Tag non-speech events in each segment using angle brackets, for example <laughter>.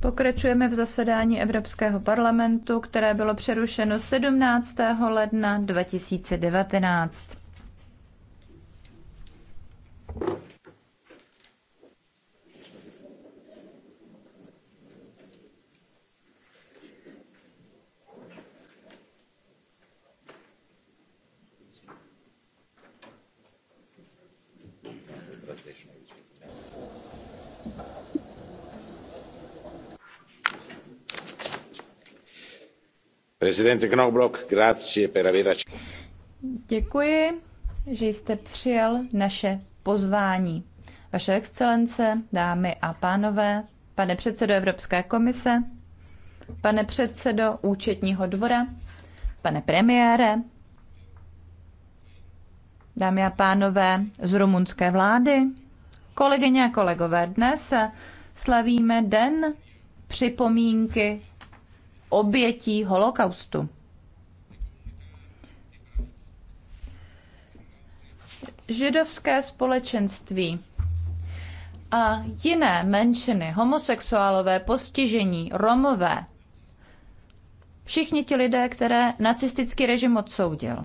Pokračujeme v zasedání Evropského parlamentu, které bylo přerušeno 17. ledna 2019. Prezident Knobloch, grazie per aver Děkuji, že jste přijal naše pozvání. Vaše excelence, dámy a pánové, pane předsedo Evropské komise, pane předsedo účetního dvora, pane premiére, dámy a pánové z rumunské vlády, kolegyně a kolegové, dnes slavíme den připomínky obětí holokaustu. Židovské společenství a jiné menšiny, homosexuálové, postižení, romové, všichni ti lidé, které nacistický režim odsoudil.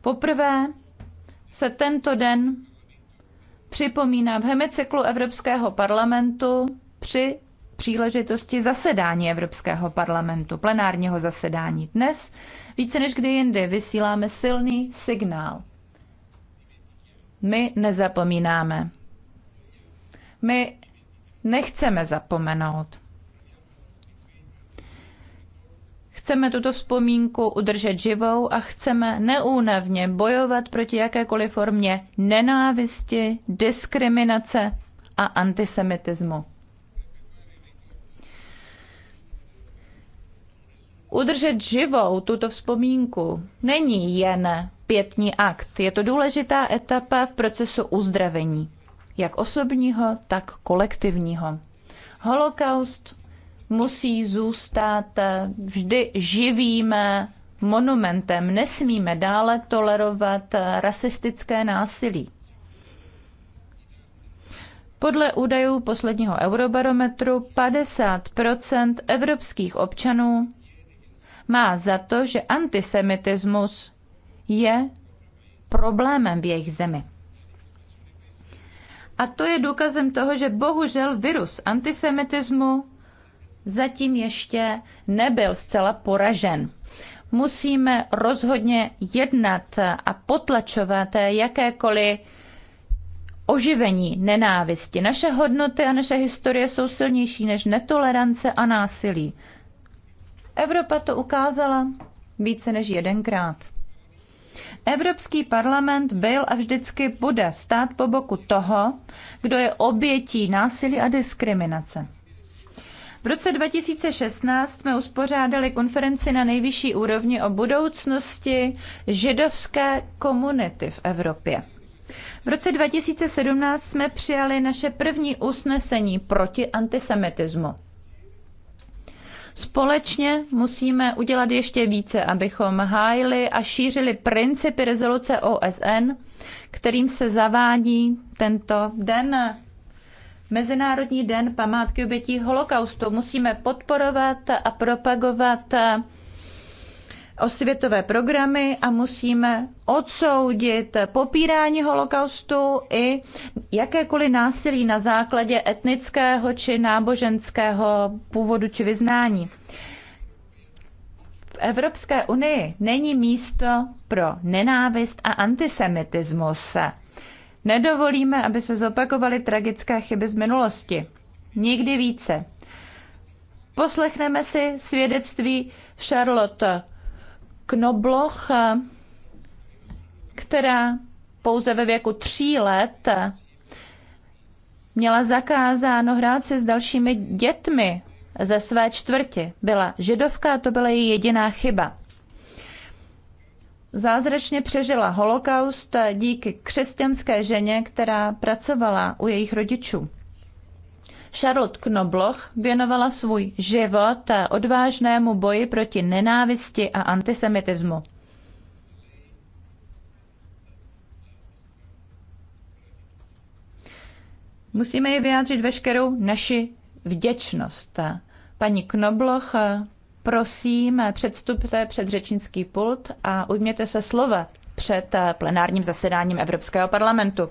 Poprvé se tento den připomíná v hemiciklu Evropského parlamentu při příležitosti zasedání Evropského parlamentu, plenárního zasedání. Dnes více než kdy jindy vysíláme silný signál. My nezapomínáme. My nechceme zapomenout. Chceme tuto vzpomínku udržet živou a chceme neúnavně bojovat proti jakékoliv formě nenávisti, diskriminace a antisemitismu. Udržet živou tuto vzpomínku není jen pětní akt, je to důležitá etapa v procesu uzdravení, jak osobního, tak kolektivního. Holokaust musí zůstat vždy živým monumentem. Nesmíme dále tolerovat rasistické násilí. Podle údajů posledního eurobarometru 50 evropských občanů má za to, že antisemitismus je problémem v jejich zemi. A to je důkazem toho, že bohužel virus antisemitismu zatím ještě nebyl zcela poražen. Musíme rozhodně jednat a potlačovat jakékoliv oživení nenávisti. Naše hodnoty a naše historie jsou silnější než netolerance a násilí. Evropa to ukázala více než jedenkrát. Evropský parlament byl a vždycky bude stát po boku toho, kdo je obětí násilí a diskriminace. V roce 2016 jsme uspořádali konferenci na nejvyšší úrovni o budoucnosti židovské komunity v Evropě. V roce 2017 jsme přijali naše první usnesení proti antisemitismu. Společně musíme udělat ještě více, abychom hájili a šířili principy rezoluce OSN, kterým se zavádí tento den Mezinárodní den památky obětí holokaustu musíme podporovat a propagovat osvětové programy a musíme odsoudit popírání holokaustu i jakékoliv násilí na základě etnického či náboženského původu či vyznání. V Evropské unii není místo pro nenávist a antisemitismus. Nedovolíme, aby se zopakovaly tragické chyby z minulosti. Nikdy více. Poslechneme si svědectví Charlotte Knobloch, eh, která pouze ve věku tří let měla zakázáno hrát si s dalšími dětmi ze své čtvrti. Byla židovka a to byla její jediná chyba. Zázračně přežila holokaust díky křesťanské ženě, která pracovala u jejich rodičů. Charlotte Knobloch věnovala svůj život odvážnému boji proti nenávisti a antisemitismu. Musíme jí vyjádřit veškerou naši vděčnost. Paní Knobloch, prosím, předstupte před řečnický pult a ujměte se slova před plenárním zasedáním Evropského parlamentu.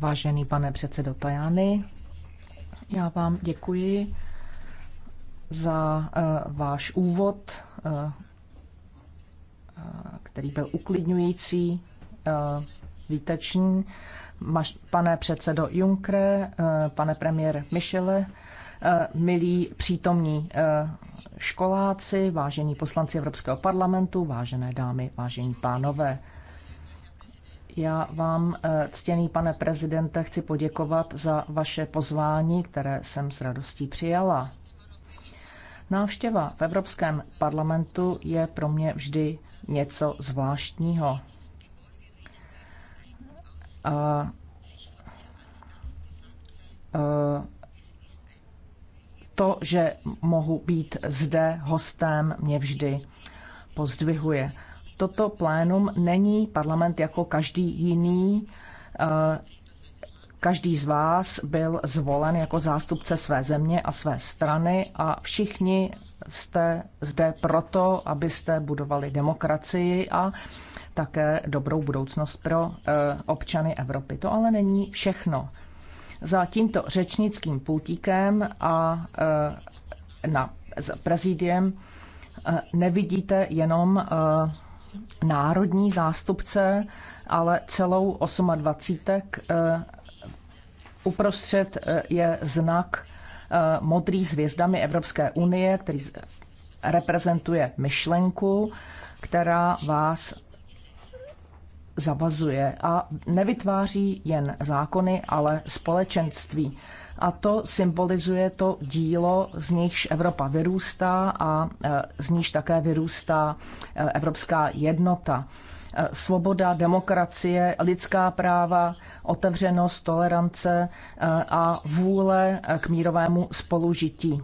Vážený pane předsedo Tajany, já vám děkuji za uh, váš úvod, uh, který byl uklidňující, uh, výtečný. Maš, pane předsedo Juncker, uh, pane premiér Michele, uh, milí přítomní uh, školáci, vážení poslanci Evropského parlamentu, vážené dámy, vážení pánové. Já vám, eh, ctěný pane prezidente, chci poděkovat za vaše pozvání, které jsem s radostí přijala. Návštěva v Evropském parlamentu je pro mě vždy něco zvláštního. A, a, to, že mohu být zde hostem, mě vždy pozdvihuje toto plénum není parlament jako každý jiný. Eh, každý z vás byl zvolen jako zástupce své země a své strany a všichni jste zde proto, abyste budovali demokracii a také dobrou budoucnost pro eh, občany Evropy. To ale není všechno. Za tímto řečnickým půtíkem a eh, na prezidiem nevidíte jenom národní zástupce, ale celou 28. Eh, uprostřed eh, je znak eh, modrý s hvězdami Evropské unie, který reprezentuje myšlenku, která vás zavazuje a nevytváří jen zákony, ale společenství a to symbolizuje to dílo, z nichž Evropa vyrůstá a e, z níž také vyrůstá e, evropská jednota. E, svoboda, demokracie, lidská práva, otevřenost, tolerance a vůle k mírovému spolužití.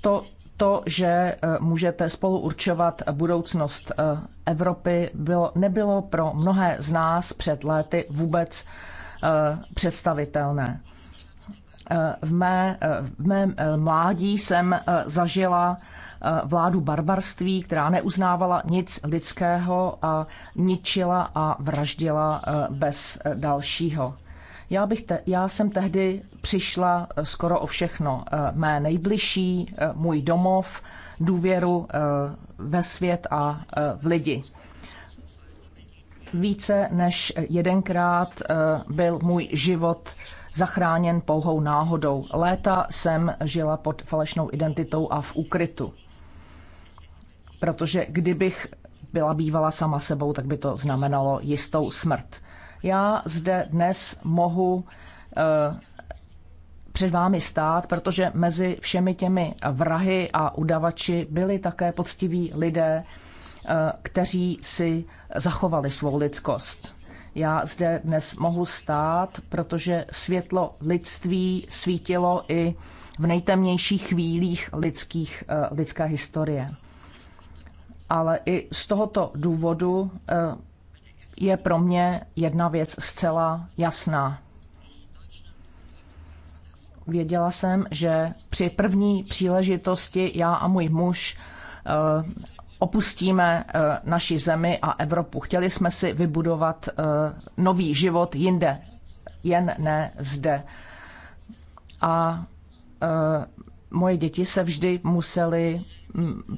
To to, že e, můžete spolu určovat budoucnost e, Evropy, bylo, nebylo pro mnohé z nás před léty vůbec e, představitelné. V, mé, v mém mládí jsem zažila vládu barbarství, která neuznávala nic lidského a ničila a vraždila bez dalšího. Já, bych te, já jsem tehdy přišla eh, skoro o všechno. Eh, mé nejbližší, eh, můj domov, důvěru ve svět a v lidi. Více než jedenkrát byl můj život zachráněn pouhou náhodou. Léta jsem žila pod falešnou identitou a v úkrytu. Protože kdybych byla bývala sama sebou, tak by to znamenalo jistou smrt. Já zde dnes mohu eh, před vámi stát, protože mezi všemi těmi vrahy a udavači byli také poctiví lidé, eh, kteří si zachovali svou lidskost. Já zde dnes mohu stát, protože světlo lidství svítilo i v nejtemnějších chvílích lidských, eh, lidské historie. Ale i z tohoto důvodu je pro mě jedna věc zcela jasná. Věděla jsem, že při první příležitosti já a můj muž eh, opustíme eh, naši zemi a Evropu. Chtěli jsme si vybudovat eh, nový život jinde, jen ne zde. A moje děti se vždy museli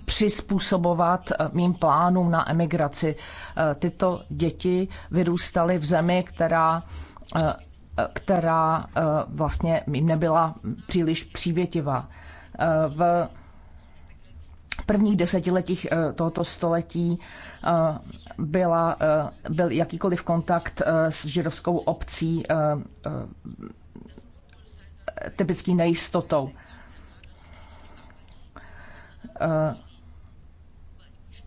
přizpůsobovat mým eh, plánům na emigraci. Eh, tyto děti vyrůstaly v zemi, která eh, která vlastně jim nebyla příliš přívětivá. V prvních desetiletích tohoto století byla, byl jakýkoliv kontakt s židovskou obcí typický nejistotou. Eh,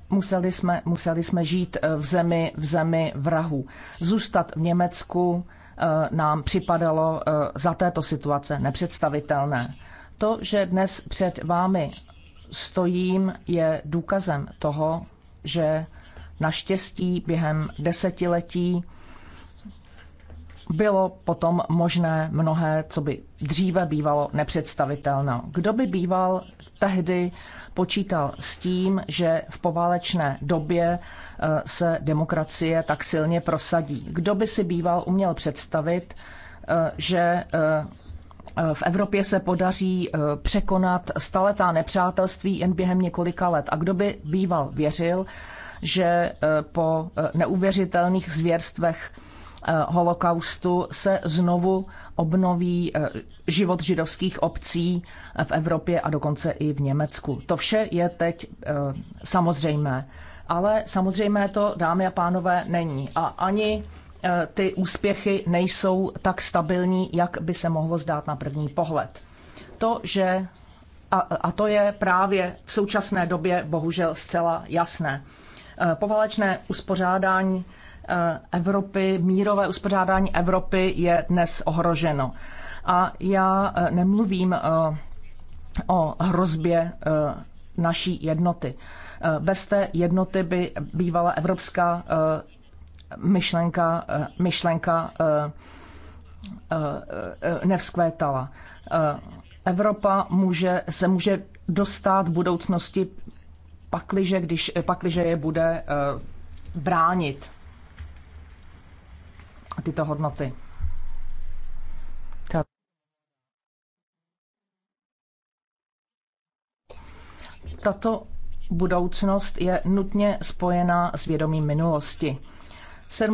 museli jsme, museli jsme žít eh, v zemi, v zemi vrahu. Zůstat v Německu eh, nám připadalo za této situace nepředstavitelné. To, že dnes před vámi stojím, je důkazem toho, že naštěstí během desetiletí bylo potom možné mnohé, co by dříve bývalo nepředstavitelné. Kdo by býval tehdy počítal s tím, že v poválečné době eh, se demokracie tak silně prosadí. Kdo by si býval uměl představit, eh, že eh, v Evropě se podaří překonat staletá nepřátelství jen během několika let. A kdo by býval věřil, že po neuvěřitelných zvěrstvech Eh, holokaustu se znovu obnoví eh, život židovských obcí eh, v Evropě a dokonce i v Německu. To vše je teď samozřejmé. Ale samozřejmé to, dámy a pánové, není. A ani ty úspěchy nejsou tak stabilní, jak by se mohlo zdát na první pohled. To, že a, a to je právě v současné době bohužel zcela jasné. Povalečné uspořádání Eh, Evropy, mírové uspořádání Evropy je dnes ohroženo. A já eh, nemluvím eh, o hrozbě naší jednoty. Bez té jednoty by bývala evropská myšlenka, myšlenka nevzkvétala. Evropa může, se může dostat budoucnosti pakliže, když, pakliže je bude bránit tyto hodnoty. Tato budoucnost je nutně spojená s vědomím minulosti.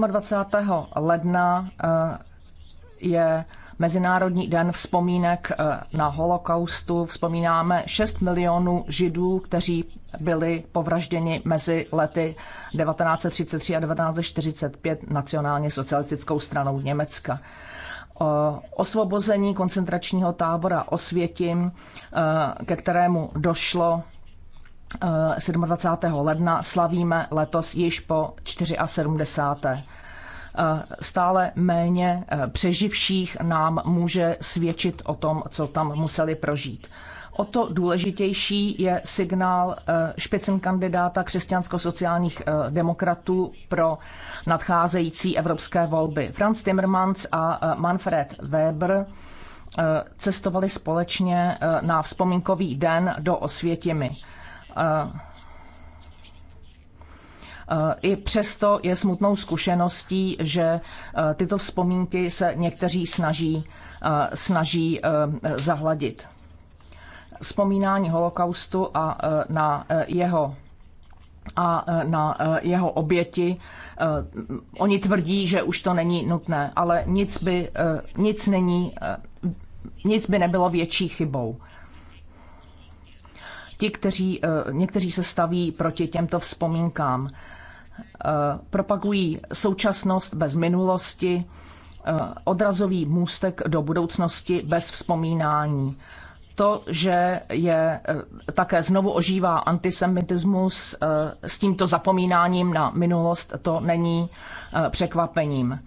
27. ledna eh, je Mezinárodní den vzpomínek eh, na holokaustu vzpomínáme 6 milionů židů, kteří byli povražděni mezi lety 1933 a 1945 nacionálně socialistickou stranou Německa. Osvobození koncentračního tábora Osvětim, eh, ke kterému došlo 27. Eh, ledna slavíme letos již po 74. Eh, stále méně eh, přeživších nám může svědčit o tom, co tam museli prožít. O to důležitější je signál eh, špicen kandidáta křesťansko-sociálních demokratů pro nadcházející evropské volby. Franz Timmermans a Manfred Weber cestovali společně na vzpomínkový den do Osvětimi. I přesto je smutnou zkušeností, že e, tyto vzpomínky se někteří snaží, e, snaží e, zahladit. Vzpomínání holokaustu a na jeho a na jeho oběti. Oni tvrdí, že už to není nutné, ale nic by, nic není, nic by nebylo větší chybou ti, kteří, eh, někteří se staví proti těmto vzpomínkám. Eh, propagují současnost bez minulosti, eh, odrazový můstek do budoucnosti bez vzpomínání. To, že je také znovu ožívá antisemitismus s tímto zapomínáním na minulost, to není překvapením.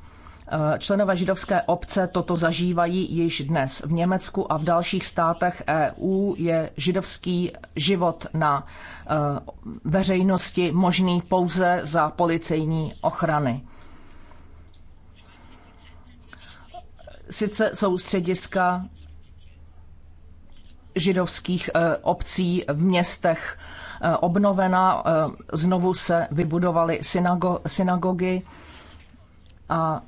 Eh, členové židovské obce toto zažívají již dnes. V Německu a v dalších státech EU je židovský život na eh, veřejnosti možný pouze za policejní ochrany. Sice jsou střediska židovských eh, obcí v městech obnovena, znovu se vybudovaly synago- synagogy a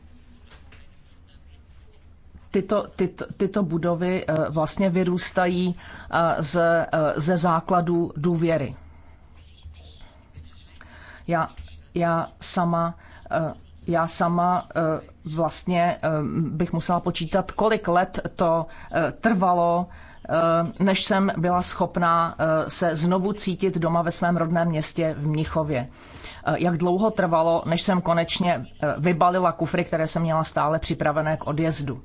tyto, tyto, tyto budovy eh, vlastně vyrůstají eh, ze, eh, ze základů důvěry. Já, já sama já sama vlastně bych musela počítat, kolik let to trvalo, než jsem byla schopná se znovu cítit doma ve svém rodném městě v Mnichově. Jak dlouho trvalo, než jsem konečně vybalila kufry, které jsem měla stále připravené k odjezdu.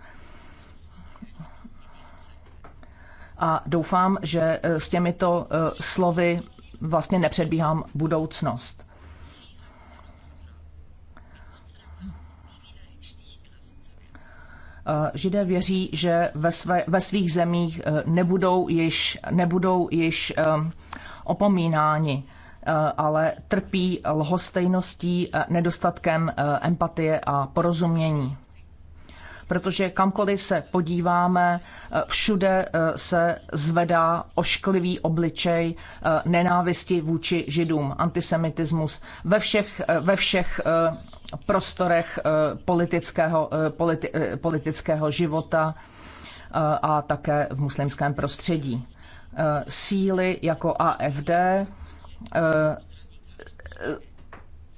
a doufám, že eh, s těmito eh, slovy vlastně nepředbíhám budoucnost. Eh, Židé věří, že ve, své, ve svých zemích nebudou již, nebudou již opomínáni, ale trpí lhostejností, nedostatkem empatie a porozumění protože kamkoliv se podíváme, eh, všude eh, se zvedá ošklivý obličej eh, nenávisti vůči židům, antisemitismus ve všech, ve všech prostorech politického, politi, politického života a také v muslimském prostředí. Síly jako AFD,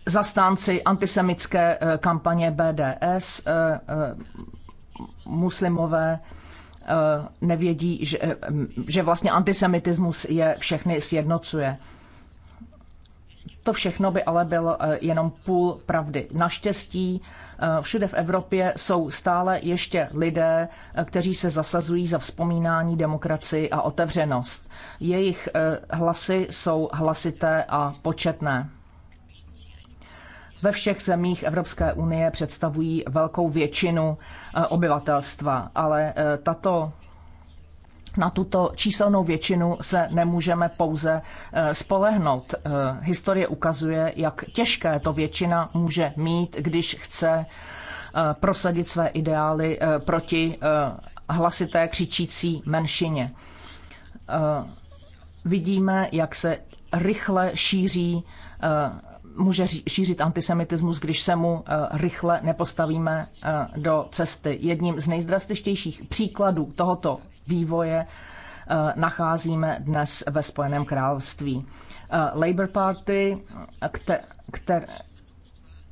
zastánci antisemické kampaně BDS, muslimové eh, nevědí, že, eh, že vlastně antisemitismus je všechny sjednocuje. To všechno by ale bylo eh, jenom půl pravdy. Naštěstí všude v Evropě jsou stále ještě lidé, kteří se zasazují za vzpomínání demokracii a otevřenost. Jejich hlasy jsou hlasité a početné ve všech zemích Evropské unie představují velkou většinu eh, obyvatelstva, ale eh, tato na tuto číselnou většinu se nemůžeme pouze eh, spolehnout. Historie ukazuje, jak těžké to většina může mít, když chce prosadit své ideály proti hlasité křičící menšině. Vidíme, jak se rychle šíří může šířit antisemitismus, když se mu eh, rychle nepostavíme eh, do cesty. Jedním z nejdrastičtějších příkladů tohoto vývoje eh, nacházíme dnes ve Spojeném království. Labour Party,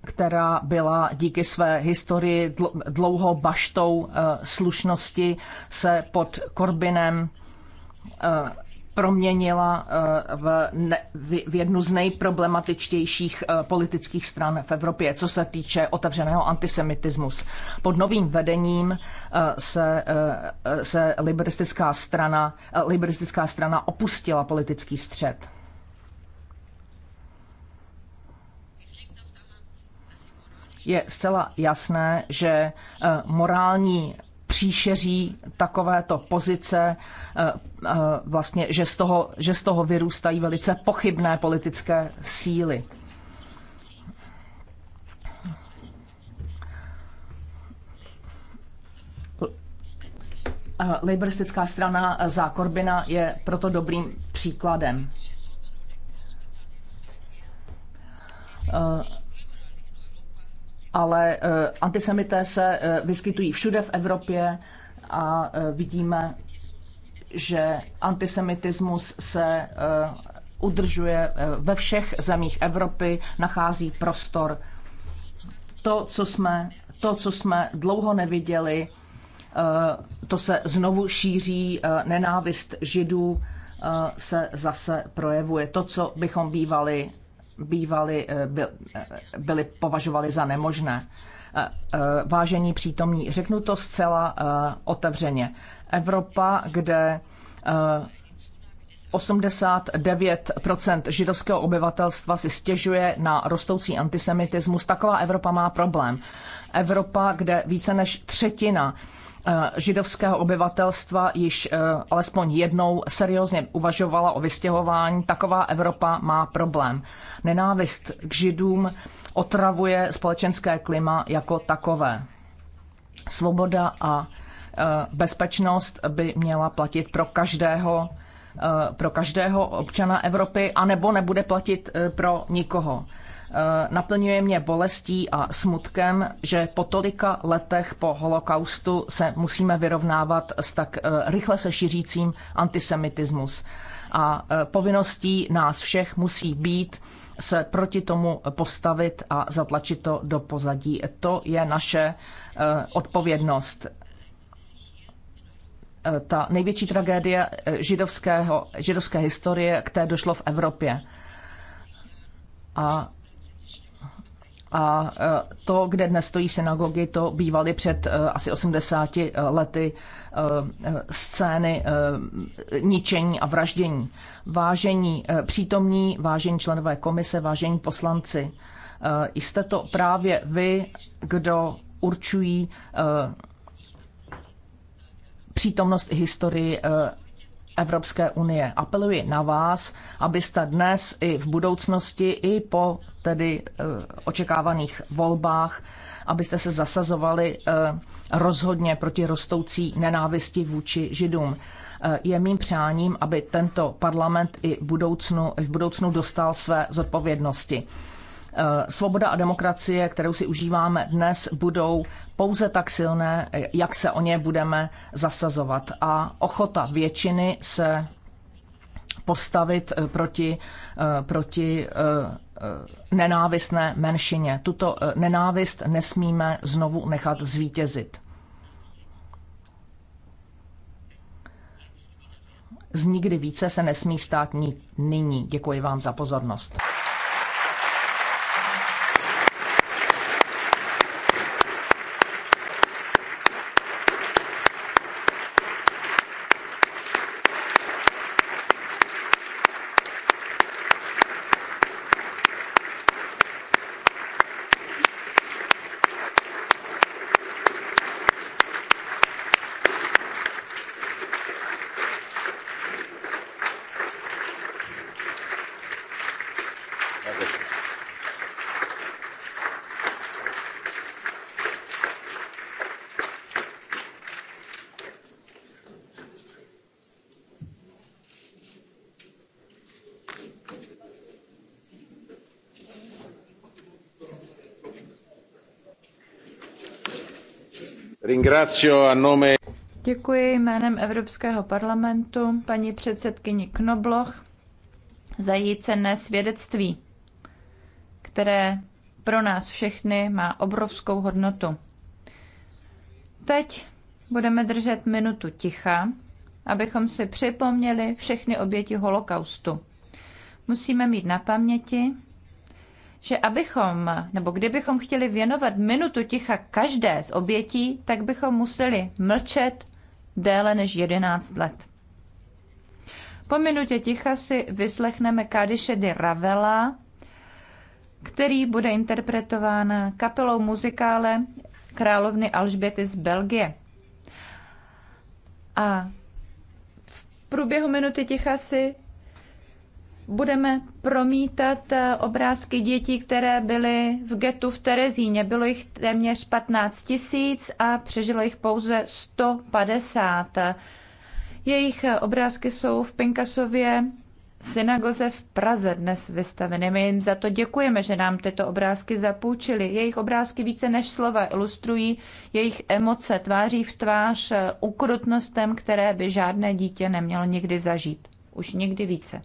která byla díky své historii dlouho baštou slušnosti, se pod Corbynem proměnila eh, v, ne, v jednu z nejproblematičtějších eh, politických stran v Evropě, co se týče otevřeného antisemitismus. Pod novým vedením eh, se, se liberistická, strana, liberistická strana opustila politický střed. Je zcela jasné, že morální příšeří takovéto pozice, eh, eh, vlastně, že z toho, že z toho vyrůstají velice pochybné politické síly. Eh, Liberistická strana za Korbina je proto dobrým příkladem ale eh, antisemité se eh, vyskytují všude v Evropě a eh, vidíme, že antisemitismus se udržuje ve všech zemích Evropy, nachází prostor. To, co jsme, to, co jsme dlouho neviděli, to se znovu šíří, nenávist židů se zase projevuje. To, co bychom bývali Eh, by, eh, byly považovaly za nemožné. Eh, vážení přítomní, řeknu to zcela otevřeně. Evropa, kde 89 židovského obyvatelstva si stěžuje na rostoucí antisemitismus, taková Evropa má problém. Evropa, kde více než třetina Eh, židovského obyvatelstva již eh, alespoň jednou seriózně uvažovala o vystěhování, taková Evropa má problém. Nenávist k židům otravuje společenské klima jako takové. Svoboda a eh, bezpečnost by měla platit pro každého, pro každého občana Evropy, anebo nebude platit pro nikoho. Eh, naplňuje mě bolestí a smutkem, že po tolika letech po holokaustu se musíme vyrovnávat s tak eh, rychle se šířícím antisemitismus. A eh, povinností nás všech musí být se proti tomu postavit a zatlačit to do pozadí. To je naše odpovědnost ta největší tragédie židovského, židovské historie, které došlo v Evropě. A a e, to, kde dnes stojí synagogy, to bývaly před e, asi 80 e, lety scény ničení a vraždění. Vážení přítomní, vážení členové komise, vážení poslanci, jste to právě vy, kdo určují přítomnost i historii Evropské unie. Apeluji na vás, abyste dnes i v budoucnosti, i po tedy eh, očekávaných volbách, abyste se zasazovali eh, rozhodně proti rostoucí nenávisti vůči Židům. Eh, je mým přáním, aby tento parlament i v budoucnu, v budoucnu dostal své zodpovědnosti. Eh, svoboda a demokracie, kterou si užíváme dnes, budou pouze tak silné, jak se o ně budeme zasazovat. A ochota většiny se postavit eh, proti, eh, proti nenávistné menšině. Tuto nenávist nesmíme znovu nechat zvítězit. Z nikdy více se nesmí stát ní nyní. Děkuji vám za pozornost. Děkuji jménem Evropského parlamentu paní předsedkyni Knobloch za její cenné svědectví, které pro nás všechny má obrovskou hodnotu. Teď budeme držet minutu ticha, abychom si připomněli všechny oběti holokaustu. Musíme mít na paměti, že abychom, nebo kdybychom chtěli věnovat minutu ticha každé z obětí, tak bychom museli mlčet déle než 11 let. Po minutě ticha si vyslechneme de Ravela, který bude interpretován kapelou muzikále královny Alžběty z Belgie. A v průběhu minuty ticha si budeme promítat eh, obrázky dětí, které byly v getu v Terezíně. Bylo jich téměř 15 tisíc a přežilo jich pouze 150. Jejich eh, obrázky jsou v Pinkasově synagoze v Praze dnes vystaveny. My jim za to děkujeme, že nám tyto obrázky zapůjčili. Jejich obrázky více než slova ilustrují jejich emoce tváří v tvář eh, ukrutnostem, které by žádné dítě nemělo nikdy zažít. Už nikdy více.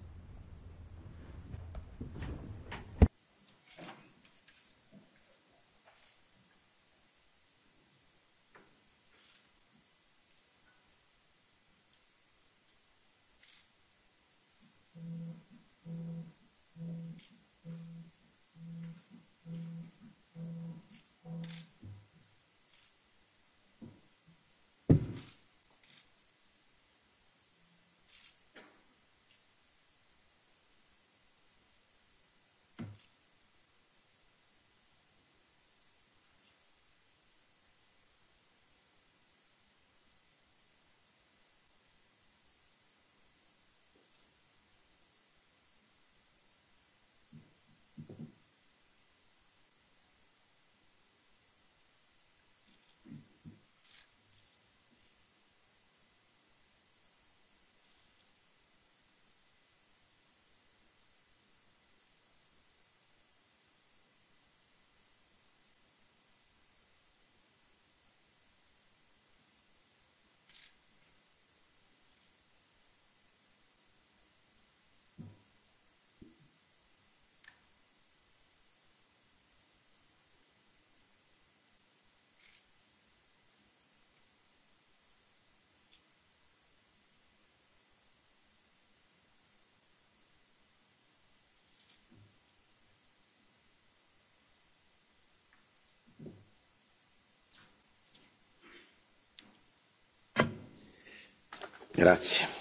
Grazie.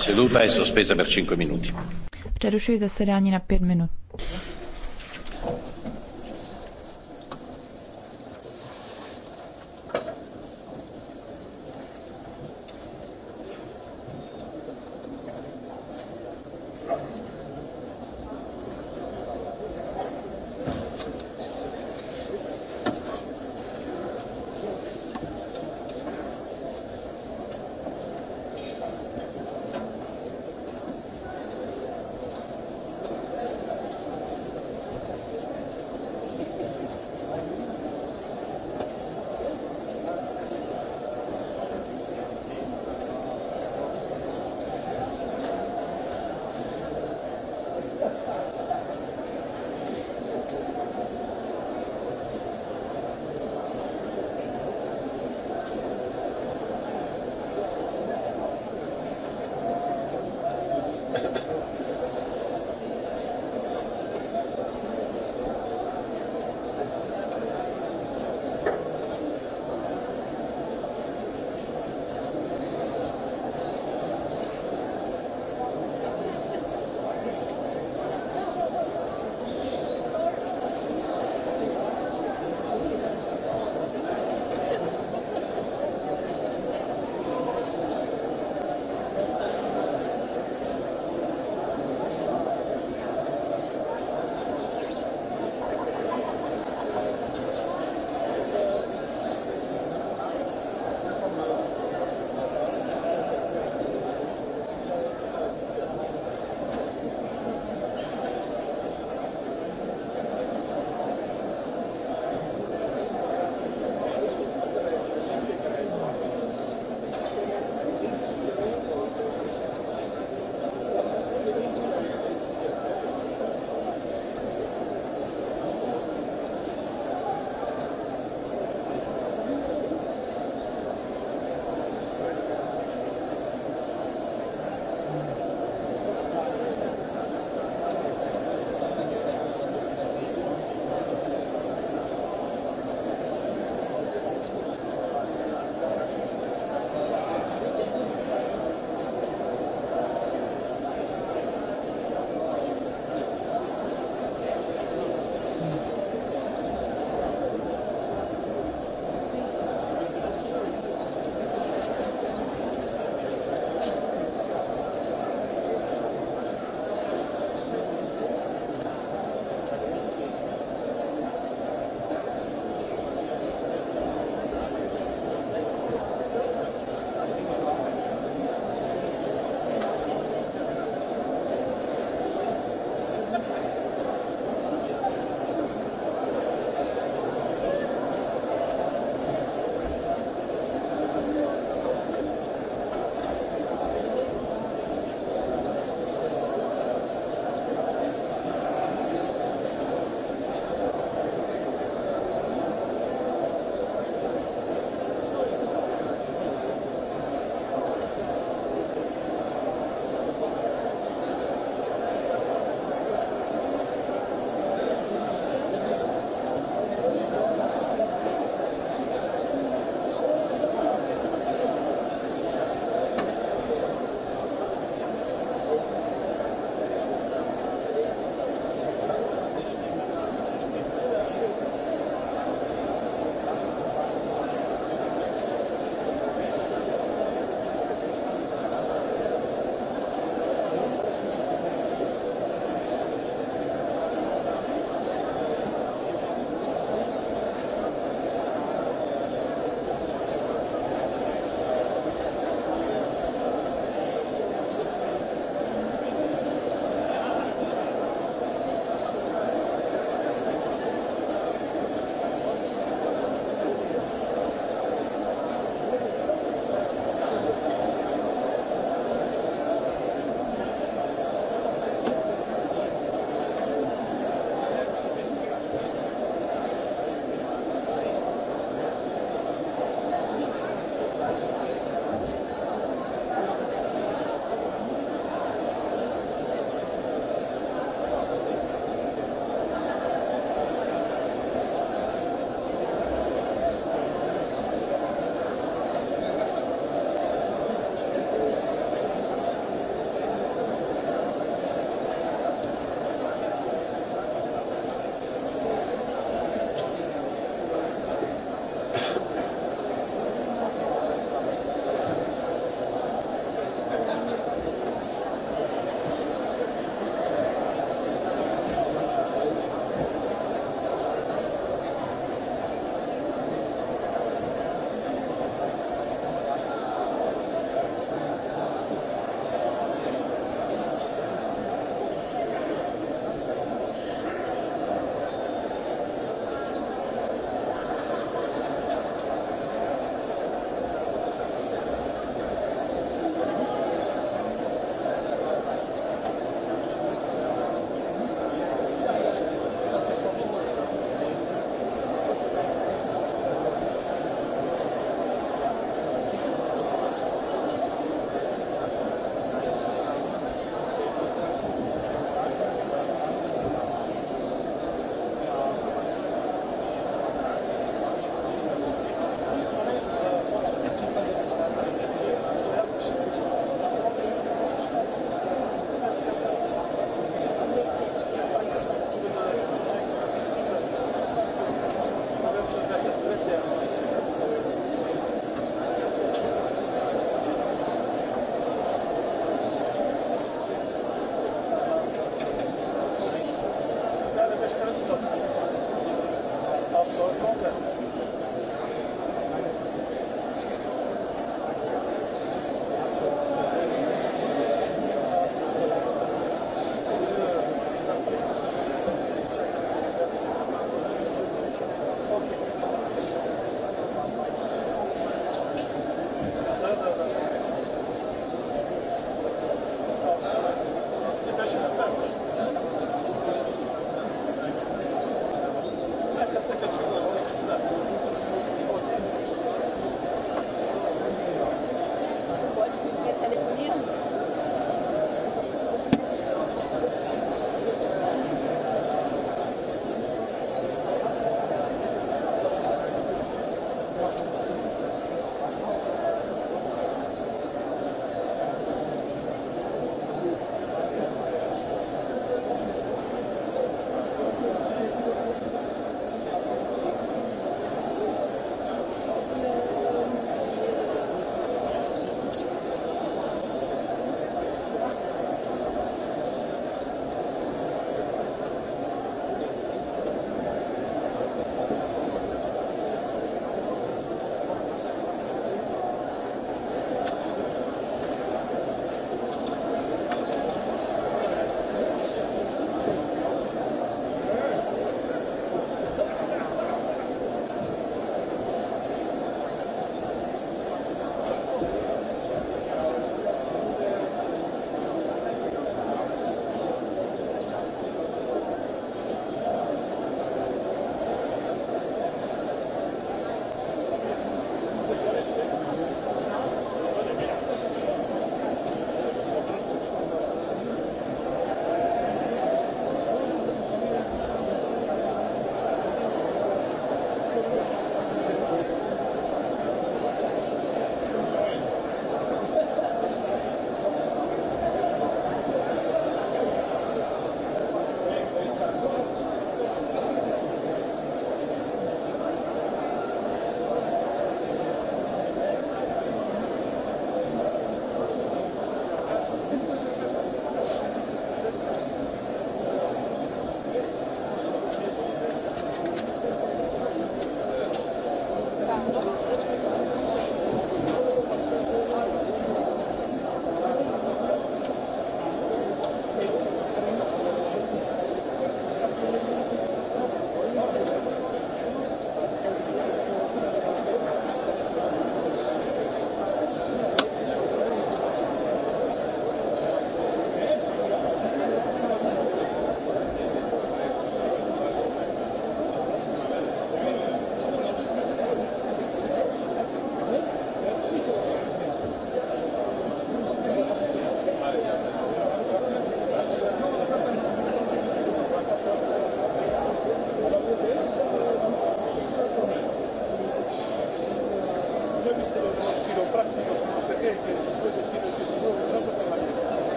seduta je sospesa per 5 minuti. Přerušuji zasedání na pět minut.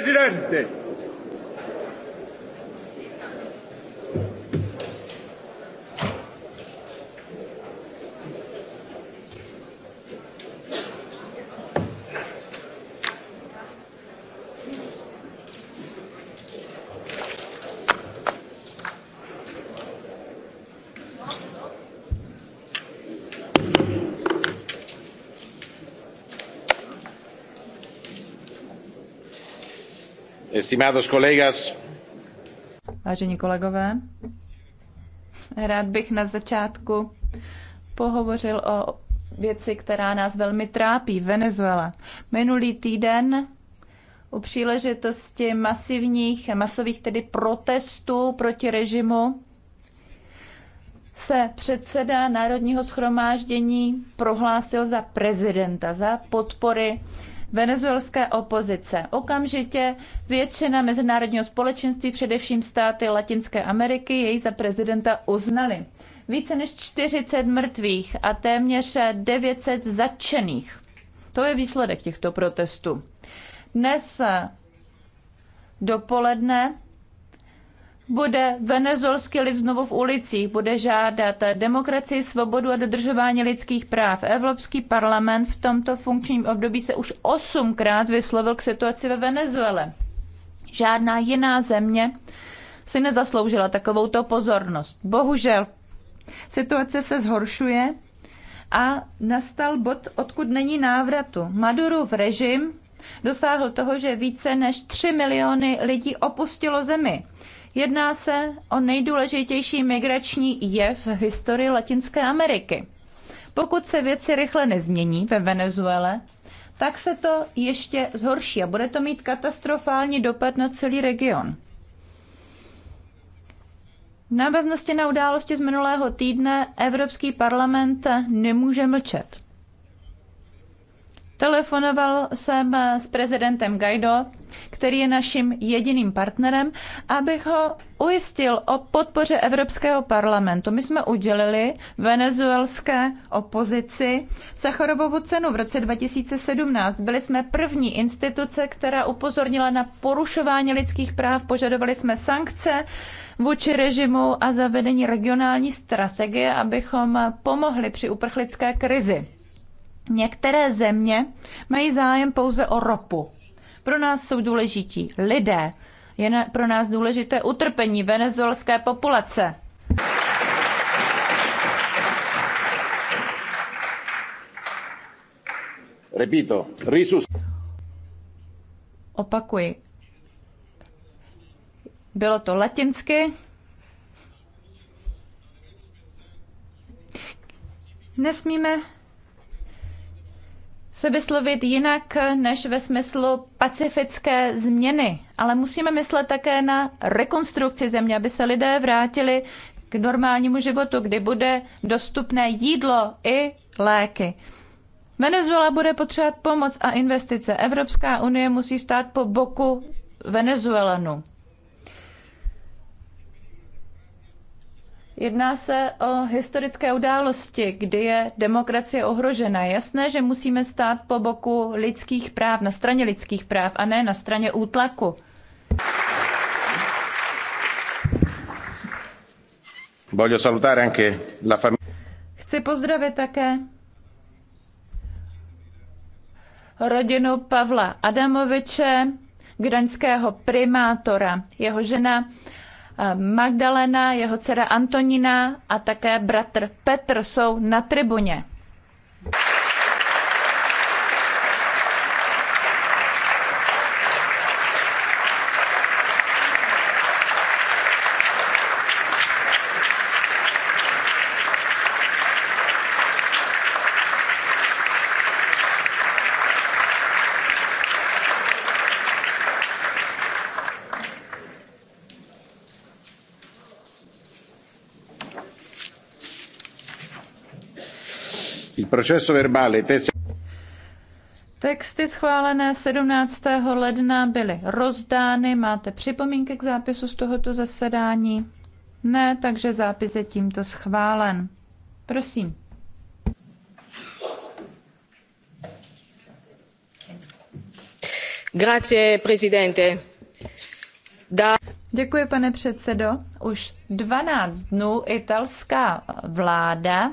Presidente! Estimados colegas. Vážení kolegové, rád bych na začátku pohovořil o věci, která nás velmi trápí, Venezuela. Minulý týden u příležitosti masivních, masových tedy protestů proti režimu se předseda Národního schromáždění prohlásil za prezidenta, za podpory venezuelské opozice. Okamžitě většina mezinárodního společenství, především státy Latinské Ameriky, jej za prezidenta uznali. Více než 40 mrtvých a téměř 900 zatčených. To je výsledek těchto protestů. Dnes dopoledne bude venezolský lid znovu v ulicích, bude žádat demokracii, svobodu a dodržování lidských práv. Evropský parlament v tomto funkčním období se už osmkrát vyslovil k situaci ve Venezuele. Žádná jiná země si nezasloužila takovouto pozornost. Bohužel situace se zhoršuje a nastal bod, odkud není návratu. v režim dosáhl toho, že více než 3 miliony lidí opustilo zemi. Jedná se o nejdůležitější migrační jev v historii Latinské Ameriky. Pokud se věci rychle nezmění ve Venezuele, tak se to ještě zhorší a bude to mít katastrofální dopad na celý region. V návaznosti na události z minulého týdne Evropský parlament nemůže mlčet. Telefonoval jsem eh, s prezidentem Gajdo, který je naším jediným partnerem, abych ho ujistil o podpoře Evropského parlamentu. My jsme udělili venezuelské opozici Sacharovovu cenu v roce 2017. Byli jsme první instituce, která upozornila na porušování lidských práv, požadovali jsme sankce vůči režimu a zavedení regionální strategie, abychom eh, pomohli při uprchlické krizi. Některé země mají zájem pouze o ropu. Pro nás jsou důležití lidé. Je pro nás důležité utrpení venezuelské populace. Repito, risus. Opakuji. Bylo to latinsky. Nesmíme se vyslovit jinak než ve smyslu pacifické změny, ale musíme myslet také na rekonstrukci země, aby se lidé vrátili k normálnímu životu, kdy bude dostupné jídlo i léky. Venezuela bude potřebovat pomoc a investice. Evropská unie musí stát po boku Venezuelanů. Jedná se o historické události, kdy je demokracie ohrožena. Je jasné, že musíme stát po boku lidských práv, na straně lidských práv a ne na straně útlaku. Chci pozdravit také rodinu Pavla Adamoviče, gdaňského primátora. Jeho žena Magdalena, jeho dcera Antonina a také bratr Petr jsou na tribuně. Proceso verbale, Texty schválené 17. ledna byly rozdány. Máte připomínky k zápisu z tohoto zasedání? Ne, takže zápis je tímto schválen. Prosím. Grazie, presidente. Da... Děkuji, pane předsedo. Už 12 dnů italská vláda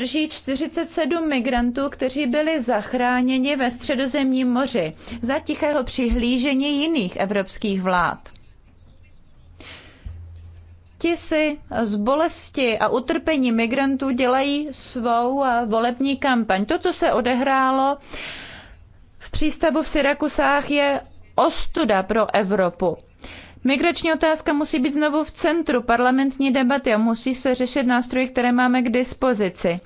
drží 47 migrantů, kteří byli zachráněni ve středozemním moři za tichého přihlížení jiných evropských vlád. Ti si z bolesti a utrpení migrantů dělají svou eh, volební kampaň. To, co se odehrálo v přístavu v Syrakusách, je ostuda pro Evropu. Migrační otázka musí být znovu v centru parlamentní debaty a musí se řešit nástroje, které máme k dispozici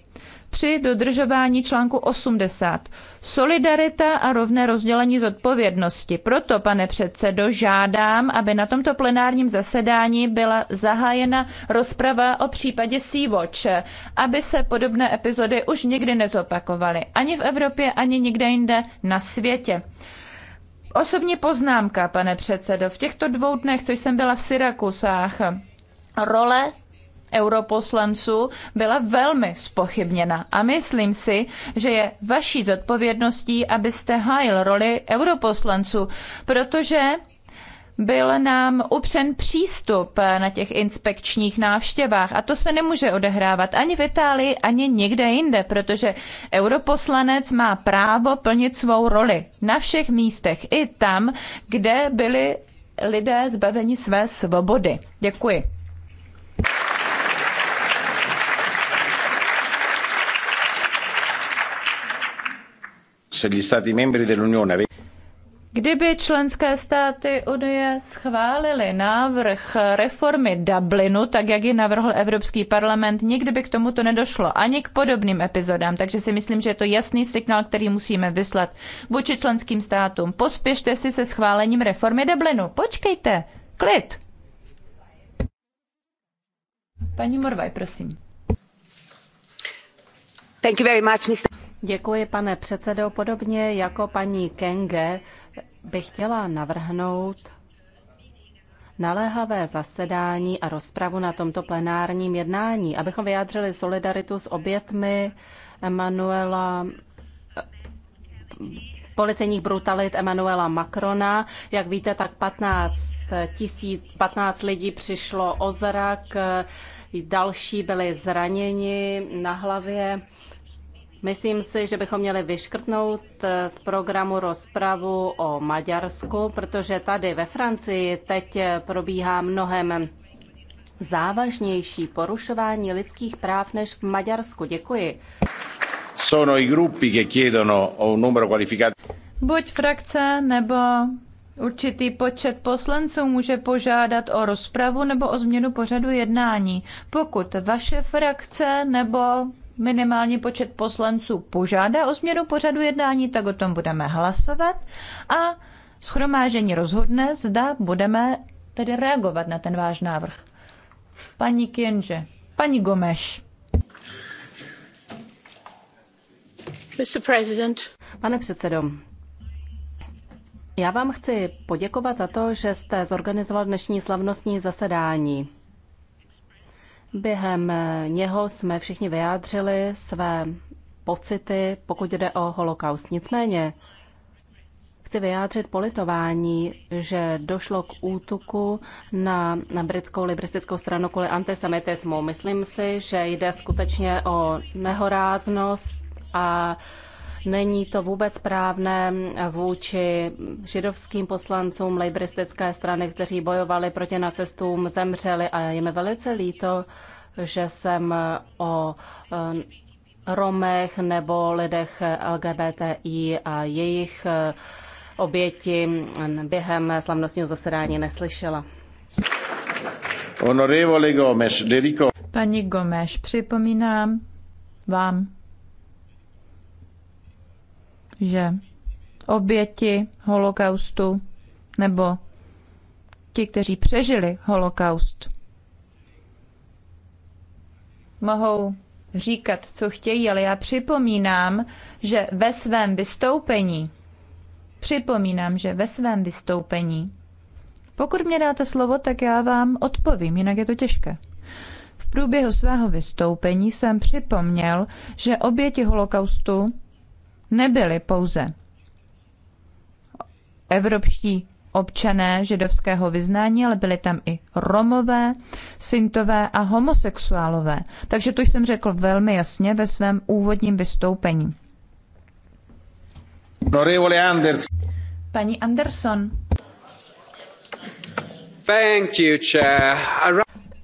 při dodržování článku 80. Solidarita a rovné rozdělení zodpovědnosti. Proto, pane předsedo, žádám, aby na tomto plenárním zasedání byla zahájena rozprava o případě Sea-Watch, aby se podobné epizody už nikdy nezopakovaly ani v Evropě, ani nikde jinde na světě. Osobní poznámka, pane předsedo. V těchto dvou dnech, co jsem byla v Syrakusách, role europoslanců byla velmi spochybněna a myslím si, že je vaší zodpovědností, abyste hájil roli europoslanců, protože byl nám upřen přístup na těch inspekčních návštěvách a to se nemůže odehrávat ani v Itálii, ani nikde jinde, protože europoslanec má právo plnit svou roli na všech místech, i tam, kde byli lidé zbaveni své svobody. Děkuji. Se gli stati membri dell'Unione Kdyby členské státy Unie schválily návrh reformy Dublinu, tak jak ji navrhl Evropský parlament, nikdy by k tomuto nedošlo, ani k podobným epizodám. Takže si myslím, že je to jasný signál, který musíme vyslat vůči členským státům. Pospěšte si se schválením reformy Dublinu. Počkejte. Klid. Paní Morvaj, prosím. Thank you very much, Mr. Děkuji, pane předsedo. Podobně jako paní Kenge bych chtěla navrhnout naléhavé zasedání a rozpravu na tomto plenárním jednání, abychom vyjádřili solidaritu s obětmi Emanuela policejních brutalit Emanuela Macrona. Jak víte, tak 15, tisíc, 15 lidí přišlo o zrak, další byli zraněni na hlavě. Myslím si, že bychom měli vyškrtnout eh, z programu rozpravu o Maďarsku, protože tady ve Francii teď eh, probíhá mnohem závažnější porušování lidských práv než v Maďarsku. Děkuji. Sono i gruppi che chiedono un numero qualificato. Buď frakce nebo Určitý počet poslanců může požádat o rozpravu nebo o změnu pořadu jednání. Pokud vaše frakce nebo minimální počet poslanců požádá o změnu pořadu jednání, tak o tom budeme hlasovat a schromážení rozhodne, zda budeme tedy reagovat na ten váš návrh. Paní Kienže, paní Gomeš. Mr. President. Pane předsedo, já vám chci poděkovat za to, že jste zorganizoval dnešní slavnostní zasedání. Během něho jsme všichni vyjádřili své pocity, pokud jde o holokaust. Nicméně chci vyjádřit politování, že došlo k útoku na, na britskou liberistickou stranu kvůli antisemitismu. Myslím si, že jde skutečně o nehoráznost a Není to vůbec právné vůči židovským poslancům lejbristické strany, kteří bojovali proti nacistům, zemřeli a je mi velice líto, že jsem o eh, Romech nebo lidech LGBTI a jejich eh, oběti během slavnostního zasedání neslyšela. Honorevole Gomes, Paní Gomes, připomínám vám, že oběti holokaustu nebo ti, kteří přežili holokaust, mohou říkat, co chtějí, ale já připomínám, že ve svém vystoupení, připomínám, že ve svém vystoupení, pokud mě dáte slovo, tak já vám odpovím, jinak je to těžké. V průběhu svého vystoupení jsem připomněl, že oběti holokaustu nebyli pouze evropští občané židovského vyznání, ale byli tam i romové, syntové a homosexuálové. Takže to jsem řekl velmi jasně ve svém úvodním vystoupení. Paní Anderson. Thank you, chair.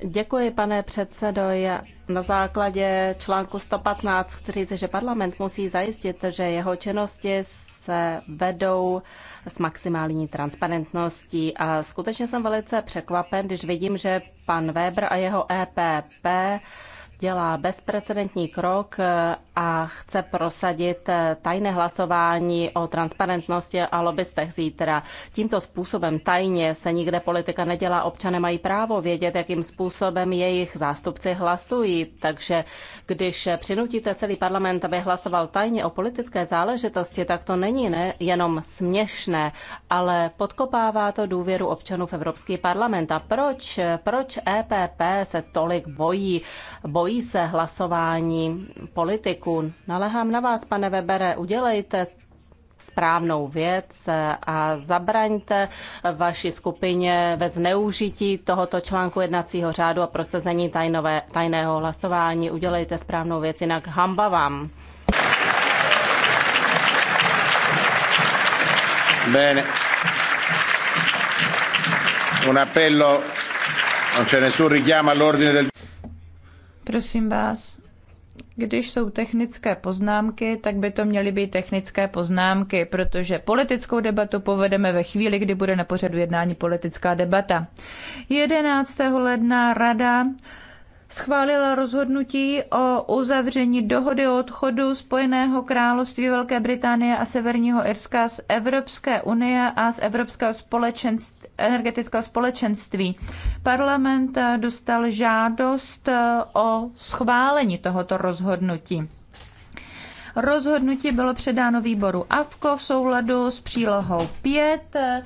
Děkuji, pane předsedo. Já na základě článku 115, který říká, že parlament musí zajistit, že jeho činnosti se vedou s maximální transparentností. A skutečně jsem velice překvapen, když vidím, že pan Weber a jeho EPP dělá bezprecedentní krok a chce prosadit eh, tajné hlasování o transparentnosti a lobbystech zítra. Tímto způsobem tajně se nikde politika nedělá. Občané mají právo vědět, jakým způsobem jejich zástupci hlasují. Takže když přinutíte celý parlament, aby hlasoval tajně o politické záležitosti, tak to není ne, jenom směšné, ale podkopává to důvěru občanů v Evropský parlament. A proč, proč EPP se tolik bojí? Bojí se hlasování politiků? podniků. Nalehám na vás, pane Webere, udělejte správnou věc a zabraňte vaši skupině ve zneužití tohoto článku jednacího řádu a prosazení tajnové, tajného hlasování. Udělejte správnou věc, jinak hamba vám. Bene. Un appello, non c'è nessun richiamo all'ordine del... Prosím vás, když jsou technické poznámky, tak by to měly být technické poznámky, protože politickou debatu povedeme ve chvíli, kdy bude na pořadu jednání politická debata. 11. ledna rada schválila rozhodnutí o uzavření dohody o odchodu Spojeného království Velké Británie a Severního Irska z Evropské unie a z Evropského společenství energetického společenství. Parlament eh, dostal žádost eh, o schválení tohoto rozhodnutí. Rozhodnutí bylo předáno výboru AVKO v souladu s přílohou 5 eh,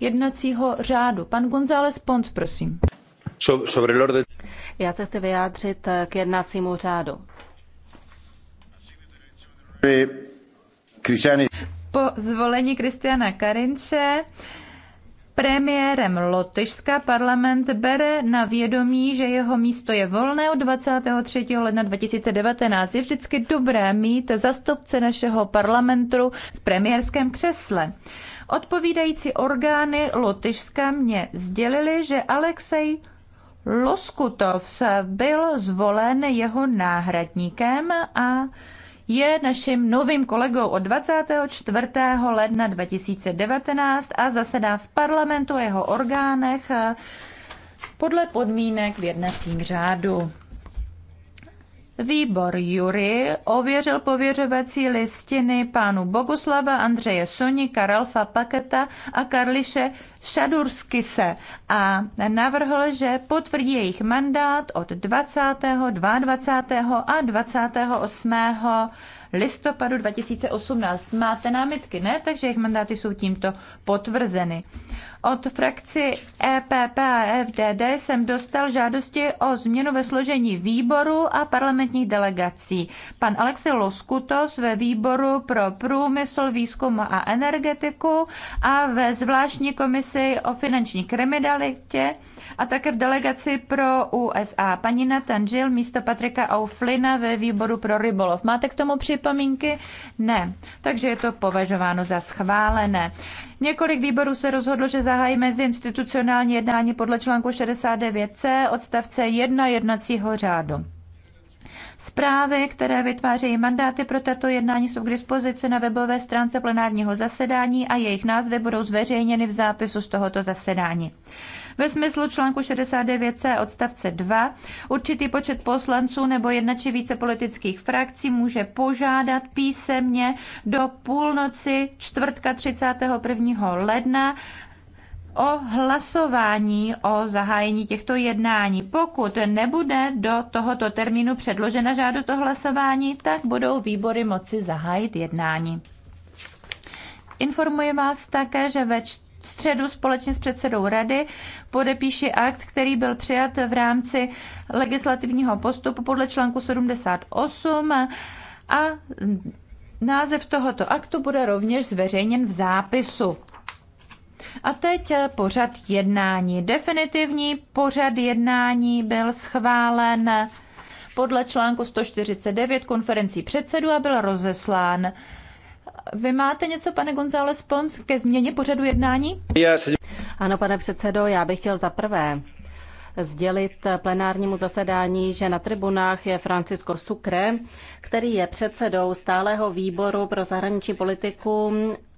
jednacího řádu. Pan González Pons, prosím. Já se chci vyjádřit k jednacímu řádu. Po zvolení Kristiana Karinče premiérem Lotyšska parlament bere na vědomí, že jeho místo je volné od 23. ledna 2019. Je vždycky dobré mít zastupce našeho parlamentu v premiérském křesle. Odpovídající orgány Lotyšska mě sdělili, že Alexej Loskutov byl zvolen jeho náhradníkem a je naším novým kolegou od 24. ledna 2019 a zasedá v parlamentu a jeho orgánech eh, podle podmínek v jednacím řádu. Výbor Jury ověřil pověřovací listiny pánu Boguslava Andřeje Sonika, Ralfa Paketa a Karliše Šadurskise a navrhl, že potvrdí jejich mandát od 20., 22. a 28. listopadu 2018. Máte námitky, ne? Takže jejich mandáty jsou tímto potvrzeny. Od frakci EPP a FDD jsem dostal žádosti o změnu ve složení výboru a parlamentních delegací. Pan Alexej Loskutos ve výboru pro průmysl, výzkum a energetiku a ve zvláštní komisi o finanční kriminalitě a také v delegaci pro USA. Paní Natanžil místo Patrika Auflina ve výboru pro rybolov. Máte k tomu připomínky? Ne. Takže je to považováno za schválené. Několik výborů se rozhodlo, že zahájí meziinstitucionální jednání podle článku 69c odstavce 1 jednacího řádu. Zprávy, které vytvářejí mandáty pro tato jednání, jsou k dispozici na webové stránce plenárního zasedání a jejich názvy budou zveřejněny v zápisu z tohoto zasedání. Ve smyslu článku 69c odstavce 2 určitý počet poslanců nebo jedna či více politických frakcí může požádat písemně do půlnoci čtvrtka 31. ledna o hlasování o zahájení těchto jednání. Pokud nebude do tohoto termínu předložena žádost o hlasování, tak budou výbory moci zahájit jednání. Informuji vás také, že ve čtvrtek středu společně s předsedou rady podepíši akt, který byl přijat v rámci legislativního postupu podle článku 78 a název tohoto aktu bude rovněž zveřejněn v zápisu. A teď pořad jednání. Definitivní pořad jednání byl schválen podle článku 149 konferencí předsedu a byl rozeslán vy máte něco, pane González Pons, ke změně pořadu jednání? Ano, pane předsedo, já bych chtěl za prvé sdělit plenárnímu zasedání, že na tribunách je Francisco Sucre, který je předsedou stáleho výboru pro zahraniční politiku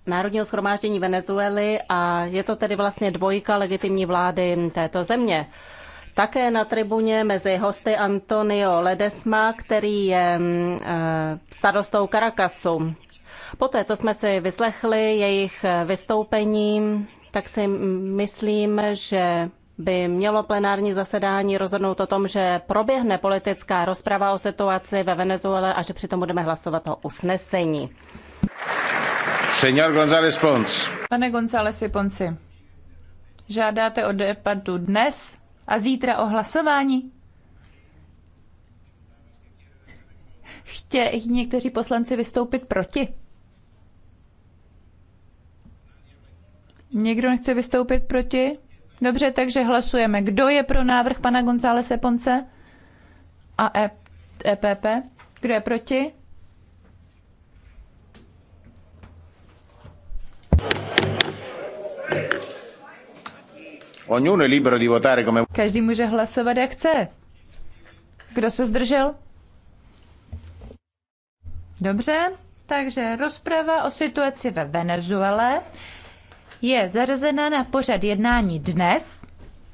Národního schromáždění Venezuely a je to tedy vlastně dvojka legitimní vlády této země. Také na tribuně mezi hosty Antonio Ledesma, který je eh, starostou Caracasu. Poté, co jsme si vyslechli jejich vystoupení, tak si myslím, že by mělo plenární zasedání rozhodnout o tom, že proběhne politická rozprava o situaci ve Venezuele a že přitom budeme hlasovat o usnesení. Senor González Pons. Pane González Ponci, žádáte o debatu dnes a zítra o hlasování? Chtějí někteří poslanci vystoupit proti? Někdo nechce vystoupit proti? Dobře, takže hlasujeme. Kdo je pro návrh pana Gonzálese Ponce a e- EPP? Kdo je proti? Každý může hlasovat, jak chce. Kdo se zdržel? Dobře, takže rozprava o situaci ve Venezuele je zařazena na pořad jednání dnes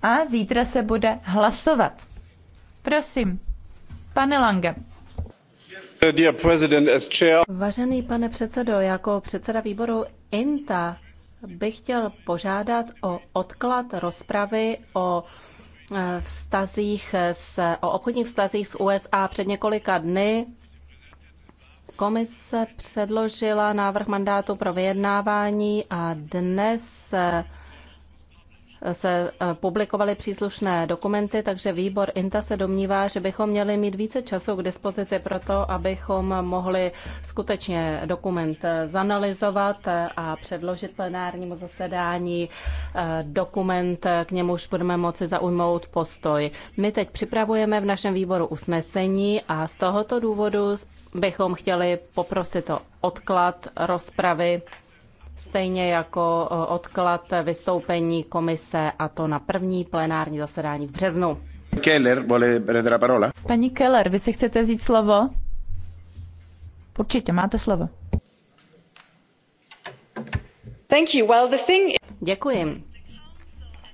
a zítra se bude hlasovat. Prosím, pane Lange. Vážený pane předsedo, jako předseda výboru INTA bych chtěl požádat o odklad rozpravy o eh, vztazích s, o obchodních vztazích s USA před několika dny Komise předložila návrh mandátu pro vyjednávání a dnes eh, se eh, publikovaly příslušné dokumenty, takže výbor INTA se domnívá, že bychom měli mít více času k dispozici pro to, abychom mohli skutečně dokument eh, zanalizovat a předložit plenárnímu zasedání dokument, k němuž budeme moci zaujmout postoj. My teď připravujeme v našem výboru usnesení a z tohoto důvodu bychom chtěli poprosit o odklad rozpravy, stejně jako odklad vystoupení komise, a to na první plenární zasedání v březnu. Keller, la parola. Paní Keller, vy si chcete vzít slovo? Určitě, máte slovo. Thank you. Well, the thing... Děkuji.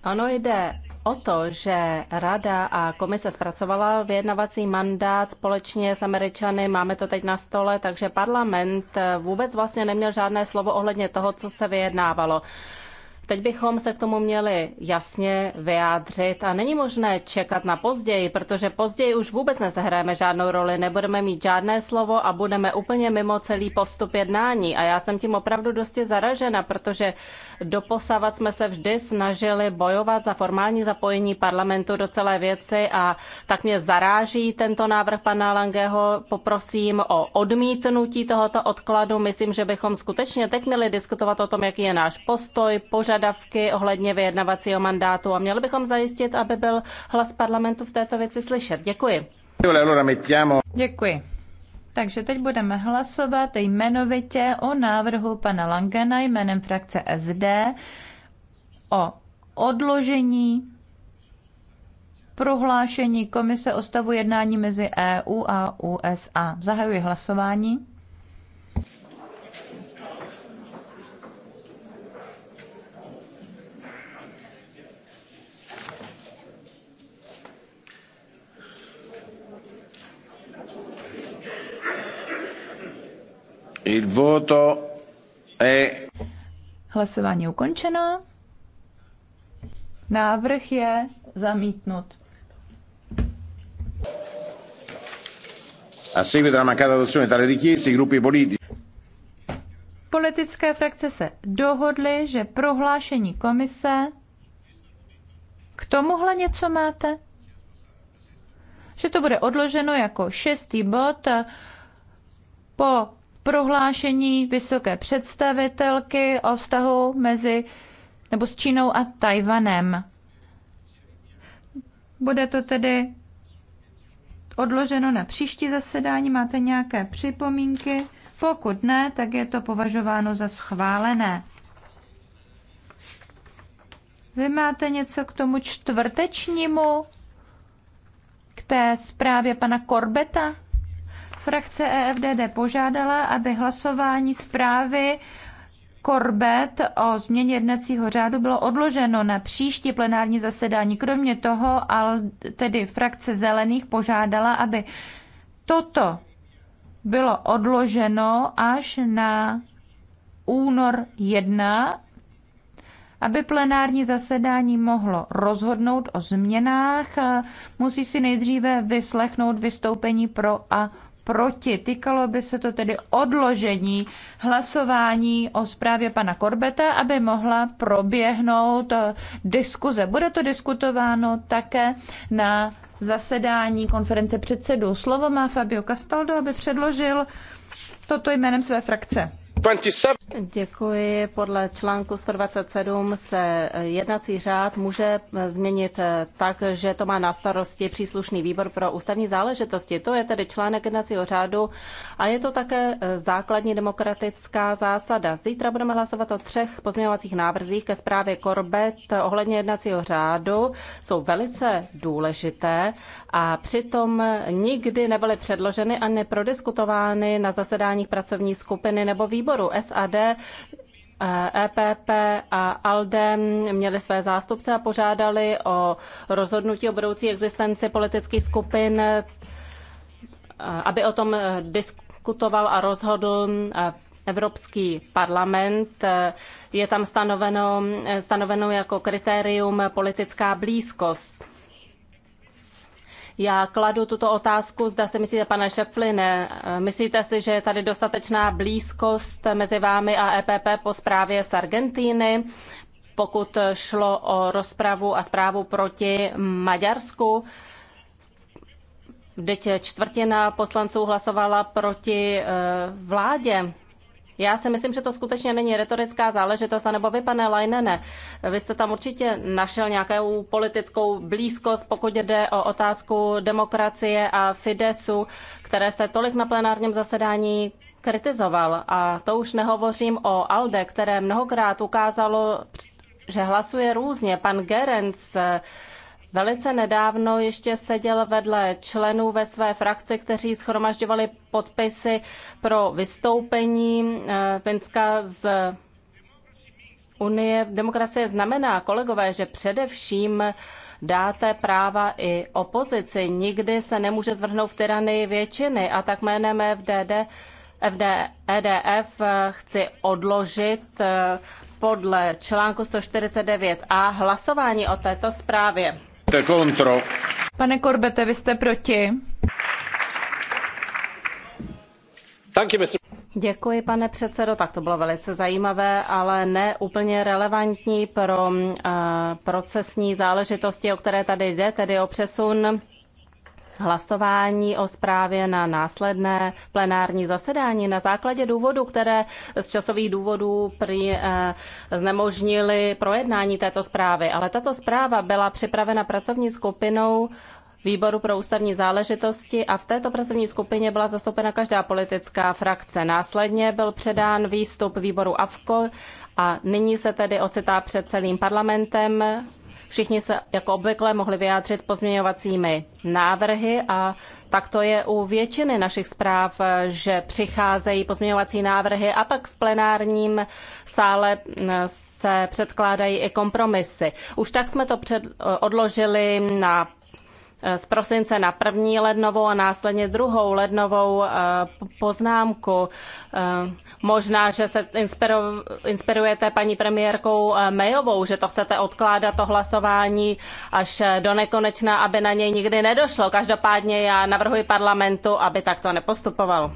Ano, jde o to, že Rada a komise zpracovala vyjednavací mandát společně s Američany, máme to teď na stole, takže parlament vůbec vlastně neměl žádné slovo ohledně toho, co se vyjednávalo. Teď bychom se k tomu měli jasně vyjádřit a není možné čekat na později, protože později už vůbec nezahrajeme žádnou roli, nebudeme mít žádné slovo a budeme úplně mimo celý postup jednání. A já jsem tím opravdu dosti zaražena, protože doposavat jsme se vždy snažili bojovat za formální zapojení parlamentu do celé věci a tak mě zaráží tento návrh pana Langeho. Poprosím o odmítnutí tohoto odkladu. Myslím, že bychom skutečně teď měli diskutovat o tom, jaký je náš postoj, pořad požadavky ohledně vyjednavacího mandátu a měli bychom zajistit, aby byl hlas parlamentu v této věci slyšet. Děkuji. Děkuji. Takže teď budeme hlasovat jmenovitě o návrhu pana Langena jménem frakce SD o odložení prohlášení Komise o stavu jednání mezi EU a USA. Zahajuji hlasování. Il voto è... Hlasování ukončeno. Návrh je zamítnut. A seguito della mancata adozione tale richiesta, i gruppi politici. Politické frakce se dohodly, že prohlášení komise k tomuhle něco máte? Že to bude odloženo jako šestý bod po prohlášení vysoké představitelky o vztahu mezi nebo s Čínou a Tajvanem. Bude to tedy odloženo na příští zasedání. Máte nějaké připomínky? Pokud ne, tak je to považováno za schválené. Vy máte něco k tomu čtvrtečnímu, k té zprávě pana Korbeta? Frakce EFDD požádala, aby hlasování zprávy Korbet o změně jednacího řádu bylo odloženo na příští plenární zasedání. Kromě toho, ale tedy frakce zelených požádala, aby toto bylo odloženo až na únor 1, aby plenární zasedání mohlo rozhodnout o změnách, musí si nejdříve vyslechnout vystoupení pro a proti. Týkalo by se to tedy odložení hlasování o zprávě pana Korbeta, aby mohla proběhnout eh, diskuze. Bude to diskutováno také na zasedání konference předsedů. Slovo má Fabio Castaldo, aby předložil toto jménem své frakce. Děkuji. Podle článku 127 se jednací řád může změnit tak, že to má na starosti příslušný výbor pro ústavní záležitosti. To je tedy článek jednacího řádu a je to také základní demokratická zásada. Zítra budeme hlasovat o třech pozměňovacích návrzích ke zprávě Korbet ohledně jednacího řádu. Jsou velice důležité a přitom nikdy nebyly předloženy a neprodiskutovány na zasedáních pracovní skupiny nebo výboru výboru SAD EPP a ALDE eh, měli své zástupce a požádali o rozhodnutí o budoucí existenci politických skupin, eh, aby o tom eh, diskutoval a rozhodl Evropský parlament. Je tam stanoveno, stanoveno jako kritérium politická blízkost. Já kladu tuto otázku, zda si myslíte, pane Šeflin, myslíte si, že je tady dostatečná blízkost mezi vámi a EPP po zprávě z Argentíny, pokud šlo o rozpravu a zprávu proti Maďarsku? Teď čtvrtina poslanců hlasovala proti eh, vládě. Já si myslím, že to skutečně není retorická záležitost, anebo vy, pane Lajnene, vy jste tam určitě našel nějakou politickou blízkost, pokud jde o otázku demokracie a Fidesu, které jste tolik na plenárním zasedání kritizoval. A to už nehovořím o ALDE, které mnohokrát ukázalo, že hlasuje různě. Pan Gerenc Velice nedávno ještě seděl vedle členů ve své frakci, kteří schromažďovali podpisy pro vystoupení eh, Finska z Unie. Demokracie znamená, kolegové, že především dáte práva i opozici. Nikdy se nemůže zvrhnout v tyranii většiny a tak jménem FDD, FD, EDF eh, chci odložit eh, podle článku 149a hlasování o této zprávě. Pane Korbete, vy jste proti. Děkuji, pane předsedo. Tak to bylo velice zajímavé, ale ne úplně relevantní pro eh, procesní záležitosti, o které tady jde, tedy o přesun hlasování o zprávě na následné plenární zasedání na základě důvodu, které z časových důvodů prý, eh, znemožnili projednání této zprávy. Ale tato zpráva byla připravena pracovní skupinou výboru pro ústavní záležitosti a v této pracovní skupině byla zastoupena každá politická frakce. Následně byl předán výstup výboru AFKO a nyní se tedy ocitá před celým parlamentem Všichni se jako obvykle mohli vyjádřit pozměňovacími návrhy a tak to je u většiny našich zpráv, že přicházejí pozměňovací návrhy a pak v plenárním sále mm, se předkládají i kompromisy. Už tak jsme to před, eh, odložili na Eh, z prosince na první lednovou a následně druhou lednovou eh, poznámku. Eh, možná, že se inspirujete paní premiérkou Mayovou, že to chcete odkládat to hlasování až do nekonečna, aby na něj nikdy nedošlo. Každopádně já navrhuji parlamentu, aby takto nepostupoval.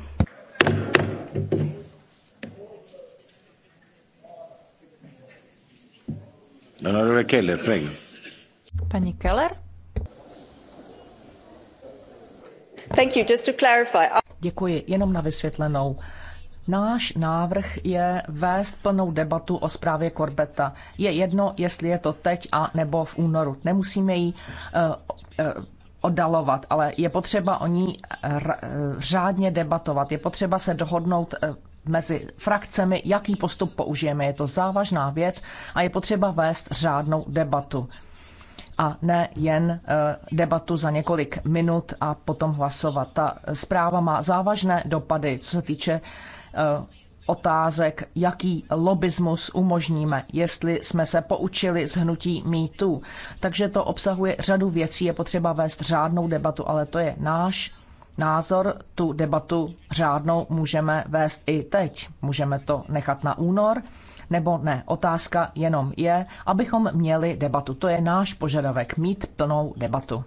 Paní Keller, Thank you. Just to clarify. Děkuji, jenom na vysvětlenou. Náš návrh je vést plnou debatu o zprávě Korbeta. Je jedno, jestli je to teď a nebo v únoru. Nemusíme ji eh, eh, oddalovat, ale je potřeba o ní eh, řádně debatovat. Je potřeba se dohodnout mezi frakcemi, jaký postup použijeme. Je to závažná věc a je potřeba vést řádnou debatu a ne jen eh, debatu za několik minut a potom hlasovat. Ta zpráva má závažné dopady, co se týče eh, otázek, jaký lobismus umožníme, jestli jsme se poučili z hnutí mýtů. Takže to obsahuje řadu věcí, je potřeba vést řádnou debatu, ale to je náš názor. Tu debatu řádnou můžeme vést i teď. Můžeme to nechat na únor nebo ne. Otázka jenom je, abychom měli debatu. To je náš požadavek, mít plnou debatu.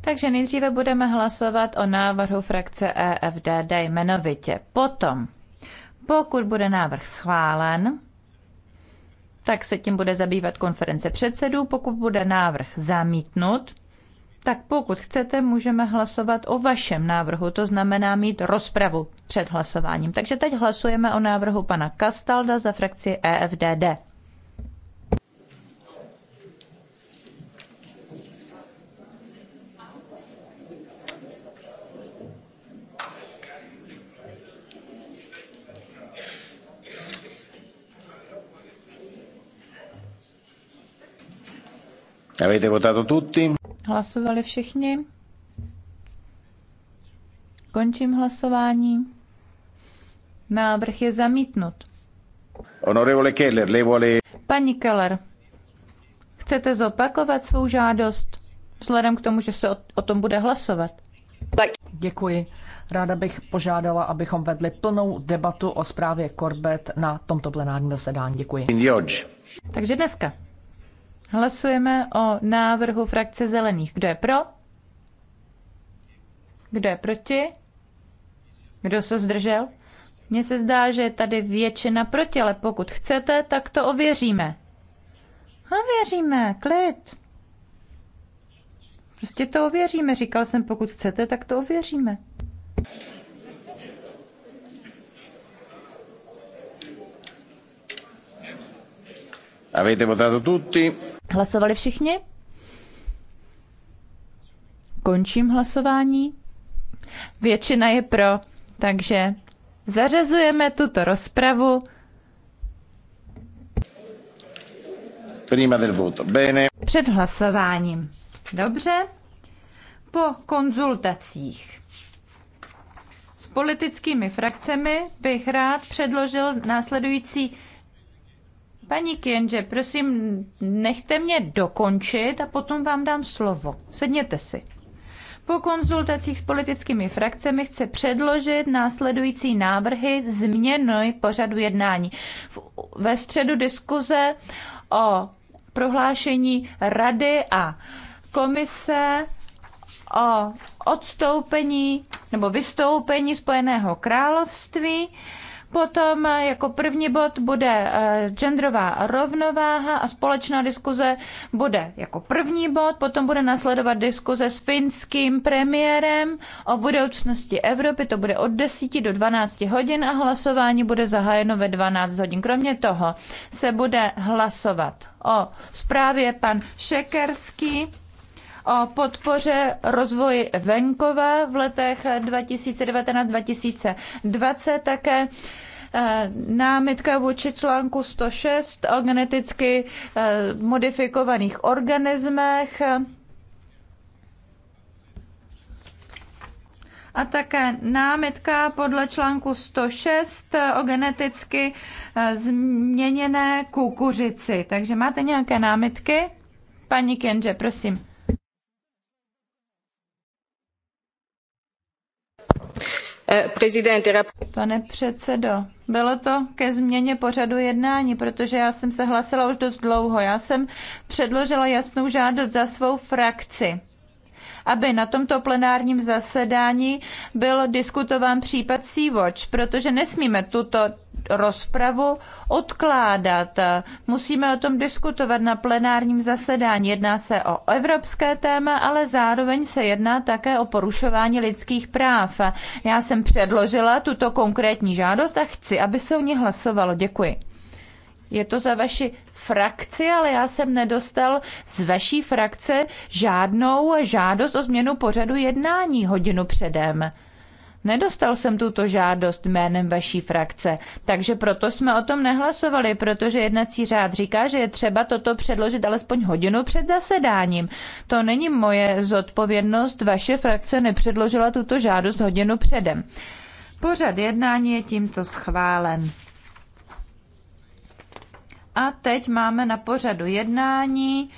Takže nejdříve budeme hlasovat o návrhu frakce EFDD jmenovitě. Potom, pokud bude návrh schválen, tak se tím bude zabývat konference předsedů. Pokud bude návrh zamítnut, tak pokud chcete, můžeme hlasovat o vašem návrhu, to znamená mít rozpravu před hlasováním. Takže teď hlasujeme o návrhu pana Kastalda za frakci EFDD. Avete votato tutti? Hlasovali všichni. Končím hlasování. Návrh je zamítnut. Honorevole Keller, le vole... Paní Keller, chcete zopakovat svou žádost? Vzhledem k tomu, že se o, o tom bude hlasovat. Děkuji. Ráda bych požádala, abychom vedli plnou debatu o zprávě Korbet na tomto plenárním zasedání. Děkuji. Takže dneska. Hlasujeme o návrhu frakce zelených. Kdo je pro? Kdo je proti? Kdo se zdržel? Mně se zdá, že je tady většina proti, ale pokud chcete, tak to ověříme. No, ověříme, klid. Prostě to ověříme. Říkal jsem, pokud chcete, tak to ověříme. Avete votato tutti? Hlasovali všichni? Končím hlasování. Většina je pro, takže zařazujeme tuto rozpravu. Prima del voto. Bene. Před hlasováním. Dobře. Po konzultacích s politickými frakcemi bych rád předložil následující Paní Kienže, prosím, nechte mě dokončit a potom vám dám slovo. Sedněte si. Po konzultacích s politickými frakcemi chce předložit následující návrhy změny pořadu jednání. V, ve středu diskuze o prohlášení rady a komise o odstoupení nebo vystoupení Spojeného království Potom eh, jako první bod bude eh, genderová rovnováha a společná diskuze bude jako první bod, potom bude následovat diskuze s finským premiérem o budoucnosti Evropy, to bude od 10 do 12 hodin a hlasování bude zahájeno ve 12 hodin. Kromě toho se bude hlasovat o zprávě pan Šekerský, o podpoře rozvoji venkova v letech 2019-2020 také eh, námitka vůči článku 106 o geneticky eh, modifikovaných organismech a také námitka podle článku 106 o geneticky eh, změněné kukuřici. Takže máte nějaké námitky? Paní Kenže, prosím. Eh, Pane předsedo, bylo to ke změně pořadu jednání, protože já jsem se hlasila už dost dlouho. Já jsem předložila jasnou žádost za svou frakci aby na tomto plenárním zasedání byl diskutován případ Sea Watch, protože nesmíme tuto rozpravu odkládat. Musíme o tom diskutovat na plenárním zasedání. Jedná se o evropské téma, ale zároveň se jedná také o porušování lidských práv. Já jsem předložila tuto konkrétní žádost a chci, aby se o ní hlasovalo. Děkuji. Je to za vaši frakci, ale já jsem nedostal z vaší frakce žádnou žádost o změnu pořadu jednání hodinu předem. Nedostal jsem tuto žádost jménem vaší frakce, takže proto jsme o tom nehlasovali, protože jednací řád říká, že je třeba toto předložit alespoň hodinu před zasedáním. To není moje zodpovědnost, vaše frakce nepředložila tuto žádost hodinu předem. Pořad jednání je tímto schválen. A teď máme na pořadu jednání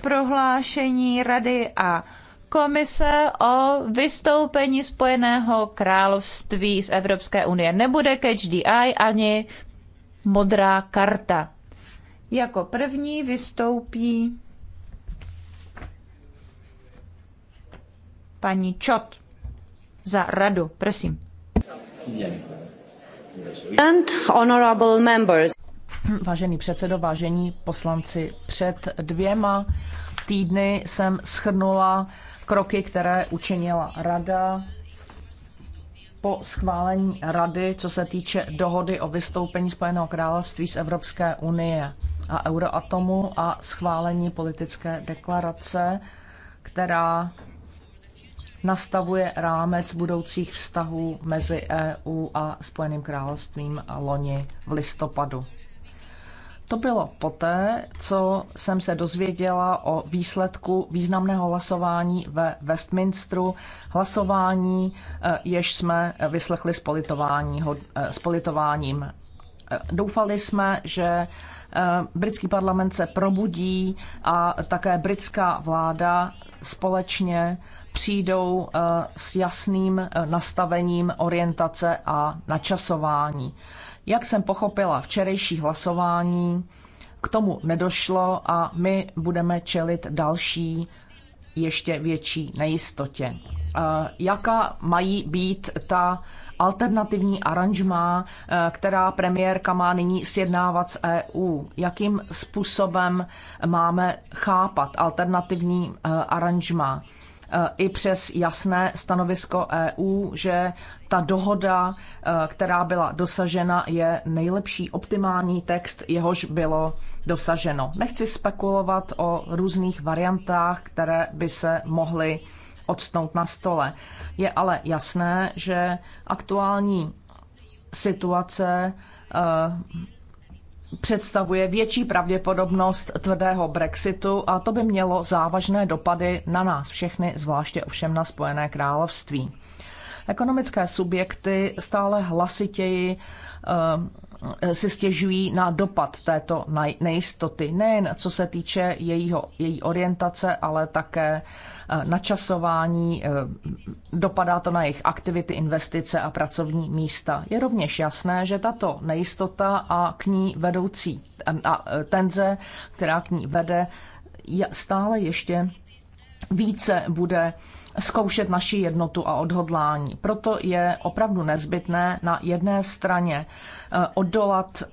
prohlášení Rady a komise o vystoupení Spojeného království z Evropské unie. Nebude catch the eye ani modrá karta. Jako první vystoupí paní Čot za radu. Prosím. And honorable members. Vážený předsedo, vážení poslanci, před dvěma týdny jsem schrnula kroky, které učinila Rada po schválení Rady, co se týče dohody o vystoupení Spojeného království z Evropské unie a Euroatomu a schválení politické deklarace, která nastavuje rámec budoucích vztahů mezi EU a Spojeným královstvím loni v listopadu. To bylo poté, co jsem se dozvěděla o výsledku významného hlasování ve Westminsteru, hlasování, eh, jež jsme vyslechli s, eh, s politováním. Eh, doufali jsme, že britský parlament se probudí a také britská vláda společně přijdou s jasným nastavením orientace a načasování. Jak jsem pochopila včerejší hlasování, k tomu nedošlo a my budeme čelit další ještě větší nejistotě. Eh, jaká mají být ta alternativní aranžma, eh, která premiérka má nyní sjednávat s EU? Jakým způsobem máme chápat alternativní eh, aranžma? i přes jasné stanovisko EU, že ta dohoda, e, která byla dosažena, je nejlepší optimální text, jehož bylo dosaženo. Nechci spekulovat o různých variantách, které by se mohly odstnout na stole. Je ale jasné, že aktuální situace e, představuje větší pravděpodobnost tvrdého Brexitu a to by mělo závažné dopady na nás všechny, zvláště ovšem na Spojené království. Ekonomické subjekty stále hlasitěji eh, Eh, si stěžují na dopad této nejistoty, nejen co se týče jejího, její orientace, ale také eh, načasování, eh, dopadá to na jejich aktivity, investice a pracovní místa. Je rovněž jasné, že tato nejistota a k ní vedoucí a tenze, která k ní vede, stále ještě více bude zkoušet naši jednotu a odhodlání. Proto je opravdu nezbytné na jedné straně eh, odolat eh,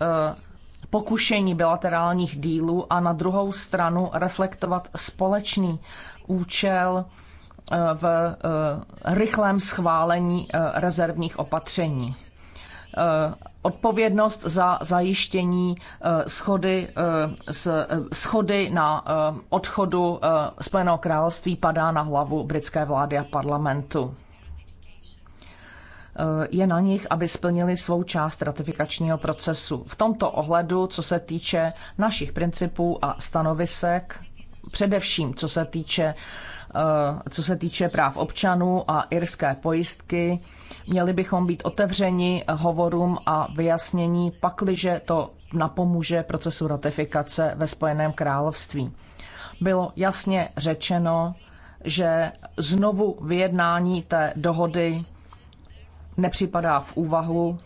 pokušení bilaterálních dílů a na druhou stranu reflektovat společný účel eh, v rychlém schválení rezervních opatření odpovědnost za zajištění eh, schody, eh, eh, schody na odchodu Spojeného království padá na hlavu britské vlády a parlamentu. Je na nich, aby splnili svou část ratifikačního procesu. V tomto ohledu, co se týče našich principů a stanovisek, především co se týče uh, Eh, co se týče práv občanů a irské pojistky, měli bychom být otevřeni hovorům a vyjasnění, pakliže to napomůže procesu ratifikace ve Spojeném království. Bylo jasně řečeno, že znovu vyjednání té dohody nepřipadá v úvahu.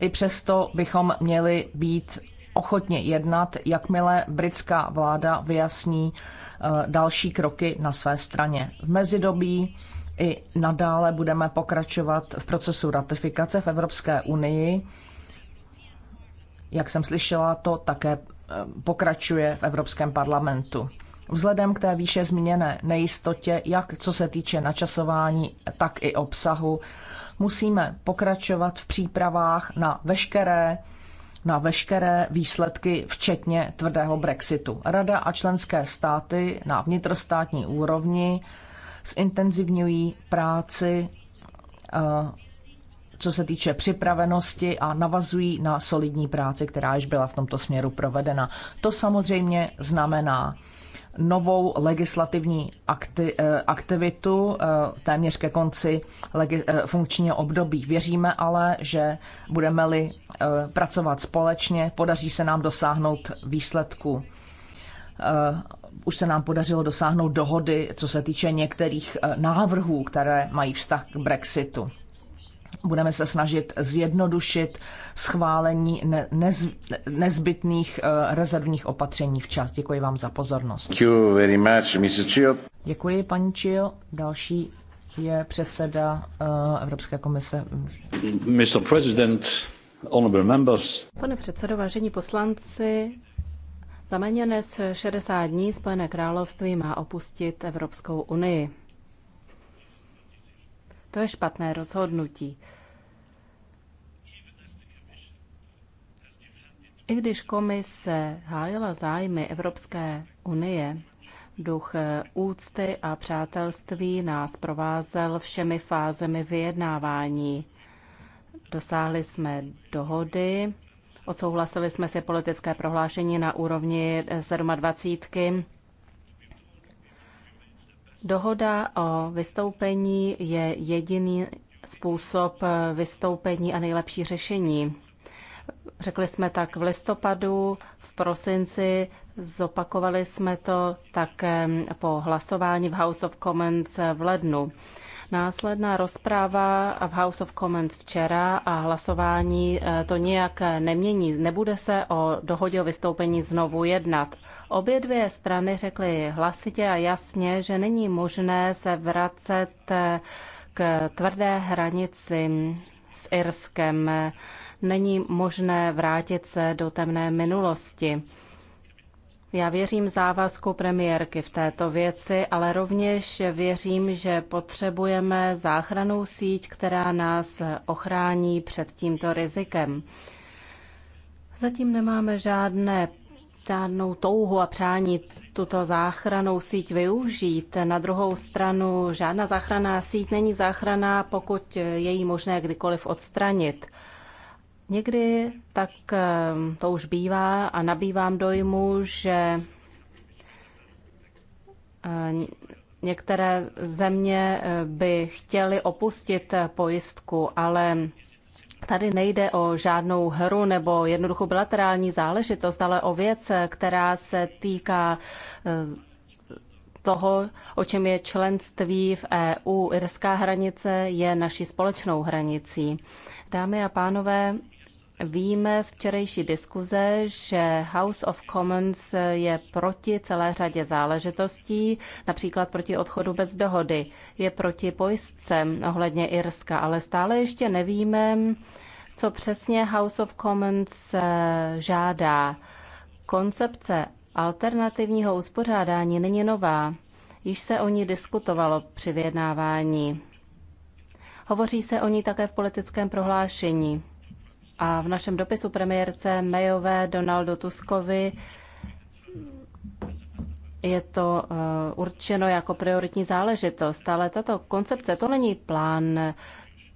I přesto bychom měli být ochotně jednat, jakmile britská vláda vyjasní Eh, další kroky na své straně. V mezidobí i nadále budeme pokračovat v procesu ratifikace v Evropské unii. Jak jsem slyšela, to také eh, pokračuje v Evropském parlamentu. Vzhledem k té výše zmíněné nejistotě, jak co se týče načasování, tak i obsahu, musíme pokračovat v přípravách na veškeré na veškeré výsledky, včetně tvrdého Brexitu. Rada a členské státy na vnitrostátní úrovni zintenzivňují práci eh, co se týče připravenosti a navazují na solidní práci, která již byla v tomto směru provedena. To samozřejmě znamená novou legislativní akti, eh, aktivitu eh, téměř ke konci eh, funkčního období. Věříme ale, že budeme-li pracovat společně, podaří se nám dosáhnout výsledku. Už se nám podařilo dosáhnout dohody, co se týče některých návrhů, které mají vztah k Brexitu. Budeme se snažit zjednodušit schválení nez, nezbytných eh, rezervních opatření včas. Děkuji vám za pozornost. Děkuji, paní Chil. Další je předseda eh, Evropské komise. Mr. President, honorable members. Pane předsedo, vážení poslanci, zaměněné z 60 dní Spojené království má opustit Evropskou unii. To je špatné rozhodnutí. I když komise hájila zájmy Evropské unie, duch úcty a přátelství nás provázel všemi fázemi vyjednávání. Dosáhli jsme dohody, odsouhlasili jsme si politické prohlášení na úrovni 27 Dohoda o vystoupení je jediný způsob vystoupení a nejlepší řešení. Řekli jsme tak v listopadu, v prosinci, zopakovali jsme to také po hlasování v House of Commons v lednu. Následná rozpráva v House of Commons včera a hlasování eh, to nijak nemění. Nebude se o dohodě o vystoupení znovu jednat. Obě dvě strany řekly hlasitě a jasně, že není možné se vracet eh, k tvrdé hranici s Irskem. Není možné vrátit se do temné minulosti. Já věřím závazku premiérky v této věci, ale rovněž věřím, že potřebujeme záchranou síť, která nás ochrání před tímto rizikem. Zatím nemáme žádné žádnou touhu a přání tuto záchranou síť využít. Na druhou stranu žádná záchranná síť není záchranná, pokud je ji možné kdykoliv odstranit. Někdy tak ehm, to už bývá a nabývám dojmu, že ehm, některé země eh, by chtěly opustit pojistku, ale Tady nejde o žádnou hru nebo jednoduchou bilaterální záležitost, ale o věc, eh, která se týká eh, toho, o čem je členství v EU. Irská hranice je naší společnou hranicí. Dámy a pánové, Víme z včerejší diskuze, že House of Commons je proti celé řadě záležitostí, například proti odchodu bez dohody, je proti pojistcem ohledně Irska, ale stále ještě nevíme, co přesně House of Commons eh, žádá. Koncepce alternativního uspořádání není nová. Již se o ní diskutovalo při vyjednávání. Hovoří se o ní také v politickém prohlášení. A v našem dopisu premiérce Mayové Donaldu Tuskovi je to eh, určeno jako prioritní záležitost, ale tato koncepce to není plán,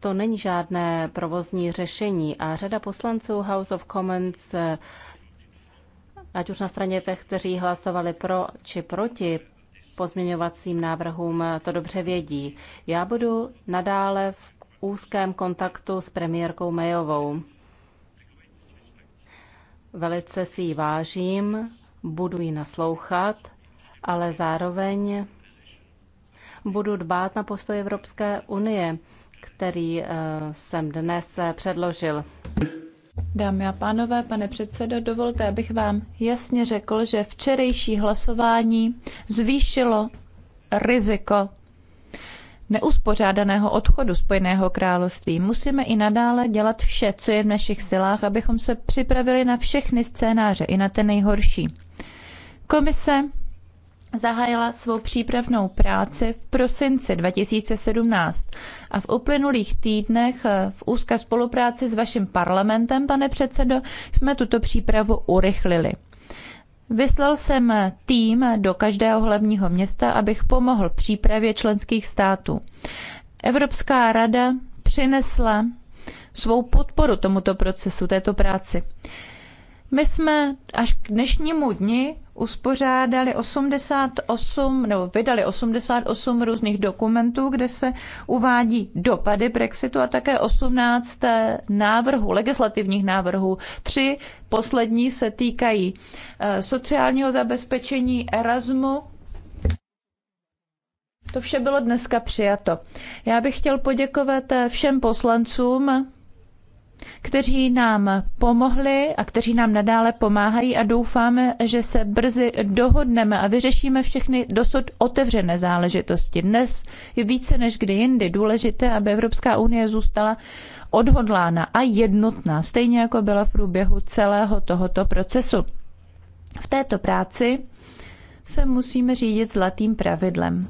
to není žádné provozní řešení a řada poslanců House of Commons eh, ať už na straně těch, kteří hlasovali pro či proti pozměňovacím návrhům, eh, to dobře vědí. Já budu nadále v úzkém kontaktu s premiérkou Mayovou velice si ji vážím, budu ji naslouchat, ale zároveň budu dbát na postoj Evropské unie, který eh, jsem dnes eh, předložil. Dámy a pánové, pane předsedo, dovolte, abych vám jasně řekl, že včerejší hlasování zvýšilo riziko neuspořádaného odchodu Spojeného království musíme i nadále dělat vše, co je v našich silách, abychom se připravili na všechny scénáře, i na ten nejhorší. Komise zahájila svou přípravnou práci v prosinci 2017 a v uplynulých týdnech eh, v úzké spolupráci s vaším parlamentem, pane předsedo, jsme tuto přípravu urychlili. Vyslal jsem tým do každého hlavního města, abych pomohl přípravě členských států. Evropská rada přinesla svou podporu tomuto procesu, této práci. My jsme až k dnešnímu dni uspořádali 88 nebo vydali 88 různých dokumentů, kde se uvádí dopady Brexitu a také 18 návrhů, legislativních návrhů. Tři poslední se týkají eh, sociálního zabezpečení Erasmu, to vše bylo dneska přijato. Já bych chtěl poděkovat eh, všem poslancům, kteří nám pomohli a kteří nám nadále pomáhají a doufáme, že se brzy dohodneme a vyřešíme všechny dosud otevřené záležitosti. Dnes je více než kdy jindy důležité, aby Evropská unie zůstala odhodlána a jednotná, stejně jako byla v průběhu celého tohoto procesu. V této práci se musíme řídit zlatým pravidlem.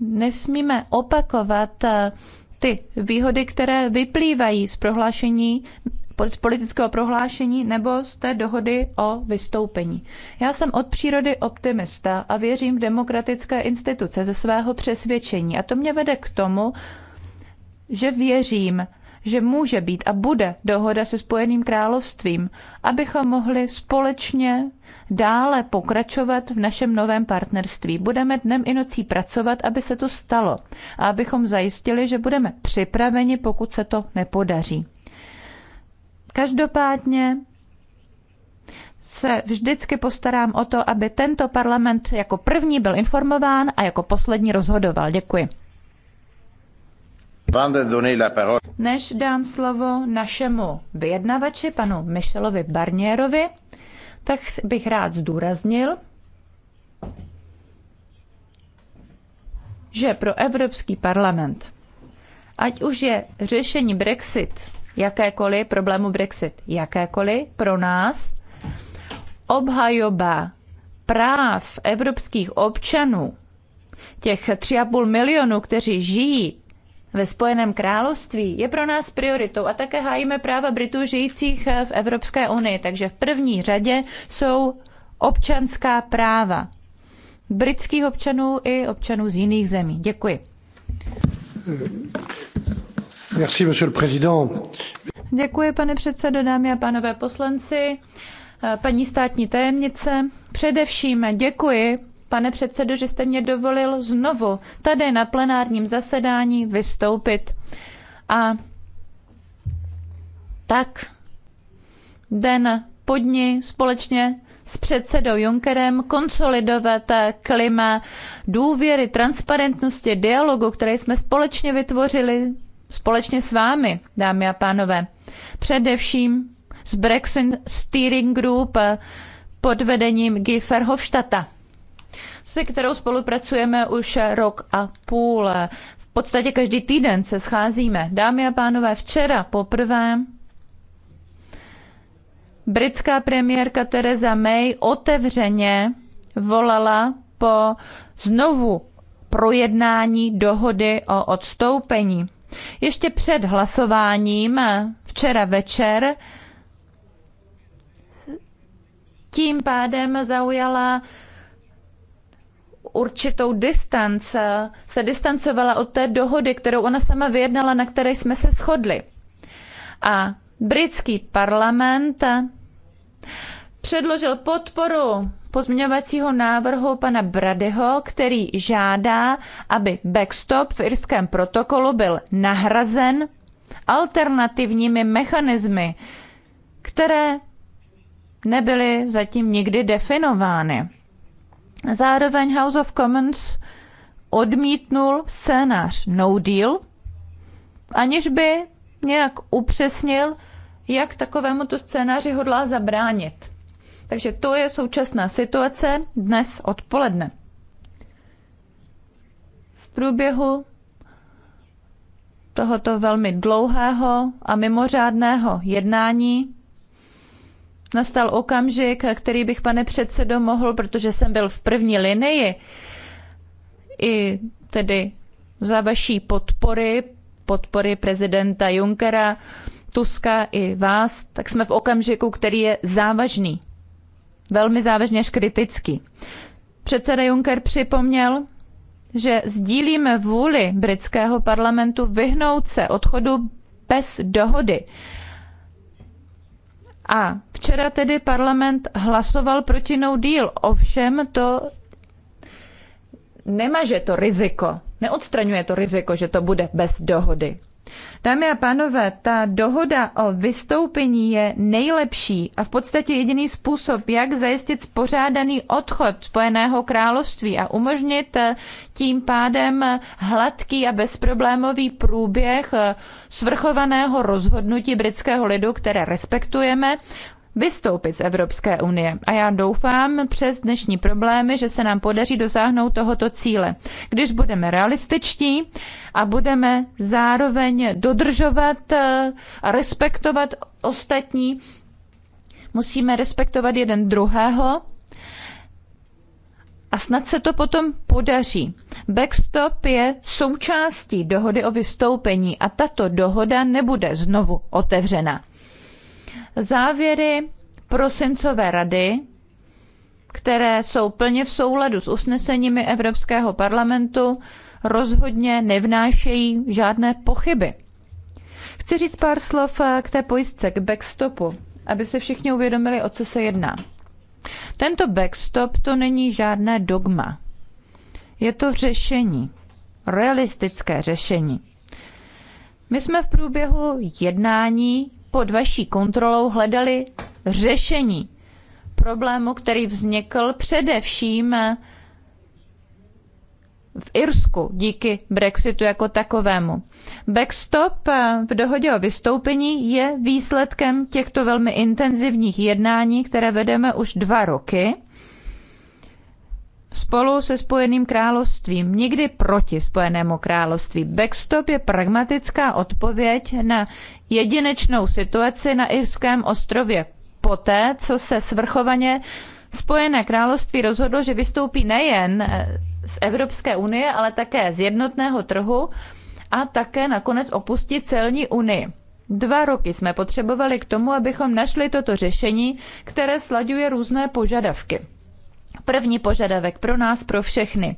nesmíme opakovat eh, ty výhody, které vyplývají z prohlášení z politického prohlášení nebo z té dohody o vystoupení. Já jsem od přírody optimista a věřím v demokratické instituce ze svého přesvědčení. A to mě vede k tomu, že věřím, že může být a bude dohoda se Spojeným královstvím, abychom mohli společně dále pokračovat v našem novém partnerství. Budeme dnem i nocí pracovat, aby se to stalo a abychom zajistili, že budeme připraveni, pokud se to nepodaří. Každopádně se vždycky postarám o to, aby tento parlament jako první byl informován a jako poslední rozhodoval. Děkuji. Než dám slovo našemu vyjednavači, panu Michelovi Barnierovi, tak bych rád zdůraznil, že pro Evropský parlament, ať už je řešení Brexit jakékoliv, problému Brexit jakékoliv, pro nás obhajoba práv evropských občanů, těch 3,5 milionů, kteří žijí ve Spojeném království je pro nás prioritou a také hájíme práva Britů žijících eh, v Evropské unii. Takže v první řadě jsou občanská práva britských občanů i občanů z jiných zemí. Děkuji. Merci, monsieur le président. Děkuji, pane předsedo, dámy a pánové poslanci, eh, paní státní tajemnice. Především děkuji pane předsedo, že jste mě dovolil znovu tady na plenárním zasedání vystoupit. A tak den pod ní společně s předsedou Junckerem konsolidovat klima důvěry, transparentnosti, dialogu, který jsme společně vytvořili společně s vámi, dámy a pánové. Především z Brexit Steering Group pod vedením Giffer Hofstadta se kterou spolupracujeme už rok a půl. V podstatě každý týden se scházíme. Dámy a pánové, včera poprvé britská premiérka Theresa May otevřeně volala po znovu projednání dohody o odstoupení. Ještě před hlasováním včera večer tím pádem zaujala určitou distanc, se distancovala od té dohody, kterou ona sama vyjednala, na které jsme se shodli. A britský parlament předložil podporu pozměňovacího návrhu pana Bradyho, který žádá, aby backstop v irském protokolu byl nahrazen alternativními mechanismy, které nebyly zatím nikdy definovány. Zároveň House of Commons odmítnul scénář no deal, aniž by nějak upřesnil, jak takovému to scénáři hodlá zabránit. Takže to je současná situace dnes odpoledne. V průběhu tohoto velmi dlouhého a mimořádného jednání nastal okamžik, který bych, pane předsedo, mohl, protože jsem byl v první linii, i tedy za vaší podpory, podpory prezidenta Junckera, Tuska i vás, tak jsme v okamžiku, který je závažný. Velmi závažně až kritický. Předseda Juncker připomněl, že sdílíme vůli britského parlamentu vyhnout se odchodu bez dohody. A včera tedy parlament hlasoval proti no deal, ovšem to nemaže to riziko, neodstraňuje to riziko, že to bude bez dohody. Dámy a pánové, ta dohoda o vystoupení je nejlepší a v podstatě jediný způsob, jak zajistit spořádaný odchod Spojeného království a umožnit eh, tím pádem eh, hladký a bezproblémový průběh eh, svrchovaného rozhodnutí britského lidu, které respektujeme, vystoupit z Evropské unie. A já doufám přes dnešní problémy, že se nám podaří dosáhnout tohoto cíle. Když budeme realističtí a budeme zároveň dodržovat eh, a respektovat ostatní, musíme respektovat jeden druhého a snad se to potom podaří. Backstop je součástí dohody o vystoupení a tato dohoda nebude znovu otevřena závěry prosincové rady, které jsou plně v souladu s usneseními Evropského parlamentu, rozhodně nevnášejí žádné pochyby. Chci říct pár slov eh, k té pojistce, k backstopu, aby se všichni uvědomili, o co se jedná. Tento backstop to není žádné dogma. Je to řešení, realistické řešení. My jsme v průběhu jednání pod vaší kontrolou hledali řešení problému, který vznikl především eh, v Irsku díky Brexitu jako takovému. Backstop eh, v dohodě o vystoupení je výsledkem těchto velmi intenzivních jednání, které vedeme už dva roky spolu se Spojeným královstvím, nikdy proti Spojenému království. Backstop je pragmatická odpověď na jedinečnou situaci na Irském ostrově poté, co se svrchovaně Spojené království rozhodlo, že vystoupí nejen eh, z Evropské unie, ale také z jednotného trhu a také nakonec opustí celní unii. Dva roky jsme potřebovali k tomu, abychom našli toto řešení, které slaďuje různé požadavky. První požadavek pro nás, pro všechny,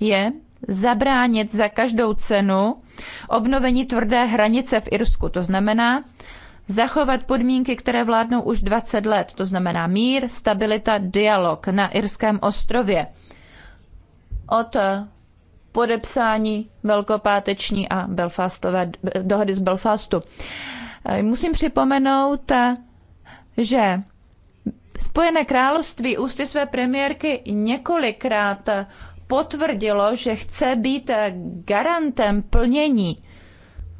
je zabránit za každou cenu obnovení tvrdé hranice v Irsku. To znamená zachovat podmínky, které vládnou už 20 let. To znamená mír, stabilita, dialog na Irském ostrově. Od podepsání velkopáteční a Belfastové, dohody z Belfastu. Musím připomenout, že Spojené království ústy své premiérky několikrát potvrdilo, že chce být garantem plnění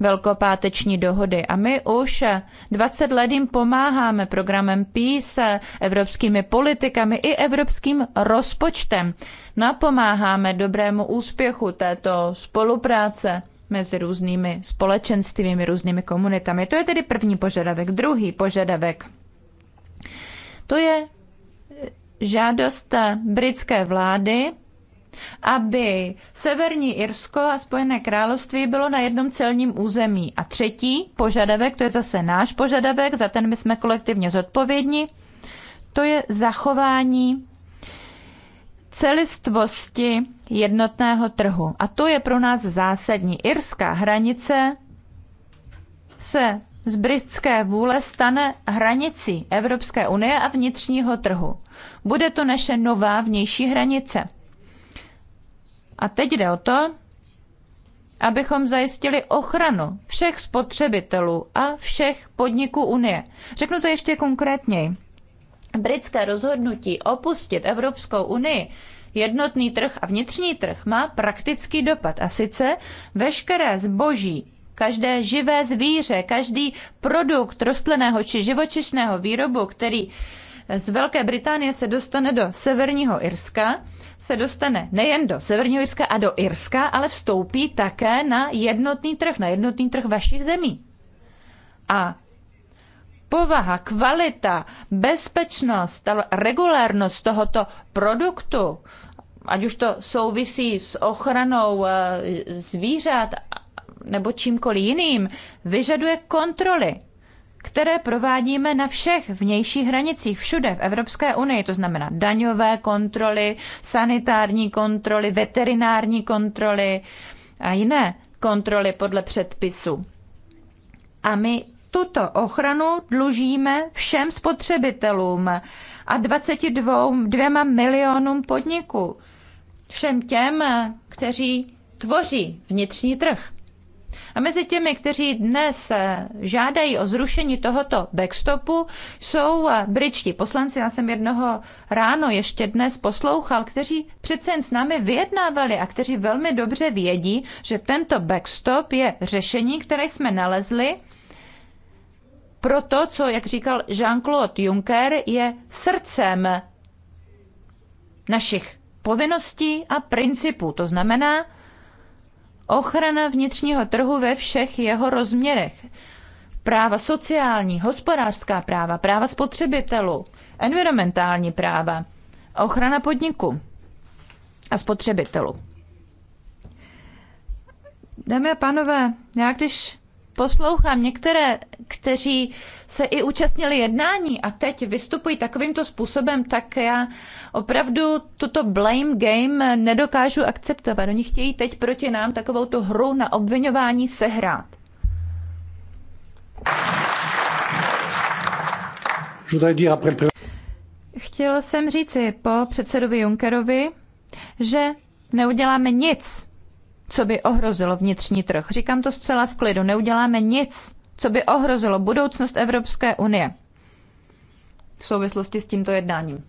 velkopáteční dohody. A my už 20 let jim pomáháme programem PEACE, evropskými politikami i evropským rozpočtem. Napomáháme dobrému úspěchu této spolupráce mezi různými společenstvími, různými komunitami. To je tedy první požadavek. Druhý požadavek – to je eh, žádost eh, britské vlády, aby Severní Irsko a Spojené království bylo na jednom celním území. A třetí požadavek, to je zase náš požadavek, za ten my jsme kolektivně zodpovědní, to je zachování celistvosti jednotného trhu. A to je pro nás zásadní. Irská hranice se z britské vůle stane hranicí Evropské unie a vnitřního trhu. Bude to naše nová vnější hranice. A teď jde o to, abychom zajistili ochranu všech spotřebitelů a všech podniků Unie. Řeknu to ještě konkrétněji. Britské rozhodnutí opustit Evropskou unii jednotný trh a vnitřní trh má praktický dopad a sice veškeré zboží každé živé zvíře, každý produkt rostlinného či živočišného výrobu, který z Velké Británie se dostane do Severního Irska, se dostane nejen do Severního Irska a do Irska, ale vstoupí také na jednotný trh, na jednotný trh vašich zemí. A povaha, kvalita, bezpečnost, regulérnost tohoto produktu, ať už to souvisí s ochranou eh, zvířat nebo čímkoliv jiným, vyžaduje kontroly, které provádíme na všech vnějších hranicích, všude v Evropské unii, to znamená daňové kontroly, sanitární kontroly, veterinární kontroly a jiné kontroly podle předpisu. A my tuto ochranu dlužíme všem spotřebitelům a 22 dvěma milionům podniků, všem těm, kteří tvoří vnitřní trh. A mezi těmi, kteří dnes eh, žádají o zrušení tohoto backstopu, jsou eh, britští poslanci. Já jsem jednoho ráno ještě dnes poslouchal, kteří přece jen s námi vyjednávali a kteří velmi dobře vědí, že tento backstop je řešení, které jsme nalezli pro to, co, jak říkal Jean-Claude Juncker, je srdcem našich povinností a principů. To znamená, ochrana vnitřního trhu ve všech jeho rozměrech. Práva sociální, hospodářská práva, práva spotřebitelů, environmentální práva, ochrana podniku a spotřebitelů. Dámy a pánové, já když poslouchám některé, kteří se i účastnili jednání a teď vystupují takovýmto způsobem, tak já opravdu toto blame game nedokážu akceptovat. Oni chtějí teď proti nám takovou tu hru na obvinování sehrát. Chtěl jsem říci po předsedovi Junkerovi, že neuděláme nic co by ohrozilo vnitřní trh. Říkám to zcela v klidu, neuděláme nic, co by ohrozilo budoucnost Evropské unie v souvislosti s tímto jednáním.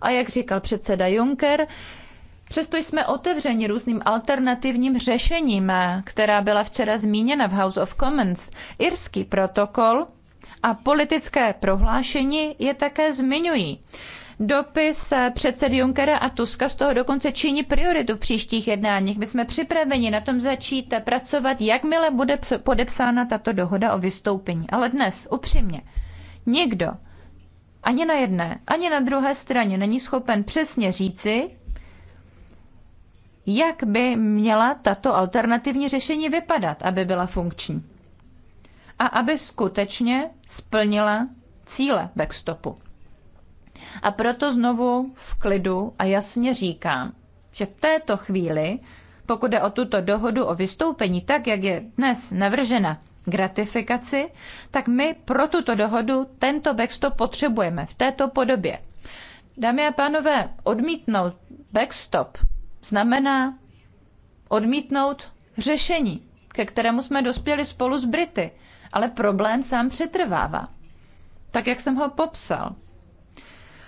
A jak říkal předseda Juncker, přesto jsme otevřeni různým alternativním řešením, která byla včera zmíněna v House of Commons. Irský protokol a politické prohlášení je také zmiňují. Dopis eh, předsedy Junckera a Tuska z toho dokonce činí prioritu v příštích jednáních. My jsme připraveni na tom začít pracovat, jakmile bude podepsána tato dohoda o vystoupení. Ale dnes, upřímně, nikdo ani na jedné, ani na druhé straně není schopen přesně říci, jak by měla tato alternativní řešení vypadat, aby byla funkční a aby skutečně splnila cíle backstopu. A proto znovu v klidu a jasně říkám, že v této chvíli, pokud je o tuto dohodu o vystoupení, tak jak je dnes navržena k ratifikaci, tak my pro tuto dohodu tento backstop potřebujeme v této podobě. Dámy a pánové, odmítnout backstop znamená odmítnout řešení, ke kterému jsme dospěli spolu s Brity, ale problém sám přetrvává. Tak, jak jsem ho popsal.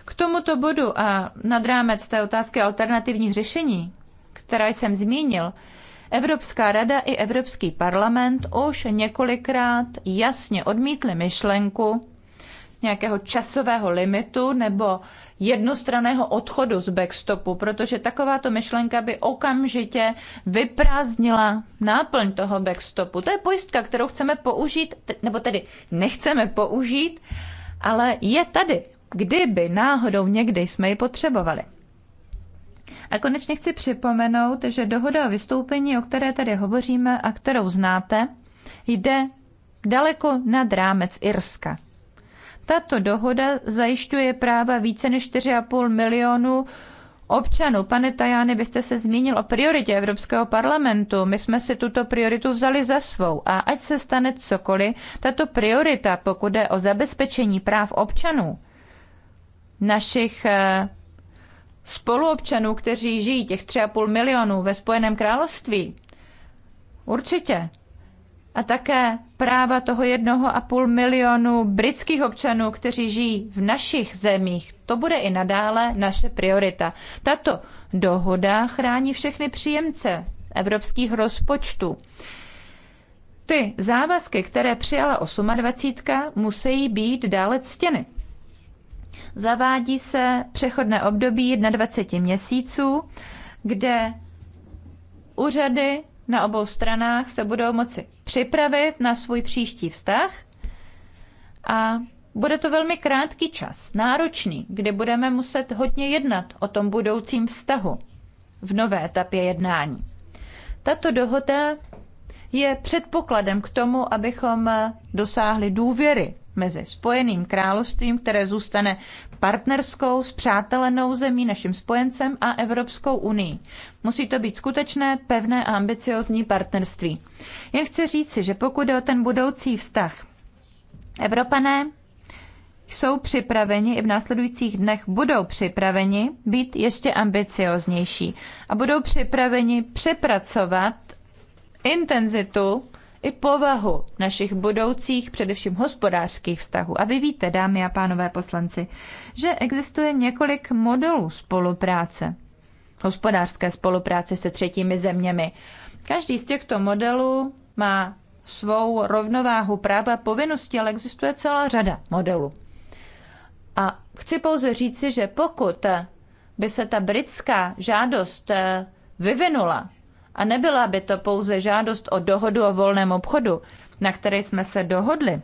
K tomuto bodu a nad rámec té otázky alternativních řešení, která jsem zmínil, Evropská rada i Evropský parlament už několikrát jasně odmítli myšlenku nějakého časového limitu nebo jednostraného odchodu z backstopu, protože takováto myšlenka by okamžitě vyprázdnila náplň toho backstopu. To je pojistka, kterou chceme použít, nebo tedy nechceme použít, ale je tady kdyby náhodou někdy jsme ji potřebovali. A konečně chci připomenout, že dohoda o vystoupení, o které tady hovoříme a kterou znáte, jde daleko nad rámec Irska. Tato dohoda zajišťuje práva více než 4,5 milionu občanů. Pane Tajány, vy jste se zmínil o prioritě Evropského parlamentu. My jsme si tuto prioritu vzali za svou a ať se stane cokoliv, tato priorita, pokud jde o zabezpečení práv občanů, našich eh, spoluobčanů, kteří žijí, těch 3,5 milionů ve Spojeném království. Určitě. A také práva toho jednoho a půl milionu britských občanů, kteří žijí v našich zemích. To bude i nadále naše priorita. Tato dohoda chrání všechny příjemce evropských rozpočtů. Ty závazky, které přijala 28, musí být dále ctěny. Zavádí se přechodné období 21 měsíců, kde úřady na obou stranách se budou moci připravit na svůj příští vztah a bude to velmi krátký čas, náročný, kdy budeme muset hodně jednat o tom budoucím vztahu v nové etapě jednání. Tato dohoda je předpokladem k tomu, abychom dosáhli důvěry mezi Spojeným královstvím, které zůstane partnerskou, spřátelenou zemí, naším spojencem a Evropskou unii. Musí to být skutečné, pevné a ambiciozní partnerství. Jen chci říci, že pokud jde o ten budoucí vztah, Evropané jsou připraveni i v následujících dnech budou připraveni být ještě ambicioznější a budou připraveni přepracovat intenzitu i povahu našich budoucích, především hospodářských vztahů. A vy víte, dámy a pánové poslanci, že existuje několik modelů spolupráce, hospodářské spolupráce se třetími zeměmi. Každý z těchto modelů má svou rovnováhu práva povinnosti, ale existuje celá řada modelů. A chci pouze říci, že pokud by se ta britská žádost eh, vyvinula a nebyla by to pouze žádost o dohodu o volném obchodu, na které jsme se dohodli,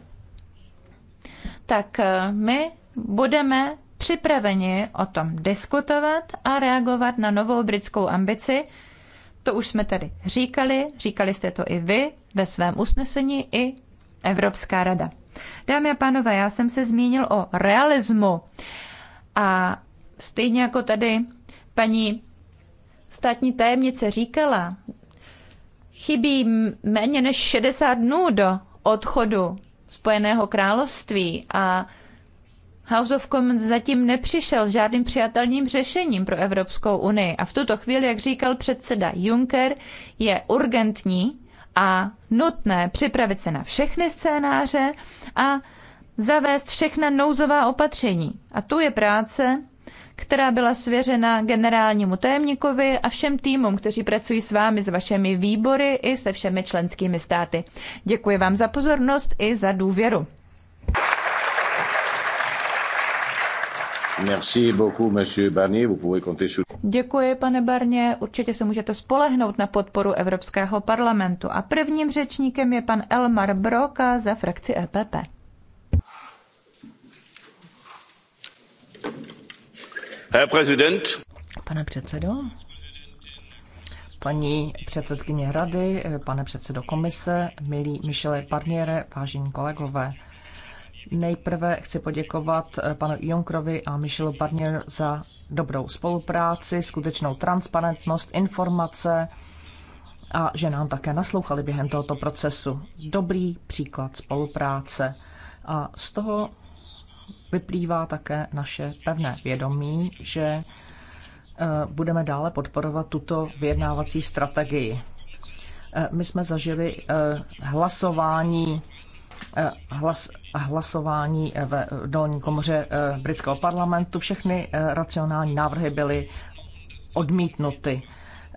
tak eh, my budeme připraveni o tom diskutovat a reagovat na novou britskou ambici. To už jsme tady říkali, říkali jste to i vy ve svém usnesení i Evropská rada. Dámy a pánové, já jsem se zmínil o realismu a stejně jako tady paní státní tajemnice říkala, chybí méně než 60 dnů do odchodu Spojeného království a House of Commons zatím nepřišel s žádným přijatelným řešením pro Evropskou unii. A v tuto chvíli, jak říkal předseda Juncker, je urgentní a nutné připravit se na všechny scénáře a zavést všechna nouzová opatření. A tu je práce která byla svěřena generálnímu tajemníkovi a všem týmům, kteří pracují s vámi, s vašemi výbory i se všemi členskými státy. Děkuji vám za pozornost i za důvěru. Merci beaucoup, monsieur Barnier. Vous pouvez compter sur... Děkuji, pane Barně. Určitě se můžete spolehnout na podporu Evropského parlamentu. A prvním řečníkem je pan Elmar Broka za frakci EPP. Pane předsedo. Paní předsedkyně rady, pane předsedo komise, milí Michele Barniere, vážení kolegové. Nejprve chci poděkovat eh, panu Jonkrovi a Michelu Barnier za dobrou spolupráci, skutečnou transparentnost, informace a že nám také naslouchali během tohoto procesu. Dobrý příklad spolupráce. A z toho vyplývá také naše pevné vědomí, že eh, budeme dále podporovat tuto vyjednávací strategii. Eh, my jsme zažili eh, hlasování hlas, hlasování ve dolní komoře britského parlamentu. Všechny racionální návrhy byly odmítnuty.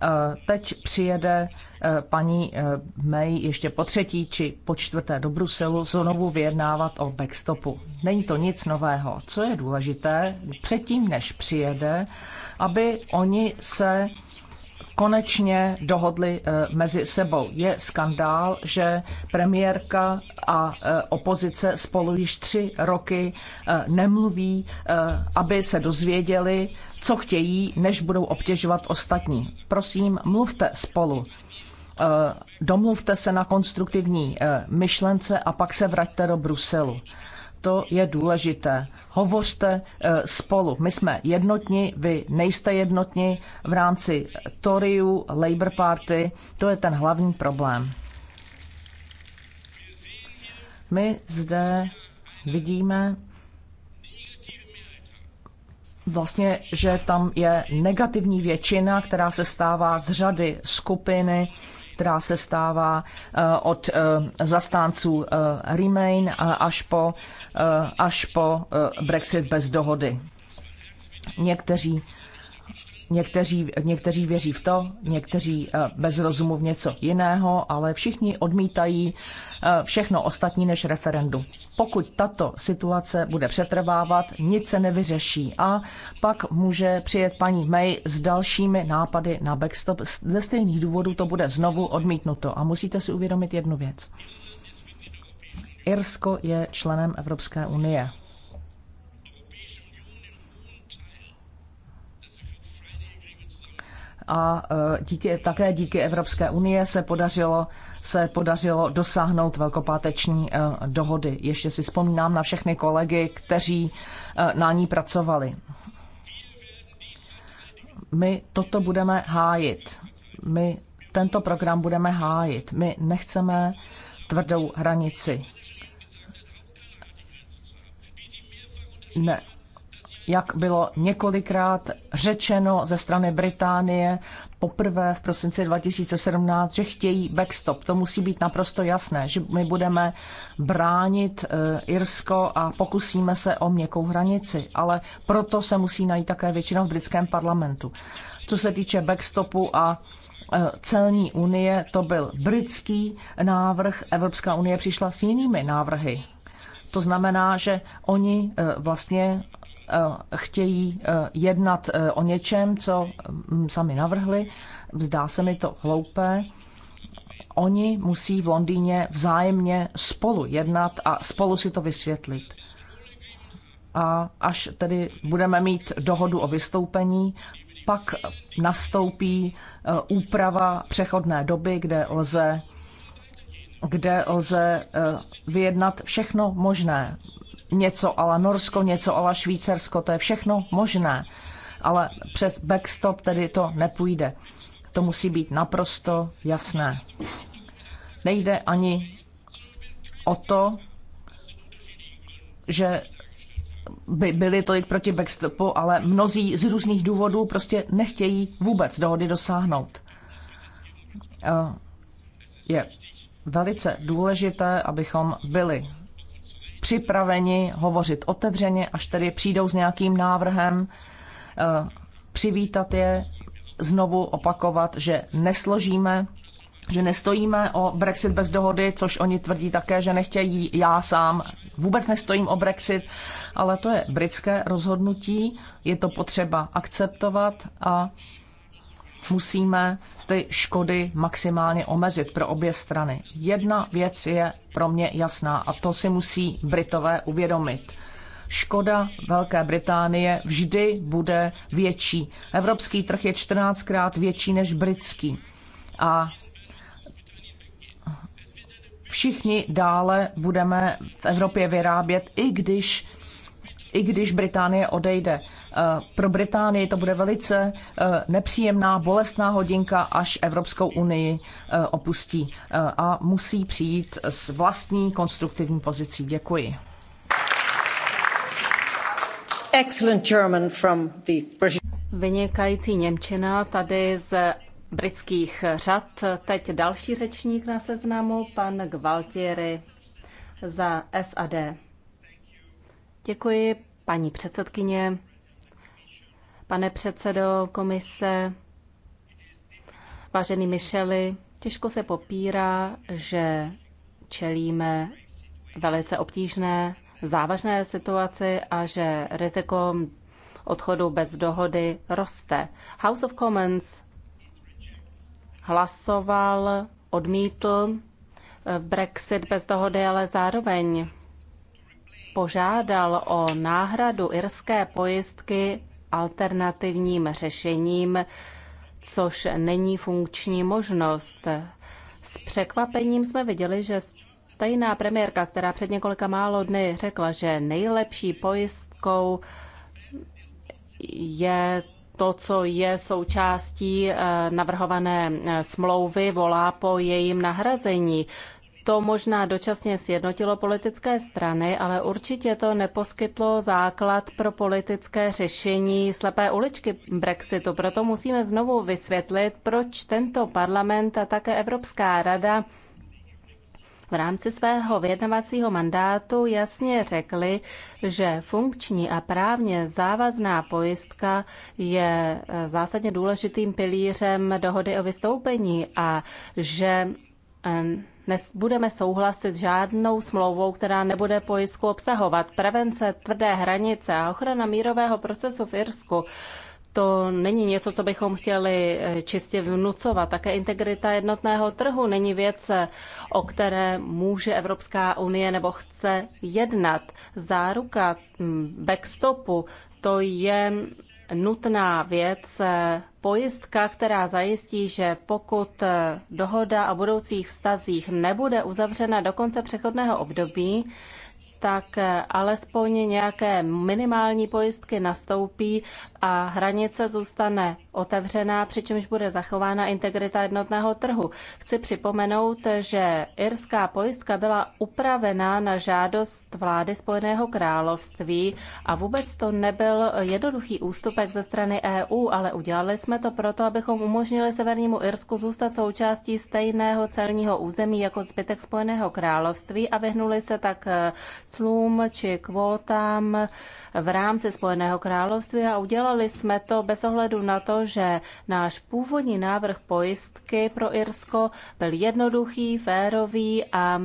Eh, teď přijede eh, paní eh, May ještě po třetí či po čtvrté do Bruselu znovu vyjednávat o backstopu. Není to nic nového. Co je důležité, předtím než přijede, aby oni se konečně dohodli eh, mezi sebou. Je skandál, že premiérka a eh, opozice spolu již tři roky eh, nemluví, aby se dozvěděli, co chtějí, než budou obtěžovat ostatní. Prosím, mluvte spolu domluvte se na konstruktivní myšlence a pak se vraťte do Bruselu to je důležité. Hovořte eh, spolu. My jsme jednotní, vy nejste jednotní v rámci Toryů, Labour Party. To je ten hlavní problém. My zde vidíme vlastně, že tam je negativní většina, která se stává z řady skupiny která se stává eh, od eh, zastánců eh, Remain až po, až po Brexit bez dohody. Někteří Někteří, někteří věří v to, někteří eh, bez rozumu v něco jiného, ale všichni odmítají eh, všechno ostatní než referendum. Pokud tato situace bude přetrvávat, nic se nevyřeší a pak může přijet paní May s dalšími nápady na backstop. Ze stejných důvodů to bude znovu odmítnuto a musíte si uvědomit jednu věc. Irsko je členem Evropské unie. a e, díky, také díky Evropské unie se podařilo, se podařilo dosáhnout velkopáteční e, dohody. Ještě si vzpomínám na všechny kolegy, kteří e, na ní pracovali. My toto budeme hájit. My tento program budeme hájit. My nechceme tvrdou hranici. Ne, jak bylo několikrát řečeno ze strany Británie poprvé v prosinci 2017, že chtějí backstop. To musí být naprosto jasné, že my budeme bránit e, Irsko a pokusíme se o měkkou hranici, ale proto se musí najít také většina v britském parlamentu. Co se týče backstopu a e, celní unie, to byl britský návrh, Evropská unie přišla s jinými návrhy. To znamená, že oni e, vlastně Eh, chtějí eh, jednat eh, o něčem, co mm, sami navrhli. Zdá se mi to hloupé. Oni musí v Londýně vzájemně spolu jednat a spolu si to vysvětlit. A až tedy budeme mít dohodu o vystoupení, pak nastoupí úprava přechodné doby, kde lze kde lze vyjednat všechno možné něco ale Norsko, něco ale Švýcarsko, to je všechno možné. Ale přes backstop tedy to nepůjde. To musí být naprosto jasné. Nejde ani o to, že by byli tolik proti backstopu, ale mnozí z různých důvodů prostě nechtějí vůbec dohody dosáhnout. Eh, je velice důležité, abychom byli připraveni hovořit otevřeně, až tedy přijdou s nějakým návrhem, eh, přivítat je, znovu opakovat, že nesložíme že nestojíme o Brexit bez dohody, což oni tvrdí také, že nechtějí. Já sám vůbec nestojím o Brexit, ale to je britské rozhodnutí, je to potřeba akceptovat a musíme ty škody maximálně omezit pro obě strany. Jedna věc je pro mě jasná a to si musí Britové uvědomit. Škoda Velké Británie vždy bude větší. Evropský trh je 14krát větší než britský. A všichni dále budeme v Evropě vyrábět, i když i když Británie odejde. Eh, pro Británii to bude velice eh, nepříjemná, bolestná hodinka, až Evropskou unii eh, opustí a musí přijít s vlastní konstruktivní pozicí. Děkuji. Excellent German from the British. Vynikající Němčina tady z britských řad. Teď další řečník na seznamu, pan Gvaltieri za SAD. Děkuji, paní předsedkyně, pane předsedo komise, vážený Micheli. Těžko se popírá, že čelíme velice obtížné, závažné situaci a že riziko odchodu bez dohody roste. House of Commons hlasoval, odmítl eh, Brexit bez dohody, ale zároveň požádal o náhradu irské pojistky alternativním řešením, což není funkční možnost. S překvapením jsme viděli, že stejná premiérka, která před několika málo dny řekla, že nejlepší pojistkou je to, co je součástí eh, navrhované eh, smlouvy, volá po jejím nahrazení to možná dočasně sjednotilo politické strany, ale určitě to neposkytlo základ pro politické řešení slepé uličky Brexitu. Proto musíme znovu vysvětlit, proč tento parlament a také Evropská rada v rámci svého vyjednavacího mandátu jasně řekli, že funkční a právně závazná pojistka je eh, zásadně důležitým pilířem dohody o vystoupení a že eh, nebudeme souhlasit s žádnou smlouvou, která nebude pojistku obsahovat. Prevence tvrdé hranice a ochrana mírového procesu v Irsku to není něco, co bychom chtěli eh, čistě vnucovat. Také integrita jednotného trhu není věc, eh, o které může Evropská unie nebo chce jednat. Záruka hm, backstopu to je nutná věc eh, pojistka, která zajistí, že pokud eh, dohoda o budoucích vztazích nebude uzavřena do konce přechodného období, tak alespoň nějaké minimální pojistky nastoupí a hranice zůstane otevřená, přičemž bude zachována integrita jednotného trhu. Chci připomenout, že irská pojistka byla upravená na žádost vlády Spojeného království a vůbec to nebyl jednoduchý ústupek ze strany EU, ale udělali jsme to proto, abychom umožnili Severnímu Irsku zůstat součástí stejného celního území jako zbytek Spojeného království a vyhnuli se tak jezdcům či kvótám v rámci Spojeného království a udělali jsme to bez ohledu na to, že náš původní návrh pojistky pro Irsko byl jednoduchý, férový a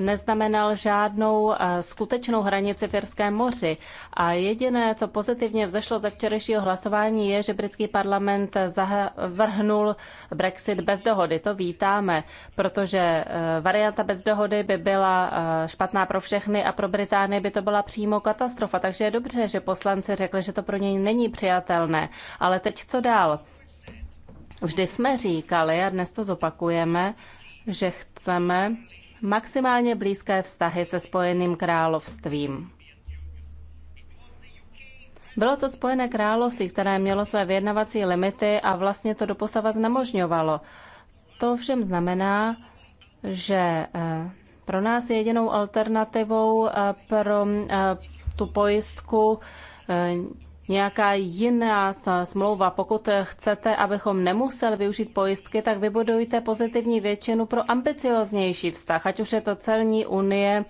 neznamenal žádnou eh, skutečnou hranici v Jirském moři. A jediné, co pozitivně vzešlo ze včerejšího hlasování, je, že britský parlament zavrhnul Brexit bez dohody. To vítáme, protože eh, varianta bez dohody by byla eh, špatná pro všechny a pro Británii by to byla přímo katastrofa. Takže je dobře, že poslanci řekli, že to pro něj není přijatelné. Ale teď co dál? Vždy jsme říkali, a dnes to zopakujeme, že chceme maximálně blízké vztahy se Spojeným královstvím. Bylo to Spojené království, které mělo své vyjednavací limity a vlastně to doposavat znemožňovalo. To všem znamená, že eh, pro nás je jedinou alternativou eh, pro eh, tu pojistku nějaká jiná smlouva. Pokud chcete, abychom nemuseli využít pojistky, tak vybudujte pozitivní většinu pro ambicioznější vztah, ať už je to celní unie,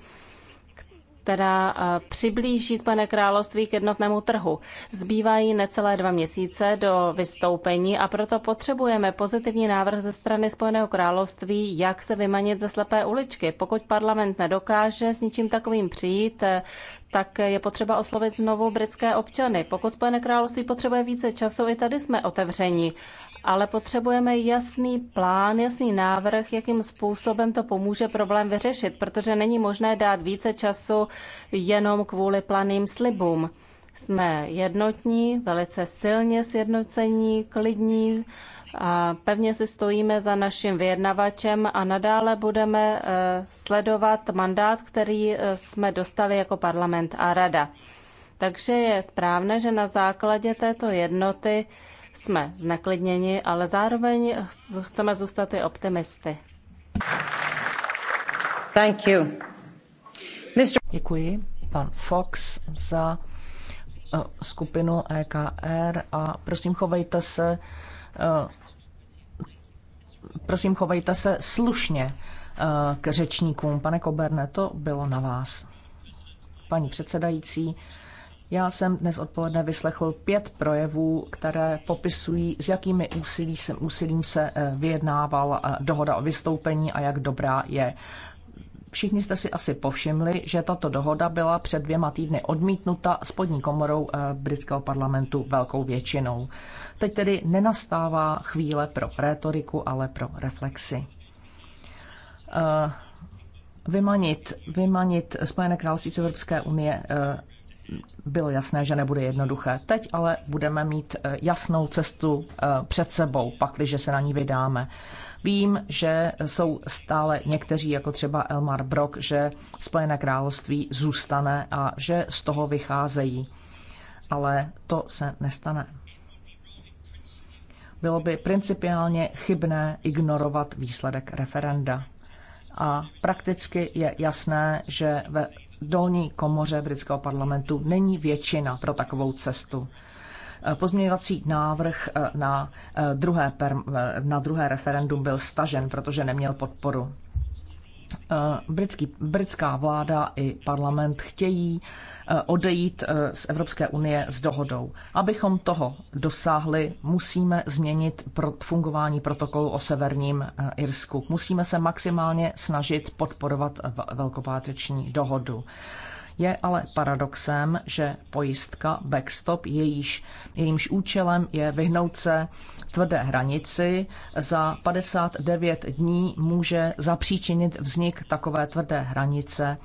která eh, přiblíží Spojené království k jednotnému trhu. Zbývají necelé dva měsíce do vystoupení a proto potřebujeme pozitivní návrh ze strany Spojeného království, jak se vymanit ze slepé uličky. Pokud parlament nedokáže s ničím takovým přijít, eh, tak je potřeba oslovit znovu britské občany. Pokud Spojené království potřebuje více času, i tady jsme otevření ale potřebujeme jasný plán, jasný návrh, jakým způsobem to pomůže problém vyřešit, protože není možné dát více času jenom kvůli planým slibům. Jsme jednotní, velice silně sjednocení, klidní, a pevně si stojíme za naším vyjednavačem a nadále budeme eh, sledovat mandát, který eh, jsme dostali jako parlament a rada. Takže je správné, že na základě této jednoty jsme zneklidněni, ale zároveň chceme zůstat i optimisty. Thank you. Mr. Děkuji, pan Fox, za eh, skupinu EKR a prosím chovejte se eh, prosím chovejte se slušně eh, k řečníkům. Pane Koberne, to bylo na vás. Paní předsedající, já jsem dnes odpoledne vyslechl pět projevů, které popisují, s jakými úsilí se, úsilím se eh, vyjednával eh, dohoda o vystoupení a jak dobrá je. Všichni jste si asi povšimli, že tato dohoda byla před dvěma týdny odmítnuta spodní komorou eh, britského parlamentu velkou většinou. Teď tedy nenastává chvíle pro rétoriku, ale pro reflexy. Vymanit, vymanit Spojené království z Evropské unie bylo jasné, že nebude jednoduché. Teď ale budeme mít eh, jasnou cestu eh, před sebou, pakliže se na ní vydáme. Vím, že jsou stále někteří, jako třeba Elmar Brock, že Spojené království zůstane a že z toho vycházejí. Ale to se nestane. Bylo by principiálně chybné ignorovat výsledek referenda. A prakticky je jasné, že ve dolní komoře britského parlamentu není většina pro takovou cestu. Pozměňovací návrh eh, na eh, druhé, eh, na druhé referendum byl stažen, protože neměl podporu. Eh, britský, britská vláda i parlament chtějí eh, odejít eh, z Evropské unie s dohodou. Abychom toho dosáhli, musíme změnit fungování protokolu o severním Irsku. Musíme se maximálně snažit podporovat velkopáteční dohodu. Je ale paradoxem, že pojistka backstop, jejíž, jejímž účelem je vyhnout se tvrdé hranici, za 59 dní může zapříčinit vznik takové tvrdé hranice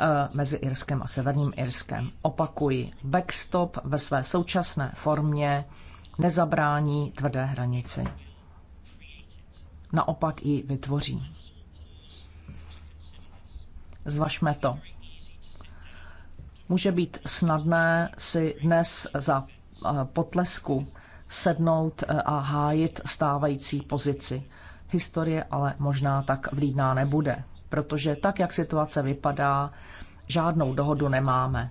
eh, mezi Irskem a Severním Irskem. Opakuji, backstop ve své současné formě nezabrání tvrdé hranici. Naopak ji vytvoří. Zvažme to. Může být snadné si dnes za eh, potlesku sednout eh, a hájit stávající pozici. Historie ale možná tak vlídná nebude, protože tak, jak situace vypadá, žádnou dohodu nemáme.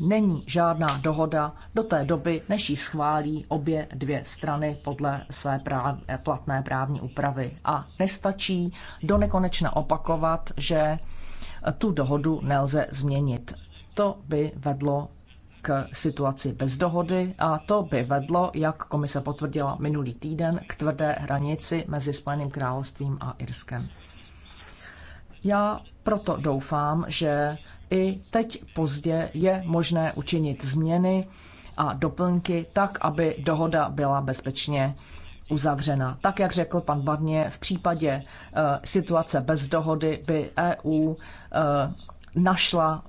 Není žádná dohoda do té doby, než ji schválí obě dvě strany podle své práv, eh, platné právní úpravy. A nestačí do nekonečna opakovat, že tu dohodu nelze změnit. To by vedlo k situaci bez dohody a to by vedlo, jak komise potvrdila minulý týden, k tvrdé hranici mezi Spojeným královstvím a Irskem. Já proto doufám, že i teď pozdě je možné učinit změny a doplňky tak, aby dohoda byla bezpečně uzavřena. Tak, jak řekl pan Barně, v případě eh, situace bez dohody by EU eh, našla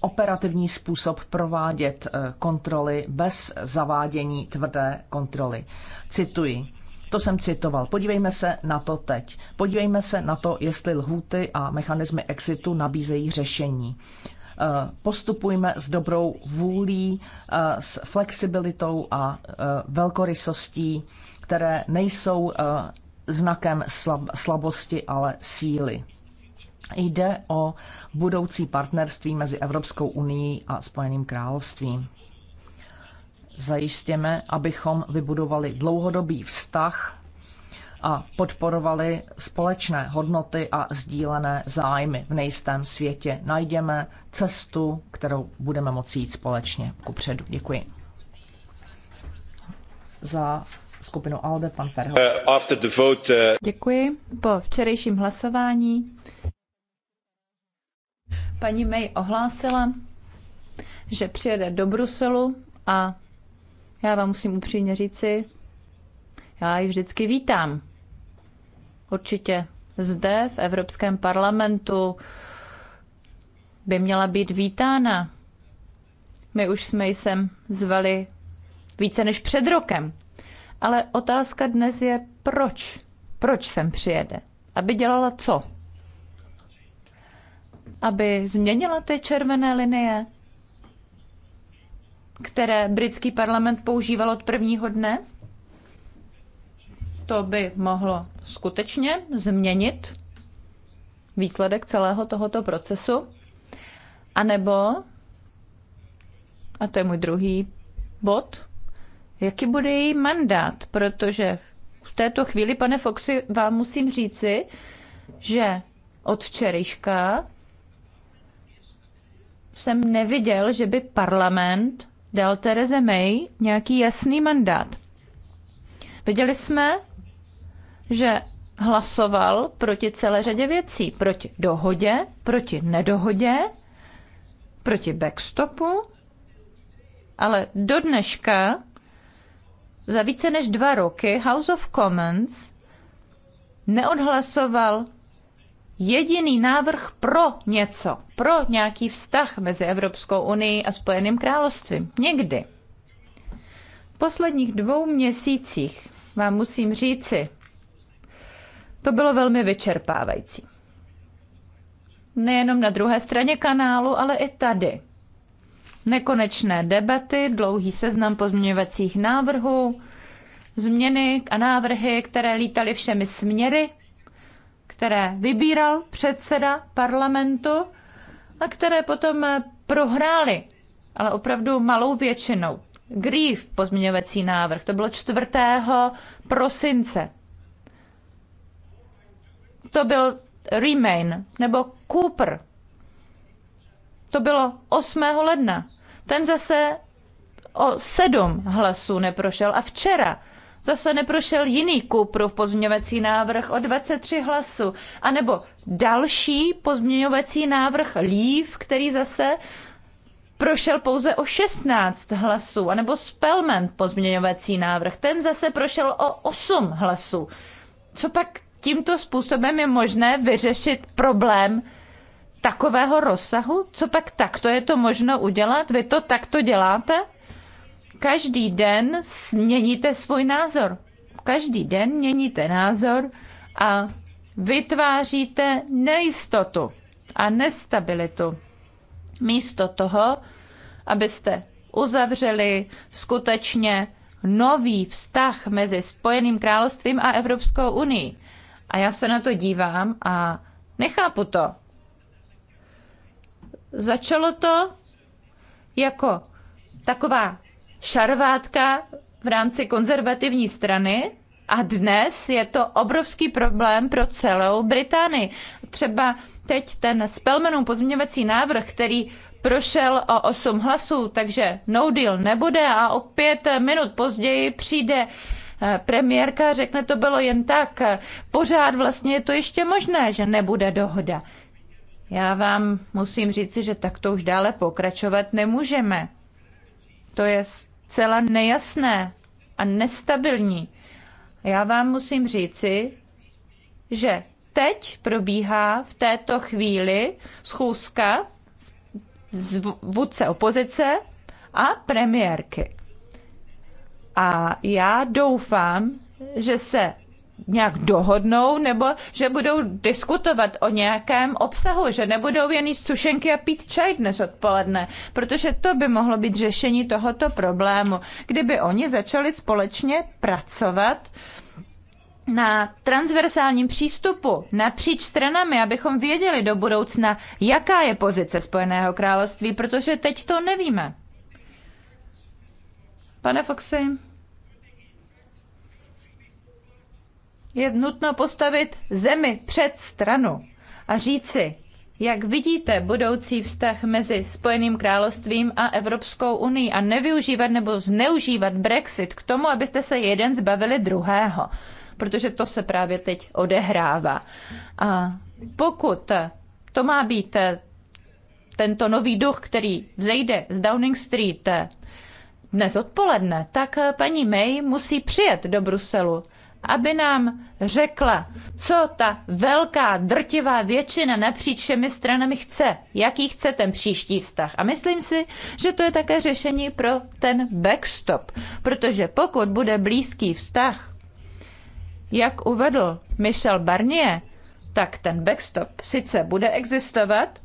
operativní způsob provádět eh, kontroly bez zavádění tvrdé kontroly. Cituji. To jsem citoval. Podívejme se na to teď. Podívejme se na to, jestli lhůty a mechanismy exitu nabízejí řešení. Postupujme s dobrou vůlí, s flexibilitou a velkorysostí které nejsou eh, znakem slabosti, ale síly. Jde o budoucí partnerství mezi Evropskou unii a Spojeným královstvím. Zajistěme, abychom vybudovali dlouhodobý vztah a podporovali společné hodnoty a sdílené zájmy v nejistém světě. Najdeme cestu, kterou budeme moci jít společně kupředu. Děkuji. Za skupinu ALDE, pan Ferho. Eh, after the vote, uh... Děkuji. Po včerejším hlasování paní May ohlásila, že přijede do Bruselu a já vám musím upřímně říci, já ji vždycky vítám. Určitě zde v Evropském parlamentu by měla být vítána. My už jsme ji sem zvali více než před rokem. Ale otázka dnes je, proč? Proč sem přijede? Aby dělala co? Aby změnila ty červené linie, které britský parlament používal od prvního dne? To by mohlo skutečně změnit výsledek celého tohoto procesu? A nebo, a to je můj druhý bod, jaký bude její mandát, protože v této chvíli, pane Foxy, vám musím říci, že od včerejška jsem neviděl, že by parlament dal Tereze May nějaký jasný mandát. Viděli jsme, že hlasoval proti celé řadě věcí. Proti dohodě, proti nedohodě, proti backstopu, ale do dneška za více než dva roky House of Commons neodhlasoval jediný návrh pro něco, pro nějaký vztah mezi Evropskou unii a Spojeným královstvím. Někdy. V posledních dvou měsících vám musím říci, to bylo velmi vyčerpávající. Nejenom na druhé straně kanálu, ale i tady nekonečné debaty, dlouhý seznam pozměňovacích návrhů, změny a návrhy, které lítaly všemi směry, které vybíral předseda parlamentu a které potom prohráli, ale opravdu malou většinou. Grief pozměňovací návrh, to bylo 4. prosince. To byl Remain nebo Cooper. To bylo 8. ledna. Ten zase o sedm hlasů neprošel. A včera zase neprošel jiný Kuprův pozměňovací návrh o 23 hlasů. A nebo další pozměňovací návrh Lív, který zase prošel pouze o 16 hlasů, anebo Spelman pozměňovací návrh, ten zase prošel o 8 hlasů. Co pak tímto způsobem je možné vyřešit problém takového rozsahu? Co pak takto je to možno udělat? Vy to takto děláte? Každý den změníte svůj názor. Každý den měníte názor a vytváříte nejistotu a nestabilitu. Místo toho, abyste uzavřeli skutečně nový vztah mezi Spojeným královstvím a Evropskou unii. A já se na to dívám a nechápu to. Začalo to jako taková šarvátka v rámci konzervativní strany a dnes je to obrovský problém pro celou Británii. Třeba teď ten Spelmanův pozměňovací návrh, který prošel o 8 hlasů, takže no deal nebude a o pět minut později přijde eh, premiérka, řekne to bylo jen tak. Pořád vlastně je to ještě možné, že nebude dohoda. Já vám musím říci, že takto už dále pokračovat nemůžeme. To je zcela nejasné a nestabilní. Já vám musím říci, že teď probíhá v této chvíli schůzka z vůdce opozice a premiérky. A já doufám, že se nějak dohodnou, nebo že budou diskutovat o nějakém obsahu, že nebudou jen jíst sušenky a pít čaj dnes odpoledne, protože to by mohlo být řešení tohoto problému, kdyby oni začali společně pracovat na transversálním přístupu napříč stranami, abychom věděli do budoucna, jaká je pozice Spojeného království, protože teď to nevíme. Pane Foxy, je nutno postavit zemi před stranu a říci, jak vidíte budoucí vztah mezi Spojeným královstvím a Evropskou unii a nevyužívat nebo zneužívat Brexit k tomu, abyste se jeden zbavili druhého? Protože to se právě teď odehrává. A pokud to má být tento nový duch, který vzejde z Downing Street dnes odpoledne, tak paní May musí přijet do Bruselu aby nám řekla, co ta velká, drtivá většina napříč všemi stranami chce, jaký chce ten příští vztah. A myslím si, že to je také řešení pro ten backstop, protože pokud bude blízký vztah, jak uvedl Michel Barnier, tak ten backstop sice bude existovat,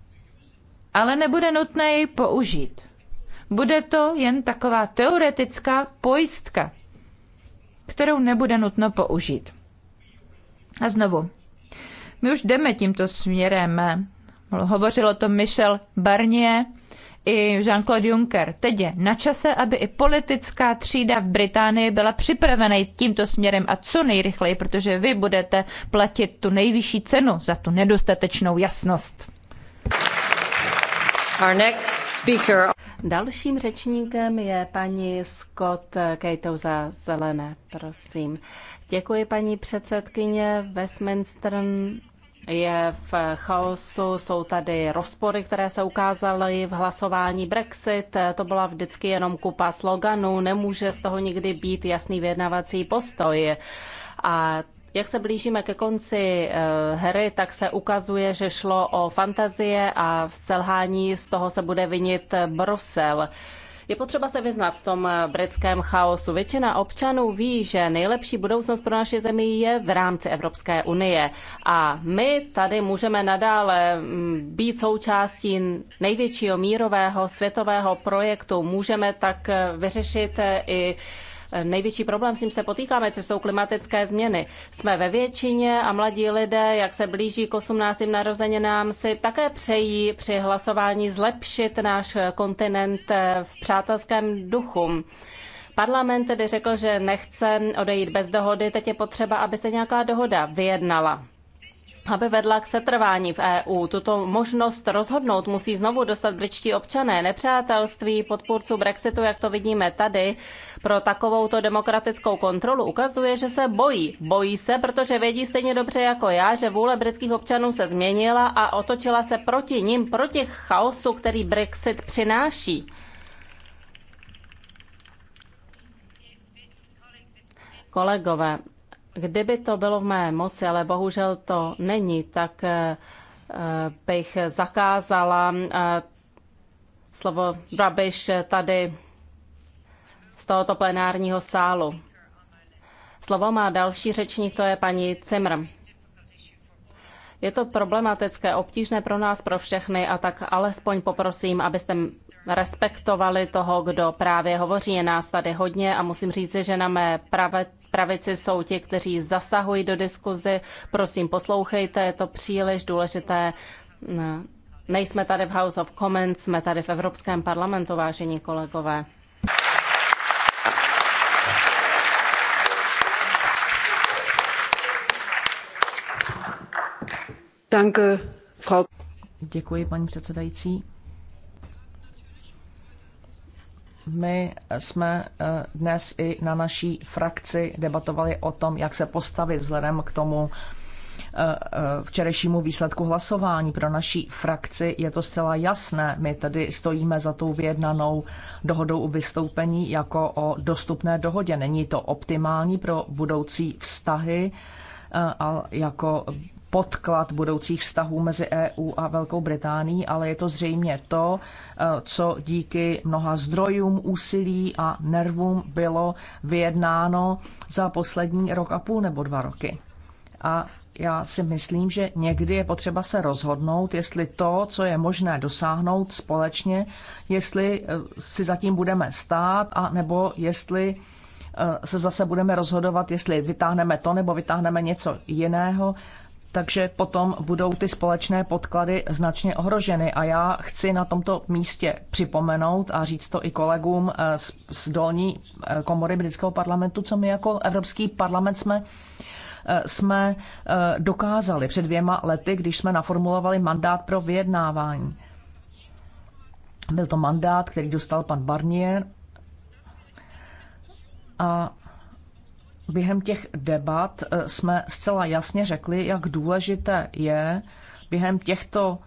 ale nebude nutné jej použít. Bude to jen taková teoretická pojistka, kterou nebude nutno použít. A znovu, my už jdeme tímto směrem. Hovořil o tom Michel Barnier i Jean-Claude Juncker. Teď je na čase, aby i politická třída v Británii byla připravena tímto směrem a co nejrychleji, protože vy budete platit tu nejvyšší cenu za tu nedostatečnou jasnost. Our next speaker... Dalším řečníkem je paní Scott Kejtou za zelené, prosím. Děkuji, paní předsedkyně. Westminster je v chaosu, jsou tady rozpory, které se ukázaly v hlasování Brexit. To byla vždycky jenom kupa sloganů, nemůže z toho nikdy být jasný vyjednavací postoj. A jak se blížíme ke konci eh, hry, tak se ukazuje, že šlo o fantazie a v selhání z toho se bude vinit Brusel. Je potřeba se vyznat v tom eh, britském chaosu. Většina občanů ví, že nejlepší budoucnost pro naše zemi je v rámci Evropské unie. A my tady můžeme nadále mm, být součástí největšího mírového světového projektu. Můžeme tak eh, vyřešit i největší problém, s tím se potýkáme, což jsou klimatické změny. Jsme ve většině a mladí lidé, jak se blíží k 18. narozeninám, si také přejí při hlasování zlepšit náš kontinent v přátelském duchu. Parlament tedy řekl, že nechce odejít bez dohody, teď je potřeba, aby se nějaká dohoda vyjednala aby vedla k setrvání v EU. Tuto možnost rozhodnout musí znovu dostat britští občané. Nepřátelství podpůrců Brexitu, jak to vidíme tady, pro takovouto demokratickou kontrolu ukazuje, že se bojí. Bojí se, protože vědí stejně dobře jako já, že vůle britských občanů se změnila a otočila se proti ním, proti chaosu, který Brexit přináší. Kolegové, Kdyby to bylo v mé moci, ale bohužel to není, tak eh, eh, bych zakázala eh, slovo rubbish tady z tohoto plenárního sálu. Slovo má další řečník, to je paní Cimr. Je to problematické, obtížné pro nás, pro všechny a tak alespoň poprosím, abyste respektovali toho, kdo právě hovoří. Je nás tady hodně a musím říci, že na mé pravé pravici jsou ti, kteří zasahují do diskuzi. Prosím, poslouchejte, je to příliš důležité. No, nejsme tady v House of Commons, jsme tady v Evropském parlamentu, vážení kolegové. Danke, Frau. Děkuji, paní předsedající. My jsme eh, dnes i na naší frakci debatovali o tom, jak se postavit vzhledem k tomu eh, eh, včerejšímu výsledku hlasování. Pro naší frakci je to zcela jasné. My tedy stojíme za tou vyjednanou dohodou o vystoupení jako o dostupné dohodě. Není to optimální pro budoucí vztahy, ale jako podklad budoucích vztahů mezi EU a Velkou Británií, ale je to zřejmě to, eh, co díky mnoha zdrojům, úsilí a nervům bylo vyjednáno za poslední rok a půl nebo dva roky. A já si myslím, že někdy je potřeba se rozhodnout, jestli to, co je možné dosáhnout společně, jestli eh, si zatím budeme stát, a nebo jestli eh, se zase budeme rozhodovat, jestli vytáhneme to nebo vytáhneme něco jiného takže potom budou ty společné podklady značně ohroženy. A já chci na tomto místě připomenout a říct to i kolegům eh, z, z dolní eh, komory britského parlamentu, co my jako Evropský parlament jsme eh, jsme dokázali před dvěma lety, když jsme naformulovali mandát pro vyjednávání. Byl to mandát, který dostal pan Barnier a Během těch debat eh, jsme zcela jasně řekli, jak důležité je během těchto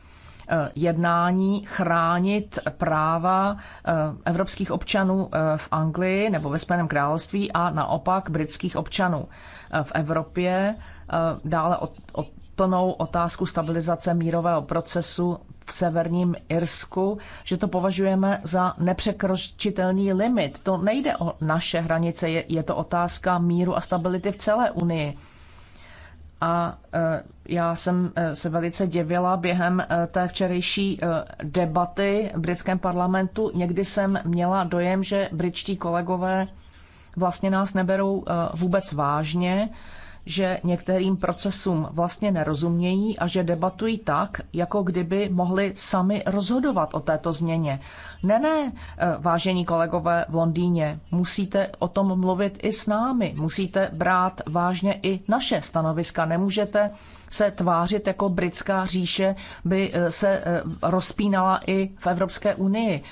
eh, jednání chránit práva eh, evropských občanů v Anglii nebo ve Spojeném království a naopak britských občanů v Evropě. Dále od, od plnou otázku stabilizace mírového procesu v severním Irsku, že to považujeme za nepřekročitelný limit. To nejde o naše hranice, je, je to otázka míru a stability v celé Unii. A e, já jsem e, se velice děvila během e, té včerejší debaty v britském parlamentu. Někdy jsem měla dojem, že britští kolegové vlastně nás neberou vůbec vážně že některým procesům vlastně nerozumějí a že debatují tak, jako kdyby mohli sami rozhodovat o této změně. Ne, ne, eh, vážení kolegové v Londýně, musíte o tom mluvit i s námi, musíte brát vážně i naše stanoviska. Nemůžete se tvářit jako britská říše by eh, se eh, rozpínala i v Evropské unii.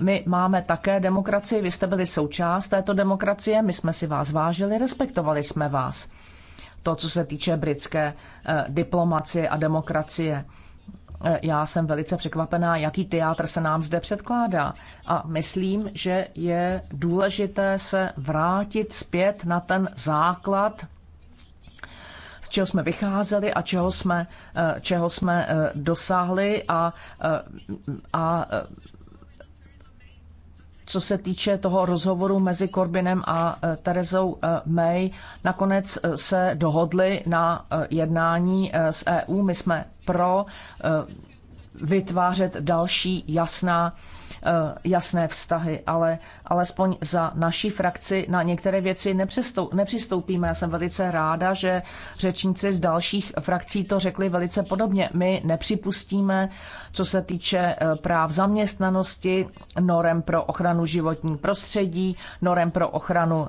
My máme také demokracii, vy jste byli součást této demokracie, my jsme si vás vážili, respektovali jsme vás to, co se týče britské eh, diplomacie a demokracie. Eh, já jsem velice překvapená, jaký teátr se nám zde předkládá. A myslím, že je důležité se vrátit zpět na ten základ, z čeho jsme vycházeli a čeho jsme, eh, čeho jsme dosáhli a, a co se týče toho rozhovoru mezi Korbinem a e, Terezou e, May, nakonec e, se dohodli na jednání s EU. My jsme pro vytvářet další jasná Eh, jasné vztahy, ale alespoň za naší frakci na některé věci nepřistoupíme. Já jsem velice ráda, že řečníci z dalších frakcí to řekli velice podobně. My nepřipustíme, co se týče eh, práv zaměstnanosti, norem pro ochranu životní prostředí, norem pro ochranu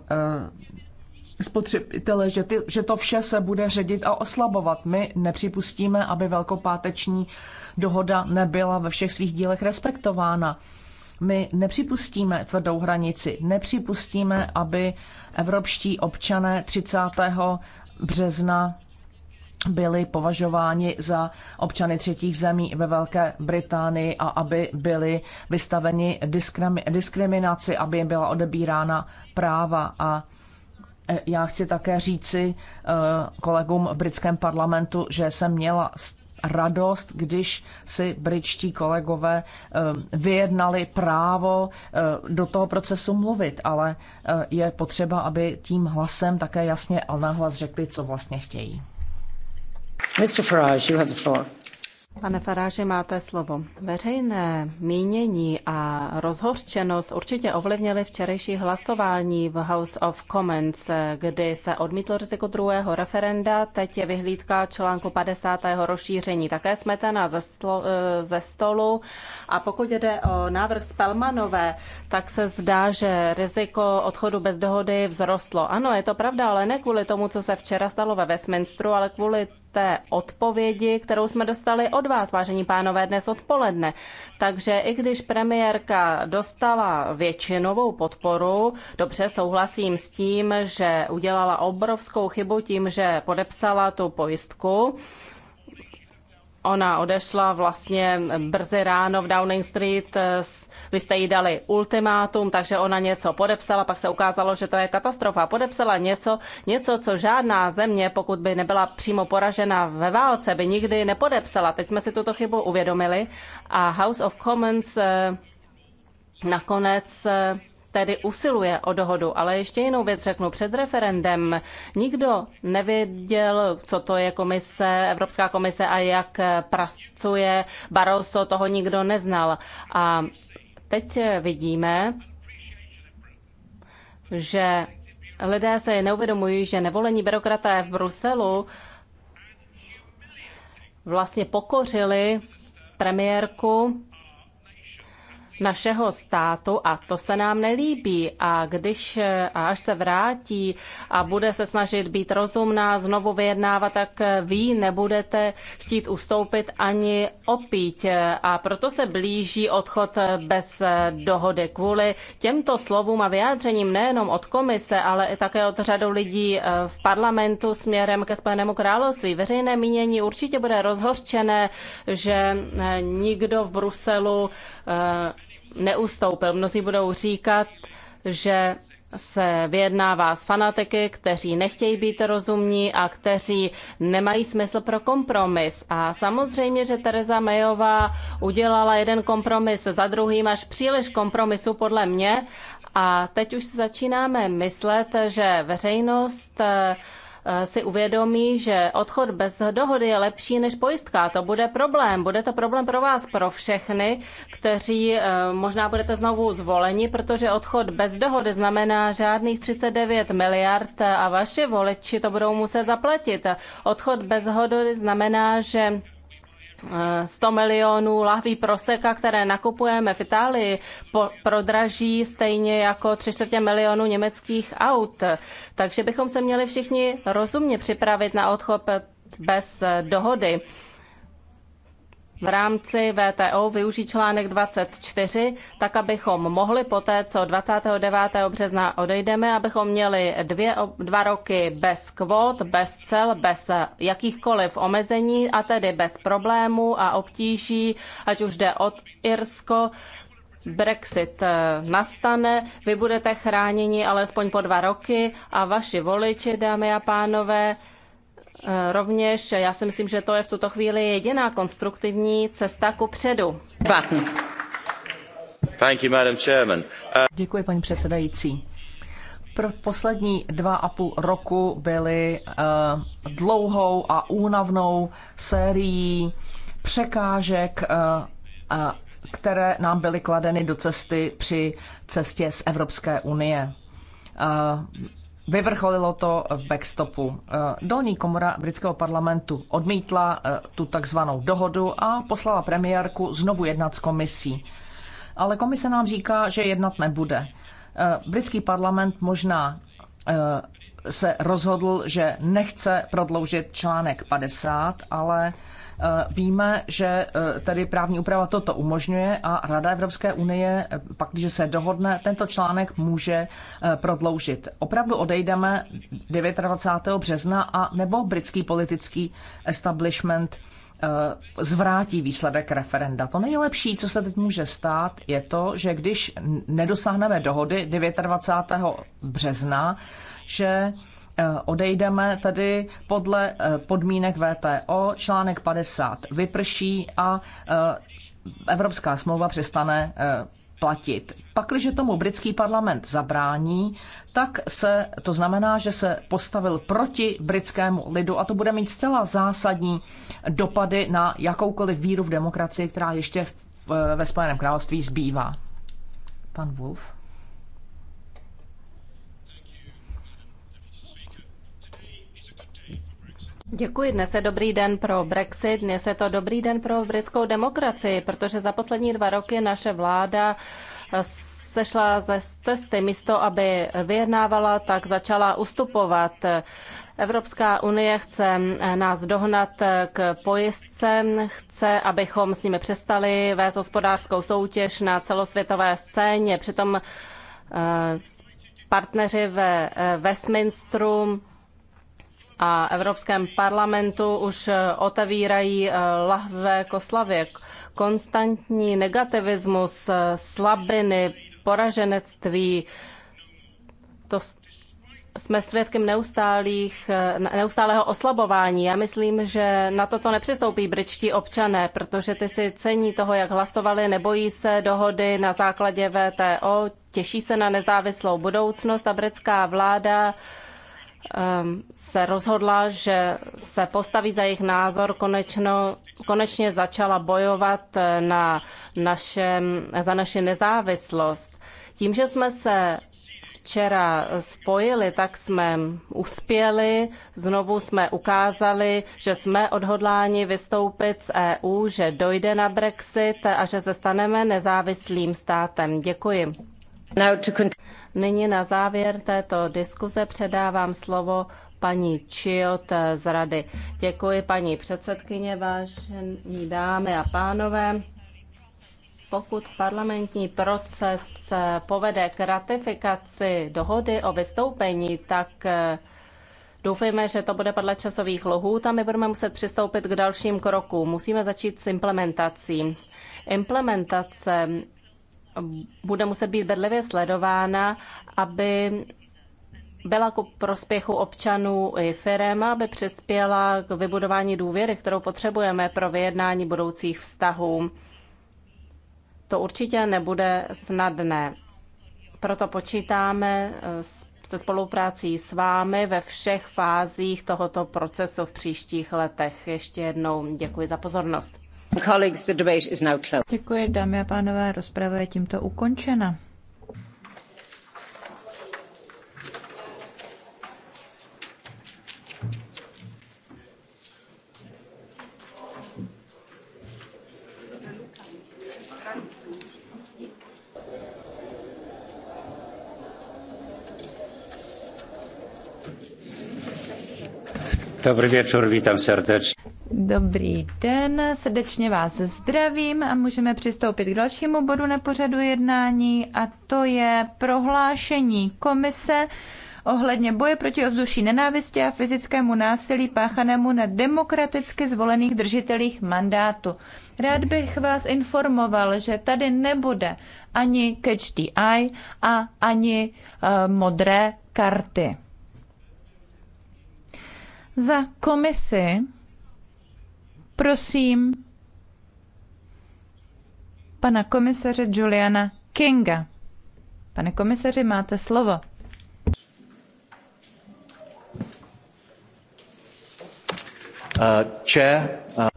eh, spotřebitele, že, ty, že to vše se bude ředit a oslabovat. My nepřipustíme, aby velkopáteční dohoda nebyla ve všech svých dílech respektována. My nepřipustíme tvrdou hranici, nepřipustíme, aby evropští občané 30. března byli považováni za občany třetích zemí ve Velké Británii a aby byli vystaveni diskriminaci, aby jim byla odebírána práva. A e, já chci také říci e, kolegům v britském parlamentu, že jsem měla radost, když si britští kolegové eh, vyjednali právo eh, do toho procesu mluvit, ale eh, je potřeba, aby tím hlasem také jasně a nahlas řekli, co vlastně chtějí. Mr. Farage, you have the floor. Pane Faráži, máte slovo. Veřejné mínění a rozhořčenost určitě ovlivnily včerejší hlasování v House of Commons, kdy se odmítlo riziko druhého referenda, teď je vyhlídka článku 50. rozšíření. Také smetena ze, eh, ze stolu a pokud jde o návrh Spelmanové, tak se zdá, že riziko odchodu bez dohody vzrostlo. Ano, je to pravda, ale ne kvůli tomu, co se včera stalo ve Westminsteru, ale kvůli té odpovědi, kterou jsme dostali od vás, vážení pánové, dnes odpoledne. Takže i když premiérka dostala většinovou podporu, dobře souhlasím s tím, že udělala obrovskou chybu tím, že podepsala tu pojistku, Ona odešla vlastně brzy ráno v Downing Street, eh, vy jste jí dali ultimátum, takže ona něco podepsala, pak se ukázalo, že to je katastrofa. Podepsala něco, něco, co žádná země, pokud by nebyla přímo poražena ve válce, by nikdy nepodepsala. Teď jsme si tuto chybu uvědomili a House of Commons eh, nakonec eh, tedy usiluje o dohodu. Ale ještě jinou věc řeknu. Před referendem nikdo nevěděl, co to je komise, Evropská komise a jak pracuje Barroso, toho nikdo neznal. A teď vidíme, že lidé se neuvědomují, že nevolení byrokraté v Bruselu vlastně pokořili premiérku našeho státu a to se nám nelíbí. A když a až se vrátí a bude se snažit být rozumná, znovu vyjednávat, tak vy nebudete chtít ustoupit ani opít. A proto se blíží odchod bez dohody kvůli těmto slovům a vyjádřením nejenom od komise, ale i také od řadu lidí v parlamentu směrem ke Spojenému království. Veřejné mínění určitě bude rozhořčené, že nikdo v Bruselu neustoupil. Mnozí budou říkat, že se vyjednává s fanatiky, kteří nechtějí být rozumní a kteří nemají smysl pro kompromis. A samozřejmě, že Tereza Mayová udělala jeden kompromis za druhým, až příliš kompromisu podle mě. A teď už začínáme myslet, že veřejnost si uvědomí, že odchod bez dohody je lepší než pojistka. To bude problém. Bude to problém pro vás, pro všechny, kteří eh, možná budete znovu zvoleni, protože odchod bez dohody znamená žádných 39 miliard a vaši voliči to budou muset zaplatit. Odchod bez dohody znamená, že 100 eh, milionů lahví proseka, které nakupujeme v Itálii, po, prodraží stejně jako 3 čtvrtě milionu německých aut. Takže bychom se měli všichni rozumně připravit na odchod bez dohody v rámci VTO využít článek 24, tak abychom mohli poté, co 29. března odejdeme, abychom měli dvě, dva roky bez kvót, bez cel, bez jakýchkoliv omezení a tedy bez problémů a obtíží, ať už jde od Irsko, Brexit eh, nastane, vy budete chráněni alespoň po dva roky a vaši voliči, dámy a pánové, Eh, rovněž eh, já si myslím, že to je v tuto chvíli jediná konstruktivní cesta ku předu. Eh, Děkuji, paní předsedající. Pro poslední dva a půl roku byly uh, dlouhou a únavnou sérií překážek uh, uh, které nám byly kladeny do cesty při cestě z Evropské unie. Vyvrcholilo to v backstopu. Eh, dolní komora britského parlamentu odmítla eh, tu takzvanou dohodu a poslala premiérku znovu jednat s komisí. Ale komise nám říká, že jednat nebude. Eh, britský parlament možná se rozhodl, že nechce prodloužit článek 50, ale e, víme, že e, tedy právní úprava toto umožňuje a Rada Evropské unie, e, pak když se dohodne, tento článek může prodloužit. Opravdu odejdeme 29. března a nebo britský politický establishment zvrátí výsledek referenda. To nejlepší, co se teď může stát, je to, že když nedosáhneme dohody 29. března, že eh, odejdeme tedy podle eh, podmínek VTO, článek 50 vyprší a eh, Evropská smlouva přestane platit. Pakliže tomu britský parlament zabrání, tak se to znamená, že se postavil proti britskému lidu a to bude mít zcela zásadní dopady na jakoukoliv víru v demokracii, která ještě ve Spojeném království zbývá. Pan Wolf. Děkuji. Dnes je dobrý den pro Brexit, dnes je to dobrý den pro britskou demokracii, protože za poslední dva roky naše vláda sešla ze cesty. Místo, aby vyjednávala, tak začala ustupovat. Evropská unie chce nás dohnat k pojistce, chce, abychom s nimi přestali vést hospodářskou soutěž na celosvětové scéně. Přitom eh, partneři ve eh, Westminsteru a Evropském parlamentu už eh, otevírají eh, lahve koslavě. Konstantní negativismus, eh, slabiny, poraženectví, to jsme svědkem neustálých, neustálého oslabování. Já myslím, že na toto nepřistoupí britští občané, protože ty si cení toho, jak hlasovali, nebojí se dohody na základě VTO, těší se na nezávislou budoucnost a britská vláda Ehm, se rozhodla, že se postaví za jejich názor, konečno, konečně začala bojovat eh, na našem, za naši nezávislost. Tím, že jsme se včera spojili, tak jsme uspěli, znovu jsme ukázali, že jsme odhodláni vystoupit z EU, že dojde na Brexit a že se staneme nezávislým státem. Děkuji. Nyní na závěr této diskuze předávám slovo paní Čiot z Rady. Děkuji paní předsedkyně, vážení dámy a pánové. Pokud parlamentní proces povede k ratifikaci dohody o vystoupení, tak eh, Doufejme, že to bude podle časových lohů, Tam my budeme muset přistoupit k dalším krokům. Musíme začít s implementací. Implementace bude muset být bedlivě sledována, aby byla ku prospěchu občanů i firm, aby přispěla k vybudování důvěry, kterou potřebujeme pro vyjednání budoucích vztahů. To určitě nebude snadné. Proto počítáme eh, se spoluprácí s vámi ve všech fázích tohoto procesu v příštích letech. Ještě jednou děkuji za pozornost. Děkuji, dámy a pánové, rozprava je tímto ukončena. Dobrý večer, vítám srdečně. Dobrý den, srdečně vás zdravím a můžeme přistoupit k dalšímu bodu na pořadu jednání a to je prohlášení komise ohledně boje proti ovzduší nenávisti a fyzickému násilí páchanému na demokraticky zvolených držitelích mandátu. Rád bych vás informoval, že tady nebude ani catch the eye a ani uh, modré karty. Za komisi prosím pana komisaře Juliana Kinga. Pane komisaři, máte slovo. Uh, če, uh...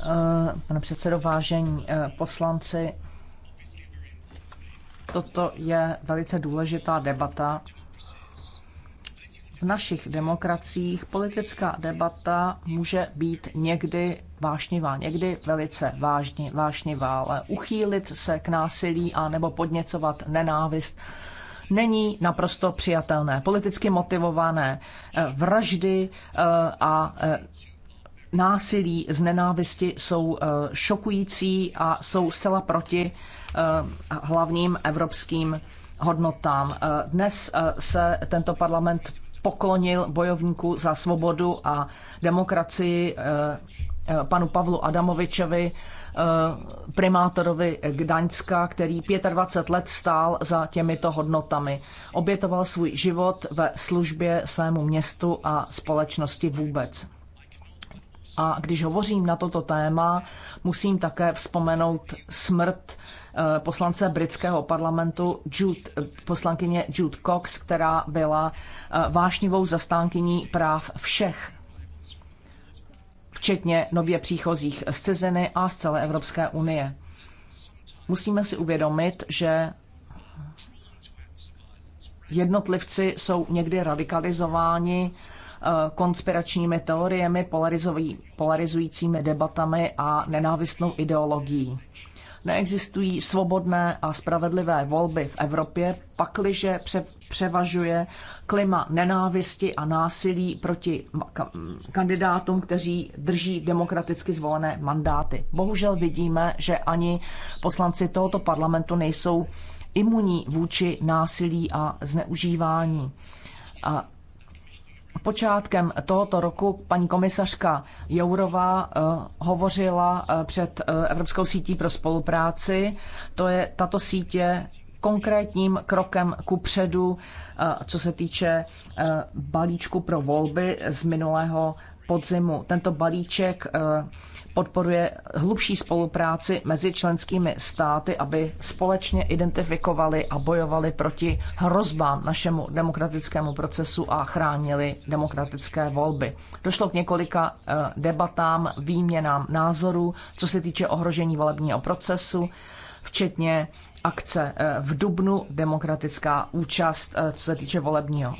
Uh, pane předsedo, vážení eh, poslanci, toto je velice důležitá debata v našich demokraciích politická debata může být někdy vášnivá, někdy velice vážně, vášnivá, ale uchýlit se k násilí a nebo podněcovat nenávist není naprosto přijatelné. Politicky motivované eh, vraždy eh, a eh, násilí z nenávisti jsou šokující a jsou zcela proti hlavním evropským hodnotám. Dnes se tento parlament poklonil bojovníku za svobodu a demokracii eh, eh, panu Pavlu Adamovičovi, eh, primátorovi Gdaňska, který 25 let stál za těmito hodnotami. Obětoval svůj život ve službě svému městu a společnosti vůbec. A když hovořím na toto téma, musím také vzpomenout smrt Eh, poslance britského parlamentu Jude, poslankyně Jude Cox, která byla eh, vášnivou zastánkyní práv všech včetně nově příchozích z ciziny a z celé Evropské unie. Musíme si uvědomit, že jednotlivci jsou někdy radikalizováni eh, konspiračními teoriemi, polarizujícími debatami a nenávistnou ideologií neexistují svobodné a spravedlivé volby v Evropě, pakliže pře- převažuje klima nenávisti a násilí proti kandidátům, kteří drží demokraticky zvolené mandáty. Bohužel vidíme, že ani poslanci tohoto parlamentu nejsou imunní vůči násilí a zneužívání. A Počátkem tohoto roku paní komisařka Jourová eh, hovořila eh, před eh, Evropskou sítí pro spolupráci. To je, tato sítě konkrétním krokem ku předu, co se týče balíčku pro volby z minulého podzimu. Tento balíček podporuje hlubší spolupráci mezi členskými státy, aby společně identifikovali a bojovali proti hrozbám našemu demokratickému procesu a chránili demokratické volby. Došlo k několika eh, debatám, výměnám názorů, co se týče ohrožení volebního procesu, včetně akce eh, v Dubnu, demokratická účast, eh, co se týče volebního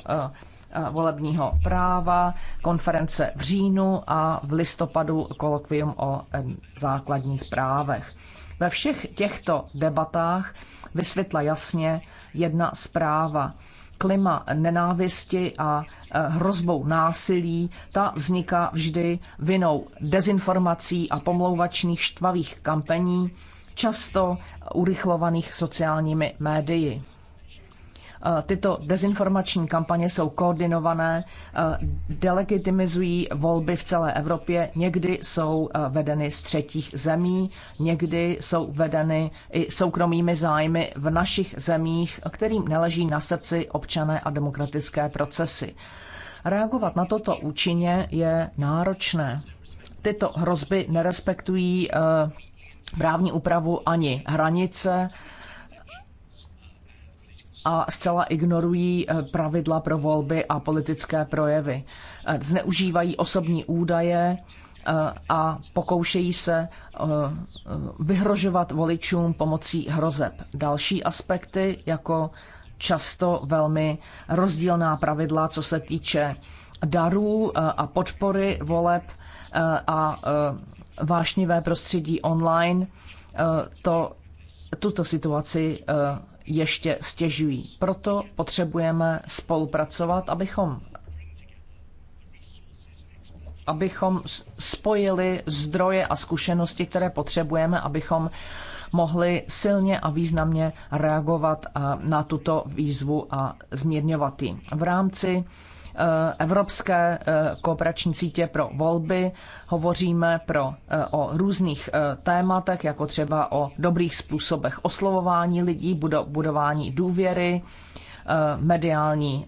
Eh, volebního práva, konference v říjnu a v listopadu kolokvium o eh, základních právech. Ve všech těchto debatách vysvětla jasně jedna zpráva. Klima nenávisti a eh, hrozbou násilí, ta vzniká vždy vinou dezinformací a pomlouvačných štvavých kampaní, často urychlovaných sociálními médii. Eh, tyto dezinformační kampaně jsou koordinované, eh, delegitimizují volby v celé Evropě, někdy jsou eh, vedeny z třetích zemí, někdy jsou vedeny i soukromými zájmy v našich zemích, kterým neleží na srdci občané a demokratické procesy. Reagovat na toto účinně je náročné. Tyto hrozby nerespektují právní úpravu ani hranice, a zcela ignorují eh, pravidla pro volby a politické projevy. Eh, zneužívají osobní údaje eh, a pokoušejí se vyhrožovat voličům pomocí hrozeb. Další aspekty, jako často velmi rozdílná pravidla, co se týče darů a podpory voleb a vášnivé prostředí online, to tuto situaci ještě stěžují. Proto potřebujeme spolupracovat, abychom abychom spojili zdroje a zkušenosti, které potřebujeme, abychom mohli silně a významně reagovat na tuto výzvu a zmírňovat ji. V rámci Eh, evropské eh, kooperační sítě pro volby. Hovoříme pro, eh, o různých tématech, jako třeba o dobrých způsobech oslovování lidí, budování důvěry, mediální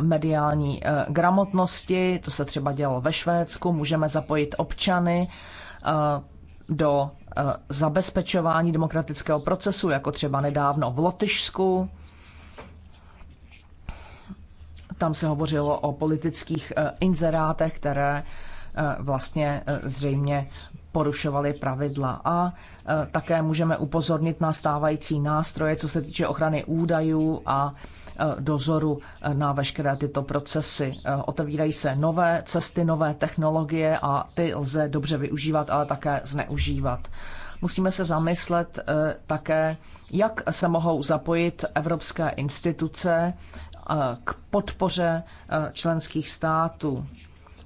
mediální gramotnosti, to se třeba dělalo ve Švédsku, můžeme zapojit občany do zabezpečování demokratického procesu, jako třeba nedávno v Lotyšsku. Tam se hovořilo o politických eh, inzerátech, které eh, vlastně eh, zřejmě porušovaly pravidla. A také můžeme upozornit na stávající nástroje, co se týče ochrany údajů a dozoru na veškeré tyto procesy. Otevírají se nové cesty, nové technologie a ty lze dobře využívat, ale také zneužívat. Musíme se zamyslet také, jak se mohou zapojit evropské instituce Eh, k podpoře eh, členských států.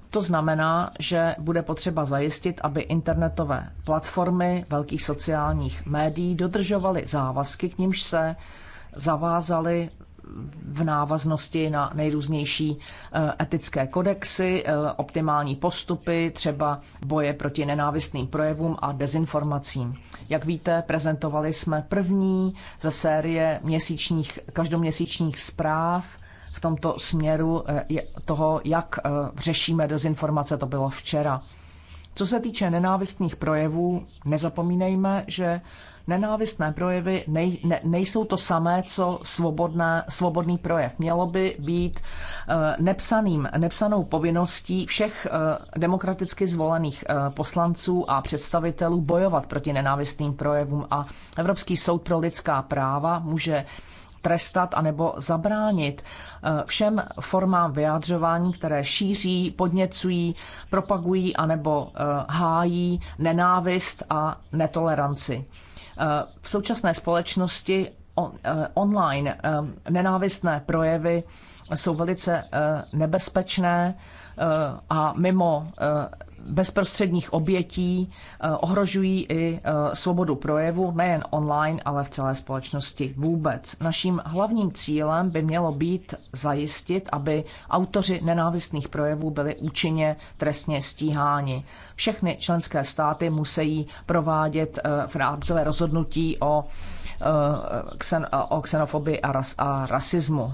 To znamená, že bude potřeba zajistit, aby internetové platformy velkých sociálních médií dodržovaly závazky, k nímž se zavázaly v návaznosti na nejrůznější eh, etické kodexy, eh, optimální postupy, třeba boje proti nenávistným projevům a dezinformacím. Jak víte, prezentovali jsme první ze série měsíčních, každoměsíčních zpráv v tomto směru eh, toho, jak řešíme dezinformace, to bylo včera. Co se týče nenávistných projevů, nezapomínejme, že Nenávistné projevy nej, ne, nejsou to samé, co svobodná, svobodný projev. Mělo by být eh, nepsaným, nepsanou povinností všech eh, demokraticky zvolených eh, poslanců a představitelů bojovat proti nenávistným projevům a Evropský soud pro lidská práva může trestat anebo zabránit všem formám vyjádřování, které šíří, podněcují, propagují anebo hájí nenávist a netoleranci v současné společnosti eh, online eh, nenávistné projevy jsou velice eh, nebezpečné a mimo bezprostředních obětí eh, ohrožují i eh, svobodu projevu nejen online, ale v celé společnosti vůbec. Naším hlavním cílem by mělo být zajistit, aby autoři nenávistných projevů byli účinně trestně stíháni. Všechny členské státy musí provádět eh, v rámcové rozhodnutí o, o xenofobii a, ras, a rasismu.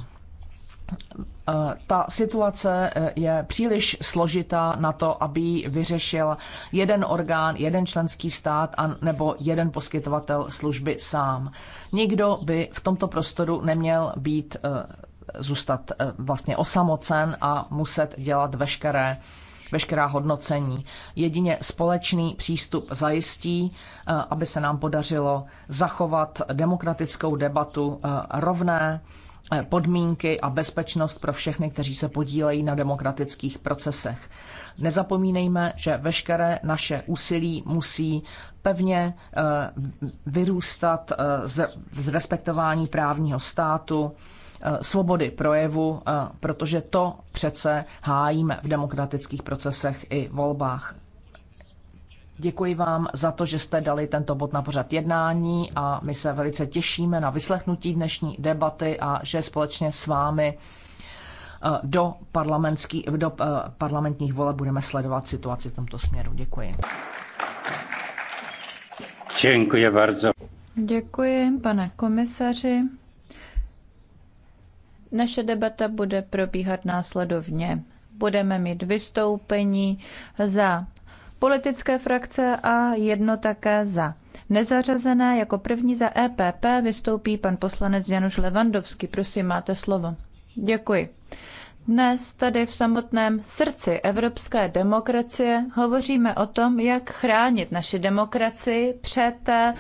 Eh, ta situace eh, je příliš složitá na to, aby ji vyřešil jeden orgán, jeden členský stát a nebo jeden poskytovatel služby sám. Nikdo by v tomto prostoru neměl být eh, zůstat vlastně osamocen a muset dělat veškeré veškerá hodnocení. Jedině společný přístup zajistí, aby se nám podařilo zachovat demokratickou debatu rovné Eh, podmínky a bezpečnost pro všechny, kteří se podílejí na demokratických procesech. Nezapomínejme, že veškeré naše úsilí musí pevně eh, vyrůstat eh, z respektování právního státu, svobody projevu, protože to přece hájíme v demokratických procesech i volbách. Děkuji vám za to, že jste dali tento bod na pořad jednání a my se velice těšíme na vyslechnutí dnešní debaty a že společně s vámi eh, do, do eh, parlamentních voleb budeme sledovat situaci v tomto směru. Děkuji. Děkuji bardzo. Děkuji, pane komisaři. Naše debata bude probíhat následovně. Budeme mít vystoupení za politické frakce a jedno také za nezařazené. Jako první za EPP vystoupí pan poslanec Januš Levandovský. Prosím, máte slovo. Děkuji. Dnes tady v samotném srdci evropské demokracie hovoříme o tom, jak chránit naši demokracii před eh,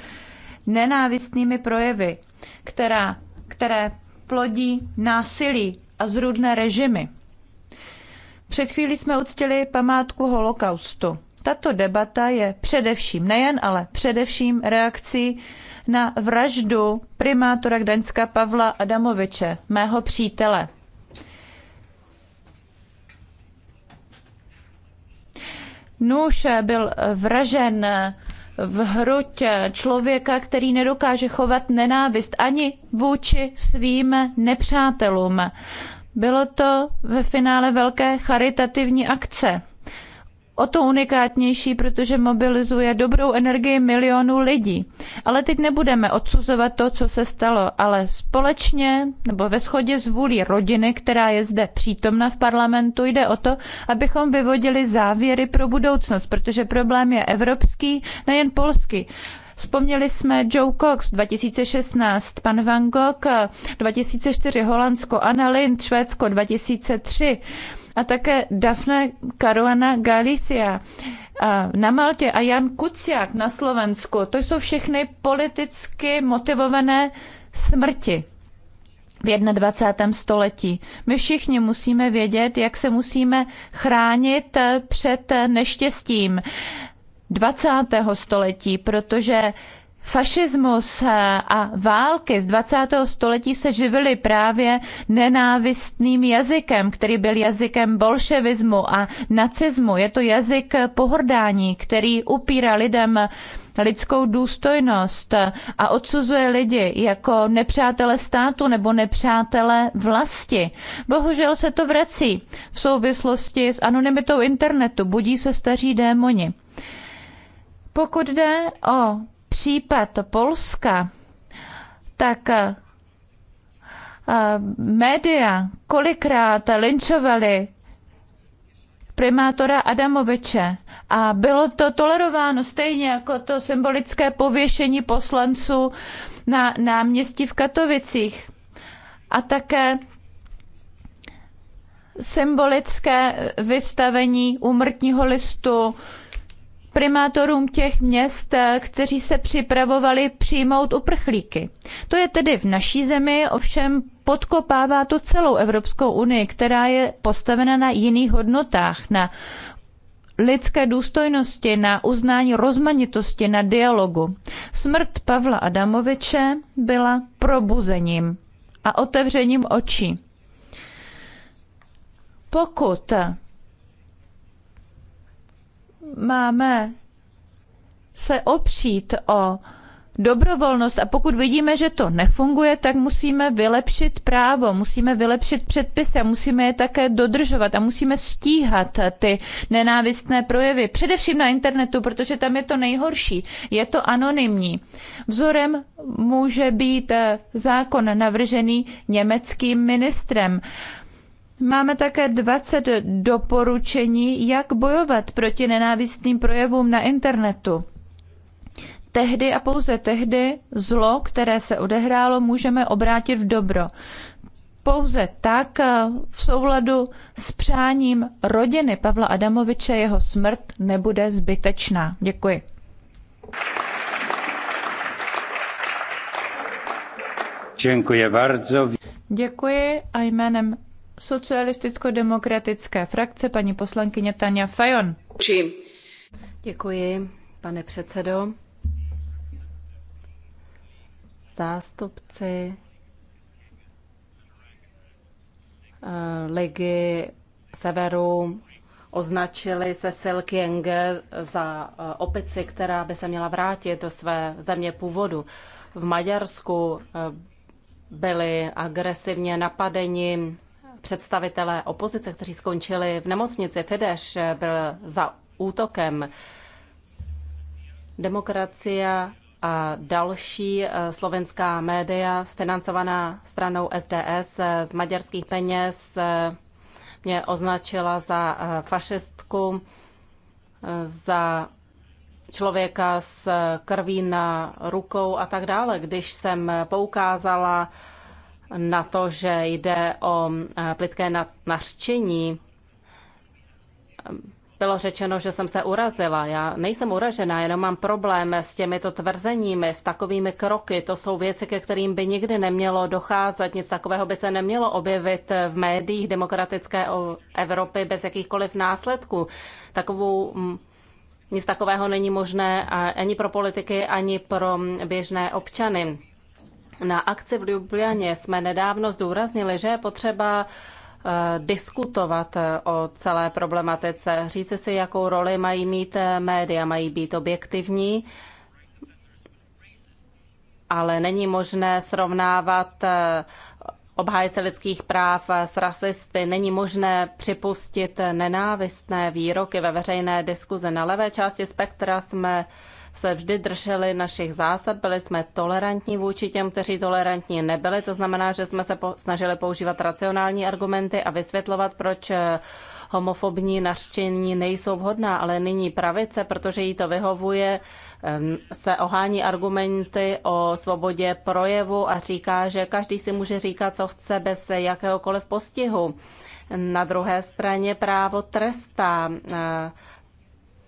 nenávistnými projevy, která, které plodí násilí a zrůdné režimy. Před chvílí jsme uctili památku holokaustu. Tato debata je především, nejen, ale především reakcí na vraždu primátora Gdaňska Pavla Adamoviče, mého přítele. Nůž byl vražen v hruď člověka, který nedokáže chovat nenávist ani vůči svým nepřátelům. Bylo to ve finále velké charitativní akce o to unikátnější, protože mobilizuje dobrou energii milionů lidí. Ale teď nebudeme odsuzovat to, co se stalo, ale společně nebo ve shodě s vůlí rodiny, která je zde přítomna v parlamentu, jde o to, abychom vyvodili závěry pro budoucnost, protože problém je evropský, nejen polský. Vzpomněli jsme Joe Cox 2016, pan Van Gogh 2004, Holandsko, Anna Lind, Švédsko 2003 a také Daphne Caruana Galicia na Maltě a Jan Kuciak na Slovensku. To jsou všechny politicky motivované smrti v 21. století. My všichni musíme vědět, jak se musíme chránit před neštěstím 20. století, protože Fašismus eh, a války z 20. století se živily právě nenávistným jazykem, který byl jazykem bolševismu a nacismu. Je to jazyk pohrdání, který upírá lidem lidskou důstojnost a odsuzuje lidi jako nepřátele státu nebo nepřátele vlasti. Bohužel se to vrací v souvislosti s anonymitou internetu. Budí se staří démoni. Pokud jde o případ Polska, tak eh, média kolikrát linčovali primátora Adamoviče a bylo to tolerováno stejně jako to symbolické pověšení poslanců na náměstí v Katovicích a také symbolické vystavení úmrtního listu primátorům těch měst, eh, kteří se připravovali přijmout uprchlíky. To je tedy v naší zemi, ovšem podkopává to celou Evropskou unii, která je postavena na jiných hodnotách, na lidské důstojnosti, na uznání rozmanitosti, na dialogu. Smrt Pavla Adamoviče byla probuzením a otevřením očí. Pokud máme se opřít o dobrovolnost a pokud vidíme, že to nefunguje, tak musíme vylepšit právo, musíme vylepšit předpisy a musíme je také dodržovat a musíme stíhat ty nenávistné projevy, především na internetu, protože tam je to nejhorší, je to anonymní. Vzorem může být zákon navržený německým ministrem. Máme také 20 doporučení, jak bojovat proti nenávistným projevům na internetu. Tehdy a pouze tehdy zlo, které se odehrálo, můžeme obrátit v dobro. Pouze tak eh, v souladu s přáním rodiny Pavla Adamoviče jeho smrt nebude zbytečná. Děkuji. Děkuji bardzo. Děkuji a jménem socialisticko-demokratické frakce paní poslankyně Tanja Fajon. Čím? Děkuji, pane předsedo. Zástupci eh, ligy severu označili se Kienge za eh, opici, která by se měla vrátit do své země původu. V Maďarsku eh, byli agresivně napadeni představitelé opozice, kteří skončili v nemocnici. Fidesz byl za útokem. Demokracia a další eh, slovenská média financovaná stranou SDS eh, z maďarských peněz eh, mě označila za fašistku, za člověka s krví na rukou a tak dále. Když jsem poukázala na to, že jde o eh, plitké nařčení. Bylo řečeno, že jsem se urazila. Já nejsem uražená, jenom mám problém s těmito tvrzeními, s takovými kroky. To jsou věci, ke kterým by nikdy nemělo docházet. Nic takového by se nemělo objevit v médiích demokratické Evropy bez jakýchkoliv následků. Takovou mm, nic takového není možné ani pro politiky, ani pro běžné občany. Na akci v Ljubljaně jsme nedávno zdůraznili, že je potřeba eh, diskutovat eh, o celé problematice, říci si, jakou roli mají mít eh, média, mají být objektivní, ale není možné srovnávat obhájce lidských práv s rasisty. Není možné připustit nenávistné výroky ve veřejné diskuze. Na levé části spektra jsme uh, se vždy drželi našich zásad, byli jsme tolerantní vůči těm, kteří tolerantní nebyli, to znamená, že jsme se snažili používat racionální argumenty a vysvětlovat, proč eh, homofobní nařčení nejsou vhodná, ale nyní pravice, protože jí to vyhovuje, ehm, se ohání argumenty o svobodě projevu a říká, že každý si může říkat, co chce bez jakéhokoliv postihu. Na druhé straně právo trestá eh,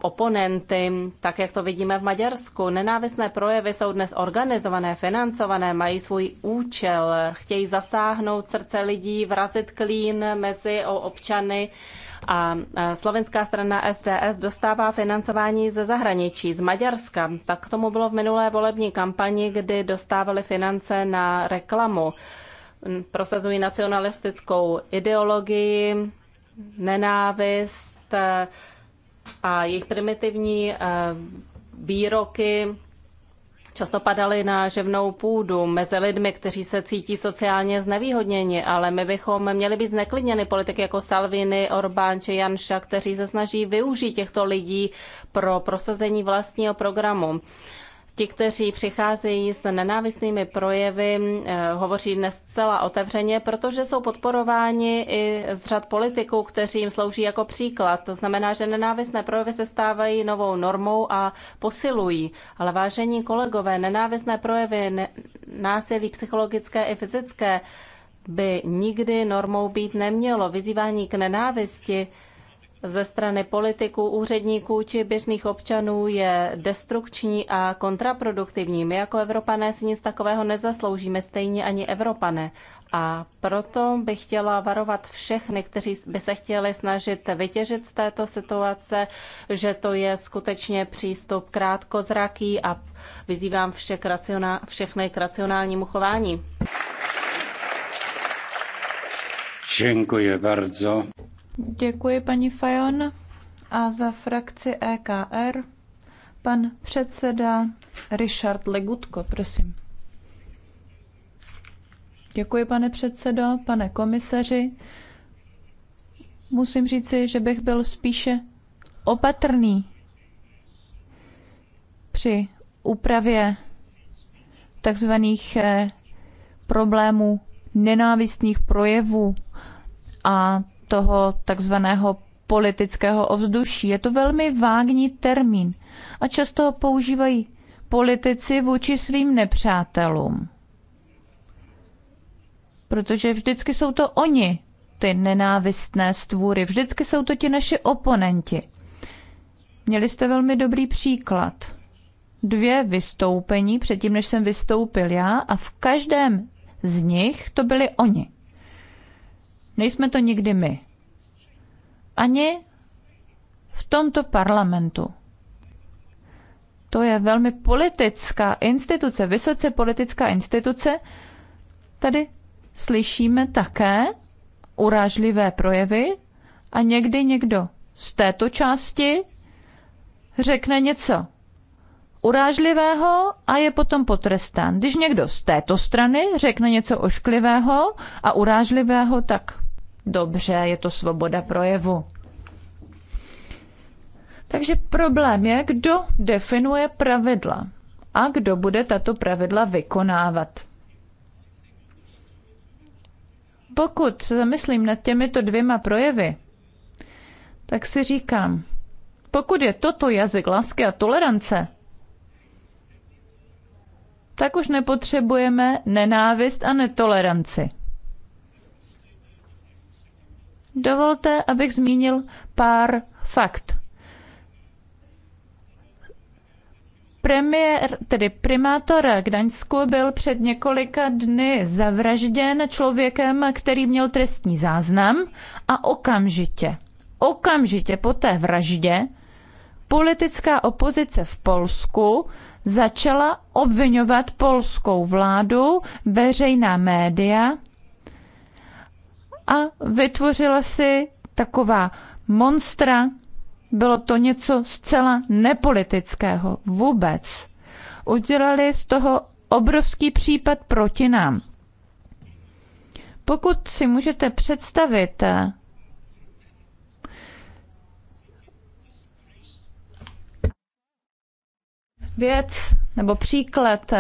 oponenty, tak jak to vidíme v Maďarsku. Nenávistné projevy jsou dnes organizované, financované, mají svůj účel, chtějí zasáhnout srdce lidí, vrazit klín mezi občany a slovenská strana SDS dostává financování ze zahraničí, z Maďarska. Tak tomu bylo v minulé volební kampani, kdy dostávali finance na reklamu. Prosazují nacionalistickou ideologii, nenávist, a jejich primitivní eh, výroky často padaly na živnou půdu mezi lidmi, kteří se cítí sociálně znevýhodněni, ale my bychom měli být zneklidněni politiky jako Salvini, Orbán či Janša, kteří se snaží využít těchto lidí pro prosazení vlastního programu. Ti, kteří přicházejí s nenávistnými projevy, eh, hovoří dnes zcela otevřeně, protože jsou podporováni i z řad politiků, kteří jim slouží jako příklad. To znamená, že nenávistné projevy se stávají novou normou a posilují. Ale vážení kolegové, nenávistné projevy násilí psychologické i fyzické by nikdy normou být nemělo. Vyzývání k nenávisti ze strany politiků, úředníků či běžných občanů je destrukční a kontraproduktivní. My jako Evropané si nic takového nezasloužíme, stejně ani Evropané. A proto bych chtěla varovat všechny, kteří by se chtěli snažit vytěžit z této situace, že to je skutečně přístup krátkozraký a vyzývám všech racionál, všechny k racionálnímu chování. Děkuji bardzo. Děkuji, paní Fajon. A za frakci EKR pan předseda Richard Legutko, prosím. Děkuji, pane předsedo, pane komisaři. Musím říci, že bych byl spíše opatrný při úpravě takzvaných eh, problémů nenávistných projevů a toho takzvaného politického ovzduší. Je to velmi vágní termín a často ho používají politici vůči svým nepřátelům. Protože vždycky jsou to oni, ty nenávistné stvůry, vždycky jsou to ti naši oponenti. Měli jste velmi dobrý příklad. Dvě vystoupení předtím, než jsem vystoupil já, a v každém z nich to byli oni. Nejsme to nikdy my. Ani v tomto parlamentu. To je velmi politická instituce, vysoce politická instituce. Tady slyšíme také urážlivé projevy a někdy někdo z této části řekne něco urážlivého a je potom potrestán. Když někdo z této strany řekne něco ošklivého a urážlivého, tak dobře, je to svoboda projevu. Takže problém je, kdo definuje pravidla a kdo bude tato pravidla vykonávat. Pokud se zamyslím nad těmito dvěma projevy, tak si říkám, pokud je toto jazyk lásky a tolerance, tak už nepotřebujeme nenávist a netoleranci. Dovolte, abych zmínil pár fakt. Premiér, tedy primátor Gdaňsku byl před několika dny zavražděn člověkem, který měl trestní záznam a okamžitě, okamžitě po té vraždě politická opozice v Polsku začala obvinovat polskou vládu, veřejná média a vytvořila si taková monstra. Bylo to něco zcela nepolitického vůbec. Udělali z toho obrovský případ proti nám. Pokud si můžete představit, věc nebo příklad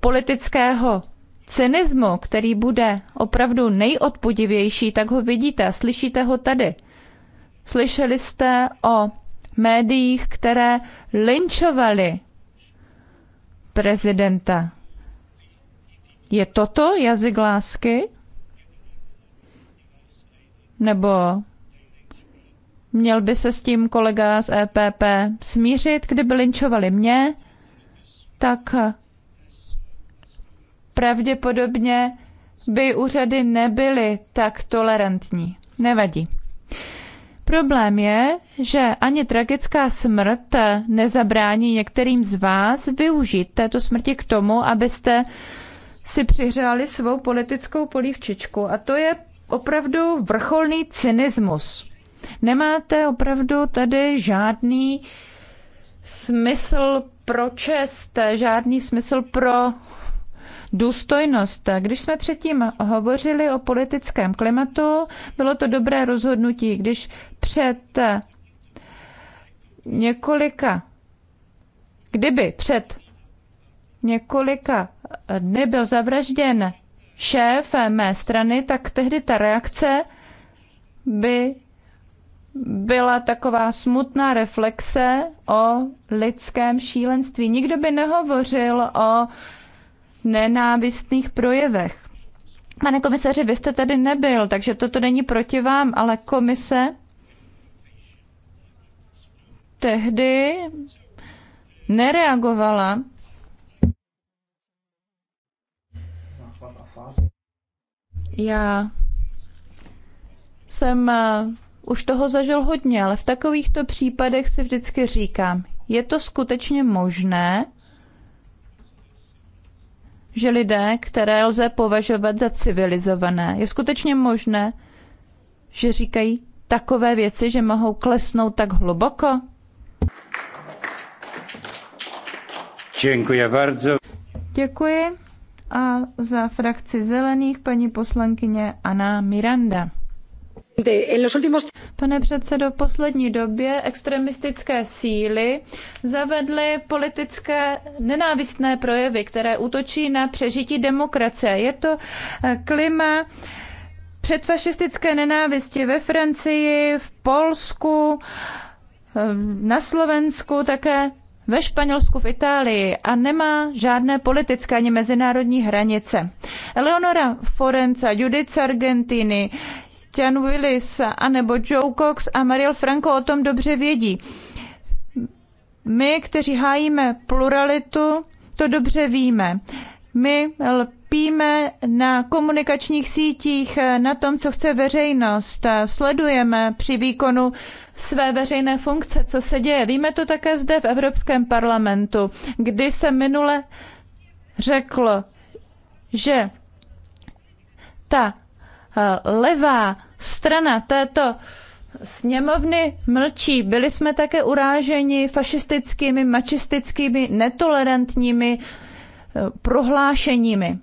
politického cynismu, který bude opravdu nejodpudivější, tak ho vidíte a slyšíte ho tady. Slyšeli jste o médiích, které linčovali prezidenta. Je toto jazyk lásky? Nebo měl by se s tím kolega z EPP smířit, kdyby linčovali mě? Tak pravděpodobně by úřady nebyly tak tolerantní. Nevadí. Problém je, že ani tragická smrt nezabrání některým z vás využít této smrti k tomu, abyste si přihřáli svou politickou polívčičku. A to je opravdu vrcholný cynismus. Nemáte opravdu tady žádný smysl pro čest, žádný smysl pro důstojnost. Když jsme předtím hovořili o politickém klimatu, bylo to dobré rozhodnutí. Když před několika, kdyby před několika dny byl zavražděn šéf mé strany, tak tehdy ta reakce by byla taková smutná reflexe o lidském šílenství. Nikdo by nehovořil o nenávistných projevech. Pane komisaři, vy jste tady nebyl, takže toto není proti vám, ale komise tehdy nereagovala. Já jsem eh, už toho zažil hodně, ale v takovýchto případech si vždycky říkám, je to skutečně možné, že lidé, které lze považovat za civilizované, je skutečně možné, že říkají takové věci, že mohou klesnout tak hluboko? Děkuji bardzo. Děkuji. A za frakci zelených paní poslankyně Ana Miranda. Pane předsedo, v poslední době extremistické síly zavedly politické nenávistné projevy, které útočí na přežití demokracie. Je to eh, klima předfašistické nenávisti ve Francii, v Polsku, eh, na Slovensku, také ve Španělsku, v Itálii a nemá žádné politické ani mezinárodní hranice. Eleonora Forenza, Judith Argentiny, Jan Willis a nebo Joe Cox a Mariel Franco o tom dobře vědí. My, kteří hájíme pluralitu, to dobře víme. My lpíme na komunikačních sítích, na tom, co chce veřejnost. Sledujeme při výkonu své veřejné funkce, co se děje. Víme to také zde v Evropském parlamentu, kdy se minule řeklo, že ta Eh, levá strana této sněmovny mlčí. Byli jsme také uráženi fašistickými, mačistickými, netolerantními eh, prohlášeními.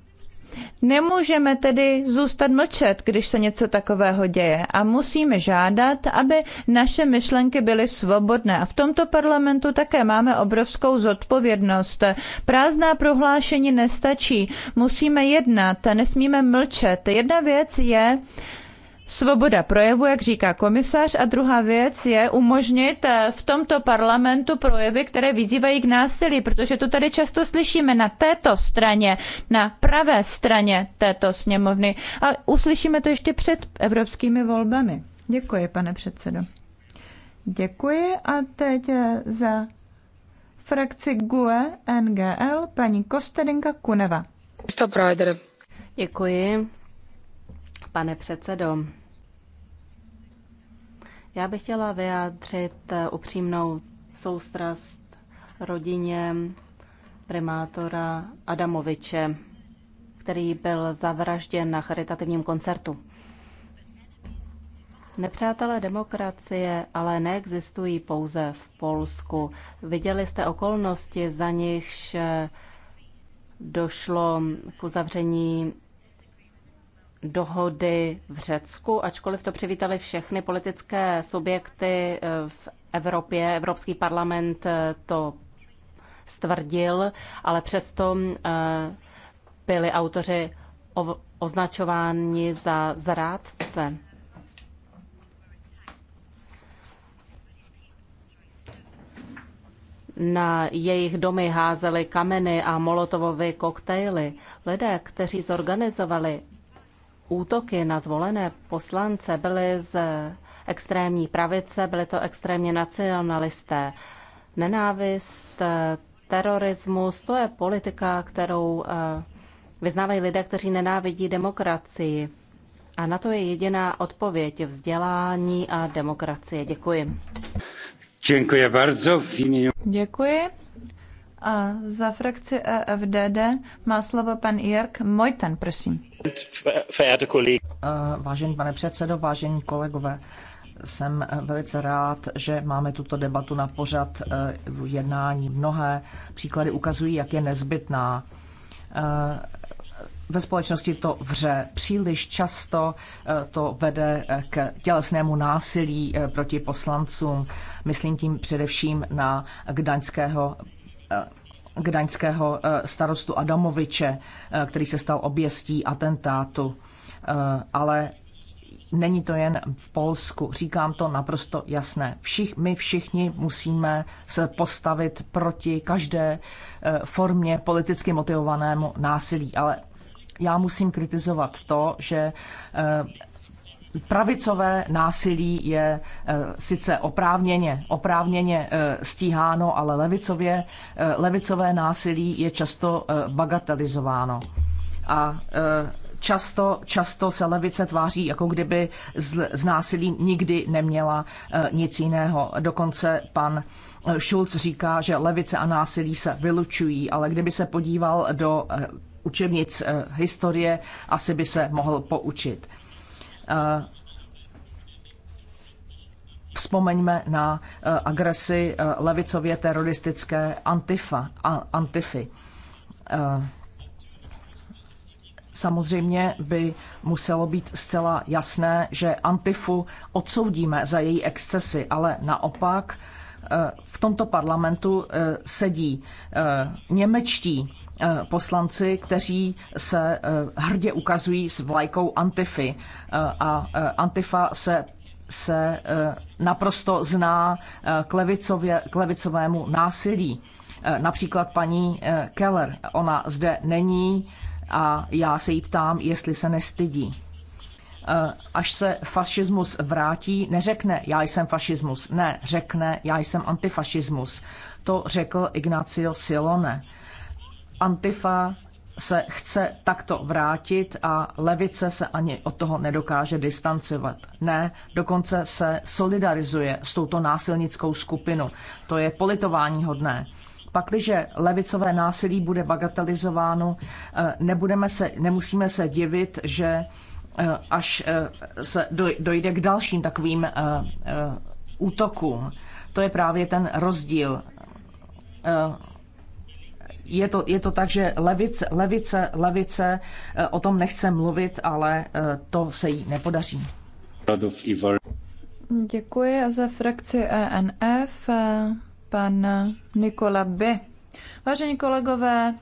Nemůžeme tedy zůstat mlčet, když se něco takového děje a musíme žádat, aby naše myšlenky byly svobodné. A v tomto parlamentu také máme obrovskou zodpovědnost. Prázdná prohlášení nestačí, musíme jednat, nesmíme mlčet. Jedna věc je, svoboda projevu, jak říká komisař, a druhá věc je umožnit eh, v tomto parlamentu projevy, které vyzývají k násilí, protože to tady často slyšíme na této straně, na pravé straně této sněmovny a uslyšíme to ještě před evropskými volbami. Děkuji, pane předsedo. Děkuji a teď eh, za frakci GUE NGL paní Kosterinka Kuneva. Děkuji pane předsedo. Já bych chtěla vyjádřit eh, upřímnou soustrast rodině primátora Adamoviče, který byl zavražděn na charitativním koncertu. Nepřátelé demokracie ale neexistují pouze v Polsku. Viděli jste okolnosti, za nichž eh, došlo k uzavření dohody v Řecku, ačkoliv to přivítali všechny politické subjekty eh, v Evropě. Evropský parlament eh, to stvrdil, ale přesto eh, byli autoři označováni za zrádce. Na jejich domy házeli kameny a molotovové koktejly. Lidé, kteří zorganizovali útoky na zvolené poslance byly z extrémní pravice, byly to extrémně nacionalisté. Nenávist, terorismus, to je politika, kterou eh, vyznávají lidé, kteří nenávidí demokracii. A na to je jediná odpověď vzdělání a demokracie. Děkuji. Děkuji bardzo. Děkuji. A za frakci EFDD má slovo pan Jirk Mojten, prosím. Eh, vážený pane předsedo, vážení kolegové, jsem eh, velice rád, že máme tuto debatu na pořad eh, jednání. Mnohé příklady ukazují, jak je nezbytná. Ve společnosti to vře příliš často, to vede k tělesnému násilí proti poslancům. Myslím tím především na gdaňského gdaňského eh, starostu Adamoviče, eh, který se stal oběstí atentátu. Eh, ale není to jen v Polsku. Říkám to naprosto jasné. Všich, my všichni musíme se postavit proti každé formě politicky motivovanému násilí. Ale já musím kritizovat to, že pravicové násilí je eh, sice oprávněně, oprávněně eh, stíháno, ale levicově, eh, levicové násilí je často bagatelizováno. A často, často se levice tváří, jako kdyby s, s násilím nikdy neměla nic jiného. Dokonce pan Schulz říká, že levice a násilí se vylučují, ale kdyby se podíval do učebnic historie, asi by se mohl poučit. Eh, vzpomeňme na eh, agresi eh, levicově teroristické Antifa, Antify. Samozřejmě by muselo být zcela jasné, že Antifu odsoudíme za její excesy, ale naopak v tomto parlamentu sedí němečtí Eh, poslanci, kteří se eh, hrdě ukazují s vlajkou Antify. Eh, a Antifa se se naprosto zná k levicovému násilí. Například paní Keller, ona zde není a já se jí ptám, jestli se nestydí. Až se fašismus vrátí, neřekne já jsem fašismus, ne, řekne já jsem antifašismus. To řekl Ignacio Silone Antifa se chce takto vrátit a levice se ani od toho nedokáže distancovat. Ne, dokonce se solidarizuje s touto násilnickou skupinou. To je politování hodné. Pakliže levicové násilí bude bagatelizováno, eh, nebudeme se, nemusíme se divit, že eh, až eh, se dojde k dalším takovým útokům. To je právě ten rozdíl je to, je to tak, že levice, levice, levice eh, o tom nechce mluvit, ale eh, to se jí nepodaří. Děkuji a za frakci ENF eh, pan Nikola B. Vážení kolegové,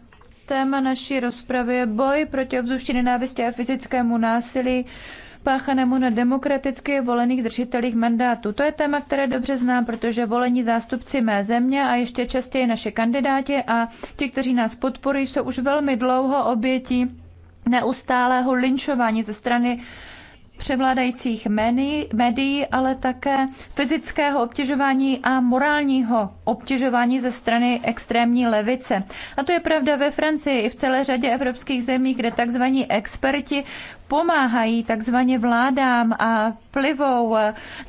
téma naší rozpravy je boj proti ovzdušní nenávisti a fyzickému násilí páchanému na demokraticky volených držitelích mandátu. To je téma, které dobře znám, protože volení zástupci mé země a ještě častěji naše kandidáti a ti, kteří nás podporují, jsou už velmi dlouho obětí neustálého linčování ze strany převládajících médií, ale také fyzického obtěžování a morálního obtěžování ze strany extrémní levice. A to je pravda ve Francii i v celé řadě evropských zemí, kde takzvaní experti pomáhají takzvaně vládám a plivou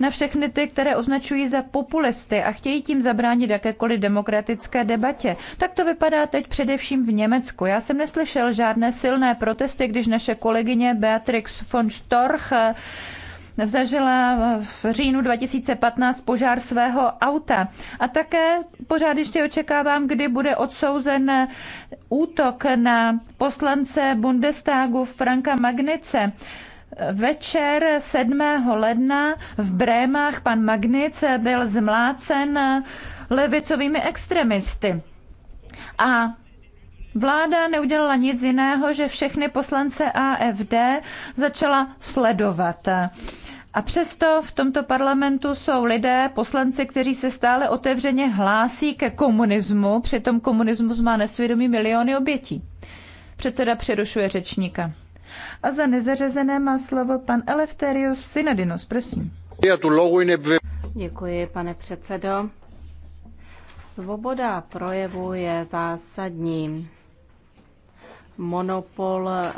na všechny ty, které označují za populisty a chtějí tím zabránit jakékoliv demokratické debatě. Tak to vypadá teď především v Německu. Já jsem neslyšel žádné silné protesty, když naše kolegyně Beatrix von Storch zažila v říjnu 2015 požár svého auta. A také pořád ještě očekávám, kdy bude odsouzen útok na poslance Bundestagu Franka Magnice. Večer 7. ledna v Brémách pan Magnic byl zmlácen levicovými extremisty. A Vláda neudělala nic jiného, že všechny poslance AFD začala sledovat. A přesto v tomto parlamentu jsou lidé, poslanci, kteří se stále otevřeně hlásí ke komunismu, přitom komunismus má nesvědomí miliony obětí. Předseda přerušuje řečníka. A za nezařazené má slovo pan Eleftherios Synadinos, prosím. Děkuji, pane předsedo. Svoboda projevu je zásadní. Monopol eh,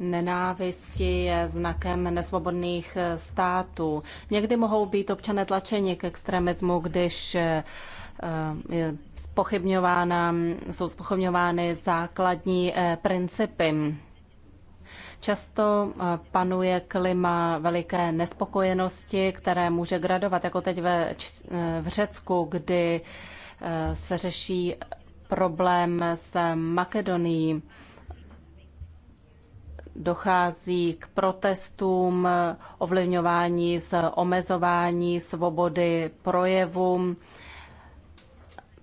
nenávisti je znakem nesvobodných států. Někdy mohou být občané tlačeni k extremismu, když eh, je spochybňována, jsou spochybňovány základní eh, principy. Často eh, panuje klima veliké nespokojenosti, které může gradovat, jako teď ve, v Řecku, kdy se řeší problém s Makedonií dochází k protestům, ovlivňování z omezování svobody projevu.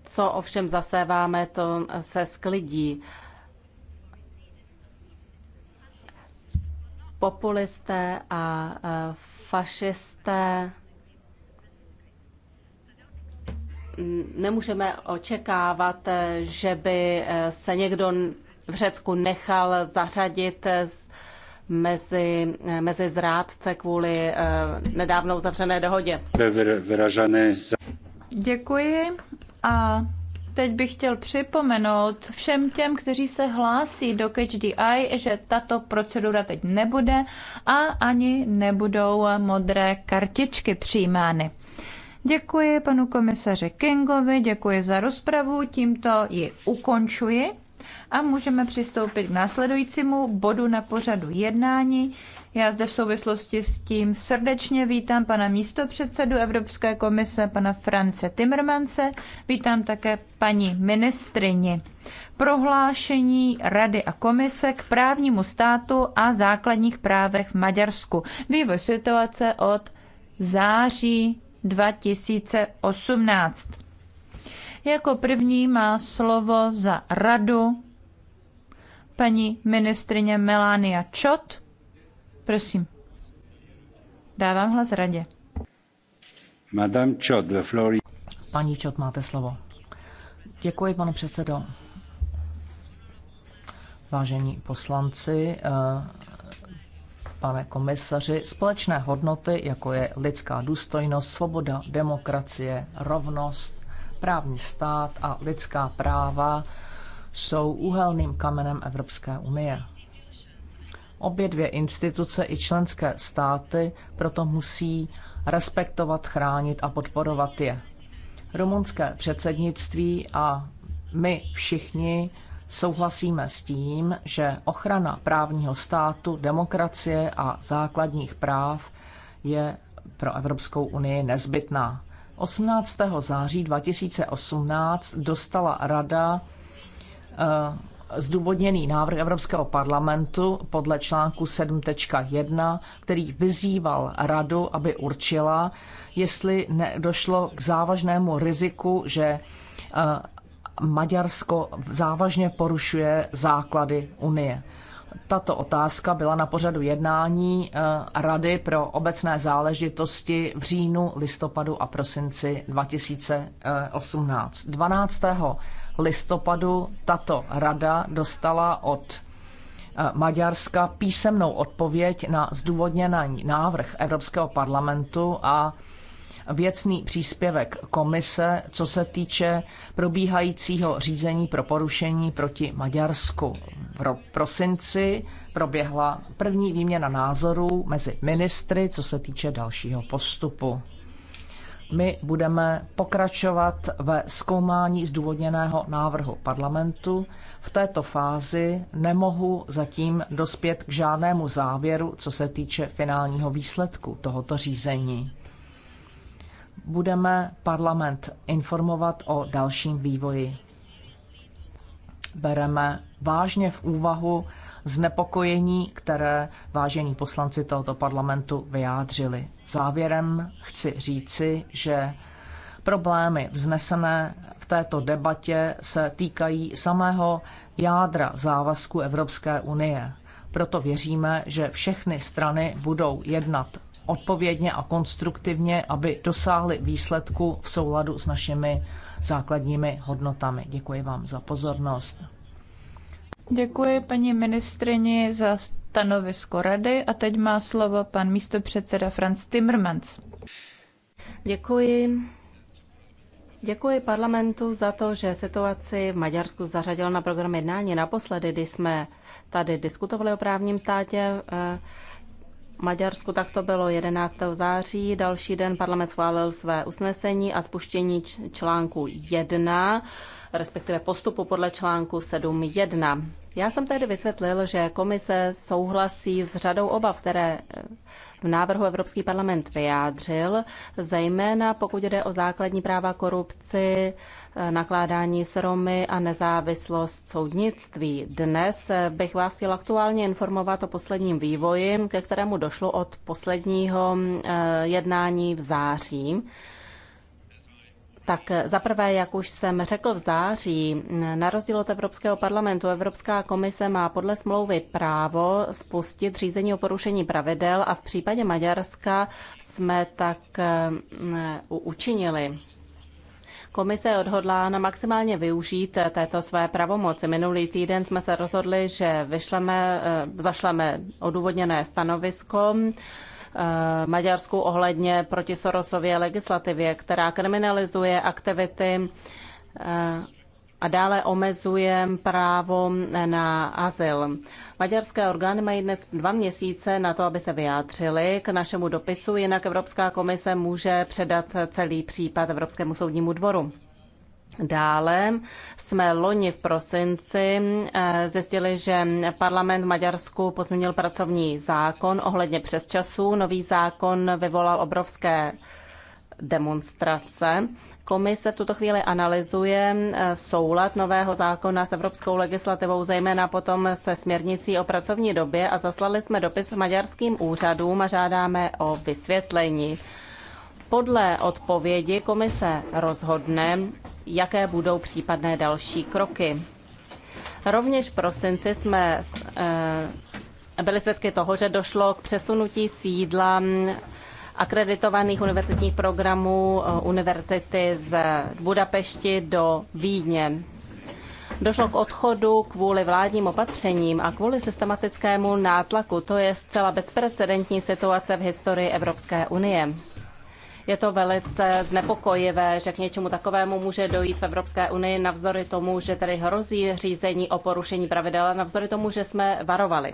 Co ovšem zaséváme, to se sklidí. Populisté a fašisté nemůžeme očekávat, že by se někdo v Řecku nechal zařadit mezi, mezi zrádce kvůli eh, nedávnou zavřené dohodě. Vyražené Děkuji a teď bych chtěl připomenout všem těm, kteří se hlásí do Catch the Eye, že tato procedura teď nebude a ani nebudou modré kartičky přijímány. Děkuji panu komisaři Kingovi, děkuji za rozpravu, tímto ji ukončuji. A můžeme přistoupit k následujícímu bodu na pořadu jednání. Já zde v souvislosti s tím srdečně vítám pana místopředsedu Evropské komise, pana France Timmermanse. Vítám také paní ministrini. Prohlášení Rady a komise k právnímu státu a základních právech v Maďarsku. Vývoj situace od září 2018. Jako první má slovo za radu paní ministrině Melania Čot. Prosím. Dávám hlas radě. Madame Chod ve floor Paní Čot, máte slovo. Děkuji, pane předsedo. Vážení poslanci, eh, pane komisaři, společné hodnoty, jako je lidská důstojnost, svoboda, demokracie, rovnost, právní stát a lidská práva jsou úhelným kamenem Evropské unie. Obě dvě instituce i členské státy proto musí respektovat, chránit a podporovat je. Rumunské předsednictví a my všichni souhlasíme s tím, že ochrana právního státu, demokracie a základních práv je pro Evropskou unii nezbytná. 18. září 2018 dostala Rada eh, zdůvodněný návrh Evropského parlamentu podle článku 7.1, který vyzýval radu, aby určila, jestli došlo k závažnému riziku, že eh, Maďarsko závažně porušuje základy Unie tato otázka byla na pořadu jednání eh, Rady pro obecné záležitosti v říjnu, listopadu a prosinci 2018. 12. listopadu tato rada dostala od eh, Maďarska písemnou odpověď na zdůvodněný návrh Evropského parlamentu a věcný příspěvek komise, co se týče probíhajícího řízení pro porušení proti Maďarsku. V prosinci proběhla první výměna názorů mezi ministry, co se týče dalšího postupu my budeme pokračovat ve zkoumání zdůvodněného návrhu parlamentu. V této fázi nemohu zatím dospět k žádnému závěru, co se týče finálního výsledku tohoto řízení budeme parlament informovat o dalším vývoji. Bereme vážně v úvahu znepokojení, které vážení poslanci tohoto parlamentu vyjádřili. Závěrem chci říci, že problémy vznesené v této debatě se týkají samého jádra závazku Evropské unie. Proto věříme, že všechny strany budou jednat odpovědně a konstruktivně, aby dosáhli výsledku v souladu s našimi základními hodnotami. Děkuji vám za pozornost. Děkuji paní ministrini za stanovisko rady a teď má slovo pan místopředseda Franz Timmermans. Děkuji. Děkuji parlamentu za to, že situaci v Maďarsku zařadil na program jednání naposledy, kdy jsme tady diskutovali o právním státě. Eh, Maďarsku tak to bylo 11. září. Další den parlament schválil své usnesení a spuštění článku 1, respektive postupu podle článku 7.1. Já jsem tedy vysvětlil, že komise souhlasí s řadou obav, které eh, v návrhu Evropský parlament vyjádřil, zejména pokud jde o základní práva korupci, Eh, nakládání s Romy a nezávislost soudnictví. Dnes eh, bych vás chtěl aktuálně informovat o posledním vývoji, ke kterému došlo od posledního eh, jednání v září. Tak zaprvé, jak už jsem řekl v září, na rozdíl od Evropského parlamentu, Evropská komise má podle smlouvy právo spustit řízení o porušení pravidel a v případě Maďarska jsme tak učinili. Komise odhodlá na maximálně využít této své pravomoci. Minulý týden jsme se rozhodli, že vyšleme, eh, zašleme odůvodněné stanovisko eh, Maďarsku ohledně proti Sorosově legislativě, která kriminalizuje aktivity eh, a dále omezuje právo na azyl. Maďarské orgány mají dnes dva měsíce na to, aby se vyjádřili k našemu dopisu, jinak Evropská komise může předat celý případ Evropskému soudnímu dvoru. Dále jsme loni v prosinci eh, zjistili, že parlament v Maďarsku pozměnil pracovní zákon ohledně přesčasů. Nový zákon vyvolal obrovské demonstrace Komise v tuto chvíli analyzuje eh, soulad nového zákona s evropskou legislativou, zejména potom se směrnicí o pracovní době a zaslali jsme dopis maďarským úřadům a žádáme o vysvětlení. Podle odpovědi komise rozhodne, jaké budou případné další kroky. Rovněž v prosinci jsme eh, byli svědky toho, že došlo k přesunutí sídla akreditovaných univerzitních programů eh, univerzity z Budapešti do Vídně. Došlo k odchodu kvůli vládním opatřením a kvůli systematickému nátlaku. To je zcela bezprecedentní situace v historii Evropské unie. Je to velice znepokojivé, že k něčemu takovému může dojít v Evropské unii navzdory tomu, že tady hrozí řízení o porušení pravidel, navzdory tomu, že jsme varovali.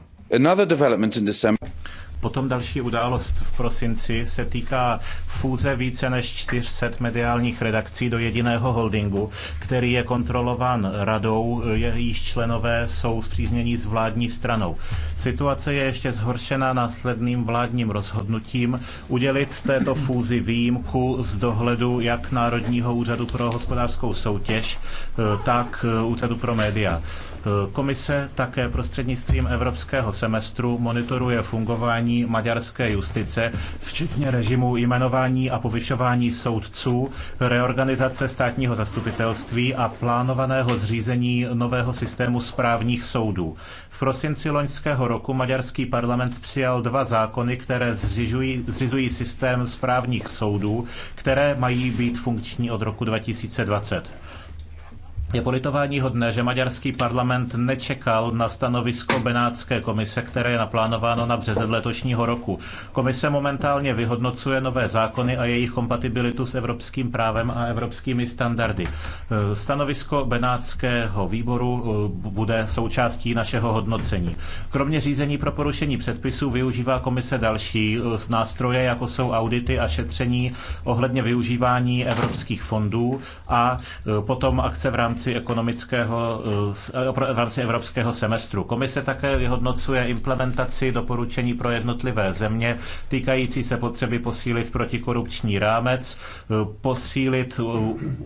Potom další událost v prosinci se týká fúze více než 400 mediálních redakcí do jediného holdingu, který je kontrolován radou, jejíž členové jsou zpřízněni s vládní stranou. Situace je ještě zhoršena následným vládním rozhodnutím udělit této fúzi výjimku z dohledu jak Národního úřadu pro hospodářskou soutěž, eh, tak eh, Úřadu pro média. Eh, komise také prostřednictvím evropského semestru monitoruje fungování maďarské justice, včetně režimu jmenování a povyšování soudců, reorganizace státního zastupitelství a plánovaného zřízení nového systému správních soudů. V prosinci loňského roku maďarský parlament přijal dva zákony, které zřizují zřizují systém správních soudů, které mají být funkční od roku 2020. Je politování hodné, že maďarský parlament nečekal na stanovisko Benátské komise, které je naplánováno na březen letošního roku. Komise momentálně vyhodnocuje nové zákony a jejich kompatibilitu s evropským právem a evropskými standardy. Stanovisko Benátského výboru eh, bude součástí našeho hodnocení. Kromě řízení pro porušení předpisů využívá komise další eh, nástroje, jako jsou audity a šetření ohledně využívání evropských fondů a eh, potom akce v rámci rámci ekonomického, v eh, rámci evropského semestru. Komise také vyhodnocuje implementaci doporučení pro jednotlivé země týkající se potřeby posílit protikorupční rámec, eh, posílit eh,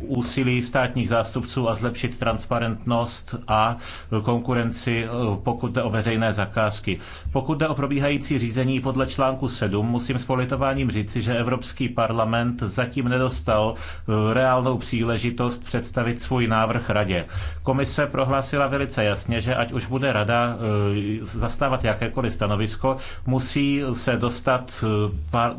úsilí státních zástupců a zlepšit transparentnost a konkurenci, pokud jde o veřejné zakázky. Pokud jde o probíhající řízení podle článku 7, musím s politováním říci, že Evropský parlament zatím nedostal reálnou příležitost představit svůj návrh návrh radě. Komise prohlásila velice jasně, že ať už bude rada eh, zastávat jakékoliv stanovisko, musí se dostat eh, par-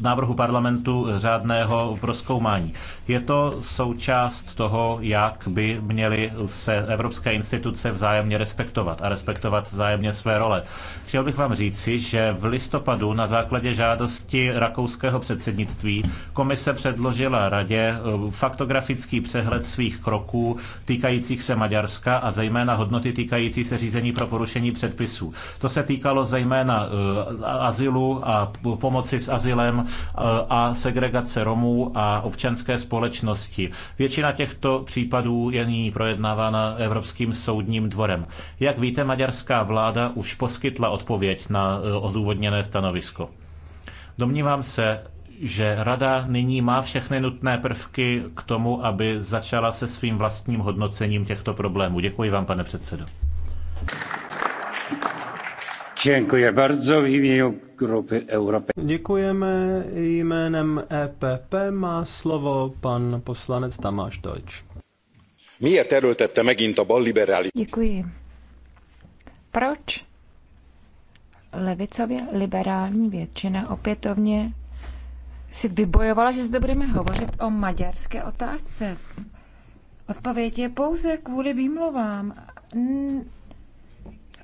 návrhu parlamentu řádného proskoumání. Je to součást toho, jak by měly se evropské instituce vzájemně respektovat a respektovat vzájemně své role. Chtěl bych vám říci, že v listopadu na základě žádosti rakouského předsednictví komise předložila radě eh, faktografický přehled svých kroků týkajících se Maďarska a zejména hodnoty týkající se řízení pro porušení předpisů. To se týkalo zejména e, azylu a pomoci s azylem e, a segregace Romů a občanské společnosti. Většina těchto případů je nyní projednávána Evropským soudním dvorem. Jak víte, maďarská vláda už poskytla odpověď na e, odůvodněné stanovisko. Domnívám se, že Rada nyní má všechny nutné prvky k tomu, aby začala se svým vlastním hodnocením těchto problémů. Děkuji vám, pane předsedo. Děkuji bardzo v jménu grupy Evropy. Děkujeme jménem EPP. Má slovo pan poslanec Tamáš Deutsch. Miért erőltette megint a balliberális... Děkuji. Proč levicově liberální většina opětovně si vybojovala, že zde budeme hovořit o maďarské otázce. Odpověď je pouze kvůli výmluvám.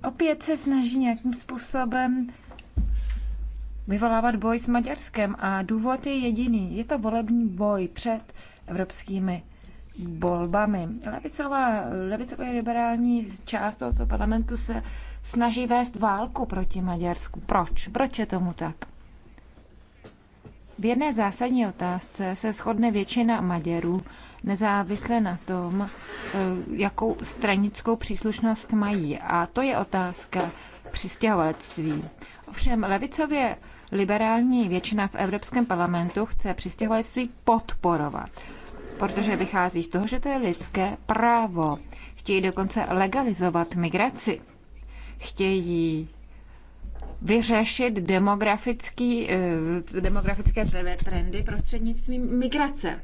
Opět se snaží nějakým způsobem vyvolávat boj s Maďarskem a důvod je jediný. Je to volební boj před evropskými volbami. Levicová, levicová liberální část tohoto parlamentu se snaží vést válku proti Maďarsku. Proč? Proč je tomu tak? V jedné zásadní otázce se shodne většina Maďarů, nezávisle na tom, e, jakou stranickou příslušnost mají. A to je otázka přistěhovalectví. Ovšem levicově liberální většina v Evropském parlamentu chce přistěhovalectví podporovat, protože vychází z toho, že to je lidské právo. Chtějí dokonce legalizovat migraci. Chtějí vyřešit demografický, eh, demografické trendy prostřednictvím migrace.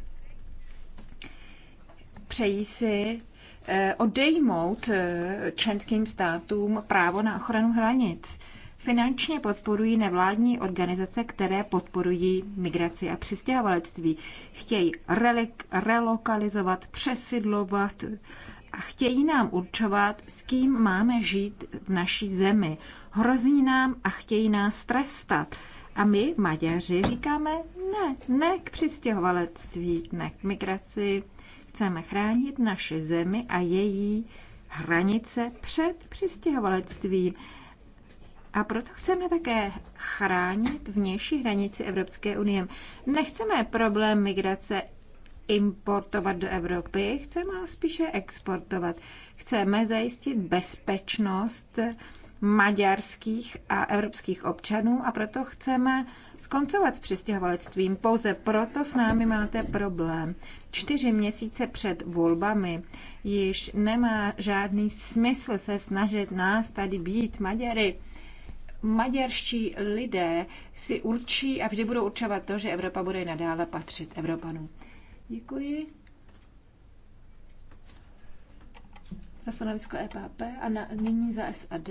Přejí si eh, odejmout eh, členským státům právo na ochranu hranic. Finančně podporují nevládní organizace, které podporují migraci a přistěhovalectví. Chtějí relokalizovat, přesidlovat a chtějí nám určovat, s kým máme žít v naší zemi. Hrozí nám a chtějí nás trestat. A my, Maďaři, říkáme ne, ne k přistěhovalectví, ne k migraci. Chceme chránit naši zemi a její hranice před přistěhovalectvím. A proto chceme také chránit vnější hranici Evropské unie. Nechceme problém migrace importovat do Evropy, chceme spíše exportovat. Chceme zajistit bezpečnost maďarských a evropských občanů a proto chceme skoncovat s přistěhovalectvím. Pouze proto s námi máte problém. Čtyři měsíce před volbami již nemá žádný smysl se snažit nás tady být Maďary. Maďarští lidé si určí a vždy budou určovat to, že Evropa bude nadále patřit Evropanům. Děkuji. Za stanovisko EPP a na, nyní za SAD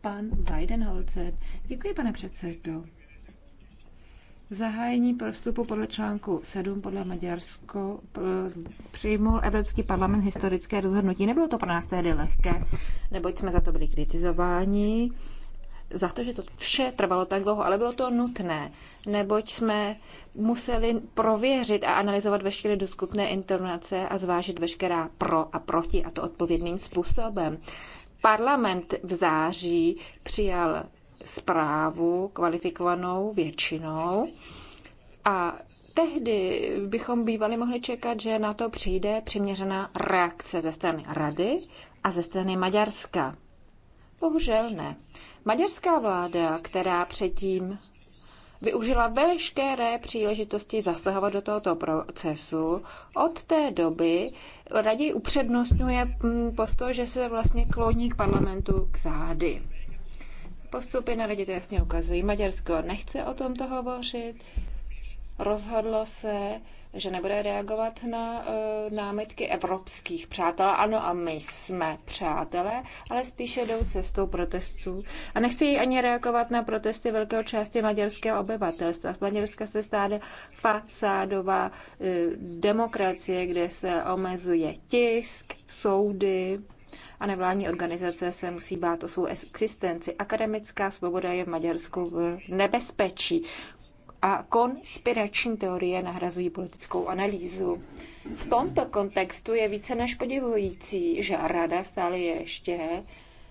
pan Weidenholzer. Děkuji, pane předsedo. Zahájení prostupu podle článku 7 podle Maďarsko přijmul Evropský parlament historické rozhodnutí. Nebylo to pro nás tehdy lehké, neboť jsme za to byli kritizováni za to, že to vše trvalo tak dlouho, ale bylo to nutné, neboť jsme museli prověřit a analyzovat veškeré dostupné informace a zvážit veškerá pro a proti, a to odpovědným způsobem. Parlament v září přijal zprávu kvalifikovanou většinou a tehdy bychom bývali mohli čekat, že na to přijde přiměřená reakce ze strany Rady a ze strany Maďarska. Bohužel ne. Maďarská vláda, která předtím využila veškeré příležitosti zasahovat do tohoto procesu. Od té doby raději upřednostňuje hm, postoj, že se vlastně kloní k parlamentu k zády. Postupy na radě to jasně ukazují. Maďarsko nechce o tomto hovořit, rozhodlo se, že nebude reagovat na uh, námitky evropských přátel. Ano, a my jsme přátelé, ale spíše jdou cestou protestů. A nechci ani reagovat na protesty velkého části maďarského obyvatelstva. V Maďarska se stále fasádová uh, eh, demokracie, kde se omezuje tisk, soudy, a nevládní organizace se musí bát o svou existenci. Akademická svoboda je v Maďarsku v nebezpečí a konspirační teorie nahrazují politickou analýzu. V tomto kontextu je více než podivující, že Rada stále ještě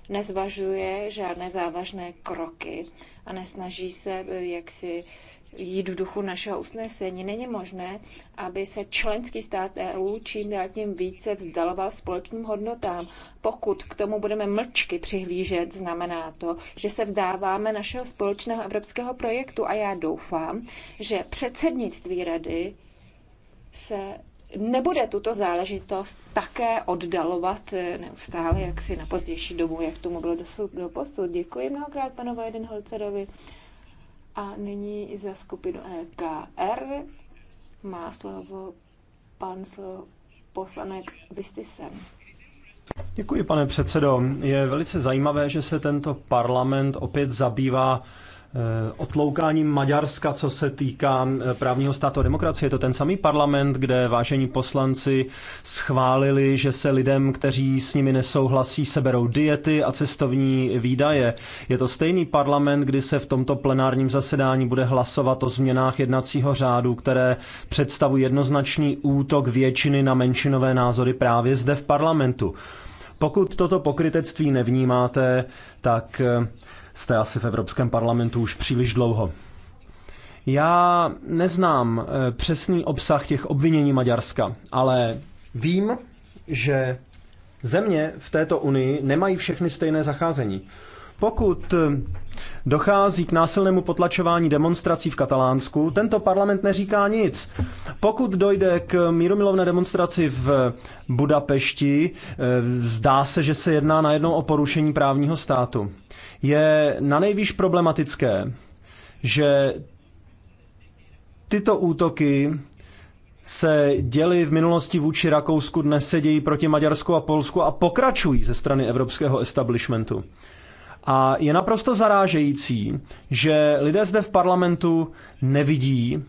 nezvažuje žádné závažné kroky a nesnaží se eh, jaksi jít v duchu našeho usnesení. Není možné, aby se členský stát EU čím dál tím více vzdaloval společným hodnotám. Pokud k tomu budeme mlčky přihlížet, znamená to, že se vzdáváme našeho společného evropského projektu a já doufám, že předsednictví rady se nebude tuto záležitost také oddalovat eh, neustále, jak si na pozdější dobu, jak tomu bylo do posud. Děkuji mnohokrát panu Vajdenholcerovi. A nyní za skupinu EKR má slovo pan slovo poslanek Vistisen. Děkuji, pane předsedo. Je velice zajímavé, že se tento parlament opět zabývá Eh, otloukáním Maďarska, co se týká eh, právního státu a demokracie. Je to ten samý parlament, kde vážení poslanci schválili, že se lidem, kteří s nimi nesouhlasí, seberou diety a cestovní výdaje. Je to stejný parlament, kdy se v tomto plenárním zasedání bude hlasovat o změnách jednacího řádu, které představují jednoznačný útok většiny na menšinové názory právě zde v parlamentu. Pokud toto pokrytectví nevnímáte, tak eh, Jste asi v Evropském parlamentu už příliš dlouho. Já neznám eh, přesný obsah těch obvinění Maďarska, ale vím, že země v této unii nemají všechny stejné zacházení. Pokud eh, Dochází k násilnému potlačování demonstrací v Katalánsku. Tento parlament neříká nic. Pokud dojde k mírumilovné demonstraci v Budapešti, eh, zdá se, že se jedná najednou o porušení právního státu. Je na nejvýš problematické, že tyto útoky se děly v minulosti vůči Rakousku, dnes se dějí proti Maďarsku a Polsku a pokračují ze strany evropského establishmentu. A je naprosto zarážející, že lidé zde v parlamentu nevidí,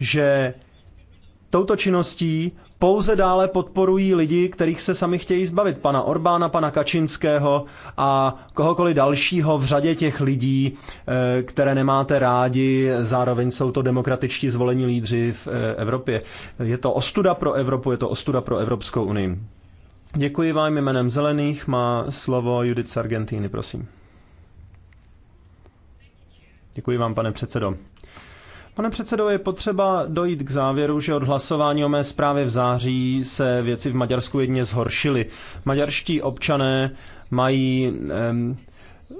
že touto činností pouze dále podporují lidi, kterých se sami chtějí zbavit. Pana Orbána, pana Kačinského a kohokoliv dalšího v řadě těch lidí, eh, které nemáte rádi, zároveň jsou to demokratičtí zvolení lídři v eh, Evropě. Je to ostuda pro Evropu, je to ostuda pro Evropskou unii. Děkuji vám jménem Zelených, má slovo Judith Sargentini, prosím. Děkuji vám, pane předsedo. Pane předsedo, je potřeba dojít k závěru, že od hlasování o mé zprávě v září se věci v Maďarsku jedně zhoršily. Maďarští občané mají eh,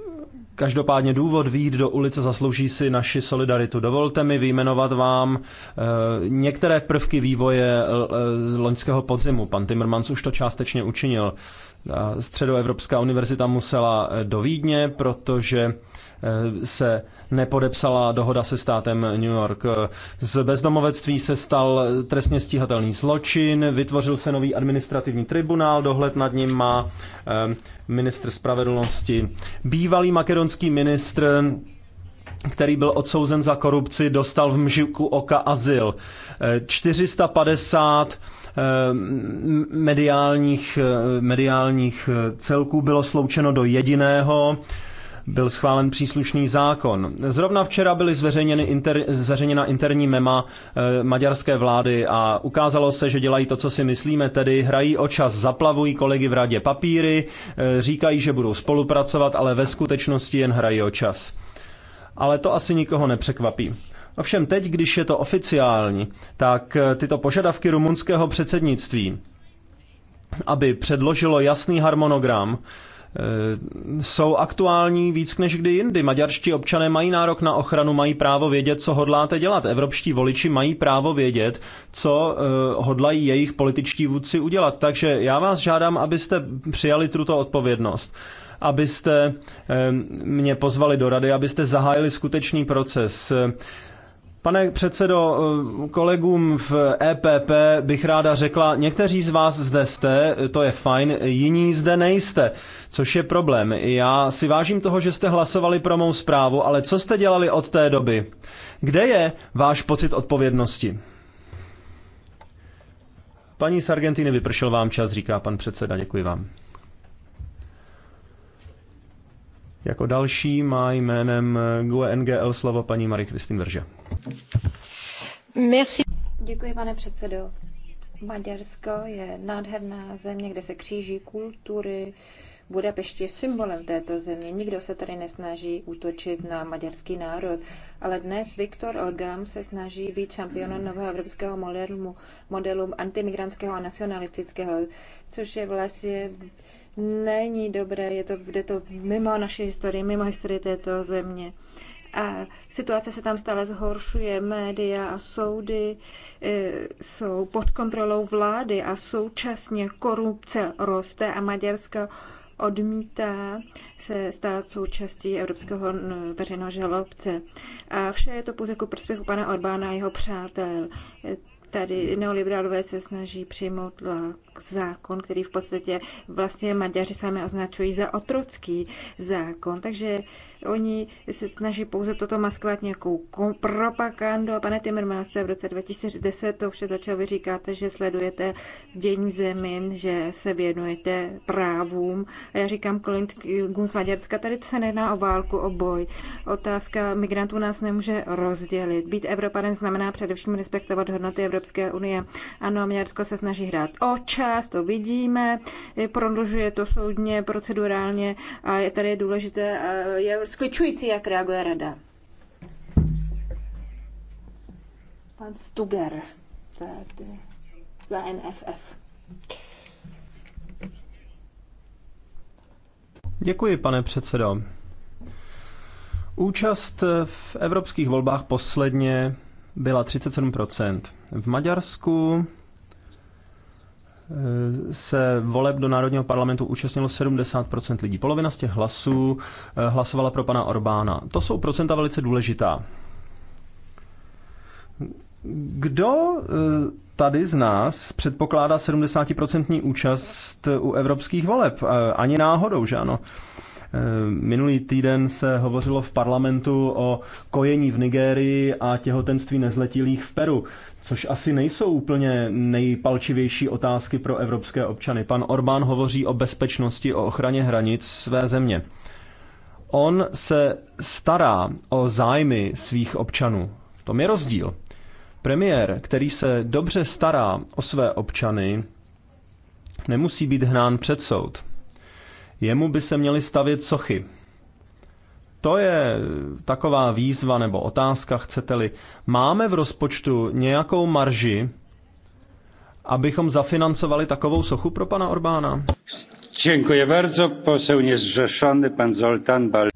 každopádně důvod výjít do ulice zaslouží si naši solidaritu. Dovolte mi vyjmenovat vám eh, některé prvky vývoje eh, loňského podzimu. Pan Timmermans už to částečně učinil. Eh, Středoevropská univerzita musela eh, do Vídně, protože Eh, se nepodepsala dohoda se státem New York. Z bezdomovectví se stal trestně stíhatelný zločin, vytvořil se nový administrativní tribunál, dohled nad ním má eh, ministr spravedlnosti. Bývalý makedonský ministr který byl odsouzen za korupci, dostal v mžiku oka azyl. 450 eh, mediálních, mediálních celků bylo sloučeno do jediného byl schválen příslušný zákon. Zrovna včera byly zveřejněny inter, zveřejněna interní mema e, maďarské vlády a ukázalo se, že dělají to, co si myslíme, tedy hrají o čas, zaplavují kolegy v radě papíry, e, říkají, že budou spolupracovat, ale ve skutečnosti jen hrají o čas. Ale to asi nikoho nepřekvapí. Ovšem teď, když je to oficiální, tak eh, tyto požadavky rumunského předsednictví, aby předložilo jasný harmonogram, Eh, jsou aktuální víc než kdy jindy. Maďarští občané mají nárok na ochranu, mají právo vědět, co hodláte dělat. Evropští voliči mají právo vědět, co eh, hodlají jejich političtí vůdci udělat. Takže já vás žádám, abyste přijali tuto odpovědnost abyste eh, mě pozvali do rady, abyste zahájili skutečný proces. Pane předsedo, eh, kolegům v EPP bych ráda řekla, někteří z vás zde jste, to je fajn, jiní zde nejste, což je problém. Já si vážím toho, že jste hlasovali pro mou zprávu, ale co jste dělali od té doby? Kde je váš pocit odpovědnosti? Paní z Argentiny, vypršel vám čas, říká pan předseda, děkuji vám. Jako další má jménem GUE NGL slovo paní Marie Kristin Verže. Merci. Děkuji, pane předsedo. Maďarsko je nádherná země, kde se kříží kultury. Budapešť je symbolem této země. Nikdo se tady nesnaží útočit na maďarský národ. Ale dnes Viktor Orgám se snaží být šampionem nového evropského modelu, modelu antimigrantského a nacionalistického, což je vlastně není dobré, je to, jde to mimo naší historii, mimo historii této země. A situace se tam stále zhoršuje, média a soudy e, jsou pod kontrolou vlády a současně korupce roste a Maďarsko odmítá se stát součástí Evropského veřejného žalobce. A vše je to pouze ku prospěchu pana Orbána a jeho přátel. Tady neoliberálové se snaží přijmout eh, zákon, který v podstatě vlastně Maďaři sami označují za otrocký zákon. Takže Oni se snaží pouze toto maskovat nějakou propagandu. A pane Timmermanse, v roce 2010 to vše začal Vy říkáte, že sledujete dění zemin, že se věnujete právům. A já říkám, kolem Guns Maďarska, tady to se nejedná o válku, o boj. Otázka migrantů nás nemůže rozdělit. Být Evropanem znamená především respektovat hodnoty Evropské unie. Ano, Maďarsko se snaží hrát o čas, to vidíme, prodlužuje to soudně, procedurálně a je tady důležité, je skličující, jak reaguje rada. Pan Stuger, to je za NFF. Děkuji, pane předsedo. Účast v evropských volbách posledně byla 37%. V Maďarsku Eh, se voleb do Národního parlamentu účastnilo 70% lidí. Polovina z těch hlasů eh, hlasovala pro pana Orbána. To jsou procenta velice důležitá. Kdo eh, tady z nás předpokládá 70% účast u evropských voleb? Ani náhodou, že ano? Eh, minulý týden se hovořilo v parlamentu o kojení v Nigérii a těhotenství nezletilých v Peru, což asi nejsou úplně nejpalčivější otázky pro evropské občany. Pan Orbán hovoří o bezpečnosti, o ochraně hranic své země. On se stará o zájmy svých občanů. V tom je rozdíl. Premiér, který se dobře stará o své občany, nemusí být hnán před soud. Jemu by se měly stavět sochy. To je taková výzva nebo otázka, chcete-li. Máme v rozpočtu nějakou marži, abychom zafinancovali takovou sochu pro pana Orbána? Děkuji bardzo, poseł nezřešený pan Zoltán Bal.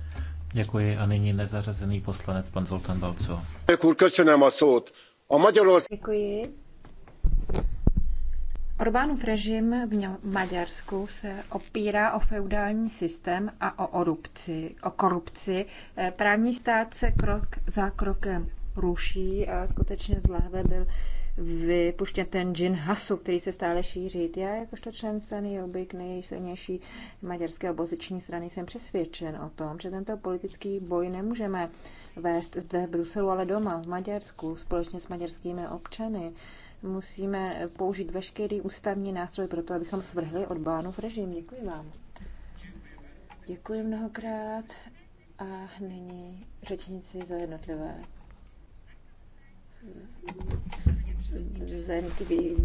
Děkuji a nyní nezařazený poslanec pan Zoltán Balco. Děkuji. Orbánův režim v Maďarsku se opírá o feudální systém a o, orupci, o korupci. Eh, právní stát se krok za krokem ruší a skutečně z lahve byl vypuštěn ten džin hasu, který se stále šíří. Já jakožto člen strany Jobbik, nejsilnější maďarské opoziční strany, jsem přesvědčen o tom, že tento politický boj nemůžeme vést zde v Bruselu, ale doma, v Maďarsku, společně s maďarskými občany musíme použít veškerý ústavní nástroj pro to, abychom svrhli v režim. Děkuji vám. Děkuji mnohokrát a nyní řečníci za jednotlivé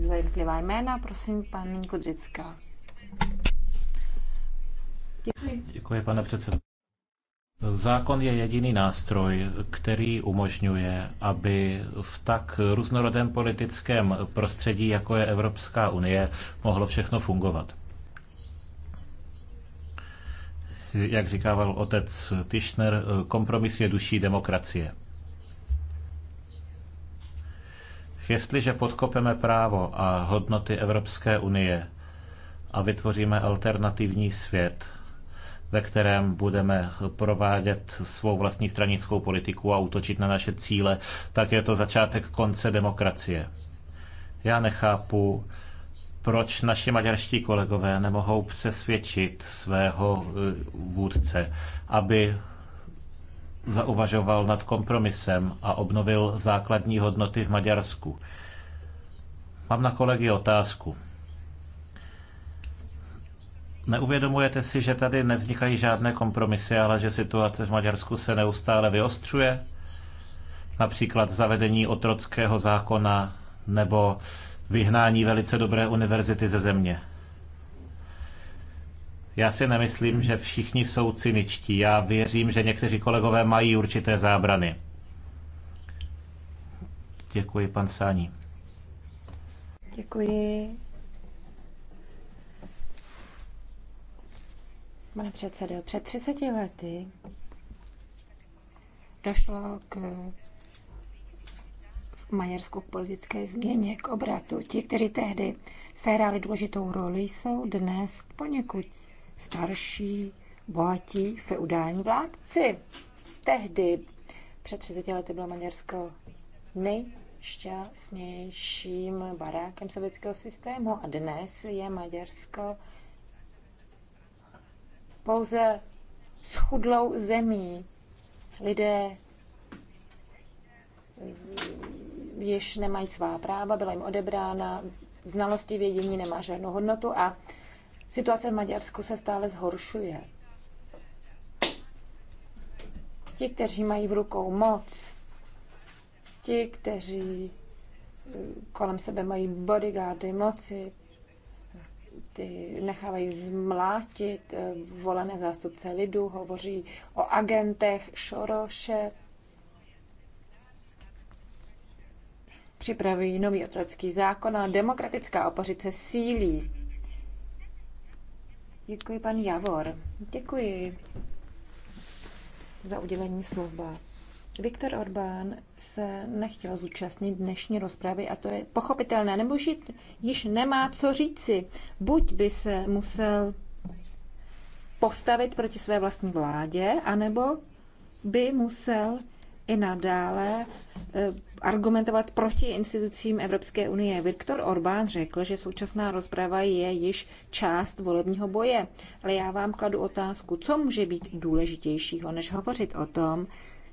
za jednotlivá jména. Prosím, paní Kudrická. Děkuji. Děkuji, pane předsedo. Zákon je jediný nástroj, který umožňuje, aby v tak různorodém politickém prostředí, jako je Evropská unie, mohlo všechno fungovat. Jak říkával otec Tischner, kompromis je duší demokracie. Jestliže podkopeme právo a hodnoty Evropské unie a vytvoříme alternativní svět, ve kterém budeme provádět svou vlastní stranickou politiku a útočit na naše cíle, tak je to začátek konce demokracie. Já nechápu, proč naši maďarští kolegové nemohou přesvědčit svého eh, vůdce, aby zauvažoval nad kompromisem a obnovil základní hodnoty v Maďarsku. Mám na kolegy otázku. Neuvědomujete si, že tady nevznikají žádné kompromisy, ale že situace v Maďarsku se neustále vyostřuje? Například zavedení otrockého zákona nebo vyhnání velice dobré univerzity ze země. Já si nemyslím, že všichni jsou cyničtí. Já věřím, že někteří kolegové mají určité zábrany. Děkuji, pan Sání. Děkuji. Pane předsedo, před 30 lety došlo k v Majersku k politické změně, k obratu. Ti, kteří tehdy sehráli důležitou roli, jsou dnes poněkud starší, bohatí feudální vládci. Tehdy před 30 lety bylo Maďarsko nejšťastnějším barákem sovětského systému a dnes je Maďarsko pouze schudlou zemí. Lidé eh, již nemají svá práva, byla jim odebrána, znalosti vědění nemá žádnou hodnotu a situace v Maďarsku se stále zhoršuje. Ti, kteří mají v rukou moc, ti, kteří eh, kolem sebe mají bodyguardy moci, ty nechávají zmlátit eh, volené zástupce lidu, hovoří o agentech Šoroše, připravují nový otrocký zákon a demokratická opozice sílí. Děkuji, pan Javor. Děkuji za udělení slova. Viktor Orbán se nechtěl zúčastnit dnešní rozpravy a to je pochopitelné, nebo již nemá co říci. Buď by se musel postavit proti své vlastní vládě, anebo by musel i nadále eh, argumentovat proti institucím Evropské unie. Viktor Orbán řekl, že současná rozprava je již část volebního boje. Ale já vám kladu otázku, co může být důležitějšího, než hovořit o tom,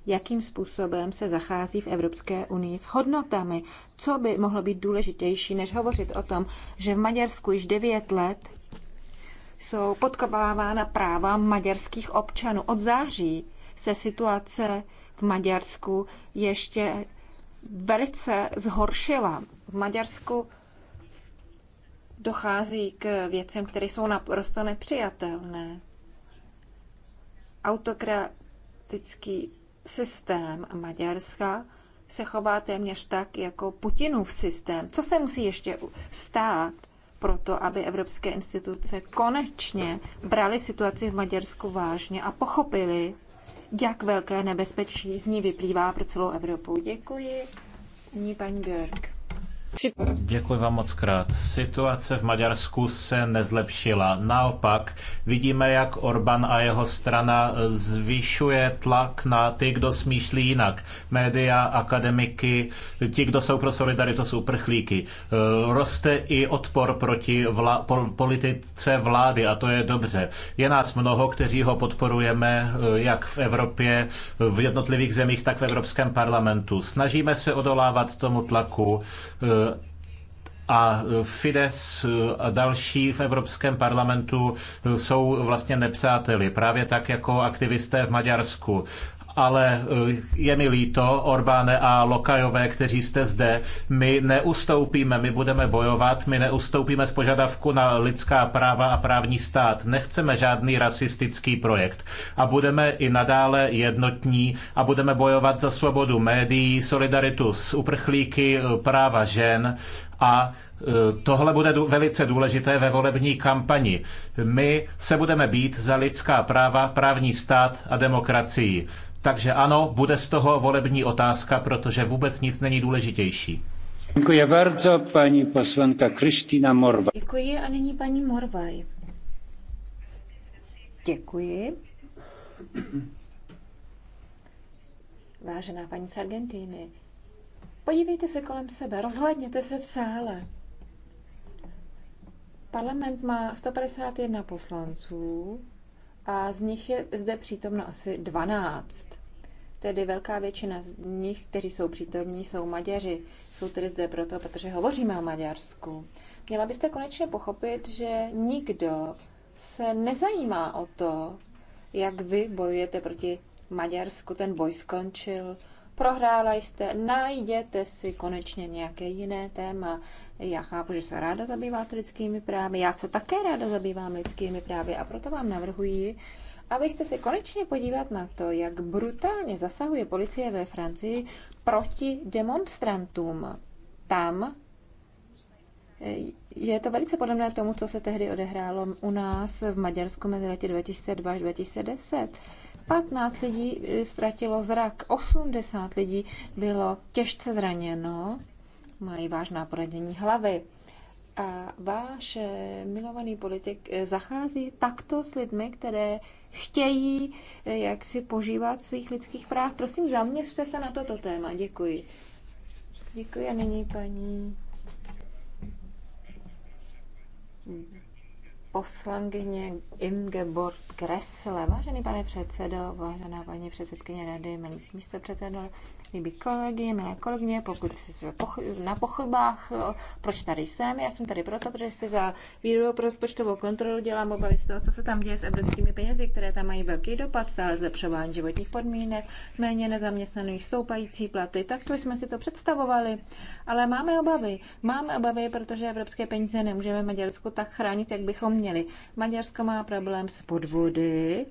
jakým způsobem se zachází v Evropské unii s hodnotami. Co by mohlo být důležitější, než hovořit o tom, že v Maďarsku již 9 let jsou podkopávána práva maďarských občanů. Od září se situace v Maďarsku ještě velice zhoršila. V Maďarsku dochází k věcem, které jsou naprosto nepřijatelné. Autokratický systém Maďarska se chová téměř tak jako Putinův systém. Co se musí ještě stát pro to, aby evropské instituce konečně brali situaci v Maďarsku vážně a pochopili, jak velké nebezpečí z ní vyplývá pro celou Evropu. Děkuji. Nyní paní Björk. Děkuji vám moc krát. Situace v Maďarsku se nezlepšila. Naopak vidíme, jak Orbán a jeho strana zvyšuje tlak na ty, kdo smýšlí jinak. Média, akademiky, ti, kdo jsou pro solidaritu, jsou prchlíky. Eh, roste i odpor proti vla- politice vlády a to je dobře. Je nás mnoho, kteří ho podporujeme eh, jak v Evropě, v jednotlivých zemích, tak v Evropském parlamentu. Snažíme se odolávat tomu tlaku eh, a Fides a další v Evropském parlamentu jsou vlastně nepřáteli, právě tak jako aktivisté v Maďarsku ale eh, je mi líto, Orbáne a Lokajové, kteří jste zde, my neustoupíme, my budeme bojovat, my neustoupíme z požadavku na lidská práva a právní stát. Nechceme žádný rasistický projekt a budeme i nadále jednotní a budeme bojovat za svobodu médií, solidaritu s uprchlíky, eh, práva žen a eh, Tohle bude velice důležité ve volební kampani. My se budeme být za lidská práva, právní stát a demokracii. Takže ano, bude z toho volební otázka, protože vůbec nic není důležitější. Děkuji bardzo, paní poslanka Kristýna Morvaj. Děkuji a nyní paní Morvaj. Děkuji. Vážená paní z Argentíny, podívejte se kolem sebe, rozhledněte se v sále. Parlament má 151 poslanců, a z nich je zde přítomno asi 12. Tedy velká většina z nich, kteří jsou přítomní, jsou Maďaři. Jsou tedy zde proto, protože hovoříme o Maďarsku. Měla byste konečně pochopit, že nikdo se nezajímá o to, jak vy bojujete proti Maďarsku. Ten boj skončil prohrála jste, najděte si konečně nějaké jiné téma. Já chápu, že se ráda zabýváte lidskými právy, já se také ráda zabývám lidskými právy a proto vám navrhuji, abyste se konečně podívat na to, jak brutálně zasahuje policie ve Francii proti demonstrantům. Tam eh, je to velice podobné tomu, co se tehdy odehrálo u nás v Maďarsku mezi lety 2002 až 2010. 15 lidí eh, ztratilo zrak, 80 lidí bylo těžce zraněno, mají vážná poradění hlavy. A váš eh, milovaný politik eh, zachází takto s lidmi, které chtějí jak si požívat svých lidských práv. Prosím, zaměřte se na toto téma. Děkuji. Děkuji a nyní paní poslankyně Ingeborg Kresle. Vážený pane předsedo, vážená paní předsedkyně rady, místo předsedo, líbí kolegy, milé kolegyně, pokud jste na pochybách, proč tady jsem, já jsem tady proto, protože se za výrobu pro rozpočtovou kontrolu dělám obavy z toho, co se tam děje s evropskými penězi, které tam mají velký dopad, stále zlepšování životních podmínek, méně nezaměstnaných, stoupající platy, tak to jsme si to představovali. Ale máme obavy. Máme obavy, protože evropské peníze nemůžeme Maďarsku tak chránit, jak bychom měli. Maďarsko má problém s podvody,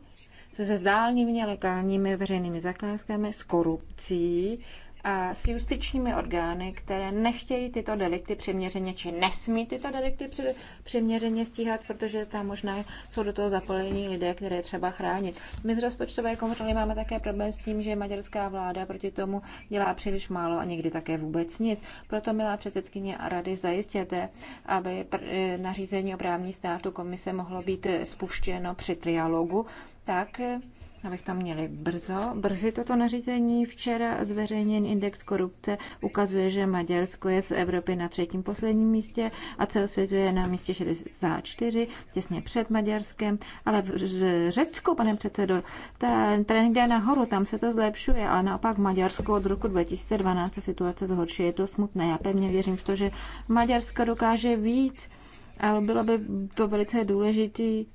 se zdálnými legálními veřejnými zakázkami, s korupcí a s justičními orgány, které nechtějí tyto delikty přiměřeně, či nesmí tyto delikty při, přiměřeně stíhat, protože tam možná jsou do toho zapojení lidé, které třeba chránit. My z rozpočtové kontroly máme také problém s tím, že maďarská vláda proti tomu dělá příliš málo a někdy také vůbec nic. Proto, milá předsedkyně a rady, zajistěte, aby eh, nařízení o právní státu komise mohlo být eh, spuštěno při trialogu, tak, abych tam měli brzo, brzy toto nařízení. Včera zveřejněn index korupce ukazuje, že Maďarsko je z Evropy na třetím posledním místě a celosvětově je na místě 64, těsně před Maďarskem, ale v Řecku, pane předsedo, ten trend jde nahoru, tam se to zlepšuje, ale naopak v Maďarsku od roku 2012 se situace zhoršuje, je to smutné. Já pevně věřím v to, že Maďarsko dokáže víc ale bylo by to velice důležitý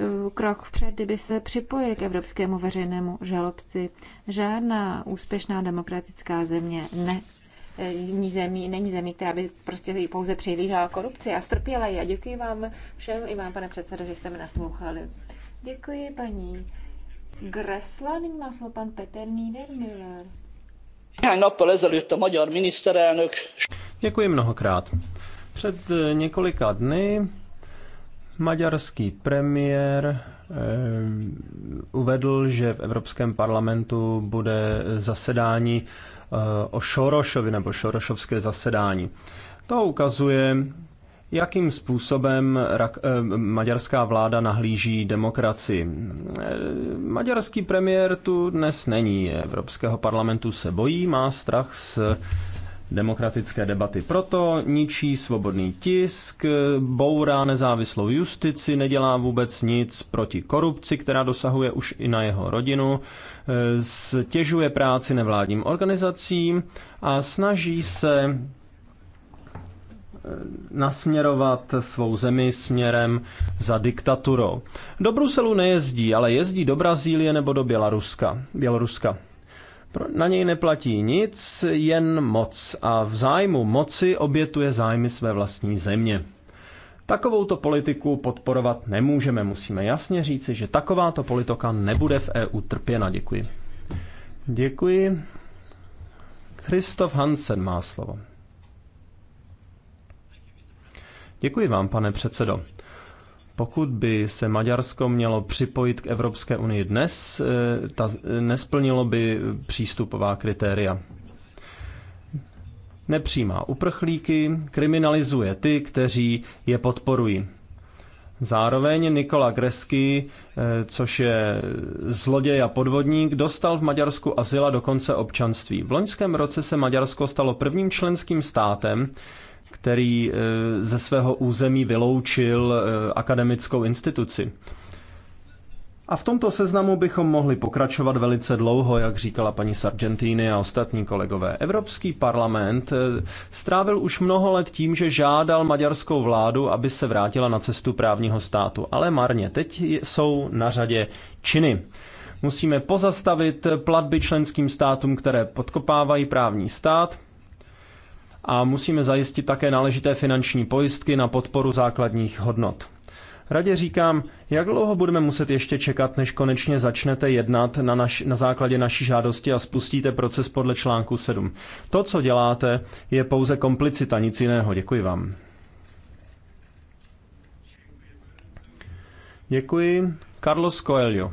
Eh, krok vpřed, kdyby se připojili k evropskému veřejnému žalobci. Žádná úspěšná demokratická země ne eh, ní zemí, není zemí, která by prostě pouze přihlížela korupci a strpěla ji. A děkuji vám všem i vám, pane předsedo, že jste mi naslouchali. Děkuji paní Gresla, nyní má slovo pan Petr Niedermüller. Néhány nappal to maďar magyar Děkuji mnohokrát. Před několika dny Maďarský premiér eh, uvedl, že v Evropském parlamentu bude zasedání eh, o Šorošovi nebo Šorošovské zasedání. To ukazuje, jakým způsobem eh, maďarská vláda nahlíží demokracii. Maďarský premiér tu dnes není. Evropského parlamentu se bojí, má strach z demokratické debaty. Proto ničí svobodný tisk, bourá nezávislou justici, nedělá vůbec nic proti korupci, která dosahuje už i na jeho rodinu, eh, stěžuje práci nevládním organizacím a snaží se eh, nasměrovat svou zemi směrem za diktaturou. Do Bruselu nejezdí, ale jezdí do Brazílie nebo do Běloruska. Běloruska na něj neplatí nic, jen moc a v zájmu moci obětuje zájmy své vlastní země. Takovouto politiku podporovat nemůžeme. Musíme jasně říci, že takováto politika nebude v EU trpěna. Děkuji. Děkuji. Christoph Hansen má slovo. Děkuji vám, pane předsedo. Pokud by se Maďarsko mělo připojit k Evropské unii dnes, eh, ta, eh, nesplnilo by přístupová kritéria. Nepřijímá uprchlíky, kriminalizuje ty, kteří je podporují. Zároveň Nikola Gresky, eh, což je zloděj a podvodník, dostal v Maďarsku azyla a dokonce občanství. V loňském roce se Maďarsko stalo prvním členským státem, který eh, ze svého území vyloučil eh, akademickou instituci. A v tomto seznamu bychom mohli pokračovat velice dlouho, jak říkala paní Sargentini a ostatní kolegové. Evropský parlament eh, strávil už mnoho let tím, že žádal maďarskou vládu, aby se vrátila na cestu právního státu. Ale marně, teď jsou na řadě činy. Musíme pozastavit platby členským státům, které podkopávají právní stát, a musíme zajistit také náležité finanční pojistky na podporu základních hodnot. Radě říkám, jak dlouho budeme muset ještě čekat, než konečně začnete jednat na, naš, na základě naší žádosti a spustíte proces podle článku 7. To, co děláte, je pouze komplicita, nic jiného. Děkuji vám. Děkuji. Carlos Coelho.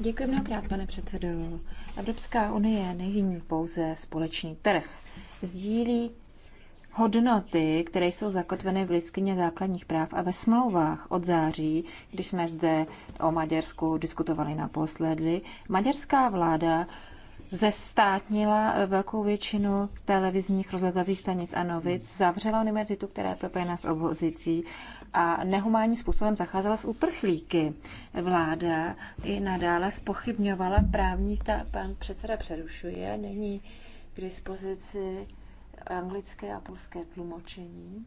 Děkuji mnohokrát, pane předsedo. Evropská unie není pouze společný trh. Sdílí hodnoty, které jsou zakotveny v listině základních práv a ve smlouvách od září, když jsme zde o Maďarsku diskutovali naposledy, maďarská vláda zestátnila velkou většinu televizních rozhledových stanic a novic, zavřela univerzitu, která je propojena s opozicí a nehumánním způsobem zacházela s uprchlíky. Vláda i nadále spochybňovala právní stát. Pan předseda přerušuje, není k dispozici anglické a polské tlumočení.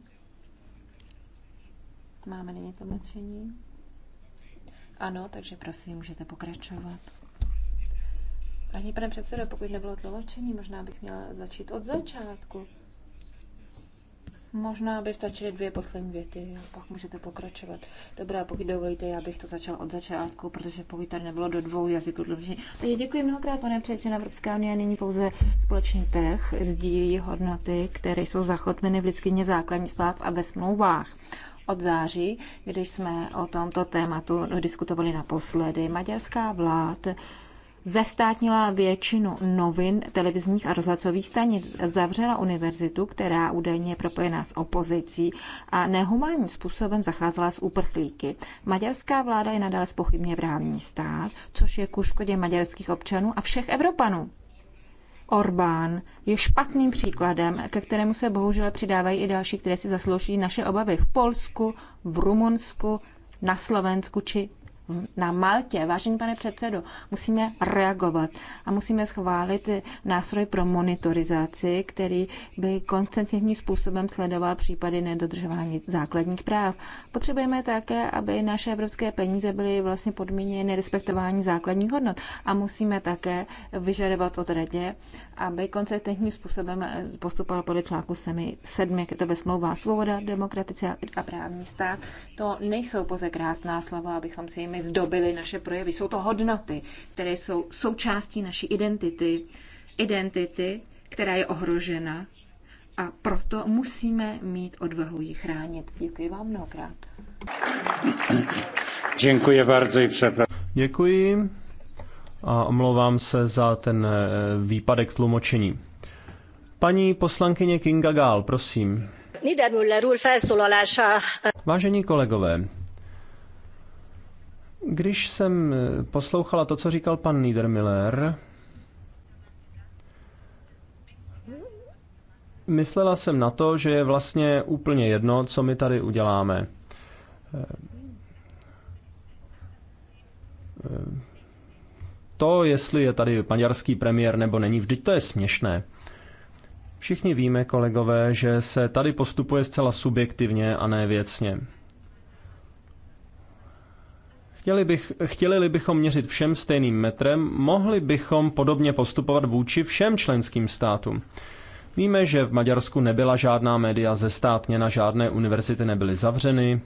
Máme nyní tlumočení? Ano, takže prosím, můžete pokračovat. Ani pane předsedo, pokud nebylo tlumočení, možná bych měla začít od začátku. Možná by stačily dvě poslední věty a pak můžete pokračovat. Dobrá, pokud dovolíte, já bych to začal od začátku, protože pokud tady nebylo do dvou jazyků dlouží. Takže děkuji mnohokrát, pane předsedo. Evropská unie není pouze společný trh, sdílí hodnoty, které jsou zachotveny v lidskyně základní zpráv a ve smlouvách od září, když jsme o tomto tématu diskutovali naposledy. Maďarská vlád zestátnila většinu novin, televizních a rozhlasových stanic, zavřela univerzitu, která údajně je propojená s opozicí a nehumánním způsobem zacházela s uprchlíky. Maďarská vláda je nadále spochybně právní stát, což je ku škodě maďarských občanů a všech Evropanů. Orbán je špatným příkladem, ke kterému se bohužel přidávají i další, které si zaslouží naše obavy v Polsku, v Rumunsku, na Slovensku či na Maltě. Vážený pane předsedo, musíme reagovat a musíme schválit nástroj pro monitorizaci, který by koncentrativním způsobem sledoval případy nedodržování základních práv. Potřebujeme také, aby naše evropské peníze byly vlastně podmíněny respektování základních hodnot a musíme také vyžadovat od radě, aby konzistentním způsobem eh, postupoval podle článku 7, jak je to ve smlouvách svoboda, demokratice a právní stát. To nejsou pouze krásná slova, abychom si jimi zdobili naše projevy. Jsou to hodnoty, které jsou součástí naší identity. Identity, která je ohrožena a proto musíme mít odvahu ji chránit. Děkuji vám mnohokrát. Děkuji bardzo i přepra- Děkuji a omlouvám se za ten eh, výpadek tlumočení. Paní poslankyně Kinga Gál, prosím. Vážení kolegové, když jsem eh, poslouchala to, co říkal pan Niedermiller, myslela jsem na to, že je vlastně úplně jedno, co my tady uděláme eh, to, jestli je tady maďarský premiér nebo není, vždyť to je směšné. Všichni víme, kolegové, že se tady postupuje zcela subjektivně a ne věcně. Chtěli bych, chtěli bychom měřit všem stejným metrem, mohli bychom podobně postupovat vůči všem členským státům. Víme, že v Maďarsku nebyla žádná média zestátněna, žádné univerzity nebyly zavřeny,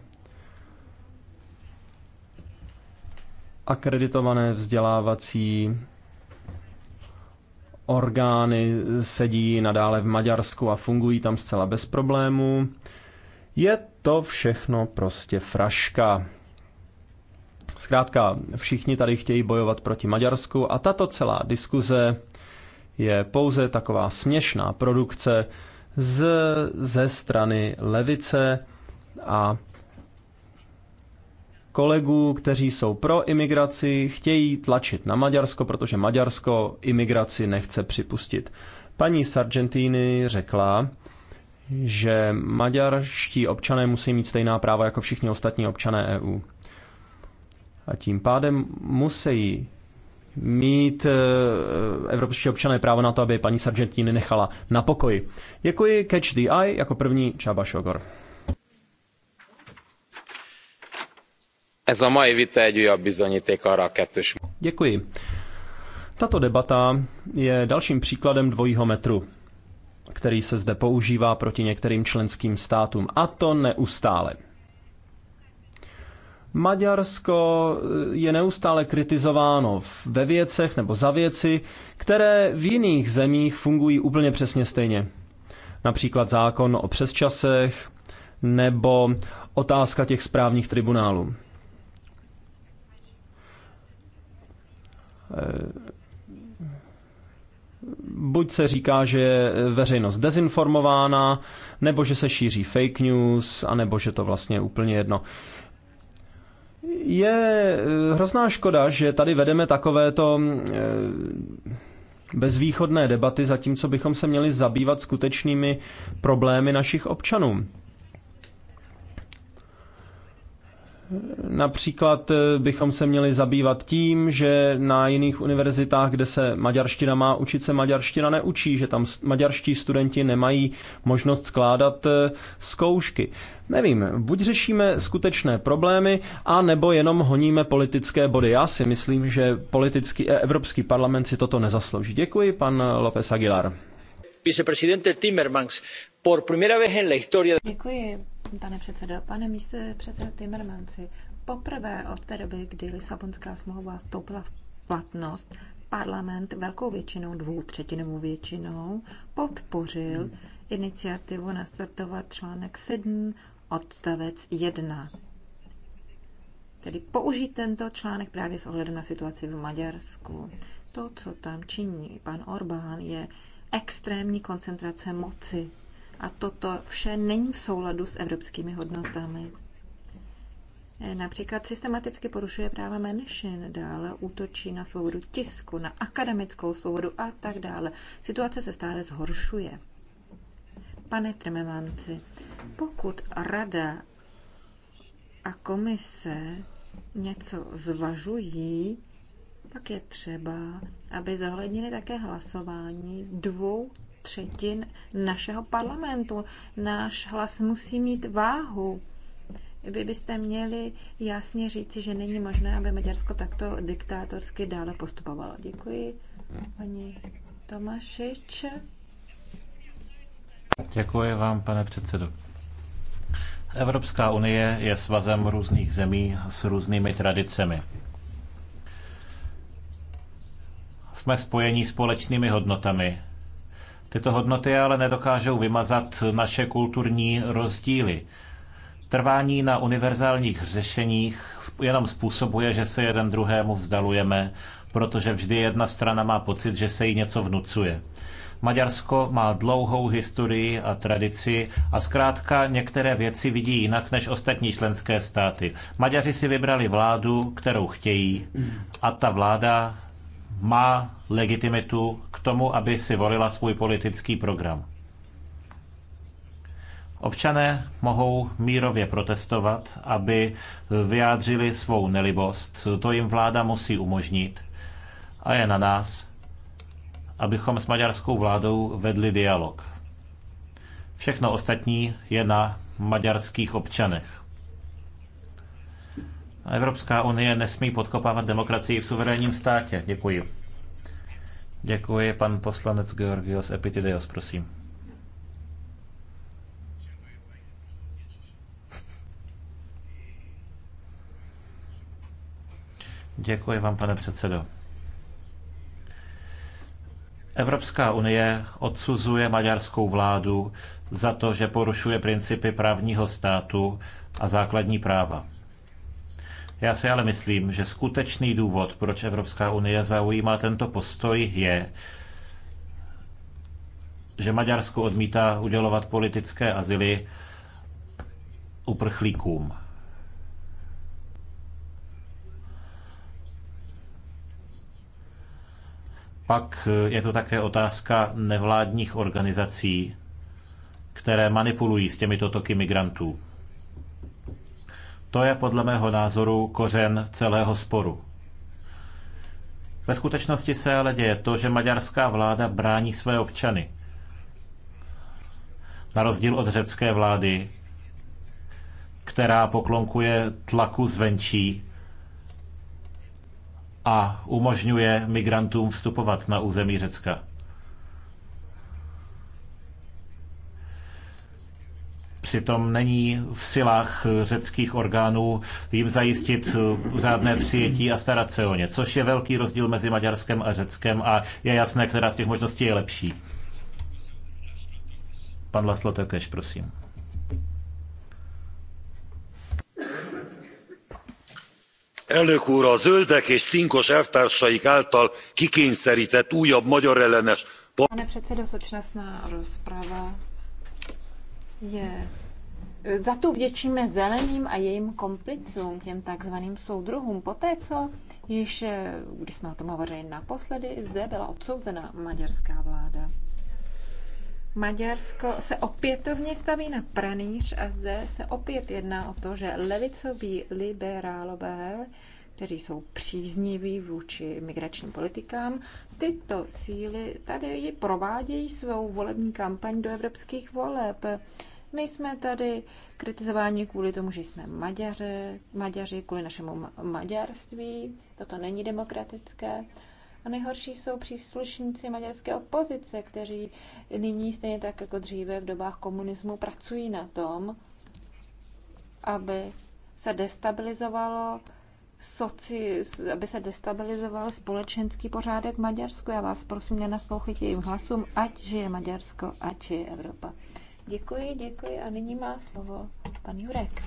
akreditované vzdělávací orgány sedí nadále v Maďarsku a fungují tam zcela bez problémů. Je to všechno prostě fraška. Zkrátka, všichni tady chtějí bojovat proti Maďarsku a tato celá diskuze je pouze taková směšná produkce z, ze strany levice a kolegů, kteří jsou pro imigraci, chtějí tlačit na Maďarsko, protože Maďarsko imigraci nechce připustit. Paní Sargentini řekla, že maďarští občané musí mít stejná práva jako všichni ostatní občané EU. A tím pádem musí mít e, evropští občané právo na to, aby paní Sargentini nechala na pokoji. Děkuji, Catch the Eye, jako první Čaba Šogor. Ez a mai vita egy újabb bizonyíték arra a kettős... Děkuji. Tato debata je dalším příkladem dvojího metru, který se zde používá proti některým členským státům. A to neustále. Maďarsko eh, je neustále kritizováno ve věcech nebo za věci, které v jiných zemích fungují úplně přesně stejně. Například zákon o přesčasech nebo otázka těch správních tribunálů. Eh, buď se říká, že je veřejnost dezinformována, nebo že se šíří fake news, anebo že to vlastně je úplně jedno. Je eh, hrozná škoda, že tady vedeme takovéto eh, bezvýchodné debaty, zatímco bychom se měli zabývat skutečnými problémy našich občanů. Například eh, bychom se měli zabývat tím, že na jiných univerzitách, kde se maďarština má učit, se maďarština neučí, že tam maďarští studenti nemají možnost skládat eh, zkoušky. Nevím, buď řešíme skutečné problémy, a nebo jenom honíme politické body. Já si myslím, že politický, eh, Evropský parlament si toto nezaslouží. Děkuji, pan López Aguilar. Viceprezidente Timmermans, por primera vez en la historia... Děkuji Pane předsedo, pane místo předsedo Timmermansi, poprvé od té doby, kdy Lisabonská smlouva vstoupila v platnost, parlament velkou většinou, dvou třetinovou většinou, podpořil iniciativu nastartovat článek 7 odstavec 1. Tedy použít tento článek právě s ohledem na situaci v Maďarsku. To, co tam činí pan Orbán, je extrémní koncentrace moci a toto vše není v souladu s evropskými hodnotami. Například systematicky porušuje práva menšin, dále útočí na svobodu tisku, na akademickou svobodu a tak dále. Situace se stále zhoršuje. Pane Trememanci, pokud rada a komise něco zvažují, pak je třeba, aby zohlednili také hlasování dvou třetin našeho parlamentu. Náš hlas musí mít váhu. Vy byste měli jasně říci, že není možné, aby Maďarsko takto diktátorsky dále postupovalo. Děkuji, paní Tomašič. Děkuji vám, pane předsedo. Evropská unie je svazem různých zemí s různými tradicemi. Jsme spojeni společnými hodnotami, Tyto hodnoty ale nedokážou vymazat naše kulturní rozdíly. Trvání na univerzálních řešeních jenom způsobuje, že se jeden druhému vzdalujeme, protože vždy jedna strana má pocit, že se jí něco vnucuje. Maďarsko má dlouhou historii a tradici a zkrátka některé věci vidí jinak než ostatní členské státy. Maďaři si vybrali vládu, kterou chtějí a ta vláda má legitimitu k tomu, aby si volila svůj politický program. Občané mohou mírově protestovat, aby vyjádřili svou nelibost. To jim vláda musí umožnit. A je na nás, abychom s maďarskou vládou vedli dialog. Všechno ostatní je na maďarských občanech. Evropská unie nesmí podkopávat demokracii v suverénním státě. Děkuji. Děkuji, pan poslanec Georgios Epitideos, prosím. Děkuji vám, pane předsedo. Evropská unie odsuzuje maďarskou vládu za to, že porušuje principy právního státu a základní práva. Já si ale myslím, že skutečný důvod, proč Evropská unie zaujímá tento postoj, je, že Maďarsko odmítá udělovat politické azyly uprchlíkům. Pak je to také otázka nevládních organizací, které manipulují s těmito toky migrantů. To je podle mého názoru kořen celého sporu. Ve skutečnosti se ale děje to, že maďarská vláda brání své občany. Na rozdíl od řecké vlády, která poklonkuje tlaku zvenčí a umožňuje migrantům vstupovat na území Řecka. Přitom není v silách řeckých orgánů jim zajistit řádné přijetí a starat se o ně, což je velký rozdíl mezi Maďarskem a Řeckem a je jasné, která z těch možností je lepší. Pan Laslo Tekeš, prosím. elnök úr a zöldek és cinkos elvtársaik által kikényszerített újabb magyar ellenes... pane předsedo sočnostná rozprava je. Za to vděčíme zeleným a jejím komplicům, těm takzvaným soudruhům. Poté, co již, eh, když jsme o tom hovořili naposledy, zde byla odsouzena maďarská vláda. Maďarsko se opětovně staví na pranýř a zde se opět jedná o to, že levicoví liberálové, kteří jsou přízniví vůči migračním politikám, tyto síly tady provádějí svou volební kampaň do evropských voleb. My jsme tady kritizováni kvůli tomu, že jsme Maďaři, Maďaři kvůli našemu maďarství. Toto není demokratické. A nejhorší jsou příslušníci maďarské opozice, kteří nyní stejně tak jako dříve v dobách komunismu pracují na tom, aby se destabilizovalo soci, aby se destabilizoval společenský pořádek Maďarsku. Já vás prosím, nenaslouchejte jejím hlasům, ať žije Maďarsko, ať žije Evropa. Děkuji, děkuji a nyní má slovo pan Jurek.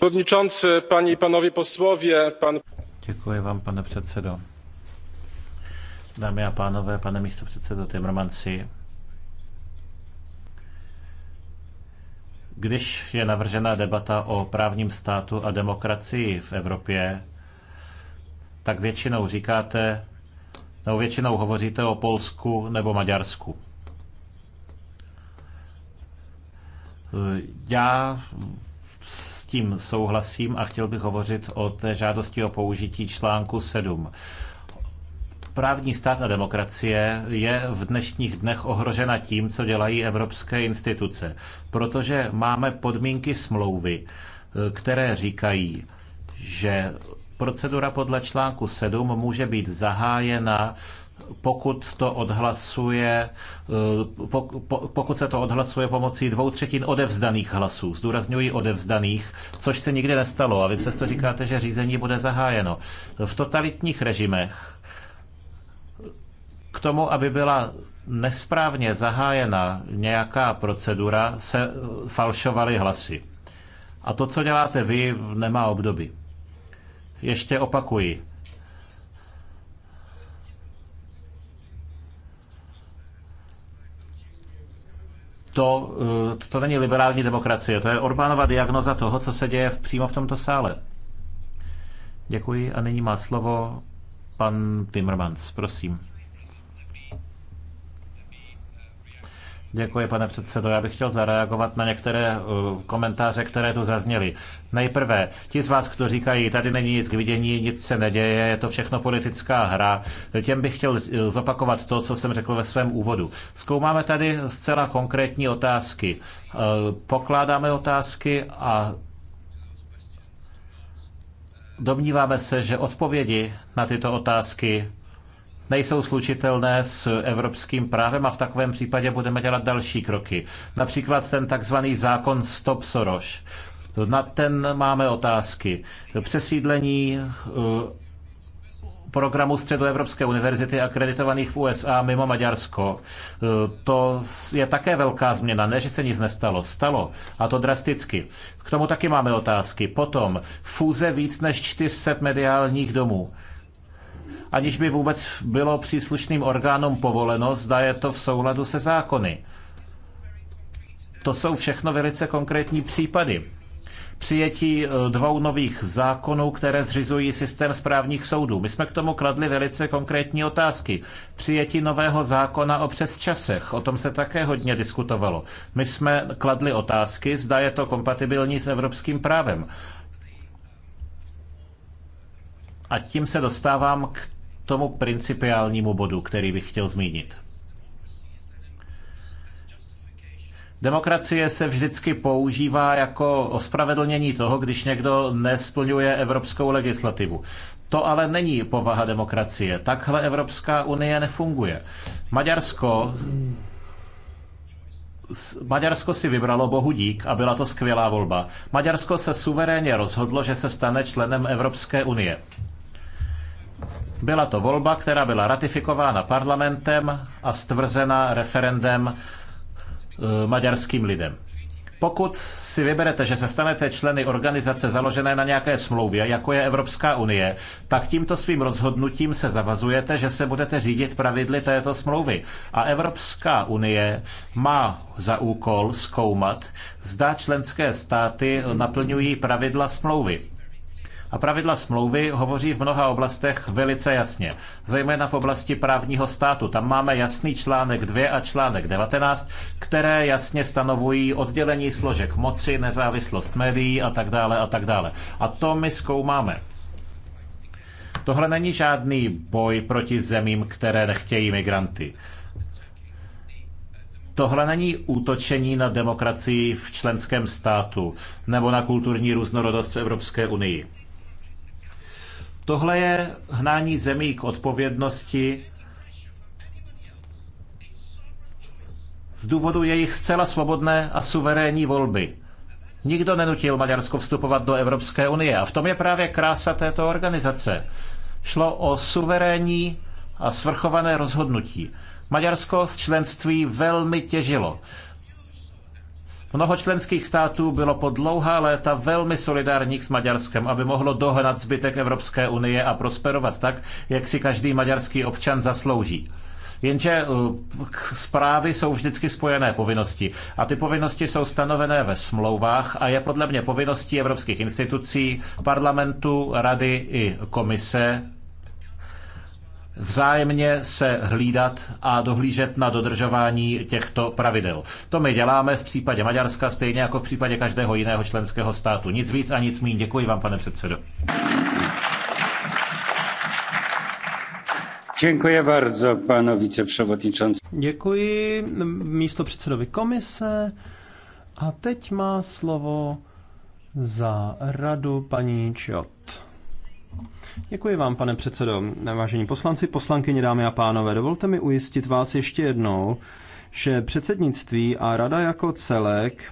Podničanci, paní, panovi poslově, pan... Děkuji vám, pane předsedo. Dámy a pánové, pane předsedo Timmermansi, Když je navržena debata o právním státu a demokracii v Evropě, tak většinou říkáte, nebo většinou hovoříte o Polsku nebo Maďarsku. Já s tím souhlasím a chtěl bych hovořit o té žádosti o použití článku 7. Právní stát a demokracie je v dnešních dnech ohrožena tím, co dělají evropské instituce, protože máme podmínky smlouvy, eh, které říkají, že procedura podle článku 7 může být zahájena pokud to odhlasuje, eh, pokud se to odhlasuje pomocí dvou třetin odevzdaných hlasů, zdůrazňuji odevzdaných, což se nikdy nestalo a vy přesto říkáte, že řízení bude zahájeno. V totalitních režimech k tomu, aby byla nesprávně zahájena nějaká procedura, se falšovaly hlasy. A to, co děláte vy, nemá období. Ještě opakuji. To, eh, to není liberální demokracie, to je Orbánova diagnoza toho, co se děje v, přímo v tomto sále. Děkuji a nyní má slovo pan Timmermans, prosím. Děkuji, pane předsedo. Já bych chtěl zareagovat na některé eh, komentáře, které tu zazněly. Nejprve, ti z vás, kdo říkají, tady není nic k vidění, nic se neděje, je to všechno politická hra, těm bych chtěl eh, zopakovat to, co jsem řekl ve svém úvodu. Zkoumáme tady zcela konkrétní otázky. Eh, pokládáme otázky a domníváme se, že odpovědi na tyto otázky nejsou slučitelné s evropským právem a v takovém případě budeme dělat další kroky. Například ten takzvaný zákon Stop Soros. Na ten máme otázky. Přesídlení eh, programu Středoevropské univerzity akreditovaných v USA mimo Maďarsko. Eh, to je také velká změna, ne, že se nic nestalo. Stalo, a to drasticky. K tomu taky máme otázky. Potom, fúze víc než 400 mediálních domů aniž by vůbec bylo příslušným orgánům povoleno, zda je to v souladu se zákony. To jsou všechno velice konkrétní případy. Přijetí eh, dvou nových zákonů, které zřizují systém správních soudů. My jsme k tomu kladli velice konkrétní otázky. Přijetí nového zákona o přesčasech, o tom se také hodně diskutovalo. My jsme kladli otázky, zda je to kompatibilní s evropským právem. A tím se dostávám k tomu principiálnímu bodu, který bych chtěl zmínit. Demokracie se vždycky používá jako ospravedlnění toho, když někdo nesplňuje evropskou legislativu. To ale není povaha demokracie. Takhle Evropská unie nefunguje. Maďarsko Maďarsko si vybralo bohu dík a byla to skvělá volba. Maďarsko se suverénně rozhodlo, že se stane členem Evropské unie. Byla to volba, která byla ratifikována parlamentem a stvrzena referendem e, maďarským lidem. Pokud si vyberete, že se stanete členy organizace založené na nějaké smlouvě, jako je Evropská unie, tak tímto svým rozhodnutím se zavazujete, že se budete řídit pravidly této smlouvy. A Evropská unie má za úkol zkoumat, zda členské státy naplňují pravidla smlouvy. A pravidla smlouvy hovoří v mnoha oblastech velice jasně, zejména v oblasti právního státu. Tam máme jasný článek 2 a článek 19, které jasně stanovují oddělení složek moci, nezávislost médií a tak dále a tak dále. A to my zkoumáme. Tohle není žádný boj proti zemím, které nechtějí migranty. Tohle není útočení na demokracii v členském státu nebo na kulturní různorodost v Evropské unii. Tohle je hnání zemí k odpovědnosti z důvodu jejich zcela svobodné a suverénní volby. Nikdo nenutil Maďarsko vstupovat do Evropské unie a v tom je právě krása této organizace. Šlo o suverénní a svrchované rozhodnutí. Maďarsko z členství velmi těžilo. Mnoho členských států bylo po dlouhá léta velmi solidárních s Maďarskem, aby mohlo dohnat zbytek Evropské unie a prosperovat tak, jak si každý maďarský občan zaslouží. Jenže eh, zprávy jsou vždycky spojené povinnosti. A ty povinnosti jsou stanovené ve smlouvách a je podle mě povinností evropských institucí, parlamentu, rady i komise vzájemně se hlídat a dohlížet na dodržování těchto pravidel. To my děláme v případě Maďarska, stejně jako v případě každého jiného členského státu. Nic víc a nic mín. Děkuji vám, pane předsedo. Děkuji bardzo panu viceprzewodniczący. Děkuji místo předsedovi komise. A teď má slovo za radu paní Čiot. Děkuji vám, pane předsedo. Vážení poslanci, poslankyně, dámy a pánové, dovolte mi ujistit vás ještě jednou, že předsednictví a rada jako celek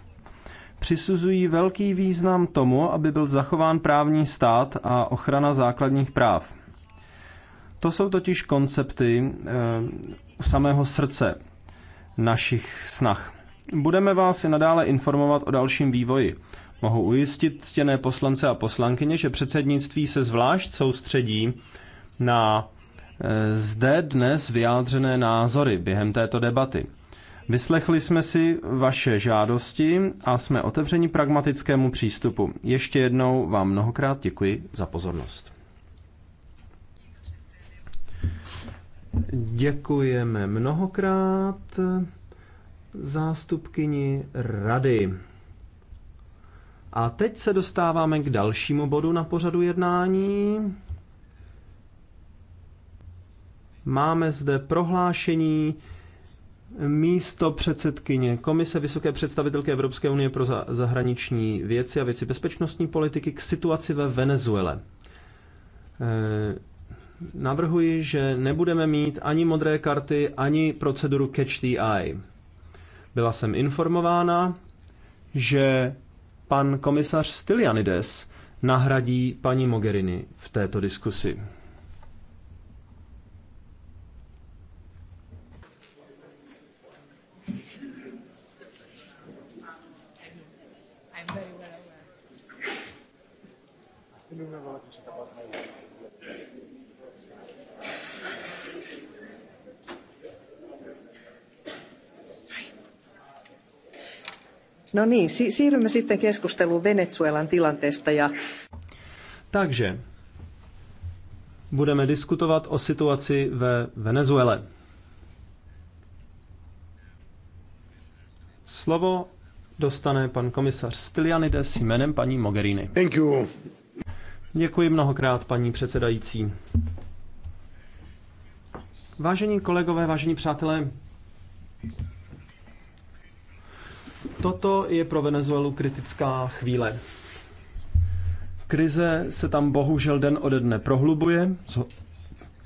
přisuzují velký význam tomu, aby byl zachován právní stát a ochrana základních práv. To jsou totiž koncepty e, u samého srdce našich snah. Budeme vás i nadále informovat o dalším vývoji. Mohu ujistit ctěné poslance a poslankyně, že předsednictví se zvlášť soustředí na eh, zde dnes vyjádřené názory během této debaty. Vyslechli jsme si vaše žádosti a jsme otevřeni pragmatickému přístupu. Ještě jednou vám mnohokrát děkuji za pozornost. Děkujeme mnohokrát zástupkyni rady. A teď se dostáváme k dalšímu bodu na pořadu jednání. Máme zde prohlášení místo předsedkyně Komise Vysoké představitelky Evropské unie pro zahraniční věci a věci bezpečnostní politiky k situaci ve Venezuele. Eh, navrhuji, že nebudeme mít ani modré karty, ani proceduru catch the eye. Byla jsem informována, že pan komisař Stylianides nahradí paní Mogherini v této diskusi. Number No niin, si- siirrymme sitten keskusteluun Venezuelan tilanteesta ja... Takže budeme diskutovat o situaci ve Venezuele. Slovo dostane pan komisař Stylianides jménem paní Mogherini. Thank you. Děkuji mnohokrát, paní předsedající. Vážení kolegové, vážení přátelé, Toto je pro Venezuelu kritická chvíle. Krize se tam bohužel den ode dne prohlubuje,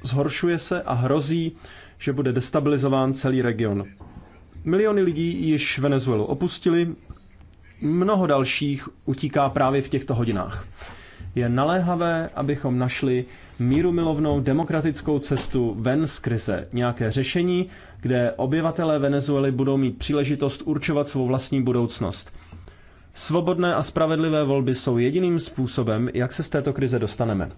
zhoršuje se a hrozí, že bude destabilizován celý region. Miliony lidí již Venezuelu opustili, mnoho dalších utíká právě v těchto hodinách. Je naléhavé, abychom našli mírumilovnou demokratickou cestu ven z krize, nějaké řešení, kde obyvatelé Venezuely budou mít příležitost určovat svou vlastní budoucnost. Svobodné a spravedlivé volby jsou jediným způsobem, jak se z této krize dostaneme.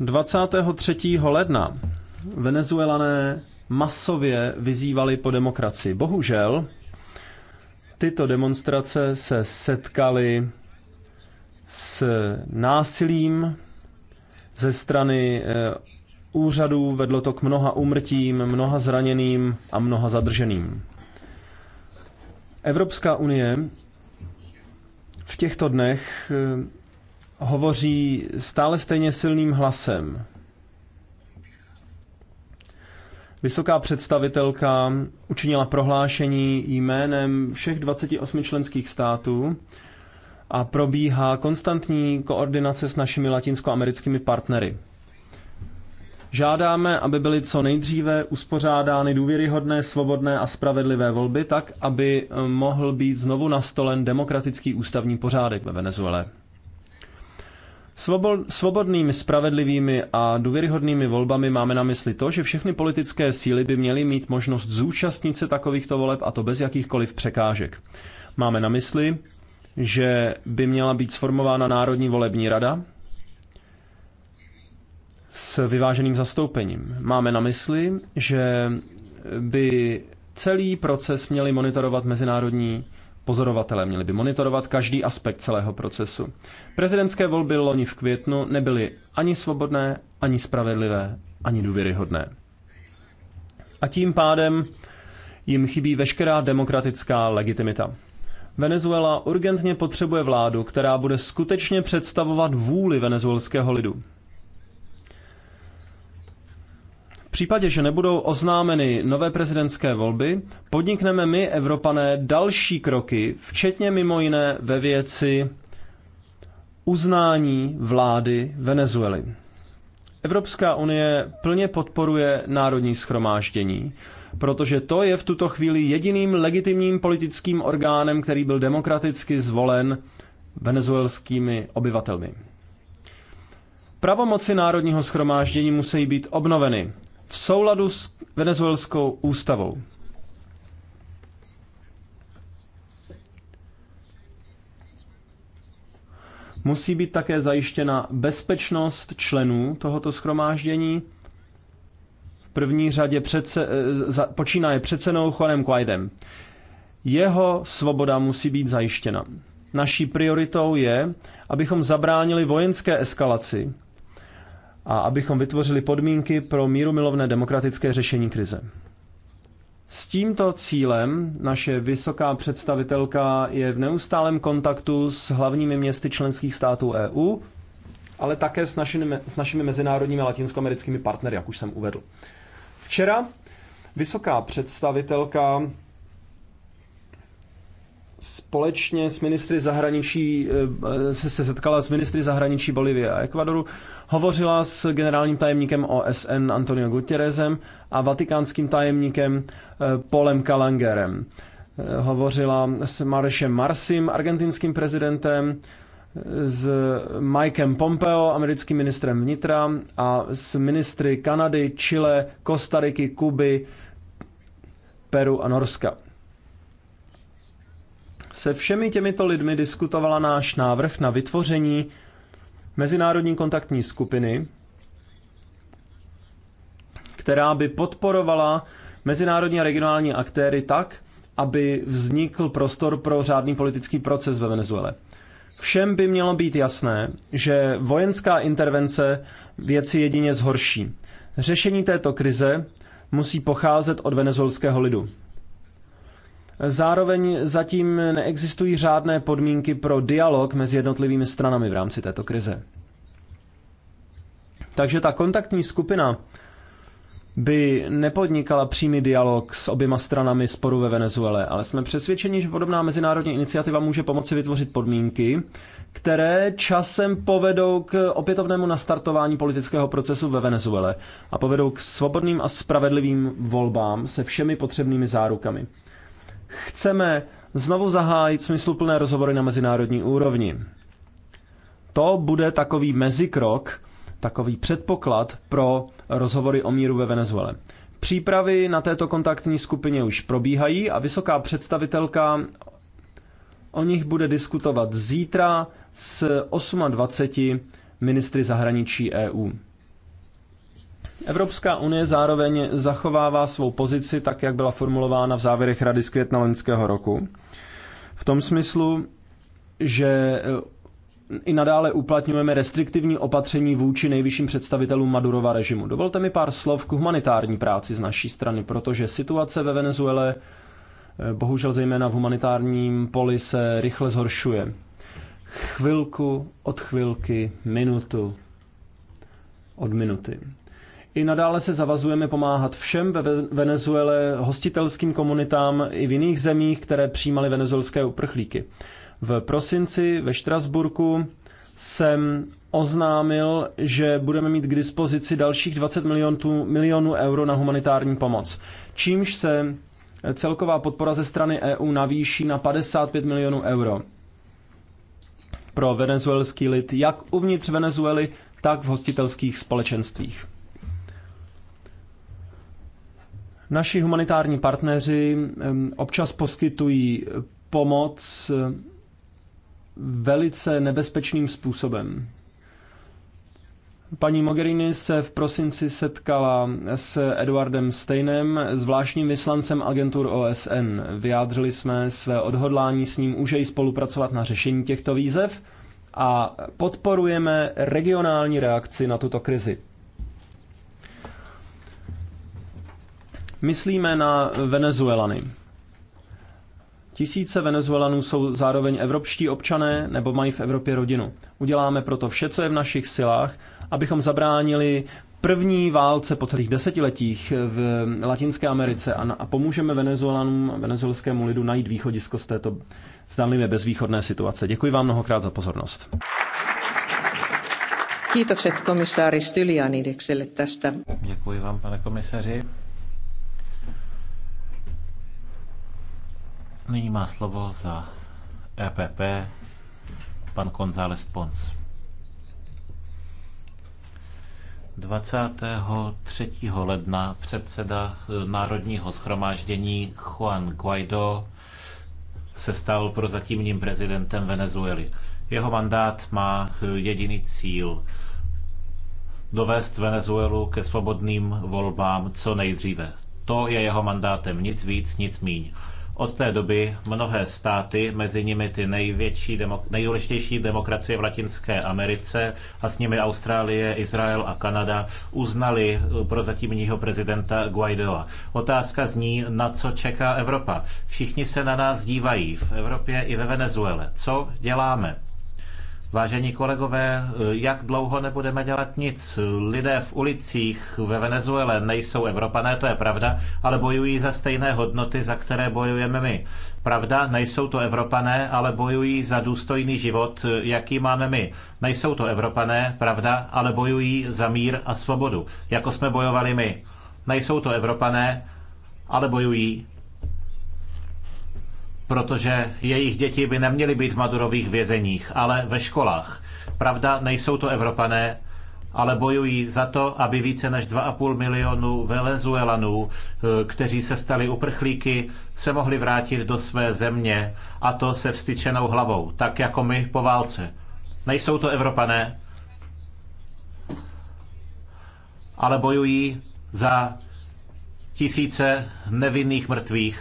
23. ledna Venezuelané masově vyzývali po demokracii. Bohužel tyto demonstrace se setkaly s násilím ze strany eh, úřadů, vedlo to k mnoha úmrtím, mnoha zraněným a mnoha zadrženým. Evropská unie v těchto dnech eh, hovoří stále stejně silným hlasem. Vysoká představitelka učinila prohlášení jménem všech 28 členských států, a probíhá konstantní koordinace s našimi latinskoamerickými partnery. Žádáme, aby byly co nejdříve uspořádány důvěryhodné, svobodné a spravedlivé volby, tak aby eh, mohl být znovu nastolen demokratický ústavní pořádek ve Venezuele. Svobodnými, spravedlivými a důvěryhodnými volbami máme na mysli to, že všechny politické síly by měly mít možnost zúčastnit se takovýchto voleb a to bez jakýchkoliv překážek. Máme na mysli, že by měla být sformována Národní volební rada s vyváženým zastoupením. Máme na mysli, že by celý proces měli monitorovat mezinárodní pozorovatelé, měli by monitorovat každý aspekt celého procesu. Prezidentské volby loni v květnu nebyly ani svobodné, ani spravedlivé, ani důvěryhodné. A tím pádem jim chybí veškerá demokratická legitimita. Venezuela urgentně potřebuje vládu, která bude skutečně představovat vůli venezuelského lidu. V případě, že nebudou oznámeny nové prezidentské volby, podnikneme my, Evropané, další kroky, včetně mimo jiné ve věci uznání vlády Venezuely. Evropská unie plně podporuje národní schromáždění protože to je v tuto chvíli jediným legitimním politickým orgánem, který byl demokraticky zvolen venezuelskými obyvatelmi. Pravomoci Národního schromáždění musí být obnoveny v souladu s venezuelskou ústavou. Musí být také zajištěna bezpečnost členů tohoto schromáždění první řadě přece, eh, za, počínaje přecenou Juanem Quaidem. Jeho svoboda musí být zajištěna. Naší prioritou je, abychom zabránili vojenské eskalaci a abychom vytvořili podmínky pro mírumilovné demokratické řešení krize. S tímto cílem naše vysoká představitelka je v neustálém kontaktu s hlavními městy členských států EU, ale také s našimi, s našimi mezinárodními latinskoamerickými partnery, jak už jsem uvedl. Včera vysoká představitelka společně s ministry zahraničí, eh, se, se setkala s ministry zahraničí Bolivie a Ekvadoru, hovořila s generálním tajemníkem OSN Antonio Gutierrezem a vatikánským tajemníkem eh, Polem Kalangerem. Eh, hovořila s Marešem Marsim, argentinským prezidentem, s Mikem Pompeo, americkým ministrem vnitra, a s ministry Kanady, Chile, Kostariky, Kuby, Peru a Norska. Se všemi těmito lidmi diskutovala náš návrh na vytvoření mezinárodní kontaktní skupiny, která by podporovala mezinárodní a regionální aktéry tak, aby vznikl prostor pro řádný politický proces ve Venezuele. Všem by mělo být jasné, že vojenská intervence věci jedině zhorší. Řešení této krize musí pocházet od venezuelského lidu. Zároveň zatím neexistují řádné podmínky pro dialog mezi jednotlivými stranami v rámci této krize. Takže ta kontaktní skupina by nepodnikala přímý dialog s oběma stranami sporu ve Venezuele, ale jsme přesvědčeni, že podobná mezinárodní iniciativa může pomoci vytvořit podmínky, které časem povedou k opětovnému nastartování politického procesu ve Venezuele a povedou k svobodným a spravedlivým volbám se všemi potřebnými zárukami. Chceme znovu zahájit smysluplné rozhovory na mezinárodní úrovni. To bude takový mezikrok, takový předpoklad pro rozhovory o míru ve Venezuele. Přípravy na této kontaktní skupině už probíhají a vysoká představitelka o nich bude diskutovat zítra s 28 ministry zahraničí EU. Evropská unie zároveň zachovává svou pozici tak, jak byla formulována v závěrech Rady z května loňského roku. V tom smyslu, že i nadále uplatňujeme restriktivní opatření vůči nejvyšším představitelům Madurova režimu. Dovolte mi pár slov k humanitární práci z naší strany, protože situace ve Venezuele, eh, bohužel zejména v humanitárním poli, se rychle zhoršuje. Chvilku od chvilky, minutu od minuty. I nadále se zavazujeme pomáhat všem ve Venezuele, hostitelským komunitám i v jiných zemích, které přijímaly venezuelské uprchlíky. V prosinci ve Štrasburku jsem oznámil, že budeme mít k dispozici dalších 20 milionů, milionů euro na humanitární pomoc. Čímž se celková podpora ze strany EU navýší na 55 milionů euro pro venezuelský lid, jak uvnitř Venezuely, tak v hostitelských společenstvích. Naši humanitární partneři občas poskytují pomoc velice nebezpečným způsobem. Paní Mogherini se v prosinci setkala s Eduardem Steinem, zvláštním vyslancem agentur OSN. Vyjádřili jsme své odhodlání s ním užej spolupracovat na řešení těchto výzev a podporujeme regionální reakci na tuto krizi. Myslíme na Venezuelany. Tisíce Venezuelanů jsou zároveň evropští občané nebo mají v Evropě rodinu. Uděláme proto vše, co je v našich silách, abychom zabránili první válce po celých desetiletích v Latinské Americe a, a pomůžeme Venezuelanům, venezuelskému lidu najít východisko z této zdánlivě bezvýchodné situace. Děkuji vám mnohokrát za pozornost. Kýtokset komisáři Stylianidekselle tästä. Děkuji vám, pane komisaři. Nyní má slovo za EPP pan González Pons. 23. ledna předseda eh, Národního schromáždění Juan Guaido se stal prozatímním prezidentem Venezuely. Jeho mandát má eh, jediný cíl dovést Venezuelu ke svobodným volbám co nejdříve. To je jeho mandátem, nic víc, nic míň. Od té doby mnohé státy, mezi nimi ty největší, nejdůležitější demokracie v Latinské Americe a s nimi Austrálie, Izrael a Kanada, uznali eh, prozatímního prezidenta Guaidoa. Otázka zní, na co čeká Evropa. Všichni se na nás dívají v Evropě i ve Venezuele. Co děláme? Vážení kolegové, jak dlouho nebudeme dělat nic? Lidé v ulicích ve Venezuele nejsou Evropané, to je pravda, ale bojují za stejné hodnoty, za které bojujeme my. Pravda, nejsou to Evropané, ale bojují za důstojný život, jaký máme my. Nejsou to Evropané, pravda, ale bojují za mír a svobodu, jako jsme bojovali my. Nejsou to Evropané, ale bojují protože jejich děti by neměly být v Madurových vězeních, ale ve školách. Pravda, nejsou to Evropané, ale bojují za to, aby více než 2,5 milionu Venezuelanů, eh, kteří se stali uprchlíky, se mohli vrátit do své země a to se vstyčenou hlavou, tak jako my po válce. Nejsou to Evropané, ale bojují za tisíce nevinných mrtvých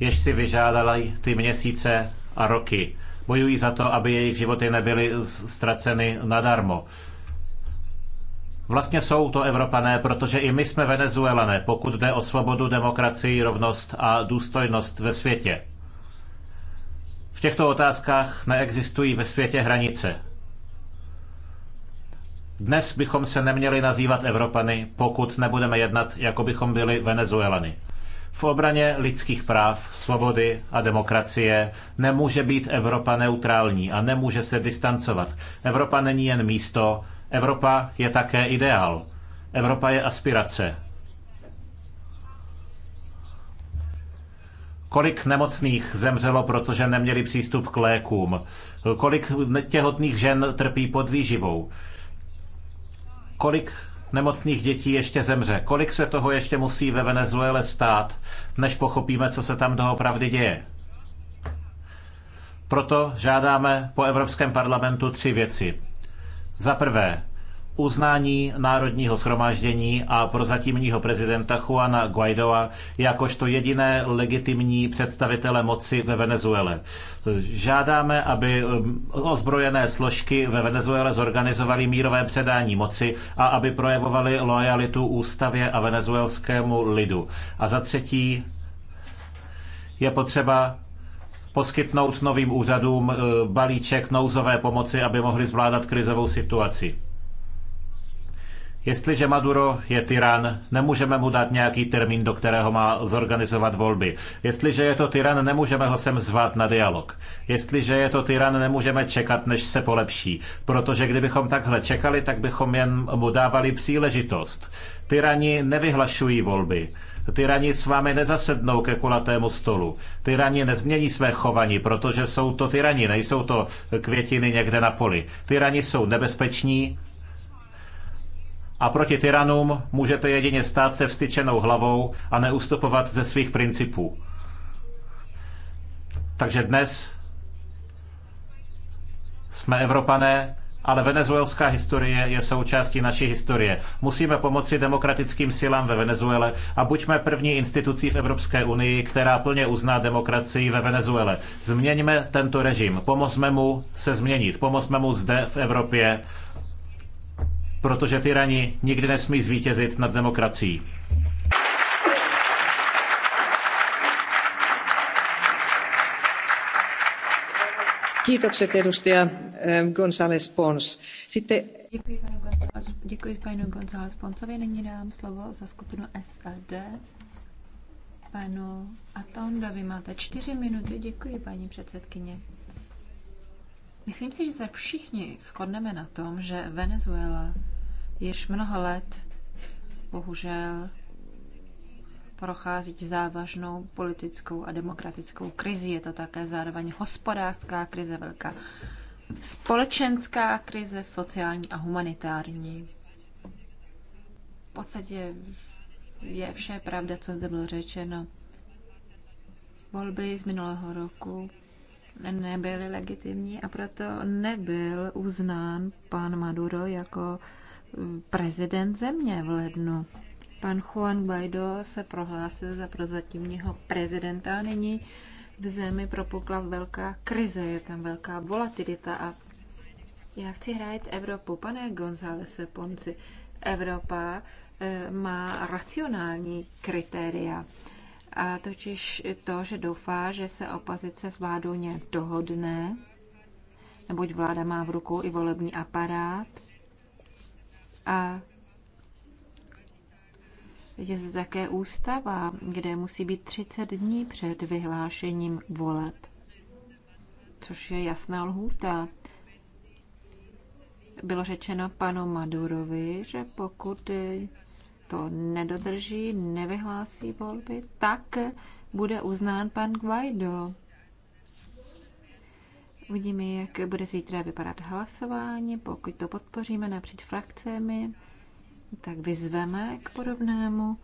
jež si vyžádala ty měsíce a roky. Bojují za to, aby jejich životy nebyly ztraceny nadarmo. Vlastně jsou to Evropané, protože i my jsme Venezuelané, pokud jde o svobodu, demokracii, rovnost a důstojnost ve světě. V těchto otázkách neexistují ve světě hranice. Dnes bychom se neměli nazývat Evropany, pokud nebudeme jednat, jako bychom byli Venezuelany. V obraně lidských práv, svobody a demokracie nemůže být Evropa neutrální a nemůže se distancovat. Evropa není jen místo, Evropa je také ideál. Evropa je aspirace, kolik nemocných zemřelo, protože neměli přístup k lékům, kolik těhotných žen trpí podvýživou, kolik nemocných dětí ještě zemře. Kolik se toho ještě musí ve Venezuele stát, než pochopíme, co se tam doopravdy děje? Proto žádáme po Evropském parlamentu tři věci. Za prvé, uznání národního schromáždění a prozatímního prezidenta Juana Guaidoa jakožto jediné legitimní představitele moci ve Venezuele. Žádáme, aby um, ozbrojené složky ve Venezuele zorganizovaly mírové předání moci a aby projevovali lojalitu ústavě a venezuelskému lidu. A za třetí je potřeba poskytnout novým úřadům uh, balíček nouzové pomoci, aby mohli zvládat krizovou situaci. Jestliže Maduro je tyran, nemůžeme mu dát nějaký termín, do kterého má zorganizovat volby. Jestliže je to tyran, nemůžeme ho sem zvat na dialog. Jestliže je to tyran, nemůžeme čekat, než se polepší. Protože kdybychom takhle čekali, tak bychom jen mu dávali příležitost. Tyrani nevyhlašují volby. Tyrani s vámi nezasednou ke kulatému stolu. Tyrani nezmění své chování, protože jsou to tyrani, nejsou to květiny někde na poli. Tyrani jsou nebezpeční, a proti tyranům můžete jedině stát se vstyčenou hlavou a neustupovat ze svých principů. Takže dnes jsme Evropané, ale venezuelská historie je součástí naší historie. Musíme pomoci demokratickým silám ve Venezuele a buďme první institucí v Evropské unii, která plně uzná demokracii ve Venezuele. Změňme tento režim, pomozme mu se změnit, pomozme mu zde v Evropě protože tyrani nikdy nesmí zvítězit nad demokracií. Kiitokset edustaja eh, González Pons. Sitten... Děkuji panu, González, děkuji panu González Ponsovi. Nyní dám slovo za skupinu SLD. Panu Atondovi máte čtyři minuty. Děkuji, paní předsedkyně. Myslím si, že se všichni shodneme na tom, že Venezuela již mnoho let bohužel prochází závažnou politickou a demokratickou krizi. Je to také zároveň hospodářská krize, velká společenská krize, sociální a humanitární. V podstatě je vše pravda, co zde bylo řečeno. Volby z minulého roku nebyly legitimní a proto nebyl uznán pan Maduro jako eh, prezident země v lednu. Pan Juan Guaido se prohlásil za prozatímního prezidenta a nyní v zemi propukla velká krize, je tam velká volatilita a já chci hrát Evropu. Pane González Ponci, Evropa eh, má racionální kritéria a totiž to, že doufá, že se opozice s vládou nějak dohodne, neboť vláda má v rukou i volební aparát a je zde také ústava, kde musí být 30 dní před vyhlášením voleb, což je jasná lhůta. Bylo řečeno panu Madurovi, že pokud to nedodrží, nevyhlásí volby, tak bude uznán pan Guaido. Uvidíme, jak bude zítra vypadat hlasování. Pokud to podpoříme napříč frakcemi, tak vyzveme k podobnému.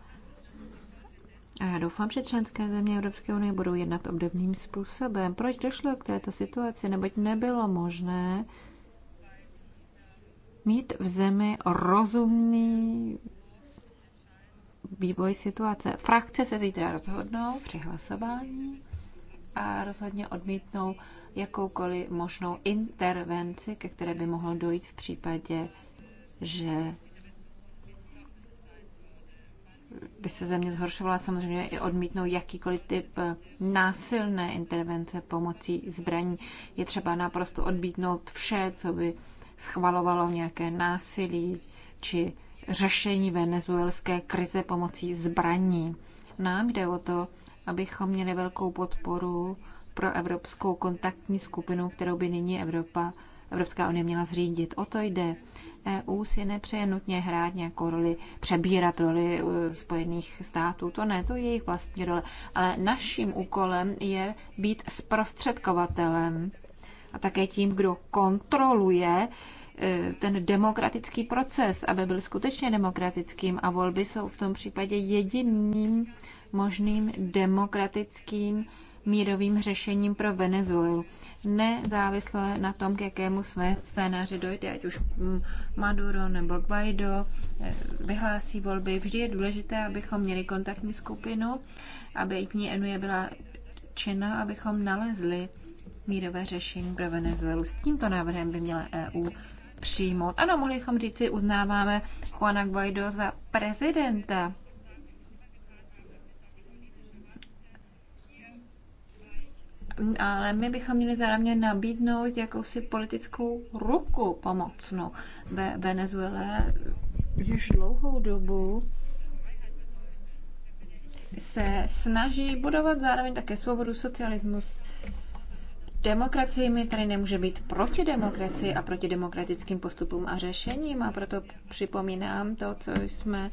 A já doufám, že členské země Evropské unie budou jednat obdobným způsobem. Proč došlo k této situaci? Neboť nebylo možné mít v zemi rozumný vývoj situace. Frakce se zítra rozhodnou při hlasování a rozhodně odmítnou jakoukoliv možnou intervenci, ke které by mohlo dojít v případě, že by se země zhoršovala, samozřejmě i odmítnou jakýkoliv typ násilné intervence pomocí zbraní. Je třeba naprosto odmítnout vše, co by schvalovalo nějaké násilí či řešení venezuelské krize pomocí zbraní. Nám jde o to, abychom měli velkou podporu pro evropskou kontaktní skupinu, kterou by nyní Evropa, Evropská unie měla zřídit. O to jde. EU si nepřeje nutně hrát nějakou roli, přebírat roli e, Spojených států. To ne, to je jejich vlastní role. Ale naším úkolem je být zprostředkovatelem a také tím, kdo kontroluje uh, Eh, ten demokratický proces, aby byl skutečně demokratickým a volby jsou v tom případě jediným možným demokratickým mírovým řešením pro Venezuelu. Nezávisle na tom, k jakému své scénáři dojde, ať už mm, Maduro nebo Guaido eh, vyhlásí volby, vždy je důležité, abychom měli kontaktní skupinu, aby i Enuje byla činná, abychom nalezli mírové řešení pro Venezuelu. S tímto návrhem by měla EU přijmout. Ano, mohli bychom říci, uznáváme Juana Guaido za prezidenta. ale my bychom měli zároveň nabídnout jakousi politickou ruku pomocnou. Ve Venezuele již dlouhou dobu se snaží budovat zároveň také svobodu, socialismus, demokracii mi tady nemůže být proti demokracii a proti demokratickým postupům a řešením a proto připomínám to, co jsme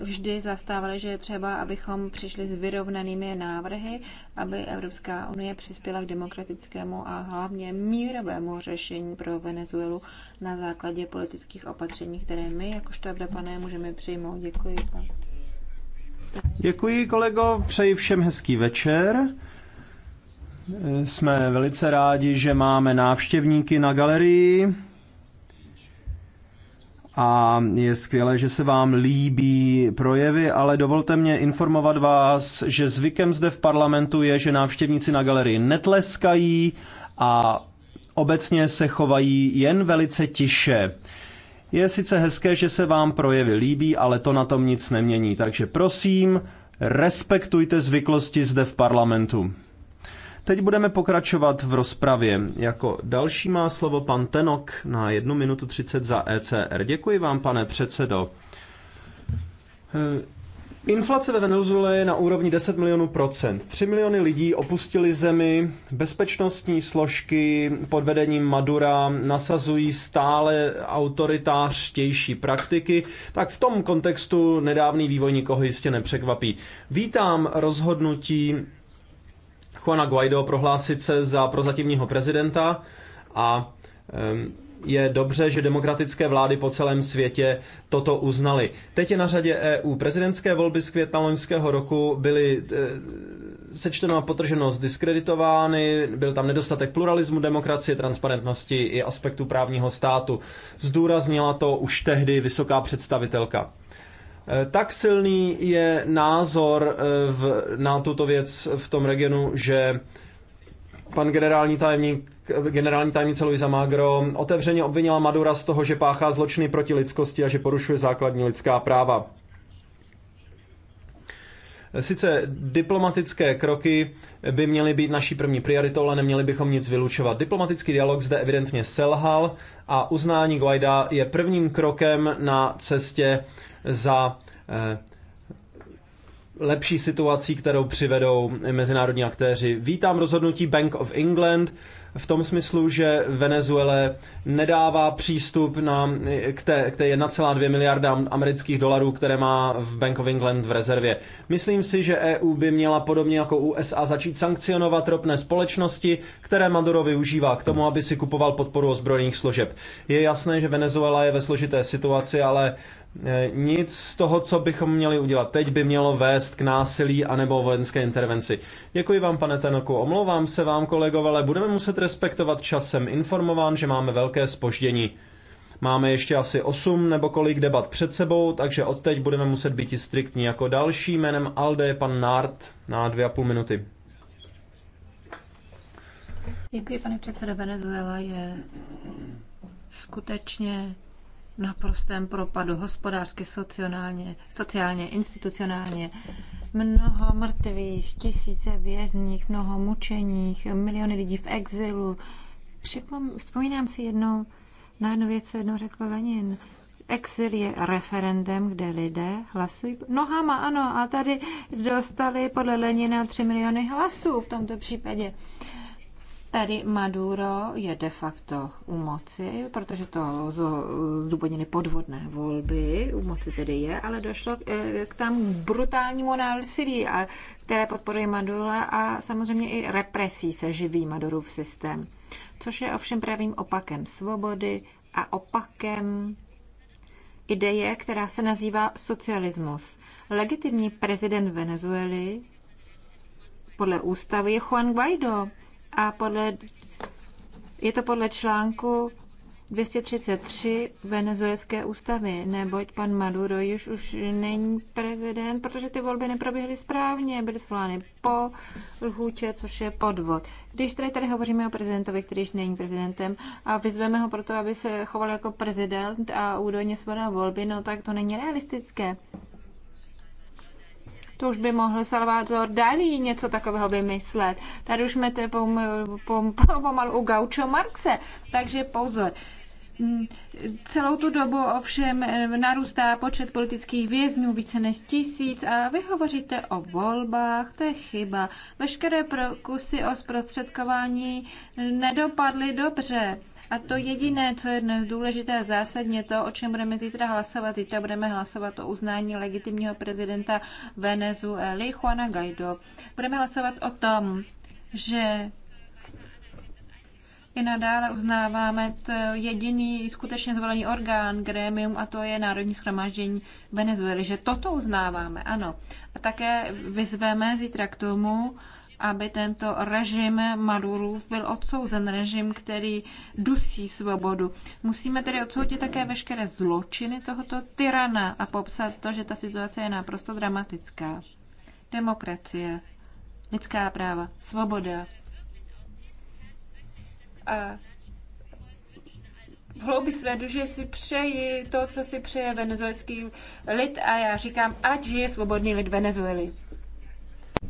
vždy zastávali, že je třeba, abychom přišli s vyrovnanými návrhy, aby Evropská unie přispěla k demokratickému a hlavně mírovému řešení pro Venezuelu na základě politických opatření, které my, jakožto Evropané, můžeme přijmout. Děkuji. Děkuji, kolego. Přeji všem hezký večer. Jsme velice rádi, že máme návštěvníky na galerii. A je skvělé, že se vám líbí projevy, ale dovolte mě informovat vás, že zvykem zde v parlamentu je, že návštěvníci na galerii netleskají a obecně se chovají jen velice tiše. Je sice hezké, že se vám projevy líbí, ale to na tom nic nemění. Takže prosím, respektujte zvyklosti zde v parlamentu. Teď budeme pokračovat v rozpravě. Jako další má slovo pan Tenok na 1 minutu 30 za ECR. Děkuji vám, pane předsedo. Eh, inflace ve Venezuele je na úrovni 10 milionů procent. 3 miliony lidí opustili zemi, bezpečnostní složky pod vedením Madura nasazují stále autoritářtější praktiky, tak v tom kontextu nedávný vývoj nikoho jistě nepřekvapí. Vítám rozhodnutí Juana Guaido prohlásit se za prozatímního prezidenta a je dobře, že demokratické vlády po celém světě toto uznaly. Teď je na řadě EU. Prezidentské volby z května loňského roku byly e, sečteno a potrženo zdiskreditovány, byl tam nedostatek pluralismu, demokracie, transparentnosti i aspektu právního státu. Zdůraznila to už tehdy vysoká představitelka. Eh, tak silný je názor eh, v, na tuto věc v tom regionu, že pan generální tajemník generální tajemnice Luisa Magro otevřeně obvinila Madura z toho, že páchá zločiny proti lidskosti a že porušuje základní lidská práva. Sice diplomatické kroky by měly být naší první prioritou, ale neměli bychom nic vylučovat. Diplomatický dialog zde evidentně selhal a uznání Guaida je prvním krokem na cestě za eh, lepší situací, kterou přivedou mezinárodní aktéři. Vítám rozhodnutí Bank of England v tom smyslu, že Venezuele nedává přístup na, k té, k té 1,2 miliarda amerických dolarů, které má v Bank of England v rezervě. Myslím si, že EU by měla podobně jako USA začít sankcionovat ropné společnosti, které Maduro využívá k tomu, aby si kupoval podporu ozbrojených složeb. Je jasné, že Venezuela je ve složité situaci, ale E, nic z toho, co bychom měli udělat teď, by mělo vést k násilí anebo vojenské intervenci. Děkuji vám, pane Tenoku. Omlouvám se vám, kolegové, ale budeme muset respektovat časem informován, že máme velké spoždění. Máme ještě asi 8 nebo kolik debat před sebou, takže od teď budeme muset být i striktní. Jako další jménem Alde je pan Nard na dvě a půl minuty. Děkuji, pane předsedo. Venezuela je skutečně naprostém propadu hospodářsky, sociálně, sociálně, institucionálně. Mnoho mrtvých, tisíce vězních, mnoho mučeních, miliony lidí v exilu. Připom- vzpomínám si jednou, na jednu věc co jednou řekl Lenin. Exil je referendem, kde lidé hlasují nohama, ano, a tady dostali podle Lenina 3 miliony hlasů v tomto případě. Tedy Maduro je de facto u moci, protože to zdůvodněny podvodné volby, u moci tedy je, ale došlo eh, k tam brutálnímu násilí, které podporuje Madura a samozřejmě i represí se živí Madurův systém, což je ovšem pravým opakem svobody a opakem ideje, která se nazývá socialismus. Legitimní prezident Venezuely podle ústavy je Juan Guaido, a podle, je to podle článku 233 venezuelské ústavy, neboť pan Maduro již už není prezident, protože ty volby neproběhly správně, byly zvolány po lhůče, což je podvod. Když tady, tady hovoříme o prezidentovi, který již není prezidentem a vyzveme ho proto, aby se choval jako prezident a údajně svolal volby, no tak to není realistické. To už by mohl Salvador Dalí něco takového vymyslet. Tady už jsme to pom, pom, pom, pomalu u Gaucho Marxe. Takže pozor. Mm, celou tu dobu ovšem eh, narůstá počet politických vězňů více než tisíc a vy hovoříte o volbách, to je chyba. Veškeré pokusy o zprostředkování nedopadly dobře. A to jediné, co je dnes důležité a zásadně to, o čem budeme zítra hlasovat, zítra budeme hlasovat o uznání legitimního prezidenta Venezuely Juana Guaido. Budeme hlasovat o tom, že i nadále uznáváme jediný skutečně zvolený orgán, grémium, a to je Národní schromáždění Venezuely, že toto uznáváme, ano. A také vyzveme zítra k tomu, aby tento režim Madurův byl odsouzen, režim, který dusí svobodu. Musíme tedy odsoudit také veškeré zločiny tohoto tyrana a popsat to, že ta situace je naprosto dramatická. Demokracie, lidská práva, svoboda. A v hloubi své duše si přeji to, co si přeje venezuelský lid a já říkám, ať žije svobodný lid Venezuely.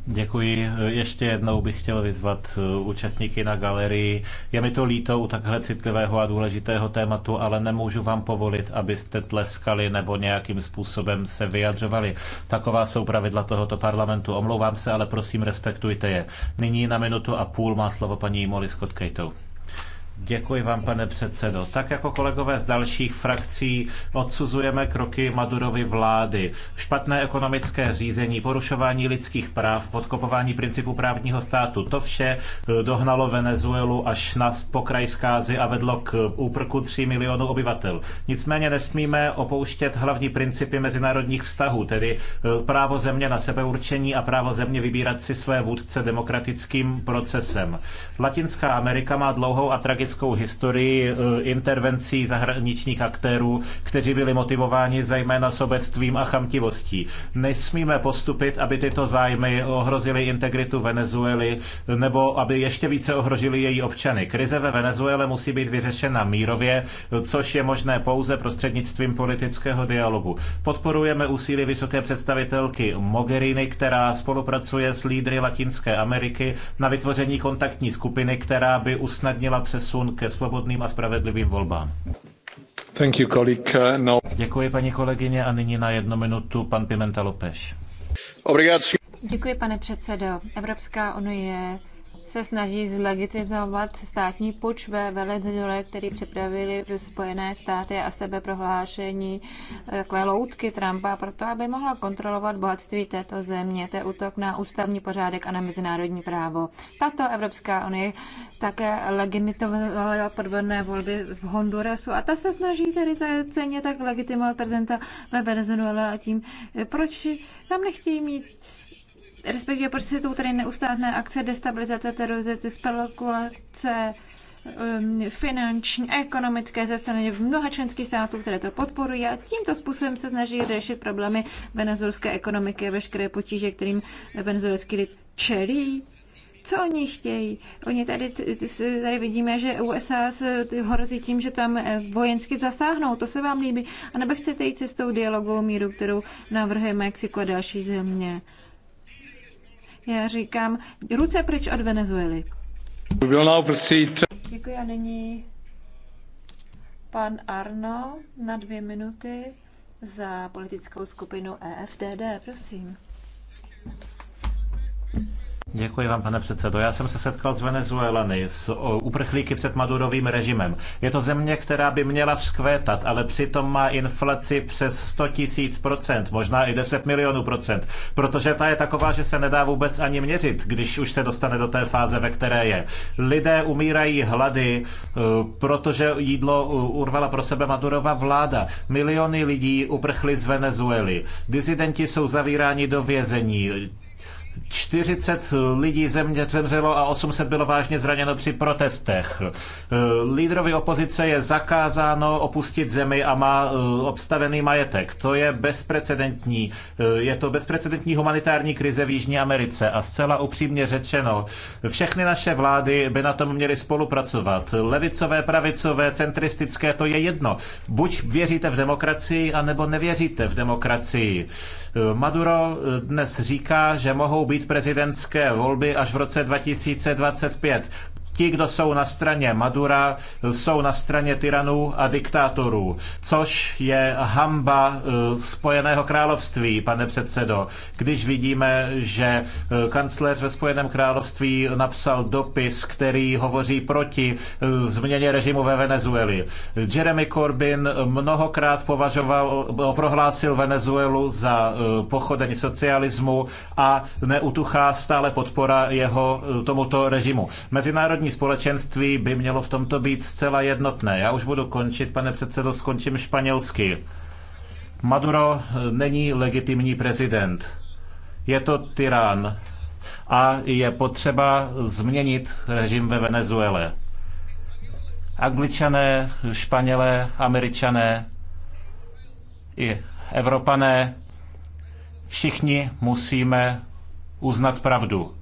Děkuji. Ještě jednou bych chtěl vyzvat uh, účastníky na galerii. Je mi to líto u takhle citlivého a důležitého tématu, ale nemůžu vám povolit, abyste tleskali nebo nějakým způsobem se vyjadřovali. Taková jsou pravidla tohoto parlamentu. Omlouvám se, ale prosím, respektujte je. Nyní na minutu a půl má slovo paní Molly Scott Cato. Děkuji vám, pane předsedo. Tak jako kolegové z dalších frakcí odsuzujeme kroky Madurovy vlády. Špatné ekonomické řízení, porušování lidských práv, podkopování principů právního státu. To vše eh, dohnalo Venezuelu až na pokraj zkázy a vedlo k eh, úprku 3 milionů obyvatel. Nicméně nesmíme opouštět hlavní principy mezinárodních vztahů, tedy eh, právo země na sebeurčení a právo země vybírat si své vůdce demokratickým procesem. Latinská Amerika má dlouhou a tragickou tragickou historii eh, intervencí zahraničních aktérů, kteří byli motivováni zejména sobectvím a chamtivostí. Nesmíme postupit, aby tyto zájmy ohrozily integritu Venezuely nebo aby ještě více ohrožily její občany. Krize ve Venezuele musí být vyřešena mírově, což je možné pouze prostřednictvím politického dialogu. Podporujeme úsilí vysoké představitelky Mogherini, která spolupracuje s lídry Latinské Ameriky na vytvoření kontaktní skupiny, která by usnadnila přesun posun ke svobodným a spravedlivým volbám. Thank you, colleague. No. Děkuji, paní kolegyně, a nyní na jednu minutu pan Pimenta Lopeš. Děkuji, pane předsedo. Evropská unie se snaží zlegitimizovat státní puč ve velezděle, který připravili v Spojené státy a sebe prohlášení eh, takové loutky Trumpa, proto aby mohla kontrolovat bohatství této země. To je útok na ústavní pořádek a na mezinárodní právo. Tato Evropská unie také legitimizovala podvodné volby v Hondurasu a ta se snaží tady té ceně tak legitimovat prezidenta ve Venezuele a tím, eh, proč tam nechtějí mít respektive proč se tou tady neustále akce destabilizace, terorizace, spekulace, um, finanční, ekonomické ze strany mnoha členských států, které to podporují a tímto způsobem se snaží řešit problémy venezuelské ekonomiky a veškeré potíže, kterým venezuelský lid čelí. Co oni chtějí? Oni tady, tady vidíme, že USA se hrozí tím, že tam eh, vojensky zasáhnou. To se vám líbí. A nebo chcete jít cestou dialogu míru, kterou navrhuje Mexiko a další země? Já říkám, ruce pryč od Venezuely. Děkuji a nyní pan Arno na dvě minuty za politickou skupinu EFDD, prosím. Děkuji vám, pane předsedo. Já jsem se setkal s Venezuelany, s uprchlíky před Madurovým režimem. Je to země, která by měla vzkvétat, ale přitom má inflaci přes 100 tisíc procent, možná i 10 milionů procent, protože ta je taková, že se nedá vůbec ani měřit, když už se dostane do té fáze, ve které je. Lidé umírají hlady, e, protože jídlo e, urvala pro sebe Madurova vláda. Miliony lidí uprchly z Venezuely. Dizidenti jsou zavíráni do vězení. 40 lidí země zemřelo a 800 bylo vážně zraněno při protestech. E, lídrovi opozice je zakázáno opustit zemi a má e, obstavený majetek. To je bezprecedentní. E, je to bezprecedentní humanitární krize v Jižní Americe a zcela upřímně řečeno, všechny naše vlády by na tom měly spolupracovat. Levicové, pravicové, centristické, to je jedno. Buď věříte v demokracii, anebo nevěříte v demokracii. Maduro dnes říká, že mohou být prezidentské volby až v roce 2025. Ti, kdo jsou na straně Madura, jsou na straně tyranů a diktátorů, což je hamba eh, Spojeného království, pane předsedo. Když vidíme, že eh, kancléř ve Spojeném království napsal dopis, který hovoří proti eh, změně režimu ve Venezueli. Jeremy Corbyn mnohokrát považoval, prohlásil Venezuelu za pochodeň socialismu a neutuchá stále podpora jeho tomuto režimu. Mezinárodní mezinárodní společenství by mělo v tomto být zcela jednotné. Já už budu končit, pane předsedo, skončím španělsky. Maduro není legitimní prezident. Je to tyrán a je potřeba změnit režim ve Venezuele. Angličané, Španělé, Američané i Evropané, všichni musíme uznat pravdu.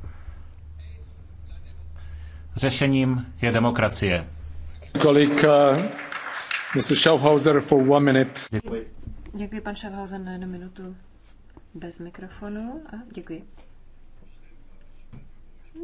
Řešením je demokracie. Kolik, uh, eh, Mr. Schaffhauser for one minute. Děkuji. Děkuji, pan Schaffhauser, na jednu minutu bez mikrofonu. A děkuji.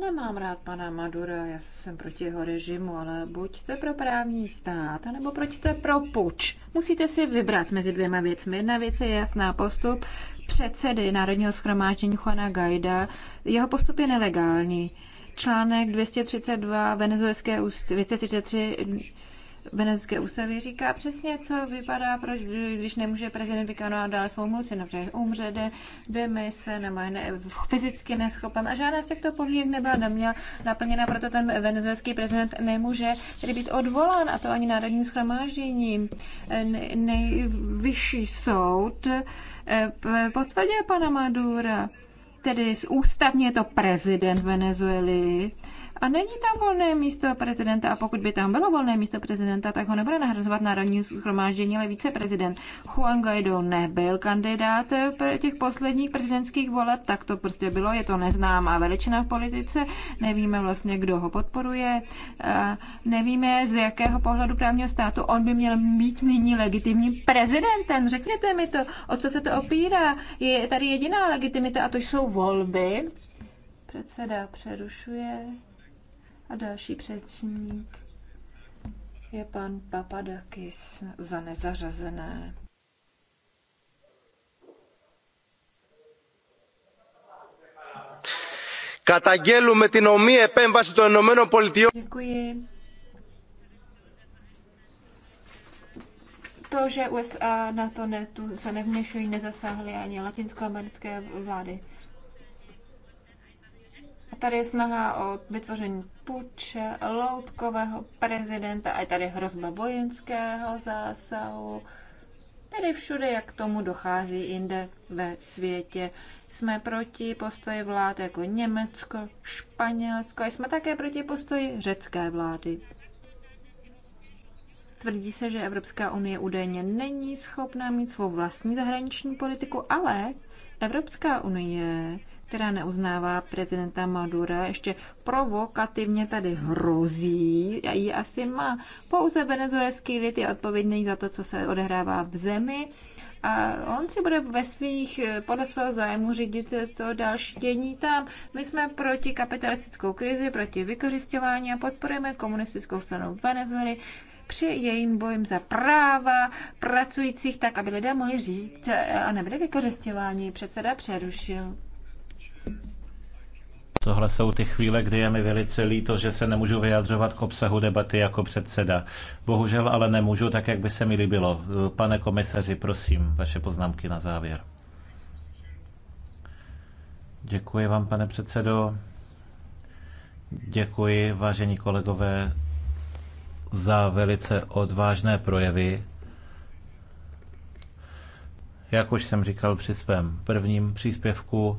Nemám rád pana Madura, já jsem proti jeho režimu, ale buď jste pro právní stát, nebo proč jste pro puč. Musíte si vybrat mezi dvěma věcmi. Jedna věc je jasná postup předsedy Národního schromáždění Juana Gajda. Jeho postup je nelegální článek 232 venezuelské ústavy, venezuelské ústavy říká přesně, co vypadá, proč, když nemůže prezident vykonat dál svou moci, například umře, jde, demise, nemá ne, fyzicky neschopen a žádná z těchto podmínek nebyla neměla naplněna, proto ten venezuelský prezident nemůže tedy být odvolán a to ani národním schromážděním. nejvyšší soud eh, potvrdil pana Madura tedy z ústavně je to prezident Venezuely, a není tam volné místo prezidenta a pokud by tam bylo volné místo prezidenta, tak ho nebude nahrazovat národní schromáždění, ale viceprezident. Juan Guaido nebyl kandidát těch posledních prezidentských voleb, tak to prostě bylo, je to neznámá veličina v politice, nevíme vlastně, kdo ho podporuje, nevíme, z jakého pohledu právního státu on by měl být nyní legitimním prezidentem. Řekněte mi to, o co se to opírá. Je tady jediná legitimita a to jsou volby. Předseda přerušuje. A další předčník je pan Papadakis za nezařazené. Καταγγέλουμε την ομή επέμβαση των Ηνωμένων Πολιτειών. Děkuji. To, že USA na to netu se nevměšují, nezasáhly ani latinskoamerické vlády. Tady je snaha o vytvoření puče, loutkového prezidenta, a je tady hrozba vojenského zásahu. Tedy všude, jak tomu dochází jinde ve světě. Jsme proti postoji vlád jako Německo, Španělsko a jsme také proti postoji řecké vlády. Tvrdí se, že Evropská unie údajně není schopná mít svou vlastní zahraniční politiku, ale Evropská unie která neuznává prezidenta Madura, ještě provokativně tady hrozí a ji asi má. Pouze venezuelský lid je odpovědný za to, co se odehrává v zemi a on si bude ve svých, podle svého zájmu řídit to další dění tam. My jsme proti kapitalistickou krizi, proti vykořišťování a podporujeme komunistickou stranu Venezuely, při jejím bojem za práva pracujících, tak aby lidé mohli žít eh, a nebyli vykořišťováni. Předseda přerušil. Tohle jsou ty chvíle, kdy je mi velice líto, že se nemůžu vyjadřovat k obsahu debaty jako předseda. Bohužel ale nemůžu, tak jak by se mi líbilo. Pane komisaři, prosím, vaše poznámky na závěr. Děkuji vám, pane předsedo. Děkuji, vážení kolegové, za velice odvážné projevy. Jak už jsem říkal při svém prvním příspěvku,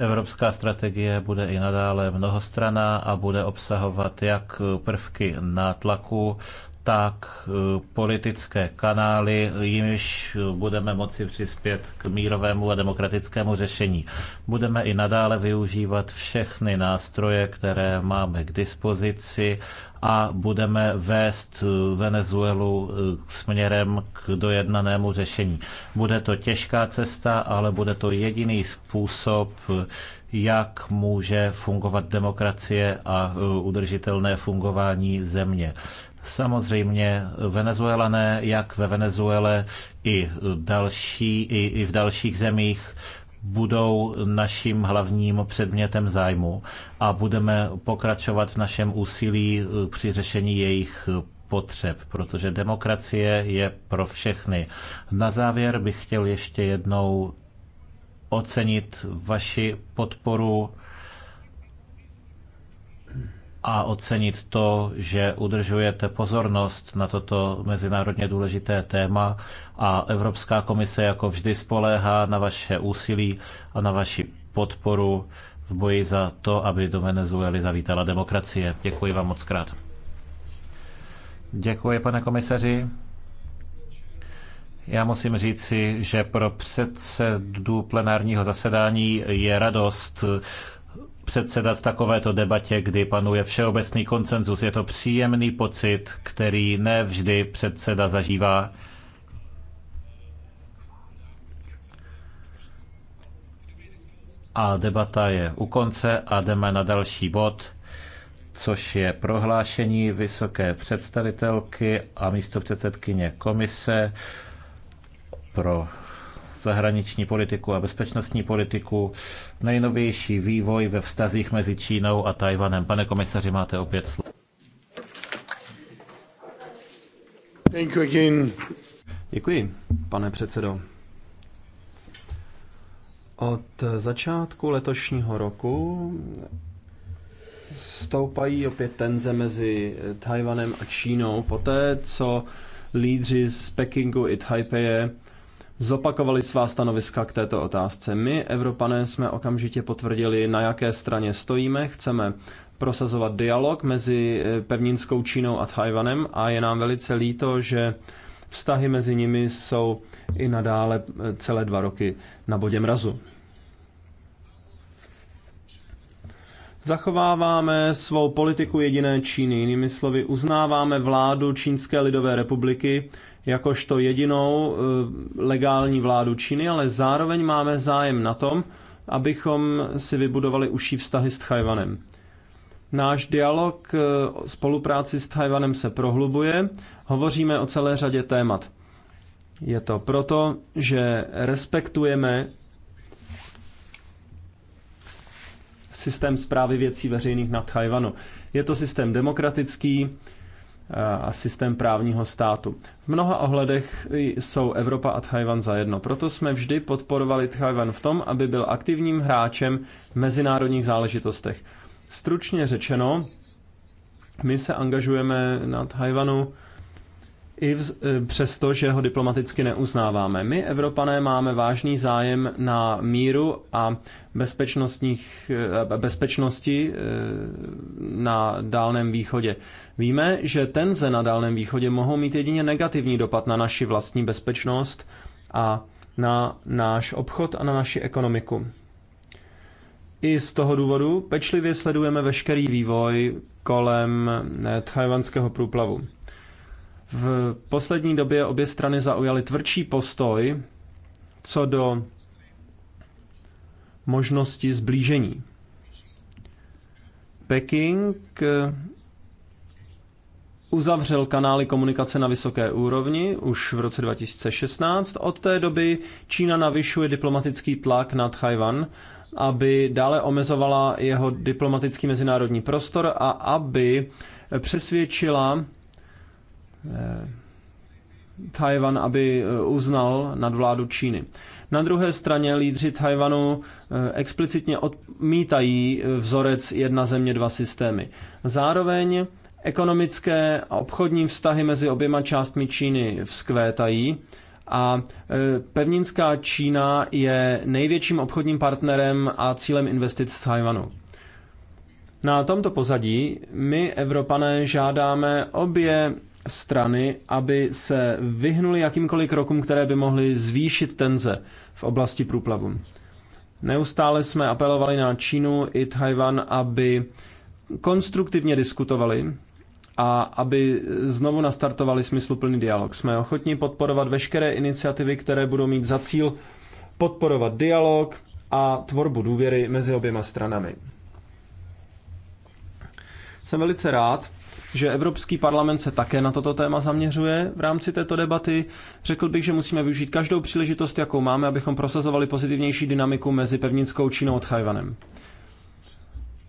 Evropská strategie bude i nadále mnohostraná a bude obsahovat jak prvky nátlaku, tak eh, politické kanály, jimž budeme moci přispět k mírovému a demokratickému řešení. Budeme i nadále využívat všechny nástroje, které máme k dispozici a budeme vést eh, Venezuelu eh, směrem k dojednanému řešení. Bude to těžká cesta, ale bude to jediný způsob, jak může fungovat demokracie a udržitelné fungování země. Samozřejmě Venezuelané, jak ve Venezuele, i, další, i, i v dalších zemích budou naším hlavním předmětem zájmu a budeme pokračovat v našem úsilí eh, při řešení jejich potřeb, protože demokracie je pro všechny. Na závěr bych chtěl ještě jednou ocenit vaši podporu a ocenit to, že udržujete pozornost na toto mezinárodně důležité téma a Evropská komise jako vždy spoléhá na vaše úsilí a na vaši podporu v boji za to, aby do Venezuely zavítala demokracie. Děkuji vám moc krát. Děkuji, pane komisaři. Já musím říci, že pro předsedu plenárního zasedání je radost předsedat takovéto debatě, kdy panuje všeobecný koncenzus. Je to příjemný pocit, který ne vždy předseda zažívá. A debata je u konce a jdeme na další bod, což je prohlášení vysoké představitelky a místopředsedkyně komise pro zahraniční politiku a bezpečnostní politiku, nejnovější vývoj ve vztazích mezi Čínou a Tajvanem. Pane komisaři, máte opět slovo. Děkuji, pane předsedo. Od začátku letošního roku stoupají opět tenze mezi Tajvanem a Čínou. Poté, co lídři z Pekingu i Taipeje zopakovali svá stanoviska k této otázce. My, Evropané, jsme okamžitě potvrdili, na jaké straně stojíme. Chceme prosazovat dialog mezi eh, pevninskou Čínou a Tajvanem a je nám velice líto, že vztahy mezi nimi jsou i nadále eh, celé dva roky na bodě mrazu. Zachováváme svou politiku jediné Číny, jinými slovy uznáváme vládu Čínské lidové republiky, jakožto jedinou eh, legální vládu Číny, ale zároveň máme zájem na tom, abychom si vybudovali užší vztahy s Tchajvanem. Náš dialog eh, o spolupráci s Tchajvanem se prohlubuje, hovoříme o celé řadě témat. Je to proto, že respektujeme systém zprávy věcí veřejných na Tchajvanu. Je to systém demokratický, a systém právního státu. V mnoha ohledech jsou Evropa a Tchajvan zajedno. Proto jsme vždy podporovali Tchajvan v tom, aby byl aktivním hráčem v mezinárodních záležitostech. Stručně řečeno, my se angažujeme na Tchajvanu i v, e, přesto, že ho diplomaticky neuznáváme. My, Evropané, máme vážný zájem na míru a bezpečnostních, e, bezpečnosti e, na Dálném východě. Víme, že tenze na Dálném východě mohou mít jedině negativní dopad na naši vlastní bezpečnost a na náš obchod a na naši ekonomiku. I z toho důvodu pečlivě sledujeme veškerý vývoj kolem tajvanského průplavu. V poslední době obě strany zaujaly tvrdší postoj co do možnosti zblížení. Peking eh, uzavřel kanály komunikace na vysoké úrovni už v roce 2016. Od té doby Čína navyšuje diplomatický tlak na Tchajvan, aby dále omezovala jeho diplomatický mezinárodní prostor a aby přesvědčila Eh, Tajvan, aby eh, uznal nadvládu Číny. Na druhé straně lídři Tajvanu eh, explicitně odmítají vzorec jedna země, dva systémy. Zároveň ekonomické a obchodní vztahy mezi oběma částmi Číny vzkvétají a pevninská Čína je největším obchodním partnerem a cílem investic Tajvanu. Na tomto pozadí my, Evropané, žádáme obě strany, aby se vyhnuli jakýmkoliv krokům, které by mohly zvýšit tenze v oblasti průplavu. Neustále jsme apelovali na Čínu i Tajvan, aby konstruktivně diskutovali a aby znovu nastartovali smysluplný dialog. Jsme ochotní podporovat veškeré iniciativy, které budou mít za cíl podporovat dialog a tvorbu důvěry mezi oběma stranami. Jsem velice rád, že Evropský parlament se také na toto téma zaměřuje v rámci této debaty. Řekl bych, že musíme využít každou příležitost, jakou máme, abychom prosazovali pozitivnější dynamiku mezi pevninskou Čínou a Tchajvanem.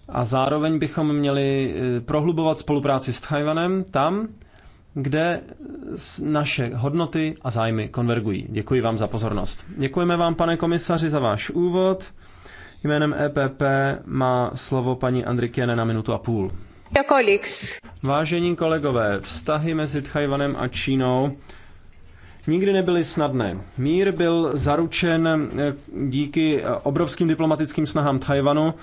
A zároveň bychom měli eh, prohlubovat spolupráci s Tchajvanem tam, kde naše hodnoty a zájmy konvergují. Děkuji vám za pozornost. Děkujeme vám, pane komisaři, za váš úvod. Jménem EPP má slovo paní Andrikiene na minutu a půl. Vážení kolegové, vztahy mezi Tchajvanem a Čínou nikdy nebyly snadné. Mír byl zaručen eh, díky eh, obrovským diplomatickým snahám Tchajvanu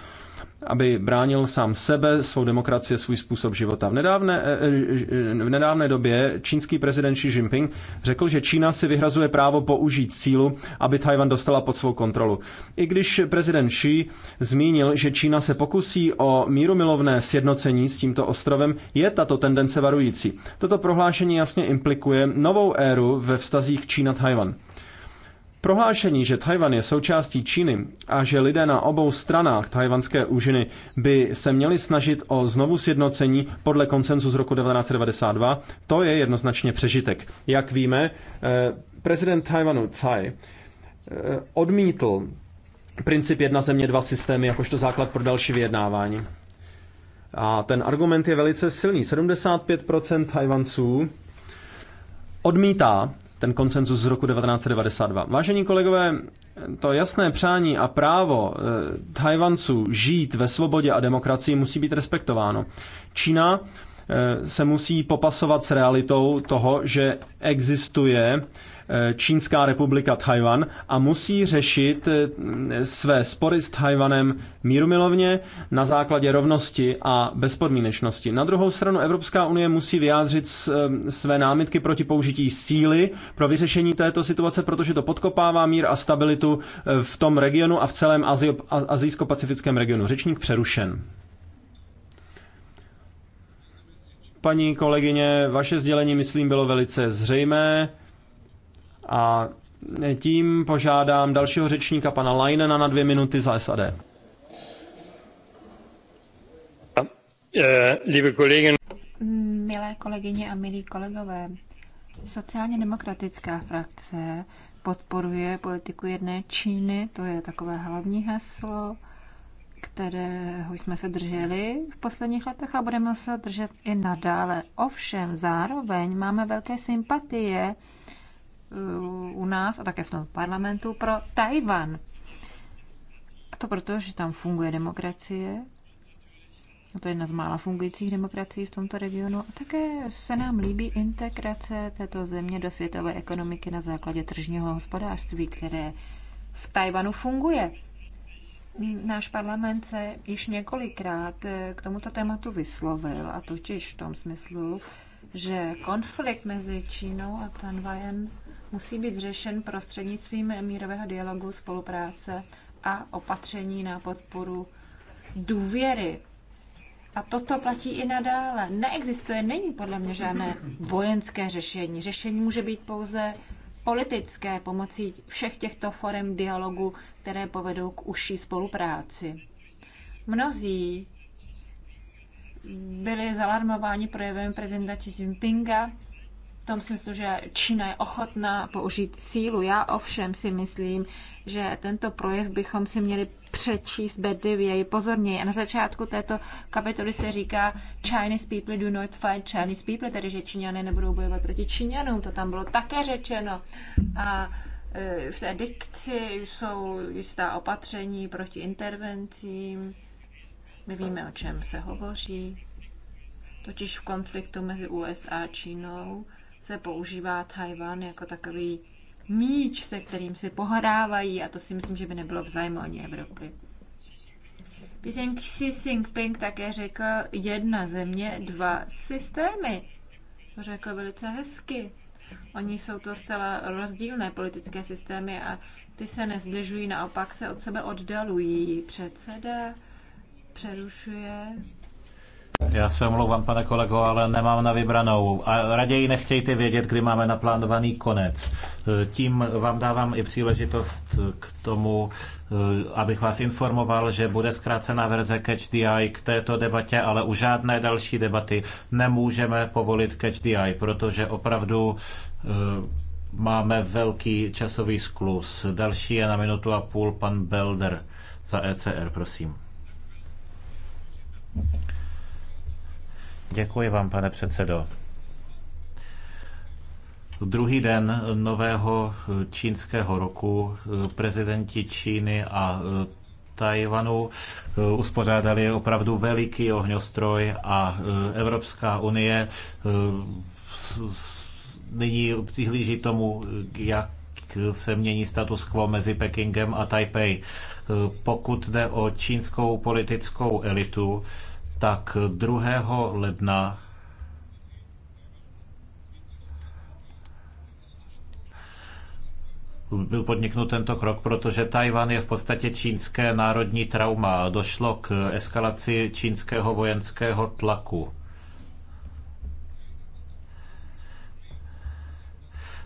aby bránil sám sebe, svou demokracii, svůj způsob života. V nedávné, eh, eh, v nedávné době čínský prezident Xi Jinping řekl, že Čína si vyhrazuje právo použít sílu, aby Tajvan dostala pod svou kontrolu. I když prezident Xi zmínil, že Čína se pokusí o mírumilovné sjednocení s tímto ostrovem, je tato tendence varující. Toto prohlášení jasně implikuje novou éru ve vztazích Čína-Tajvan. Prohlášení, že Tajvan je součástí Číny a že lidé na obou stranách tajvanské úžiny by se měli snažit o znovu sjednocení podle koncenzu z roku 1992, to je jednoznačně přežitek. Jak víme, eh, prezident Tajvanu Tsai eh, odmítl princip jedna země, dva systémy jakožto základ pro další vyjednávání. A ten argument je velice silný. 75% Tajvanců odmítá ten koncenzus z roku 1992. Vážení kolegové, to jasné přání a právo eh, Tajvanců žít ve svobodě a demokracii musí být respektováno. Čína eh, se musí popasovat s realitou toho, že existuje Eh, Čínská republika Tajvan a musí řešit eh, své spory s Tajvanem mírumilovně na základě rovnosti a bezpodmínečnosti. Na druhou stranu Evropská unie musí vyjádřit eh, své námitky proti použití síly pro vyřešení této situace, protože to podkopává mír a stabilitu v tom regionu a v celém azijsko-pacifickém regionu. Řečník přerušen. Paní kolegyně, vaše sdělení, myslím, bylo velice zřejmé. A tím požádám dalšího řečníka, pana Leinena, na dvě minuty za SAD. E, Milé kolegyně a milí kolegové, sociálně demokratická frakce podporuje politiku jedné Číny, to je takové hlavní heslo, kterého jsme se drželi v posledních letech a budeme se držet i nadále. Ovšem, zároveň máme velké sympatie u nás a také v tom parlamentu pro Tajvan. A to proto, že tam funguje demokracie, a to je jedna z mála fungujících demokracií v tomto regionu. A také se nám líbí integrace této země do světové ekonomiky na základě tržního hospodářství, které v Tajvanu funguje. Náš parlament se již několikrát eh, k tomuto tématu vyslovil, a totiž v tom smyslu, že konflikt mezi Čínou a Tanvajem musí být řešen prostřednictvím mírového dialogu, spolupráce a opatření na podporu důvěry. A toto platí i nadále. Neexistuje, není podle mě žádné vojenské řešení. Řešení může být pouze politické pomocí všech těchto forem dialogu, které povedou k užší spolupráci. Mnozí byli zalarmováni projevem prezidenta Xi Jinpinga, tom smyslu, že Čína je ochotná použít sílu. Já ovšem si myslím, že tento projev bychom si měli přečíst bedlivěji, pozorněji. A na začátku této kapitoly se říká Chinese people do not fight Chinese people, tedy že Číňané nebudou bojovat proti Číňanům, to tam bylo také řečeno. A e, v té dikci jsou jistá opatření proti intervencím. My víme, o čem se hovoří. Totiž v konfliktu mezi USA a Čínou se používá Tajvan jako takový míč, se kterým si pohrávají a to si myslím, že by nebylo v zájmu ani Evropy. Prezident Xi Jinping také řekl jedna země, dva systémy. To řekl velice hezky. Oni jsou to zcela rozdílné politické systémy a ty se nezbližují, naopak se od sebe oddalují. Předseda přerušuje já se omlouvám, pane kolego, ale nemám na vybranou. A raději nechtějte vědět, kdy máme naplánovaný konec. Tím vám dávám i příležitost k tomu, eh, abych vás informoval, že bude zkrácená verze Catch the Eye k této debatě, ale u žádné další debaty nemůžeme povolit Catch the Eye, protože opravdu eh, máme velký časový sklus. Další je na minutu a půl pan Belder za ECR, prosím. Děkuji vám, pane předsedo. Druhý den nového čínského roku prezidenti Číny a Tajvanu uspořádali opravdu veliký ohňostroj a Evropská unie nyní přihlíží tomu, jak se mění status quo mezi Pekingem a Taipei. Pokud jde o čínskou politickou elitu, tak 2. ledna byl podniknut tento krok, protože Tajvan je v podstatě čínské národní trauma. Došlo k eskalaci čínského vojenského tlaku.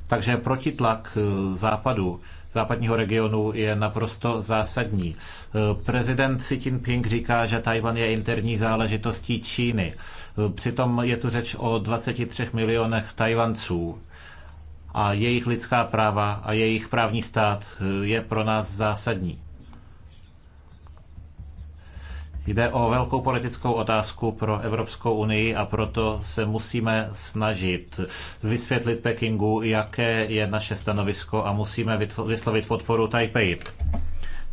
Takže protitlak eh, západu západního regionu je naprosto zásadní. E, prezident Xi Jinping říká, že Tajvan je interní záležitostí Číny. E, přitom je tu řeč o 23 milionech Tajvanců a jejich lidská práva a jejich právní stát e, je pro nás zásadní. Jde o velkou politickou otázku pro Evropskou unii a proto se musíme snažit vysvětlit Pekingu, jaké je naše stanovisko a musíme vyslovit podporu Taipei.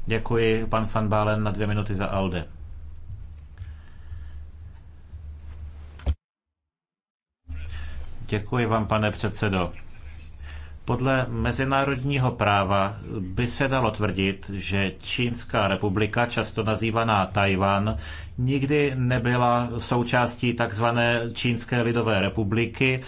Děkuji, pan Van Balen, na dvě minuty za ALDE. Děkuji vám, pane předsedo. Podle mezinárodního práva by se dalo tvrdit, že Čínská republika, často nazývaná Tajvan, nikdy nebyla součástí takzvané Čínské lidové republiky,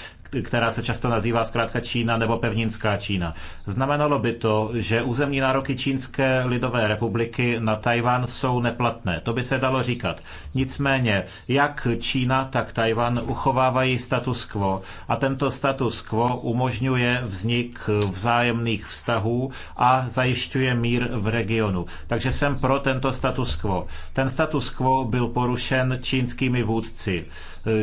která se často nazývá zkrátka Čína nebo pevninská Čína. Znamenalo by to, že územní nároky Čínské lidové republiky na Tajvan jsou neplatné. To by se dalo říkat. Nicméně, jak Čína, tak Tajvan uchovávají status quo a tento status quo umožňuje vznik vzájemných vztahů a zajišťuje mír v regionu. Takže jsem pro tento status quo. Ten status quo byl porušen čínskými vůdci.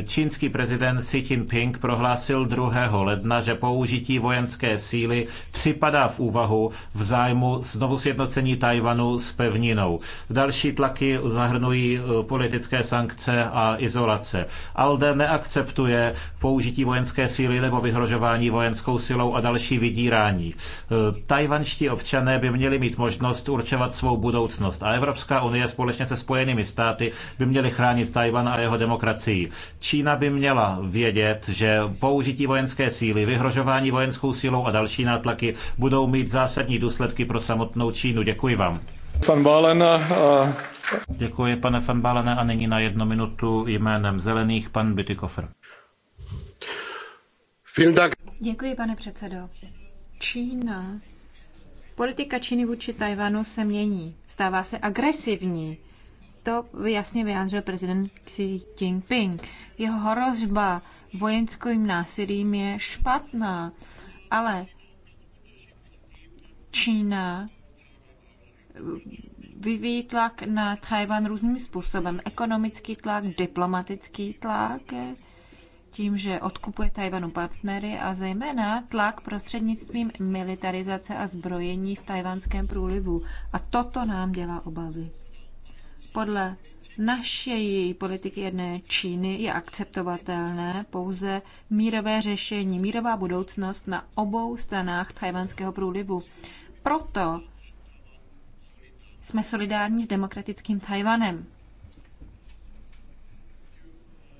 Čínský prezident Xi Jinping prohlásil 2. ledna, že použití vojenské síly připadá v úvahu v zájmu znovu sjednocení Tajvanu s pevninou. Další tlaky zahrnují eh, politické sankce a izolace. ALDE neakceptuje použití vojenské síly nebo vyhrožování vojenskou silou a další vydírání. Eh, tajvanští občané by měli mít možnost určovat svou budoucnost a Evropská unie společně se Spojenými státy by měly chránit Tajvan a jeho demokracii. Čína by měla vědět, že použití vojenské síly, vyhrožování vojenskou sílou a další nátlaky budou mít zásadní důsledky pro samotnou Čínu. Děkuji vám. Van Balen a... Eh, Děkuji, pane Van Balen a nyní na jednu minutu jménem Zelených pan Bytykofer. Děkuji, pane předsedo. Čína. Politika Číny vůči Tajvanu se mění, stává se agresivní. To jasně vyjádřil prezident Xi Jinping. Jeho hrozba vojenským násilím je špatná, ale Čína vyvíjí tlak na Tajvan různým způsobem. Ekonomický tlak, diplomatický tlak, tím, že odkupuje Tajvanu partnery a zejména tlak prostřednictvím militarizace a zbrojení v tajvanském průlivu. A toto nám dělá obavy. Podle naší politiky jedné Číny je akceptovatelné pouze mírové řešení, mírová budoucnost na obou stranách tajvanského průlivu. Proto jsme solidární s demokratickým Tajvanem.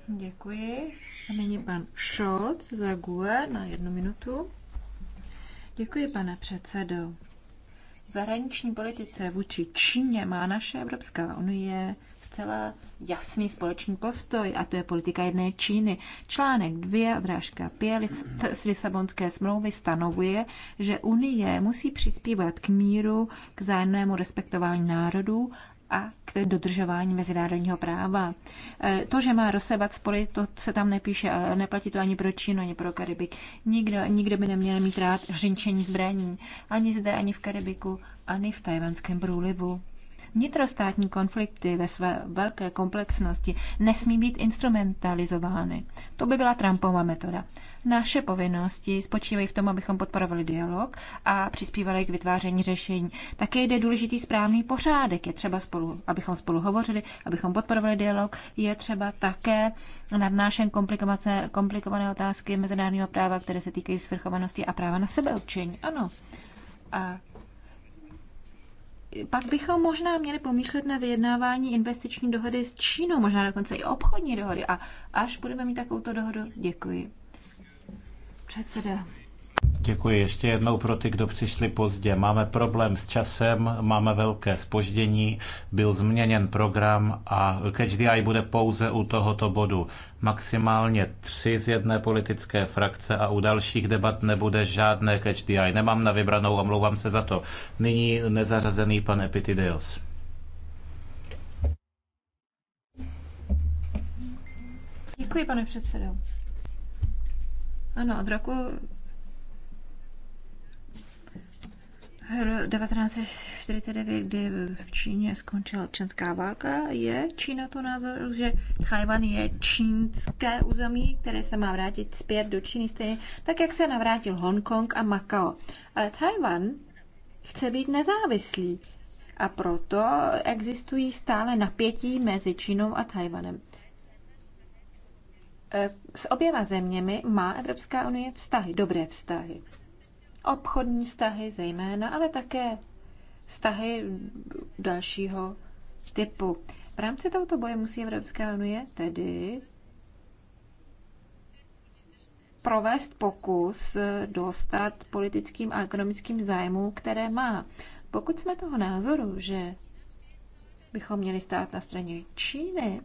Děkuji. A nyní pan Scholz za GUE na jednu minutu. Děkuji, pane předsedo v zahraniční politice vůči Číně má naše Evropská unie zcela jasný společný postoj a to je politika jedné Číny. Článek 2, odrážka 5 z Lisabonské smlouvy stanovuje, že Unie musí přispívat k míru, k zájemnému respektování národů a k dodržování mezinárodního práva. E, to, že má rozsebat spory, to se tam nepíše a neplatí to ani pro Čínu, ani pro Karibik. Nikdo, nikdo by neměl mít rád hřinčení zbraní. Ani zde, ani v Karibiku, ani v tajvanském průlivu. Vnitrostátní konflikty ve své velké komplexnosti nesmí být instrumentalizovány. To by byla Trumpova metoda. Naše povinnosti spočívají v tom, abychom podporovali dialog a přispívali k vytváření řešení. Také jde důležitý správný pořádek. Je třeba spolu, abychom spolu hovořili, abychom podporovali dialog. Je třeba také nadnášen komplikované otázky mezinárodního práva, které se týkají svrchovanosti a práva na sebeurčení. Ano. A pak bychom možná měli pomýšlet na vyjednávání investiční dohody s Čínou, možná dokonce i obchodní dohody. A až budeme mít takovouto dohodu, děkuji. Předseda. Děkuji ještě jednou pro ty, kdo přišli pozdě. Máme problém s časem, máme velké spoždění, byl změněn program a Catch the Eye bude pouze u tohoto bodu. Maximálně tři z jedné politické frakce a u dalších debat nebude žádné Catch the Eye. Nemám na vybranou, omlouvám se za to. Nyní nezařazený pan Epitideos. Děkuji, pane předsedo. Ano, od roku 1949, kdy v Číně skončila občanská válka, je Čína to názor, že Tchajvan je čínské území, které se má vrátit zpět do Číny, stejně tak, jak se navrátil Hongkong a Makao. Ale Tchajvan chce být nezávislý a proto existují stále napětí mezi Čínou a Tchajvanem. E, s oběma zeměmi má Evropská unie vztahy, dobré vztahy obchodní vztahy zejména, ale také vztahy dalšího typu. V rámci tohoto boje musí Evropská unie tedy provést pokus dostat politickým a ekonomickým zájmům, které má. Pokud jsme toho názoru, že bychom měli stát na straně Číny,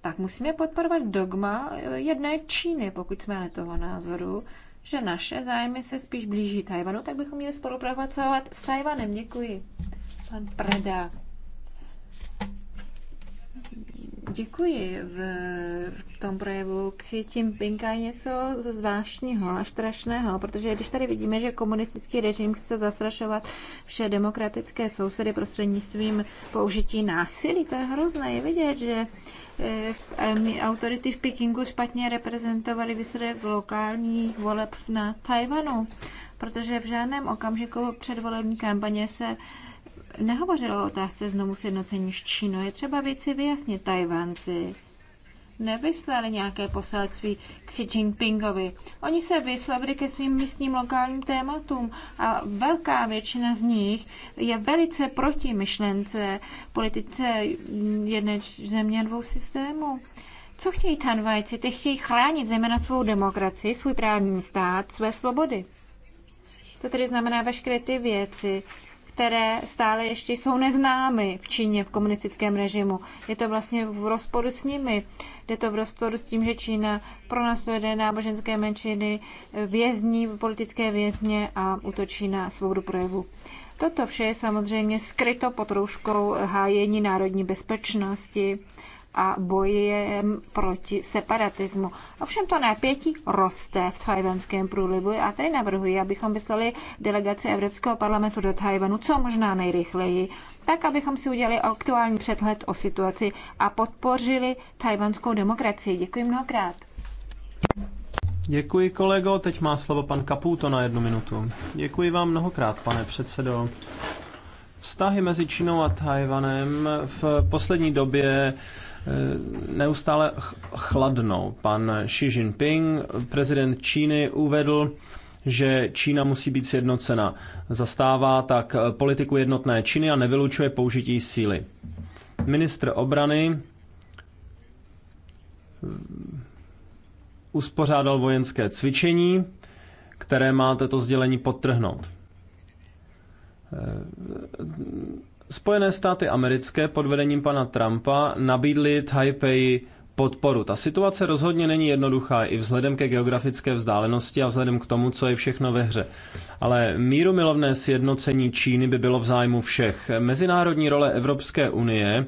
tak musíme podporovat dogma jedné Číny. Pokud jsme ale toho názoru, že naše zájmy se spíš blíží Tajvanu, tak bychom měli spolupracovat s Tajvanem. Děkuji. Pan Preda. děkuji. V, tom projevu Xi Jinpinga je něco zvláštního a strašného, protože když tady vidíme, že komunistický režim chce zastrašovat vše demokratické sousedy prostřednictvím použití násilí, to je hrozné. Je vidět, že eh, autority v Pekingu špatně reprezentovaly výsledek lokálních voleb na Tajvanu, protože v žádném okamžiku předvolební kampaně se nehovořilo o otázce znovu sjednocení s Čínou. Je třeba věci vyjasnit Tajvanci. Nevyslali nějaké poselství k Xi Jinpingovi. Oni se vyslovili ke svým místním lokálním tématům a velká většina z nich je velice proti myšlence politice jedné země dvou systémů. Co chtějí Tanvajci? Ty chtějí chránit zejména svou demokracii, svůj právní stát, své svobody. To tedy znamená veškeré ty věci, které stále ještě jsou neznámy v Číně, v komunistickém režimu. Je to vlastně v rozporu s nimi. Jde to v rozporu s tím, že Čína pronásleduje náboženské menšiny, vězní, politické vězně a útočí na svobodu projevu. Toto vše je samozřejmě skryto pod rouškou hájení národní bezpečnosti a bojem proti separatismu. Ovšem to napětí roste v tajvanském průlivu a tady navrhuji, abychom vyslali delegaci Evropského parlamentu do Tajvanu co možná nejrychleji, tak abychom si udělali aktuální přehled o situaci a podpořili tajvanskou demokracii. Děkuji mnohokrát. Děkuji kolego, teď má slovo pan Kaputo na jednu minutu. Děkuji vám mnohokrát, pane předsedo. Vztahy mezi Čínou a Tajvanem v poslední době neustále chladnou. Pan Xi Jinping, prezident Číny, uvedl, že Čína musí být sjednocena. Zastává tak politiku jednotné Číny a nevylučuje použití síly. Ministr obrany mm, uspořádal vojenské cvičení, které má toto sdělení podtrhnout. Eh, Spojené státy americké pod vedením pana Trumpa nabídly Taipei podporu. Ta situace rozhodně není jednoduchá i vzhledem ke geografické vzdálenosti a vzhledem k tomu, co je všechno ve hře. Ale míru milovné sjednocení Číny by bylo v zájmu všech. Mezinárodní role Evropské unie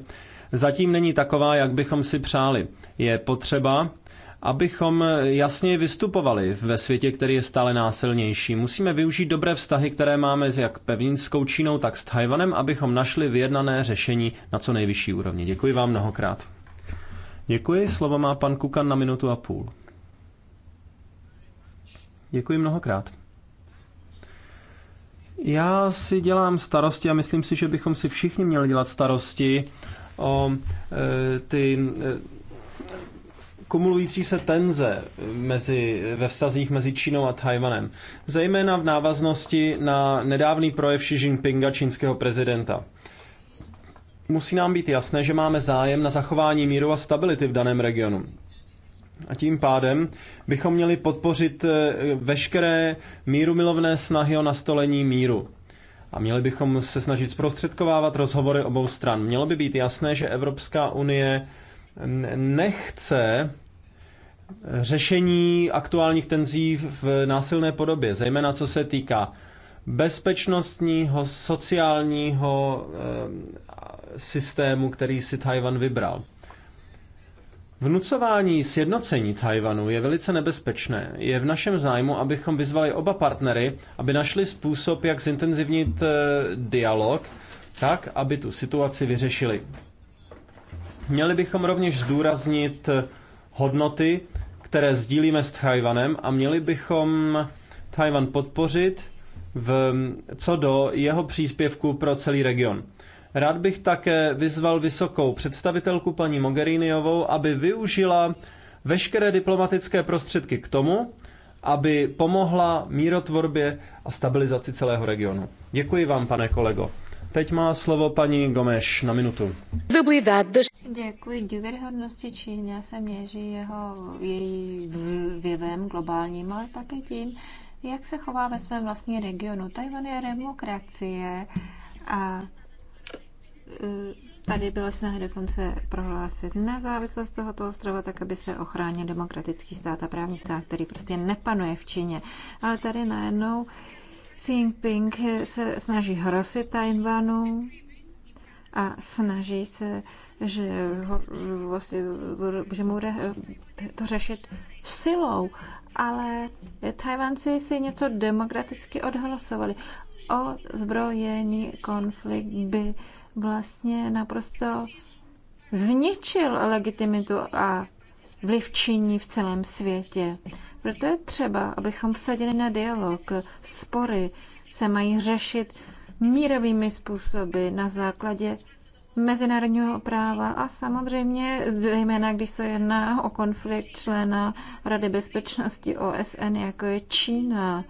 zatím není taková, jak bychom si přáli. Je potřeba, abychom jasně vystupovali ve světě, který je stále násilnější. Musíme využít dobré vztahy, které máme s jak pevninskou Čínou, tak s Tajvanem, abychom našli vyjednané řešení na co nejvyšší úrovni. Děkuji vám mnohokrát. Děkuji, slovo má pan Kukan na minutu a půl. Děkuji mnohokrát. Já si dělám starosti a myslím si, že bychom si všichni měli dělat starosti o e, ty e, kumulující se tenze mezi, ve vztazích mezi Čínou a Tajvanem, zejména v návaznosti na nedávný projev Xi Jinpinga, čínského prezidenta. Musí nám být jasné, že máme zájem na zachování míru a stability v daném regionu. A tím pádem bychom měli podpořit eh, veškeré mírumilovné snahy o nastolení míru. A měli bychom se snažit zprostředkovávat rozhovory obou stran. Mělo by být jasné, že Evropská unie nechce řešení aktuálních tenzí v násilné podobě, zejména co se týká bezpečnostního, sociálního eh, systému, který si Tajvan vybral. Vnucování sjednocení Tajvanu je velice nebezpečné. Je v našem zájmu, abychom vyzvali oba partnery, aby našli způsob, jak zintenzivnit eh, dialog, tak, aby tu situaci vyřešili. Měli bychom rovněž zdůraznit eh, hodnoty, které sdílíme s Tajvanem a měli bychom Tajvan podpořit v, co do jeho příspěvku pro celý region. Rád bych také vyzval vysokou představitelku paní Mogheriniovou, aby využila veškeré diplomatické prostředky k tomu, aby pomohla mírotvorbě a stabilizaci celého regionu. Děkuji vám, pane kolego. Teď má slovo paní Gomeš na minutu. Děkuji. Důvěryhodnosti Číny se měří jeho, její vlivem globálním, ale také tím, jak se chová ve svém vlastním regionu. Tajvan je demokracie a e, tady byla snaha dokonce prohlásit nezávislost tohoto ostrova, tak aby se ochránil demokratický stát a právní stát, který prostě nepanuje v Číně. Ale tady najednou uh, Xi Jinping se snaží hrosit Tajvanu a snaží se, že, ho, vlastně, že mu bude eh, to řešit silou, ale Tajvanci si něco demokraticky odhlasovali. O zbrojení konflikt by vlastně naprosto zničil legitimitu a vlivčiní v celém světě. Proto je třeba, abychom vsadili na dialog. Spory se mají řešit mírovými způsoby na základě mezinárodního práva a samozřejmě zejména, když se jedná o konflikt člena Rady bezpečnosti OSN, jako je Čína.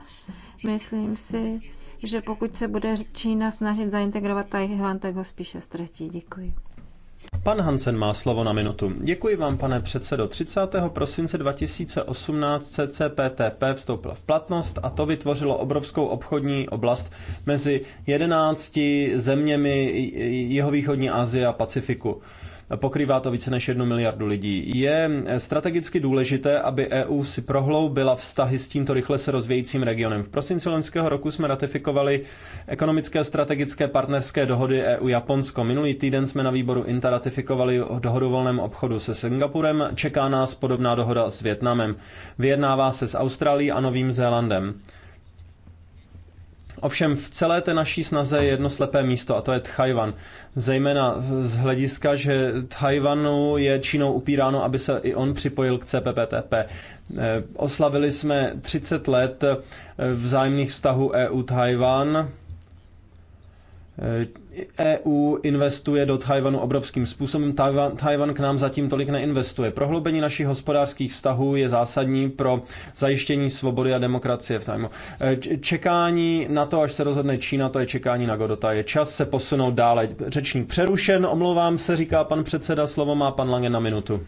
Myslím si, že pokud se bude Čína snažit zaintegrovat Tajvan, tak ho spíše ztratí. Děkuji. Pan Hansen má slovo na minutu. Děkuji vám, pane předsedo. 30. prosince 2018 CCPTP vstoupila v platnost a to vytvořilo obrovskou obchodní oblast mezi 11 zeměmi jihovýchodní Asie a Pacifiku pokrývá to více než jednu miliardu lidí. Je eh, strategicky důležité, aby EU si prohloubila vztahy s tímto rychle se rozvějícím regionem. V prosinci loňského roku jsme ratifikovali ekonomické strategické partnerské dohody EU-Japonsko. Minulý týden jsme na výboru INTA ratifikovali dohodu o volném obchodu se Singapurem. Čeká nás podobná dohoda s Větnamem. Vyjednává se s Austrálií a Novým Zélandem. Ovšem v celé té naší snaze je jedno slepé místo a to je Tchajvan. Zejména z hlediska, že Tchajvanu je Čínou upíráno, aby se i on připojil k CPPTP. Eh, oslavili jsme 30 let eh, vzájemných vztahů EU-Tchajvan EU e investuje do Tajvanu obrovským způsobem. Tajvan, Tajvan k nám zatím tolik neinvestuje. Prohloubení našich hospodářských vztahů je zásadní pro zajištění svobody a demokracie v Tajvanu. E, čekání na to, až se rozhodne Čína, to je čekání na Godota. Je čas se posunout dále. Řečník přerušen, omlouvám se, říká pan předseda, slovo má pan Lange na minutu.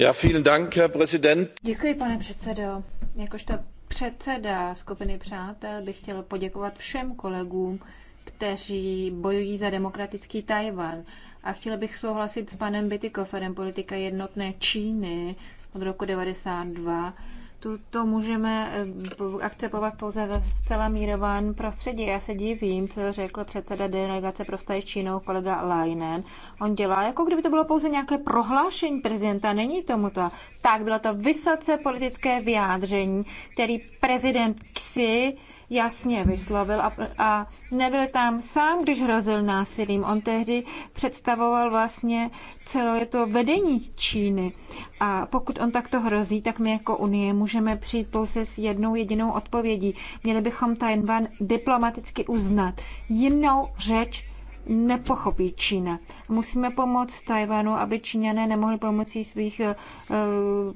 Ja, vielen Dank, Herr Präsident. Děkuji, pane předsedo. Jakožto předseda skupiny přátel bych chtěl poděkovat všem kolegům, kteří bojují za demokratický Tajvan. A chtěl bych souhlasit s panem Bitykoferem, politika jednotné Číny od roku 92 tuto můžeme eh, akceptovat pouze v zcela mírovém prostředí. Já se divím, co řekl předseda delegace pro vztahy s Čínou kolega Leinen. On dělá, jako kdyby to bylo pouze nějaké prohlášení prezidenta. Není tomu to. Tak, bylo to vysoce politické vyjádření, který prezident Xi jasně vyslovil a, a nebyl tam sám, když hrozil násilím. On tehdy představoval vlastně celé to vedení Číny. A pokud on takto hrozí, tak my jako Unie můžeme přijít pouze s jednou jedinou odpovědí. Měli bychom Tajvan diplomaticky uznat. Jinou řeč nepochopí Čína. Musíme pomoct Tajvanu, aby Číňané nemohli pomocí svých eh,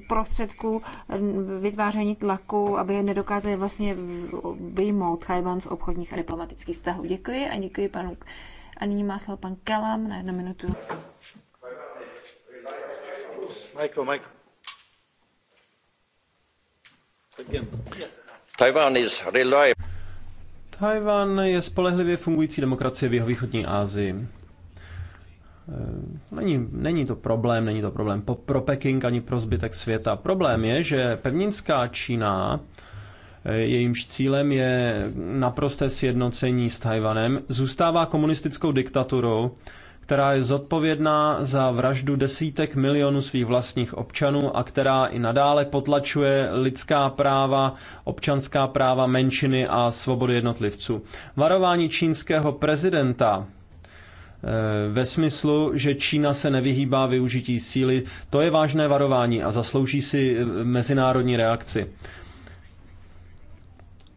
prostředků eh, vytváření tlaku, aby je nedokázali vlastně vyjmout Tajvan z obchodních a diplomatických vztahů. Děkuji a děkuji panu. A nyní má slovo pan Kelam na jednu minutu. Michael, Michael. Yes. Taiwan is reliable. Tajvan je spolehlivě fungující demokracie v jeho východní Asii. Eh, není, není to problém, není to problém po, pro Peking ani pro zbytek světa. Problém je, že pevninská Čína, eh, jejímž cílem je naprosté sjednocení s Tajvanem, zůstává komunistickou diktaturou, která je zodpovědná za vraždu desítek milionů svých vlastních občanů a která i nadále potlačuje lidská práva, občanská práva menšiny a svobody jednotlivců. Varování čínského prezidenta eh, ve smyslu, že Čína se nevyhýbá využití síly, to je vážné varování a zaslouží si eh, mezinárodní reakci.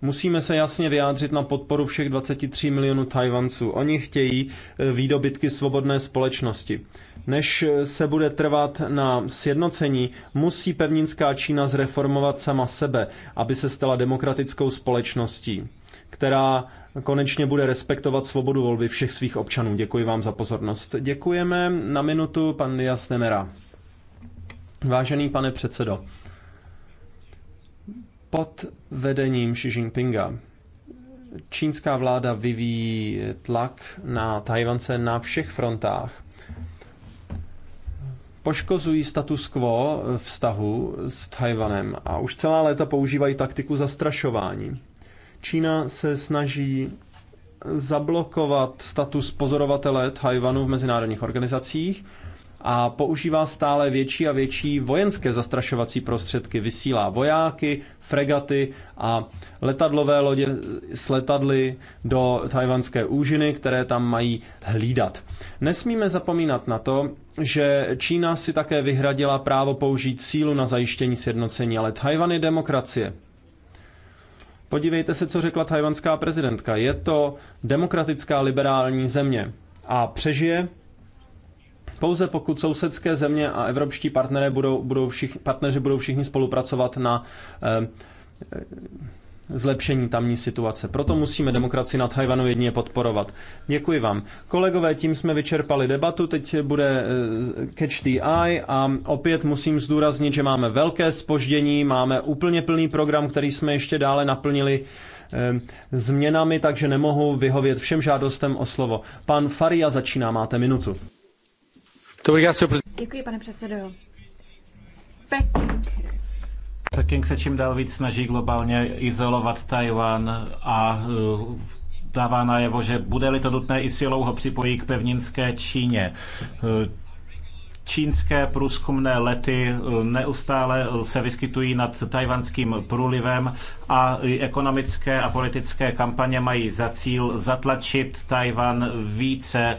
Musíme se jasně vyjádřit na podporu všech 23 milionů Tajvanců. Oni chtějí eh, výdobytky svobodné společnosti. Než eh, se bude trvat na sjednocení, musí pevninská Čína zreformovat sama sebe, aby se stala demokratickou společností, která konečně bude respektovat svobodu volby všech svých občanů. Děkuji vám za pozornost. Děkujeme na minutu pan Dias Nemera. Vážený pane předsedo, pod vedením Xi Jinpinga. Čínská vláda vyvíjí tlak na Tajvance na všech frontách. Poškozují status quo vztahu s Tajvanem a už celá léta používají taktiku zastrašování. Čína se snaží zablokovat status pozorovatele Tajvanu v mezinárodních organizacích a používá stále větší a větší vojenské zastrašovací prostředky. Vysílá vojáky, fregaty a letadlové lodě s letadly do tajvanské úžiny, které tam mají hlídat. Nesmíme zapomínat na to, že Čína si také vyhradila právo použít sílu na zajištění sjednocení, ale Tajvan je demokracie. Podívejte se, co řekla tajvanská prezidentka. Je to demokratická liberální země a přežije, pouze pokud sousedské země a evropští partneři budou, budou, všichni, partneři budou všichni spolupracovat na eh, eh, zlepšení tamní situace. Proto musíme demokracii na Tajvanu jedině podporovat. Děkuji vám. Kolegové, tím jsme vyčerpali debatu, teď bude eh, catch the eye a opět musím zdůraznit, že máme velké spoždění, máme úplně plný program, který jsme ještě dále naplnili změnami, takže nemohu vyhovět všem žádostem o slovo. Pan Faria začíná, máte minutu. Děkuji, pane předsedo. Peking. Peking se čím dál víc snaží globálně izolovat Tajwan a eh, dává najevo, že bude-li to nutné, i silou ho připojí k pevninské Číně eh, čínské průzkumné lety eh, neustále se vyskytují nad tajvanským průlivem a ekonomické a politické kampaně mají za cíl zatlačit Tajvan více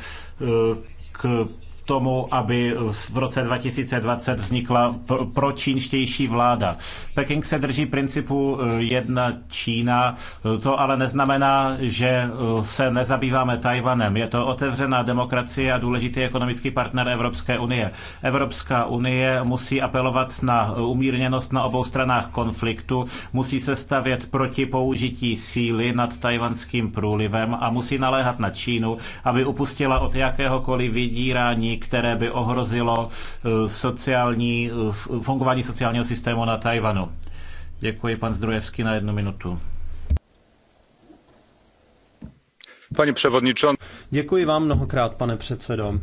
k tomu, aby v roce 2020 vznikla pročínštější vláda. Peking se drží principu eh, jedna Čína, to ale neznamená, že eh, se nezabýváme Tajvanem. Je to otevřená demokracie a důležitý ekonomický partner Evropské unie. Evropská unie musí apelovat na eh, umírněnost na obou stranách konfliktu, musí se stavět proti použití síly nad tajvanským průlivem a musí naléhat na Čínu, aby upustila od jakéhokoliv vydírání které by ohrozilo eh, sociální, eh, fungování sociálního systému na Tajvanu. Děkuji, pan Zdrojevský, na jednu minutu. Pani převodničon. Děkuji vám mnohokrát, pane předsedo.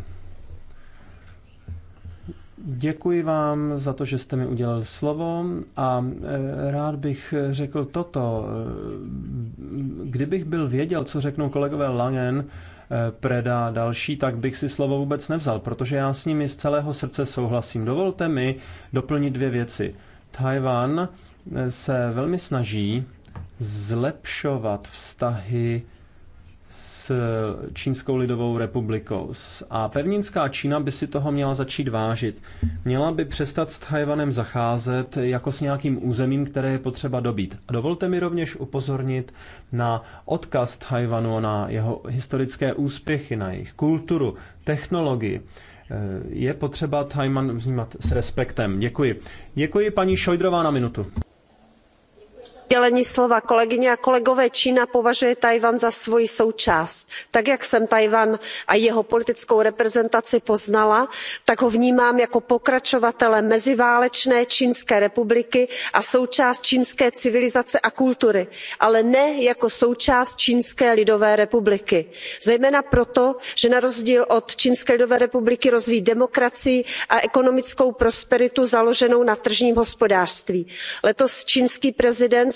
Děkuji vám za to, že jste mi udělal slovo a eh, rád bych řekl toto. Kdybych byl věděl, co řeknou kolegové Langen, Eh, Preda a další, tak bych si slovo vůbec nevzal, protože já s nimi z celého srdce souhlasím. Dovolte mi doplnit dvě věci. Tajvan eh, se velmi snaží zlepšovat vztahy s Čínskou lidovou republikou. A pevninská Čína by si toho měla začít vážit. Měla by přestat s Tajvanem zacházet jako s nějakým územím, které je potřeba dobít. A dovolte mi rovněž upozornit na odkaz Tajvanu na jeho historické úspěchy, na jejich kulturu, technologii. Eh, je potřeba Tajman vnímat s respektem. Děkuji. Děkuji paní Šojdrová na minutu udělení slova. kolegyně a kolegové čína považuje tchaj wan za svoji součást. tak jak jsem tchaj wan a jeho politickou reprezentaci poznala tak ho vnímám jako pokračovatele meziválečné čínské republiky a součást čínské civilizace a kultury ale ne jako součást čínské lidové republiky. zejména proto že na rozdíl od čínské lidové republiky rozvíjí demokracii a ekonomickou prosperitu založenou na tržním hospodářství. letos čínský prezident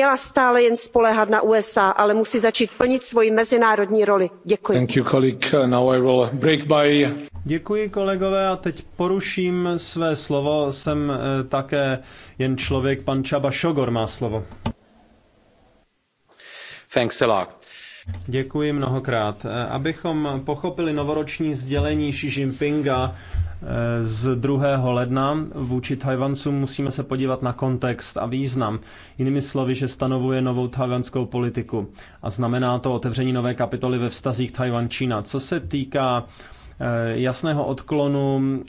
neměla stále jen spoléhat na usa ale musí začít plnit svoji mezinárodní roli. děkuji. You, uh, děkuji kolegové a teď poruším své slovo. Jsem eh, také jen člověk. Pan Čaba Šogor má slovo. Thanks a lot. Děkuji mnohokrát. Eh, abychom pochopili novoroční sdělení Xi Jinpinga eh, z 2. ledna vůči Tajvancům, musíme se podívat na kontext a význam. Jinými slovy, že stanovuje novou tajvanskou politiku a znamená to otevření nové kapitoly ve vztazích Tajvan-Čína. Co se týká eh, jasného odklonu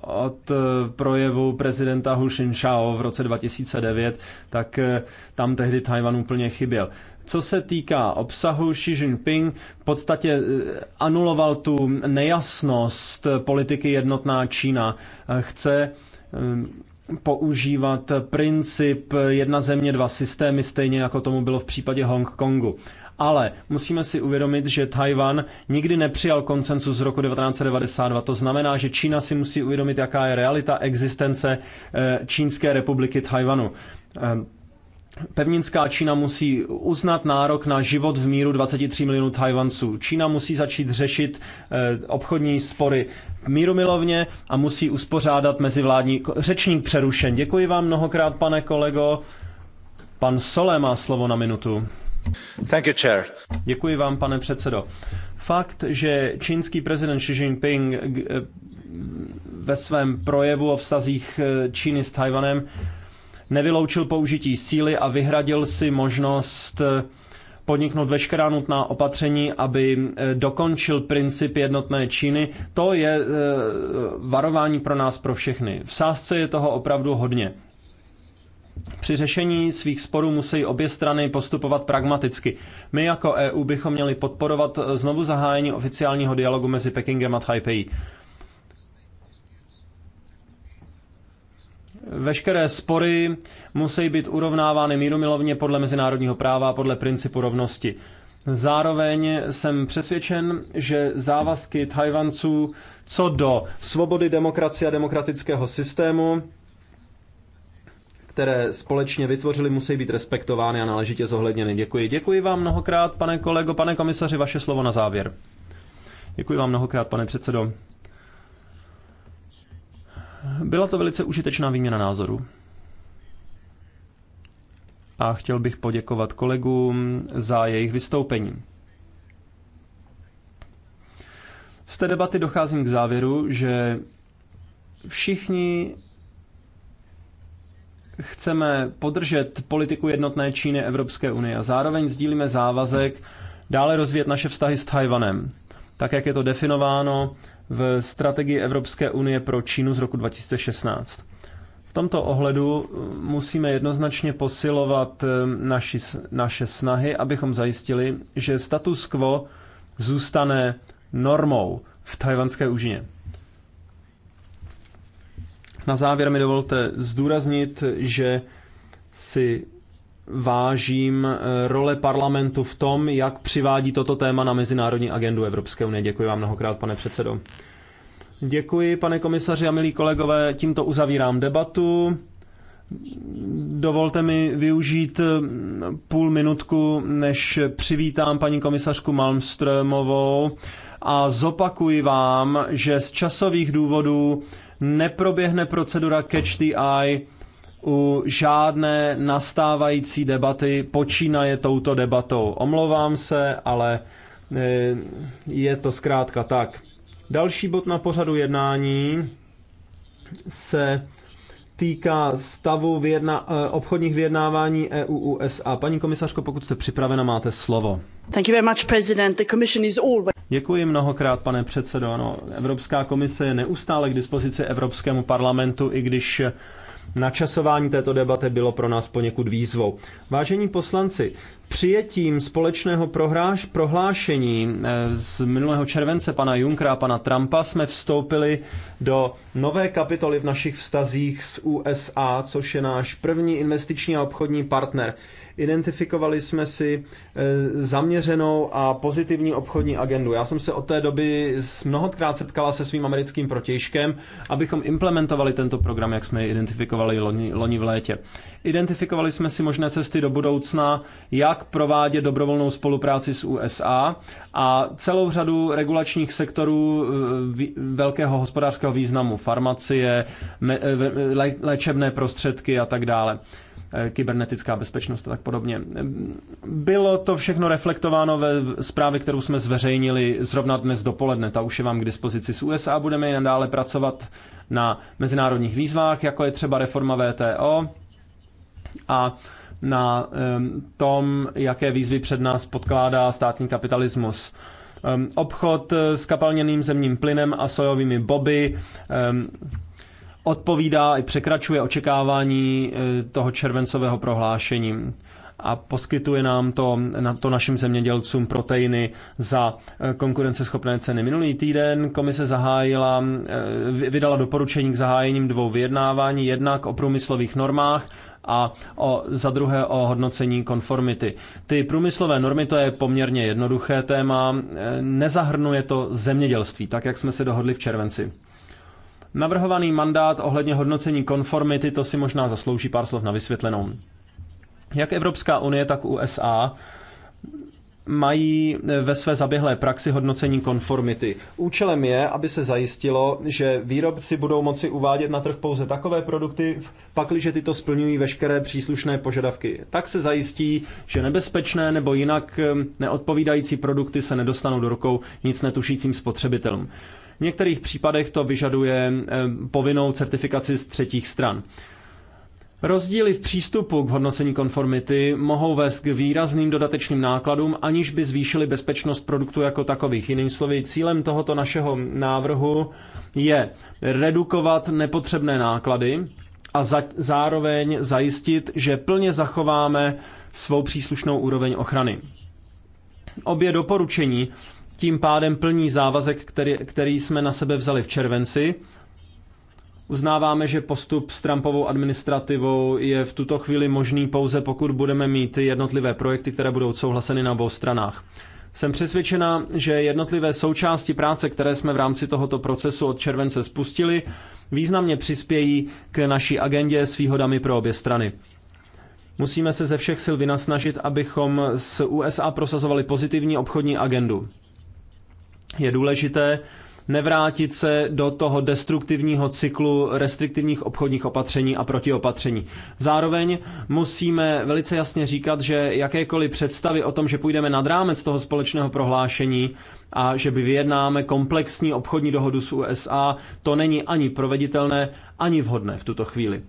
od projevu prezidenta Hu Jintao v roce 2009, tak tam tehdy Tajvan úplně chyběl. Co se týká obsahu, Xi Jinping v podstatě eh, anuloval tu nejasnost eh, politiky jednotná Čína. Eh, chce používat princip jedna země, dva systémy, stejně jako tomu bylo v případě Hongkongu. Ale musíme si uvědomit, že Tajvan nikdy nepřijal koncensus z roku 1992. To znamená, že Čína si musí uvědomit, jaká je realita existence Čínské republiky Tajvanu. Pevninská Čína musí uznat nárok na život v míru 23 milionů Tajvanců. Čína musí začít řešit eh, obchodní spory mírumilovně a musí uspořádat mezivládní řečník přerušen. Děkuji vám mnohokrát, pane kolego. Pan Sole má slovo na minutu. Thank you, chair. Děkuji vám, pane předsedo. Fakt, že čínský prezident Xi Jinping eh, ve svém projevu o vztazích eh, Číny s Tajvanem nevyloučil použití síly a vyhradil si možnost eh, podniknout veškerá nutná opatření, aby eh, dokončil princip jednotné Číny. To je eh, varování pro nás, pro všechny. V sázce je toho opravdu hodně. Při řešení svých sporů musí obě strany postupovat pragmaticky. My jako EU bychom měli podporovat znovu zahájení oficiálního dialogu mezi Pekingem a Taipei. Veškeré spory musí být urovnávány mírumilovně podle mezinárodního práva a podle principu rovnosti. Zároveň jsem přesvědčen, že závazky Tajvanců co do svobody demokracie a demokratického systému, které společně vytvořili, musí být respektovány a náležitě zohledněny. Děkuji. Děkuji vám mnohokrát, pane kolego, pane komisaři, vaše slovo na závěr. Děkuji vám mnohokrát, pane předsedo. Byla to velice užitečná výměna názorů. A chtěl bych poděkovat kolegům za jejich vystoupení. Z té debaty docházím k závěru, že všichni chceme podržet politiku jednotné Číny Evropské unie a zároveň sdílíme závazek dále rozvíjet naše vztahy s Tajvanem, tak jak je to definováno v strategii Evropské unie pro Čínu z roku 2016. V tomto ohledu eh, musíme jednoznačně posilovat eh, naši, naše snahy, abychom zajistili, že status quo zůstane normou v tajvanské úžině. Na závěr mi dovolte zdůraznit, že si vážím eh, role parlamentu v tom, jak přivádí toto téma na mezinárodní agendu Evropské unie. Děkuji vám mnohokrát, pane předsedo. Děkuji, pane komisaři a milí kolegové. Tímto uzavírám debatu. Dovolte mi využít eh, půl minutku, než přivítám paní komisařku Malmströmovou a zopakuji vám, že z časových důvodů neproběhne procedura Catch the Eye u žádné nastávající debaty počínaje touto debatou. Omlouvám se, ale eh, je to zkrátka tak. Další bod na pořadu jednání se týká stavu vědna, eh, obchodních vyjednávání EU-USA. Paní komisařko, pokud jste připravena, máte slovo. Thank you very much, President. The commission is always... Děkuji mnohokrát, pane předsedo. Ano, Evropská komise je neustále k dispozici Evropskému parlamentu, i když Načasování této debaty bylo pro nás poněkud výzvou. Vážení poslanci, přijetím společného prohráš, prohlášení eh, z minulého července pana Junkra a pana Trumpa jsme vstoupili do nové kapitoly v našich vztazích s USA, což je náš první investiční a obchodní partner. Identifikovali jsme si eh, zaměřenou a pozitivní obchodní agendu. Já jsem se od té doby mnohokrát setkala se svým americkým protějškem, abychom implementovali tento program, jak jsme ji identifikovali loni, loni v létě. Identifikovali jsme si možné cesty do budoucna, jak provádět dobrovolnou spolupráci s USA a celou řadu regulačních sektorů eh, velkého hospodářského významu, farmacie, eh, léčebné prostředky a tak dále. Eh, kybernetická bezpečnost a tak podobně. Bylo to všechno reflektováno ve zprávě, kterou jsme zveřejnili zrovna dnes dopoledne. Ta už je vám k dispozici z USA. Budeme i nadále pracovat na mezinárodních výzvách, jako je třeba reforma VTO a na tom, jaké výzvy před nás podkládá státní kapitalismus obchod s kapalněným zemním plynem a sojovými boby, odpovídá i překračuje očekávání eh, toho červencového prohlášení a poskytuje nám to, na to našim zemědělcům proteiny za eh, konkurenceschopné ceny. Minulý týden komise zahájila, eh, vydala doporučení k zahájením dvou vyjednávání, jednak o průmyslových normách a o, za druhé o hodnocení konformity. Ty průmyslové normy, to je poměrně jednoduché téma, nezahrnuje to zemědělství, tak jak jsme se dohodli v červenci. Navrhovaný mandát ohledně hodnocení konformity, to si možná zaslouží pár slov na vysvětlenou. Jak Evropská unie, tak USA mají eh, ve své zaběhlé praxi hodnocení konformity. Účelem je, aby se zajistilo, že výrobci budou moci uvádět na trh pouze takové produkty, pakliže tyto splňují veškeré příslušné požadavky. Tak se zajistí, že nebezpečné nebo jinak eh, neodpovídající produkty se nedostanou do rukou nic netušícím spotřebitelům. V některých případech to vyžaduje eh, povinnou certifikaci z třetích stran. Rozdíly v přístupu k hodnocení konformity mohou vést k výrazným dodatečným nákladům, aniž by zvýšily bezpečnost produktu jako takových. Jinými slovy, cílem tohoto našeho návrhu je redukovat nepotřebné náklady a za, zároveň zajistit, že plně zachováme svou příslušnou úroveň ochrany. Obě doporučení tím pádem plní závazek, který, který jsme na sebe vzali v červenci. Uznáváme, že postup s Trumpovou administrativou je v tuto chvíli možný pouze pokud budeme mít jednotlivé projekty, které budou souhlaseny na obou stranách. Jsem přesvědčena, že jednotlivé součásti práce, které jsme v rámci tohoto procesu od července spustili, významně přispějí k naší agendě s výhodami pro obě strany. Musíme se ze všech sil vynasnažit, abychom s USA prosazovali pozitivní obchodní agendu je důležité nevrátit se do toho destruktivního cyklu restriktivních obchodních opatření a protiopatření. Zároveň musíme velice jasně říkat, že jakékoliv představy o tom, že půjdeme nad rámec toho společného prohlášení a že by vyjednáme komplexní obchodní dohodu s USA, to není ani proveditelné, ani vhodné v tuto chvíli.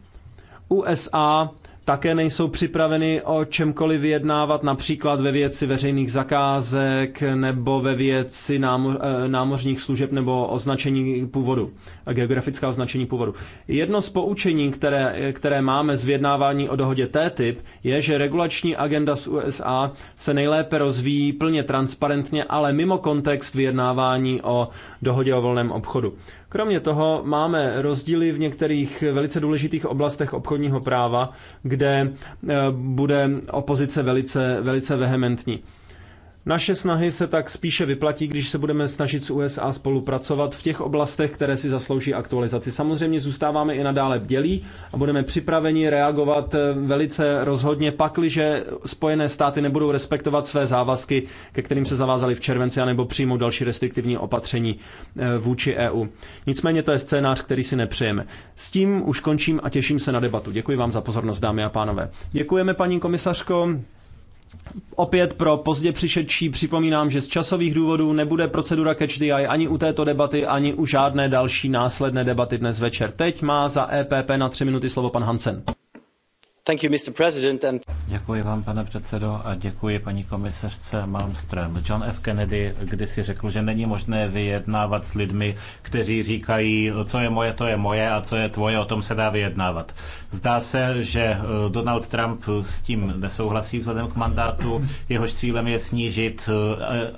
USA také nejsou připraveny o čemkoliv vyjednávat, například ve věci veřejných zakázek nebo ve věci námo- eh, námořních služeb nebo označení původu, eh, geografická označení původu. Jedno z poučení, které, eh, které máme z vyjednávání o dohodě T-typ, je, že regulační agenda z USA se nejlépe rozvíjí plně transparentně, ale mimo kontext vyjednávání o dohodě o volném obchodu. Kromě toho máme rozdíly v některých velice důležitých oblastech obchodního práva, kde eh, bude opozice velice, velice vehementní. Naše snahy se tak spíše vyplatí, když se budeme snažit s USA spolupracovat v těch oblastech, které si zaslouží aktualizaci. Samozřejmě zůstáváme i nadále bdělí a budeme připraveni reagovat eh, velice rozhodně, pakliže Spojené státy nebudou respektovat své závazky, ke kterým se zavázali v červenci, anebo přijmou další restriktivní opatření eh, vůči EU. Nicméně to je scénář, který si nepřejeme. S tím už končím a těším se na debatu. Děkuji vám za pozornost, dámy a pánové. Děkujeme, paní komisařko. Opět pro pozdě přišedší připomínám, že z časových důvodů nebude procedura Catch the Eye ani u této debaty, ani u žádné další následné debaty dnes večer. Teď má za EPP na tři minuty slovo pan Hansen. Děkuji vám, pane předsedo, a děkuji paní komisařce Malmström. John F. Kennedy kdysi řekl, že není možné vyjednávat s lidmi, kteří říkají, co je moje, to je moje a co je tvoje, o tom se dá vyjednávat. Zdá se, že eh, Donald Trump s tím nesouhlasí vzhledem k mandátu. Jehož cílem je snížit eh,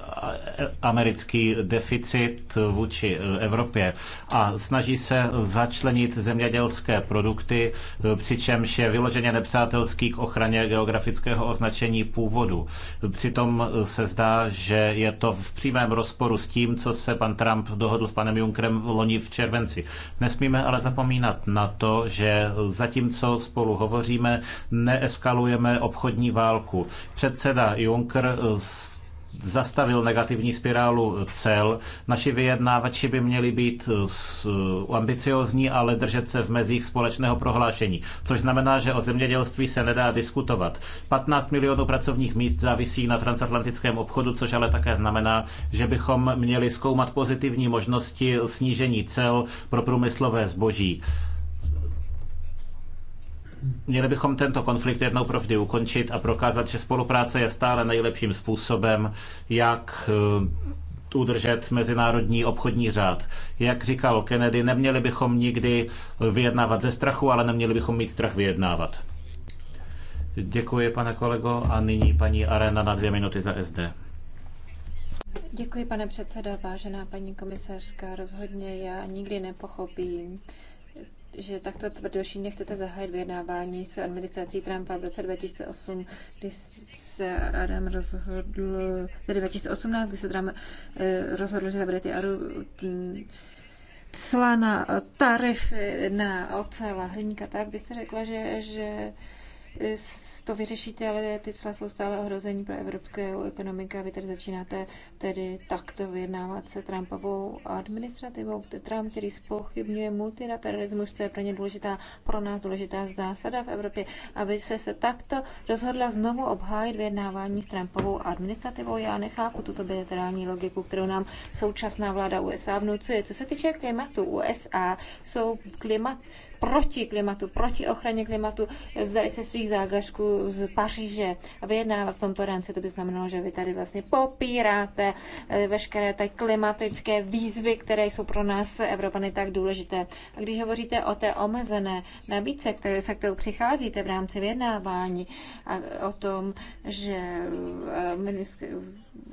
eh, americký deficit vůči Evropě a snaží se začlenit zemědělské produkty, přičemž je vyloženě nepřátelský k ochraně geografického označení původu. Přitom se zdá, že je to v přímém rozporu s tím, co se pan Trump dohodl s panem Junkerem v loni v červenci. Nesmíme ale zapomínat na to, že zatímco spolu hovoříme, neeskalujeme obchodní válku. Předseda Juncker zastavil negativní spirálu cel. Naši vyjednávači by měli být uh, ambiciozní, ale držet se v mezích společného prohlášení, což znamená, že o zemědělství se nedá diskutovat. 15 milionů pracovních míst závisí na transatlantickém obchodu, což ale také znamená, že bychom měli zkoumat pozitivní možnosti snížení cel pro průmyslové zboží. Měli bychom tento konflikt jednou provždy ukončit a prokázat, že spolupráce je stále nejlepším způsobem, jak eh, udržet mezinárodní obchodní řád. Jak říkal Kennedy, neměli bychom nikdy vyjednávat ze strachu, ale neměli bychom mít strach vyjednávat. Děkuji, pane kolego, a nyní paní Arena na dvě minuty za SD. Děkuji, pane předsedo, vážená paní komisařka. Rozhodně já nikdy nepochopím, že takto tvrdoší chcete zahájit vyjednávání s administrací Trumpa v roce 2008, kdy se Adam rozhodl, tedy 2018, kdy se Trump eh, rozhodl, že zabere ty aru, cla na tarify na ocel a hliníka, tak, byste řekla, že, že to vyřešíte, ale ty cla jsou stále ohrození pro evropskou ekonomiku a vy tady začínáte tedy takto vyjednávat se Trumpovou administrativou. Trump, který spochybňuje multilateralismus, to je pro ně důležitá, pro nás důležitá zásada v Evropě, aby se se takto rozhodla znovu obhájit vyjednávání s Trumpovou administrativou. Já nechápu tuto bilaterální logiku, kterou nám současná vláda USA vnucuje. Co se týče klimatu, USA jsou klimat, proti klimatu, proti ochraně klimatu, vzali se svých zágažků z Paříže a vyjednávat v tomto rámci, to by znamenalo, že vy tady vlastně popíráte eh, veškeré ty klimatické výzvy, které jsou pro nás Evropany tak důležité. A když hovoříte o té omezené nabídce, které, se kterou přicházíte v rámci vyjednávání a o tom, že eh, ministr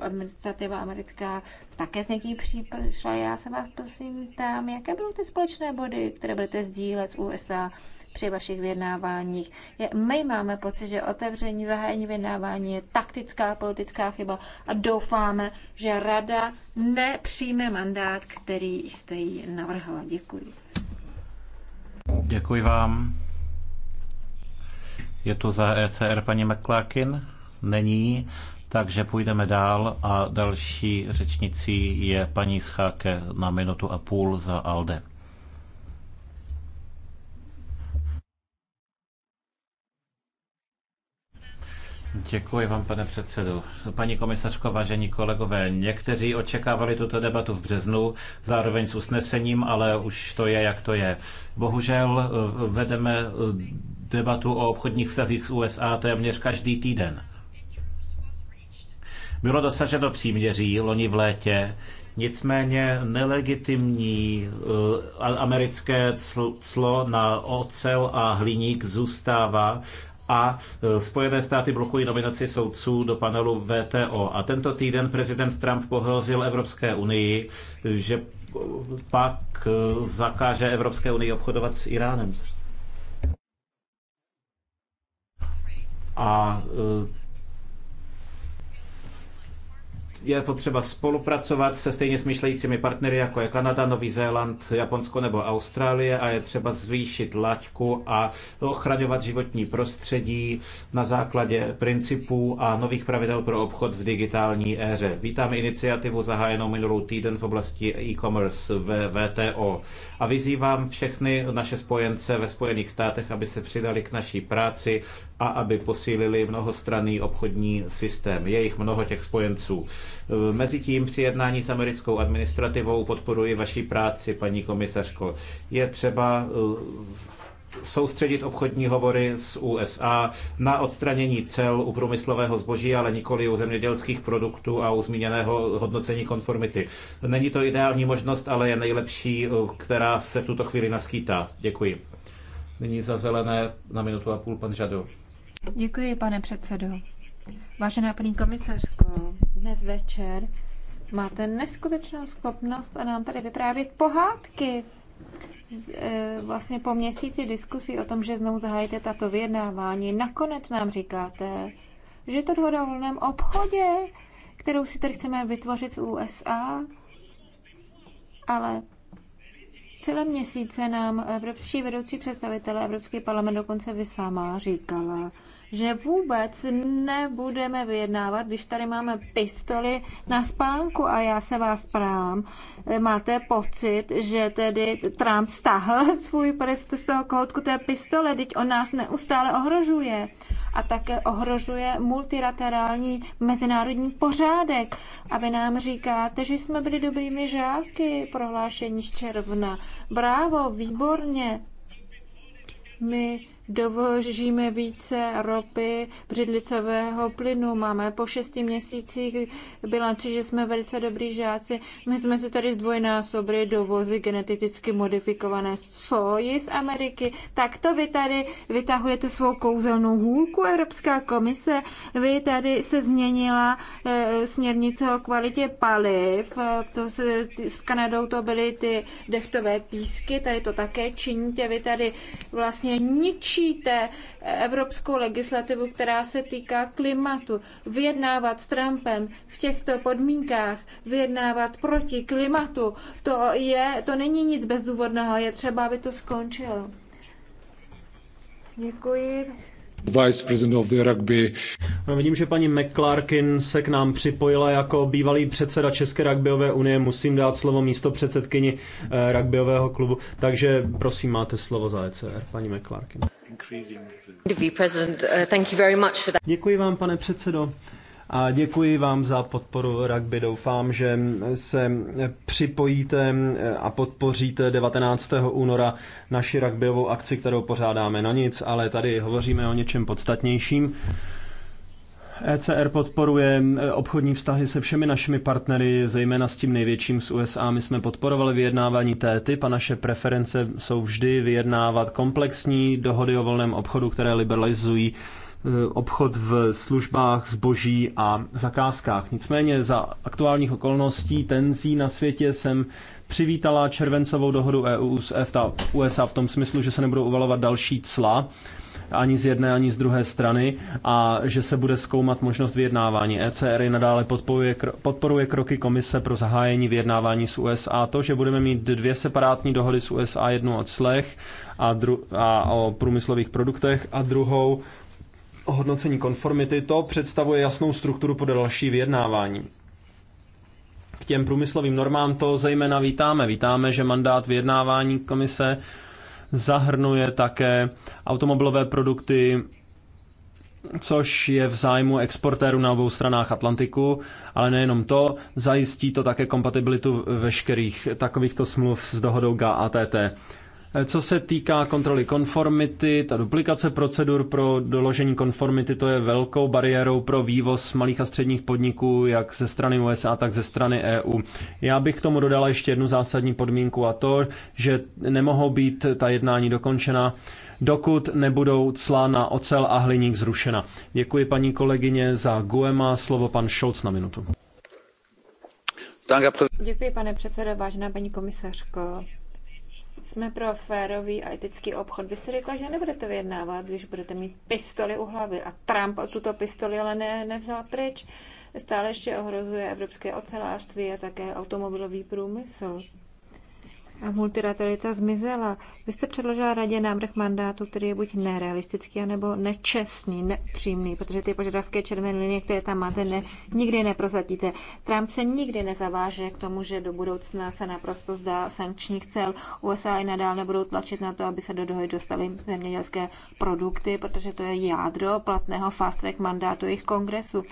administrativa americká také s někým přišla. Já se vás prosím tam, jaké budou ty společné body, které budete sdílet z USA při vašich vyjednáváních. my máme pocit, že otevření zahájení vyjednávání je taktická politická chyba a doufáme, že rada nepřijme mandát, který jste jí navrhla. Děkuji. Děkuji vám. Je tu za ECR paní McClarkin? Není. Takže půjdeme dál a další řečnicí je paní Scháke na minutu a půl za ALDE. Děkuji vám, pane předsedu. Paní komisařko, vážení kolegové, někteří očekávali tuto debatu v březnu, zároveň s usnesením, ale už to je, jak to je. Bohužel eh, vedeme eh, debatu o obchodních vztazích s USA téměř každý týden. Bylo dosaženo příměří loni v létě, Nicméně nelegitimní eh, americké clo na ocel a hliník zůstává a eh, Spojené státy blokují nominaci soudců do panelu VTO. A tento týden prezident Trump pohrozil Evropské unii, že pak eh, zakáže Evropské unii obchodovat s Iránem. A je potřeba spolupracovat se stejně smýšlejícími partnery, jako je Kanada, Nový Zéland, Japonsko nebo Austrálie a je třeba zvýšit laťku a ochraňovat životní prostředí na základě principů a nových pravidel pro obchod v digitální éře. Vítám iniciativu zahájenou minulou týden v oblasti e-commerce v VTO a vyzývám všechny naše spojence ve Spojených státech, aby se přidali k naší práci a aby posílili mnohostranný obchodní systém. Je jich mnoho těch spojenců. Mezitím při jednání s americkou administrativou podporuji vaší práci, paní komisařko. Je třeba eh, soustředit obchodní hovory s USA na odstranění cel u průmyslového zboží, ale nikoli u zemědělských produktů a u zmíněného hodnocení konformity. Není to ideální možnost, ale je nejlepší, eh, která se v tuto chvíli naskýtá. Děkuji. Nyní za zelené na minutu a půl pan Žadu. Děkuji, pane předsedo. Vážená paní komisařko, dnes večer máte neskutečnou schopnost a nám tady vyprávět pohádky. E, vlastně po měsíci diskusí o tom, že znovu zahájíte tato vyjednávání, nakonec nám říkáte, že to dohoda o volném obchodě, kterou si tady chceme vytvořit z USA, ale celé měsíce nám evropští vedoucí představitelé Evropský parlament dokonce vy sama říkala, že vůbec nebudeme vyjednávat, když tady máme pistoli na spánku a já se vás prám. Máte pocit, že tedy Trump stáhl <laughs> svůj prst z toho kohoutku té pistole, teď on nás neustále ohrožuje a také ohrožuje multilaterální mezinárodní pořádek. A vy nám říkáte, že jsme byli dobrými žáky prohlášení z června. Brávo, výborně. My dovožíme více ropy, břidlicového plynu. Máme po šesti měsících bilanci, že jsme velice dobrý žáci. My jsme si tady zdvojnásobili dovozy geneticky modifikované soji z Ameriky. Tak to vy tady vytahujete svou kouzelnou hůlku. Evropská komise, vy tady se změnila e, směrnice o kvalitě paliv. To s, s Kanadou to byly ty dechtové písky, tady to také činíte. Vy tady vlastně nič rušíte evropskou legislativu, která se týká klimatu. Vyjednávat s Trumpem v těchto podmínkách, vyjednávat proti klimatu, to, je, to není nic bezdůvodného, je třeba, aby to skončilo. Děkuji. Vice President of the Rugby. No, vidím, že paní McClarkin se k nám připojila jako bývalý předseda České rugbyové unie. Musím dát slovo místo předsedkyni eh, rugbyového klubu. Takže prosím, máte slovo za ECR, paní McClarkin. Uh, děkuji vám, pane předsedo. A děkuji vám za podporu rugby. Doufám, že se připojíte eh, a podpoříte 19. února naši rugbyovou akci, kterou pořádáme na no nic, ale tady hovoříme o něčem podstatnějším. ECR podporuje obchodní vztahy se všemi našimi partnery, zejména s tím největším z USA. My jsme podporovali vyjednávání TTIP a naše preference jsou vždy vyjednávat komplexní dohody o volném obchodu, které liberalizují e, obchod v službách, zboží a zakázkách. Nicméně za aktuálních okolností tenzí na světě jsem přivítala červencovou dohodu EU s USA v tom smyslu, že se nebudou uvalovat další cla ani z jedné, ani z druhé strany a že se bude zkoumat možnost vyjednávání. ECR i nadále podporuje, podporuje kroky komise pro zahájení vyjednávání s USA. To, že budeme mít dvě separátní dohody s USA, jednu o clech a, dru- a o průmyslových produktech a druhou o hodnocení konformity, to představuje jasnou strukturu pro další vyjednávání k těm průmyslovým normám to zejména vítáme. Vítáme, že mandát vyjednávání komise zahrnuje také automobilové produkty, což je v zájmu exportérů na obou stranách Atlantiku, ale nejenom to, zajistí to také kompatibilitu veškerých takovýchto smluv s dohodou GATT. Co se týká kontroly konformity, ta duplikace procedur pro doložení konformity, to je velkou bariérou pro vývoz malých a středních podniků, jak ze strany USA, tak ze strany EU. Já bych k tomu dodala ještě jednu zásadní podmínku a to, že nemohou být ta jednání dokončena, dokud nebudou clá na ocel a hliník zrušena. Děkuji paní kolegyně za Guema, slovo pan Scholz na minutu. Děkuji, pane předsedo, vážená paní komisařko. Jsme pro férový a etický obchod. Vy jste řekla, že nebudete vyjednávat, když budete mít pistoli u hlavy. A Trump tuto pistoli ale ne, nevzal pryč. Stále ještě ohrozuje evropské ocelářství a také automobilový průmysl multilateralita zmizela. Vy jste předložila radě návrh mandátu, který je buď nerealistický, anebo nečestný, neupřímný, protože ty požadavky červené linie, které tam máte, ne, nikdy neprozatíte. Trump se nikdy nezaváže k tomu, že do budoucna se naprosto zdá sankčních cel. USA i nadále nebudou tlačit na to, aby se do dohody dostaly zemědělské produkty, protože to je jádro platného fast track mandátu jejich kongresu.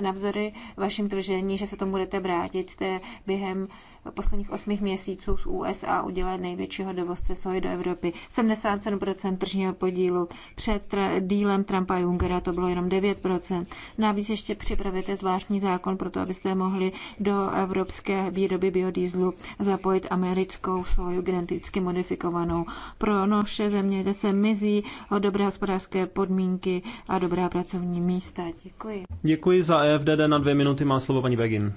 Navzory vašim tvrzení, že se tomu budete vrátit, jste během posledních osmi měsíců z USA udělat největšího dovozce soji do Evropy. 77% tržního podílu. Před dílem Trumpa a Jungera to bylo jenom 9%. Navíc ještě připravíte zvláštní zákon pro to, abyste mohli do evropské výroby biodýzlu zapojit americkou soju geneticky modifikovanou. Pro naše země, kde se mizí o dobré hospodářské podmínky a dobrá pracovní místa. Děkuji. Děkuji za EFDD. Na dvě minuty má slovo paní Begin.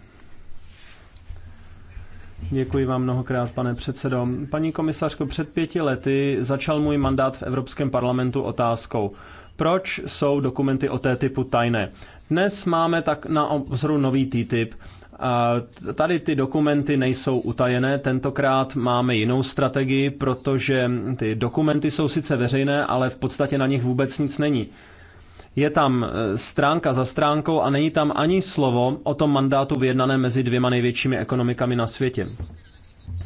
Děkuji vám mnohokrát, pane předsedo. Paní komisařko, před pěti lety začal můj mandát v Evropském parlamentu otázkou, proč jsou dokumenty o té typu tajné. Dnes máme tak na obzoru nový TTIP. tady ty dokumenty nejsou utajené, tentokrát máme jinou strategii, protože ty dokumenty jsou sice veřejné, ale v podstatě na nich vůbec nic není. Je tam e, stránka za stránkou a není tam ani slovo o tom mandátu vyjednané mezi dvěma největšími ekonomikami na světě.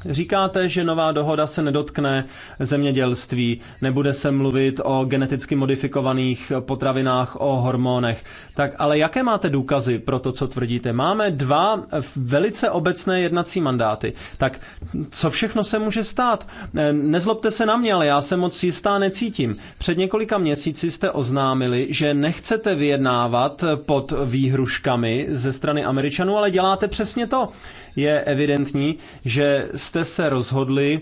Říkáte, že nová dohoda se nedotkne zemědělství, nebude se mluvit o geneticky modifikovaných potravinách, o hormonech. Tak ale jaké máte důkazy pro to, co tvrdíte? Máme dva velice obecné jednací mandáty. Tak co všechno se může stát? Eh, nezlobte se na mě, ale já se moc jistá necítím. Před několika měsíci jste oznámili, že nechcete vyjednávat pod výhruškami ze strany Američanů, ale děláte přesně to je evidentní, že jste se rozhodli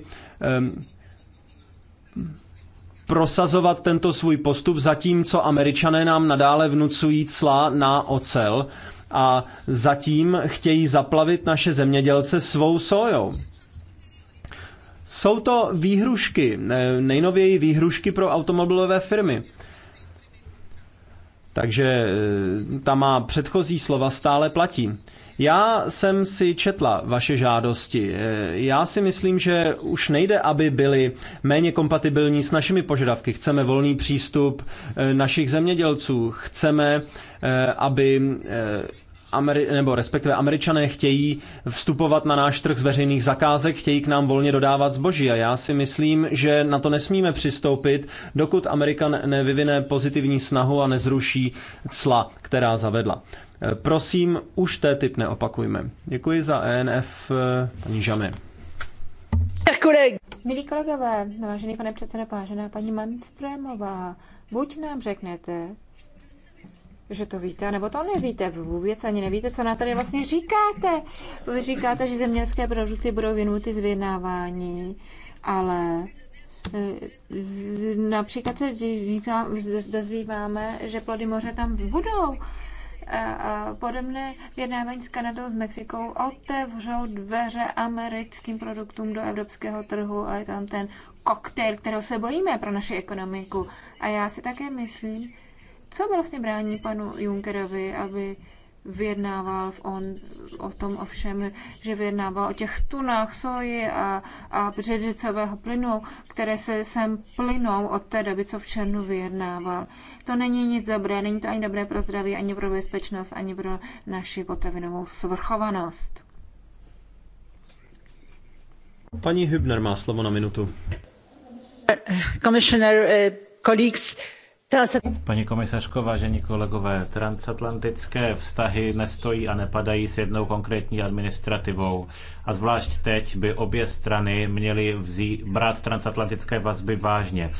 prosazovat tento svůj postup, zatímco američané nám nadále vnucují cla na ocel a zatím chtějí zaplavit naše zemědělce svou sojou. Jsou to výhrušky, nejnověji výhrušky pro automobilové firmy. Takže e, ta má předchozí slova stále platí. Já jsem si četla vaše žádosti. Eh, já si myslím, že už nejde, aby byly méně kompatibilní s našimi požadavky. Chceme volný přístup eh, našich zemědělců. Chceme, eh, aby Ameri- nebo respektive američané chtějí vstupovat na náš trh z veřejných zakázek, chtějí k nám volně dodávat zboží a já si myslím, že na to nesmíme přistoupit, dokud Amerika nevyvine pozitivní snahu a nezruší cla, která zavedla. Prosím, už té typ neopakujme. Děkuji za ENF, paní Žamy. Milí kolegové, vážený pane předsedo, vážená paní Mamstrémová, buď nám řeknete, že to víte, nebo to nevíte. Vy vůbec ani nevíte, co nám tady vlastně říkáte. Vy říkáte, že zemědělské produkty budou vynuty z vyjednávání, ale e, například se dozvíváme, že plody moře tam budou a podobné vyjednávání s Kanadou, s Mexikou otevřou dveře americkým produktům do evropského trhu a je tam ten koktejl, kterého se bojíme pro naši ekonomiku. A já si také myslím, co vlastně brání panu Junckerovi, aby vyjednával on, o tom ovšem, že vyjednával o těch tunách soji a, a břidicového plynu, které se sem plynou od té doby, co v černu vyjednával. To není nic dobré, není to ani dobré pro zdraví, ani pro bezpečnost, ani pro naši potravinovou svrchovanost. Paní Hübner má slovo na minutu. Commissioner, eh, colleagues, Paní komisařko, vážení kolegové, transatlantické vztahy nestojí a nepadají s jednou konkrétní administrativou. A zvlášť teď by obě strany měly vzít, brát transatlantické vazby vážně.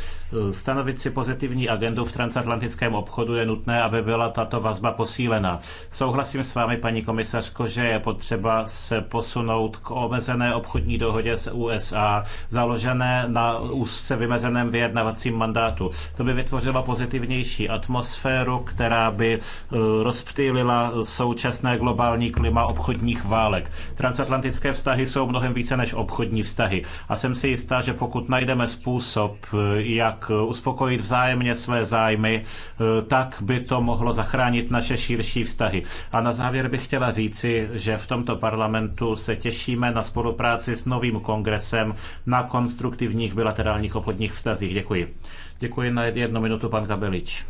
Stanovit si pozitivní agendu v transatlantickém obchodu je nutné, aby byla tato vazba posílena. Souhlasím s vámi, paní komisařko, že je potřeba se posunout k omezené obchodní dohodě s USA, založené na úzce vymezeném vyjednavacím mandátu. To by vytvořilo pozitivnější atmosféru, která by eh, rozptýlila současné globální klima obchodních válek. Transatlantické vztahy jsou mnohem více než obchodní vztahy. A jsem si jistá, že pokud najdeme způsob, jak uspokojit vzájemně své zájmy, tak by to mohlo zachránit naše širší vztahy. A na závěr bych chtěla říci, že v tomto parlamentu se těšíme na spolupráci s novým kongresem na konstruktivních bilaterálních obchodních vztazích. Děkuji. Děkuji na jednu minutu, pan Kabelič.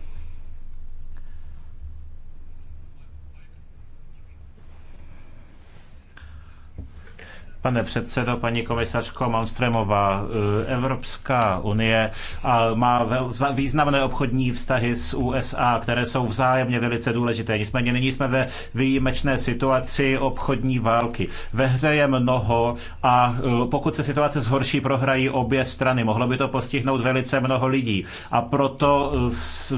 Pane předsedo, paní komisařko Malmstremová, eh, Evropská unie eh, má významné obchodní vztahy s USA, které jsou vzájemně velice důležité. Nicméně nyní jsme ve výjimečné situaci obchodní války. Ve hře je mnoho a eh, pokud se situace zhorší, prohrají obě strany. Mohlo by to postihnout velice mnoho lidí. A proto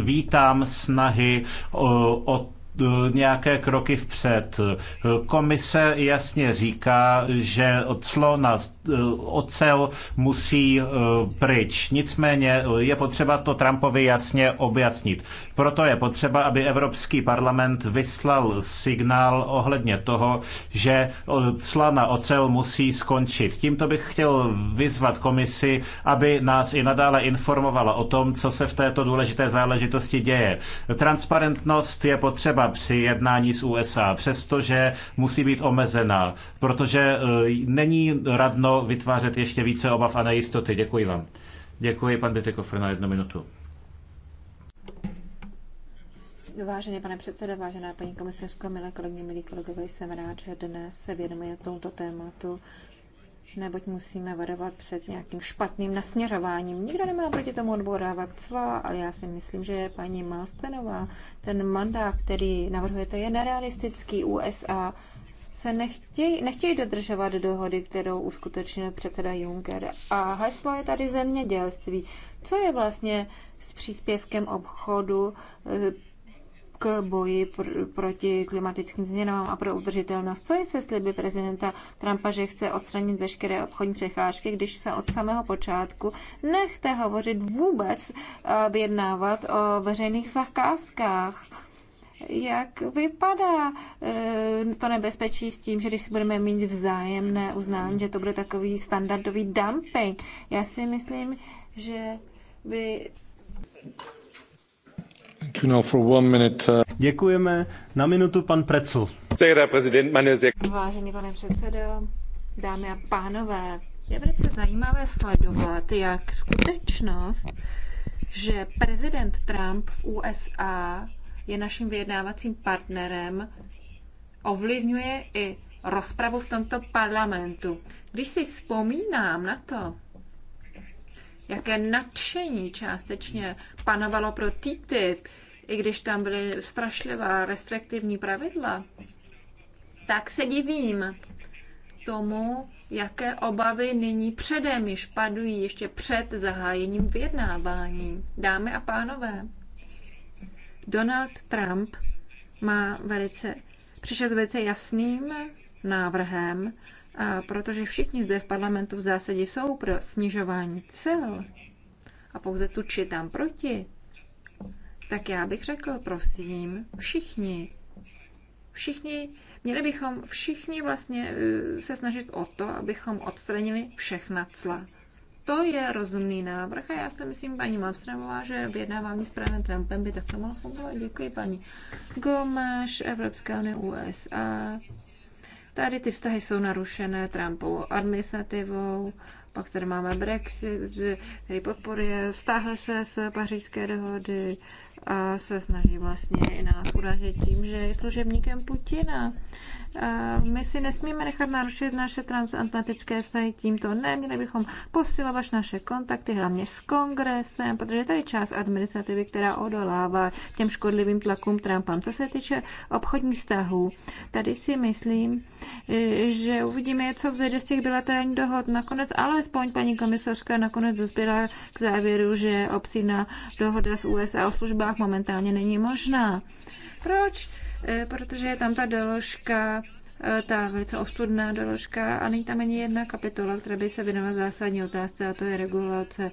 vítám snahy o nějaké kroky vpřed. Komise jasně říká, že clo na ocel musí e, pryč. Nicméně je potřeba to Trumpovi jasně objasnit. Proto je potřeba, aby Evropský parlament vyslal signál ohledně toho, že cla na ocel musí skončit. Tímto bych chtěl vyzvat komisi, aby nás i nadále informovala o tom, co se v této důležité záležitosti děje. Transparentnost je potřeba při jednání s USA, přestože musí být omezená, protože eh, není radno vytvářet ještě více obav a nejistoty. Děkuji vám. Děkuji, pan Bětekofr, na jednu minutu. Vážený pane předsedo, vážená paní komisařko, milé kolegyně, milí kolegové, jsem rád, že dnes se věnujeme tomuto tématu neboť musíme varovat před nějakým špatným nasměrováním. Nikdo nemá proti tomu odborávat cva, ale já si myslím, že paní Malstenová, ten mandát, který navrhujete, je nerealistický. USA se nechtějí, nechtějí dodržovat dohody, kterou uskutečnil předseda Juncker. A heslo je tady zemědělství. Co je vlastně s příspěvkem obchodu eh, k boji pr- proti klimatickým změnám a pro udržitelnost. Co je se sliby prezidenta Trumpa, že chce odstranit veškeré obchodní přecházky, když se od samého počátku nechte hovořit vůbec vyjednávat o veřejných zakázkách? Jak vypadá e, to nebezpečí s tím, že když si budeme mít vzájemné uznání, že to bude takový standardový dumping? Já si myslím, že by Uh, Děkujeme. Na minutu pan Precl. Vážený pane předsedo, dámy a pánové, je velice zajímavé sledovat, jak skutečnost, že prezident Trump v USA je naším vyjednávacím partnerem, ovlivňuje i rozpravu v tomto parlamentu. Když si vzpomínám na to, jaké nadšení částečně panovalo pro TTIP, i když tam byly strašlivá restriktivní pravidla, tak se divím tomu, jaké obavy nyní předem již padují ještě před zahájením vyjednávání. Dámy a pánové, Donald Trump má velice, přišel s velice jasným návrhem protože všichni zde v parlamentu v zásadě jsou pro snižování cel a pouze tu či tam proti, tak já bych řekl, prosím, všichni, všichni, měli bychom všichni vlastně eh, se snažit o to, abychom odstranili všechna cla. To je rozumný návrh a já si myslím, paní Malmströmová, že vyjednávání s právem Trumpem by takto mohlo fungovat. Děkuji, paní Gomáš, Evropská unie, USA. Tady ty vztahy jsou narušené Trumpovou administrativou, pak tady máme Brexit, který podporuje, vztáhl se z pařížské dohody a se snaží vlastně i nás urazit tím, že je služebníkem Putina. My si nesmíme nechat narušit naše transatlantické vztahy tímto. Ne, měli bychom posilovat naše kontakty, hlavně s kongresem, protože tady část administrativy, která odolává těm škodlivým tlakům Trumpa. Co se týče obchodních vztahů, tady si myslím, že uvidíme, co vzejde z těch bilaterálních dohod. Nakonec, alespoň paní komisařka nakonec dospěla k závěru, že obsídna dohoda s USA o službách momentálně není možná. Proč? Eh, protože je tam ta doložka, eh, ta velice ostudná doložka a není tam ani jedna kapitola, která by se věnovala zásadní otázce a to je regulace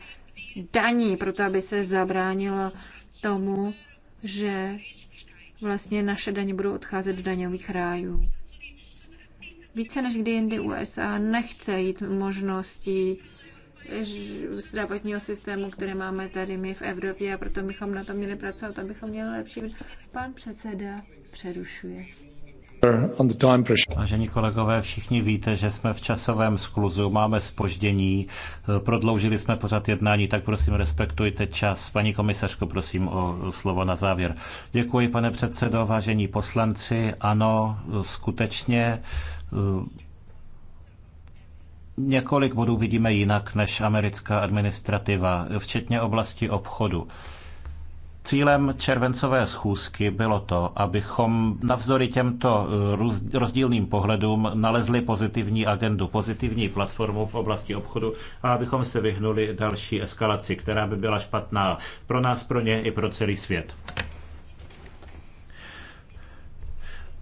daní, proto aby se zabránilo tomu, že vlastně naše daně budou odcházet do daňových rájů. Více než kdy jindy USA nechce jít možností zdravotního systému, které máme tady my v Evropě a proto bychom na tom měli pracovat, abychom měli lepší. Pan předseda přerušuje. Vážení kolegové, všichni víte, že jsme v časovém skluzu, máme spoždění, eh, prodloužili jsme pořád jednání, tak prosím respektujte čas. Paní komisařko, prosím o slovo na závěr. Děkuji, pane předsedo, vážení poslanci. Ano, eh, skutečně eh, Několik bodů vidíme jinak než americká administrativa, včetně oblasti obchodu. Cílem červencové schůzky bylo to, abychom navzdory těmto eh, rozdílným pohledům nalezli pozitivní agendu, pozitivní platformu v oblasti obchodu a abychom se vyhnuli další eskalaci, která by byla špatná pro nás, pro ně i pro celý svět.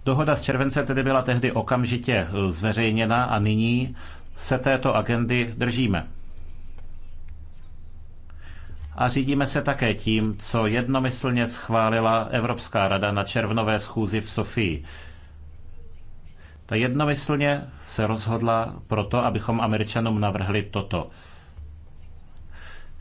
Dohoda z července tedy byla tehdy okamžitě eh, zveřejněna a nyní se této agendy držíme. A řídíme se také tím, co jednomyslně schválila Evropská rada na červnové schůzi v Sofii. Ta jednomyslně se rozhodla proto, abychom Američanům navrhli toto –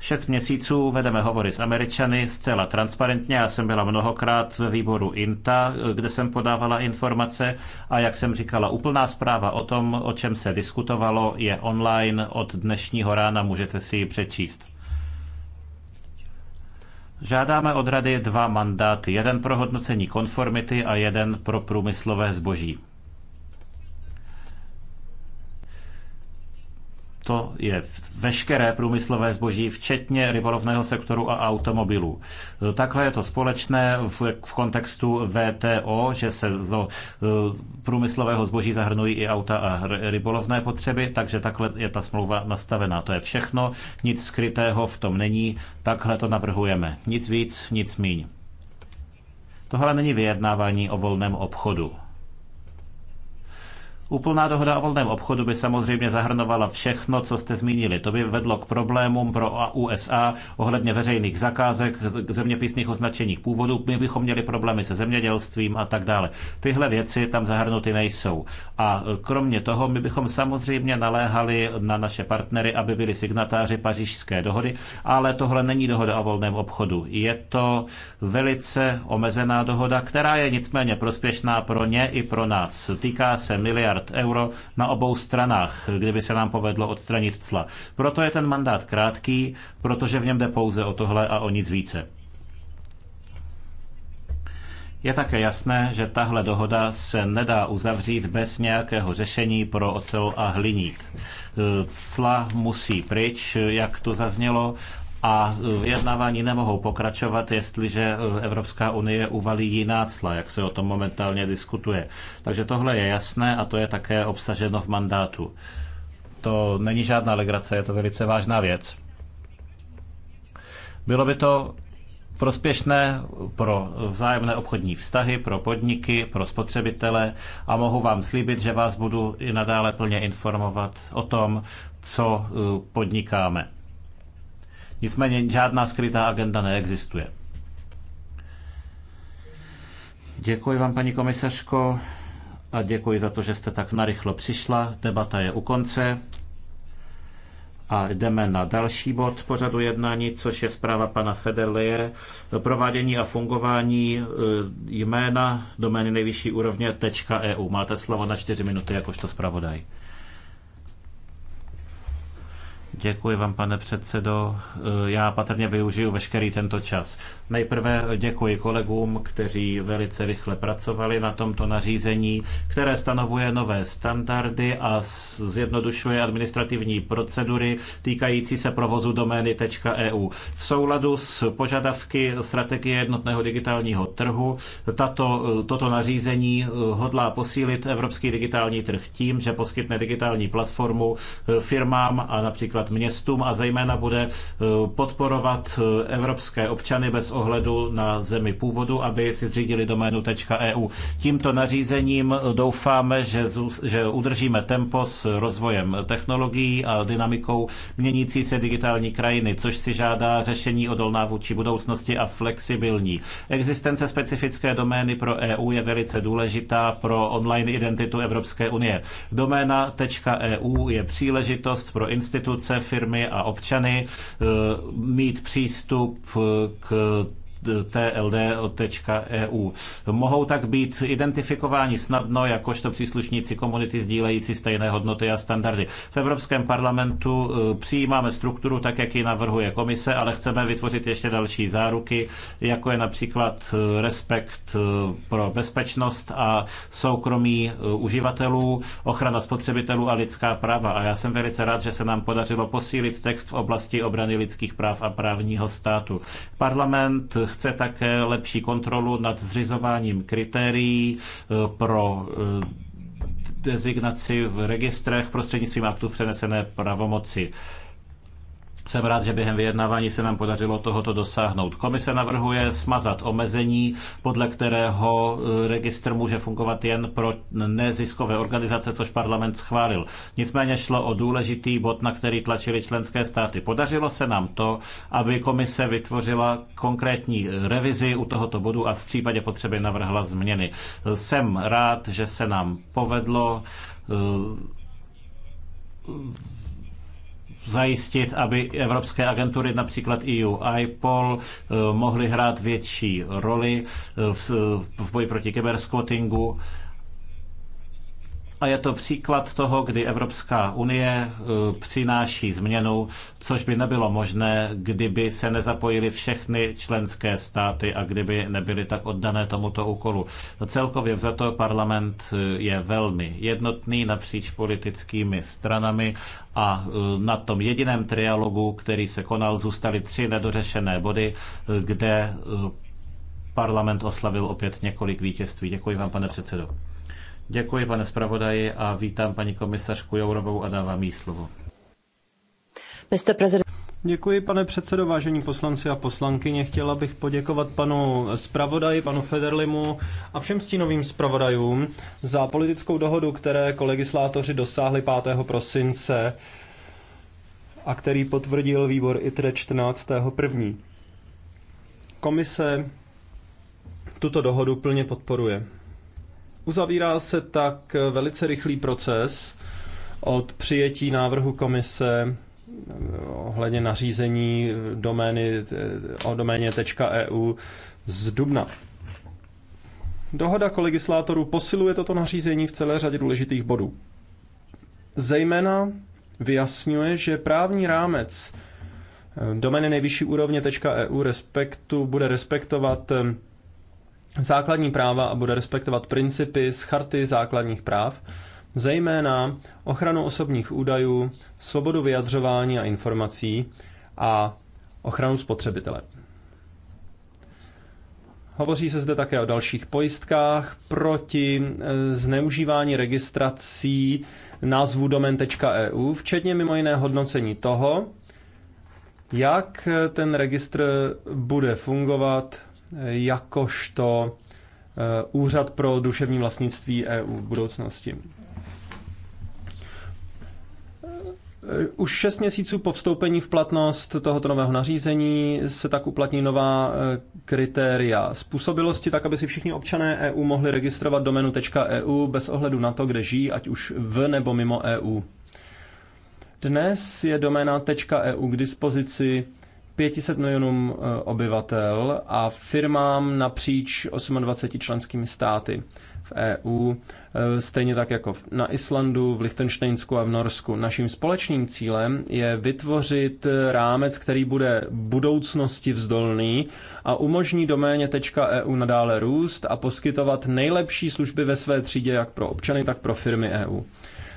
Šest měsíců vedeme hovory s Američany zcela transparentně. Já jsem byla mnohokrát ve výboru INTA, kde jsem podávala informace a jak jsem říkala, úplná zpráva o tom, o čem se diskutovalo, je online od dnešního rána, můžete si ji přečíst. Žádáme od Rady dva mandáty, jeden pro hodnocení konformity a jeden pro průmyslové zboží. to je veškeré průmyslové zboží, včetně rybolovného sektoru a automobilů. Takhle je to společné v, v kontextu VTO, že se do e, průmyslového zboží zahrnují i auta a rybolovné potřeby, takže takhle je ta smlouva nastavená. To je všechno, nic skrytého v tom není, takhle to navrhujeme. Nic víc, nic míň. Tohle není vyjednávání o volném obchodu. Úplná dohoda o volném obchodu by samozřejmě zahrnovala všechno, co jste zmínili. To by vedlo k problémům pro USA ohledně veřejných zakázek, zeměpisných označeních původu. My bychom měli problémy se zemědělstvím a tak dále. Tyhle věci tam zahrnuty nejsou. A kromě toho, my bychom samozřejmě naléhali na naše partnery, aby byli signatáři pařížské dohody, ale tohle není dohoda o volném obchodu. Je to velice omezená dohoda, která je nicméně prospěšná pro ně i pro nás. Týká se miliard miliard euro na obou stranách, kdyby se nám povedlo odstranit cla. Proto je ten mandát krátký, protože v něm jde pouze o tohle a o nic více. Je také jasné, že tahle dohoda se nedá uzavřít bez nějakého řešení pro ocel a hliník. Cla musí pryč, jak to zaznělo, a vyjednávání nemohou pokračovat, jestliže Evropská unie uvalí jiná cla, jak se o tom momentálně diskutuje. Takže tohle je jasné a to je také obsaženo v mandátu. To není žádná legrace, je to velice vážná věc. Bylo by to prospěšné pro vzájemné obchodní vztahy, pro podniky, pro spotřebitele a mohu vám slíbit, že vás budu i nadále plně informovat o tom, co podnikáme. Nicméně žádná skrytá agenda neexistuje. Děkuji vám, paní komisařko, a děkuji za to, že jste tak narychlo přišla. Debata je u konce. A jdeme na další bod pořadu jednání, což je zpráva pana Federleje. Provádění a fungování eh, jména domény nejvyšší úrovně .eu. E Máte slovo na čtyři minuty jakožto zpravodaj. Děkuji vám, pane předsedo. Já patrně využiju veškerý tento čas. Nejprve děkuji kolegům, kteří velice rychle pracovali na tomto nařízení, které stanovuje nové standardy a zjednodušuje administrativní procedury týkající se provozu domény .eu. E v souladu s požadavky strategie jednotného digitálního trhu tato, toto nařízení hodlá posílit evropský digitální trh tím, že poskytne digitální platformu firmám a například pomáhat městům a zejména bude eh, podporovat eh, evropské občany bez ohledu na zemi původu, aby si zřídili doménu.eu. E Tímto nařízením eh, doufáme, že, že udržíme tempo s rozvojem technologií a dynamikou měnící se digitální krajiny, což si žádá řešení odolná vůči budoucnosti a flexibilní. Existence specifické domény pro EU je velice důležitá pro online identitu Evropské unie. Doména.eu e je příležitost pro instituce, firmy a občany eh, mít přístup eh, k tld.eu. E Mohou tak být identifikováni snadno jakožto příslušníci komunity sdílející stejné hodnoty a standardy. V Evropském parlamentu e, přijímáme strukturu tak, jak ji navrhuje komise, ale chceme vytvořit ještě další záruky, jako je například e, respekt pro bezpečnost a soukromí uživatelů, ochrana spotřebitelů a lidská práva. A já jsem velice rád, že se nám podařilo posílit text v oblasti obrany lidských práv a právního státu. Parlament chce také lepší kontrolu nad zřizováním kritérií pro designaci v registrech prostřednictvím aktů přenesené pravomoci. Jsem rád, že během vyjednávání se nám podařilo tohoto dosáhnout. Komise navrhuje smazat omezení, podle kterého eh, registr může fungovat jen pro neziskové organizace, což parlament schválil. Nicméně šlo o důležitý bod, na který tlačili členské státy. Podařilo se nám to, aby komise vytvořila konkrétní eh, revizi u tohoto bodu a v případě potřeby navrhla změny. Jsem rád, že se nám povedlo eh, zajistit, aby evropské agentury, například EU IPOL, eh, mohly hrát větší roli eh, v, v boji proti kyberskvotingu. A je to příklad toho, kdy Evropská unie eh, přináší změnu, což by nebylo možné, kdyby se nezapojili všechny členské státy a kdyby nebyly tak oddané tomuto úkolu. Celkově to parlament eh, je velmi jednotný napříč politickými stranami a eh, na tom jediném trialogu, který se konal, zůstaly tři nedořešené body, kde parlament oslavil opět několik vítězství. Děkuji vám, pane předsedo. Děkuji, pane zpravodaji, a vítám paní komisařku Jourovou a dávám jí slovo. Děkuji, pane předsedo, vážení poslanci a poslankyně. Chtěla bych poděkovat panu zpravodaji, panu Federlimu a všem stínovým zpravodajům za politickou dohodu, které kolegislátoři dosáhli 5. prosince a který potvrdil výbor ITRE 14. 1. Komise tuto dohodu plně podporuje. Uzavírá se tak velice rychlý proces od přijetí návrhu komise eh, ohledně nařízení eh, domény, eh, o doméně .eu e z Dubna. Dohoda kolegislátorů posiluje toto nařízení v celé řadě důležitých bodů. Zejména vyjasňuje, že právní rámec domény nejvyšší úrovně .eu e respektu bude respektovat základní práva a bude respektovat principy z charty základních práv, zejména ochranu osobních údajů, svobodu vyjadřování a informací a ochranu spotřebitele. Hovoří se zde také o dalších pojistkách proti e, zneužívání registrací názvu domen.eu, e včetně mimo jiné hodnocení toho, jak ten registr bude fungovat jakožto eh, Úřad pro duševní vlastnictví EU v budoucnosti. Eh, už šest měsíců po vstoupení v platnost tohoto nového nařízení se tak uplatní nová eh, kritéria způsobilosti, tak aby si všichni občané EU mohli registrovat doménu .eu e bez ohledu na to, kde žijí, ať už v nebo mimo EU. Dnes je doména .eu e k dispozici 500 milionům eh, obyvatel a firmám napříč 28 členskými státy v EU, eh, stejně tak jako na Islandu, v Lichtensteinsku a v Norsku. Naším společným cílem je vytvořit eh, rámec, který bude budoucnosti vzdolný a umožní doméně.eu e .eu nadále růst a poskytovat nejlepší služby ve své třídě jak pro občany, tak pro firmy EU.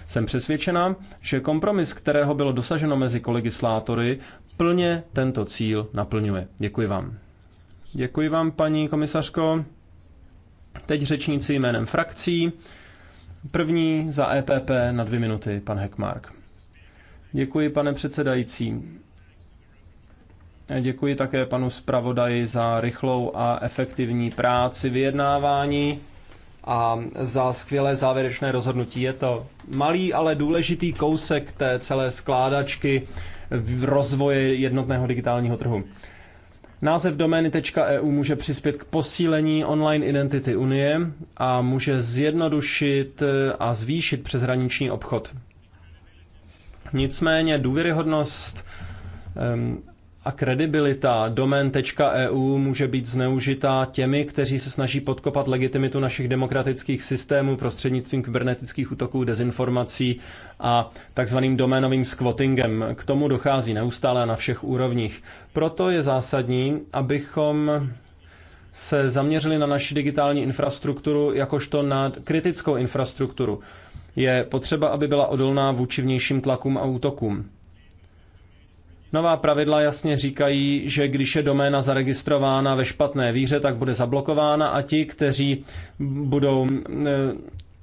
Jsem přesvědčena, že kompromis, kterého bylo dosaženo mezi kolegislátory, plně tento cíl naplňuje. Děkuji vám. Děkuji vám, paní komisařko. Teď řečníci jménem frakcí. První za EPP na dvě minuty, pan Heckmark. Děkuji, pane předsedající. Děkuji také panu zpravodaji za rychlou a efektivní práci vyjednávání a za skvělé závěrečné rozhodnutí. Je to malý, ale důležitý kousek té celé skládačky v rozvoji jednotného digitálního trhu. Název domény.eu e může přispět k posílení online identity Unie a může zjednodušit eh, a zvýšit přeshraniční obchod. Nicméně důvěryhodnost ehm, a kredibilita domén.eu e může být zneužitá těmi, kteří se snaží podkopat legitimitu našich demokratických systémů prostřednictvím kybernetických útoků, dezinformací a takzvaným doménovým squattingem. K tomu dochází neustále na všech úrovních. Proto je zásadní, abychom se zaměřili na naši digitální infrastrukturu jakožto na kritickou infrastrukturu. Je potřeba, aby byla odolná vůči vnějším tlakům a útokům. Nová pravidla jasně říkají, že když je doména zaregistrována ve špatné víře, tak bude zablokována a ti, kteří budou e,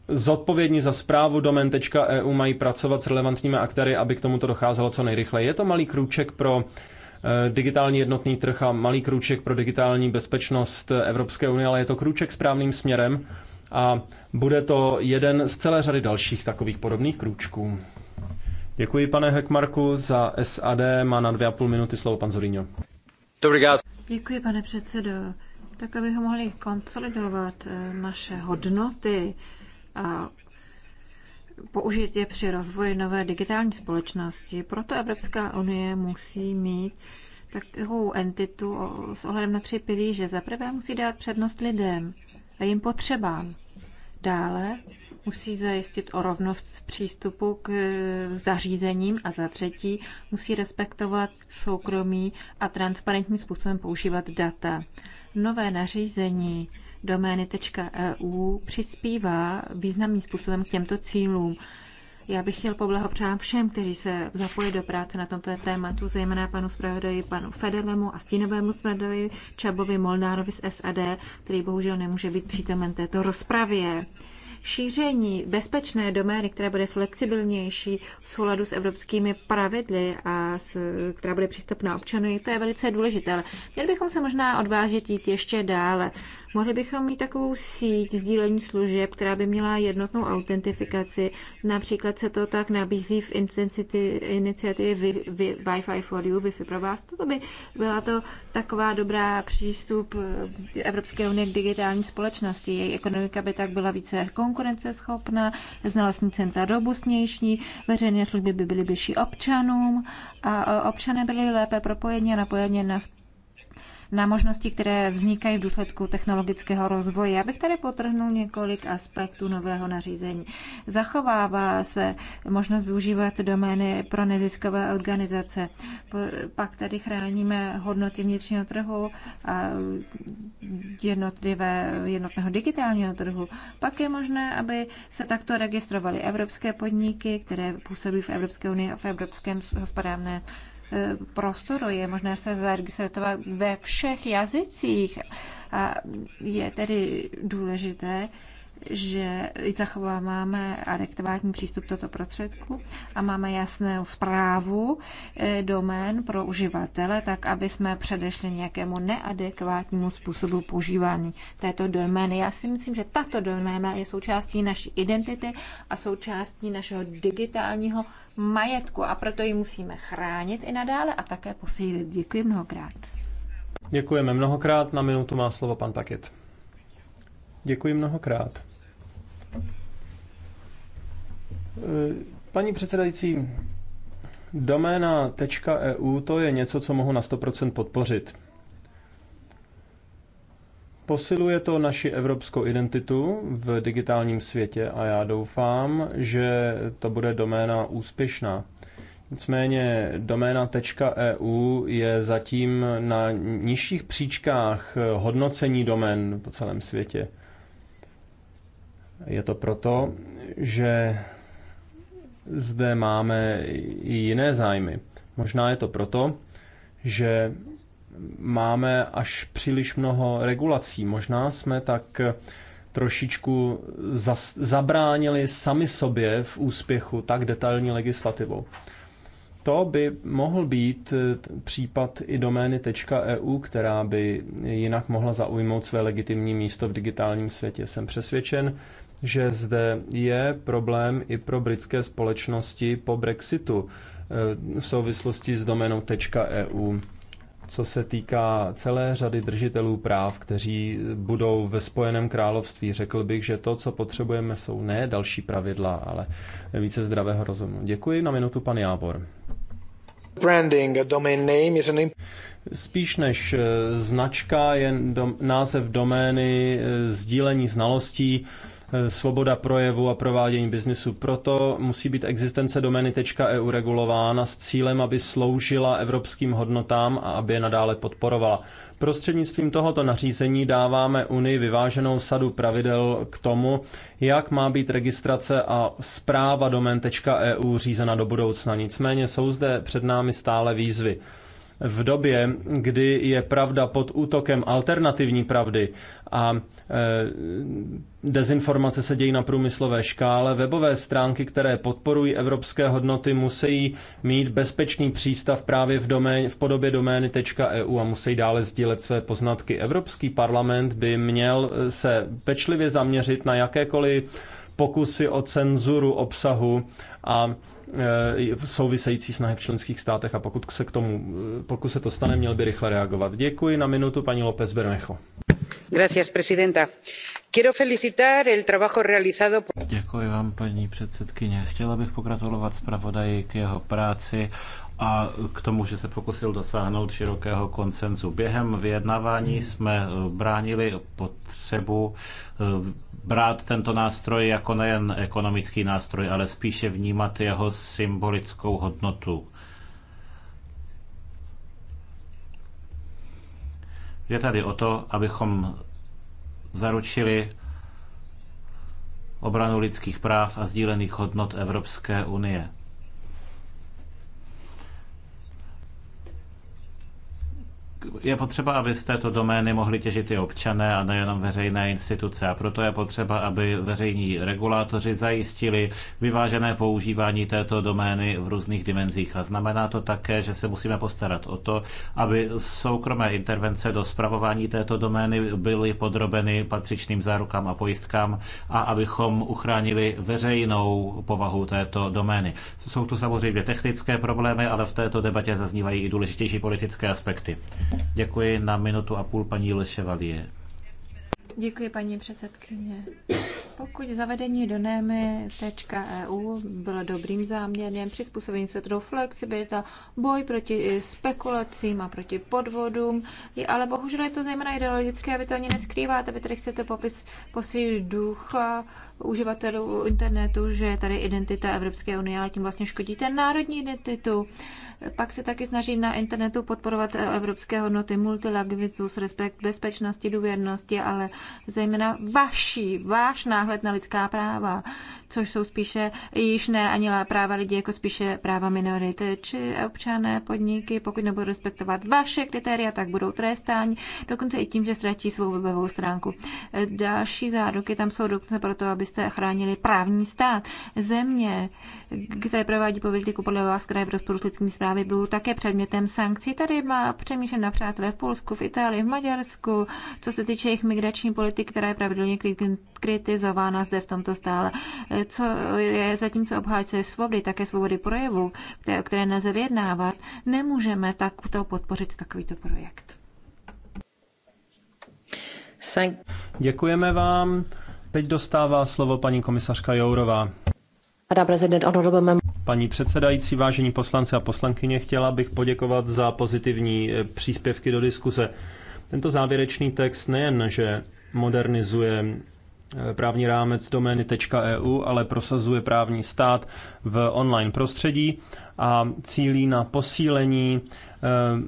zodpovědní za zprávu domen.eu e mají pracovat s relevantními aktéry, aby k tomuto docházelo co nejrychleji. Je to malý krůček pro e, digitální jednotný trh a malý krůček pro digitální bezpečnost Evropské unie, ale je to krůček správným směrem a bude to jeden z celé řady dalších takových podobných krůčků. Děkuji, pane Hekmarku, za SAD. Má na dvě a půl minuty slovo pan Zorino. Děkuji, pane předsedo. Tak, abychom mohli konsolidovat eh, naše hodnoty a použít je při rozvoji nové digitální společnosti. Proto Evropská unie musí mít takovou entitu s ohledem na tři pilíře. Za prvé musí dát přednost lidem a jim potřebám. Dále musí zajistit o rovnost přístupu k e, zařízením a za třetí musí respektovat soukromí a transparentním způsobem používat data. Nové nařízení domény.eu e přispívá významným způsobem k těmto cílům. Já bych chtěl poblahopřát všem, kteří se zapojí do práce na tomto tématu, zejména panu zpravodaji, panu Federlemu a stínovému zpravodaji Čabovi Molnárovi z SAD, který bohužel nemůže být přítomen této rozpravě šíření bezpečné domény, která bude flexibilnější v souladu s evropskými pravidly a s, která bude přístupná občanům, to je velice důležité. Ale měli bychom se možná odvážit jít ještě dále. Mohli bychom mít takovou síť sdílení služeb, která by měla jednotnou autentifikaci. Například se to tak nabízí v intensity, iniciativě Wi-Fi for you, Wi-Fi pro vás. Toto by byla to taková dobrá přístup eh, Evropské unie k digitální společnosti. Její ekonomika by tak byla více konkurenceschopná, znalostní centra robustnější, veřejné služby by byly blížší občanům a eh, občané byli lépe propojeni a napojeni na na možnosti, které vznikají v důsledku technologického rozvoje. Já bych tady potrhnul několik aspektů nového nařízení. Zachovává se možnost využívat domény pro neziskové organizace. Pak tady chráníme hodnoty vnitřního trhu a jednotlivé, jednotného digitálního trhu. Pak je možné, aby se takto registrovaly evropské podniky, které působí v Evropské unii a v Evropském hospodárném E, prostoru. Je možné se zaregistrovat ve všech jazycích. A je tedy důležité, že i zachováváme adekvátní přístup toto prostředku a máme jasnou zprávu eh, domén pro uživatele, tak aby jsme předešli nějakému neadekvátnímu způsobu používání této domény. Já si myslím, že tato doména je součástí naší identity a součástí našeho digitálního majetku a proto ji musíme chránit i nadále a také posílit. Děkuji mnohokrát. Děkujeme mnohokrát. Na minutu má slovo pan Paket. Děkuji mnohokrát. Paní předsedající, doména.eu e to je něco, co mohu na 100% podpořit. Posiluje to naši evropskou identitu v digitálním světě a já doufám, že to bude doména úspěšná. Nicméně doména.eu e je zatím na nižších příčkách hodnocení domén po celém světě. Je to proto, že zde máme i jiné zájmy. Možná je to proto, že máme až příliš mnoho regulací. Možná jsme tak trošičku zas, zabránili sami sobě v úspěchu tak detailní legislativou. To by mohl být eh, případ i domény .eu, e která by jinak mohla zaujmout své legitimní místo v digitálním světě. Jsem přesvědčen, že zde je problém i pro britské společnosti po Brexitu eh, v souvislosti s domenou .eu, e co se týká celé řady držitelů práv, kteří budou ve Spojeném království. Řekl bych, že to, co potřebujeme, jsou ne další pravidla, ale více zdravého rozumu. Děkuji na minutu, pan Jábor. Branding, a domain name is an Spíš než eh, značka je dom, název domény, eh, sdílení znalostí, Eh, svoboda projevu a provádění biznisu. Proto musí být existence domeny.eu e regulována s cílem, aby sloužila evropským hodnotám a aby je nadále podporovala. Prostřednictvím tohoto nařízení dáváme Unii vyváženou sadu pravidel k tomu, jak má být registrace a zpráva domen.eu e řízena do budoucna. Nicméně jsou zde před námi stále výzvy v době, kdy je pravda pod útokem alternativní pravdy a Eh, dezinformace se dějí na průmyslové škále. Webové stránky, které podporují evropské hodnoty, musí mít bezpečný přístav právě v, domén, v podobě domény.eu e a musí dále sdílet své poznatky. Evropský parlament by měl eh, se pečlivě zaměřit na jakékoliv pokusy o cenzuru obsahu a Eh, související snahy v členských státech a pokud se k tomu, eh, pokud se to stane, měl by rychle reagovat. Děkuji na minutu paní López Bermejo. Gracias, presidenta. Quiero felicitar el trabajo realizado. Děkuji vám, paní předsedkyně. Chtěla bych pogratulovat zpravodaji k jeho práci a k tomu, že se pokusil dosáhnout širokého konsenzu. Během vyjednávání jsme e, bránili potřebu e, brát tento nástroj jako nejen ekonomický nástroj, ale spíše vnímat jeho symbolickou hodnotu. Je tady o to, abychom zaručili obranu lidských práv a sdílených hodnot Evropské unie. je potřeba, aby z této domény mohli těžit i občané a nejenom veřejné instituce. A proto je potřeba, aby veřejní regulátoři zajistili vyvážené používání této domény v různých dimenzích. A znamená to také, že se musíme postarat o to, aby soukromé intervence do zpravování této domény byly podrobeny patřičným zárukám a pojistkám a abychom uchránili veřejnou povahu této domény. Jsou tu samozřejmě technické problémy, ale v této debatě zaznívají i důležitější politické aspekty. Děkuji na minutu a půl paní Leševalie. Děkuji, paní předsedkyně. Pokud zavedení do NEMY.eu e bylo dobrým záměrem, přizpůsobení se trhu flexibilita, boj proti spekulacím a proti podvodům, je, ale bohužel je to zejména ideologické aby to ani neskrýváte, aby tady chcete popis, posílit ducha uživatelů internetu, že je tady identita Evropské unie, ale tím vlastně škodíte národní identitu. Pak se taky snaží na internetu podporovat eh, evropské hodnoty multilingvismus, respekt bezpečnosti, důvěrnosti, ale zejména vaší, váš náhled na lidská práva, což jsou spíše již ne ani práva lidí, jako spíše práva minorit, či občané, podniky, pokud nebudou respektovat vaše kritéria, tak budou trestáni, dokonce i tím, že ztratí svou webovou stránku. Eh, další záruky tam jsou dokonce proto, abyste chránili právní stát. Země, které provádí politiku podle vás, která je v rozporu s lidskými právě budou také předmětem sankcí. Tady má přemýšlím na přátelé v Polsku, v Itálii, v Maďarsku, co se týče jejich migrační politiky, která je pravidelně kritizována zde v tomto stále. Eh, co je zatímco obhájce svobody, také svobody projevu, které, které nelze vyjednávat, nemůžeme tak to podpořit takovýto projekt. Děkujeme vám. Teď dostává slovo paní komisařka Jourová. Paní předsedající, vážení poslanci a poslankyně, chtěla bych poděkovat za pozitivní eh, příspěvky do diskuze. Tento závěrečný text nejen, že modernizuje eh, právní rámec domény.eu, e ale prosazuje právní stát v online prostředí a cílí na posílení Eh,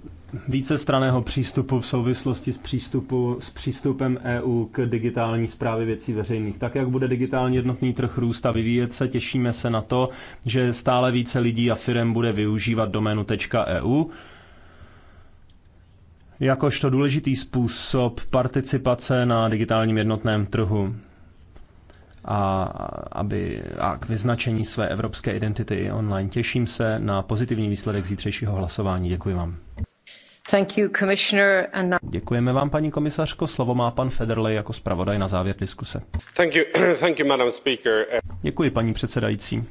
vícestraného přístupu v souvislosti s, přístupu, s přístupem EU k digitální zprávě věcí veřejných. Tak, jak bude digitální jednotný trh růst a vyvíjet se, těšíme se na to, že stále více lidí a firm bude využívat doménu .eu e jakožto důležitý způsob participace na digitálním jednotném trhu a, aby, a k vyznačení své evropské identity i online. Těším se na pozitivní výsledek zítřejšího hlasování. Děkuji vám. Thank you, commissioner, and... Děkujeme vám, paní komisařko. Slovo má pan Federley jako zpravodaj na závěr diskuse. Thank you, <clears throat> thank you, madam speaker. Děkuji, paní předsedající.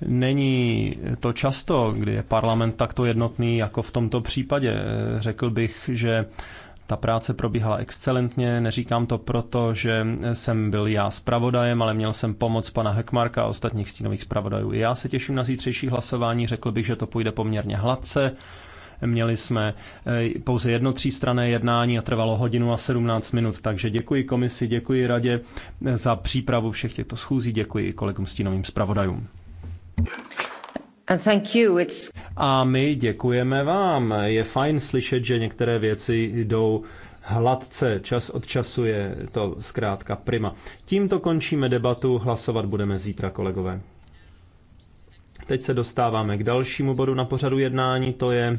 Není to často, kdy je parlament takto jednotný jako v tomto případě. Řekl bych, že ta práce probíhala excelentně, neříkám to proto, že jsem byl já zpravodajem, ale měl jsem pomoc pana Hekmarka a ostatních stínových zpravodajů. já se těším na zítřejší hlasování, řekl bych, že to půjde poměrně hladce. Měli jsme eh, pouze jedno třístrané jednání a trvalo hodinu a 17 minut, takže děkuji komisi, děkuji radě eh, za přípravu všech těchto schůzí, děkuji i kolegům stínovým zpravodajům. And thank you, it's... A my děkujeme vám. Je fajn slyšet, že některé věci jdou hladce, čas od času je to zkrátka prima. Tímto končíme debatu, hlasovat budeme zítra, kolegové. Teď se dostáváme k dalšímu bodu na pořadu jednání, to je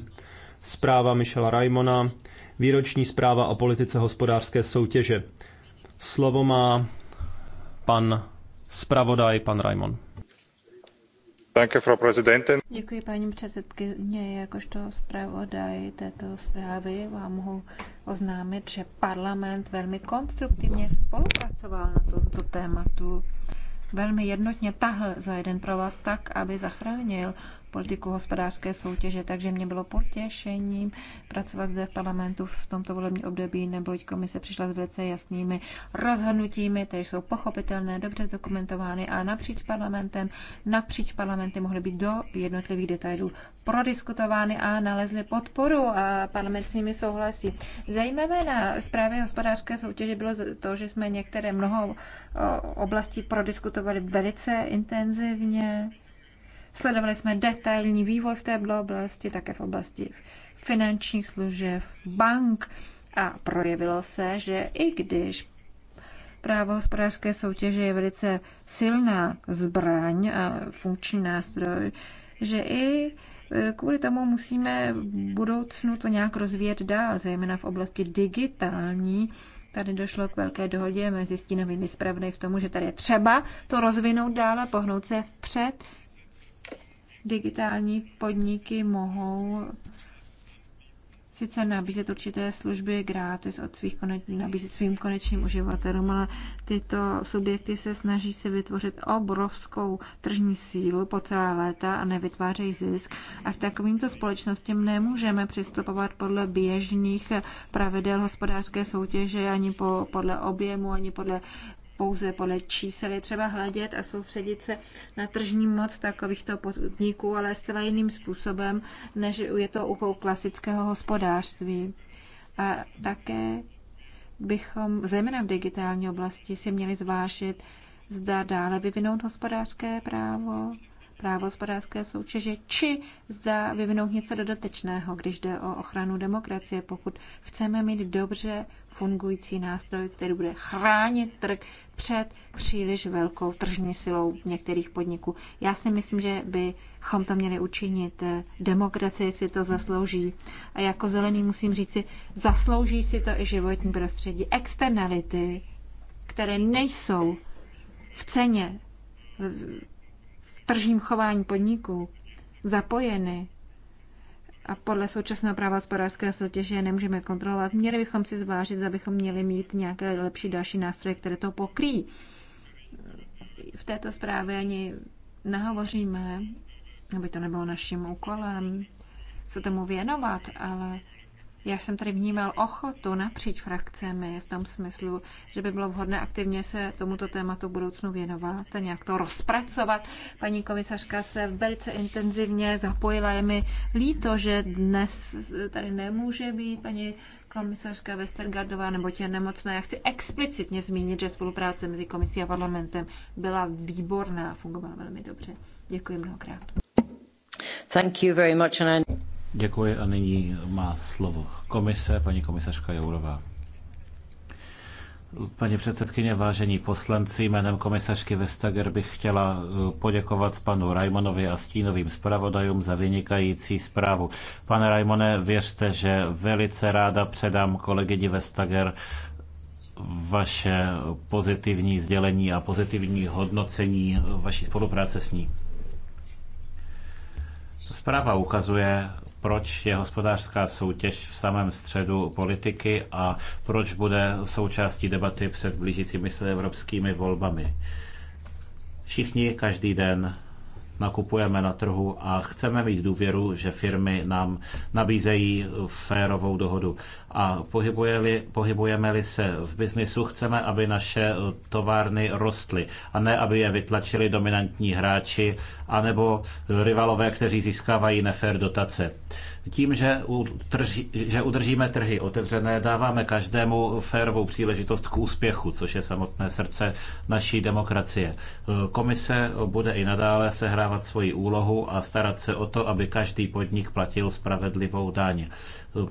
zpráva Michela Raimona, výroční zpráva o politice hospodářské soutěže. Slovo má pan zpravodaj, pan Raimon. Děkuji, paní předsedkyně. Jakožto zpravodaj této zprávy vám mohu oznámit, že parlament velmi konstruktivně spolupracoval na tomto tématu. Velmi jednotně tahl za jeden pro vás tak, aby zachránil politiku hospodářské soutěže, takže mě bylo potěšením pracovat zde v parlamentu v tomto volebním období, neboť komise přišla s velice jasnými rozhodnutími, které jsou pochopitelné, dobře dokumentovány a napříč parlamentem, napříč parlamenty mohly být do jednotlivých detailů prodiskutovány a nalezly podporu a parlament s nimi souhlasí. Zajímavé na zprávě hospodářské soutěže bylo to, že jsme některé mnoho oblastí prodiskutovali velice intenzivně Sledovali jsme detailní vývoj v té oblasti, také v oblasti finančních služeb, bank a projevilo se, že i když právo hospodářské soutěže je velice silná zbraň a funkční nástroj, že i e, kvůli tomu musíme v budoucnu to nějak rozvíjet dál, zejména v oblasti digitální. Tady došlo k velké dohodě mezi stínovými zpravny v tomu, že tady je třeba to rozvinout dále, pohnout se vpřed, digitální podniky mohou sice nabízet určité služby gratis od svých konečných, nabízet svým konečným uživatelům, ale tyto subjekty se snaží se vytvořit obrovskou tržní sílu po celá léta a nevytvářejí zisk. A k takovýmto společnostem nemůžeme přistupovat podle běžných pravidel hospodářské soutěže, ani po, podle objemu, ani podle pouze podle čísel. Je třeba hledět a soustředit se na tržní moc takovýchto podniků, ale zcela jiným způsobem, než je to u klasického hospodářství. A také bychom, zejména v digitální oblasti, si měli zvážit, zda dále vyvinout hospodářské právo, právo hospodářské soutěže, či zda vyvinout něco dodatečného, když jde o ochranu demokracie. Pokud chceme mít dobře fungující nástroj, který bude chránit trh před příliš velkou tržní silou některých podniků. Já si myslím, že bychom to měli učinit. Demokracie si to zaslouží. A jako zelený musím říci, zaslouží si to i životní prostředí. Externality, které nejsou v ceně, v tržním chování podniků, zapojeny a podle současného práva hospodářské soutěže nemůžeme kontrolovat. Měli bychom si zvážit, zda bychom měli mít nějaké lepší další nástroje, které to pokryjí. V této zprávě ani nehovoříme, aby to nebylo naším úkolem se tomu věnovat, ale já jsem tady vnímal ochotu napříč frakcemi v tom smyslu, že by bylo vhodné aktivně se tomuto tématu budoucnu věnovat a nějak to rozpracovat. Paní komisařka se velice intenzivně zapojila. Je mi líto, že dnes tady nemůže být paní komisařka Westergardová nebo tě nemocná. Já chci explicitně zmínit, že spolupráce mezi komisí a parlamentem byla výborná a fungovala velmi dobře. Děkuji mnohokrát. Thank you very much. And I... Děkuji a nyní má slovo komise, paní komisařka Jourová. Paní předsedkyně, vážení poslanci, jménem komisařky Vestager bych chtěla eh, poděkovat panu Rajmonovi a stínovým zpravodajům za vynikající zprávu. Pane Rajmone, věřte, že velice ráda předám kolegyni Vestager vaše pozitivní sdělení a pozitivní hodnocení eh, vaší spolupráce s ní. Zpráva ukazuje, proč je hospodářská soutěž v samém středu politiky a proč bude součástí debaty před blížícími se evropskými volbami. Všichni každý den nakupujeme na trhu a chceme mít důvěru, že firmy nám nabízejí férovou dohodu. A pohybujeme-li se v biznisu, chceme, aby naše továrny rostly a ne, aby je vytlačili dominantní hráči anebo rivalové, kteří získávají nefér dotace. Tím, že, utrží, že udržíme trhy otevřené, dáváme každému férovou příležitost k úspěchu, což je samotné srdce naší demokracie. Komise bude i nadále sehrávat vykonávat svoji úlohu a starat se o to, aby každý podnik platil spravedlivou daň.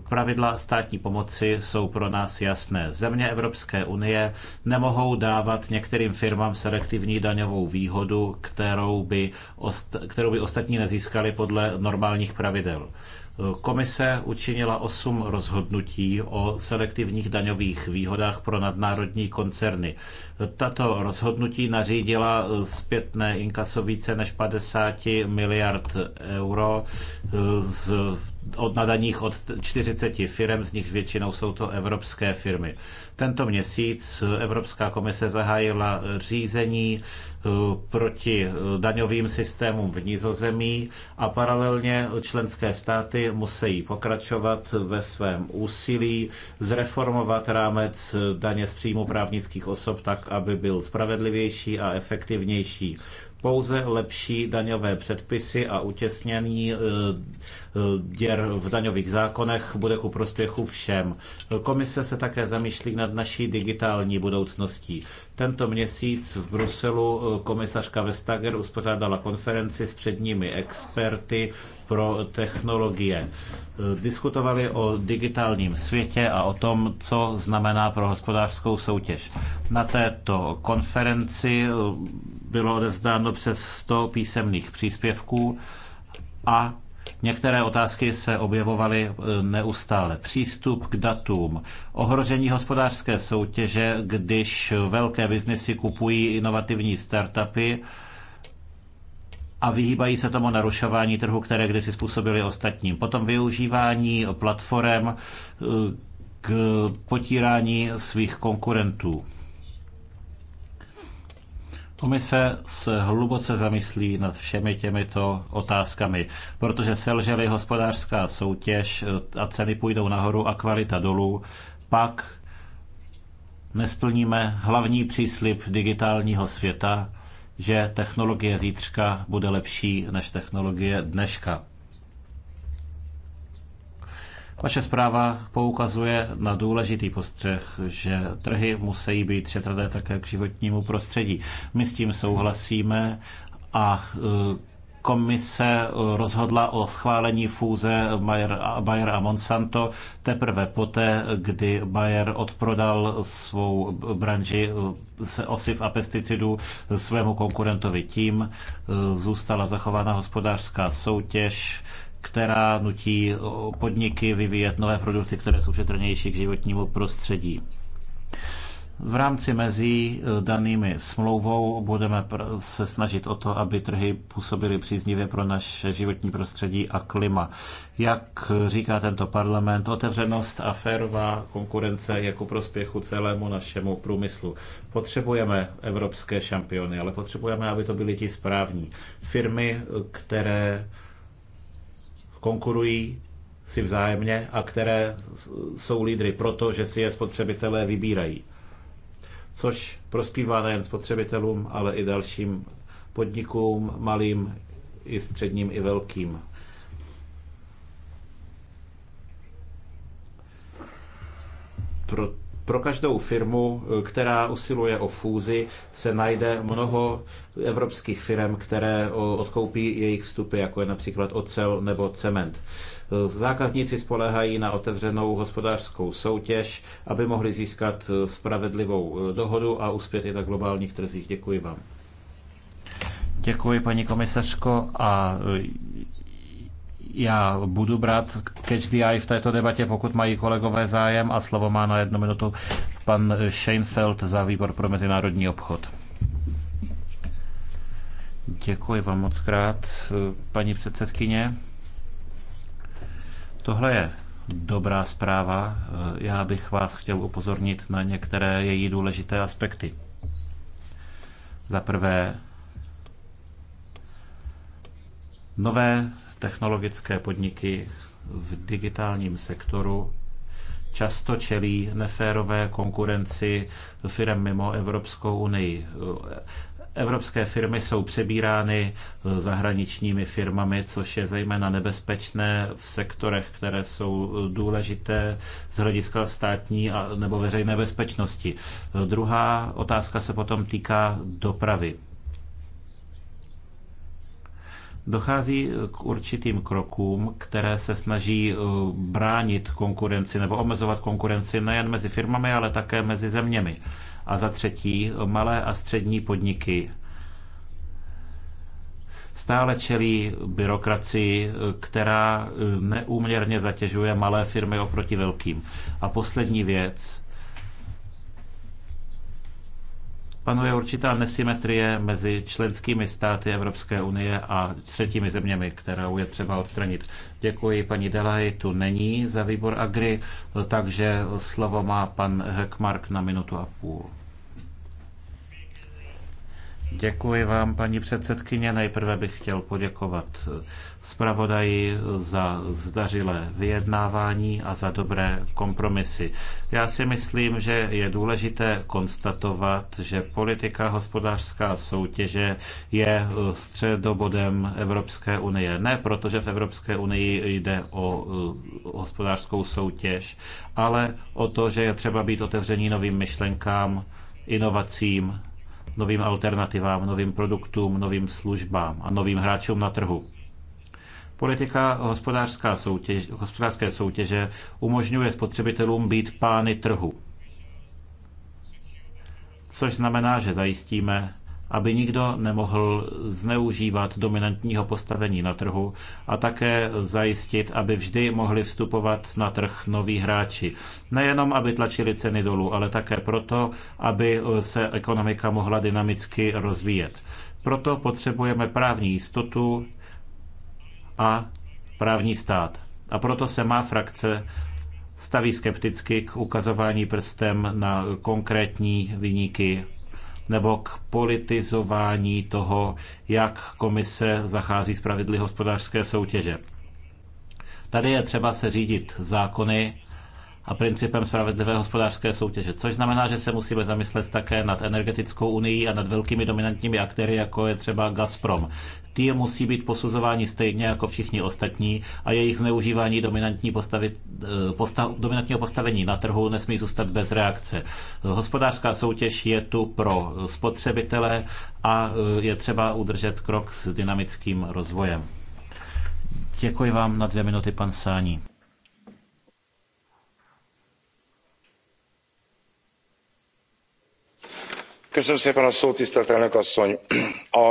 Pravidla státní pomoci jsou pro nás jasné. Země Evropské unie nemohou dávat některým firmám selektivní daňovou výhodu, kterou by, ost- kterou by ostatní nezískali podle normálních pravidel. Komise učinila osm rozhodnutí o selektivních daňových výhodách pro nadnárodní koncerny. Tato rozhodnutí nařídila zpětné inkaso více než 50 miliard euro eh, z od nadaních od 40 firm, z nich většinou jsou to evropské firmy. Tento měsíc Evropská komise zahájila řízení eh, proti eh, daňovým systémům v Nizozemí a paralelně členské státy musí pokračovat ve svém úsilí zreformovat rámec daně z příjmu právnických osob tak, aby byl spravedlivější a efektivnější pouze lepší daňové předpisy a utěsnění eh, eh, děr v daňových zákonech bude ku prospěchu všem. Komise se také zamýšlí nad naší digitální budoucností. Tento měsíc v Bruselu eh, komisařka Vestager uspořádala konferenci s předními experty pro technologie. Diskutovali o digitálním světě a o tom, co znamená pro hospodářskou soutěž. Na této konferenci bylo odevzdáno přes 100 písemných příspěvků a Některé otázky se objevovaly e, neustále. Přístup k datům, ohrožení hospodářské soutěže, když velké biznesy kupují inovativní startupy a vyhýbají se tomu narušování trhu, které kdysi způsobili ostatním. Potom využívání platform e, k potírání svých konkurentů. Komise se hluboce zamyslí nad všemi těmito otázkami, protože selželi hospodářská soutěž a ceny půjdou nahoru a kvalita dolů, pak nesplníme hlavní příslip digitálního světa, že technologie zítřka bude lepší než technologie dneška. Vaše zpráva poukazuje na důležitý postřeh, že trhy musí být šetrné také k životnímu prostředí. My s tím souhlasíme a e, komise e, rozhodla o schválení fúze Bayer, Bayer a Monsanto teprve poté, kdy Bayer odprodal svou branži e, osiv a pesticidů svému konkurentovi. Tím zůstala zachována hospodářská soutěž která nutí podniky vyvíjet nové produkty, které jsou šetrnější k životnímu prostředí. V rámci mezi eh, danými smlouvou budeme se snažit o to, aby trhy působily příznivě pro naše životní prostředí a klima. Jak eh, říká tento parlament, otevřenost a férová konkurence je ku prospěchu celému našemu průmyslu. Potřebujeme evropské šampiony, ale potřebujeme, aby to byli ti správní. Firmy, eh, které konkurují si vzájemně a které jsou lídry proto, že si je spotřebitelé vybírají. Což prospívá nejen spotřebitelům, ale i dalším podnikům, malým i středním i velkým. Proto pro každou firmu, eh, která usiluje o fúzi, se najde mnoho evropských firm, které odkoupí jejich vstupy, jako je například ocel nebo cement. Eh, zákazníci spolehají na otevřenou hospodářskou soutěž, aby mohli získat eh, spravedlivou dohodu a uspět i na globálních trzích. Děkuji vám. Děkuji, paní komisařko. A já budu brát catch the eye v této debatě, pokud mají kolegové zájem a slovo má na jednu minutu pan Scheinfeld za výbor pro mezinárodní obchod. Děkuji vám moc krát, paní předsedkyně. Tohle je dobrá zpráva. Já bych vás chtěl upozornit na některé její důležité aspekty. Za prvé, nové technologické podniky v digitálním sektoru často čelí neférové konkurenci firm mimo Evropskou unii. Evropské firmy jsou přebírány zahraničními firmami, což je zejména nebezpečné v sektorech, které jsou důležité z hlediska státní a, nebo veřejné bezpečnosti. Druhá otázka se potom týká dopravy. Dochází k určitým krokům, které se snaží eh, bránit konkurenci nebo omezovat konkurenci nejen mezi firmami, ale také mezi zeměmi. A za třetí, malé a střední podniky stále čelí byrokracii, eh, která eh, neúměrně zatěžuje malé firmy oproti velkým. A poslední věc, panuje určitá nesymetrie mezi členskými státy Evropské unie a třetími zeměmi, kterou je třeba odstranit. Děkuji paní Delahy, tu není za výbor Agri, takže slovo má pan Hekmark na minutu a půl. Děkuji vám, paní předsedkyně. Nejprve bych chtěl poděkovat zpravodaji za zdařilé vyjednávání a za dobré kompromisy. Já si myslím, že je důležité konstatovat, že politika hospodářská soutěže je středobodem Evropské unie. Ne proto, že v Evropské unii jde o eh, hospodářskou soutěž, ale o to, že je třeba být otevření novým myšlenkám, inovacím novým alternativám, novým produktům, novým službám a novým hráčům na trhu. Politika hospodářská soutěž, hospodářské soutěže umožňuje spotřebitelům být pány trhu, což znamená, že zajistíme, aby nikdo nemohl zneužívat dominantního postavení na trhu a také zajistit, aby vždy mohli vstupovat na trh noví hráči. Nejenom, aby tlačili ceny dolů, ale také proto, aby eh, se ekonomika mohla dynamicky rozvíjet. Proto potřebujeme právní jistotu a právní stát. A proto se má frakce staví skepticky k ukazování prstem na konkrétní vyníky nebo k politizování toho, jak komise zachází s pravidly hospodářské soutěže. Tady je třeba se řídit zákony a principem spravedlivé hospodářské soutěže, což znamená, že se musíme zamyslet také nad energetickou unii a nad velkými dominantními aktéry, jako je třeba Gazprom ty musí být posuzováni stejně jako všichni ostatní a jejich zneužívání dominantní postavit, eh, posta, dominantního postavení na trhu nesmí zůstat bez reakce. Hospodářská soutěž je tu pro spotřebitele a eh, je třeba udržet krok s dynamickým rozvojem. Děkuji vám na dvě minuty, pan Sání. Köszönöm szépen a szót, tisztelt elnök asszony.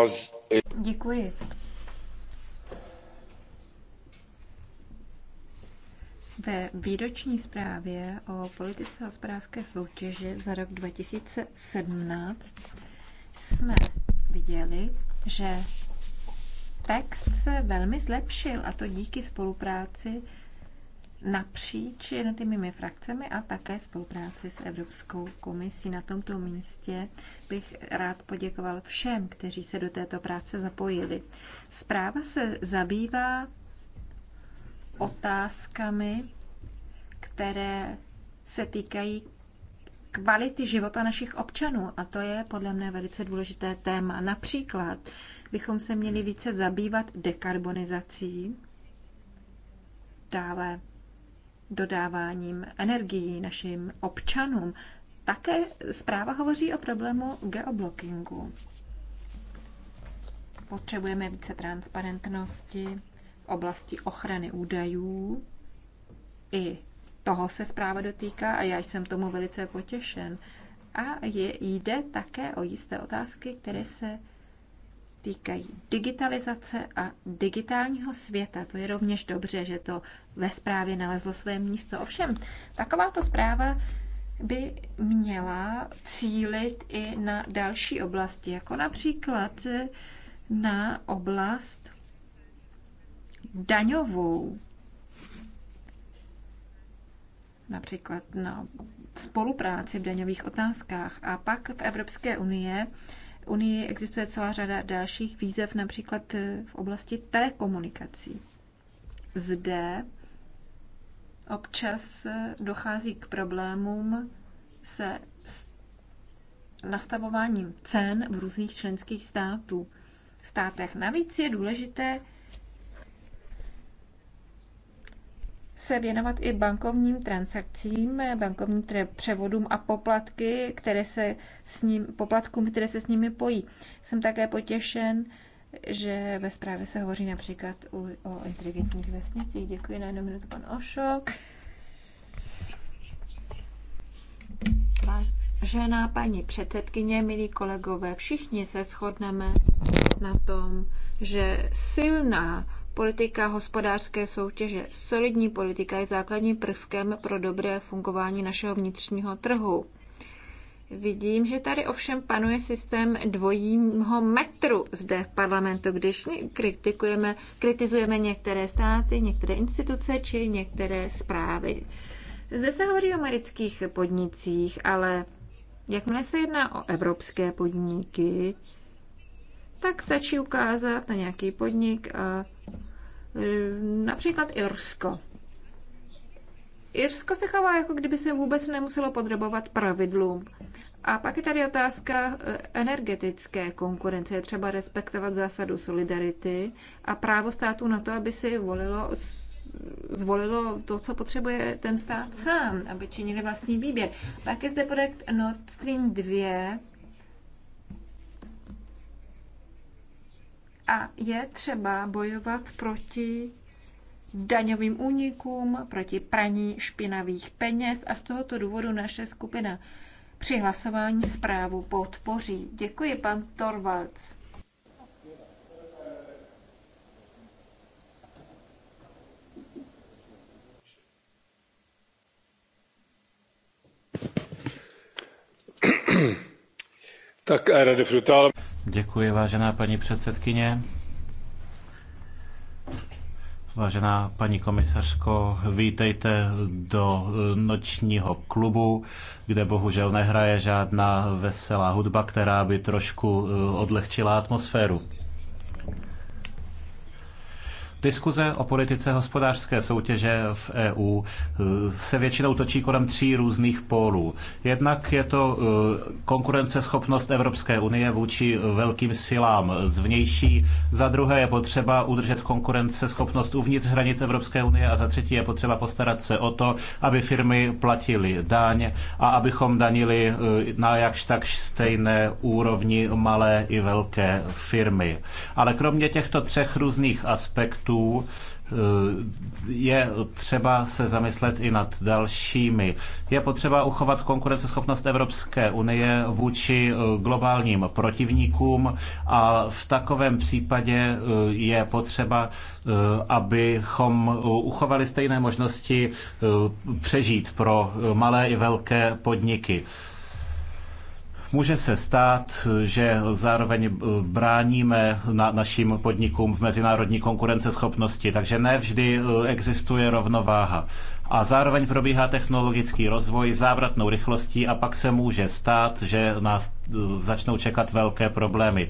Az Děkuji. Ve výroční zprávě o politice a hospodářské soutěži za rok 2017 jsme viděli, že text se velmi zlepšil, a to díky spolupráci napříč jednotlivými frakcemi a také spolupráci s Evropskou komisí. Na tomto místě bych rád poděkoval všem, kteří se do této práce zapojili. Zpráva se zabývá otázkami, které se týkají kvality života našich občanů. A to je podle mne velice důležité téma. Například bychom se měli více zabývat dekarbonizací, dále dodáváním energií našim občanům. Také zpráva hovoří o problému geoblockingu. Potřebujeme více transparentnosti v oblasti ochrany údajů. I toho se zpráva dotýká a já jsem tomu velice potěšen. A je, jde také o jisté otázky, které se týkají digitalizace a digitálního světa. To je rovněž dobře, že to ve zprávě nalezlo své místo. Ovšem, takováto zpráva by měla cílit i na další oblasti, jako například na oblast daňovou, například na spolupráci v daňových otázkách. A pak v Evropské unie unii existuje celá řada dalších výzev, například eh, v oblasti telekomunikací. Zde občas eh, dochází k problémům se nastavováním cen v různých členských států, státech. Navíc je důležité se věnovat i bankovním transakcím, bankovním převodům a poplatky, které se s ním, poplatkům, které se s nimi pojí. Jsem také potěšen, že ve zprávě se hovoří například o inteligentních vesnicích. Děkuji na jednu minutu pan Ošok. Vážená paní předsedkyně, milí kolegové, všichni se shodneme na tom, že silná Politika hospodářské soutěže. Solidní politika je základním prvkem pro dobré fungování našeho vnitřního trhu. Vidím, že tady ovšem panuje systém dvojího metru zde v parlamentu, když kritikujeme, kritizujeme některé státy, některé instituce či některé zprávy. Zde se hovoří o amerických podnicích, ale jakmile se jedná o evropské podniky, tak stačí ukázat na nějaký podnik a Ehm, například Irsko. Irsko se chová, jako kdyby se vůbec nemuselo podrobovat pravidlům. A pak je tady otázka eh, energetické konkurence. Je třeba respektovat zásadu solidarity a právo státu na to, aby si volilo, zvolilo to, co potřebuje ten stát sám, aby činili vlastní výběr. Pak je zde projekt Nord Stream 2, A je třeba bojovat proti daňovým únikům, proti praní špinavých peněz a z tohoto důvodu naše skupina při hlasování zprávu podpoří. Děkuji, pan Torvalds. Tak eh, a frutal. Děkuji, vážená paní předsedkyně. Vážená paní komisařko, vítejte do eh, nočního klubu, kde bohužel nehraje žádná veselá hudba, která by trošku eh, odlehčila atmosféru. Diskuze o politice hospodářské soutěže v EU eh, se většinou točí kolem tří různých pólů. Jednak je to eh, konkurenceschopnost Evropské unie vůči eh, velkým silám zvnější, za druhé je potřeba udržet konkurenceschopnost uvnitř hranic Evropské unie a za třetí je potřeba postarat se o to, aby firmy platily daň a abychom danili na jakž tak stejné úrovni malé i velké firmy. Ale kromě těchto třech různých aspektů produktů eh, je třeba se zamyslet i nad dalšími. Je potřeba uchovat konkurenceschopnost Evropské unie vůči eh, globálním protivníkům a v takovém případě eh, je potřeba, abychom uchovali stejné možnosti přežít pro malé i velké podniky. Může se stát, že zároveň eh, bráníme na našim podnikům v mezinárodní konkurenceschopnosti, takže ne vždy eh, existuje rovnováha. A zároveň probíhá technologický rozvoj závratnou rychlostí a pak se může stát, že nás eh, začnou čekat velké problémy.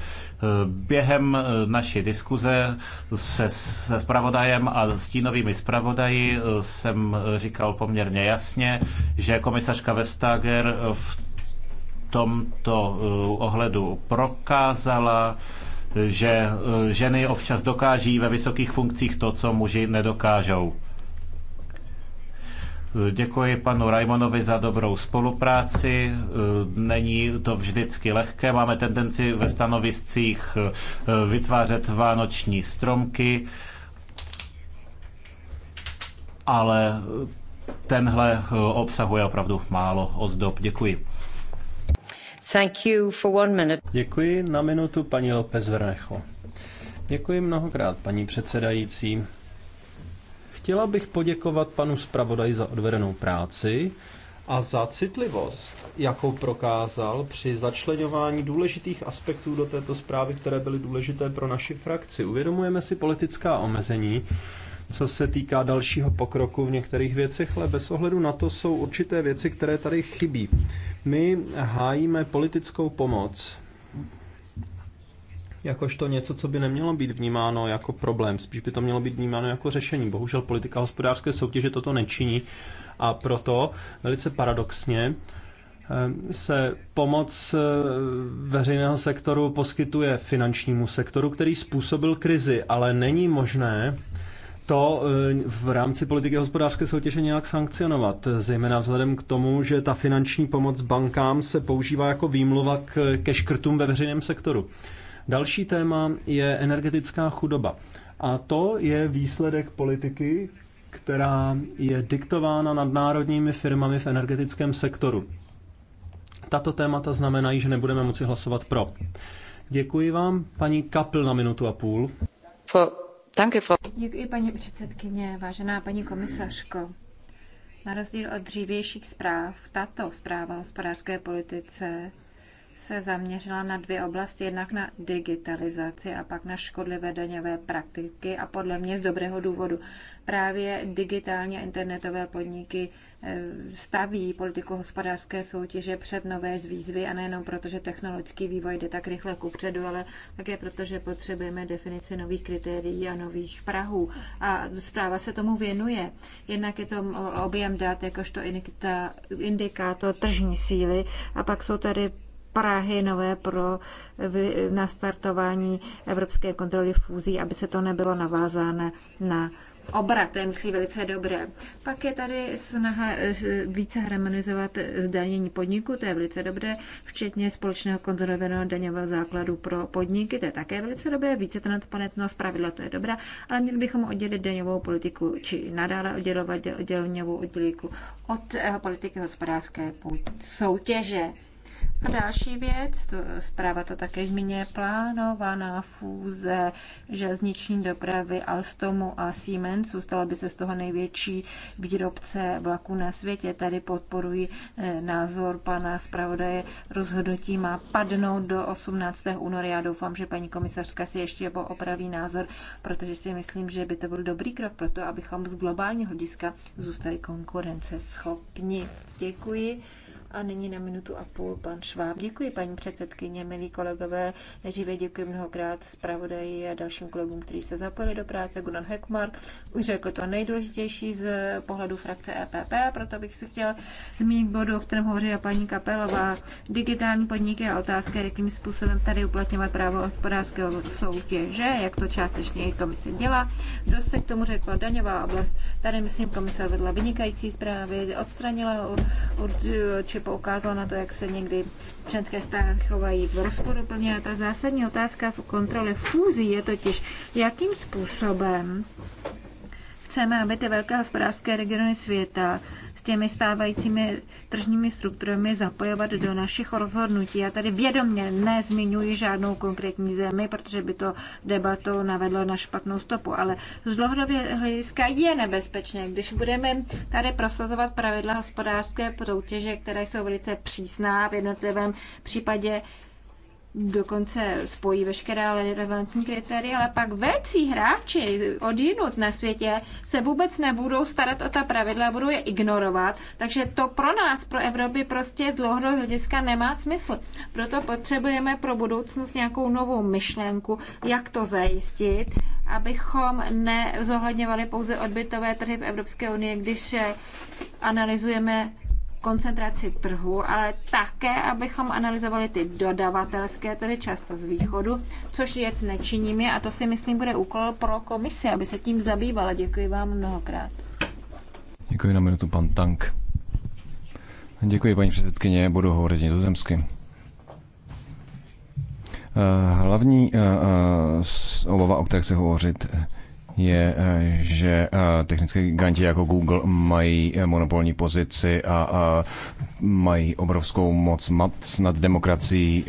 Během naší diskuze se, se spravodajem a stínovými spravodaji jsem říkal poměrně jasně, že komisařka Vestager v tomto eh, ohledu prokázala, že eh, ženy občas dokáží ve vysokých funkcích to, co muži nedokážou. Eh, děkuji panu Rajmonovi za dobrou spolupráci. Není to vždycky lehké. Máme tendenci ve stanoviscích vytvářet vánoční stromky, ale tenhle obsahuje opravdu málo ozdob. Děkuji. Thank you for one minute. Děkuji na minutu paní López Vernecho. Děkuji mnohokrát, paní předsedající. Chtěla bych poděkovat panu zpravodaji za odvedenou práci a za citlivost, jakou prokázal při začlenování důležitých aspektů do této zprávy, které byly důležité pro naši frakci. Uvědomujeme si politická omezení, co se týká dalšího pokroku v některých věcech, ale bez ohledu na to jsou určité věci, které tady chybí. My hájíme politickou pomoc jakožto něco, co by nemělo být vnímáno jako problém, spíš by to mělo být vnímáno jako řešení. Bohužel politika hospodářské soutěže toto nečiní a proto velice paradoxně eh, se pomoc eh, veřejného sektoru poskytuje finančnímu sektoru, který způsobil krizi, ale není možné, to eh, v rámci politiky hospodářské soutěže nějak sankcionovat, zejména vzhledem k tomu, že ta finanční pomoc bankám se používá jako výmluva k, ke škrtům ve veřejném sektoru. Další téma je energetická chudoba. A to je výsledek politiky, která je diktována nadnárodními firmami v energetickém sektoru. Tato témata znamenají, že nebudeme moci hlasovat pro. Děkuji vám, paní Kapl, na minutu a půl. For Danke, Frau. Děkuji, paní předsedkyně, vážená paní komisařko. Na rozdíl od dřívějších zpráv, tato zpráva o hospodářské politice se zaměřila na dvě oblasti, jednak na digitalizaci a pak na škodlivé daňové praktiky a podle mě z dobrého důvodu. Právě digitální a internetové podniky eh, staví politiku hospodářské soutěže před nové zvýzvy a nejenom proto, že technologický vývoj jde tak rychle kupředu, ale také proto, že potřebujeme definici nových kritérií a nových prahů. A zpráva se tomu věnuje. Jednak je to objem dat jakožto indikátor tržní síly a pak jsou tady Prahy nové pro nastartování evropské kontroly fúzí, aby se to nebylo navázáno na obrat, to je myslím, velice dobré. Pak je tady snaha eh, více harmonizovat zdanění podniku, to je velice dobré, včetně společného konzervovaného daňového základu pro podniky, to je také velice dobré, více transparentnost, pravidla, to je dobré, ale měli bychom oddělit daňovou politiku, či nadále oddělovat daňovou politiku od eh, politiky hospodářské soutěže. A další věc, to, zpráva to také zmiňuje, plánovaná fúze železniční dopravy Alstomu a Siemensu. Stala by se z toho největší výrobce vlaků na světě. Tady podporuji eh, názor pana zpravodaje. Rozhodnutí má padnout do 18. února. Já doufám, že paní komisařka si ještě opraví názor, protože si myslím, že by to byl dobrý krok pro to, abychom z globálního hlediska zůstali konkurenceschopni. Děkuji. A nyní na minutu a půl pan Šváb. Děkuji, paní předsedkyně, milí kolegové. Nejdříve děkuji mnohokrát zpravodaji a dalším kolegům, kteří se zapojili do práce. Gunnar Hekmar už řekl to nejdůležitější z pohledu frakce EPP, a proto bych si chtěla zmínit bodu, o kterém hovořila paní Kapelová. Digitální podniky a otázka, jakým způsobem tady uplatňovat právo hospodářského soutěže, jak to částečně i komise dělá. Kdo se k tomu řekla daňová oblast. Tady, myslím, komise vedla vynikající zprávy, odstranila od, od, či poukázal na to, jak se někdy členské státy chovají v rozporuplně. A ta zásadní otázka v kontrole fúzí je totiž, jakým způsobem chceme, aby ty velké hospodářské regiony světa s těmi stávajícími tržními strukturami zapojovat do našich rozhodnutí. Já tady vědomě nezmiňuji žádnou konkrétní zemi, protože by to debato navedlo na špatnou stopu, ale z dlouhodobě hlediska je nebezpečné, když budeme tady prosazovat pravidla hospodářské soutěže, které jsou velice přísná v jednotlivém případě dokonce spojí veškeré relevantní kritéria, ale pak velcí hráči jinut na světě se vůbec nebudou starat o ta pravidla, budou je ignorovat, takže to pro nás, pro Evropy prostě z dlouhodobého hlediska nemá smysl. Proto potřebujeme pro budoucnost nějakou novou myšlenku, jak to zajistit, abychom nezohledňovali pouze odbytové trhy v Evropské unii, když analyzujeme koncentraci trhu, ale také, abychom analyzovali ty dodavatelské, tedy často z východu, což věc je, a to si myslím bude úkol pro komisi, aby se tím zabývala. Děkuji vám mnohokrát. Děkuji na minutu, pan Tank. Děkuji, paní předsedkyně, budu hovořit nizozemsky. Eh, hlavní eh, eh, obava, o které se hovořit, je, eh, že eh, technické giganti jako Google mají eh, monopolní pozici a mají obrovskou moc mat nad demokracií,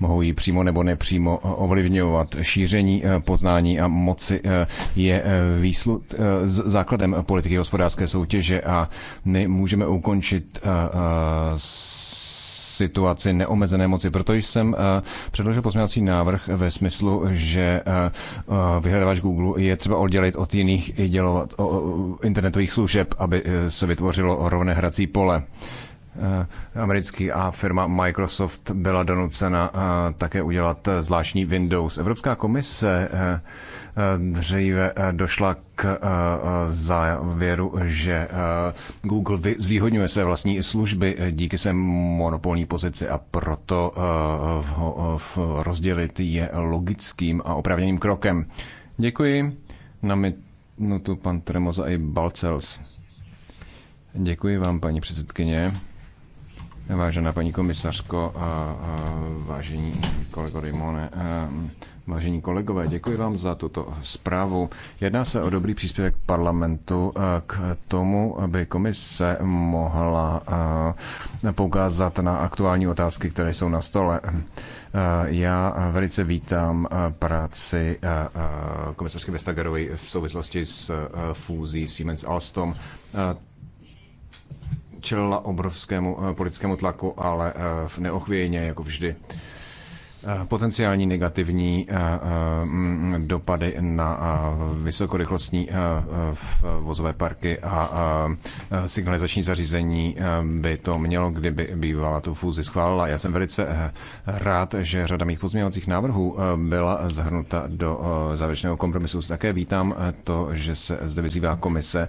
mohou ji přímo nebo nepřímo ovlivňovat. Šíření poznání a moci je výslu, základem politiky hospodářské soutěže a my můžeme ukončit s situaci neomezené moci. Proto jsem eh, předložil pozměňovací návrh ve smyslu, že eh, eh, vyhledávač Google je třeba oddělit od jiných dělovat, internetových služeb, aby se vytvořilo rovné hrací pole americký a firma Microsoft byla donucena také udělat zvláštní Windows. Evropská komise Eh, dříve eh, došla k eh, závěru, že Google zvýhodňuje své vlastní služby díky své monopolní pozici a proto ho rozdělit je logickým a opravněným krokem. Děkuji. Na minutu pan Tremoza i Balcels. Děkuji vám, paní předsedkyně. Vážená paní komisařko, a, a, vážení kolego Rimone, Vážení kolegové, děkuji vám za tuto zprávu. Jedná se o dobrý příspěvek parlamentu eh, k tomu, aby komise mohla eh, poukázat na aktuální otázky, které jsou na stole. Eh, já velice vítám práci komisařky Vestagerovy v souvislosti s fúzí Siemens Alstom čelila obrovskému politickému tlaku, ale v neochvějně, jako vždy. Eh, potenciální negativní eh, eh, mm, dopady na vysokorychlostní vozové parky a signalizační zařízení by to mělo, kdyby bývala tu fúzi schválila. Já jsem velice rád, že řada mých pozměňovacích návrhů byla zahrnuta do závěrečného kompromisu. Také vítám to, že se zde vyzývá komise,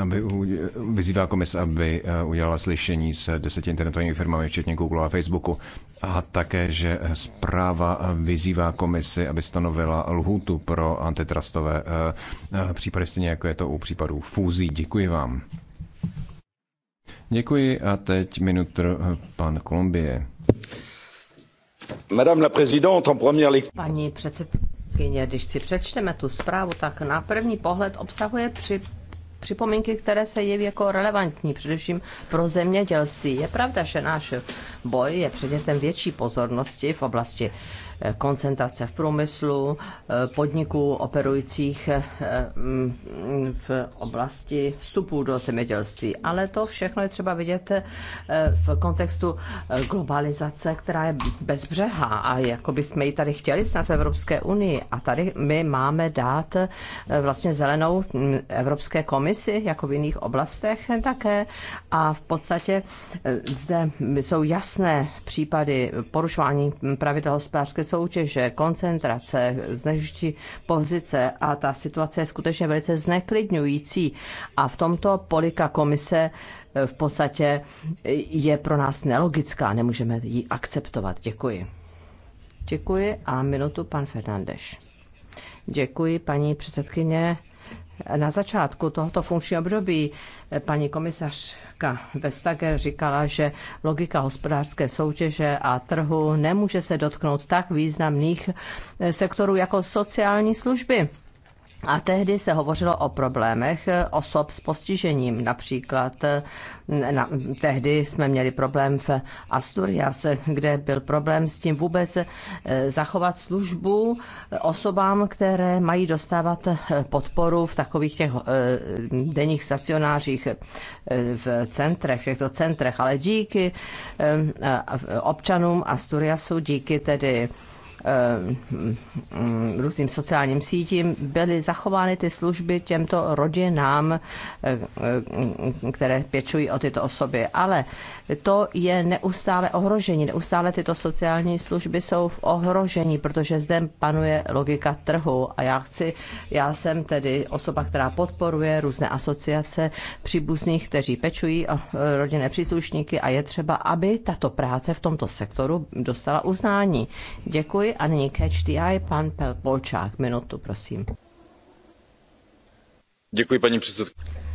aby vyzývá komise, aby eh, udělala slyšení s deseti internetovými firmami, včetně Google a Facebooku. A také, že zpráva vyzývá komisi, aby stanovila lhůtu pro antitrustové eh, eh, případy, stejně jako je to u případů fúzí. Děkuji vám. Děkuji a teď minutr pan Kolumbie. Madame la présidente, en première ligue. Paní předsedkyně, když si přečteme tu zprávu, tak na první pohled obsahuje při připomínky, které se jeví jako relevantní, především pro zemědělství. Je pravda, že náš boj je předmětem větší pozornosti v oblasti koncentrace v průmyslu, eh, podniků operujících eh, mm, v oblasti vstupů do zemědělství. Ale to všechno je třeba vidět eh, v kontextu globalizace, která je bezbřehá a jako by jsme ji tady chtěli snad v Evropské unii. A tady my máme dát vlastně zelenou mm, Evropské komisi, jako v jiných oblastech také. A v podstatě zde jsou jasné případy porušování pravidel hospodářské soutěže, koncentrace, znežití pozice a ta situace je skutečně velice zneklidňující. A v tomto polika komise eh, v podstatě eh, je pro nás nelogická, nemůžeme ji akceptovat. Děkuji. Děkuji a minutu pan Fernandeš. Děkuji, paní předsedkyně na začátku tohoto funkčního období paní komisařka Vestager říkala, že logika hospodářské soutěže a trhu nemůže se dotknout tak významných sektorů jako sociální služby. A tehdy se hovořilo o problémech eh, osob s postižením. Například eh, na, tehdy jsme měli problém v Asturias, kde byl problém s tím vůbec eh, zachovat službu osobám, které mají dostávat podporu v takových těch denních stacionářích v centrech, v těchto centrech. Ale díky občanům Asturiasu, díky tedy Eh, různým sociálním sítím byly zachovány ty služby těmto rodinám, eh, eh, které pěčují o tyto osoby. Ale to je neustále ohrožení. Neustále tyto sociální služby jsou v ohrožení, protože zde panuje logika trhu. A já chci, já jsem tedy osoba, která podporuje různé asociace příbuzných, kteří pečují o rodinné příslušníky a je třeba, aby tato práce v tomto sektoru dostala uznání. Děkuji a nyní Catch the Eye, pan Polčák, minutu, prosím. Děkuji, paní předsedkyně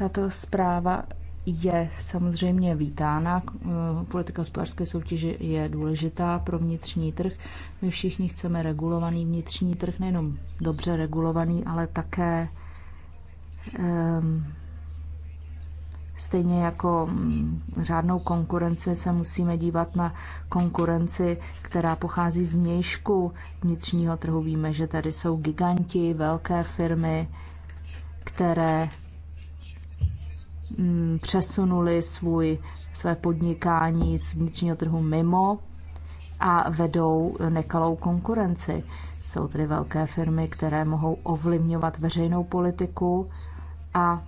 Tato zpráva je samozřejmě vítána. Politika hospodářské soutěže je důležitá pro vnitřní trh. My všichni chceme regulovaný vnitřní trh, nejenom dobře regulovaný, ale také um, stejně jako mm, řádnou konkurenci se musíme dívat na konkurenci, která pochází z mějšku vnitřního trhu. Víme, že tady jsou giganti, velké firmy, které Mm, přesunuli svůj, své podnikání z vnitřního trhu mimo a vedou nekalou konkurenci. Jsou tedy velké firmy, které mohou ovlivňovat veřejnou politiku a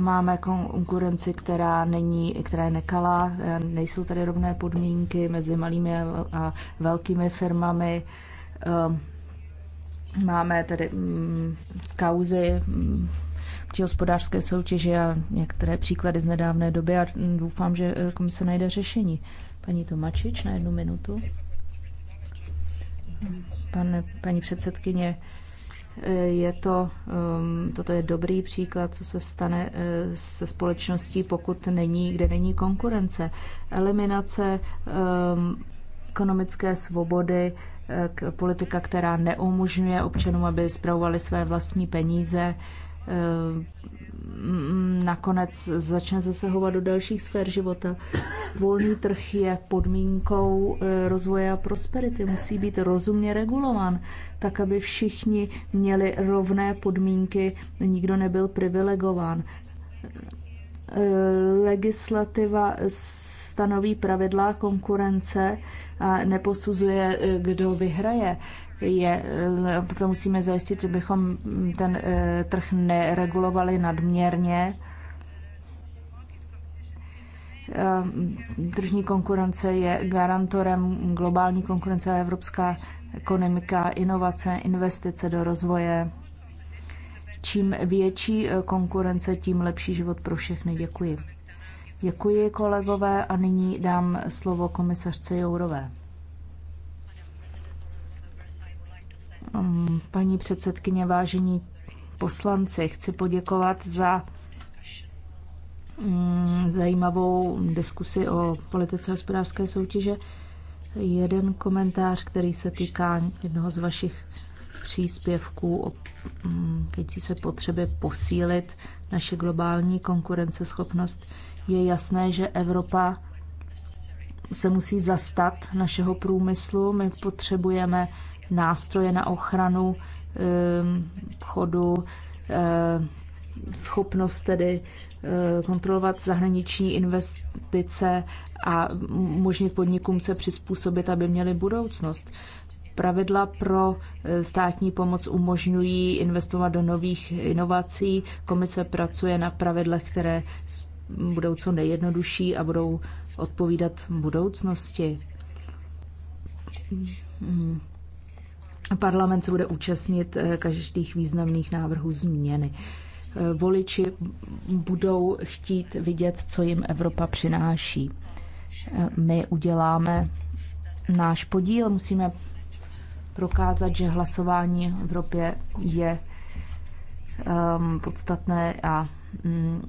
Máme konkurenci, která není, která je nekalá, e, nejsou tady rovné podmínky mezi malými a velkými firmami. Ehm, máme tady mm, kauzy mm, při hospodářské soutěži a některé příklady z nedávné doby a mm, doufám, že e, komise najde řešení. Paní Tomačič na jednu minutu. Pane, paní předsedkyně, je to, um, toto je dobrý příklad, co se stane eh, se společností, pokud není, kde není konkurence. Eliminace um, ekonomické svobody, eh, politika, která neumožňuje občanům, aby spravovali své vlastní peníze, eh, Mm, nakonec začne zasahovat do dalších sfér života. Volný trh je podmínkou eh, rozvoje a prosperity. Musí být rozumně regulován, tak aby všichni měli rovné podmínky, nikdo nebyl privilegován. Eh, legislativa stanoví pravidla konkurence a neposuzuje, eh, kdo vyhraje je, eh, to musíme zajistit, že bychom ten eh, trh neregulovali nadměrně. Eh, tržní konkurence je garantorem globální konkurence a evropská ekonomika, inovace, investice do rozvoje. Čím větší konkurence, tím lepší život pro všechny. Děkuji. Děkuji kolegové a nyní dám slovo komisařce Jourové. Ehm, paní předsedkyně, vážení poslanci, chci poděkovat za mm, zajímavou diskusi o politice hospodářské soutěže. Jeden komentář, který se týká jednoho z vašich příspěvků mm, týkající se potřeby posílit naše globální konkurenceschopnost, je jasné, že Evropa se musí zastat našeho průmyslu. My potřebujeme nástroje na ochranu vchodu, ehm, ehm, schopnost tedy ehm, kontrolovat zahraniční investice a možně podnikům se přizpůsobit, aby měli budoucnost. Pravidla pro eh, státní pomoc umožňují investovat do nových inovací. Komise pracuje na pravidlech, které budou co nejjednodušší a budou odpovídat budoucnosti. Hmm. Parlament se bude účastnit eh, každých významných návrhů změny. Eh, voliči budou chtít vidět, co jim Evropa přináší. Eh, my uděláme náš podíl, musíme prokázat, že hlasování v Evropě je um, podstatné a um,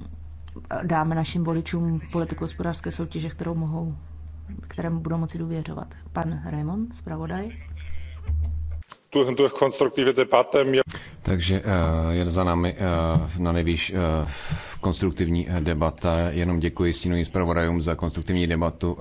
dáme našim voličům politiku hospodářské soutěže, kterou mohou, kterému budou moci důvěřovat. Pan Raymond, zpravodaj durch durch konstruktive Debatte. Takže eh, je za námi eh, na nejvýš eh, konstruktivní debata. Jenom děkuji stínovým zpravodajům za konstruktivní debatu.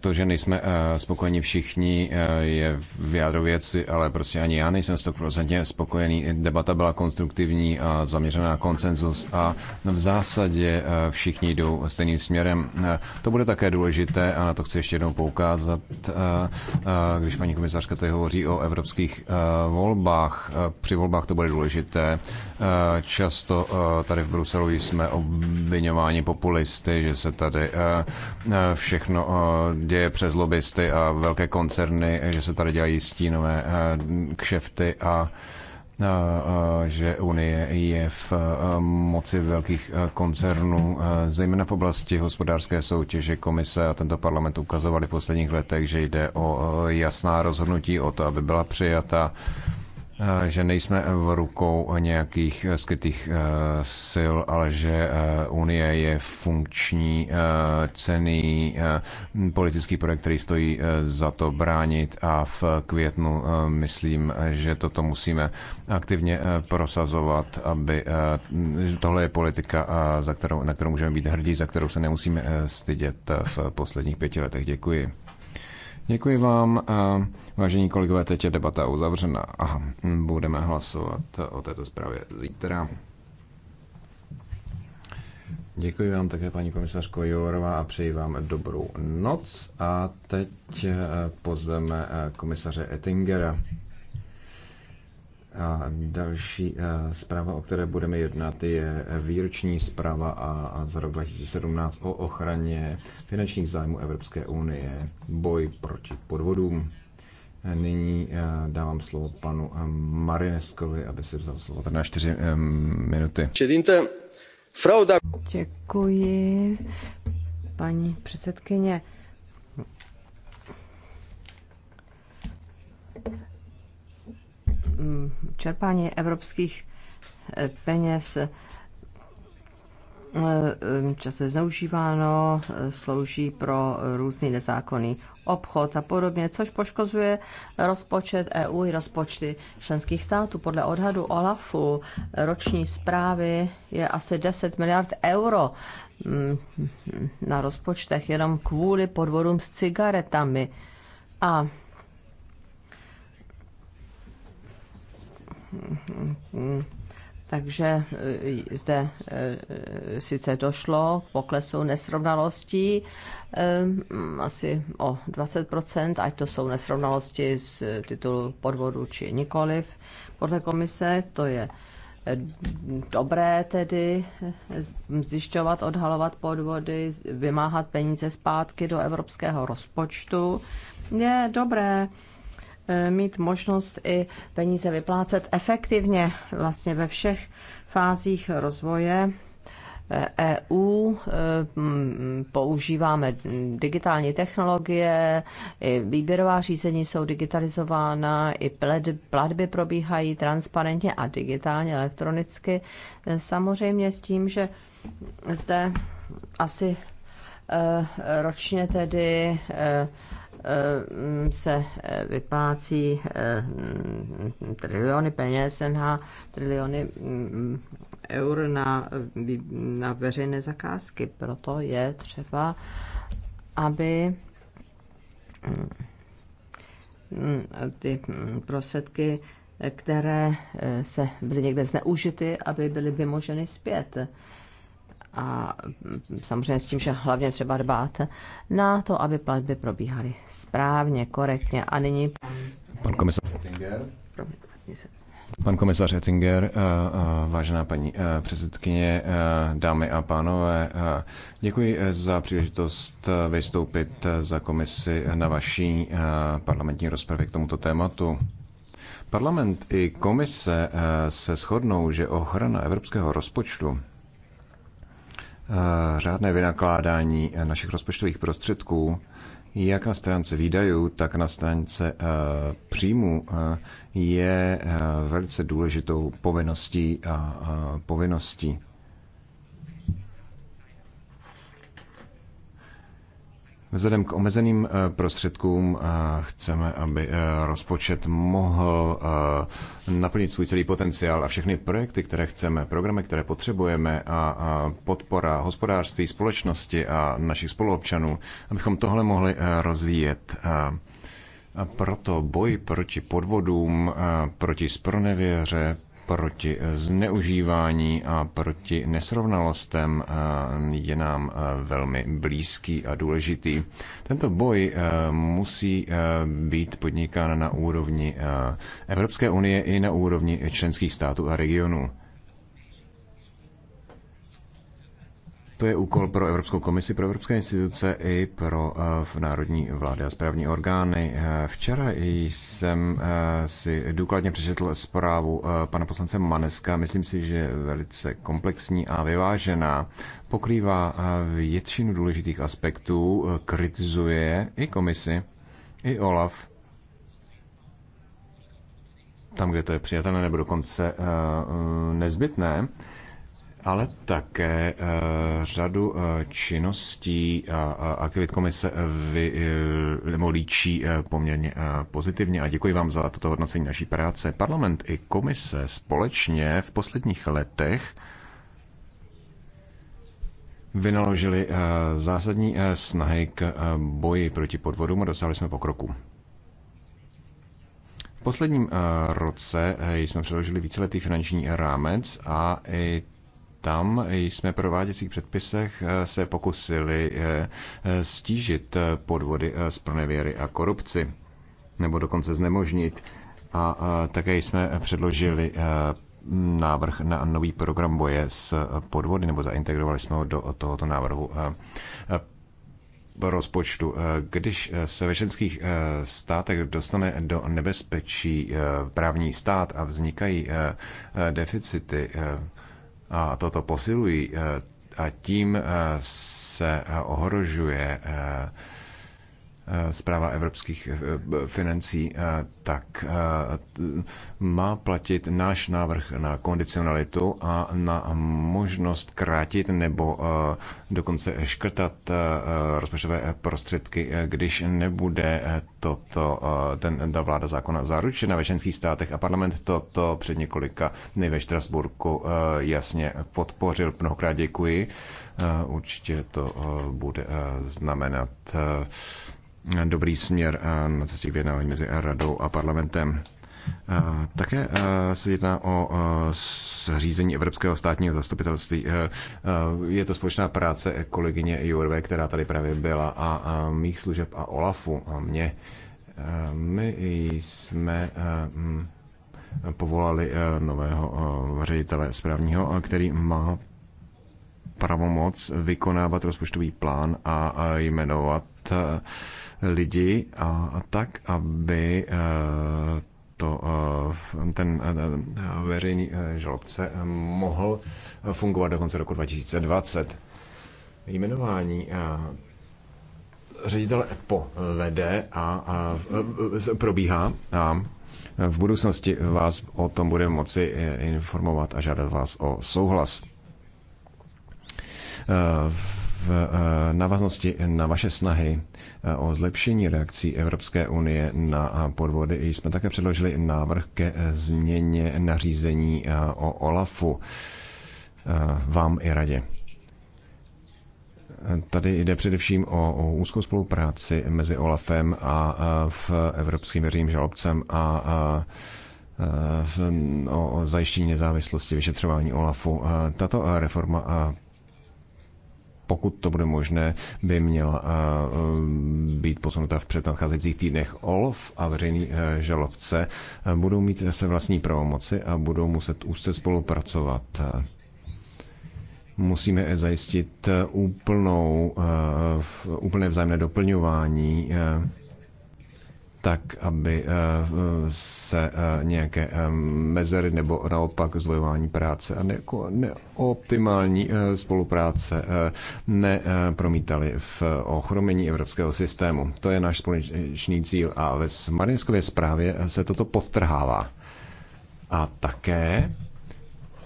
To, že nejsme eh, spokojeni všichni, eh, je v jádru věci, ale prostě ani já nejsem stoprocentně spokojený. Debata byla konstruktivní a zaměřená na konsenzus a v zásadě eh, všichni jdou stejným směrem. To bude také důležité a na to chci ještě jednou poukázat, když paní komisařka tady hovoří o evropských volbách. Při volbách to bude důležité. Často tady v Bruselu jsme obvinováni populisty, že se tady všechno děje přes lobbysty a velké koncerny, že se tady dělají stínové eh, kšefty a že Unie je v eh, moci velkých eh, koncernů, zejména v oblasti hospodářské soutěže. Komise a tento parlament ukazovali v posledních letech, že jde o jasná rozhodnutí o to, aby byla přijata Eh, že nejsme eh, v rukou nějakých eh, skrytých sil, ale že Unie je funkční, cený politický projekt, který stojí za to bránit a v květnu myslím, že toto musíme aktivně prosazovat, aby tohle je politika, za kterou, na kterou můžeme být hrdí, za kterou se nemusíme stydět v posledních pěti letech. Děkuji. Děkuji vám. Vážení kolegové, teď je debata uzavřena a budeme hlasovat o této zprávě zítra. Děkuji vám také, paní komisařko Jourová, a přeji vám dobrou noc. A teď eh, pozveme eh, komisaře Ettingera. A další eh, zpráva, o které budeme jednat, je výroční zpráva a za rok 2017 o ochraně finančních zájmů Evropské unie, boj proti podvodům. Eh, nyní eh, dávám slovo panu Marineskovi, aby si vzal slovo tak na čtyři minuty. Děkuji, paní předsedkyně. Mm, čerpání evropských eh, peněz eh, mm, často je zneužíváno, eh, slouží pro různý nezákonný obchod a podobně, což poškozuje rozpočet EU i rozpočty členských států. Podle odhadu OLAFu roční zprávy je asi 10 miliard euro mm, na rozpočtech jenom kvůli podvodům s cigaretami. A Takže eh, zde eh, sice došlo k poklesu nesrovnalostí eh, asi o 20%, ať to jsou nesrovnalosti z titulu podvodu či nikoliv. Podle komise to je dobré tedy zjišťovat, odhalovat podvody, vymáhat peníze zpátky do evropského rozpočtu. Je dobré mít možnost i peníze vyplácet efektivně vlastně ve všech fázích rozvoje EU e e, používáme digitální technologie, i výběrová řízení jsou digitalizována, i platby probíhají transparentně a digitálně, elektronicky. Samozřejmě s tím, že zde asi e, ročně tedy Eh, se eh, vyplácí eh, triliony peněz na triliony mm, eur na, na veřejné zakázky. Proto je třeba, aby mm, ty mm, prostředky, které se byly někde zneužity, aby byly vymoženy zpět a samozřejmě s tím, že hlavně třeba dbát na to, aby platby probíhaly správně, korektně. A nyní... Pan komisař Pan komisař Ettinger, eh, eh, vážená paní eh, předsedkyně, dámy a pánové, děkuji za příležitost vystoupit za komisi na vaší parlamentní rozpravě k tomuto tématu. Parlament i komise se shodnou, že ochrana evropského rozpočtu Eh, řádné vynakládání eh, našich rozpočtových prostředků jak na stránce výdajů, tak na stránce eh, příjmů je velice důležitou povinností a povinností. Vzhledem k omezeným eh, prostředkům eh, chceme, aby eh, rozpočet mohl naplnit svůj celý potenciál a všechny projekty, které chceme, programy, které potřebujeme a podpora hospodářství, společnosti a našich spoluobčanů, abychom tohle mohli rozvíjet. A proto boj proti podvodům, proti spronevěře, proti eh, zneužívání a proti nesrovnalostem eh, je nám eh, velmi blízký a důležitý. Tento boj musí být podnikán na úrovni Evropské unie i na úrovni členských států a regionů. To je úkol pro Evropskou komisi, pro evropské instituce i pro uh, národní vlády a správní orgány. Eh, včera jsem uh, si důkladně přečetl zprávu uh, pana poslance Maneska. Myslím si, že je velice komplexní a vyvážená. Pokrývá uh, většinu důležitých aspektů, uh, kritizuje i komisi, i OLAF tam, kde to je přijatelné nebo dokonce nezbytné ale také eh, řadu eh, činností a aktivit komise vy, eh, nebo líčí poměrně pozitivně a děkuji vám za toto hodnocení naší práce. Parlament i komise společně v posledních letech vynaložili zásadní snahy k boji proti podvodům a dosáhli jsme pokroku. V posledním roce jsme předložili víceletý finanční rámec a i tam jsme prováděcích předpisech eh, se pokusili eh, eh, stížit podvody z pronevěry a korupci, nebo dokonce znemožnit. A také jsme předložili návrh na nový program boje s podvody, nebo zaintegrovali jsme ho do tohoto návrhu rozpočtu. Když se ve členských státech dostane do nebezpečí právní stát a vznikají deficity a toto posilují eh, a tím eh, se eh, ohrožuje Eh, zpráva evropských eh, eh, financí, tak má platit náš návrh na kondicionalitu a na možnost krátit nebo dokonce škrtat rozpočtové prostředky, když nebude toto, ten, ta vláda zákona zaručena ve členských státech a parlament toto před několika dny ve Štrasburku jasně podpořil. Mnohokrát děkuji. Určitě to bude znamenat dobrý směr eh, na cestě vyjednávání mezi radou a parlamentem. Eh, také eh, se jedná o zřízení Evropského státního zastupitelství. Je to společná práce kolegyně Jurve, která tady právě byla, a mých služeb a Olafu a mě. My jsme hm, povolali nového ředitele správního, který má pravomoc vykonávat rozpočtový plán a jmenovat lidi a tak, aby eh, to, eh, ten eh, veřejný žalobce mohl fungovat do konce roku 2020. Jmenování ředitele EPO vede a, a probíhá a v budoucnosti vás o tom budeme moci informovat a žádat vás o souhlas v eh, návaznosti na vaše snahy eh, o zlepšení reakcí Evropské unie na eh, podvody jsme také předložili návrh ke změně nařízení o OLAFu vám i radě. Tady jde především o, o úzkou spolupráci mezi OLAFem a, v Evropským veřejným žalobcem a, a v, o, o zajištění nezávislosti vyšetřování OLAFu. Tato reforma pokud to bude možné, by měla eh, eh, být posunuta v předcházejících týdnech. OLF a veřejný eh, žalobce budou mít své vlastní pravomoci a budou muset úzce spolupracovat musíme zajistit úplnou, úplné vzájemné doplňování tak, aby eh, se eh, nějaké eh, mezery nebo naopak zlojování práce a neoptimální spolupráce nepromítaly v ochromení evropského systému. To je náš společný cíl a ve Marinskově zprávě se toto podtrhává. A také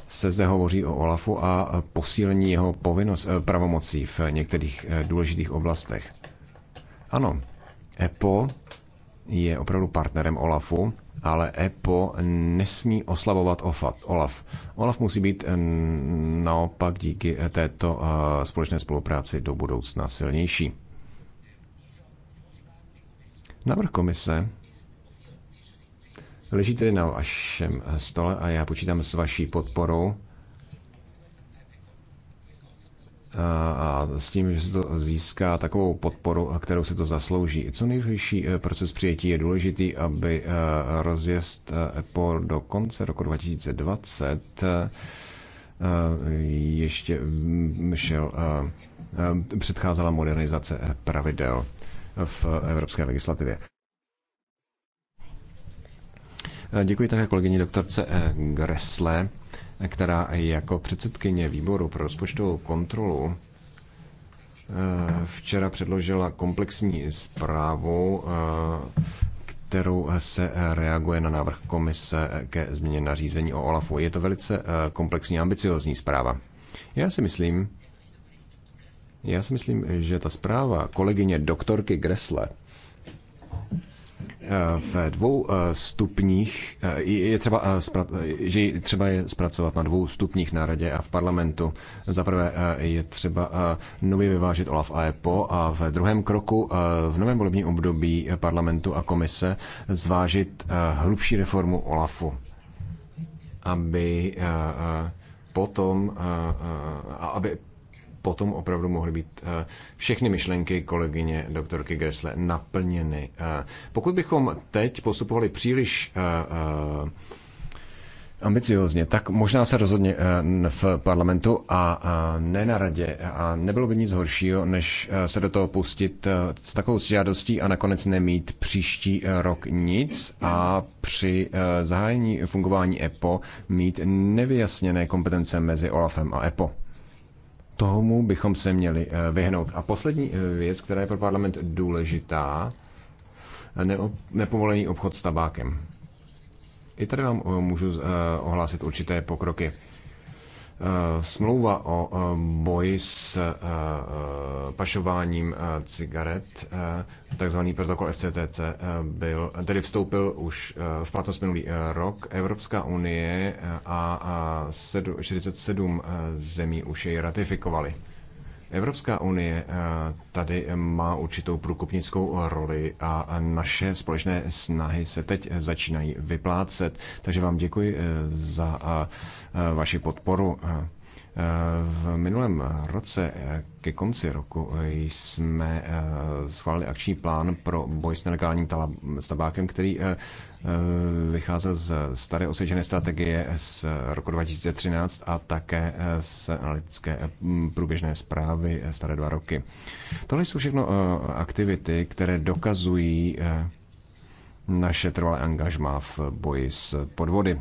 se zde hovoří o OLAFu a posílení jeho povinnost, pravomocí v některých důležitých oblastech. Ano, EPO je opravdu partnerem OLAFu, ale EPO nesmí oslabovat OLAF. OLAF musí být eh, naopak díky této eh, společné spolupráci do budoucna silnější. Návrh komise leží tedy na vašem stole a já počítám s vaší podporou a s tím, že se to získá takovou podporu, kterou se to zaslouží. Co nejrychlejší eh, proces přijetí je důležitý, aby eh, rozjezd eh, EPO do konce roku 2020 ještě šel, předcházela modernizace pravidel v evropské legislativě. Děkuji také kolegyni doktorce Gressle která jako předsedkyně výboru pro rozpočtovou kontrolu eh, včera předložila komplexní zprávu, eh, kterou se reaguje na návrh komise ke změně nařízení o OLAFu. Je to velice eh, komplexní a ambiciozní zpráva. Já si myslím, já si myslím, že ta zpráva kolegyně doktorky Gresle Eh, ve dvou eh, stupních, eh, je třeba, že třeba je zpracovat na dvou stupních na radě a v parlamentu. Za prvé je třeba nově vyvážit OLAF a EPO a v druhém kroku v novém volebním období parlamentu a komise zvážit hlubší reformu OLAFu, aby potom, aby potom opravdu mohly být eh, všechny myšlenky kolegyně doktorky Gressle naplněny. Eh, pokud bychom teď postupovali příliš eh, ambiciozně, tak možná se rozhodně v parlamentu a ne na radě. A nebylo by nic horšího, než se do toho pustit s takovou žádostí a nakonec nemít příští rok nic a při zahájení fungování EPO mít nevyjasněné kompetence mezi OLAFem a EPO tomu bychom se měli eh, vyhnout. A poslední eh, věc, která je pro parlament důležitá, neop, nepovolený obchod s tabákem. I tady vám eh, můžu ohlásit určité pokroky. Eh, smlouva o eh, boji s eh, pašováním cigaret, takzvaný protokol FCTC, byl, tedy vstoupil už v platnost minulý rok. Evropská unie a 47 zemí už jej ratifikovali. Evropská unie tady má určitou průkopnickou roli a naše společné snahy se teď začínají vyplácet. Takže vám děkuji za Eh, vaši podporu. Eh, v minulém roce, eh, ke konci roku, jsme schválili akční plán pro boj s nelegálním tabákem, který vycházel z staré osvědčené strategie z roku 2013 a také z analytické průběžné zprávy staré dva roky. Tohle jsou všechno aktivity, které dokazují naše trvalé angažma v boji s podvody.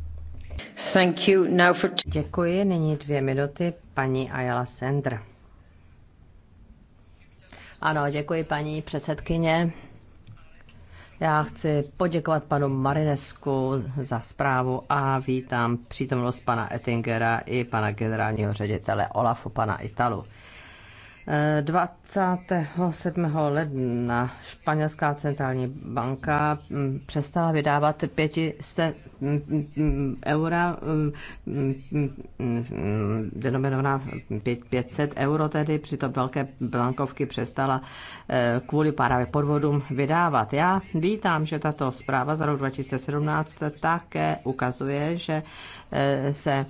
Thank you now for... Děkuji, nyní dvě minuty, paní Ayala Sendra. Ano, děkuji paní předsedkyně. Já chci poděkovat panu Marinesku za zprávu a vítám přítomnost pana Ettingera i pana generálního ředitele Olafu, pana Italu. 27. ledna španělská centrální banka mm, přestala vydávat 500 mm, mm, eura, denominovaná 500 euro tedy, přitom velké bankovky přestala eh, kvůli právě podvodům vydávat. Já vítám, že tato zpráva za rok 2017 také ukazuje, že eh, se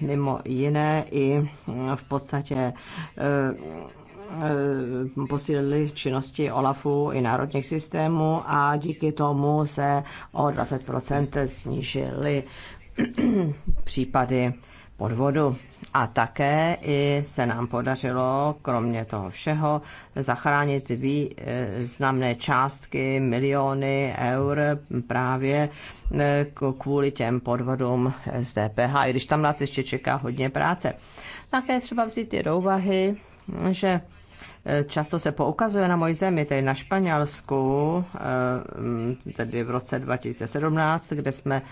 mimo jiné i v podstatě eh, eh, posílili činnosti OLAFu i národních systémů a díky tomu se o 20 snížily případy podvodu. A také i se nám podařilo, kromě toho všeho, zachránit významné částky, miliony eur právě eh, kvůli těm podvodům z DPH, i když tam nás ještě čeká hodně práce. Také třeba vzít i do úvahy, že eh, Často se poukazuje na moji zemi, tedy na Španělsku, eh, tedy v roce 2017, kde jsme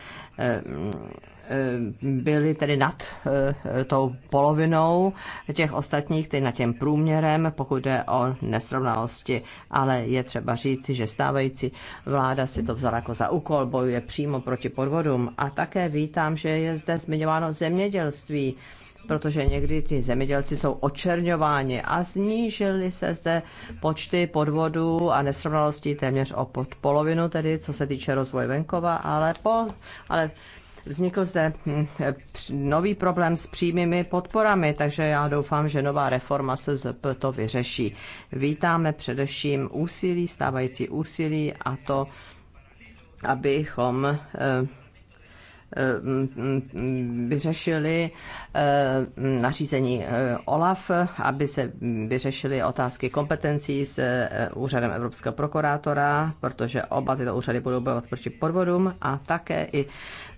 Eh, byli tedy nad eh, tou polovinou těch ostatních, tedy nad těm průměrem, pokud jde o nesrovnalosti. Ale je třeba říci, že stávající vláda si to vzala jako za úkol, bojuje přímo proti podvodům. A také vítám, že je zde zmiňováno zemědělství protože někdy ti zemědělci jsou očerňováni a znížily se zde počty podvodů a nesrovnalostí téměř o pod polovinu, tedy co se týče rozvoje venkova, ale, post, ale Vznikl zde hm, nový problém s přímými podporami, takže já doufám, že nová reforma SZP to vyřeší. Vítáme především úsilí, stávající úsilí a to, abychom eh, vyřešili eh, nařízení eh, OLAF, aby se vyřešily otázky kompetencí s eh, úřadem Evropského prokurátora, protože oba tyto úřady budou bojovat proti podvodům a také i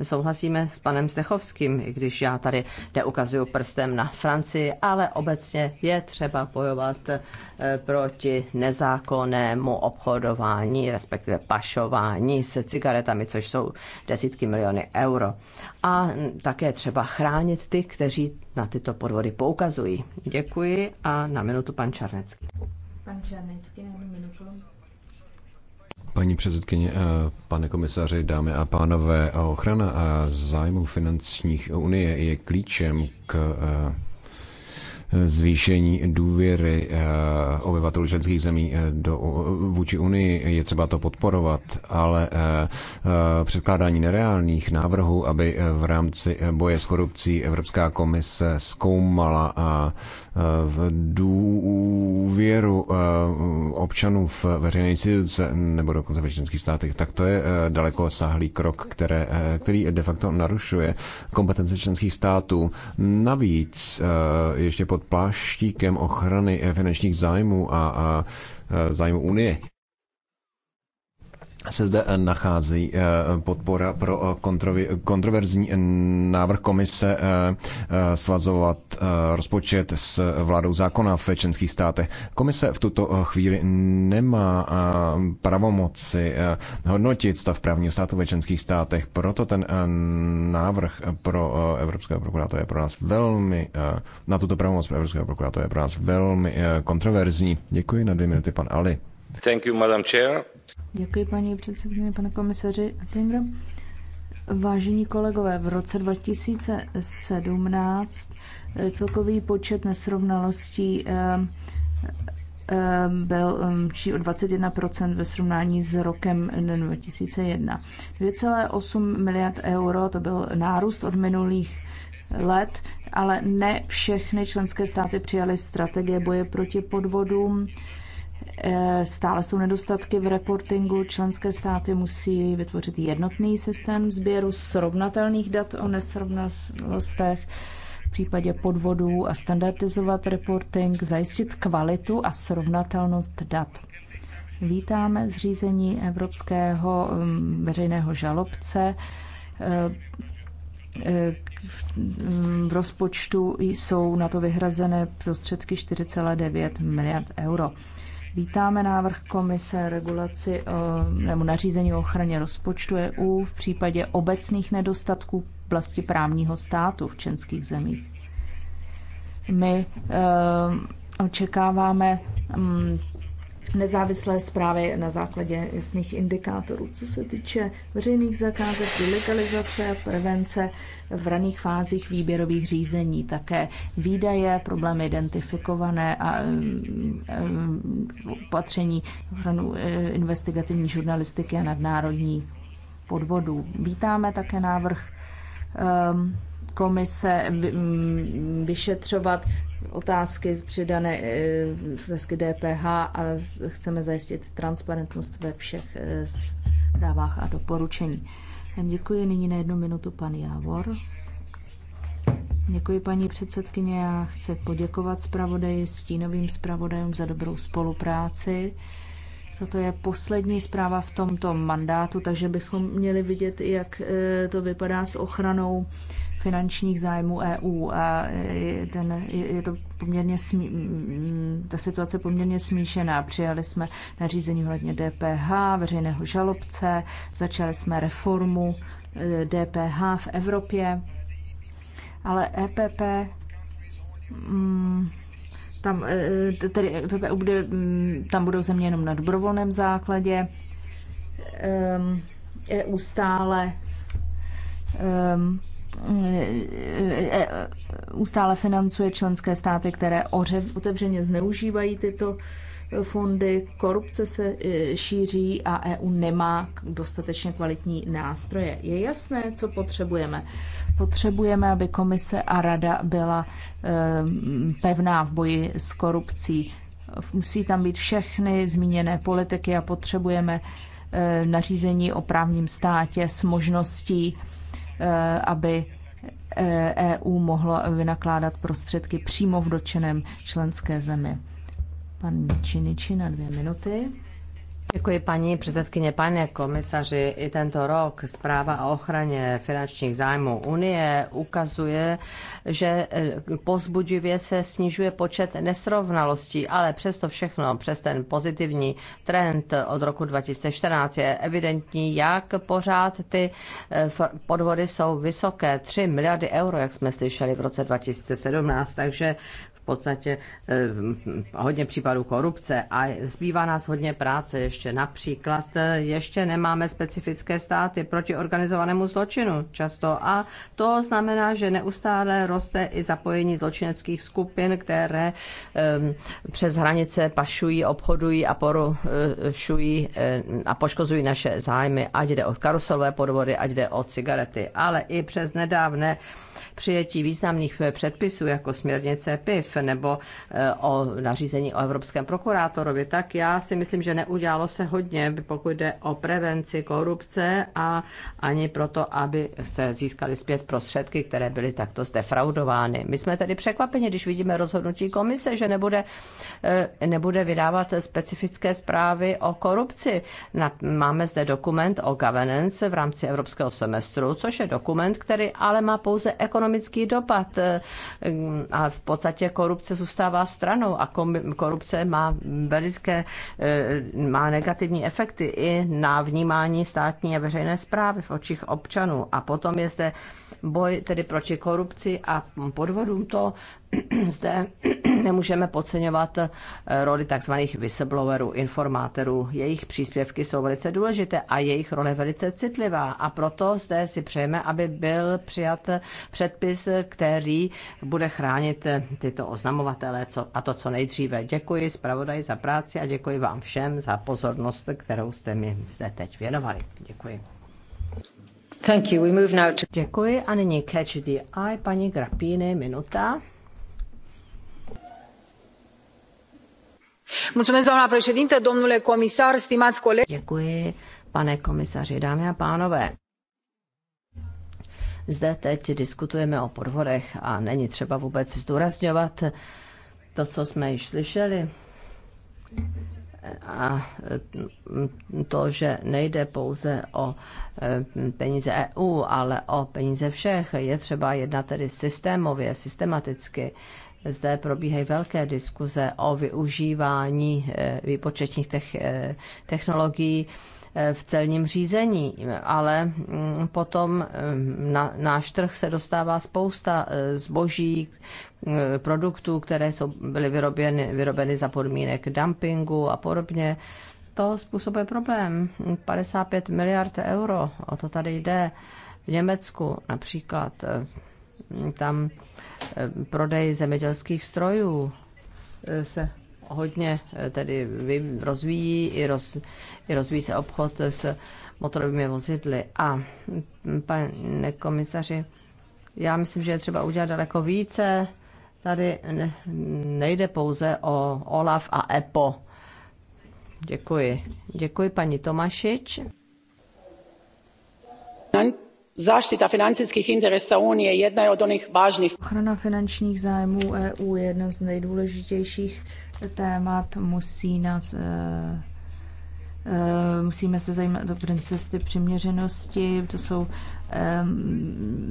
souhlasíme s panem Stechovským, i když já tady neukazuju prstem na Francii, ale obecně je třeba bojovat proti nezákonnému obchodování, respektive pašování se cigaretami, což jsou desítky miliony eur euro. A také třeba chránit ty, kteří na tyto podvody poukazují. Děkuji a na minutu pan Čarnecký. Pan Čarnecký na minutu. Paní předsedkyně, eh, pane komisaři, dámy a pánové, ochrana a eh, zájmu finančních unie je klíčem k eh, zvýšení důvěry eh, obyvatel členských zemí eh, do, vůči Unii. Je třeba to podporovat, ale eh, předkládání nereálných návrhů, aby v rámci boje s korupcí Evropská komise zkoumala v důvěru eh, občanů v veřejné instituce nebo dokonce ve členských státech, tak to je eh, daleko sáhlý krok, které, eh, který de facto narušuje kompetence členských států. Navíc ještě pod pláštíkem ochrany finančních zájmů a zájmu Unie se zde eh, nachází eh, podpora pro eh, kontroverzní návrh komise svazovat rozpočet s vládou zákona v členských státech. Komise v tuto chvíli nemá pravomoci hodnotit stav právního státu ve členských státech, proto ten návrh pro Evropského prokurátora je pro nás velmi, na tuto pravomoc pro Evropského prokurátora je pro nás velmi kontroverzní. Děkuji na dvě minuty, pan Ali. Thank you, Madam Chair. Děkuji paní předsedkyně, pane komisaři Attingro. Vážení kolegové, v roce 2017 eh, celkový počet nesrovnalostí eh, eh, byl hm, či o 21% ve srovnání s rokem 2001. 2,8 miliard euro, to byl nárůst od minulých let, ale ne všechny členské státy přijaly strategie boje proti podvodům, Eh, stále jsou nedostatky v reportingu. Členské státy musí vytvořit jednotný systém sběru srovnatelných dat o nesrovnalostech v případě podvodů a standardizovat reporting, zajistit kvalitu a srovnatelnost dat. Vítáme zřízení Evropského mm, veřejného žalobce. Eh, eh, v rozpočtu jsou na to vyhrazené prostředky 4,9 miliard euro. Vítáme návrh komise regulaci eh, nebo nařízení o ochraně rozpočtu EU v případě obecných nedostatků vlasti právního státu v českých zemích. My eh, očekáváme mm, nezávislé zprávy na základě jasných indikátorů. Co se týče veřejných zakázek, legalizace, prevence v raných fázích výběrových řízení, také výdaje, problémy identifikované a opatření ochranu e, investigativní žurnalistiky a nadnárodní podvodů. Vítáme také návrh komise vyšetřovat otázky přidané eh, otázky DPH a chceme zajistit transparentnost ve všech eh, zprávách a doporučení. Děkuji nyní na jednu minutu pan Jávor. Děkuji paní předsedkyně. a chci poděkovat zpravodaji, stínovým zpravodajům za dobrou spolupráci. Toto je poslední zpráva v tomto mandátu, takže bychom měli vidět, jak eh, to vypadá s ochranou finančních zájmů EU a ten, je to poměrně smí, ta situace poměrně smíšená. Přijali jsme nařízení hledně DPH, veřejného žalobce, začali jsme reformu e, DPH v Evropě, ale EPP mm, tam, e, tedy e bude, mm, tam budou země jenom na dobrovolném základě. EU ehm, stále ehm, ustále financuje členské státy, které otevřeně zneužívají tyto fondy, korupce se e, šíří a EU nemá dostatečně kvalitní nástroje. Je jasné, co potřebujeme. Potřebujeme, aby komise a rada byla e, pevná v boji s korupcí. Musí tam být všechny zmíněné politiky a potřebujeme e, nařízení o právním státě s možností Eh, aby EU eh, e mohla vynakládat prostředky přímo v dotčeném členské zemi. Pan Činiči na dvě minuty. Děkuji paní předsedkyně, pane komisaři. I tento rok zpráva o ochraně finančních zájmů Unie ukazuje, že eh, pozbudivě se snižuje počet nesrovnalostí, ale přesto všechno, přes ten pozitivní trend od roku 2014 je evidentní, jak pořád ty eh, podvody jsou vysoké. 3 miliardy euro, jak jsme slyšeli v roce 2017, takže podstatě eh, hodně případů korupce a zbývá nás hodně práce ještě. Například eh, ještě nemáme specifické státy proti organizovanému zločinu často a to znamená, že neustále roste i zapojení zločineckých skupin, které eh, přes hranice pašují, obchodují a porušují a poškozují naše zájmy, ať jde o karuselové podvody, ať jde o cigarety, ale i přes nedávné přijetí významných předpisů jako směrnice PIF nebo e, o nařízení o Evropském prokurátorovi, tak já si myslím, že neudělalo se hodně, pokud jde o prevenci korupce a ani proto, aby se získali zpět prostředky, které byly takto zdefraudovány. My jsme tedy překvapeni, když vidíme rozhodnutí komise, že nebude, e, nebude vydávat specifické zprávy o korupci. Máme zde dokument o governance v rámci evropského semestru, což je dokument, který ale má pouze ekonomický dopad eh, a v podstatě korupce zůstává stranou a korupce má veliké, eh, má negativní efekty i na vnímání státní a veřejné zprávy v očích občanů. A potom je zde boj tedy proti korupci a podvodům, to <clears throat> zde <clears throat> nemůžeme podceňovat eh, roli tzv. whistleblowerů, informátorů. Jejich příspěvky jsou velice důležité a jejich role velice citlivá a proto zde si přejeme, aby byl přijat předpis, který bude chránit tyto oznamovatele co, a to co nejdříve. Děkuji zpravodaj za práci a děkuji vám všem za pozornost, kterou jste mi zde teď věnovali. Děkuji. Thank you. We move now to... Děkuji a nyní Catch the Eye, paní Grapíny, minuta. doamnă președintă domnule comisar stimați colegi. Děkuji, pane komisaři, dámy a pánové. Zde teď diskutujeme o podvodech a není třeba vůbec zdůrazňovat to, co jsme již slyšeli. A e, to, že nejde pouze o e, peníze EU, ale o peníze všech, je třeba jednat tedy systémově, systematicky. Zde probíhají velké diskuze o využívání e, výpočetních technologií Eh, v celním řízení, ale mm, potom mm, na náš trh se dostává spousta eh, zboží, eh, produktů, které jsou, byly vyroběny, vyrobeny za podmínek dumpingu a podobně. To způsobuje problém. 55 miliard euro, o to tady jde. V Německu například tam prodej zemědělských strojů se hodně eh, tedy rozvíjí, i, roz, i rozvíjí se obchod s motorovými vozidly. A mm, pane komisaři, já myslím, že je třeba udělat daleko více. Tady nejde pouze o OLAF a EPO. Děkuji. Děkuji paní Tomašič. Zaštita financijskih interesa je jedna je od onih vážných. Ochrana finančních zájmů EU je jedna z nejdůležitějších témat musí nás eh, eh, musíme se zajímat o princesty přiměřenosti, to jsou eh,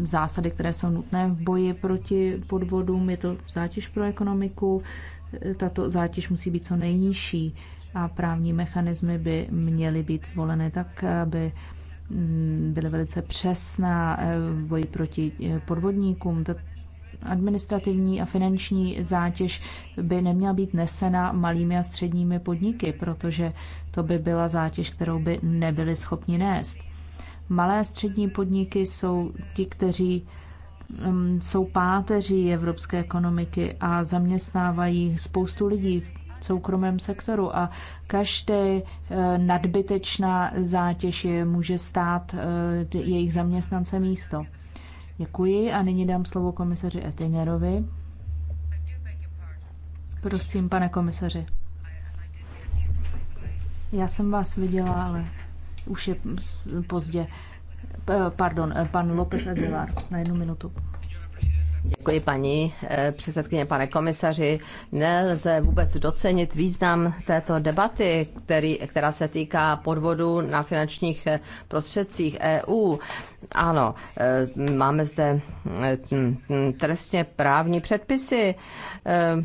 zásady, které jsou nutné v boji proti podvodům, je to zátěž pro ekonomiku, tato zátěž musí být co nejnižší a právní mechanismy by měly být zvoleny tak, aby mm, byly velice přesná v boji proti podvodníkům. Administrativní a finanční zátěž by neměla být nesena malými a středními podniky, protože to by byla zátěž, kterou by nebyli schopni nést. Malé a střední podniky jsou ti, kteří mm, jsou páteří evropské ekonomiky a zaměstnávají spoustu lidí v soukromém sektoru a každé e, nadbytečná zátěž je může stát e, jejich zaměstnance místo. Děkuji a nyní dám slovo komisaři Ettingerovi. Prosím, pane komisaři. Já jsem vás viděla, ale už je pozdě. Pardon, pan López Aguilar na jednu minutu. Děkuji paní eh, předsedkyně, pane komisaři. Nelze vůbec docenit význam této debaty, který, která se týká podvodu na finančních eh, prostředcích EU. Ano, eh, máme zde mm, mm, trestně právní předpisy Eh,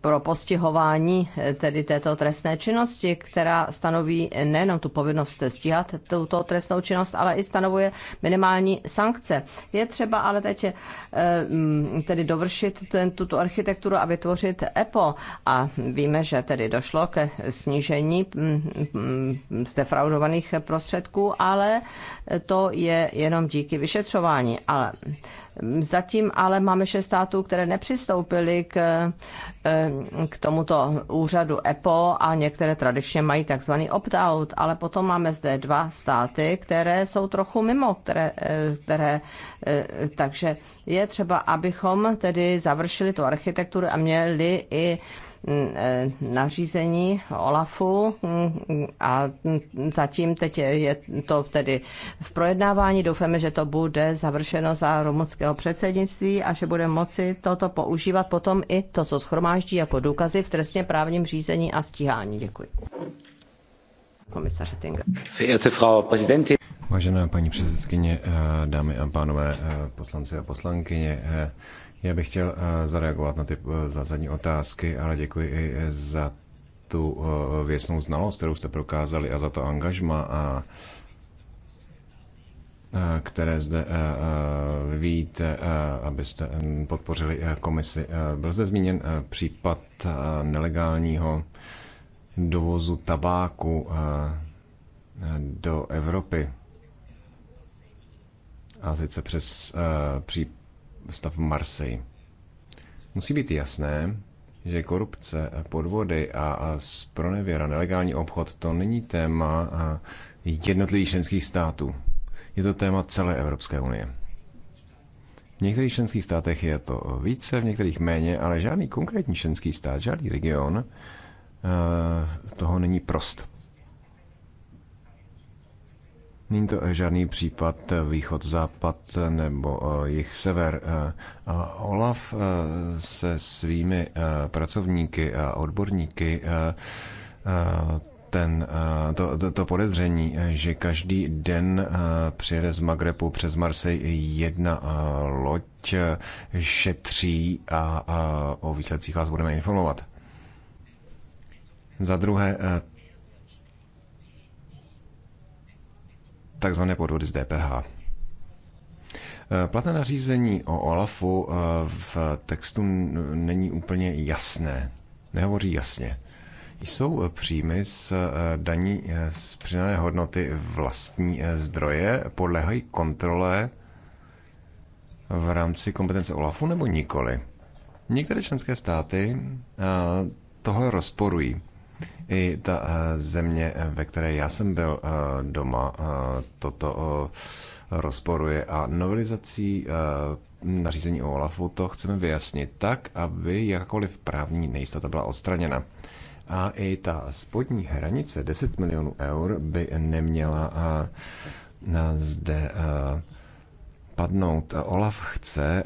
pro postihování eh, tedy této trestné činnosti, která stanoví nejenom tu povinnost stíhat tuto trestnou činnost, ale i stanovuje minimální sankce. Je třeba ale teď eh, mm, tedy dovršit ten, tuto architekturu a vytvořit EPO. A víme, že tedy došlo ke snížení mm, mm, zdefraudovaných prostředků, ale to je jenom díky vyšetřování. Ale Zatím ale máme šest států, které nepřistoupily k, eh, k tomuto úřadu EPO a některé tradičně mají takzvaný opt-out, ale potom máme zde dva státy, které jsou trochu mimo, které, eh, které eh, takže je třeba, abychom tedy završili tu architekturu a měli i Mm, eh, nařízení OLAFu mm, a zatím teď je to tedy v projednávání. Doufáme, že to bude završeno za rumunského předsednictví a že bude moci toto používat potom i to, co schromáždí jako důkazy v trestně právním řízení a stíhání. Děkuji. Vážená paní předsedkyně, eh, dámy a pánové, eh, poslanci a poslankyně, já bych chtěl eh, zareagovat na ty eh, zásadní otázky, ale děkuji i eh, za tu věcnou znalost, kterou jste prokázali a za to angažma a které zde víte, abyste hm, podpořili komisi. Byl zde zmíněn případ nelegálního dovozu tabáku do Evropy. A sice přes případ stav v Marseille. Musí být jasné, že korupce, podvody a zpronevěra nelegální obchod, to není téma jednotlivých členských států. Je to téma celé Evropské unie. V některých členských státech je to více, v některých méně, ale žádný konkrétní členský stát, žádný region toho není prost. Není to eh, žádný případ eh, východ-západ eh, nebo jich-sever. Olaf se svými pracovníky a odborníky ten, to, to, to podezření, že každý den přijede z Magrebu přes Marsej jedna loď, šetří a o výsledcích vás budeme informovat. Za druhé, tzv. podvody z DPH. Eh, platné nařízení o OLAFu eh, v textu není úplně jasné, nehovoří jasně. Jsou eh, příjmy z daní z přidané hodnoty vlastní zdroje, podléhají kontrole v rámci kompetence OLAFu nebo nikoli? Některé členské státy tohle rozporují i ta eh, země, eh, ve které já jsem byl eh, doma, toto rozporuje a novelizací nařízení o OLAFu to chceme vyjasnit tak, aby jakkoliv právní nejistota byla odstraněna. A i ta spodní hranice 10 milionů eur by neměla zde padnout. Olaf chce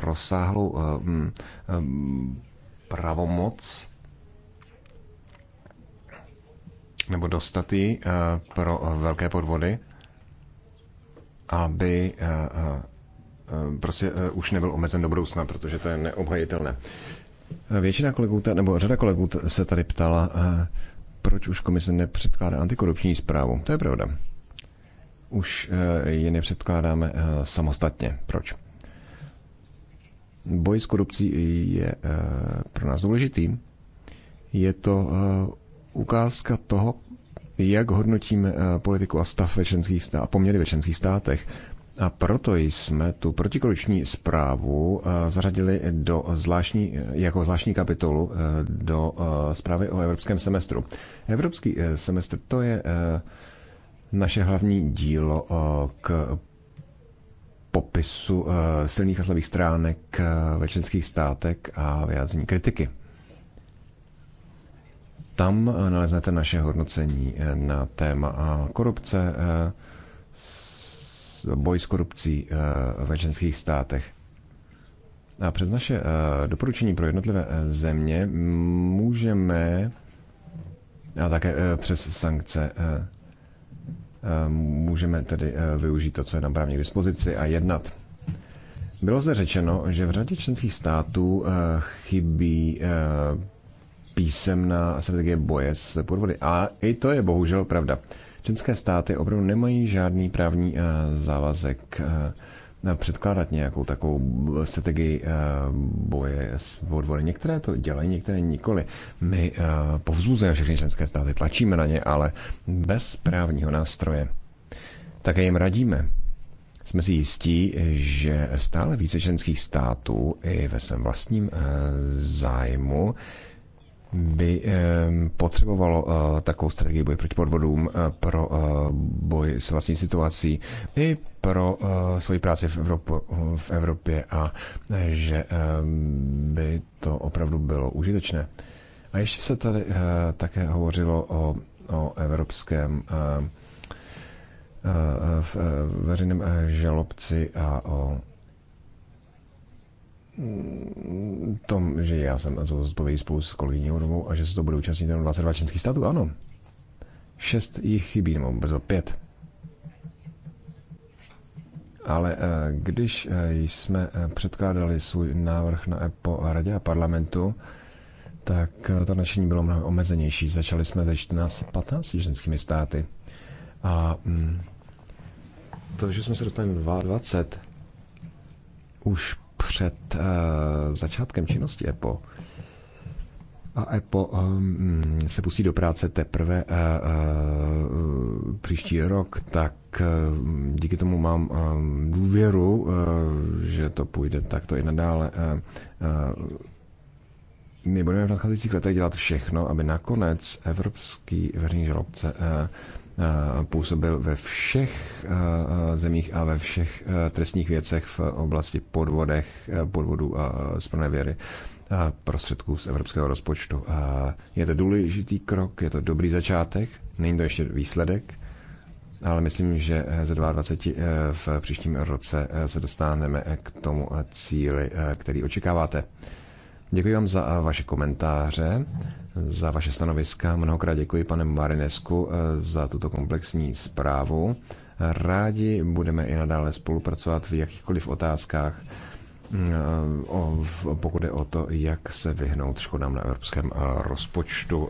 rozsáhlou mm, pravomoc nebo dostat ji eh, pro eh, velké podvody, aby eh, prostě už nebyl omezen do budoucna, protože to je neobhajitelné. Většina kolegů, nebo řada kolegů se tady ptala, proč už komise nepředkládá antikorupční zprávu. To je pravda. Už ji nepředkládáme samostatně. Proč? Boj s korupcí je pro nás důležitý. Je to ukázka toho, jak hodnotíme eh, politiku a stav ve členských stát, poměry ve členských státech. A proto jsme tu protikoliční zprávu eh, zařadili do zvláštní, eh, jako zvláštní kapitolu do zprávy o evropském semestru. Evropský semestr to je naše hlavní dílo k popisu silných a slabých stránek ve členských státech a vyjádření kritiky tam eh, naleznete naše hodnocení eh, na téma eh, korupce, boj s korupcí ve členských státech. A přes naše doporučení pro jednotlivé země můžeme a také přes sankce můžeme tedy využít to, co je nám právě k dispozici a jednat. Bylo zde řečeno, že v řadě členských států chybí písemná strategie boje s podvody. A i to je bohužel pravda. Členské státy opravdu nemají žádný právní eh, závazek eh, předkládat nějakou takovou strategii eh, boje s podvody. Některé to dělají, některé nikoli. My povzbuzujeme všechny členské státy, tlačíme na ně, ale bez právního nástroje. Také jim radíme. Jsme si jistí, že stále více členských států i ve svém vlastním zájmu by potřebovalo eh, takovou strategii boje proti podvodům eh, pro eh, boj s vlastní situací i pro svoji práci v, Evropu, v Evropě a že by to opravdu bylo užitečné. A ještě se tady také hovořilo o, o evropském v veřejném žalobci a o tom, že já jsem za to zpovědí spolu s kolegyní Orovou a že se to bude účastnit jenom 22 členských států? Ano. Šest jich chybí, nebo brzo pět. Ale eh, když eh, jsme eh, předkládali svůj návrh na EPO a radě a parlamentu, tak to nadšení bylo mnohem omezenější. Začali jsme ze 14-15 ženskými státy. A mm, to, že jsme se dostali do 22, už před eh, začátkem činnosti EPO a EPO eh, mm, se pustí do práce teprve eh, příští rok, tak díky tomu mám důvěru, že to půjde takto i nadále. My budeme v nadcházejících letech dělat všechno, aby nakonec evropský veřejný žalobce Eh, působil ve všech eh, eh, zemích a ve všech trestních věcech v oblasti podvodech, podvodů a zpronevěry prostředků z evropského rozpočtu. Je to důležitý krok, je to dobrý začátek, není to ještě výsledek, ale myslím, že ze 22 v příštím roce se dostaneme k tomu cíli, který očekáváte. Děkuji vám za vaše komentáře za vaše stanoviska. Mnohokrát děkuji pane Marinesku eh, za tuto komplexní zprávu. Rádi budeme i nadále spolupracovat v jakýchkoliv otázkách, eh, pokud je o to, jak se vyhnout škodám na evropském eh, rozpočtu.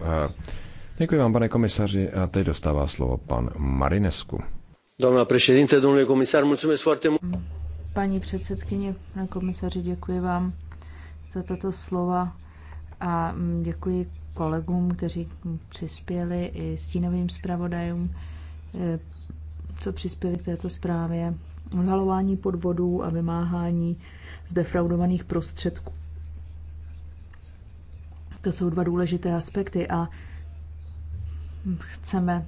Děkuji vám, pane komisaři, a teď dostává slovo pan Marinesku. Doamna președinte, domnule komisar, mulțumesc foarte mult. Paní předsedkyně, pane komisaři, děkuji vám za tato slova a děkuji kolegům, kteří přispěli, i stínovým zpravodajům, eh, co přispěli k této zprávě. Odhalování podvodů a vymáhání zdefraudovaných prostředků. To jsou dva důležité aspekty a chceme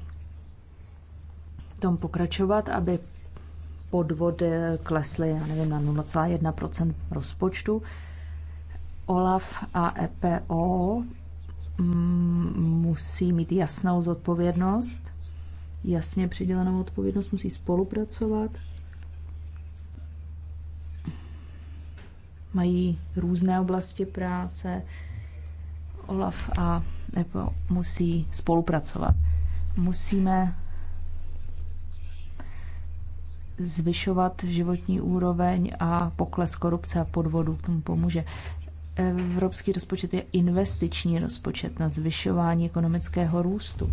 tom pokračovat, aby podvody klesly, já nevím, na 0,1 rozpočtu. OLAF a EPO Mm, musí mít jasnou zodpovědnost, jasně přidělenou odpovědnost, musí spolupracovat, mají různé oblasti práce, Olaf a EPO musí spolupracovat. Musíme zvyšovat životní úroveň a pokles korupce a podvodu k tomu pomůže. Evropský rozpočet je investiční rozpočet na zvyšování ekonomického růstu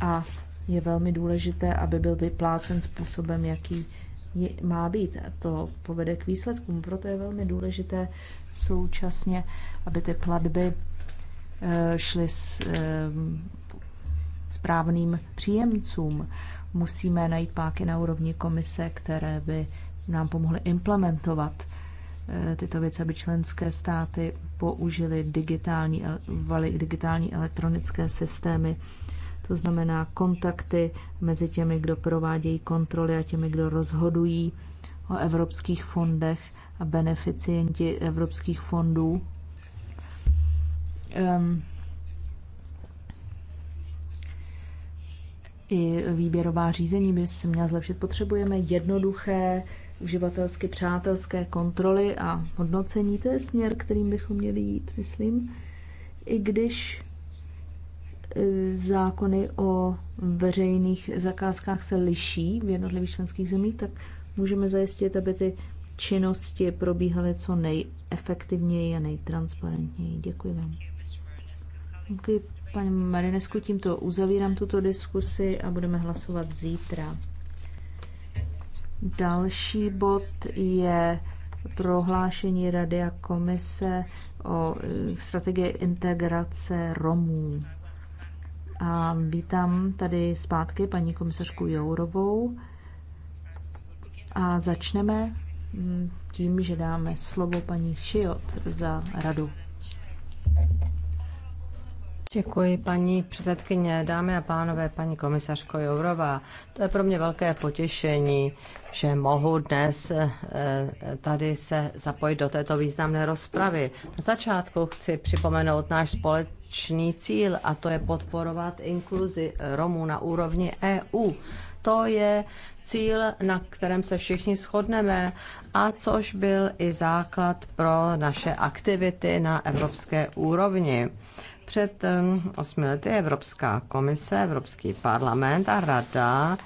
a je velmi důležité, aby byl vyplácen způsobem, jaký je, má být. A to povede k výsledkům. Proto je velmi důležité současně, aby ty platby eh, šly s eh, správným příjemcům. Musíme najít páky na úrovni komise, které by nám pomohly implementovat Eh, tyto věci, aby členské státy použily digitální, digitální elektronické systémy, to znamená kontakty mezi těmi, kdo provádějí kontroly a těmi, kdo rozhodují o evropských fondech a beneficienti evropských fondů. Um, I výběrová řízení by se měla zlepšit. Potřebujeme jednoduché, uživatelsky přátelské kontroly a hodnocení. To je směr, kterým bychom měli jít, myslím. I když e, zákony o veřejných zakázkách se liší v jednotlivých členských zemích, tak můžeme zajistit, aby ty činnosti probíhaly co nejefektivněji a nejtransparentněji. Děkuji vám. Děkuji, paní Marinesku, tímto uzavírám tuto diskusi a budeme hlasovat zítra. Další bod je prohlášení Rady a komise o e, strategii integrace Romů. A vítám tady zpátky paní komisařku Jourovou. A začneme mm, tím, že dáme slovo paní Šiot za radu. Děkuji, paní předsedkyně, dámy a pánové, paní komisařko Jourová. To je pro mě velké potěšení že mohu dnes eh, tady se zapojit do této významné rozpravy. Na začátku chci připomenout náš společný cíl a to je podporovat inkluzi Romů na úrovni EU. To je cíl, na kterém se všichni shodneme a což byl i základ pro naše aktivity na evropské úrovni. Před hm, osmi lety Evropská komise, Evropský parlament a Rada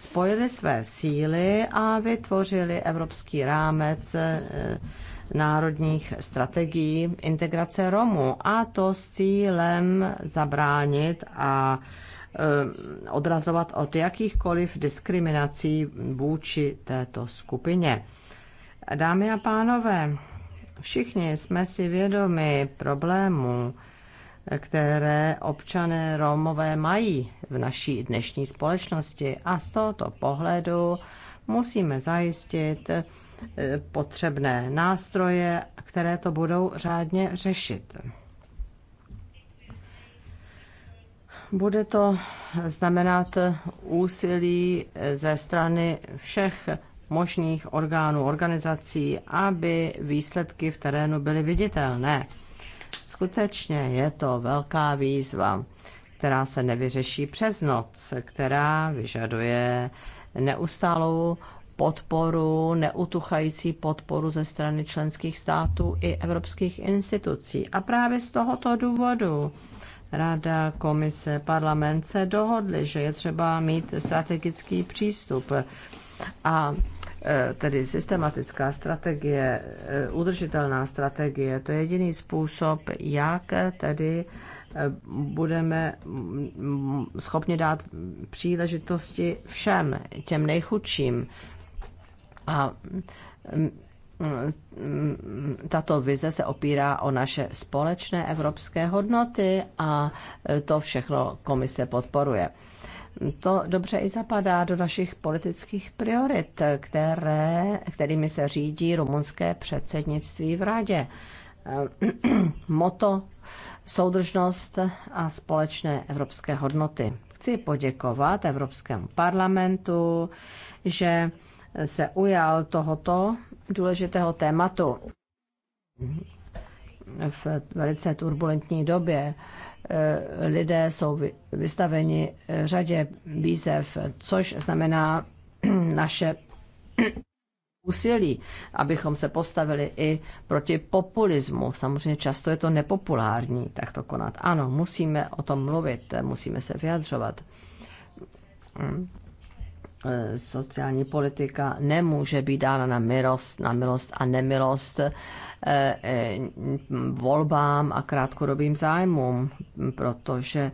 spojili své síly a vytvořili evropský rámec eh, národních strategií integrace Romů a to s cílem zabránit a eh, odrazovat od jakýchkoliv diskriminací vůči této skupině. Dámy a pánové, všichni jsme si vědomi problému, které občané Romové mají v naší dnešní společnosti. A z tohoto pohledu musíme zajistit eh, potřebné nástroje, které to budou řádně řešit. Bude to znamenat úsilí ze strany všech možných orgánů, organizací, aby výsledky v terénu byly viditelné skutečně je to velká výzva, která se nevyřeší přes noc, která vyžaduje neustálou podporu, neutuchající podporu ze strany členských států i evropských institucí. A právě z tohoto důvodu Rada, komise, parlament se dohodli, že je třeba mít strategický přístup. A Eh, tedy systematická strategie, eh, udržitelná strategie, to je jediný způsob, jak tedy eh, budeme mm, schopni dát příležitosti všem, těm nejchudším. A mm, mm, tato vize se opírá o naše společné evropské hodnoty a to všechno komise podporuje to dobře i zapadá do našich politických priorit, které, kterými se řídí rumunské předsednictví v radě. Eh, <clears throat> Moto soudržnost a společné evropské hodnoty. Chci poděkovat Evropskému parlamentu, že se ujal tohoto důležitého tématu v velice turbulentní době. Eh, lidé jsou vystaveni eh, řadě výzev, což znamená <clears throat> naše <clears throat> úsilí, abychom se postavili i proti populismu. Samozřejmě často je to nepopulární tak to konat. Ano, musíme o tom mluvit, eh, musíme se vyjadřovat. Mm. E, sociální politika nemůže být dána na milost, na milost a nemilost e, e, volbám a krátkodobým zájmům, protože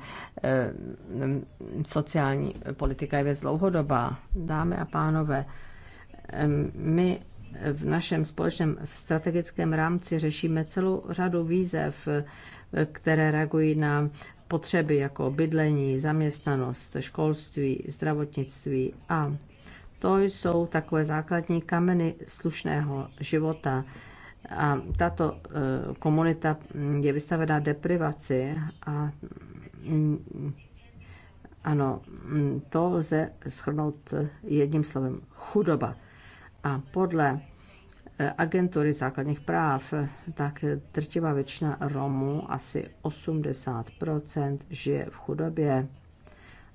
sociální politika je věc dlouhodobá. Dámy a pánové, my v našem společném strategickém rámci řešíme celou řadu výzev, které reagují na potřeby jako bydlení, zaměstnanost, školství, zdravotnictví a to jsou takové základní kameny slušného života. A tato e, komunita je vystavená deprivaci a mm, ano, mm, to lze schrnout jedním slovem chudoba. A podle agentury základních práv, tak drtivá většina Romů, asi 80%, žije v chudobě.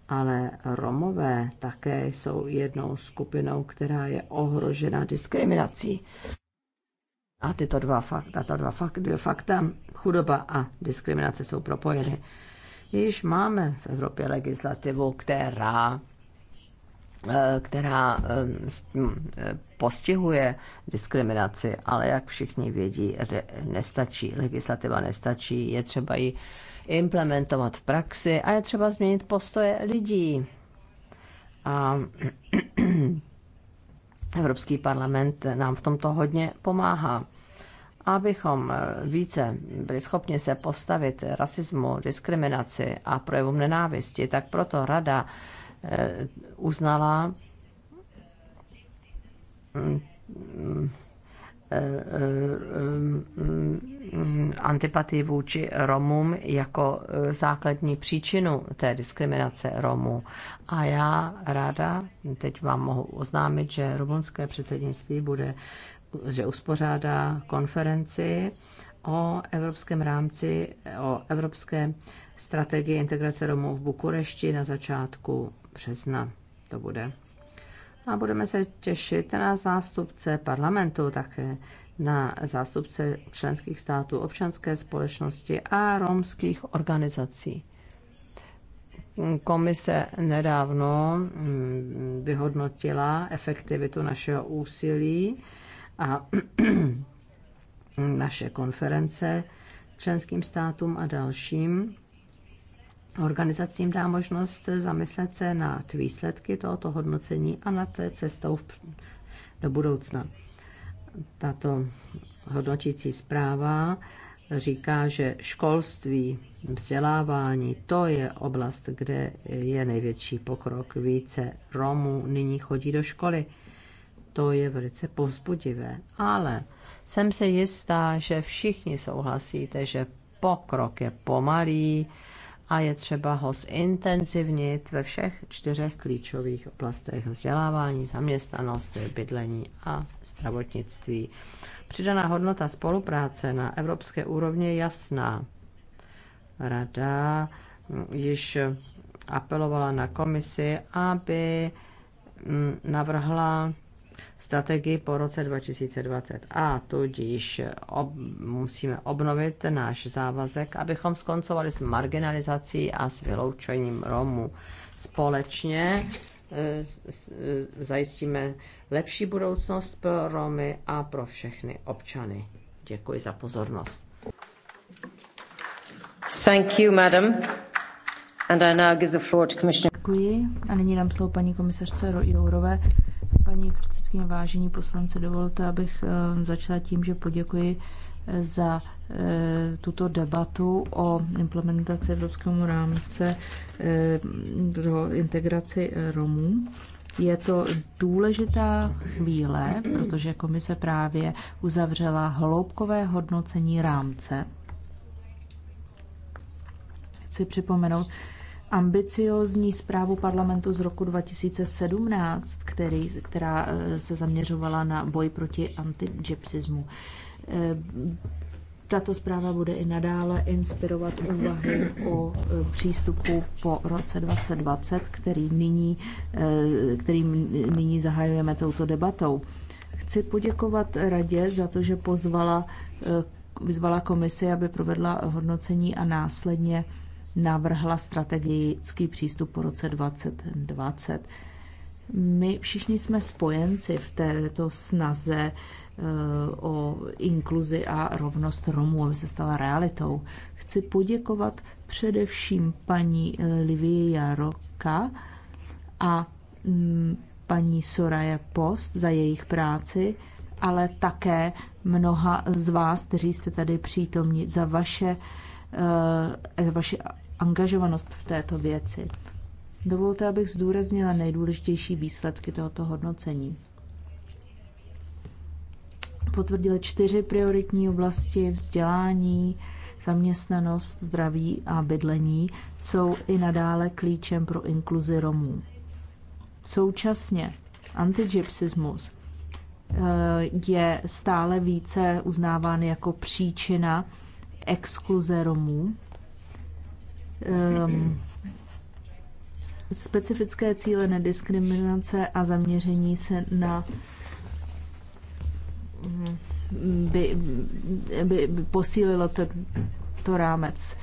Ale Romové také jsou jednou skupinou, která je ohrožena diskriminací. A tyto dva fakta, tato dva fakta, dvě fakta, chudoba a diskriminace jsou propojeny. Již máme v Evropě legislativu, která Eh, která eh, hm, eh, postihuje diskriminaci, ale jak všichni vědí, nestačí, legislativa nestačí, je třeba ji implementovat v praxi a je třeba změnit postoje lidí. A <clears throat> Evropský parlament nám v tomto hodně pomáhá. Abychom více byli schopni se postavit rasismu, diskriminaci a projevům nenávisti, tak proto Rada Eh, uznala eh, eh, antipatii vůči Romům jako základní příčinu té diskriminace Romů. A já ráda teď vám mohu oznámit, že rumunské předsednictví bude, že uspořádá konferenci o evropském rámci, o evropské strategii integrace Romů v Bukurešti na začátku března to bude. A budeme se těšit na zástupce parlamentu, také na zástupce členských států, občanské společnosti a romských organizací. Komise nedávno mm, vyhodnotila efektivitu našeho úsilí a <clears throat> naše konference členským státům a dalším organizacím dá možnost zamyslet se nad výsledky tohoto hodnocení a nad cestou do budoucna. Tato hodnotící zpráva říká, že školství, vzdělávání, to je oblast, kde je největší pokrok. Více Romů nyní chodí do školy. To je velice povzbudivé. Ale jsem se jistá, že všichni souhlasíte, že pokrok je pomalý, a je třeba ho zintenzivnit ve všech čtyřech klíčových oblastech vzdělávání, zaměstnanost, bydlení a zdravotnictví. Přidaná hodnota spolupráce na evropské úrovni je jasná. Rada mm, již apelovala na komisi, aby mm, navrhla strategii po roce 2020. A tudíž ob, musíme obnovit náš závazek, abychom skoncovali s marginalizací a s vyloučením Romů. Společně e, e, zajistíme lepší budoucnost pro Romy a pro všechny občany. Děkuji za pozornost. Thank you, madam. And I now give the floor to Commissioner. Děkuji. A nyní dám slovo paní komisařce Jourové. Paní předsedkyně, vážení poslanci, dovolte, abych eh, začala tím, že poděkuji eh, za eh, tuto debatu o implementaci evropského rámce pro integraci Romů. Je to důležitá chvíle, protože komise právě uzavřela hloubkové hodnocení rámce. Chci připomenout, ambiciózní zprávu parlamentu z roku 2017, který, která eh, se zaměřovala na boj proti antigypsismu. Eh, tato zpráva bude i nadále inspirovat úvahy o eh, přístupu po roce 2020, který nyní, kterým nyní zahajujeme touto debatou. Chci poděkovat radě za to, že pozvala, vyzvala komisi, aby provedla hodnocení a následně navrhla strategický přístup po roce 2020. My všichni jsme spojenci v této snaze eh, o inkluzi a rovnost Romů, aby se stala realitou. Chci poděkovat především paní eh, Livie Jaroka a mm, paní Soraya Post za jejich práci, ale také mnoha z vás, kteří jste tady přítomni, za vaše, eh, za vaše angažovanost v této věci. Dovolte, abych zdůraznila nejdůležitější výsledky tohoto hodnocení. Potvrdili čtyři prioritní oblasti vzdělání, zaměstnanost, zdraví a bydlení jsou i nadále klíčem pro inkluzi Romů. Současně antigypsismus eh, je stále více uznáván jako příčina exkluze Romů um, specifické cíle nediskriminace a zaměření se na by, by, by posílilo tento rámec.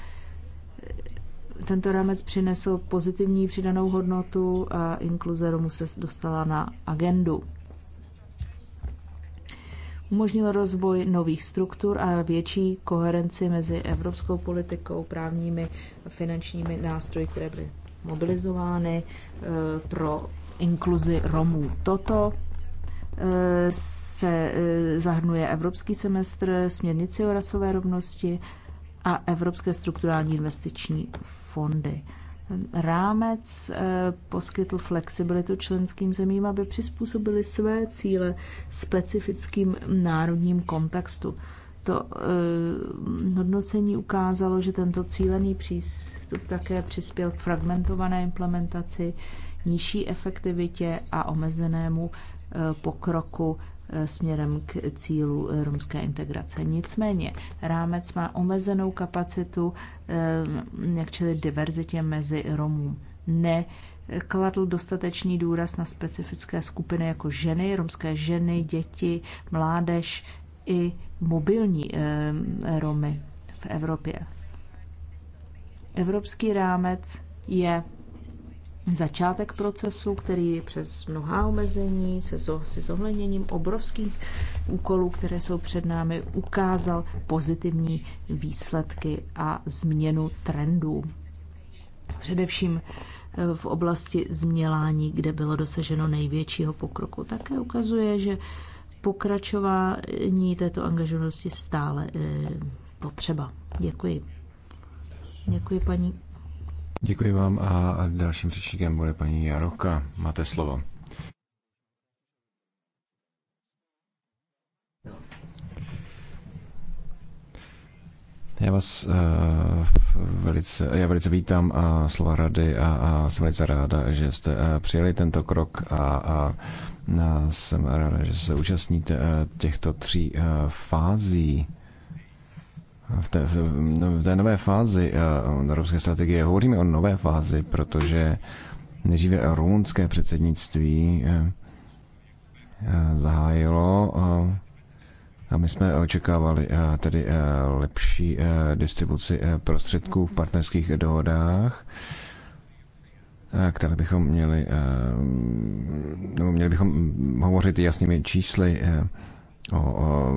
Tento rámec přinesl pozitivní přidanou hodnotu a inkluze Romu se dostala na agendu umožnil rozvoj nových struktur a větší koherenci mezi evropskou politikou, právními a finančními nástroji, které byly mobilizovány eh, pro inkluzi Romů. Toto eh, se eh, zahrnuje Evropský semestr, směrnici o rasové rovnosti a Evropské strukturální investiční fondy rámec eh, poskytl flexibilitu členským zemím, aby přizpůsobili své cíle specifickým národním kontextu. To eh, hodnocení ukázalo, že tento cílený přístup také přispěl k fragmentované implementaci, nižší efektivitě a omezenému eh, pokroku Eh, směrem k cílu romské integrace. Nicméně rámec má omezenou kapacitu, eh, jak čili diverzitě mezi Romů. Ne kladl dostatečný důraz na specifické skupiny jako ženy, romské ženy, děti, mládež i mobilní eh, Romy v Evropě. Evropský rámec je začátek procesu, který přes mnohá omezení se zo, se zohledněním obrovských úkolů, které jsou před námi, ukázal pozitivní výsledky a změnu trendů. Především eh, v oblasti změlání, kde bylo dosaženo největšího pokroku. Také ukazuje, že pokračování této angažovanosti stále eh, potřeba. Děkuji. Děkuji paní Děkuji vám a dalším řečníkem bude paní Jaroka. Máte slovo. Já vás uh, velice, já velice vítám a eh, slova rady a, a jsem velice ráda, že jste uh, tento krok a, a, a jsem ráda, že se účastníte uh, těchto tří uh, fází v té, v té nové fázi eh, evropské strategie. Hovoříme o nové fázi, protože nejdříve rumunské předsednictví eh, eh, zahájilo a my jsme očekávali tedy lepší distribuci prostředků v partnerských dohodách, které bychom měli, nebo měli bychom hovořit jasnými čísly, o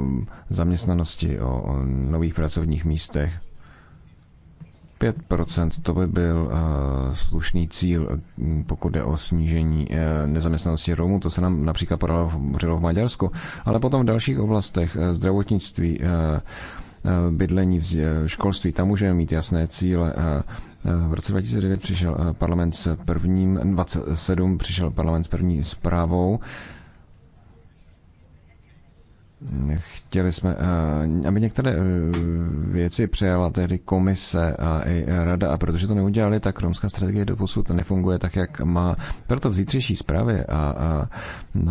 zaměstnanosti, o nových pracovních místech. 5% to by byl e, slušný cíl, pokud jde o snížení e, nezaměstnanosti Romů. To se nám například podařilo v v Maďarsku, ale potom v dalších oblastech e, zdravotnictví, bydlení, školství, tam můžeme mít jasné cíle. V roce 2009 přišel parlament s prvním, 27 přišel parlament s první zprávou, Chtěli jsme, eh, aby některé eh, věci přijala tedy komise a i rada, a protože to neudělali, tak romská strategie do posud nefunguje tak, jak má. Proto v zítřejší zprávě a, a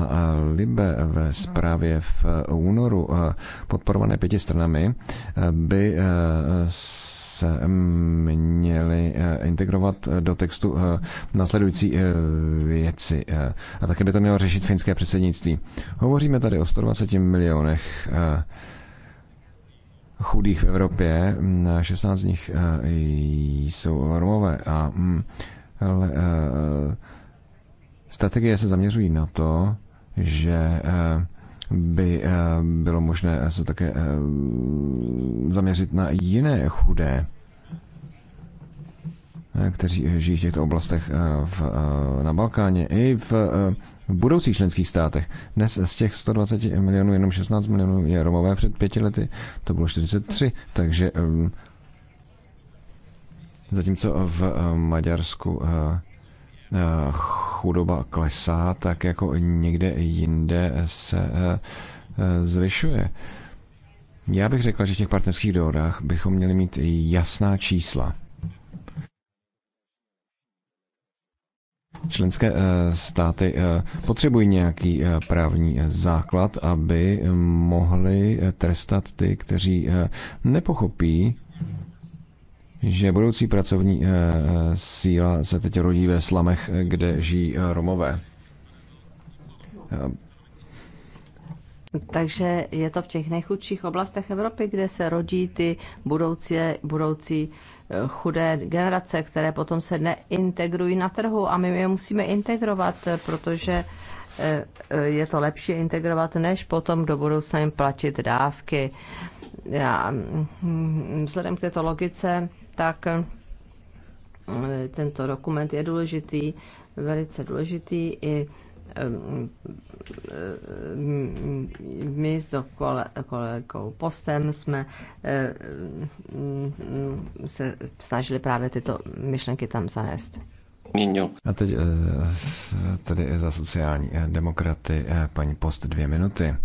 a, a Libe ve zprávě v únoru eh, podporované pěti stranami by s se měly eh, integrovat eh, do textu eh, následující věci. A také by to mělo řešit finské předsednictví. Hovoříme tady o 120 milionech chudých v Evropě, 16 mm, z nich jsou Romové a mm, ale, strategie se zaměřují na to, že by eh, bylo možné se také eh, zaměřit na jiné chudé, eh, kteří žijí v těchto oblastech v, na Balkáně i v budoucích členských státech. Dnes z těch 120 milionů jenom 16 milionů je Romové před pěti lety, to bylo 43, takže zatímco v Maďarsku Eh, chudoba klesá, tak jako někde jinde se eh, eh, zvyšuje. Já bych řekl, že v těch partnerských dohodách bychom měli mít jasná čísla. Členské státy potřebují nějaký právní základ, aby mohli trestat ty, kteří nepochopí že budoucí pracovní eh, síla se teď rodí ve slamech, kde žijí eh, Romové. Eh, takže je to v těch nejchudších oblastech Evropy, kde se rodí ty budoucí, budoucí chudé generace, které potom se neintegrují na trhu a my je musíme integrovat, protože je to lepší integrovat, než potom do budoucna jim platit dávky. Já, mm, mm, vzhledem k této logice tak eh, tento dokument je důležitý, velice důležitý i eh, eh, my s kolegou Postem jsme se snažili právě tyto myšlenky tam zanést. A teď tedy za sociální demokraty paní Post dvě minuty.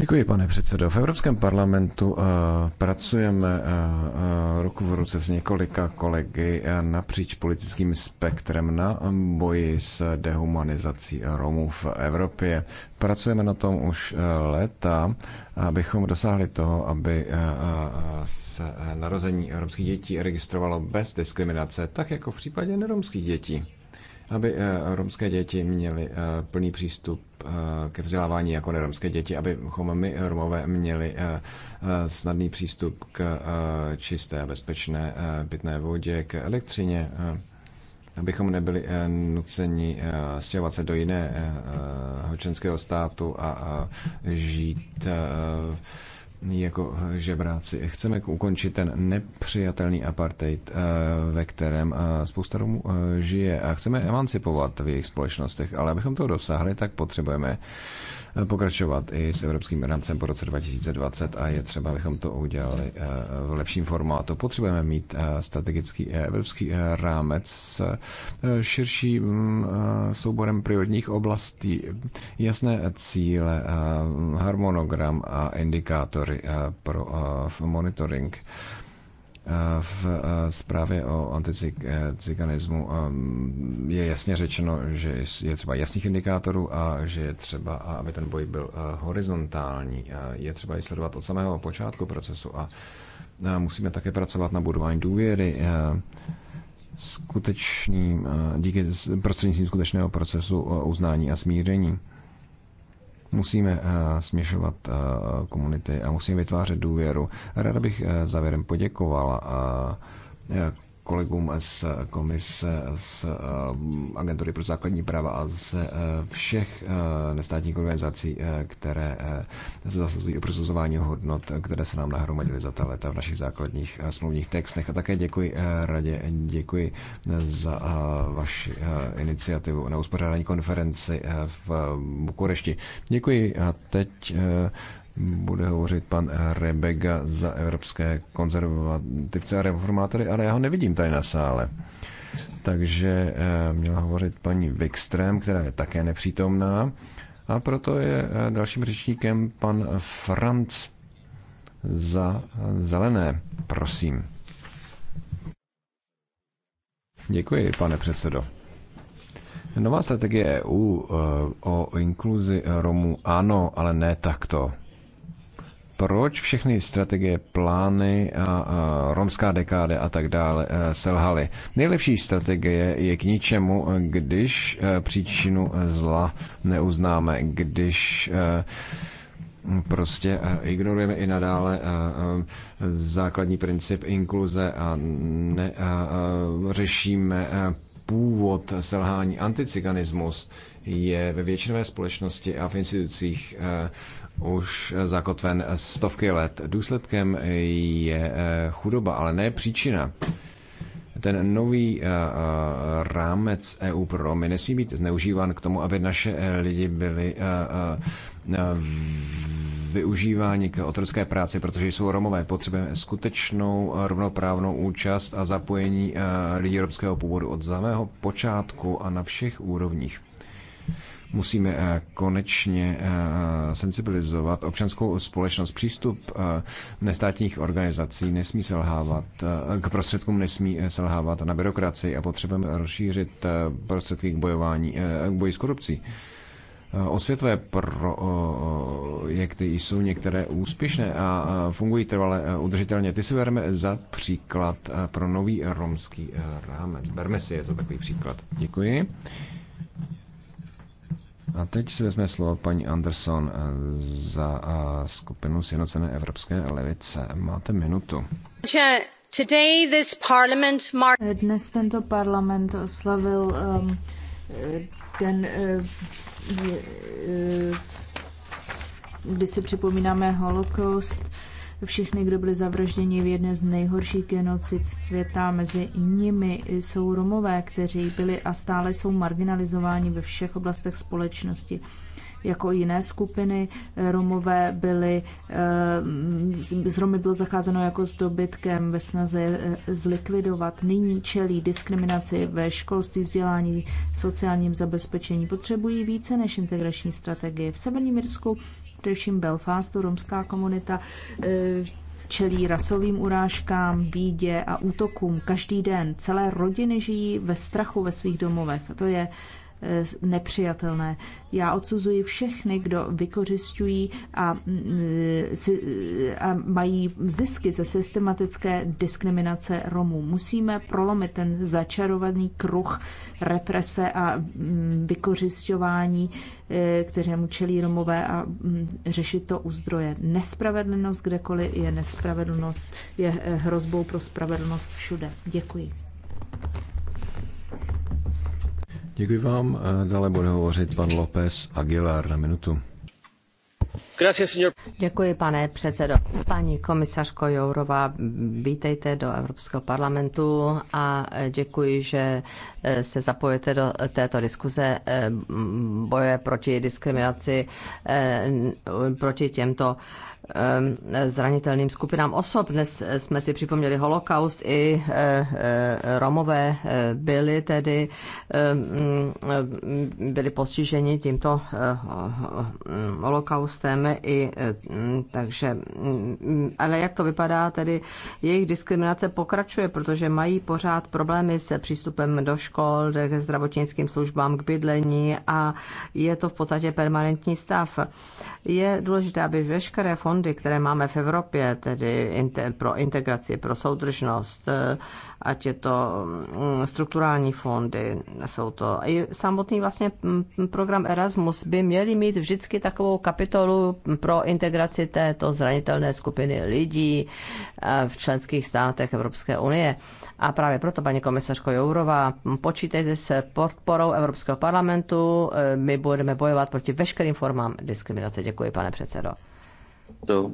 Děkuji, pane předsedo. V Evropském parlamentu eh, pracujeme eh, eh, ruku v ruce s několika kolegy napříč politickým spektrem na boji s dehumanizací Romů v Evropě. Pracujeme na tom už léta, abychom dosáhli toho, aby se narození romských dětí registrovalo bez diskriminace, tak jako v případě neromských dětí aby eh, romské děti měly eh, plný přístup eh, ke vzdělávání jako neromské děti, abychom my Romové měli snadný přístup k čisté a bezpečné pitné vodě, k elektřině, abychom nebyli nuceni stěhovat se do jiného členského státu a žít jako eh, žebráci. Chceme ukončit ten nepřijatelný apartheid, eh, ve kterém eh, spousta Romů žije a chceme emancipovat v jejich společnostech, ale abychom to dosáhli, tak potřebujeme pokračovat i s evropským rámcem po roce 2020 a je třeba, abychom to udělali eh, v lepším formátu. Potřebujeme mít eh, strategický eh, evropský rámec s širším souborem prioritních oblastí, jasné cíle, harmonogram a indikátory pro monitoring v eh, zprávě o anticiganismu eh, je jasně řečeno, že je třeba jasných indikátorů a že je třeba, aby ten boj byl eh, horizontální. Je třeba ji sledovat od samého počátku procesu a musíme také pracovat na budování důvěry skutečným, díky prostřednictvím skutečného procesu uznání a smíření. Musíme eh, směšovat eh, komunity a musíme vytvářet důvěru. Ráda bych eh, závěrem poděkovala kolegům z komise, z eh, Agentury pro základní práva a z eh, všech eh, nestátních organizací, které se zasazují o prosazování hodnot, které se nám nahromadily za ta léta v našich základních smluvních textech. A také děkuji radě, děkuji za vaši iniciativu na uspořádání konferenci v Bukurešti. Děkuji a teď bude hovořit pan Rebega za evropské konzervativce a reformátory, ale já ho nevidím tady na sále. Takže eh, měla hovořit paní Wikström, která je také nepřítomná. A proto je eh, dalším řečníkem pan Franc za zelené. Prosím. Děkuji, pane předsedo. Nová strategie EU eh, o inkluzi Romů ano, ale ne takto proč všechny strategie, plány a, a romská dekáda a tak dále e, selhaly. Nejlepší strategie je k ničemu, když e, příčinu zla neuznáme, když e, prostě ignorujeme i nadále základní princip inkluze a, neřešíme původ selhání. Anticiganismus je ve většinové společnosti a v institucích už zakotven stovky let. Důsledkem je eh, chudoba, ale ne příčina. Ten nový eh, eh, rámec EU pro Romy nesmí být zneužíván k tomu, aby naše lidi byli využíváni k otrocké práci, protože jsou Romové. Potřebujeme skutečnou rovnoprávnou účast a zapojení lidí evropského původu od samého počátku a na všech úrovních. Musíme eh, konečně eh, sensibilizovat občanskou společnost. Přístup eh, nestátních organizací nesmí selhávat, k prostředkům nesmí selhávat na byrokracii a potřebujeme rozšířit prostředky k bojování, k boji s korupcí. Osvětové projekty jsou některé úspěšné a fungují trvale udržitelně. Ty si bereme za příklad pro nový romský rámec. Berme si je za takový příklad. Děkuji. A teď si vezme slovo paní Anderson eh, za eh, skupinu Sjednocené evropské levice. Máte minutu. Eh, dnes tento parlament oslavil um, ten, uh, kdy si připomínáme holokaust všechny, kdo byli zavražděni v jedné z nejhorších genocid světa. Mezi nimi jsou Romové, kteří byli a stále jsou marginalizováni ve všech oblastech společnosti. Jako jiné skupiny eh, Romové byly, eh, z Romy bylo zacházeno jako s dobytkem ve snaze eh, zlikvidovat. Nyní čelí diskriminaci ve školství, vzdělání, sociálním zabezpečení. Potřebují více než integrační strategie. V Severním Irsku především Belfastu, romská komunita eh, čelí rasovým urážkám, bídě a útokům každý den. Celé rodiny žijí ve strachu ve svých domovech. to je Eh, nepřijatelné. Já odsuzuji všechny, kdo vykořišťují a, mm, eh, a mají zisky ze systematické diskriminace Romů. Musíme prolomit ten začarovaný kruh represe a mm, vykořišťování, eh, kterému čelí Romové a mm, řešit to u zdroje. Nespravedlnost kdekoliv je nespravedlnost, je hrozbou pro spravedlnost všude. Děkuji. Děkuji vám. Eh, dále bude hovořit pan López Aguilar na minutu. Děkuji, pane předsedo. Paní komisařko Jourová, vítejte do Evropského parlamentu a eh, děkuji, že eh, se zapojete do této diskuze boje proti diskriminaci, proti těmto Eh, zranitelným skupinám osob. Dnes jsme si připomněli holokaust, i eh, eh, Romové byli tedy mm, byli postiženi tímto holokaustem, i, takže, mm, ale jak to vypadá, tedy jejich diskriminace pokračuje, protože mají pořád problémy se přístupem do škol, k zdravotnickým službám, k bydlení a je to v podstatě permanentní stav. Je důležité, aby veškeré fondy fondy, které máme v Evropě, tedy pro integraci, pro soudržnost, eh, ať je to mm, strukturální fondy, jsou to i samotný vlastně mm, mm, program Erasmus by měli mít vždycky takovou kapitolu pro integraci této zranitelné skupiny lidí eh, v členských státech Evropské unie. A právě proto, paní komisařko Jourová, počítejte se podporou Evropského parlamentu, eh, my budeme bojovat proti veškerým formám diskriminace. Děkuji, pane předsedo. To,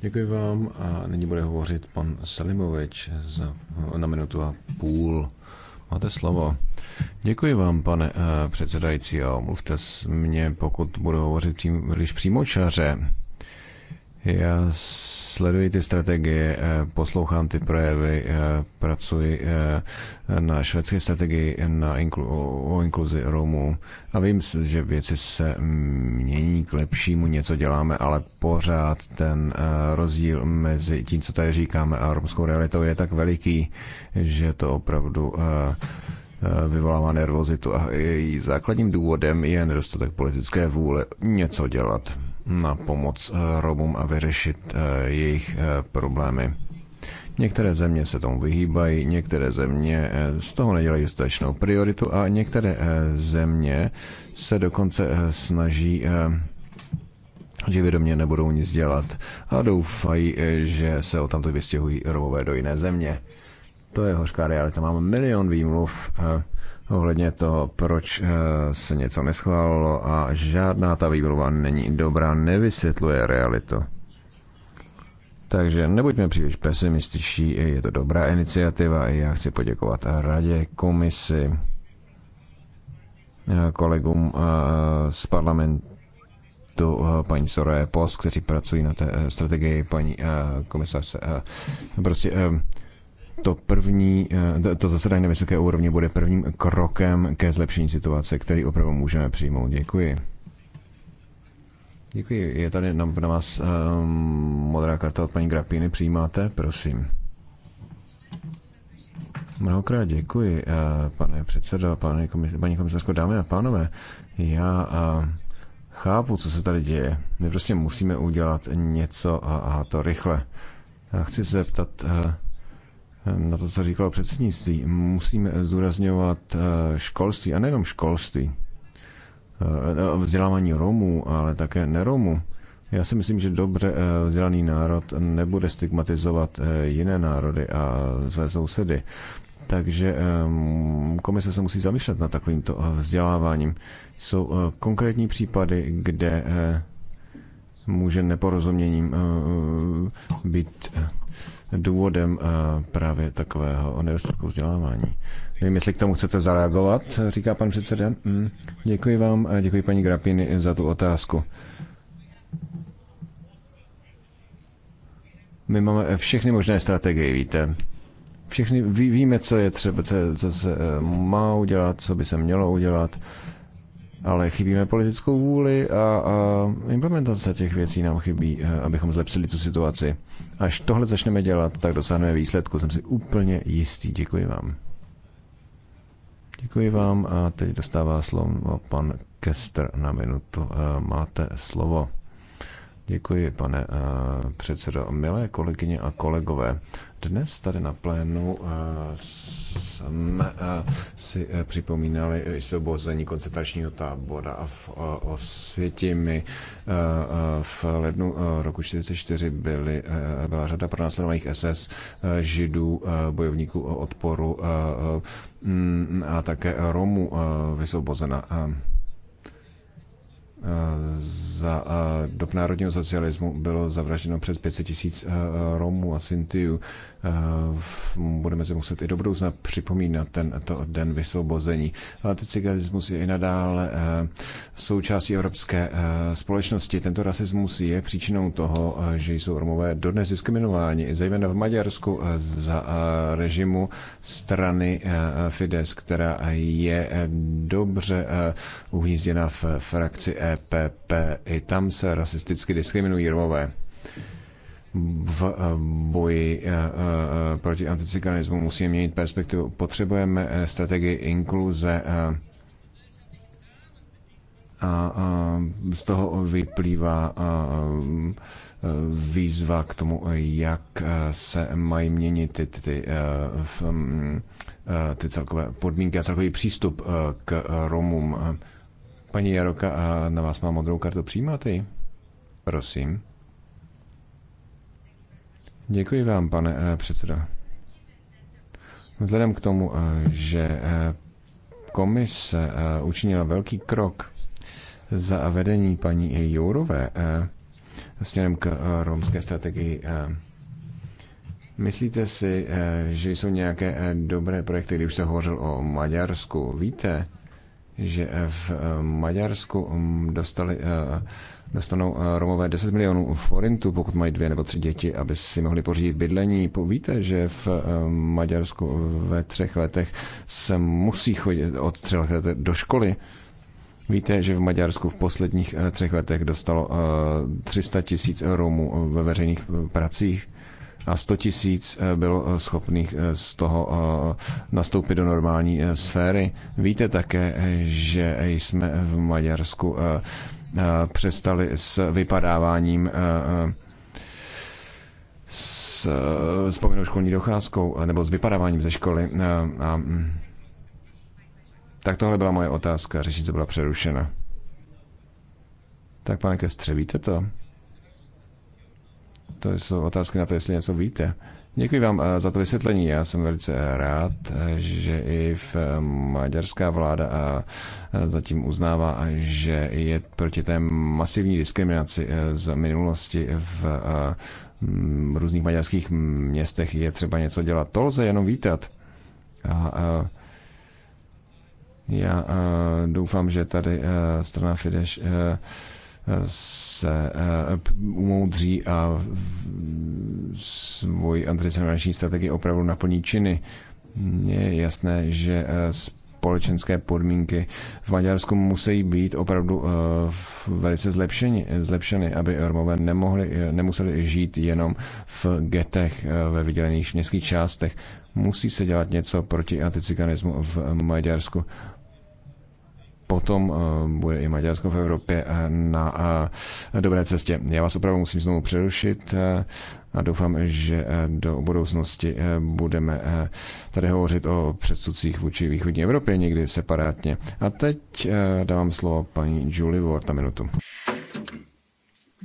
Děkuji vám a nyní bude hovořit pan Selimovič za, na minutu a půl. Máte slovo. Děkuji vám, pane uh, předsedající, a omluvte mě, pokud budu hovořit příliš přímočaře. Já sleduji ty strategie, eh, poslouchám ty projevy, eh, pracuji eh, na švédské strategii na inklu- o inkluzi Romů a vím, že věci se mění k lepšímu, něco děláme, ale pořád ten rozdíl mezi tím, co tady říkáme a romskou realitou je tak veliký, že to opravdu vyvolává nervozitu a její základním důvodem je nedostatek politické vůle něco dělat na pomoc eh, Romům a vyřešit eh, jejich eh, problémy. Některé země se tomu vyhýbají, některé země z toho nedělají dostatečnou prioritu a některé země se dokonce snaží že vědomě nebudou nic dělat a doufají, že se o tamto vystěhují Romové do jiné země. To je hořká realita. Máme milion výmluv, ohledně toho, proč eh, se něco neschválilo a žádná ta výmluva není dobrá, nevysvětluje realitu. Takže nebuďme příliš pesimističtí, je to dobrá iniciativa i já chci poděkovat radě, komisi, eh, kolegům eh, z parlamentu, paní Soraya Post, kteří pracují na té strategii, paní komisařce. Prostě to první, eh, to zasedání na vysoké úrovni bude prvním krokem ke zlepšení situace, který opravdu můžeme přijmout. Děkuji. Děkuji. Je tady na, na vás um, modrá karta od paní Grapiny. Přijímáte? Prosím. Mnohokrát děkuji, uh, pane předsedo, pane komis- paní komisařko, dámy a pánové. Já uh, chápu, co se tady děje. My prostě musíme udělat něco a, a to rychle. Já chci se zeptat, uh, na to, co říkalo předsednictví. Musíme zúrazňovat eh, školství, a nejenom školství, eh, vzdělávání Romů, ale také neromů. Já si myslím, že dobře eh, vzdělaný národ nebude stigmatizovat jiné národy a své sousedy. Takže komise se musí zamýšlet nad takovýmto vzděláváním. Jsou konkrétní případy, kde může neporozuměním být důvodem eh, právě takového nedostatku vzdělávání. Nevím, jestli k tomu chcete zareagovat, říká pan předseda. Mm, děkuji vám a děkuji paní Grapiny za tu otázku. My máme všechny možné strategie, víte. Všechny ví, víme, co je třeba, co, co se eh, má udělat, co by se mělo udělat ale chybíme politickou vůli a, a implementace těch věcí nám chybí, eh, abychom zlepšili tu situaci. Až tohle začneme dělat, tak dosáhneme výsledku, jsem si úplně jistý. Děkuji vám. Děkuji vám a teď dostává slovo pan Kester na minutu. Eh, máte slovo. Děkuji, pane eh, předsedo. Milé kolegyně a kolegové, dnes tady na plénu eh, jsme eh, si eh, připomínali osvobození koncentračního tábora v Osvětimi. V lednu roku 1944 byly, byla řada pronásledovaných SS židů, bojovníků o odporu a také Romů vysvobozena za dob národního socialismu bylo zavražděno přes 500 tisíc Romů a Sintiů. Eh, budeme si muset i do budoucna připomínat ten to den vysvobození. Ale teď cigarismus je i nadále eh, součástí evropské eh, společnosti. Tento rasismus je příčinou toho, že jsou Romové dodnes diskriminováni, zejména v Maďarsku za režimu strany Fides, která je dobře uhnízděna v frakci EPP. I tam se rasisticky diskriminují Romové v eh, boji eh, eh, proti anticiganismu. Musíme měnit perspektivu. Potřebujeme strategii inkluze a z toho vyplývá výzva k tomu, jak se mají měnit ty, ty, ty mm, celkové podmínky a celkový přístup k Romům. Paní Jaroka, na vás má modrou kartu. Přijímáte ji? Prosím. Děkuji vám, pane eh, předsedo. Vzhledem k tomu, eh, že eh, komise učinila velký krok za vedení paní Jourové směrem k romské strategii, myslíte si, že jsou nějaké dobré projekty, když se hovořil o Maďarsku? Víte, že eh, v eh, Maďarsku mm, dostali, eh, dostanou Romové 10 milionů forintů, pokud mají dvě nebo tři děti, aby si mohli pořídit bydlení. Víte, že v Maďarsku ve třech letech se musí chodit od třech let do školy. Víte, že v Maďarsku v posledních třech letech dostalo 300 tisíc Romů ve veřejných pracích a 100 tisíc eh, bylo eh, schopných eh, z toho nastoupit do normální sféry. Víte také, že jsme v Maďarsku přestali s vypadáváním s, s povinnou školní docházkou nebo s vypadáváním ze školy. A, a, hm, tak tohle byla moje otázka, co byla přerušena. Tak pane Kestře, víte to? To jsou otázky na to, jestli něco víte. Děkuji vám eh, za to vysvětlení. Já jsem velice eh, rád, eh, že i v maďarská vláda zatím uznává, že je proti té masivní diskriminaci z minulosti v různých maďarských městech je třeba něco dělat. To lze jenom vítat. A já doufám, že tady strana Fidesz se eh, umoudří a svoji antidiskriminační strategii opravdu naplní činy. Je jasné, že eh, společenské podmínky v Maďarsku musí být opravdu eh, velice zlepšeny, zlepšeny aby Romové nemohli, nemuseli žít jenom v getech ve vydělených městských částech. Musí se dělat něco proti anticiganismu v Maďarsku potom eh, bude i Maďarsko v Evropě eh, na eh, dobré cestě. Já vás opravdu musím znovu přerušit a doufám, že do budoucnosti budeme tady hovořit o předsudcích vůči východní Evropě někdy separátně. A teď dávám slovo paní Julie Ward na minutu.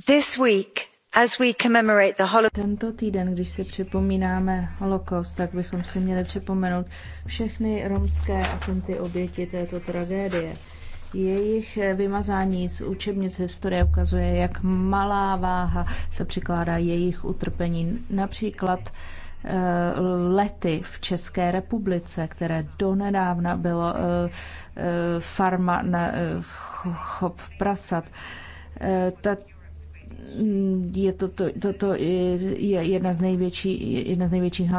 This week As we commemorate the Tento týden, když si připomínáme holokaust, tak bychom si měli připomenout všechny romské a oběti této tragédie. Jejich vymazání z učebnic historie ukazuje, jak malá váha se přikládá jejich utrpení. Například eh, lety v České republice, které donedávna bylo eh, eh, farma na chop prasat je to to je jedna z, největší, jedna z největších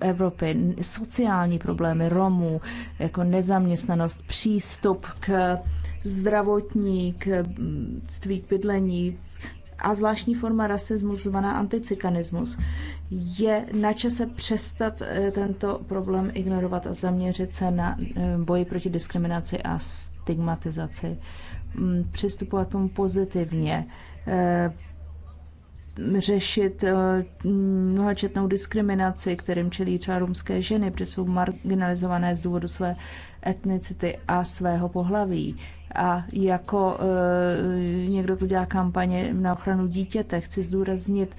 Evropy. Sociální problémy Romů, jako nezaměstnanost, přístup k zdravotní, k, k bydlení, a zvláštní forma rasismu zvaná anticykanismus. Je na čase přestat eh, tento problém ignorovat a zaměřit se na eh, boji proti diskriminaci a stigmatizaci. Mm, přistupovat tomu pozitivně Eh, řešit eh, mnohačetnou diskriminaci, kterým čelí třeba rumské ženy, protože jsou marginalizované z důvodu své etnicity a svého pohlaví. A jako e, někdo, tu dělá kampaně na ochranu dítěte, chci zdůraznit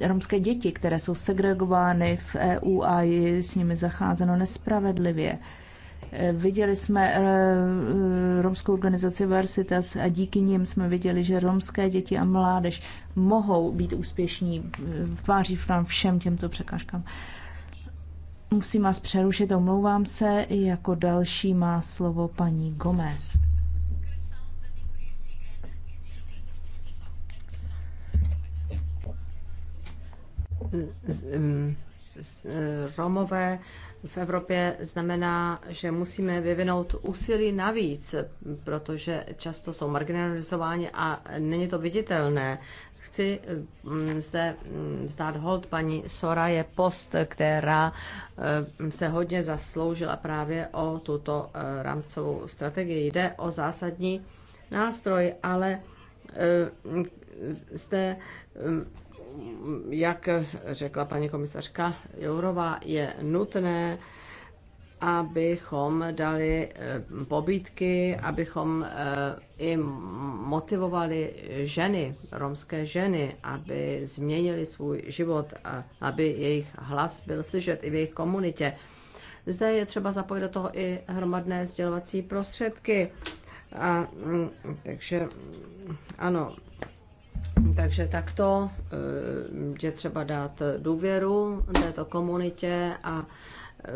e, romské děti, které jsou segregovány v EU a je s nimi zacházeno nespravedlivě. E, Viděli jsme romskou organizaci Varsitas a díky nim jsme viděli, že romské děti a mládež mohou být úspěšní v tváří všem těmto překážkám. Musím vás přerušit, omlouvám se. Jako další má slovo paní Gomez. Romové v Evropě znamená, že musíme vyvinout úsilí navíc, protože často jsou marginalizováni a není to viditelné. Chci mm, zde mm, zdát hold paní Sora je Post, která eh, se hodně zasloužila právě o tuto eh, rámcovou strategii. Jde o zásadní nástroj, ale eh, zde mm, jak řekla paní komisařka Jourová, je nutné, abychom dali eh, pobídky, abychom eh, i motivovali ženy, romské ženy, aby změnili svůj život, a aby jejich hlas byl slyšet i v jejich komunitě. Zde je třeba zapojit do toho i hromadné sdělovací prostředky. A, mm, takže ano, takže takto eh, je třeba dát důvěru této komunitě a eh,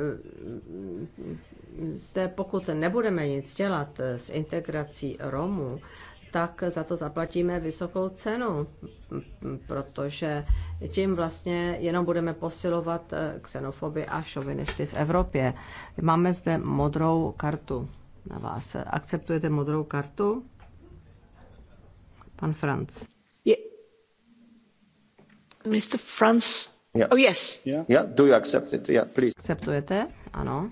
zde pokud nebudeme nic dělat s integrací Romů, tak za to zaplatíme vysokou cenu, protože tím vlastně jenom budeme posilovat eh, xenofoby a šovinisty v Evropě. Máme zde modrou kartu na vás. Akceptujete modrou kartu? Pan Franc. Mr. Franz. Yeah. Oh yes. Yeah. yeah. Do you accept it? Yeah, please. Akceptujete? Ano.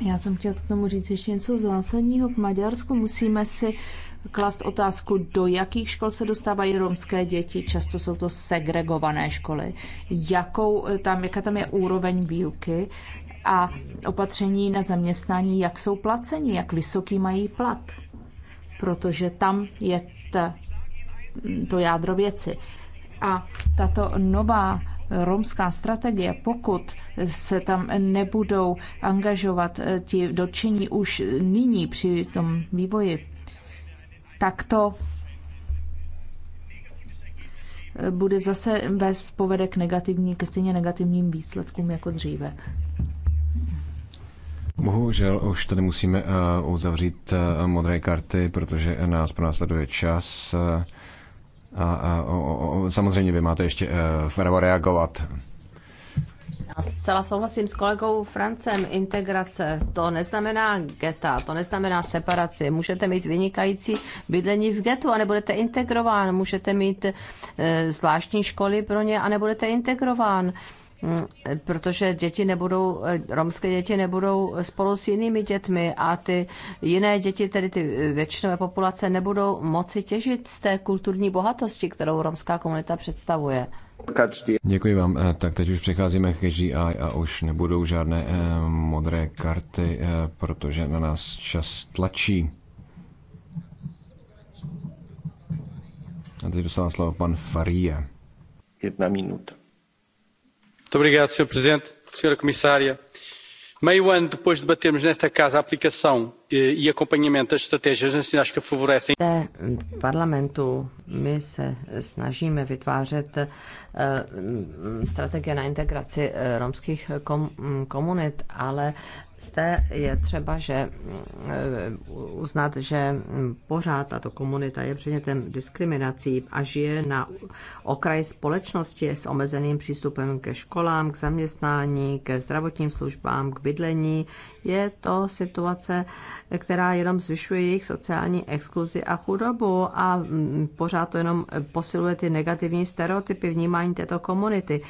Já jsem chtěl k tomu říct ještě něco zásadního. K Maďarsku musíme si klást otázku, do jakých škol se dostávají romské děti. Často jsou to segregované školy. Jakou eh, tam, jaká tam je úroveň výuky a opatření na zaměstnání, jak jsou placeni, jak vysoký mají plat. Protože tam je ta, to jádro věci. A tato nová romská strategie, pokud se tam nebudou angažovat eh, ti dotčení už nyní při tom vývoji, tak to eh, bude zase vést povede k negativní, ke stejně negativním výsledkům jako dříve. Bohužel už tady musíme eh, uzavřít modré karty, protože nás pronásleduje čas. A, a, a, a samozřejmě vy máte ještě eh, právo reagovat. Já zcela souhlasím s kolegou Francem. Integrace to neznamená geta, to neznamená separaci. Můžete mít vynikající bydlení v getu a nebudete integrován. Můžete mít e, zvláštní školy pro ně a nebudete integrován. E, Mm, protože děti nebudou, eh, romské děti nebudou spolu s jinými dětmi a ty jiné děti, tedy ty většinové populace, nebudou moci těžit z té kulturní bohatosti, kterou romská komunita představuje. Děkuji vám. Eh, tak teď už přecházíme k HDI a už nebudou žádné eh, modré karty, protože na nás čas tlačí. A teď dostává slovo pan Faria. Jedna minuta senhor presidente senhora comissária meio ano depois de debatermos nesta casa a aplicação eh, e acompanhamento das estratégias nacionais que favorecem. V eh, parlamentu my se snažíme vytvářet eh, strategie na integraci romských mm, komunit, ale zde je třeba, že eh, uznat, že pořád tato komunita je předmětem diskriminací a žije na okraji společnosti s omezeným přístupem ke školám, k zaměstnání, ke zdravotním službám, k bydlení, je to situace, která jenom zvyšuje jejich sociální exkluzi a chudobu a mm, pořád to jenom posiluje ty negativní stereotypy vnímání této komunity.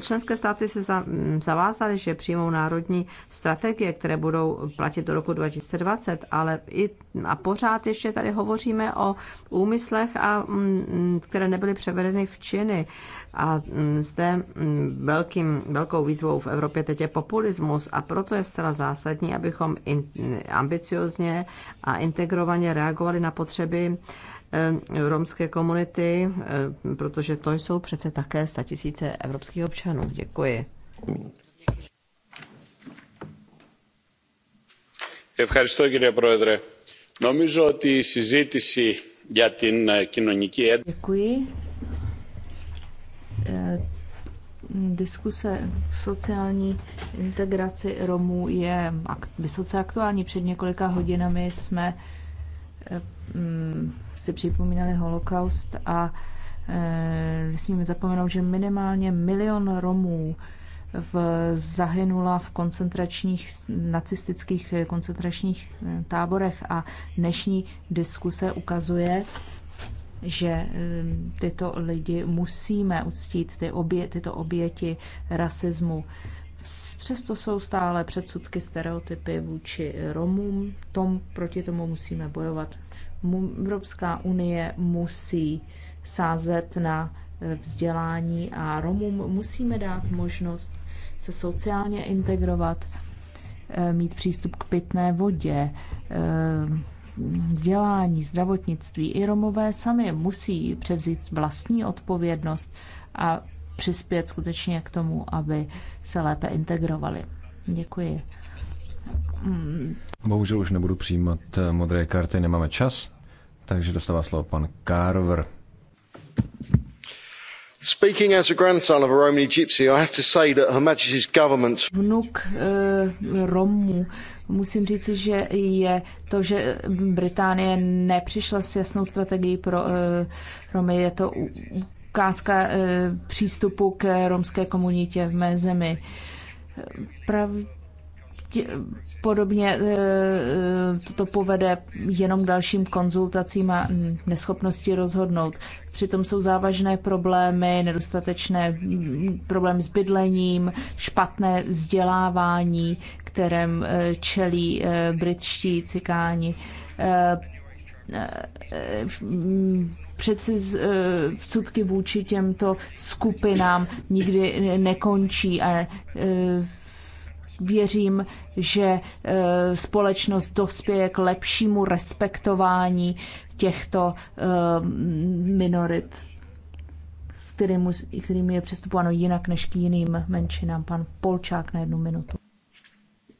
Členské státy se mm, zavázaly, že přijmou národní strategie, které budou platit do roku 2020, ale i a pořád ještě tady hovoříme o úmyslech, a, mm, které nebyly převedeny v činy. A mm, zde mm, velkým, velkou výzvou v Evropě teď je populismus a proto je zcela zásadní, abychom in, ambiciozně a integrovaně reagovali na potřeby eh, romské komunity, eh, protože to jsou přece také statisíce evropských občanů. Děkuji. Ευχαριστώ κύριε Πρόεδρε. Νομίζω ότι η συζήτηση για την κοινωνική ένταση... Děkuji. Eh, diskuse sociální integraci Romů je vysoce aktuální. Před několika hodinami jsme eh, mm, si připomínali holokaust a eh, nesmíme zapomenout, že minimálně milion Romů v, zahynula v koncentračních, nacistických koncentračních táborech a dnešní diskuse ukazuje, že eh, tyto lidi musíme uctít, ty obě, tyto oběti rasismu. Přesto jsou stále předsudky, stereotypy vůči Romům. Tom, proti tomu musíme bojovat. Evropská unie musí sázet na eh, vzdělání a Romům musíme dát možnost se sociálně integrovat, eh, mít přístup k pitné vodě, vzdělání, zdravotnictví. I Romové sami musí převzít vlastní odpovědnost a přispět skutečně k tomu, aby se lépe integrovali. Děkuji. Hmm. Bohužel už nebudu přijímat eh, modré karty, nemáme čas, takže dostává slovo pan Carver. Speaking as a grandson of a Romany gypsy, I have to say that Her Majesty's government's Vnuk romu. Eh, Romů Musím říct, že je to, že Británie nepřišla s jasnou strategií pro eh, Romy, je to ukázka eh, přístupu k romské komunitě v mé zemi. Prav... podobně eh, to povede jenom k dalším konzultacím a neschopnosti rozhodnout. Přitom jsou závažné problémy, nedostatečné mm, problémy s bydlením, špatné vzdělávání, kterém eh, čelí eh, britští cikáni. Eh, přeci vsudky vůči těmto skupinám nikdy nekončí a věřím, že společnost dospěje k lepšímu respektování těchto minorit, s kterými, kterými je přistupováno jinak než k jiným menšinám. Pan Polčák na jednu minutu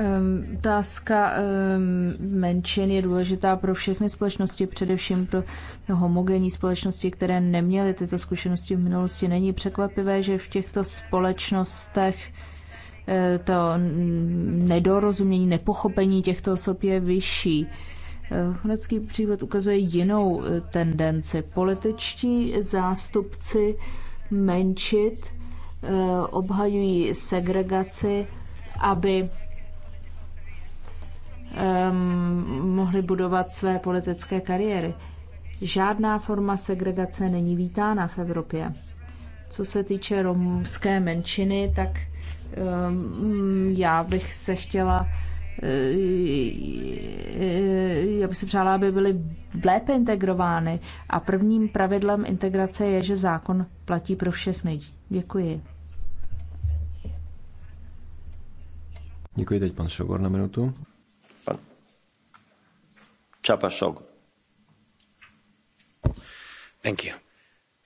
Ehm, otázka ehm, menšin je důležitá pro všechny společnosti, především pro homogenní společnosti, které neměly tyto zkušenosti v minulosti. Není překvapivé, že v těchto společnostech eh, to nedorozumění, nepochopení těchto osob je vyšší. Chronický eh, příklad ukazuje jinou eh, tendenci. Političtí zástupci menšit obhajují segregaci, aby um, mohli budovat své politické kariéry. Žádná forma segregace není vítána v Evropě. Co se týče romské menšiny, tak um, já bych se chtěla eh, eh, já bych se přála, aby byly lépe integrovány. A prvním pravidlem integrace je, že zákon platí pro všechny. Děkuji. Děkuji teď pan Šogor na minutu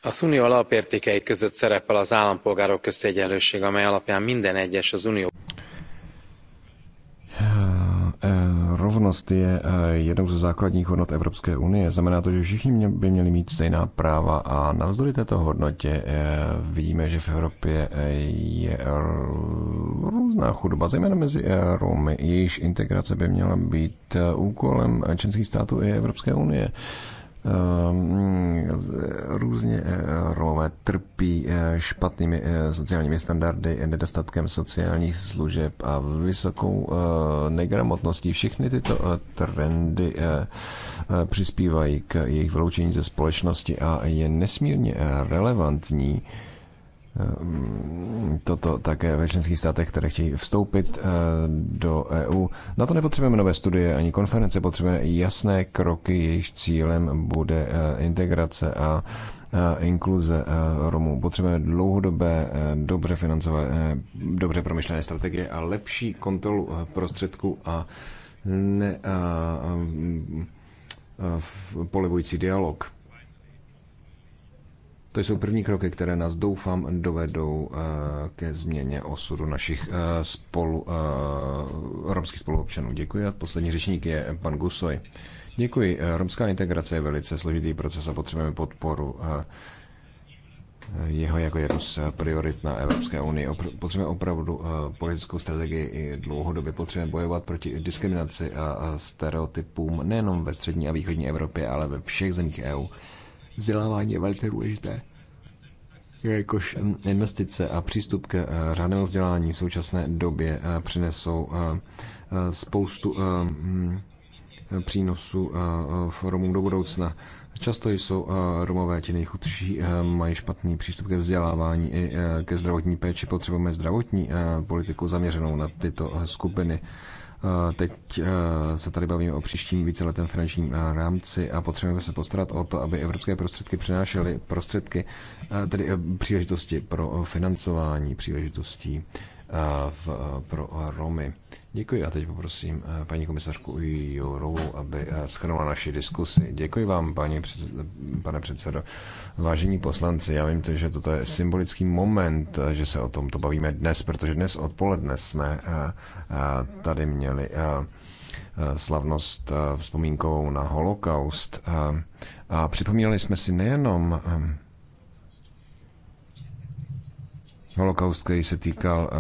az unió alapértékei között szerepel az állampolgárok közti egyenlőség amely alapján minden egyes az unióban élő embert eh, egyenlő jogokban rovnost je eh, jednou ze základních hodnot Evropské unie. Znamená to, že všichni by měli mít stejná práva a navzdory této hodnotě eh, víme, že v Evropě eh, je různá chudoba, zejména mezi Romy. Jejíž integrace by měla být úkolem členských států i Evropské unie. Ehm, různě eh, Romové trpí eh, špatnými eh, sociálními standardy, nedostatkem sociálních služeb a vysokou negramotností. Všechny tyto trendy přispívají k jejich vyloučení ze společnosti a je nesmírně relevantní, toto také ve členských státech, které chtějí vstoupit do EU. Na to nepotřebujeme nové studie ani konference, potřebujeme jasné kroky, jejichž cílem bude integrace a inkluze Romů. Potřebujeme dlouhodobé, dobře financované, dobře promyšlené strategie a lepší kontrolu prostředků a ne a, a, a, polivující dialog. To jsou první kroky, které nás doufám dovedou eh, ke změně osudu našich eh, spolu, eh, romských spoluobčanů. Děkuji. A poslední řečník je pan Gusoj. Děkuji. Romská integrace je velice složitý proces a potřebujeme podporu jeho jako jednu z priorit na Evropské unii. Potřebujeme opravdu politickou strategii i dlouhodobě. Potřebujeme bojovat proti diskriminaci a stereotypům nejenom ve střední a východní Evropě, ale ve všech zemích EU. Vzdělávání je velice důležité jakož investice a přístup k raného eh, vzdělání v současné době eh, přinesou eh, spoustu mm, přínosů v do budoucna. Často jsou Romové ti nejchudší, mají špatný přístup ke vzdělávání i ke zdravotní péči. Potřebujeme zdravotní politiku zaměřenou na tyto skupiny. Eh, teď eh, se tady bavíme o příštím víceletém finančním eh, rámci a potřebujeme se postarat o to, aby evropské prostředky přinášely prostředky, tedy příležitosti pro financování příležitostí v, pro Romy. Děkuji a teď poprosím eh, paní komisařku Jourovou, aby eh, schrnula naši diskusi. Děkuji vám, paní před, pane předsedo. Vážení poslanci, já vím, to, že toto je symbolický moment, eh, že se o tomto bavíme dnes, protože dnes odpoledne jsme tady měli slavnost vzpomínkovou na holokaust a připomínali jsme si nejenom holokaust, který se týkal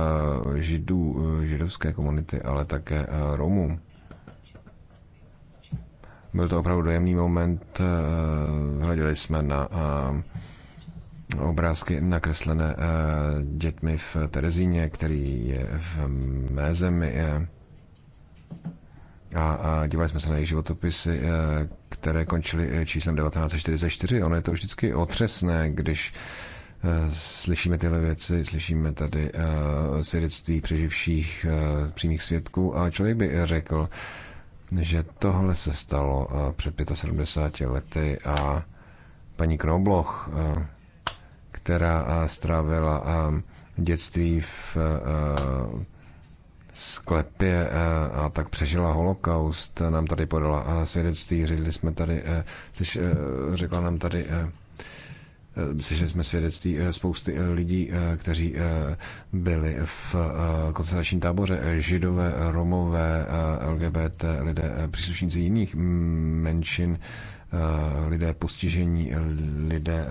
eh, židů, eh, židovské komunity, ale také eh, Romů. Byl to opravdu dojemný moment. Hleděli jsme na obrázky nakreslené dětmi v Terezíně, který je v mé zemi. A, a dívali jsme se na jejich životopisy, které končily číslem 1944. Ono je to vždycky otřesné, když Slyšíme tyhle věci, slyšíme tady eh, svědectví přeživších eh, přímých svědků a člověk by řekl, že tohle se stalo eh, před 75 lety a paní Knobloch, která strávila dětství v sklepě a tak přežila holokaust, nám tady podala svědectví, řekli jsme tady, řekla nám tady Eh, slyšeli jsme svědectví eh, spousty eh, lidí, kteří byli v koncentračním táboře. Židové, Romové, LGBT, lidé, příslušníci jiných menšin, lidé postižení, lidé,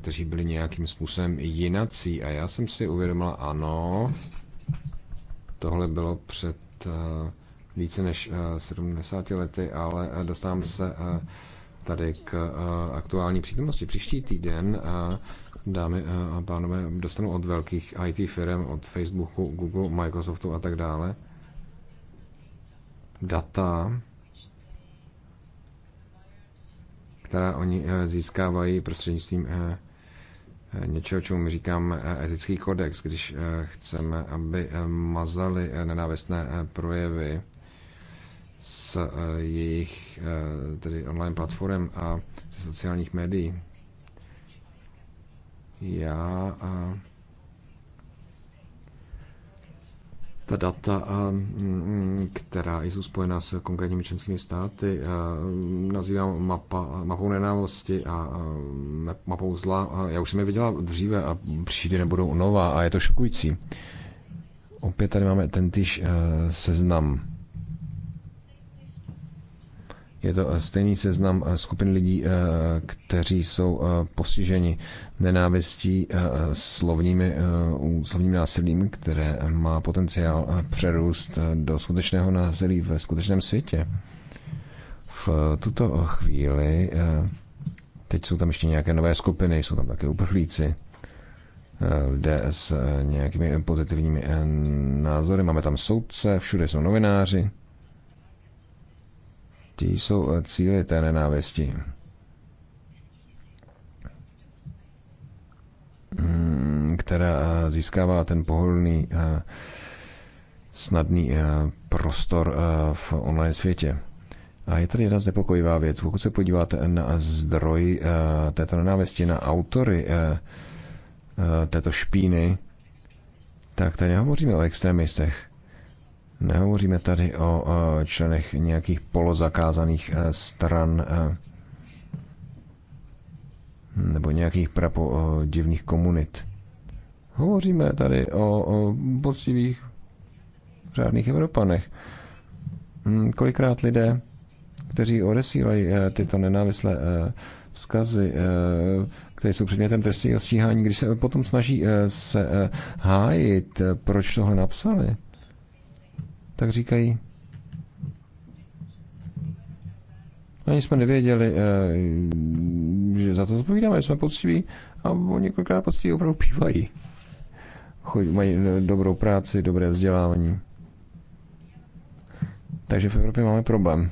kteří byli nějakým způsobem jinací. A já jsem si uvědomila, ano, tohle bylo před více než 70 lety, ale dostávám se tady k eh, aktuální přítomnosti. Příští týden eh, dámy eh, a pánové dostanou od velkých IT firm, od Facebooku, Google, Microsoftu a tak dále data, která oni získávají prostřednictvím něčeho, čemu my říkáme etický kodex, když chceme, aby mazali nenávistné projevy s eh, jejich eh, tedy online platformem a ze sociálních médií. Já a ta data, mm, která jsou spojená s konkrétními členskými státy, eh, nazývám mapa, mapou nenávosti a mapou zla. Já už jsem je viděla dříve a příště nebudou nová a je to šokující. Opět tady máme ten týž seznam je to eh, stejný seznam eh, skupin lidí, eh, kteří jsou postiženi nenávistí slovními, slovními násilím, které má potenciál přerůst do skutečného násilí ve skutečném světě. V tuto chvíli, teď jsou tam ještě nějaké nové skupiny, jsou tam také uprchlíci, lidé s nějakými pozitivními názory, máme tam soudce, všude jsou novináři, ti jsou eh, cíly té nenávisti. Mm, která eh, získává ten pohodlný eh, snadný prostor v online světě. A je tady jedna znepokojivá věc. Pokud se podíváte na zdroj této nenávisti, na autory této špíny, tak tady nehovoříme o extremistech. Nehovoříme tady o členech nějakých polozakázaných eh, stran eh, nebo nějakých prapo eh, divných komunit. Hovoříme tady o, poctivých řádných Evropanech. Hmm, kolikrát lidé, kteří odesílají tyto nenávislé vzkazy, které jsou předmětem trestního stíhání, když se potom snaží se hájit, proč tohle napsali? tak říkají, ani no, jsme nevěděli, eh, že za to zodpovídáme, že jsme poctiví a oni kolikrát poctiví opravdu pívají. Chodí, mají eh, dobrou práci, dobré vzdělávání. Takže v Evropě máme problém.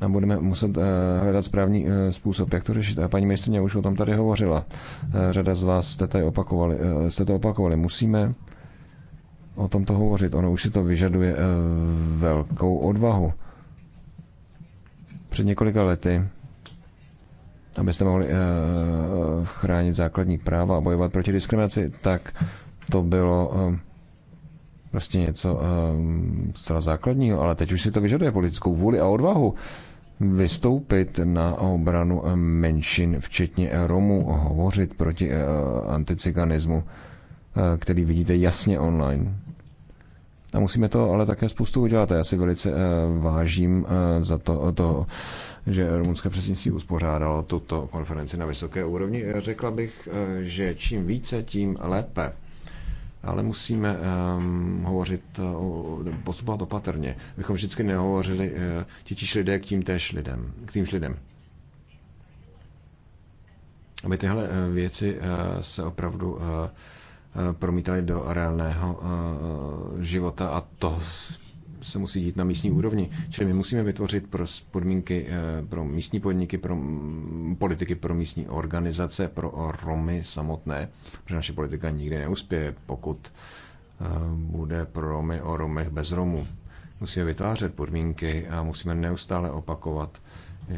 A budeme muset eh, hledat správný způsob, jak to řešit. A paní ministrině už o tom tady hovořila. Řada z vás jste, tady opakovali, jste to opakovali. Musíme o tomto hovořit. Ono už si to vyžaduje eh, velkou odvahu. Před několika lety, abyste mohli eh, chránit základní práva a bojovat proti diskriminaci, tak to bylo eh, prostě něco zcela základního, ale teď už si to vyžaduje politickou vůli a odvahu vystoupit na obranu menšin, včetně Romů, hovořit proti anticiganismu, který vidíte jasně online. A musíme to ale také spoustu udělat. A já si velice eh, vážím eh, za to, to že rumunské předsednictví uspořádalo tuto konferenci na vysoké úrovni. Eh, řekla bych, že čím více, tím lépe ale musíme um, hovořit, uh, postupovat opatrně. Bychom vždycky nehovořili uh, titíž lidé k tím též lidem, k tímž lidem. Aby tyhle uh, věci uh, se opravdu uh, Eh, promítali do reálného eh, života a to se musí dít na místní úrovni. Čili my musíme vytvořit pro podmínky eh, pro místní podniky, pro politiky, pro místní organizace, pro Romy samotné, protože naše politika nikdy neuspěje, pokud bude pro Romy o Romech bez Romů. Musíme vytvářet podmínky a musíme neustále opakovat,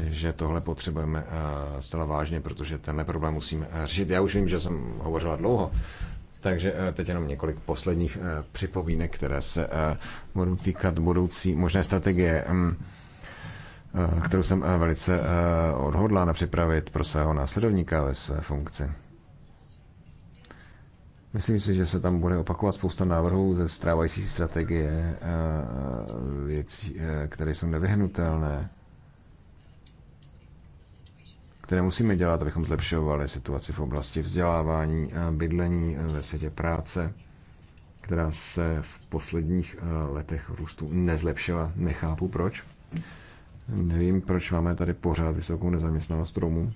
že tohle potřebujeme zcela vážně, protože tenhle problém musíme řešit. Já už vím, že jsem hovořila dlouho, takže eh, teď jenom několik posledních eh, připomínek, které se eh, budou týkat budoucí možné strategie mm, kterou jsem velice odhodlán připravit pro svého následovníka ve své funkci. Myslím si, že se tam bude opakovat spousta návrhů ze strávající strategie, věcí, které jsou nevyhnutelné které musíme dělat, abychom zlepšovali situaci v oblasti vzdělávání a bydlení eh, ve světě práce, která se v posledních eh, letech růstu nezlepšila. Nechápu proč. Nevím, proč máme tady pořád vysokou nezaměstnanost Romů.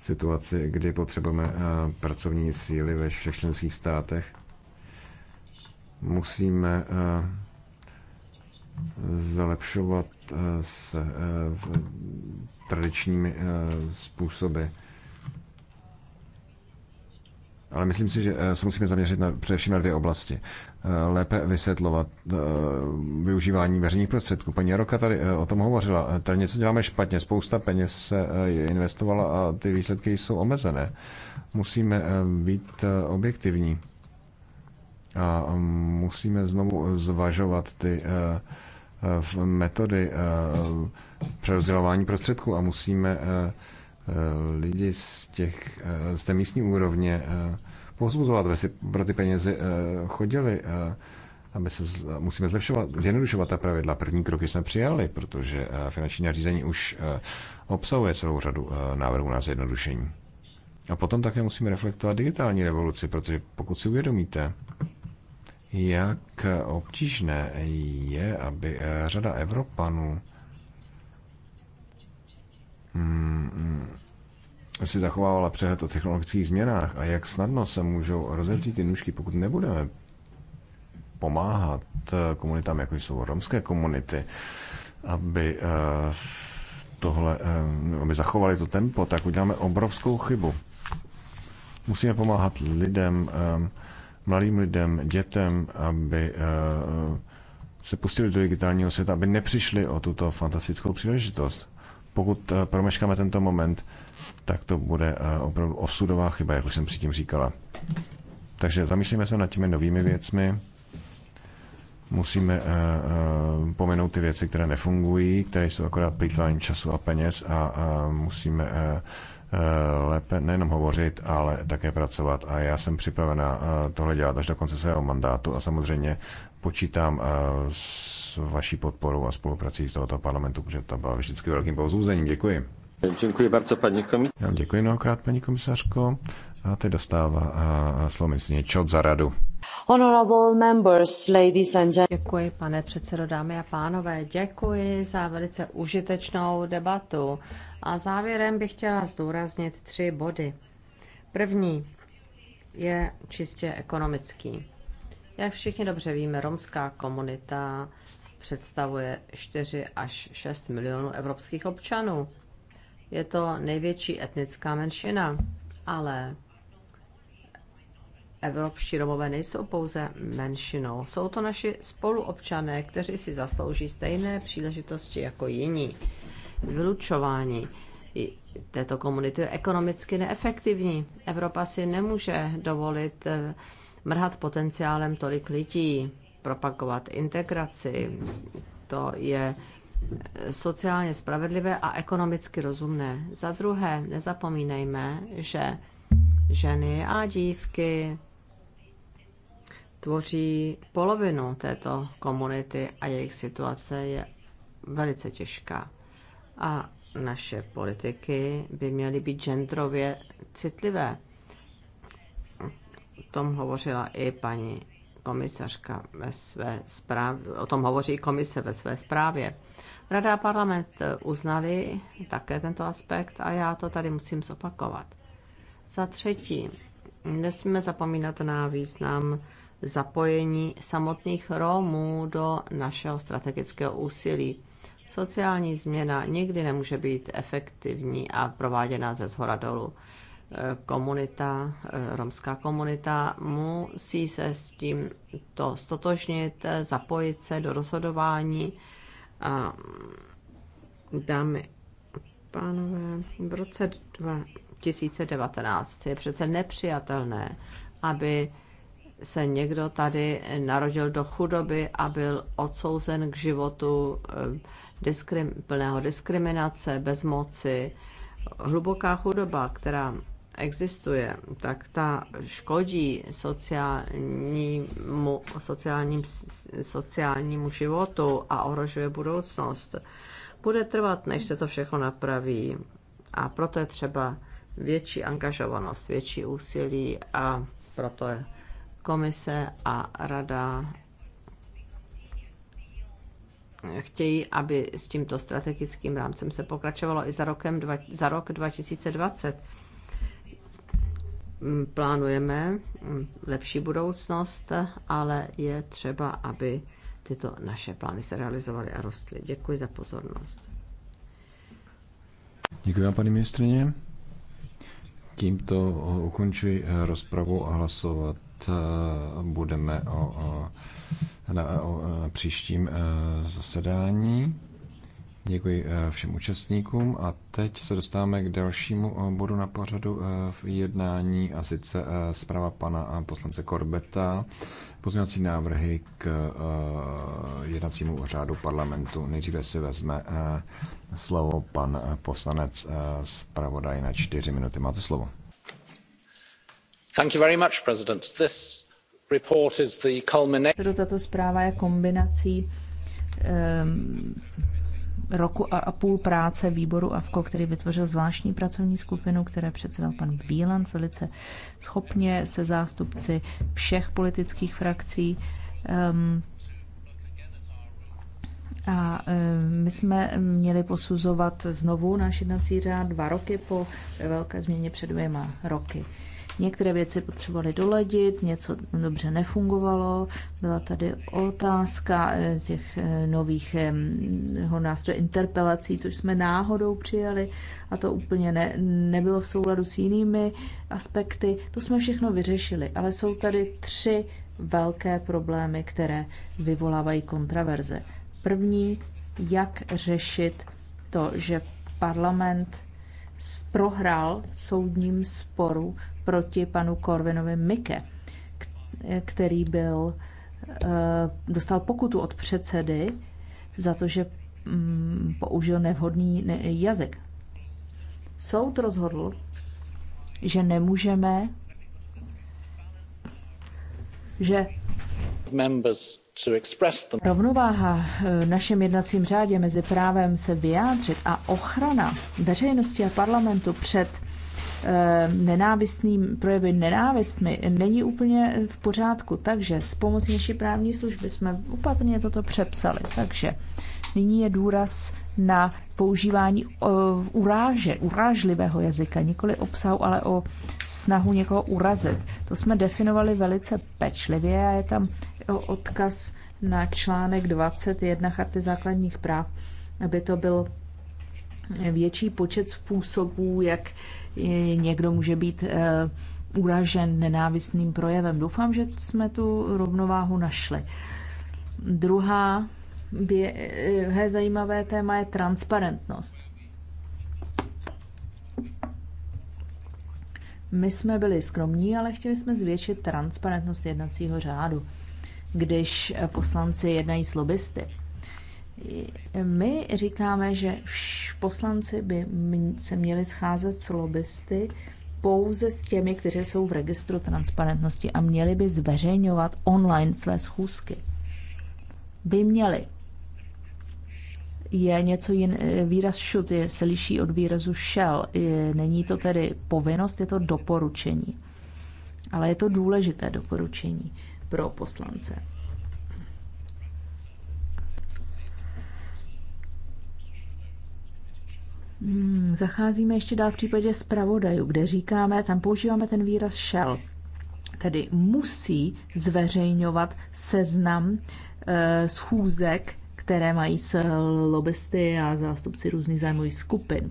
Situaci, kdy potřebujeme eh, pracovní síly ve všech členských státech. Musíme zlepšovat se tradičními eh, způsoby. Ale myslím si, že eh, se musíme zaměřit na, především na dvě oblasti. Eh, lépe vysvětlovat využívání veřejných prostředků. Paní Jaroka tady o tom hovořila. Tady něco děláme špatně. Spousta peněz se investovala a ty výsledky jsou omezené. Musíme být objektivní a musíme znovu zvažovat ty metody přerozdělování prostředků a musíme eh, eh, lidi z, těch, eh, z té místní úrovně pozbuzovat, aby si pro ty penězi chodili, aby se, musíme zlepšovat, zjednodušovat ta pravidla. První kroky jsme přijali, protože finanční nařízení už obsahuje celou řadu návrhů na zjednodušení. A potom také musíme reflektovat digitální revoluci, protože pokud si uvědomíte, jak obtížné je, aby řada Evropanů Mm, mm. si zachovávala přehled o technologických změnách a jak snadno se můžou rozevřít ty nůžky, pokud nebudeme pomáhat eh, komunitám, jako jsou romské komunity, aby eh, tohle, eh, aby zachovali to tempo, tak uděláme obrovskou chybu. Musíme pomáhat lidem, mladým lidem, dětem, aby se pustili do digitálního světa, aby nepřišli o tuto fantastickou příležitost pokud eh, promeškáme tento moment, tak to bude eh, opravdu osudová chyba, jak už jsem předtím říkala. Takže zamýšlíme se nad těmi novými věcmi, musíme uh, uh, pomenout ty věci, které nefungují, které jsou akorát plýtvání času a peněz a uh, musíme uh, uh, lépe nejenom hovořit, ale také pracovat. A já jsem připravena uh, tohle dělat až do konce svého mandátu a samozřejmě počítám uh, s vaší podporou a spoluprací z tohoto parlamentu, protože to bylo vždycky velkým povzbuzením. Děkuji. Děkuji bardzo, paní komisařko. Já vám děkuji mnohokrát, paní komisařko. A teď dostává slovo ministrině Čot za radu. Honorable members, ladies and gentlemen. Děkuji, pane předsedo, dámy a pánové. Děkuji za velice užitečnou debatu. A závěrem bych chtěla zdůraznit tři body. První je čistě ekonomický. Jak všichni dobře víme, romská komunita představuje 4 až 6 milionů evropských občanů. Je to největší etnická menšina, ale evropští Romové nejsou pouze menšinou. Jsou to naši spoluobčané, kteří si zaslouží stejné příležitosti jako jiní. Vylučování této komunity je ekonomicky neefektivní. Evropa si nemůže dovolit mrhat potenciálem tolik lidí propagovat integraci. To je sociálně spravedlivé a ekonomicky rozumné. Za druhé, nezapomínejme, že ženy a dívky tvoří polovinu této komunity a jejich situace je velice těžká. A naše politiky by měly být gendrově citlivé. O tom hovořila i paní komisařka ve své zprávě, o tom hovoří komise ve své zprávě. Rada a parlament uznali také tento aspekt a já to tady musím zopakovat. Za třetí, nesmíme zapomínat na význam zapojení samotných Romů do našeho strategického úsilí. Sociální změna nikdy nemůže být efektivní a prováděna ze zhora dolů komunita, eh, romská komunita musí se s tím to stotožnit, zapojit se do rozhodování. A dámy pánové, v roce 2019 je přece nepřijatelné, aby se někdo tady narodil do chudoby a byl odsouzen k životu eh, diskrim, plného diskriminace, bezmoci. Hluboká chudoba, která existuje, tak ta škodí sociálnímu, sociálním, sociálnímu životu a ohrožuje budoucnost. Bude trvat, než se to všechno napraví. A proto je třeba větší angažovanost, větší úsilí a proto je komise a rada chtějí, aby s tímto strategickým rámcem se pokračovalo i za, rokem, dva, za rok 2020. Mm, plánujeme mm, lepší budoucnost, ale je třeba, aby tyto naše plány se realizovaly a rostly. Děkuji za pozornost. Děkuji vám, paní ministrině. Tímto eh, ukončuji eh, rozpravu a hlasovat eh, budeme o, o, na, o na příštím zasedání. Děkuji eh, všem účastníkům a teď se dostáváme k dalšímu eh, bodu na pořadu eh, v jednání a sice zpráva pana poslance Korbeta, pozměňovací návrhy k jednacímu řádu parlamentu. Nejdříve si vezme slovo pan poslanec zpravodaj na čtyři minuty. Máte slovo. Thank you very much, President. This report is the culmination... Tato zpráva je kombinací um, roku a, a půl práce výboru AVKO, který vytvořil zvláštní pracovní skupinu, které předsedal pan Bílan velice schopně se zástupci všech politických frakcí. Um, a ehm, my jsme měli posuzovat znovu náš jednací řád dva roky po velké změně před dvěma roky. Některé věci potřebovali doladit, něco dobře nefungovalo. Byla tady otázka eh, těch eh, nových eh, nástroje interpelací, což jsme náhodou přijali a to úplně ne, nebylo v souladu s jinými aspekty. To jsme všechno vyřešili, ale jsou tady tři velké problémy, které vyvolávají kontraverze. První, jak řešit to, že parlament prohrál soudním sporu proti panu Korvinovi Mike, který byl, eh, dostal pokutu od předsedy za to, že mm, použil nevhodný jazyk. Soud rozhodl, že nemůžeme, že Rovnováha v eh, našem jednacím řádě mezi právem se vyjádřit a ochrana veřejnosti a parlamentu před Eh, nenávistným projevy nenávistmi není úplně v pořádku. Takže s pomocí naší právní služby jsme opatrně toto přepsali. Takže nyní je důraz na používání eh, uráže, urážlivého jazyka, nikoli obsahu, ale o snahu někoho urazit. To jsme definovali velice pečlivě a je tam odkaz na článek 21 Charty základních práv, aby to byl větší počet způsobů, jak někdo může být eh, uražen nenávistným projevem. Doufám, že jsme tu rovnováhu našli. Druhá druhé eh, zajímavé téma je transparentnost. My jsme byli skromní, ale chtěli jsme zvětšit transparentnost jednacího řádu, když poslanci jednají s lobbysty my říkáme, že poslanci by se měli scházet s lobbysty pouze s těmi, kteří jsou v registru transparentnosti a měli by zveřejňovat online své schůzky. By měli. Je něco jin, výraz šut je, se liší od výrazu šel. není to tedy povinnost, je to doporučení. Ale je to důležité doporučení pro poslance. Hmm, zacházíme ještě dál v případě zpravodajů, kde říkáme, tam používáme ten výraz shell, tedy musí zveřejňovat seznam e, schůzek, které mají s lobbysty a zástupci různých zájmových skupin.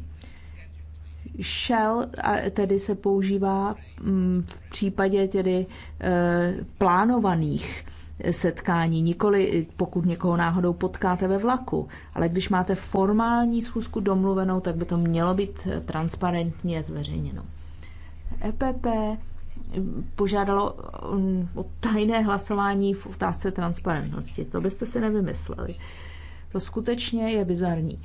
Shell tedy se používá mm, v případě tedy e, plánovaných setkání, nikoli pokud někoho náhodou potkáte ve vlaku. Ale když máte formální schůzku domluvenou, tak by to mělo být transparentně zveřejněno. EPP požádalo o tajné hlasování v otázce transparentnosti. To byste si nevymysleli. To skutečně je bizarní.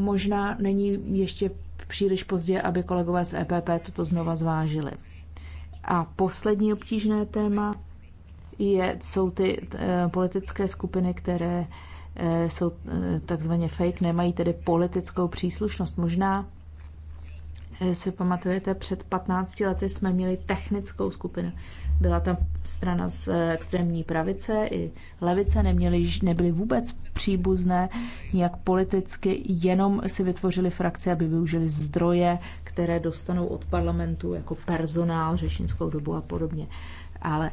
Možná není ještě příliš pozdě, aby kolegové z EPP toto znova zvážili. A poslední obtížné téma je, jsou ty eh, politické skupiny, které eh, jsou eh, takzvaně fake, nemají tedy politickou příslušnost. Možná si pamatujete, před 15 lety jsme měli technickou skupinu. Byla tam strana z extrémní pravice i levice, neměli, nebyly vůbec příbuzné nijak politicky, jenom si vytvořili frakce, aby využili zdroje, které dostanou od parlamentu jako personál, řešinskou dobu a podobně ale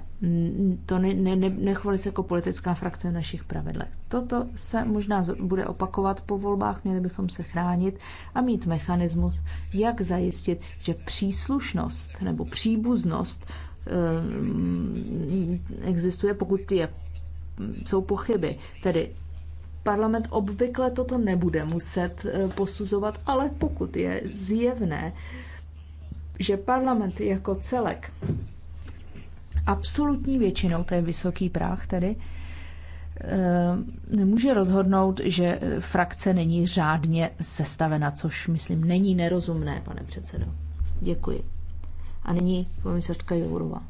to ne, ne, ne, nechvali se jako politická frakce v našich pravidlech. Toto se možná bude opakovat po volbách, měli bychom se chránit a mít mechanismus, jak zajistit, že příslušnost nebo příbuznost eh, existuje, pokud je, jsou pochyby. Tedy parlament obvykle toto nebude muset eh, posuzovat, ale pokud je zjevné, že parlament jako celek absolutní většinou, to je vysoký práh tedy, nemůže eh, rozhodnout, že frakce není řádně sestavena, což myslím není nerozumné, pane předsedo. Děkuji. A nyní komisařka Jourova.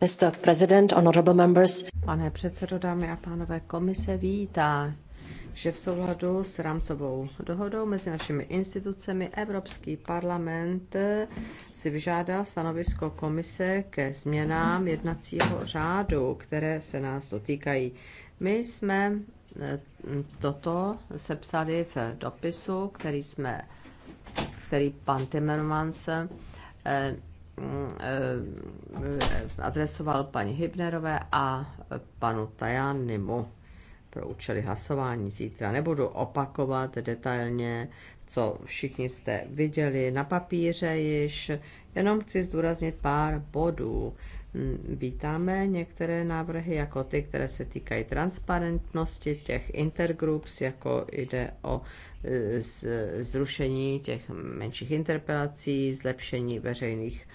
Mr. President, honorable members. Pane předsedo, dámy a pánové, komise vítá že v souladu s rámcovou dohodou mezi našimi institucemi Evropský parlament si vyžádal stanovisko komise ke změnám jednacího řádu, které se nás dotýkají. My jsme eh, toto sepsali v dopisu, který jsme, který pan Timmermans eh, eh, adresoval paní Hybnerové a panu Tajanimu pro účely hlasování zítra. Nebudu opakovat detailně, co všichni jste viděli na papíře již, jenom chci zdůraznit pár bodů. Hmm, vítáme některé návrhy, jako ty, které se týkají transparentnosti těch intergroups, jako jde o e, zrušení těch menších interpelací, zlepšení veřejných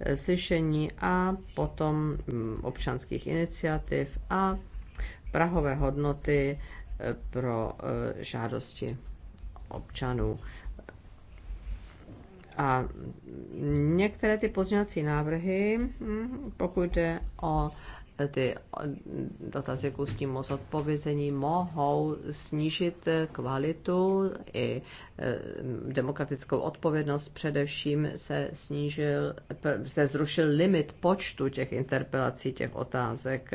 e, slyšení a potom mm, občanských iniciativ a prahové hodnoty eh, pro eh, žádosti občanů. A některé ty pozměňovací návrhy, hm, pokud jde o eh, ty dotazy k ústnímu zodpovězení, mohou snížit kvalitu i demokratickou odpovědnost. Především se, snížil, se zrušil limit počtu těch interpelací, těch otázek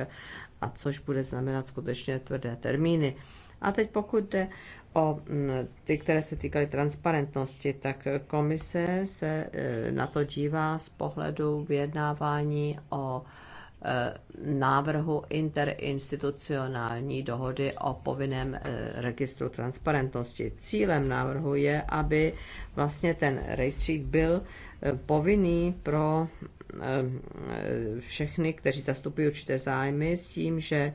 a což bude znamenat skutečně tvrdé termíny. A teď pokud jde o mm, ty, které se týkaly transparentnosti, tak komise se eh, na to dívá z pohledu vyjednávání o eh, návrhu interinstitucionální dohody o povinném eh, registru transparentnosti. Cílem návrhu je, aby vlastně ten rejstřík byl povinný pro Eh, všechny, kteří zastupují určité zájmy, s tím, že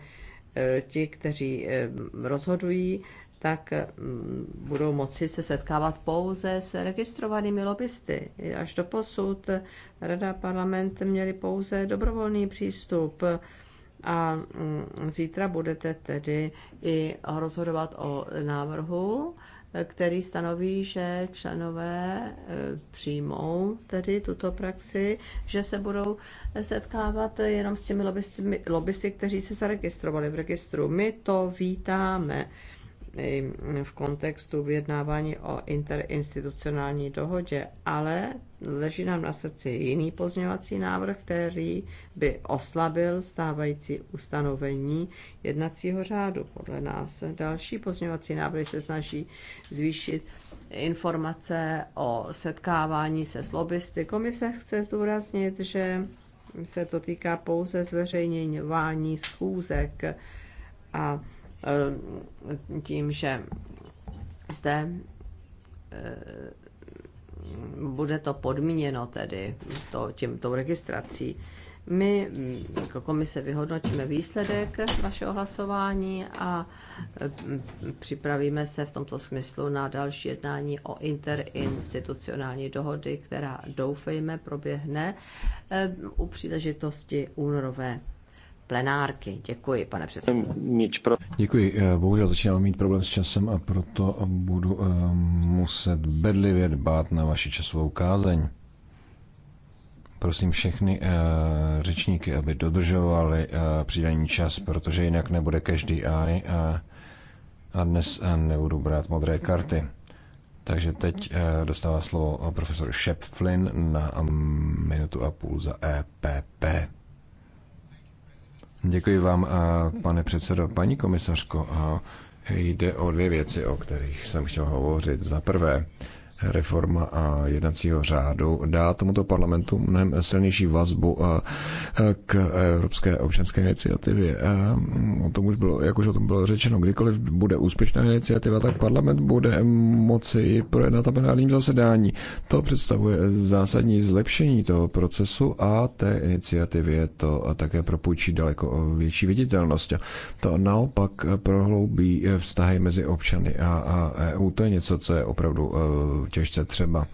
eh, ti, kteří eh, rozhodují, tak mm, budou moci se setkávat pouze s registrovanými lobbysty. Až do posud Rada parlament měli pouze dobrovolný přístup a mm, zítra budete tedy i rozhodovat o návrhu který stanoví, že členové eh, přijmou tedy tuto praxi, že se budou setkávat jenom s těmi lobbysty, kteří se zaregistrovali v registru. My to vítáme v kontextu vyjednávání o interinstitucionální dohodě, ale leží nám na srdci jiný pozměňovací návrh, který by oslabil stávající ustanovení jednacího řádu. Podle nás další pozměňovací návrhy se snaží zvýšit informace o setkávání se s lobbysty. Komise chce zdůraznit, že se to týká pouze zveřejňování schůzek a Eh, tím, že zde eh, bude to podmíněno tedy to, tím, tou registrací. My jako komise vyhodnotíme výsledek vašeho hlasování a eh, připravíme se v tomto smyslu na další jednání o interinstitucionální dohody, která doufejme proběhne u příležitosti únorové plenárky. Děkuji, pane předsedo. Děkuji. Eh, bohužel začínám mít problém s časem a proto budu eh, muset bedlivě dbát na vaši časovou kázeň. Prosím všechny eh, řečníky, aby dodržovali přidaný čas, protože jinak nebude každý aj a, a dnes nebudu brát modré karty. Takže teď dostává slovo profesor Shep Flynn na mm, minutu a půl za EPP. Děkuji vám, eh, pane předsedo. Paní komisařko, eh, jde o dvě věci, o kterých jsem chtěl hovořit. Za prvé, reforma a jednacího řádu dá tomuto parlamentu mnohem silnější vazbu eh, k Evropské občanské iniciativě. Eh, o tom už bylo, jak už o tom bylo řečeno, kdykoliv bude úspěšná iniciativa, tak parlament bude moci ji projednat na plenárním zasedání. To představuje zásadní zlepšení toho procesu a té iniciativě to také propůjčí daleko větší viditelnost. To naopak prohloubí vztahy mezi občany a EU. To je něco, co je opravdu eh, těžce třeba.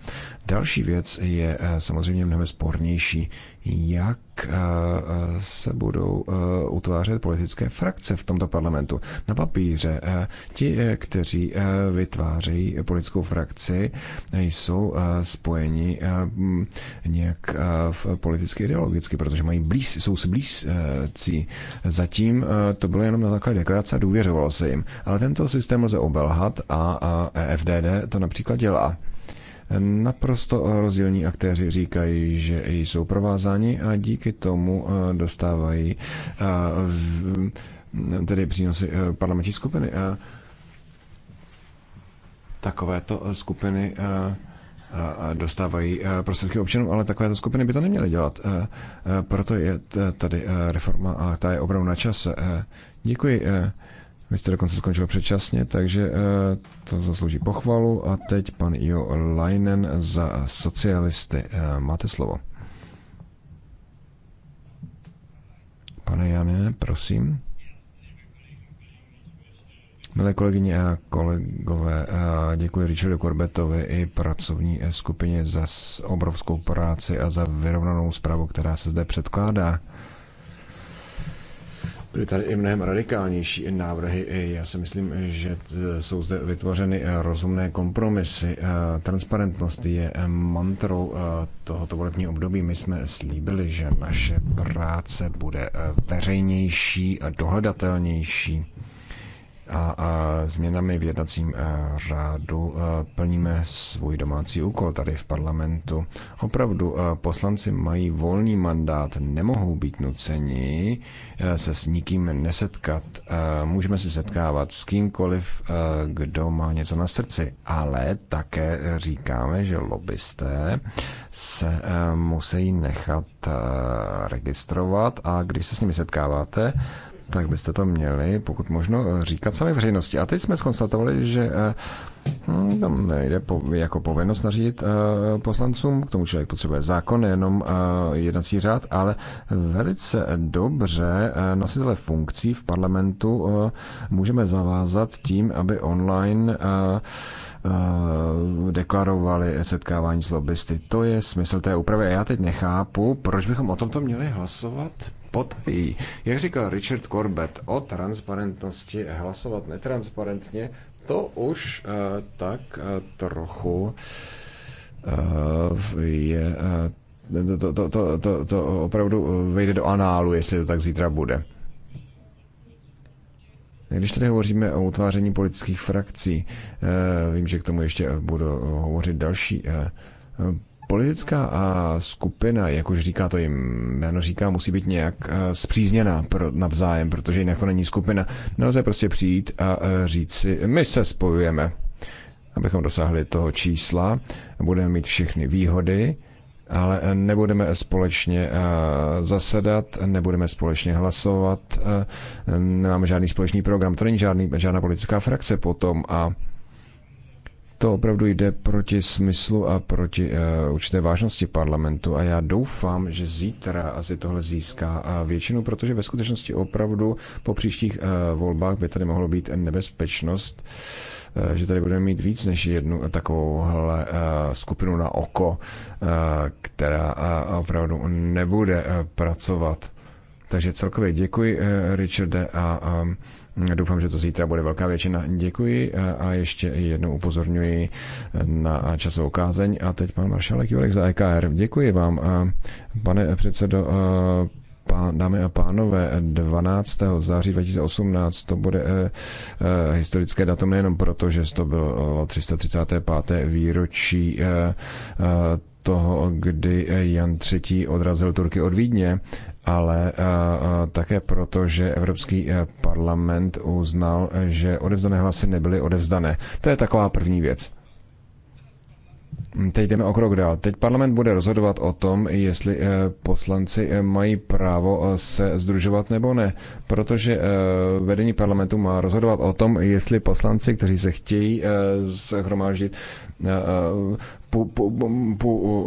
Další věc je eh, samozřejmě mnohem spornější jak eh, eh, se budou eh, utvářet politické frakce v tomto parlamentu. Na papíře ti, kteří vytvářejí politickou frakci, jsou spojeni nějak politicky ideologicky, protože mají blíz, jsou si blízcí. Zatím to bylo jenom na základě deklarace a důvěřovalo se jim. Ale tento systém lze obelhat a e FDD to například dělá. Naprosto rozdílní aktéři říkají, že jsou provázáni a díky tomu eh, dostávají eh, tedy přínosy eh, parlamentní skupiny. Takovéto skupiny dostávají prostředky občanům, ale takovéto skupiny by to neměly dělat. Proto je tady reforma a ta je opravdu na čase. Děkuji. Vy jste dokonce skončil předčasně, takže eh, to zaslouží pochvalu. A teď pan Jo Leinen za socialisty. Eh, máte slovo. Pane Janine, prosím. Milé kolegyně a kolegové, eh, děkuji Richardu Corbettovi i pracovní skupině za obrovskou práci a za vyrovnanou zprávu, která se zde předkládá. Byly tady i mnohem radikálnější návrhy. Já si myslím, že jsou zde vytvořeny eh, rozumné kompromisy. Eh, transparentnost je eh, mantrou tohoto volebního období. My jsme slíbili, že naše práce bude veřejnější a dohledatelnější a, a změnami v jednacím eh, řádu eh, plníme svůj domácí úkol tady v parlamentu. Opravdu eh, poslanci mají volný mandát, nemohou být nuceni se s nikým nesetkat. Můžeme se setkávat s kýmkoliv, kdo má něco na srdci, ale také říkáme, že lobbysté se musí nechat registrovat a když se s nimi setkáváte, tak byste to měli, pokud možno, eh, říkat sami veřejnosti. A teď jsme skonstatovali, že eh, hm, tam nejde po, jako povinnost nařídit uh, poslancům, k tomu člověk potřebuje zákon, jenom uh, jednací řád, ale velice dobře uh, nositele funkcí v parlamentu uh, můžeme zavázat tím, aby online uh, deklarovali setkávání s lobbysty. To je smysl té úpravy a já teď nechápu, proč bychom o tomto měli hlasovat potají. Jak říkal Richard Corbett, o transparentnosti hlasovat netransparentně, to už eh, tak eh, trochu eh, je to, to, to, to, to opravdu vejde do análu, jestli to tak zítra bude. Když tady hovoříme o utváření politických frakcí, vím, že k tomu ještě budu hovořit další politická skupina, jak už říká to jim jméno říká, musí být nějak zpřízněná eh, pro, navzájem, protože jinak to není skupina. Nelze prostě přijít a eh, říct si, my se spojujeme, abychom dosáhli toho čísla, budeme mít všechny výhody, ale eh, nebudeme společně zasedat, nebudeme společně hlasovat, nemáme žádný společný program, to není žádný, žádná politická frakce potom a to opravdu jde proti smyslu a proti uh, určité vážnosti parlamentu a já doufám, že zítra asi tohle získá a eh, většinu, protože ve skutečnosti opravdu po příštích uh, volbách by tady mohlo být nebezpečnost, uh, že tady budeme mít víc než jednu takovouhle uh, skupinu na oko, uh, která uh, opravdu nebude uh, pracovat. Takže celkově děkuji, uh, Richarde, a uh, Doufám, že to zítra bude velká většina. Děkuji a ještě jednou upozorňuji na časovou kázeň. A teď pan Maršalek Jurek za EKR. Děkuji vám, pane předsedo dámy a pánové, 12. září 2018 to bude e, e, historické datum nejenom proto, že to bylo 335. výročí e, toho, kdy eh, Jan III. odrazil Turky od Vídně, ale eh, eh, také proto, že Evropský parlament uznal, že odevzdané hlasy nebyly odevzdané. To je taková první věc. Teď jdeme o krok dál. Teď parlament bude rozhodovat o tom, jestli eh, poslanci eh, mají právo eh, se združovat nebo ne, protože vedení parlamentu má rozhodovat o tom, jestli poslanci, kteří se chtějí zhromáždit, po,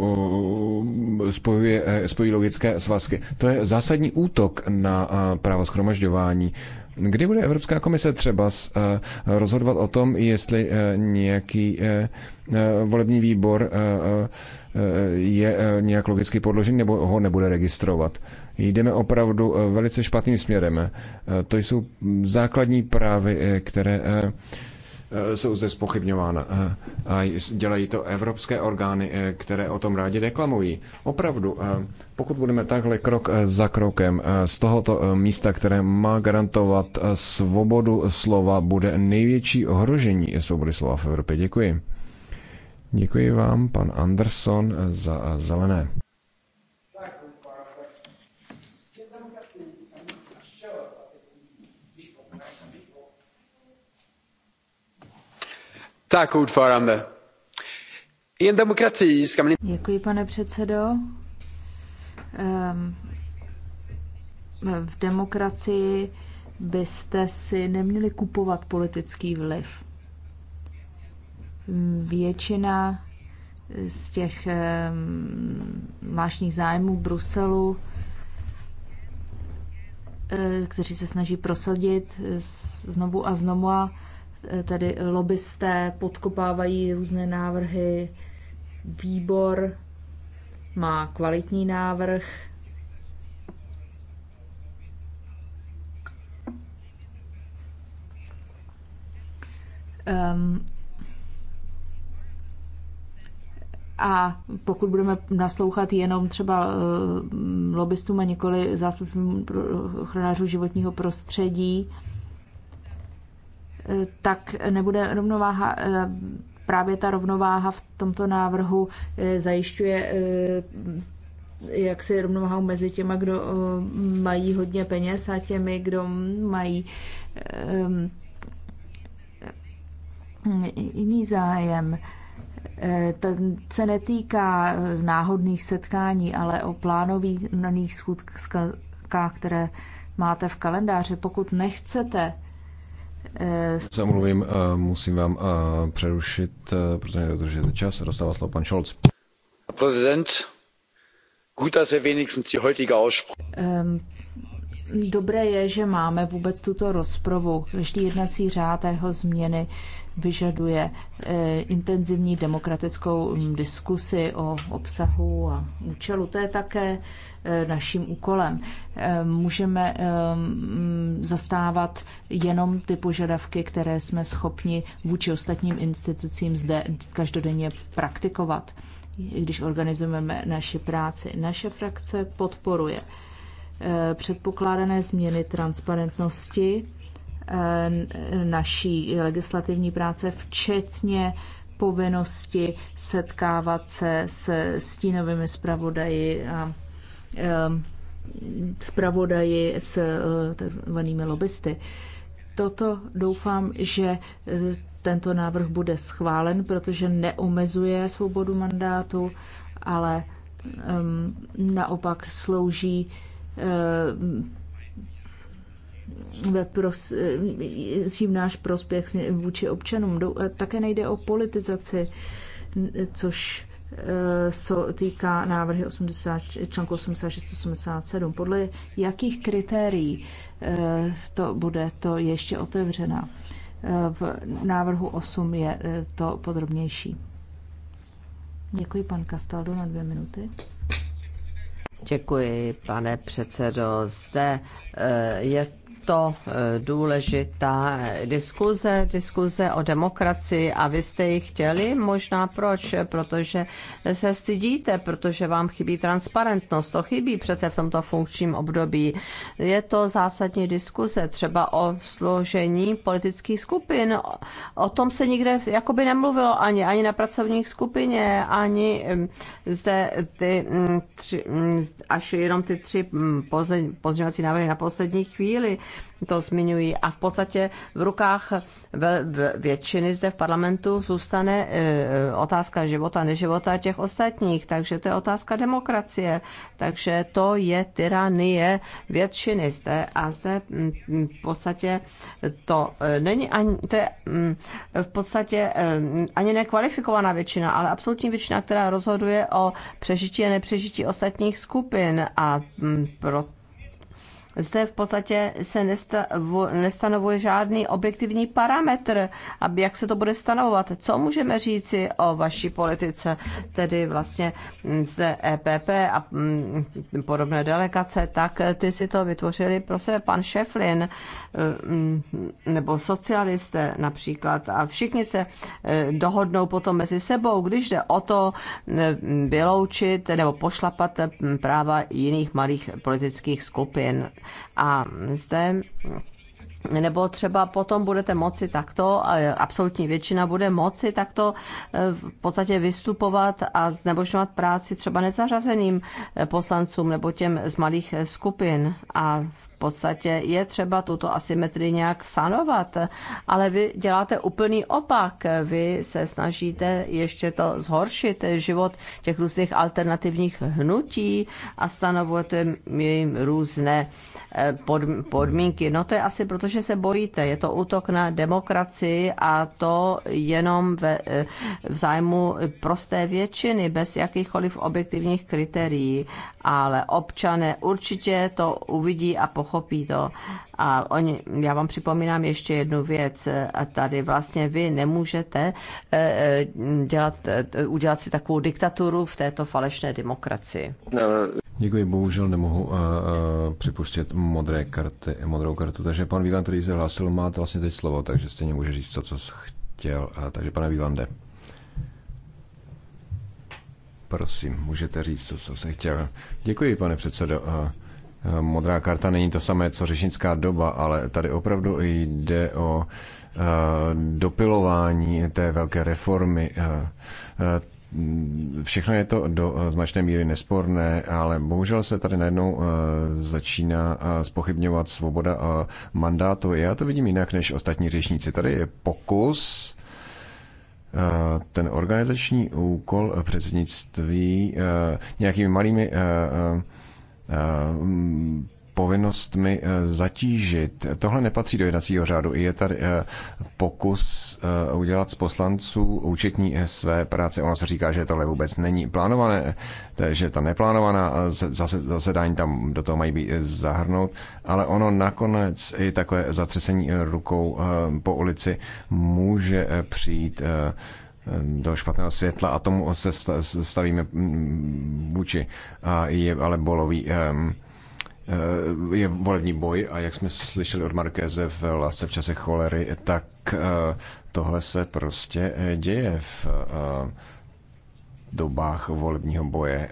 spojí logické svazky. To je zásadní útok na právo schromažďování. Kdy bude Evropská komise třeba eh, rozhodovat o tom, jestli eh, nějaký eh, volební výbor je nějak logicky podložen nebo ho nebude registrovat. Jdeme opravdu velice špatným směrem. To jsou základní právy, které Eh, jsou zde spochybňována. Eh, a dělají to evropské orgány, eh, které o tom rádi deklamují. Opravdu, pokud budeme takhle krok za krokem z tohoto místa, které má garantovat svobodu slova, bude největší ohrožení svobody slova v Evropě. Děkuji. Děkuji vám, pan Anderson, za zelené. Tak, ordförande. I en ska man... Děkuji, pane předsedo. Ehm, v demokracii byste si neměli kupovat politický vliv. Většina z těch ehm, zvláštních zájmů Bruselu, eh, kteří se snaží prosadit eh, znovu a znovu, Eh, Tedy lobbysté podkopávají různé návrhy. Výbor má kvalitní návrh. Um, A pokud budeme naslouchat jenom třeba uh, lobbystům a nikoli zástupcům ochranářů životního prostředí, Eh, tak nebude rovnováha. Eh, právě ta rovnováha v tomto návrhu eh, zajišťuje jak si rovnováhu mezi těma, kdo mají hodně peněz a těmi, kdo mají jiný zájem. To se netýká náhodných setkání, ale o plánových schůzkách, které máte v kalendáři. Pokud nechcete Zamluvím, eh, musím vám eh, přerušit, eh, protože nedodržujete čas. Dostává slovo pan Scholz. Prezident, gut, dass wir wenigstens die heutige Aussprache. Um, dobré je, že máme vůbec tuto rozpravu. Každý jednací řád jeho změny vyžaduje intenzivní demokratickou mm, diskusi o obsahu a účelu. To je také E, naším úkolem. E, můžeme e, zastávat jenom ty požadavky, které jsme schopni vůči ostatním institucím zde každodenně praktikovat, když organizujeme naši práci. Naše frakce podporuje předpokládané změny transparentnosti naší legislativní práce, včetně povinnosti setkávat se s stínovými zpravodaji a Ehm, zpravodaji s eh, takzvanými lobbysty. Toto doufám, že eh, tento návrh bude schválen, protože neomezuje svobodu mandátu, ale ehm, naopak slouží ehm, ve pros, v eh, náš prospěch vůči občanům. Také nejde o politizaci, což co eh, týká návrhy 80, článku 86-87. Podle jakých kritérií eh, to bude, to ještě otevřená. Eh, v návrhu 8 je to podrobnější. Děkuji, pan Castaldo, na dvě minuty. Děkuji, pane předsedo. Zde je to eh, důležitá diskuze, diskuze o demokracii a vy jste ji chtěli, možná proč, protože se stydíte, protože vám chybí transparentnost, to chybí přece v tomto funkčním období. Je to zásadní diskuze třeba o složení politických skupin, o tom se nikde jakoby nemluvilo ani, ani na pracovních skupině, ani hm, zde ty hm, tři, hm, až jenom ty tři pozdějovací návrhy na poslední chvíli, to zmiňují. A v podstatě v rukách většiny zde v parlamentu zůstane e, otázka života, neživota těch ostatních. Takže to je otázka demokracie. Takže to je tyranie většiny zde. A zde v podstatě to e, není ani, to je v podstatě e, ani nekvalifikovaná většina, ale absolutní většina, která rozhoduje o přežití a nepřežití ostatních skupin. A proto zde v podstatě se nestanovuje žádný objektivní parametr, aby jak se to bude stanovovat. Co můžeme říci o vaší politice, tedy vlastně hm, zde EPP a hm, podobné delegace, tak ty si to vytvořili pro sebe pan Šeflin hm, nebo socialisté například a všichni se eh, dohodnou potom mezi sebou, když jde o to vyloučit nebo pošlapat práva jiných malých politických skupin. A zde nebo třeba potom budete moci takto, absolutní většina bude moci takto e, v podstatě vystupovat a znebožňovat práci třeba nezařazeným e, poslancům nebo těm z malých e, skupin. A v podstatě je třeba tuto asymetrii nějak sanovat, ale vy děláte úplný opak. Vy se snažíte ještě to zhoršit, život těch různých alternativních hnutí a stanovujete jim různé eh, podmínky. No to je asi proto, že se bojíte. Je to útok na demokracii a to jenom ve, eh, v zájmu prosté většiny, bez jakýchkoliv objektivních kritérií. Ale občané určitě to uvidí a pochopí pochopí to. A oni, já vám připomínám ještě jednu věc. A tady vlastně vy nemůžete eh, eh, dělat, eh, udělat si takovou diktaturu v této falešné demokracii. No. Děkuji, bohužel nemohu uh, uh, připustit modré karty, modrou kartu. Takže pan Víland, který se hlásil, to vlastně teď slovo, takže stejně může říct to, co chtěl. Uh, takže pane Vílande, prosím, můžete říct co jsem chtěl. Děkuji, pane předsedo. Uh, Modrá karta není to samé, co řečnická doba, ale tady opravdu jde o eh, dopilování té velké reformy. Eh, eh, všechno je to do značné míry nesporné, ale bohužel se tady najednou začíná spochybňovat svoboda mandátu. Já to vidím jinak než ostatní řečníci. Tady je pokus ten organizační úkol předsednictví nějakými malými Eh, povinnostmi eh, zatížit. Tohle nepatří do jednacího řádu. Je tady eh, pokus udělat z poslanců účetní své práce. Ono se říká, že tohle vůbec není plánované, že ta neplánovaná zasedání tam do toho mají být zahrnout, ale ono nakonec i takové zatřesení rukou po ulici může přijít do špatného světla a tomu se stavíme buči. Mm, a je ale bolový eh, je volební boj a jak jsme slyšeli od Markéze v Lásce v čase cholery, tak eh, tohle se prostě eh, děje v dobách volebního boje.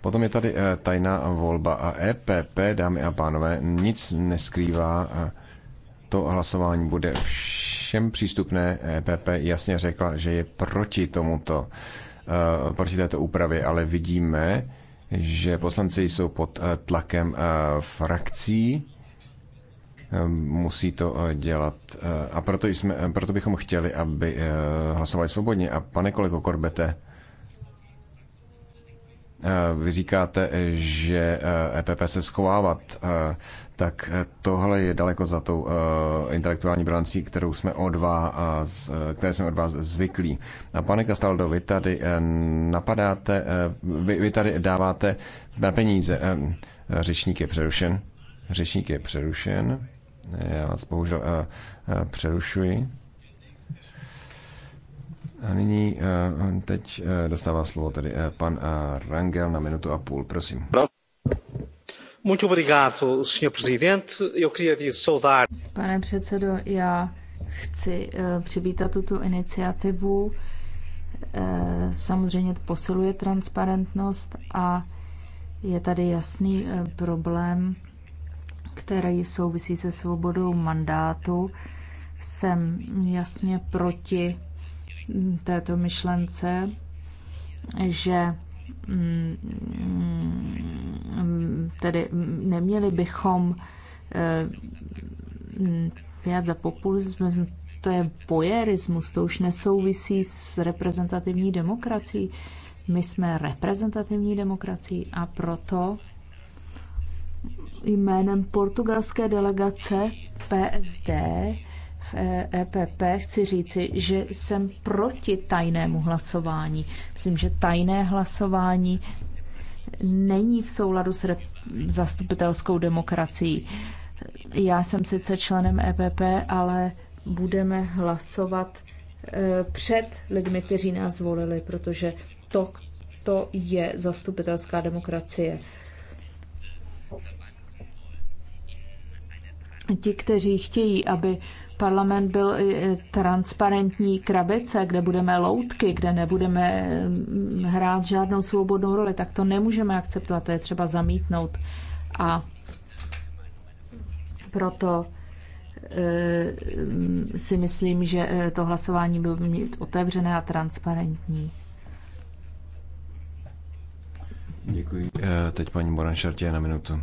Potom je tady tajná volba a EPP, dámy a pánové, nic neskrývá. To hlasování bude vš všem přístupné EPP jasně řekla, že je proti tomuto, eh, proti této úpravě, ale vidíme, že poslanci jsou pod eh, tlakem eh, frakcí, musí to dělat. A proto, jsme, proto bychom chtěli, aby hlasovali svobodně. A pane kolego Korbete, Eh, vy říkáte, že EPP eh, e se schovávat, eh, tak tohle je daleko za tou intelektuální brancí, kterou jsme od vás, které jsme od vás zvyklí. A pane Kastaldo, vy tady napadáte, vy, vy tady dáváte na peníze. Řečník je přerušen. Řečník je přerušen. Já vás bohužel přerušuji. A nyní eh, teď eh, dostává slovo tedy eh, pan Rangel na minutu a půl, prosím. Muito obrigado, senhor presidente. Eu queria saudar. Pane předsedo, já chci přivítat tuto iniciativu. Samozřejmě posiluje transparentnost a je tady jasný problém, který souvisí se svobodou mandátu. Jsem jasně proti této myšlence, že mm, tedy neměli bychom pět eh, za populismus, to je bojerismus, to už nesouvisí s reprezentativní demokracií. My jsme reprezentativní demokracií a proto jménem portugalské delegace PSD EPP eh, e chci říci, že jsem proti tajnému hlasování. Myslím, že tajné hlasování není v souladu s zastupitelskou demokracií. Já jsem sice členem EPP, ale budeme hlasovat eh, před lidmi, kteří nás zvolili, protože to, to je zastupitelská demokracie. Ti, kteří chtějí, aby parlament byl transparentní krabice, kde budeme loutky, kde nebudeme mm, hrát žádnou svobodnou roli, tak to nemůžeme akceptovat, to je třeba zamítnout. A proto e, mm, si myslím, že e, to hlasování bylo otevřené a transparentní. Děkuji. E, teď paní Boran Šartě na minutu.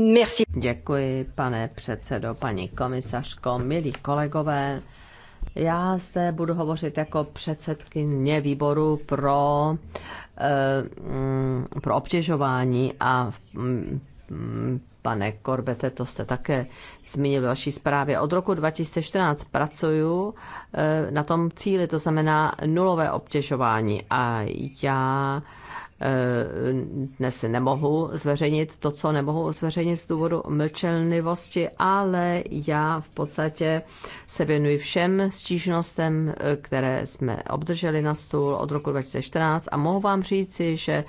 Merci. Děkuji, pane předsedo, paní komisařko, milí kolegové. Já zde budu hovořit jako předsedkyně výboru pro, eh, mm, pro obtěžování a mm, pane Korbete, to jste také zmínil v vaší zprávě. Od roku 2014 pracuju eh, na tom cíli, to znamená nulové obtěžování a já Eh, dnes nemohu zveřejnit to, co nemohu zveřejnit z důvodu mlčelnivosti, ale já v podstatě se věnuji všem stížnostem, eh, které jsme obdrželi na stůl od roku 2014 a mohu vám říci, že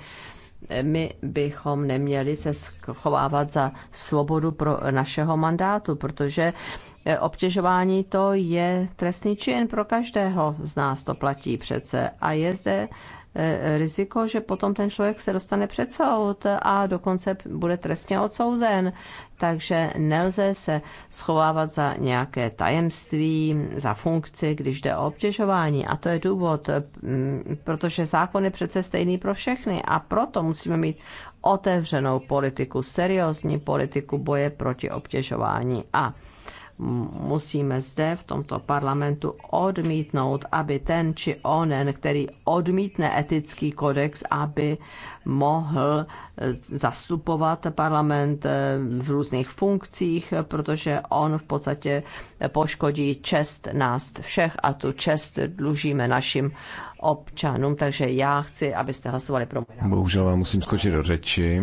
eh, my bychom neměli se schovávat za svobodu pro našeho mandátu, protože obtěžování to je trestný čin pro každého z nás, to platí přece. A je zde E, riziko, že potom ten člověk se dostane před soud a dokonce bude trestně odsouzen. Takže nelze se schovávat za nějaké tajemství, za funkci, když jde o obtěžování. A to je důvod, mm, protože zákon je přece stejný pro všechny a proto musíme mít otevřenou politiku, seriózní politiku boje proti obtěžování. A musíme zde v tomto parlamentu odmítnout, aby ten či onen, který odmítne etický kodex, aby mohl e, zastupovat parlament e, v různých funkcích, protože on v podstatě poškodí čest nás všech a tu čest dlužíme našim občanům. Takže já chci, abyste hlasovali pro Bohužel vám musím skočit do řeči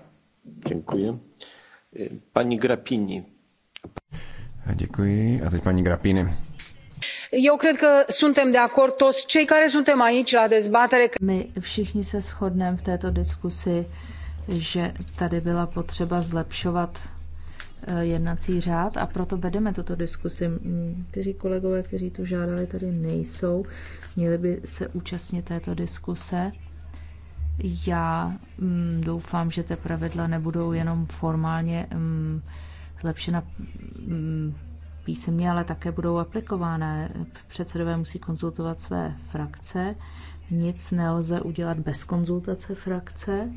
Děkuji. Paní Grapini. Děkuji. A teď paní Grapini. Eu cred că suntem de acord toți cei care suntem aici la dezbatere. My všichni se shodneme v této diskusi, že tady byla potřeba zlepšovat eh, jednací řád a proto vedeme tuto diskusi. Kteří kolegové, kteří to žádali, tady nejsou, měli by se účastnit této diskuse. Já mm, doufám, že ty pravidla nebudou jenom formálně mm, zlepšena mm, písemně, ale také budou aplikovány. Předsedové musí konzultovat své frakce. Nic nelze udělat bez konzultace frakce.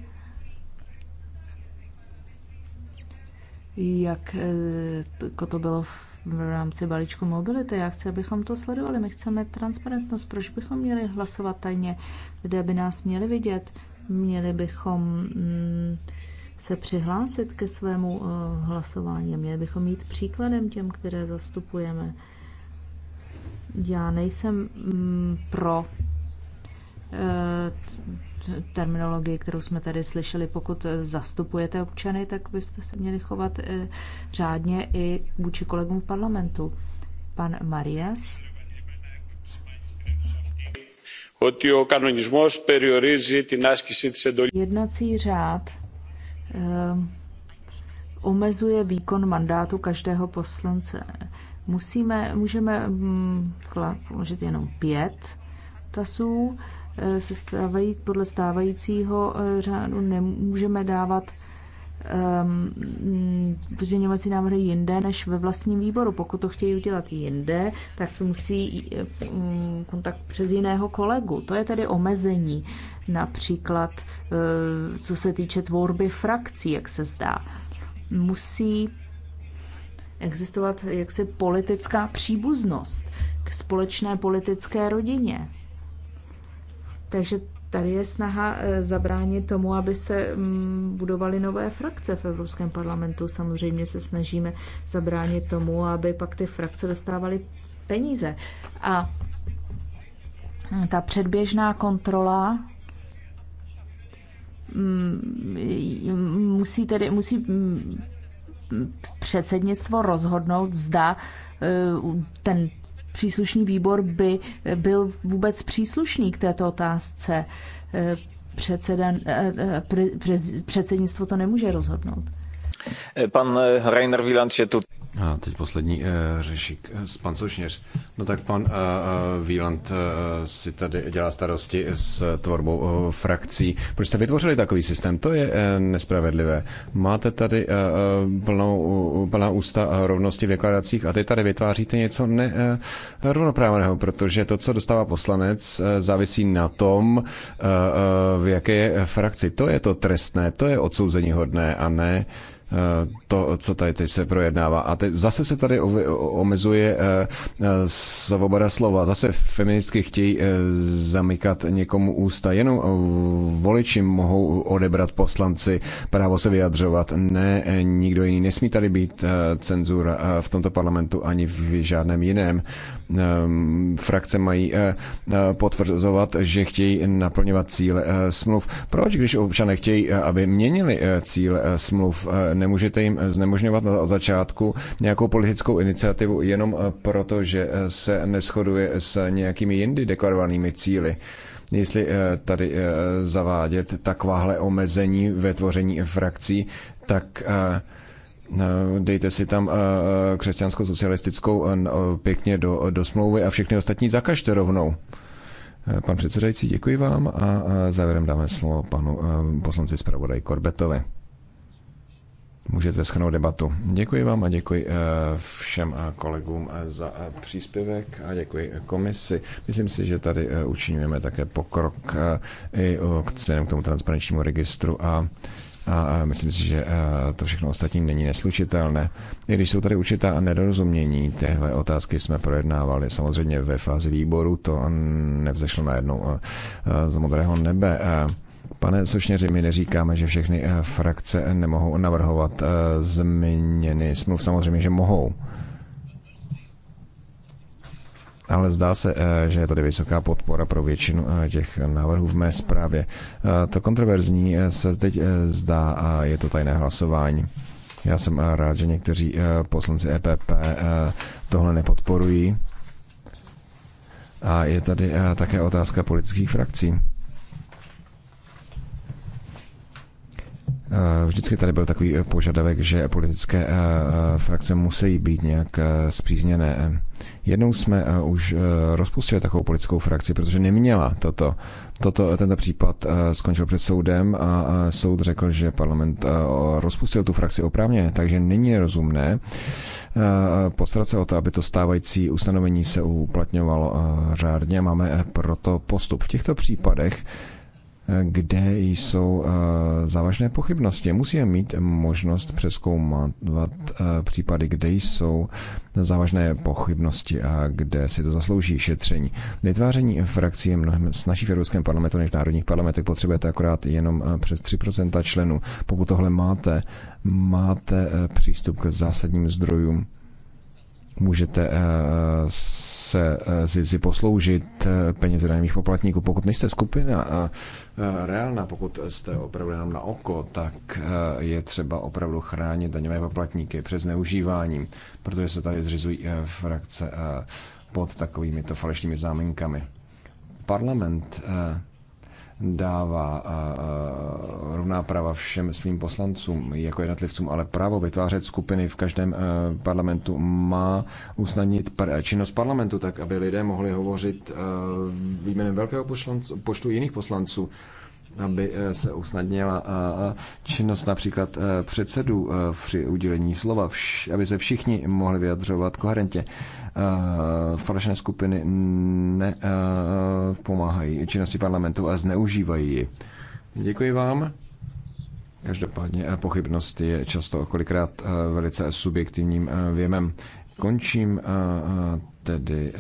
Jak eh, jako to bylo v v rámci balíčku mobility. Já chci, abychom to sledovali. My chceme transparentnost. Proč bychom měli hlasovat tajně? Lidé by nás měli vidět. Měli bychom mm, se přihlásit ke svému eh, hlasování. Měli bychom mít příkladem těm, které zastupujeme. Já nejsem mm, pro eh, terminologii, kterou jsme tady slyšeli, pokud zastupujete občany, tak byste se měli chovat eh, řádně i vůči kolegům v parlamentu. Pan Marias. Jednací řád eh, omezuje výkon mandátu každého poslance. Musíme, můžeme hm, položit jenom pět tasů. Eh, se stávají, podle stávajícího eh, řádu nemůžeme dávat um, pozměňovací návrhy jinde než ve vlastním výboru. Pokud to chtějí udělat jinde, tak to musí um, kontakt přes jiného kolegu. To je tedy omezení. Například, uh, co se týče tvorby frakcí, jak se zdá. Musí existovat jaksi politická příbuznost k společné politické rodině. Takže tady je snaha eh, zabránit tomu, aby se mm, budovaly nové frakce v Evropském parlamentu. Samozřejmě se snažíme zabránit tomu, aby pak ty frakce dostávaly peníze. A ta předběžná kontrola mm, musí tedy musí mm, předsednictvo rozhodnout, zda eh, ten příslušný výbor by eh, byl vůbec příslušný k této otázce. Eh, předseda, eh, pre, pre, předsednictvo to nemůže rozhodnout. Pan Rainer Wieland je tu a teď poslední uh, řešík, eh, pan Sošněř. No tak pan uh, Wieland uh, si tady dělá starosti s tvorbou uh, frakcí. Proč jste vytvořili takový systém? To je uh, nespravedlivé. Máte tady uh, plnou, uh, plná ústa uh, rovnosti v deklaracích a ty tady vytváříte něco ne, uh, rovnoprávného, protože to, co dostává poslanec, uh, závisí na tom, uh, uh, v jaké je frakci. To je to trestné, to je odsouzení hodné a ne uh, Eh, to, co tady teď se projednává. A teď zase se tady omezuje eh, eh, svoboda slova. Zase feministky chtějí zamykat někomu ústa. Jenom voliči mohou odebrat poslanci právo se vyjadřovat. Ne, nikdo jiný. Nesmí tady být cenzura v tomto parlamentu ani v žádném jiném. Ehm, frakce mají potvrzovat, že chtějí naplňovat cíle smluv. Proč, když občané chtějí, aby měnili cíle smluv, Nemůžete jim znemožňovat na začátku nějakou politickou iniciativu jenom eh, proto, že eh, se neschoduje s nějakými jindy deklarovanými cíly jestli eh, tady zavádět takováhle omezení ve tvoření frakcí, tak dejte si tam křesťansko-socialistickou pěkně do, do smlouvy a všechny ostatní zakažte rovnou. Pan předsedající, děkuji vám a závěrem dáme slovo panu poslanci zpravodaj Korbetovi můžete schnout debatu. Děkuji vám a děkuji eh, všem eh, kolegům eh, za příspěvek a děkuji komisi. Myslím si, že tady učiníme také pokrok i k směrem k tomu transparenčnímu registru a a myslím si, že to všechno ostatní není neslučitelné. I když jsou tady určitá nedorozumění, tyhle otázky jsme projednávali samozřejmě ve fázi výboru, to nevzešlo najednou z modrého nebe. Pane Sošněři, my neříkáme, že všechny eh, frakce nemohou navrhovat eh, změny smluv. Samozřejmě, že mohou. Ale zdá se, eh, že je tady vysoká podpora pro většinu těch návrhů v mé zprávě. To kontroverzní se teď zdá a je to tajné hlasování. Já jsem rád, že někteří poslanci EPP tohle nepodporují. A je tady také otázka politických frakcí. Eh, vždycky tady byl takový eh, požadavek, že politické eh, frakce musí být nějak zpřízněné. Jednou jsme už rozpustili takovou politickou frakci, protože neměla toto. toto tento případ skončil před soudem a soud řekl, že parlament rozpustil tu frakci oprávně, takže není rozumné postarat se o to, aby to stávající ustanovení se uplatňovalo řádně. Máme proto postup. V těchto případech kde jsou eh, závažné pochybnosti. Musíme mít možnost přeskoumat eh, případy, kde jsou závažné pochybnosti a kde si to zaslouží šetření. Vytváření frakcí je mnohem snažší v Evropském parlamentu než v národních parlamentech. Potřebujete akorát jenom eh, přes 3% členů. Pokud tohle máte, máte přístup k zásadním zdrojům můžete se si, si posloužit penězi daných poplatníků. Pokud nejste skupina Eh, reálná, pokud jste opravdu jenom na oko, tak eh, je třeba opravdu chránit daňové poplatníky před zneužíváním, protože se tady zřizují eh, frakce pod takovými to falešnými záminkami. Parlament dává rovná práva všem svým poslancům jako jednotlivcům, ale právo vytvářet skupiny v každém e, parlamentu má usnadnit činnost parlamentu tak, aby lidé mohli hovořit e, jménem velkého poštu jiných poslanců aby eh, se usnadnila eh, činnost například eh, předsedů při udělení slova, aby se všichni mohli vyjadřovat koherentně. Falešné skupiny nepomáhají činnosti parlamentu a zneužívají ji. Děkuji vám. Každopádně pochybnost je často kolikrát velice subjektivním věmem. Končím tedy,